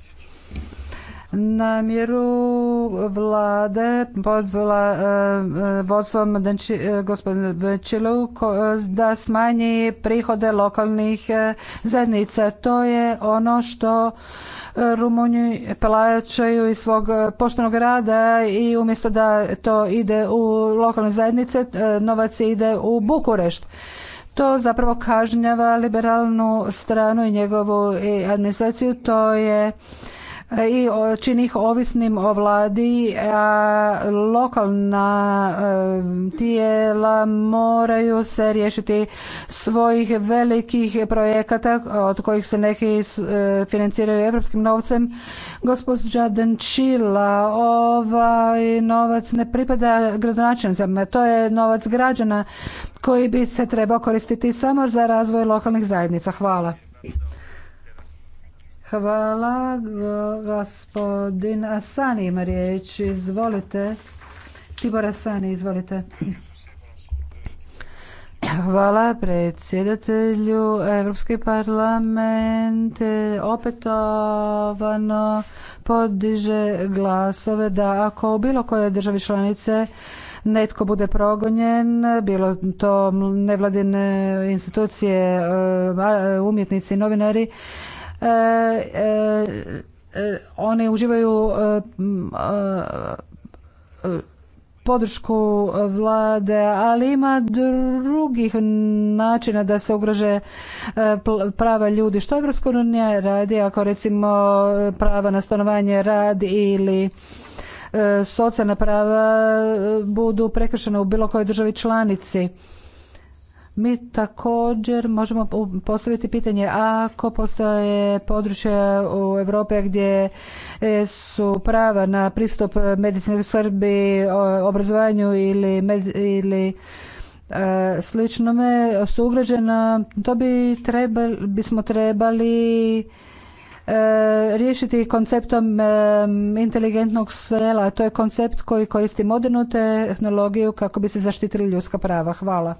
namjeru vlade pod eh, vodstvom eh, gospodina Bečilu eh, da smanji prihode lokalnih zajednica. To je ono što Rumunji plaćaju iz svog poštenog rada i umjesto da to ide u lokalne zajednice, novac ide u Bukurešt. To zapravo kažnjava liberalnu stranu i njegovu administraciju. To je i čini ih ovisnim o vladi, a lokalna e, tijela moraju se riješiti svojih velikih projekata od kojih se neki e, financiraju europskim novcem. Gospođa Dančila, ovaj novac ne pripada gradonačelnicama, to je novac građana koji bi se trebao koristiti samo za razvoj lokalnih zajednica. Hvala. Hvala, gospodin Asani ima riječ. Izvolite. Tibor Asani, izvolite. Hvala predsjedatelju. Europski parlament opetovano podiže glasove da ako u bilo koje državi članice netko bude progonjen, bilo to nevladine institucije, e, umjetnici, novinari, E, e, e, oni uživaju podršku vlade, ali ima drugih načina da se ugrože prava ljudi. Što Evropska unija radi ako recimo prava na stanovanje, rad ili socijalna prava budu prekršena u bilo kojoj državi članici? Mi također možemo postaviti pitanje ako postoje područje u Europi gdje e, su prava na pristup medicinskoj skrbi, obrazovanju ili, ili e, sličnome su ugrađena, to bi trebali, bismo trebali e, riješiti konceptom inteligentnog sela. To je koncept koji koristi modernu tehnologiju kako bi se zaštitili ljudska prava. Hvala.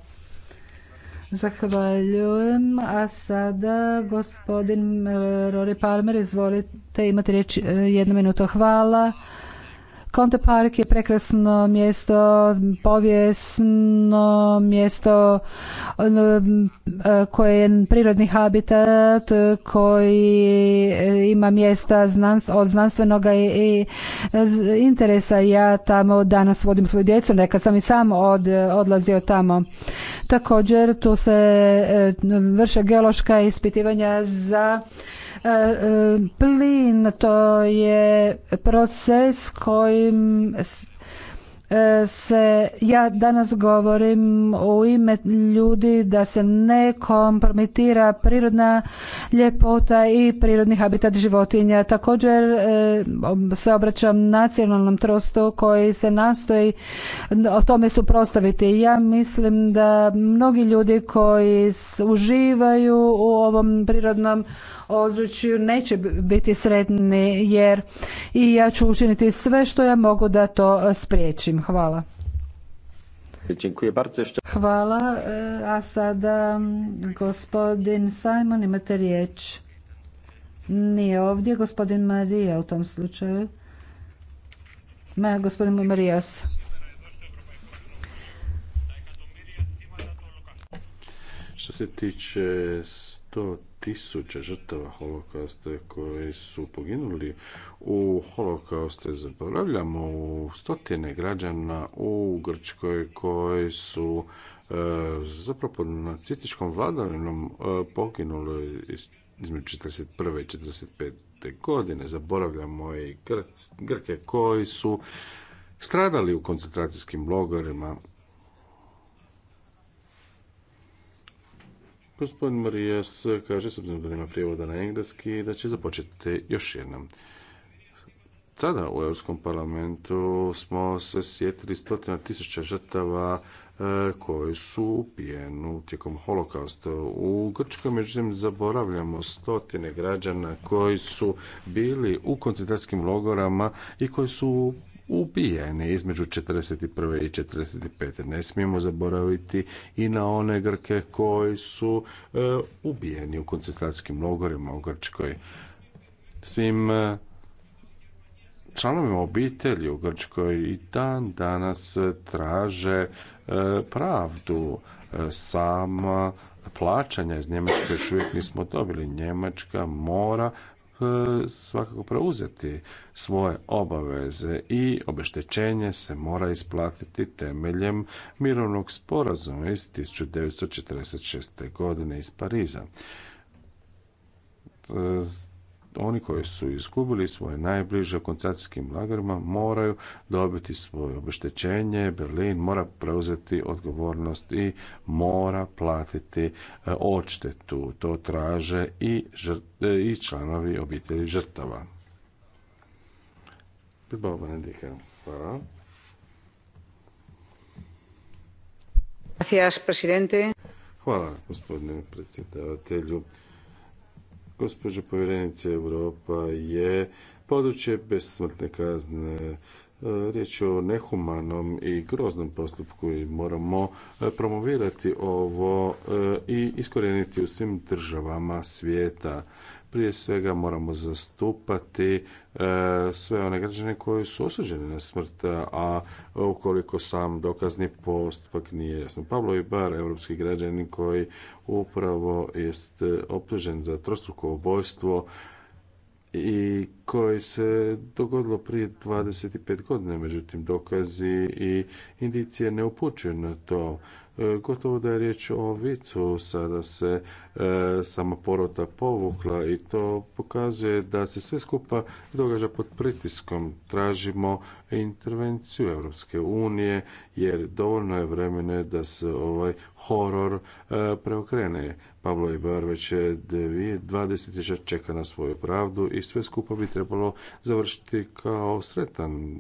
Zahvaljujem. A sada gospodin eh, Rory Palmer, izvolite, imati riječ eh, jednu minutu. Hvala. Conte Park je prekrasno mjesto, povijesno mjesto e, koje je prirodni habitat, koji e, ima mjesta od znanstvenoga i e, interesa. Ja tamo danas vodim svoju djecu, nekad sam i sam odlazio tamo. Također tu se vrše geološka ispitivanja za E, e, plin, to je proces kojim e, se ja danas govorim u ime ljudi da se ne kompromitira prirodna ljepota i prirodni habitat životinja. Također se obraćam nacionalnom trostu koji se nastoji o tome suprotstaviti. Ja mislim da mnogi ljudi koji uživaju u ovom prirodnom ozručju neće biti sretni jer i ja ću učiniti sve što ja mogu da to e, spriječim. Hvala. Hvala. E, a sada gospodin Simon, imate riječ. Nije ovdje. Gospodin Marija u tom slučaju. Ma, gospodin Marijas. Što se tiče Tisuće žrtava holokausta koji su poginuli u holokaustu. Zaboravljamo u stotine građana u Grčkoj koji su e, zapravo pod nacističkom vladavinom e, poginuli između 41. i 45. godine. Zaboravljamo i Grke koji su stradali u koncentracijskim logorima Gospodin Marijas kaže, s obzirom da nema prijevoda na engleski, da će započeti još jednom. Sada u Europskom parlamentu smo se sjetili stotina tisuća žrtava e, koji su upijeni tijekom holokausta. U Grčkoj, međutim, zaboravljamo stotine građana koji su bili u koncentracijskim logorama i koji su ubijeni između 1941. i 1945. Ne smijemo zaboraviti i na one Grke koji su e, ubijeni u koncentracijskim logorima u Grčkoj. Svim e, članovima obitelji u Grčkoj i dan danas traže e, pravdu e, sama plaćanja iz Njemačke još uvijek nismo dobili. Njemačka mora E, svakako preuzeti svoje obaveze i obeštećenje se mora isplatiti temeljem mirovnog sporazuma iz 1946. godine iz Pariza e, oni koji su izgubili svoje najbliže u koncentracijskim lagerima moraju dobiti svoje obeštećenje. Berlin mora preuzeti odgovornost i mora platiti e, odštetu. To traže i, e, i članovi obitelji žrtava. Hvala. Hvala, gospodine predsjedavatelju. Gospođo povjerenice, Europa je područje besmrtne kazne. E, riječ je o nehumanom i groznom postupku i moramo e, promovirati ovo e, i iskorijeniti u svim državama svijeta. Prije svega moramo zastupati E, sve one građane koji su osuđeni na smrt, a ukoliko sam dokazni postupak nije jasno. Pablo Ibar, evropski građanin koji upravo jest optužen za trostruko ubojstvo i koji se dogodilo prije 25 godina, međutim dokazi i indicije ne upućuju na to E, gotovo da je riječ o vicu, sada se e, sama porota povukla i to pokazuje da se sve skupa događa pod pritiskom. Tražimo intervenciju Europske unije jer dovoljno je vremena da se ovaj horor e, preokrene. Pablo Ibar već je 20 čeka na svoju pravdu i sve skupa bi trebalo završiti kao sretan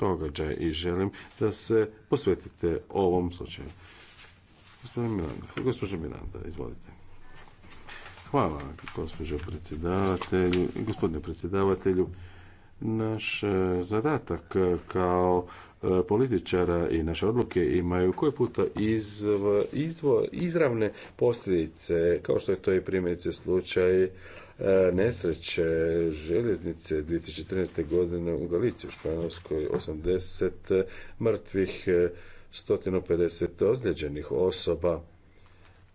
događaj i želim da se posvetite ovom slučaju. Gospodin Miranda, Miranda, izvolite. Hvala, gospođo predsjedavatelju, gospodine predsjedavatelju. Naš e, zadatak e, kao e, političara i naše odluke imaju koje puta izravne posljedice, kao što je to i primjerice slučaj nesreće željeznice 2013. godine u Galiciji u Španjolskoj 80 mrtvih 150 ozlijeđenih osoba.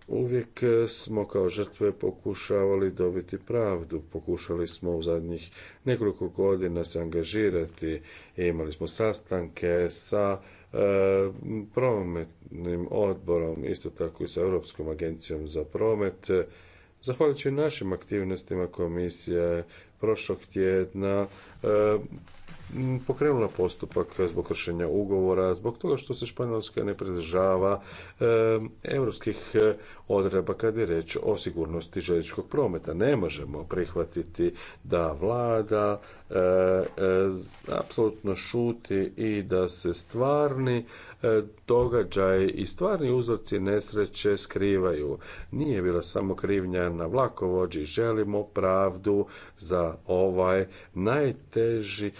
Uvijek e, smo kao žrtve pokušavali dobiti pravdu, pokušali smo u zadnjih nekoliko godina se angažirati, imali smo sastanke sa e, prometnim odborom, isto tako i sa Europskom agencijom za promet. Zahvaljujući našim aktivnostima komisije prošlog tjedna e, pokrenula postupak e, zbog kršenja ugovora, zbog toga što se Španjolska ne pridržava e, europskih e, odreba kad je reč o sigurnosti željezničkog prometa. Ne možemo prihvatiti da vlada apsolutno šuti i da se stvarni e, događaj i stvarni uzorci nesreće skrivaju. Nije bila samo krivnja na vlakovođi. Želimo pravdu za ovaj najteži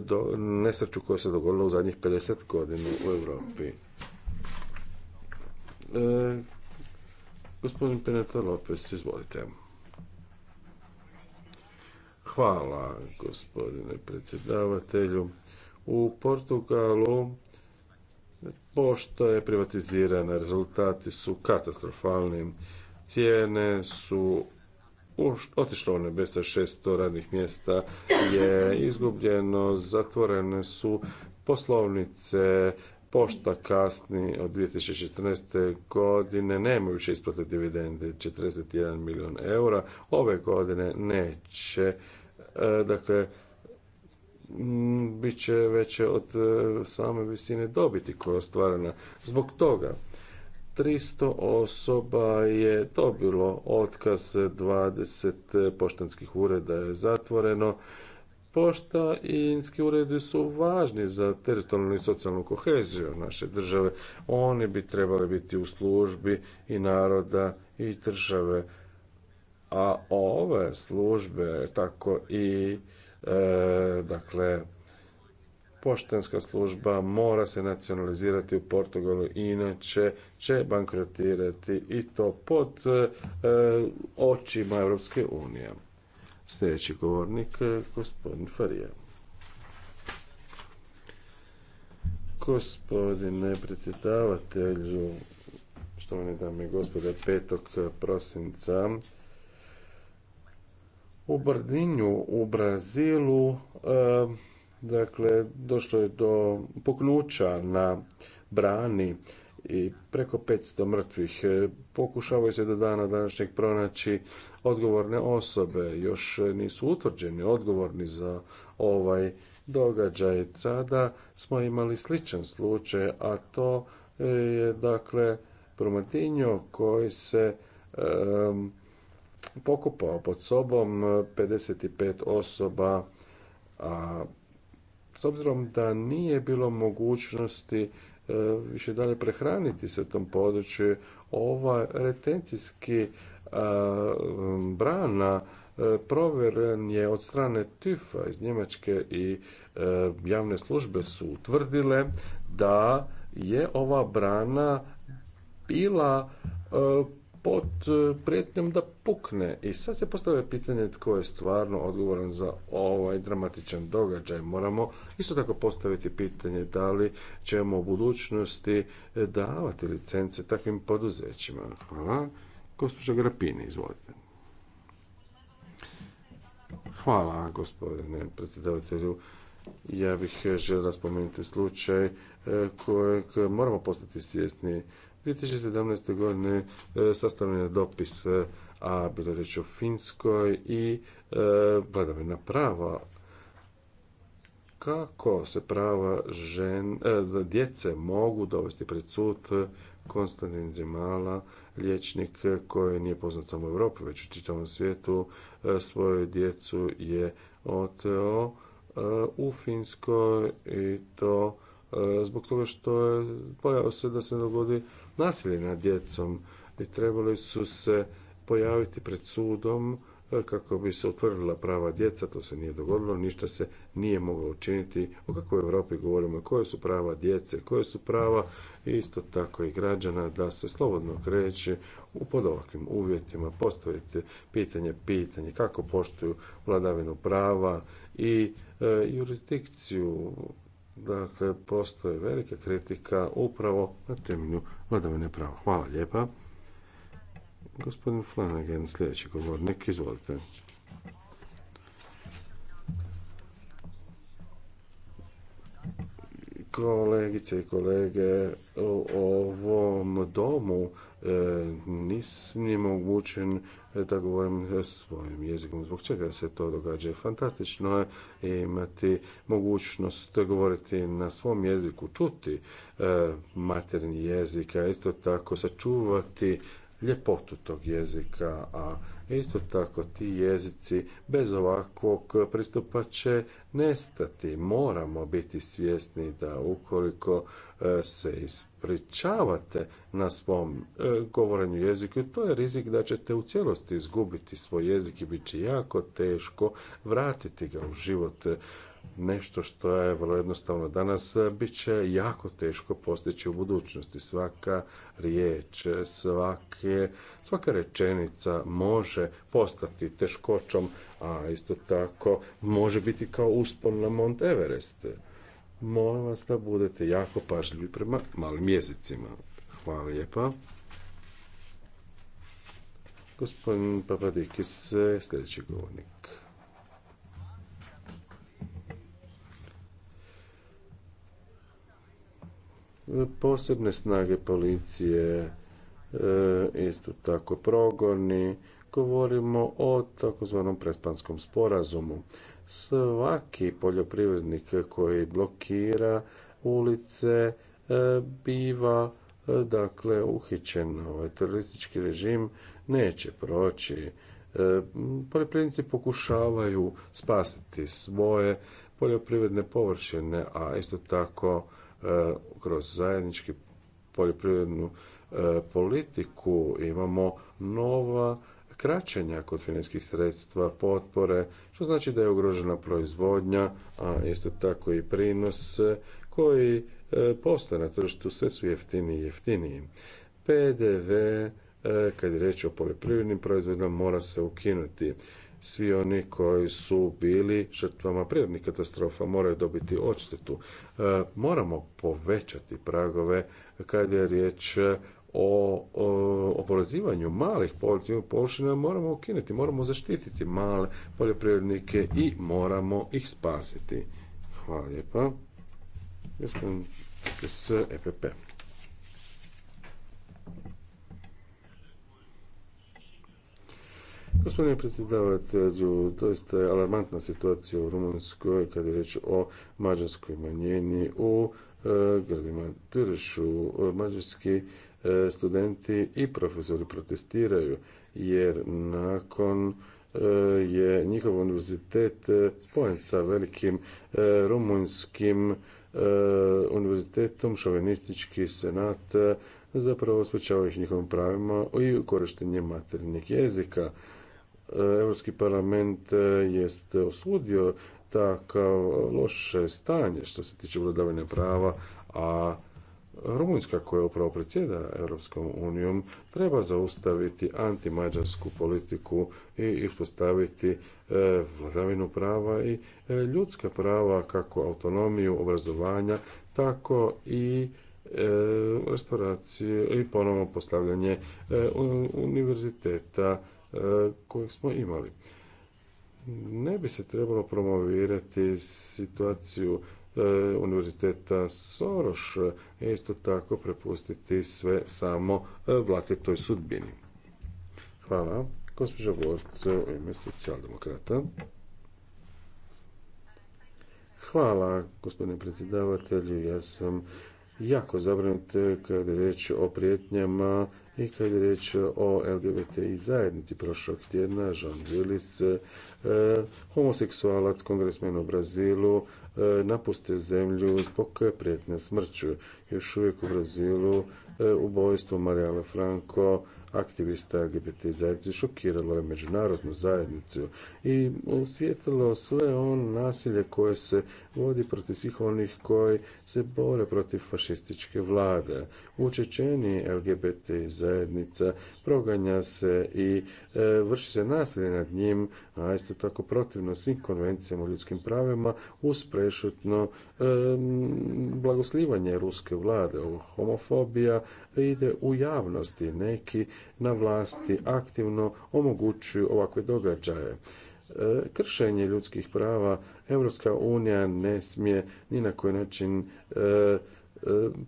do nesreću koja se dogodila u zadnjih 50 godina u Europi. E, gospodin Peneta Lopez, izvolite. Hvala, gospodine predsjedavatelju. U Portugalu pošto je privatizirana, rezultati su katastrofalni, cijene su otišlo u bez 600 radnih mjesta je izgubljeno, zatvorene su poslovnice, pošta kasni od 2014. godine nema više isplate dividende 41 milijun eura, ove godine neće, e, dakle, bit će veće od e, same visine dobiti koja je ostvarena. Zbog toga 300 osoba je dobilo otkaz, 20 poštanskih ureda je zatvoreno. Pošta i inski uredi su važni za teritorijalnu i socijalnu koheziju naše države. Oni bi trebali biti u službi i naroda i države. A ove službe, tako i e, dakle, poštanska služba mora se nacionalizirati u Portugalu, inače će bankrotirati i to pod e, očima Europske unije. Sljedeći govornik e, gospodin Farija. Gospodine predsjedavatelju, štovane dame i gospode, petog prosinca u Brdinju u Brazilu e, Dakle, došlo je do puknuća na brani i preko 500 mrtvih. E, pokušavaju se do dana današnjeg pronaći odgovorne osobe. Još nisu utvrđeni odgovorni za ovaj događaj. Sada smo imali sličan slučaj, a to je dakle Promatinjo koji se pokupao pod sobom 55 e, osoba, a s obzirom da nije bilo mogućnosti e, više dalje prehraniti se tom području, ova retencijski e, brana e, provjeren je od strane TÜV-a iz Njemačke i javne službe su utvrdile da je ova brana bila pod e, prijetnjom da pukne. I sad se postavlja pitanje tko je stvarno odgovoran za ovaj dramatičan događaj. Moramo isto tako postaviti pitanje da li ćemo u budućnosti e, davati licence takvim poduzećima. Hvala. Gospodin Grapini, izvolite. Hvala, gospodine predsjedavatelju. Ja bih želio spomenuti slučaj e, kojeg moramo postati svjesni 2017. godine e, sastavljen je dopis e, a bilo je reći o Finskoj i e, na prava kako se prava djece mogu dovesti pred sud Konstantin Zimala liječnik koji nije poznat samo u Europi, već u čitavom svijetu, svoju djecu je oteo u Finskoj i to zbog toga što je bojao se da se dogodi nasilje nad djecom i trebali su se pojaviti pred sudom e, kako bi se utvrdila prava djeca, to se nije dogodilo, ništa se nije moglo učiniti, o kakvoj Europi govorimo, koje su prava djece, koje su prava isto tako i građana da se slobodno kreće u pod ovakvim uvjetima, postaviti pitanje, pitanje kako poštuju vladavinu prava i e, jurisdikciju, dakle postoje velika kritika upravo na temelju vladavine pravo. Hvala lijepa. Gospodin Flanagan, sljedeći govornik, izvolite. Kolegice i kolege, u ovom domu e, nisam omogućen E, da govorim e, svojim jezikom. Zbog čega se to događa? Fantastično je imati mogućnost govoriti na svom jeziku, čuti e, materni jezik, a isto tako sačuvati ljepotu tog jezika, a isto tako ti jezici bez ovakvog pristupa će nestati. Moramo biti svjesni da ukoliko e, se ispričavate na svom e, govorenju jeziku, to je rizik da ćete u cijelosti izgubiti svoj jezik i bit će jako teško vratiti ga u život nešto što je vrlo jednostavno danas, e, bit će jako teško postići u budućnosti. Svaka riječ, e, svake, svaka rečenica može postati teškoćom, a isto tako može biti kao uspon na Mont Everest. Molim vas da budete jako pažljivi prema malim jezicima. Hvala lijepa. Gospodin Papadikis, e, sljedeći govornik. posebne snage policije, e, isto tako progoni, govorimo o takozvanom prespanskom sporazumu. Svaki poljoprivrednik koji blokira ulice e, biva e, dakle uhićen ovaj teroristički režim neće proći. Poljoprivrednici pokušavaju spasiti svoje poljoprivredne površine, a isto tako E, kroz zajedničku poljoprivrednu e, politiku imamo nova kraćenja kod financijskih sredstva, potpore, što znači da je ugrožena proizvodnja, a isto tako i prinos koji e, postoje na tržištu, sve su jeftiniji i jeftiniji. PDV, kad je riječ o poljoprivrednim proizvodima, mora se ukinuti svi oni koji su bili žrtvama prirodnih katastrofa moraju dobiti odštetu. E, moramo povećati pragove kad je riječ e, o oporazivanju malih poljoprivrednih površina moramo ukinuti, moramo zaštititi male poljoprivrednike i moramo ih spasiti. Hvala lijepa. s EPP. Gospodine predsjedavatelju, doista je alarmantna situacija u Rumunjskoj kada je riječ o mađarskoj manjeni u e, gradima e, Mađarski e, studenti i profesori protestiraju jer nakon e, je njihov univerzitet spojen sa velikim rumunjskim univerzitetom, šovinistički senat zapravo osvećava ih njihovim pravima i korištenjem materinjeg jezika. Europski parlament e, jest osudio takav loše stanje što se tiče vladavine prava, a Rumunjska koja upravo predsjeda Europskom unijom treba zaustaviti antimađarsku politiku i uspostaviti e, vladavinu prava i e, ljudska prava kako autonomiju obrazovanja tako i restauraciju i ponovno postavljanje univerziteta kojeg smo imali. Ne bi se trebalo promovirati situaciju e, univerziteta Soroš, e, isto tako prepustiti sve samo e, vlastitoj sudbini. Hvala. Gospođa Borce u ime socijaldemokrata. Hvala, gospodine predsjedavatelju. Ja sam jako zabrinut kada je riječ o prijetnjama i kad je riječ o LGBTI zajednici prošlog tjedna, Jean Willis, e, homoseksualac, kongresmen u Brazilu, e, napustio zemlju zbog prijetnje smrću. Još uvijek u Brazilu e, ubojstvo Marijale Franco, aktivista LGBT zajednice šokiralo je međunarodnu zajednicu i usvijetilo sve on nasilje koje se vodi protiv svih onih koji se bore protiv fašističke vlade. U Čečeni LGBT zajednica proganja se i e, vrši se nasilje nad njim, a isto tako protivno svim konvencijama o ljudskim pravima uz prešutno e, blagoslivanje ruske vlade. Ovo homofobija ide u javnosti. Neki na vlasti aktivno omogućuju ovakve događaje e, kršenje ljudskih prava Europska unija ne smije ni na koji način e, e,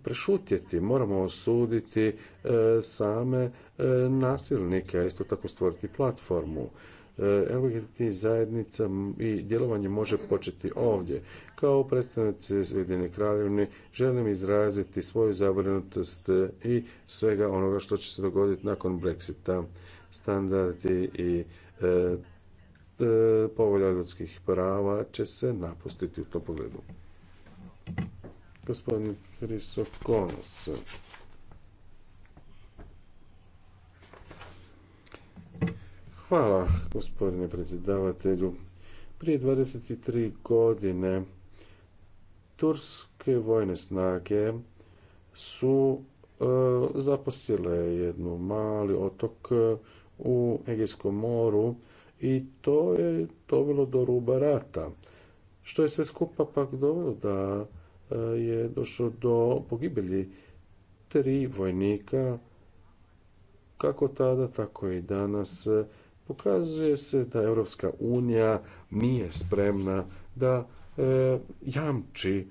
prešutjeti, moramo osuditi e, same nasilnike, a isto tako stvoriti platformu. LGBT zajednica i djelovanje može početi ovdje. Kao predstavnici Sjedinjene kraljevine želim izraziti svoju zabrinutost i svega onoga što će se dogoditi nakon Brexita. Standardi i E, povolja ljudskih prava će se napustiti u tom pogledu. Gospodin Hvala, gospodine predsjedavatelju. Prije 23 godine turske vojne snage su e, zaposile jednu mali otok u Egejskom moru i to je dovelo do ruba rata. Što je sve skupa pak dovelo da e, je došlo do pogibelji tri vojnika, kako tada, tako i danas. Pokazuje se da Europska unija nije spremna da e, jamči e,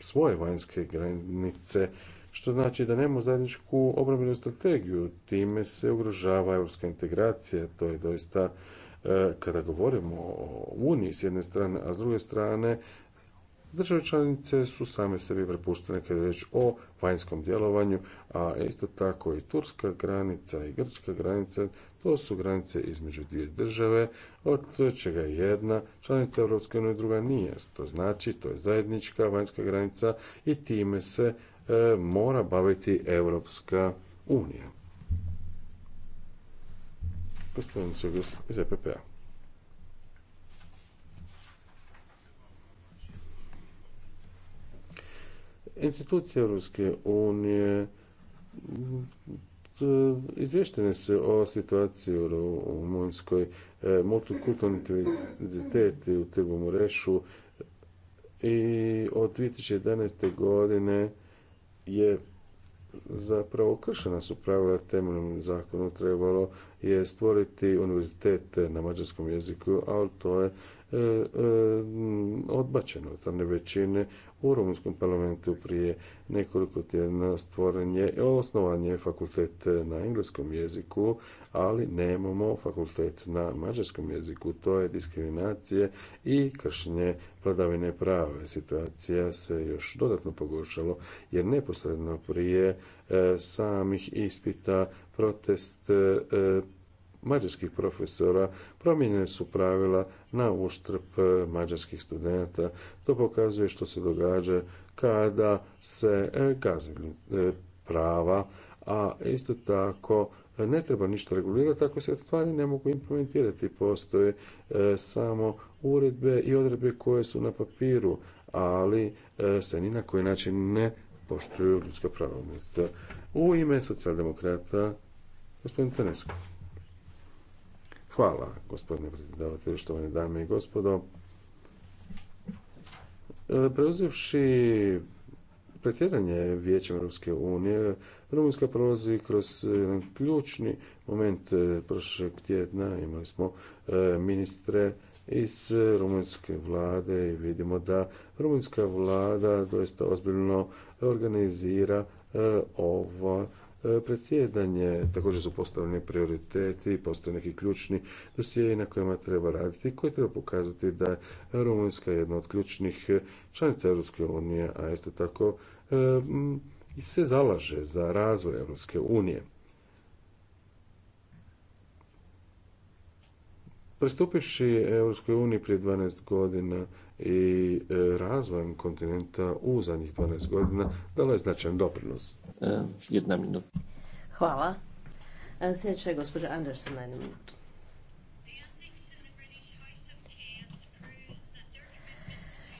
svoje vanjske granice što znači da nemamo zajedničku obrambenu strategiju. Time se ugrožava europska integracija, to je doista e, kada govorimo o Uniji s jedne strane, a s druge strane države članice su same sebi prepuštene kada je reč o vanjskom djelovanju, a isto tako i turska granica i grčka granica, to su granice između dvije države, od čega jedna članica Europske unije druga nije. To znači, to je zajednička vanjska granica i time se E, mora baviti Europska unija. Gospodin Sugis iz EPP-a. Institucije Europske unije e, izvještene se o situaciji u Rumunjskoj, e, multikulturni intenzitet u Trgomorešu i od 2011. godine je zapravo kršena su pravila temeljnom zakonu trebalo je stvoriti univerzitet na mađarskom jeziku, ali to je E, e, odbačeno od strane većine u Rumunskom parlamentu prije nekoliko tjedna stvoren je osnovan je fakultet na engleskom jeziku, ali nemamo fakultet na mađarskom jeziku. To je diskriminacije i kršenje vladavine prave. Situacija se još dodatno pogoršalo jer neposredno prije e, samih ispita protest mađarskih profesora, promijenjene su pravila na uštrb eh, mađarskih studenta. To pokazuje što se događa kada se gazi eh, eh, prava, a isto tako ne treba ništa regulirati ako se stvari ne mogu implementirati. Postoje samo uredbe i odredbe koje su na papiru, ali se ni na koji način ne poštuju ljudska prava. U ime socijaldemokrata, gospodin Tenesko. Hvala, gospodine predsjedavate, štovane dame i gospodo. E, preuzevši predsjedanje Vijećem Europske unije, Rumunjska prolazi kroz ključni moment e, prošlog tjedna. Imali smo e, ministre iz rumunjske vlade i vidimo da rumunjska vlada doista ozbiljno organizira ovo E, predsjedanje. Također su postavljeni prioriteti, postoje neki ključni dosije na kojima treba raditi i koji treba pokazati da je Rumunjska jedna od ključnih članica Europske unije, a isto tako e, i se zalaže za razvoj Europske unije. Pristupivši Europskoj uniji prije 12 godina, i e, razvojem kontinenta u zadnjih 12 godina dala je značajan doprinos. E, jedna minuta. Hvala. E, sljedeća je gospođa Anderson na jednu minutu.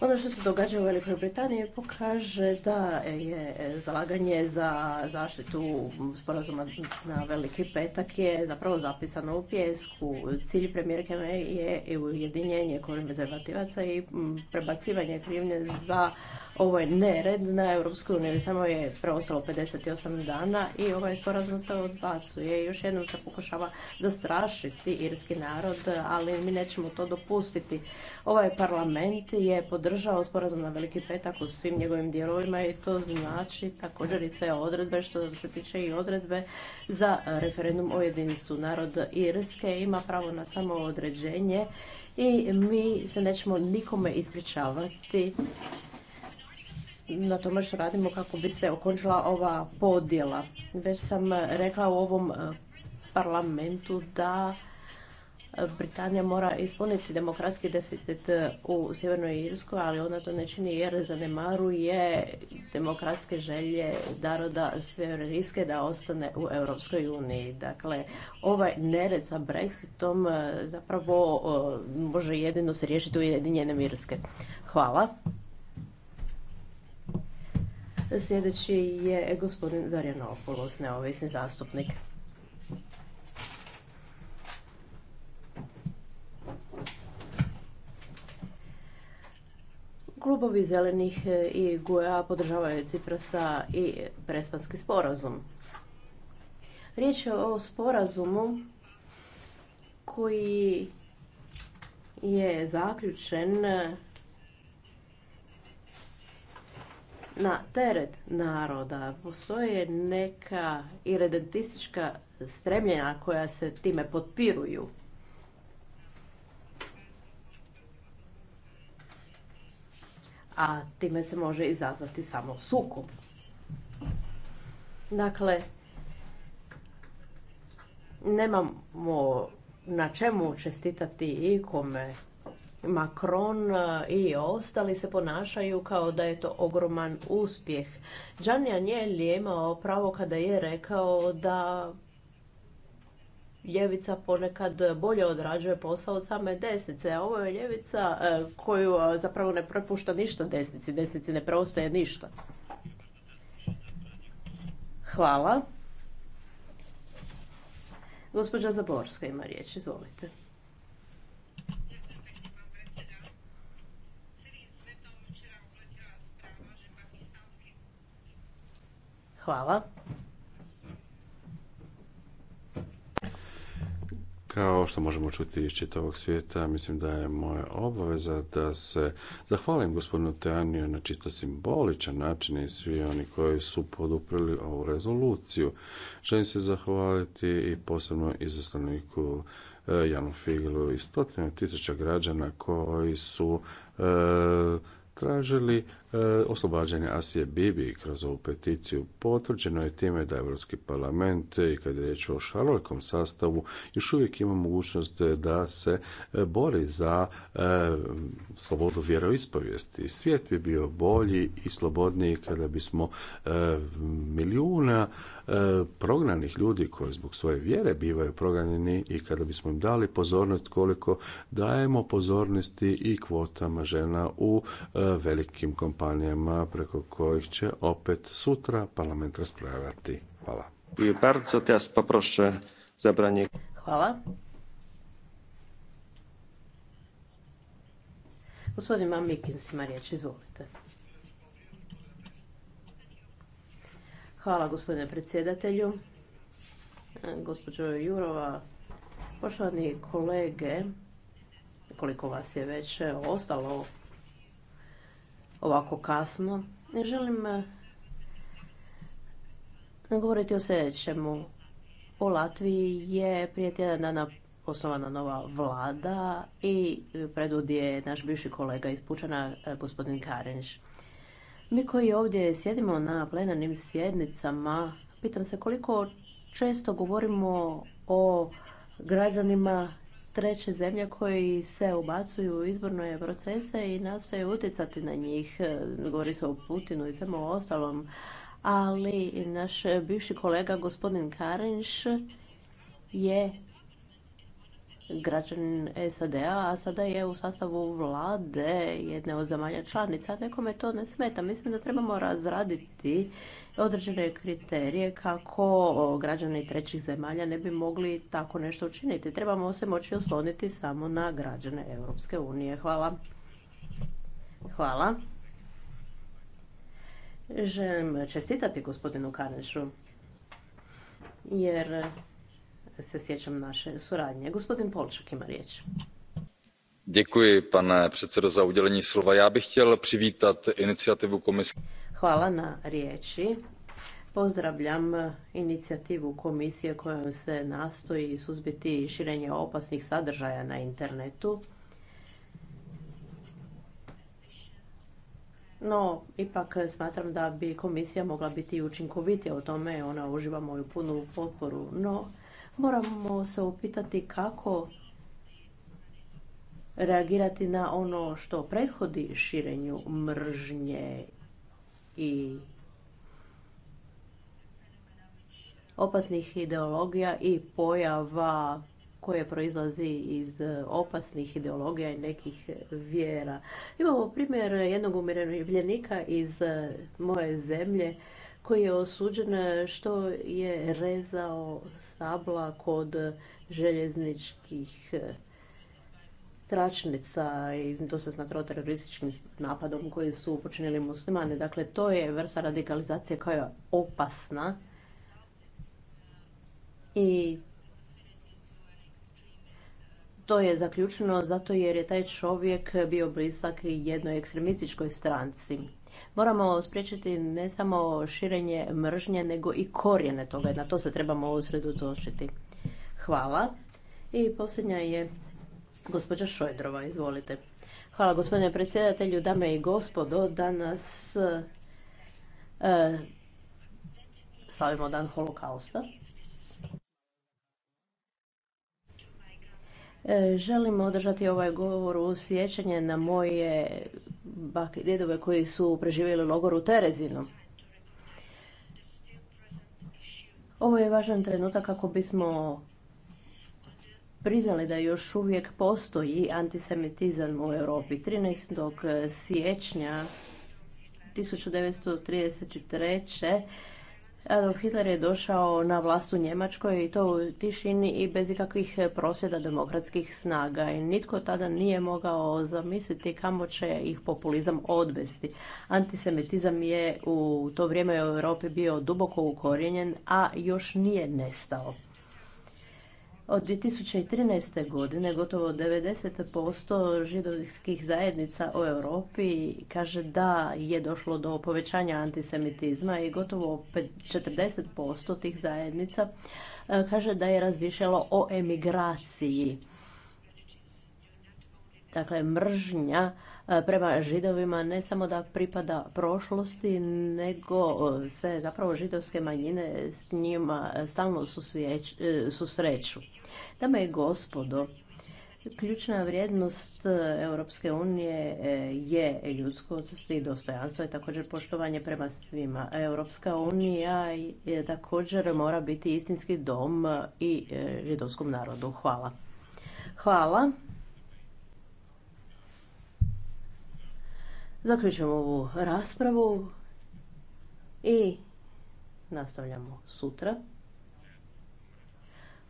Ono što se događa u Velikoj Britaniji pokaže da je zalaganje za zaštitu sporazuma na Veliki petak je zapravo zapisano u pjesku. Cilj premijerke je ujedinjenje konzervativaca i prebacivanje krivnje za ovo je nered na Europsku uniju. Samo je preostalo 58 dana i ovaj sporazum se odbacuje. Još jednom se pokušava zastrašiti irski narod, ali mi nećemo to dopustiti. Ovaj parlament je podržao sporazum na Veliki petak u svim njegovim dijelovima i to znači također i sve odredbe što se tiče i odredbe za referendum o jedinstvu. Narod Irske ima pravo na samoodređenje i mi se nećemo nikome ispričavati na tome što radimo kako bi se okončila ova podjela. Već sam rekla u ovom e, parlamentu da e, Britanija mora ispuniti demokratski deficit e, u Sjevernoj Irskoj, ali ona to ne čini jer zanemaruje demokratske želje naroda Sjeverne Irske da ostane u Europskoj uniji. Dakle, ovaj nered sa Brexitom zapravo može jedino se riješiti u Irske. Hvala. Sljedeći je gospodin Zarjanopoulos, neovisni zastupnik. Klubovi zelenih i GUA e podržavaju Ciprasa i prespanski sporazum. Riječ je o sporazumu koji je zaključen na teret naroda. Postoje neka iredentistička stremljenja koja se time potpiruju. A time se može izazvati samo sukob. Dakle, nemamo na čemu čestitati ikome Macron e, i ostali se ponašaju kao da je to ogroman uspjeh. Gianni Agnelli je imao pravo kada je rekao da ljevica ponekad bolje odrađuje posao od same desnice, a ovo je ljevica e, koju e, zapravo ne prepušta ništa desnici, desnici ne preostaje ništa. Hvala. Gospođa Zaborska ima riječ, izvolite. Hvala. Kao što možemo čuti iz čitavog svijeta, mislim da je moja obaveza da se zahvalim gospodinu Teaniju na čisto simboličan način i svi oni koji su poduprili ovu rezoluciju. Želim se zahvaliti i posebno izaslaniku e, Janu Figlu i stotinu tisuća građana koji su e, tražili E, oslobađanje Asije Bibi kroz ovu peticiju. Potvrđeno je time da Europski parlament e, i kad je riječ o šarolikom sastavu još uvijek ima mogućnost da se e, bori za slobodu vjeroispovijesti. Svijet bi bio bolji i slobodniji kada bismo milijuna prognanih ljudi koji zbog svoje vjere bivaju proganjeni i kada bismo im dali pozornost koliko dajemo pozornosti i kvotama žena u velikim kompanijama kompanijama preko kojih će opet sutra parlament raspravljati. Hvala. I bardzo teraz poproszę zabranie. Hvala. Gospodin Mamikins ima izvolite. Hvala gospodine predsjedatelju, gospođo Jurova, poštovani kolege, koliko vas je već ostalo ovako kasno. Želim eh, govoriti o sljedećemu. O Latviji je prije tjedan dana osnovana nova vlada i predvod je naš bivši kolega iz Pučana, eh, gospodin Karinš. Mi koji ovdje sjedimo na plenarnim sjednicama, pitam se koliko često govorimo o građanima treće zemlje koji se ubacuju u izborne procese i nastoje utjecati na njih. E, govori se o Putinu i svemu ostalom. Ali naš bivši kolega, gospodin Karinš, je građanin SAD-a, a sada je u sastavu vlade jedne od zemalja članica. Nekome to ne smeta. Mislim da trebamo razraditi određene kriterije kako građani trećih zemalja ne bi mogli tako nešto učiniti. Trebamo se moći osloniti samo na građane Europske unije. Hvala. Hvala. Želim čestitati gospodinu Kanešu jer se sjećam naše suradnje. Gospodin Polčak ima riječ. Děkuji, pane předsedo, za udělení slova. Já bych chtěl přivítat iniciativu komise. Hvala na riječi. Pozdravljam inicijativu komisije kojom se nastoji suzbiti širenje opasnih sadržaja na internetu. No, ipak smatram da bi komisija mogla biti učinkovitija o tome, ona uživa moju punu potporu. No, moramo se upitati kako reagirati na ono što prethodi širenju mržnje i opasnih ideologija i pojava koje proizlazi iz opasnih ideologija i nekih vjera. Imamo primjer jednog umirovljenika iz moje zemlje koji je osuđen što je rezao stabla kod željezničkih tračnica i to se smatrao terorističkim napadom koji su počinili muslimani. Dakle, to je vrsta radikalizacije koja je opasna i to je zaključeno zato jer je taj čovjek bio blisak jednoj ekstremističkoj stranci. Moramo spriječiti ne samo širenje mržnje, nego i korijene toga. Na to se trebamo usredotočiti. Hvala. I posljednja je Gospođa Šojdrova, izvolite. Hvala gospodine predsjedatelju, dame i gospodo. Danas e, slavimo dan holokausta. E, želim održati ovaj govor u sjećanje na moje bake i djedove koji su preživjeli logor u Terezinu. Ovo je važan trenutak kako bismo priznali da još uvijek postoji antisemitizam u Europi. 13. siječnja 1933. Adolf Hitler je došao na vlast u Njemačkoj i to u tišini i bez ikakvih prosvjeda demokratskih snaga. I nitko tada nije mogao zamisliti kamo će ih populizam odvesti. Antisemitizam je u to vrijeme u Europi bio duboko ukorijenjen, a još nije nestao. Od 2013. godine gotovo 90% židovskih zajednica u Europi kaže da je došlo do povećanja antisemitizma i gotovo 40% tih zajednica e, kaže da je razmišljalo o emigraciji. Dakle, mržnja e, prema židovima ne samo da pripada prošlosti, nego e, se zapravo židovske manjine s njima stalno susreću. Dame i gospodo, ključna vrijednost e, Europske unije e, je ljudsko i dostojanstvo i također poštovanje prema svima. Europska unija je, također mora biti istinski dom i e, židovskom narodu. Hvala. Hvala. Zaključujemo ovu raspravu i nastavljamo sutra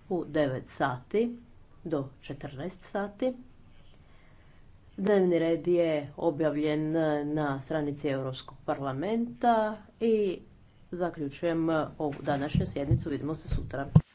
u 9 sati do 14 sati. Dnevni red je objavljen na stranici Europskog parlamenta i zaključujem ovu današnju sjednicu. Vidimo se sutra.